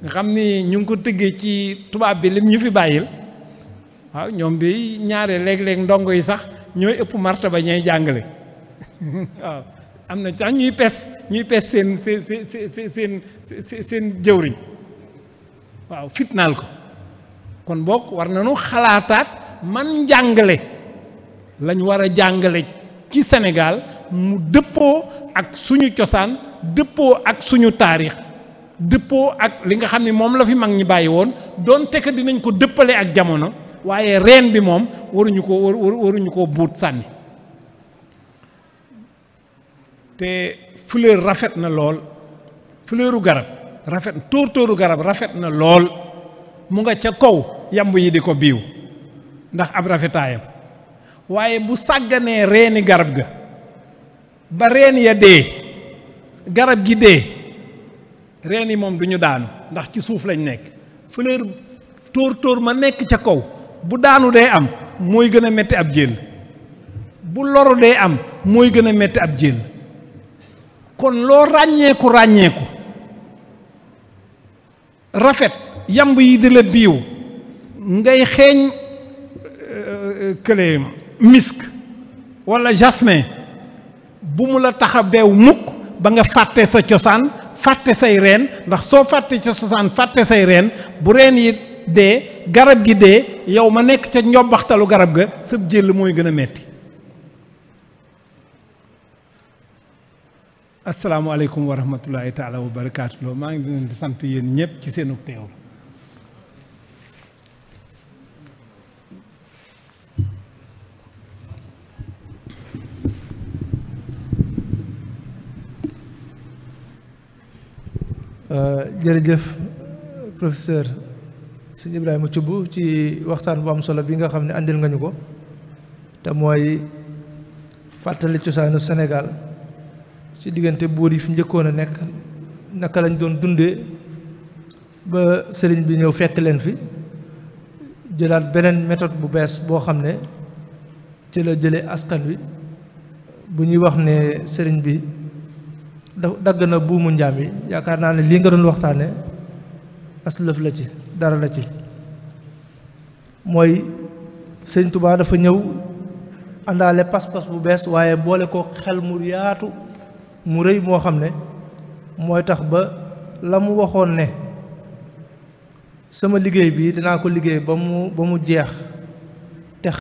nga xam ni ñu ngi ko tëggee ci tubaab bi lim ñu fi bàyyil waaw ñoom bi ñaaree léeg-léeg ndongo yi sax ñooy ëpp martaba ñay jàngale waaw am na sax ñuy pes ñuy pes seen seen seen jëwriñ waaw fitnaal ko kon boog war nañu xalaataat man njàngale lañu war a jàngale ci Sénégal mu dëppoo ak suñu cosaan dëppoo ak suñu taarix dëppoo ak li nga xam ne moom la fi mag ñi bàyyi woon doonte que dinañ ko dëppale ak jamono waaye reen bi moom waruñu ko waruñu ko buut sànni te fleur rafet na lool fleuru garab rafet tóor tóoru garab rafet na lool mu nga ca kaw yamb yi di ko biiw ndax ab rafetaayam waaye bu sàgganee reeni garab ga ba reen ya dee garab gi dee reen yi moom du ñu daanu ndax ci suuf lañ nekk fleur tóor tóor ma nekk ca kaw bu daanu dee am mooy gën a metti ab jël bu loru dee am mooy gën a metti ab jël kon loo ràññeeku ràññeeku rafet yamb yi di la biiw ngay xeeñ euh, kële misk walla jasmin bu mu la taxa beew mukk ba nga fàtte sa cosaan fàtte say reen ndax soo fàtte sa cosaan fàtte say reen bu reen yi dee garab gi dee yow ma nekk ca njombaxtalu garab ga sëb jël mooy gën a metti asalaamaaleykum wa rahmatulahi taala wa barakaatu maa ngi leen sant yéen ñëpp ci seenu teew euh, jërëjëf professeur sëñ Ibrahima Thioub ci waxtaan bu am solo bi nga xam ne àndil nga ñu ko te mooy fàttali cosaanu senegal ci diggante buur yi fi njëkkoon a nekk naka lañ doon dundee ba sëriñ bi ñëw fekk leen fi jëlaat beneen méthode bu bees boo xam ne ci la jëlee askan wi bu ñuy wax ne sëriñ bi da dagg na buumu njaam yi yaakaar naa ne lii nga doon waxtaane as lëf la ci dara la ci mooy sëriñ tubaa dafa ñëw àndaale pas-pas bu bees waaye boole ko xel mu yaatu mu rëy moo xam ne mooy tax ba la mu waxoon ne sama liggéey bi dinaa ko liggéey ba mu ba mu jeex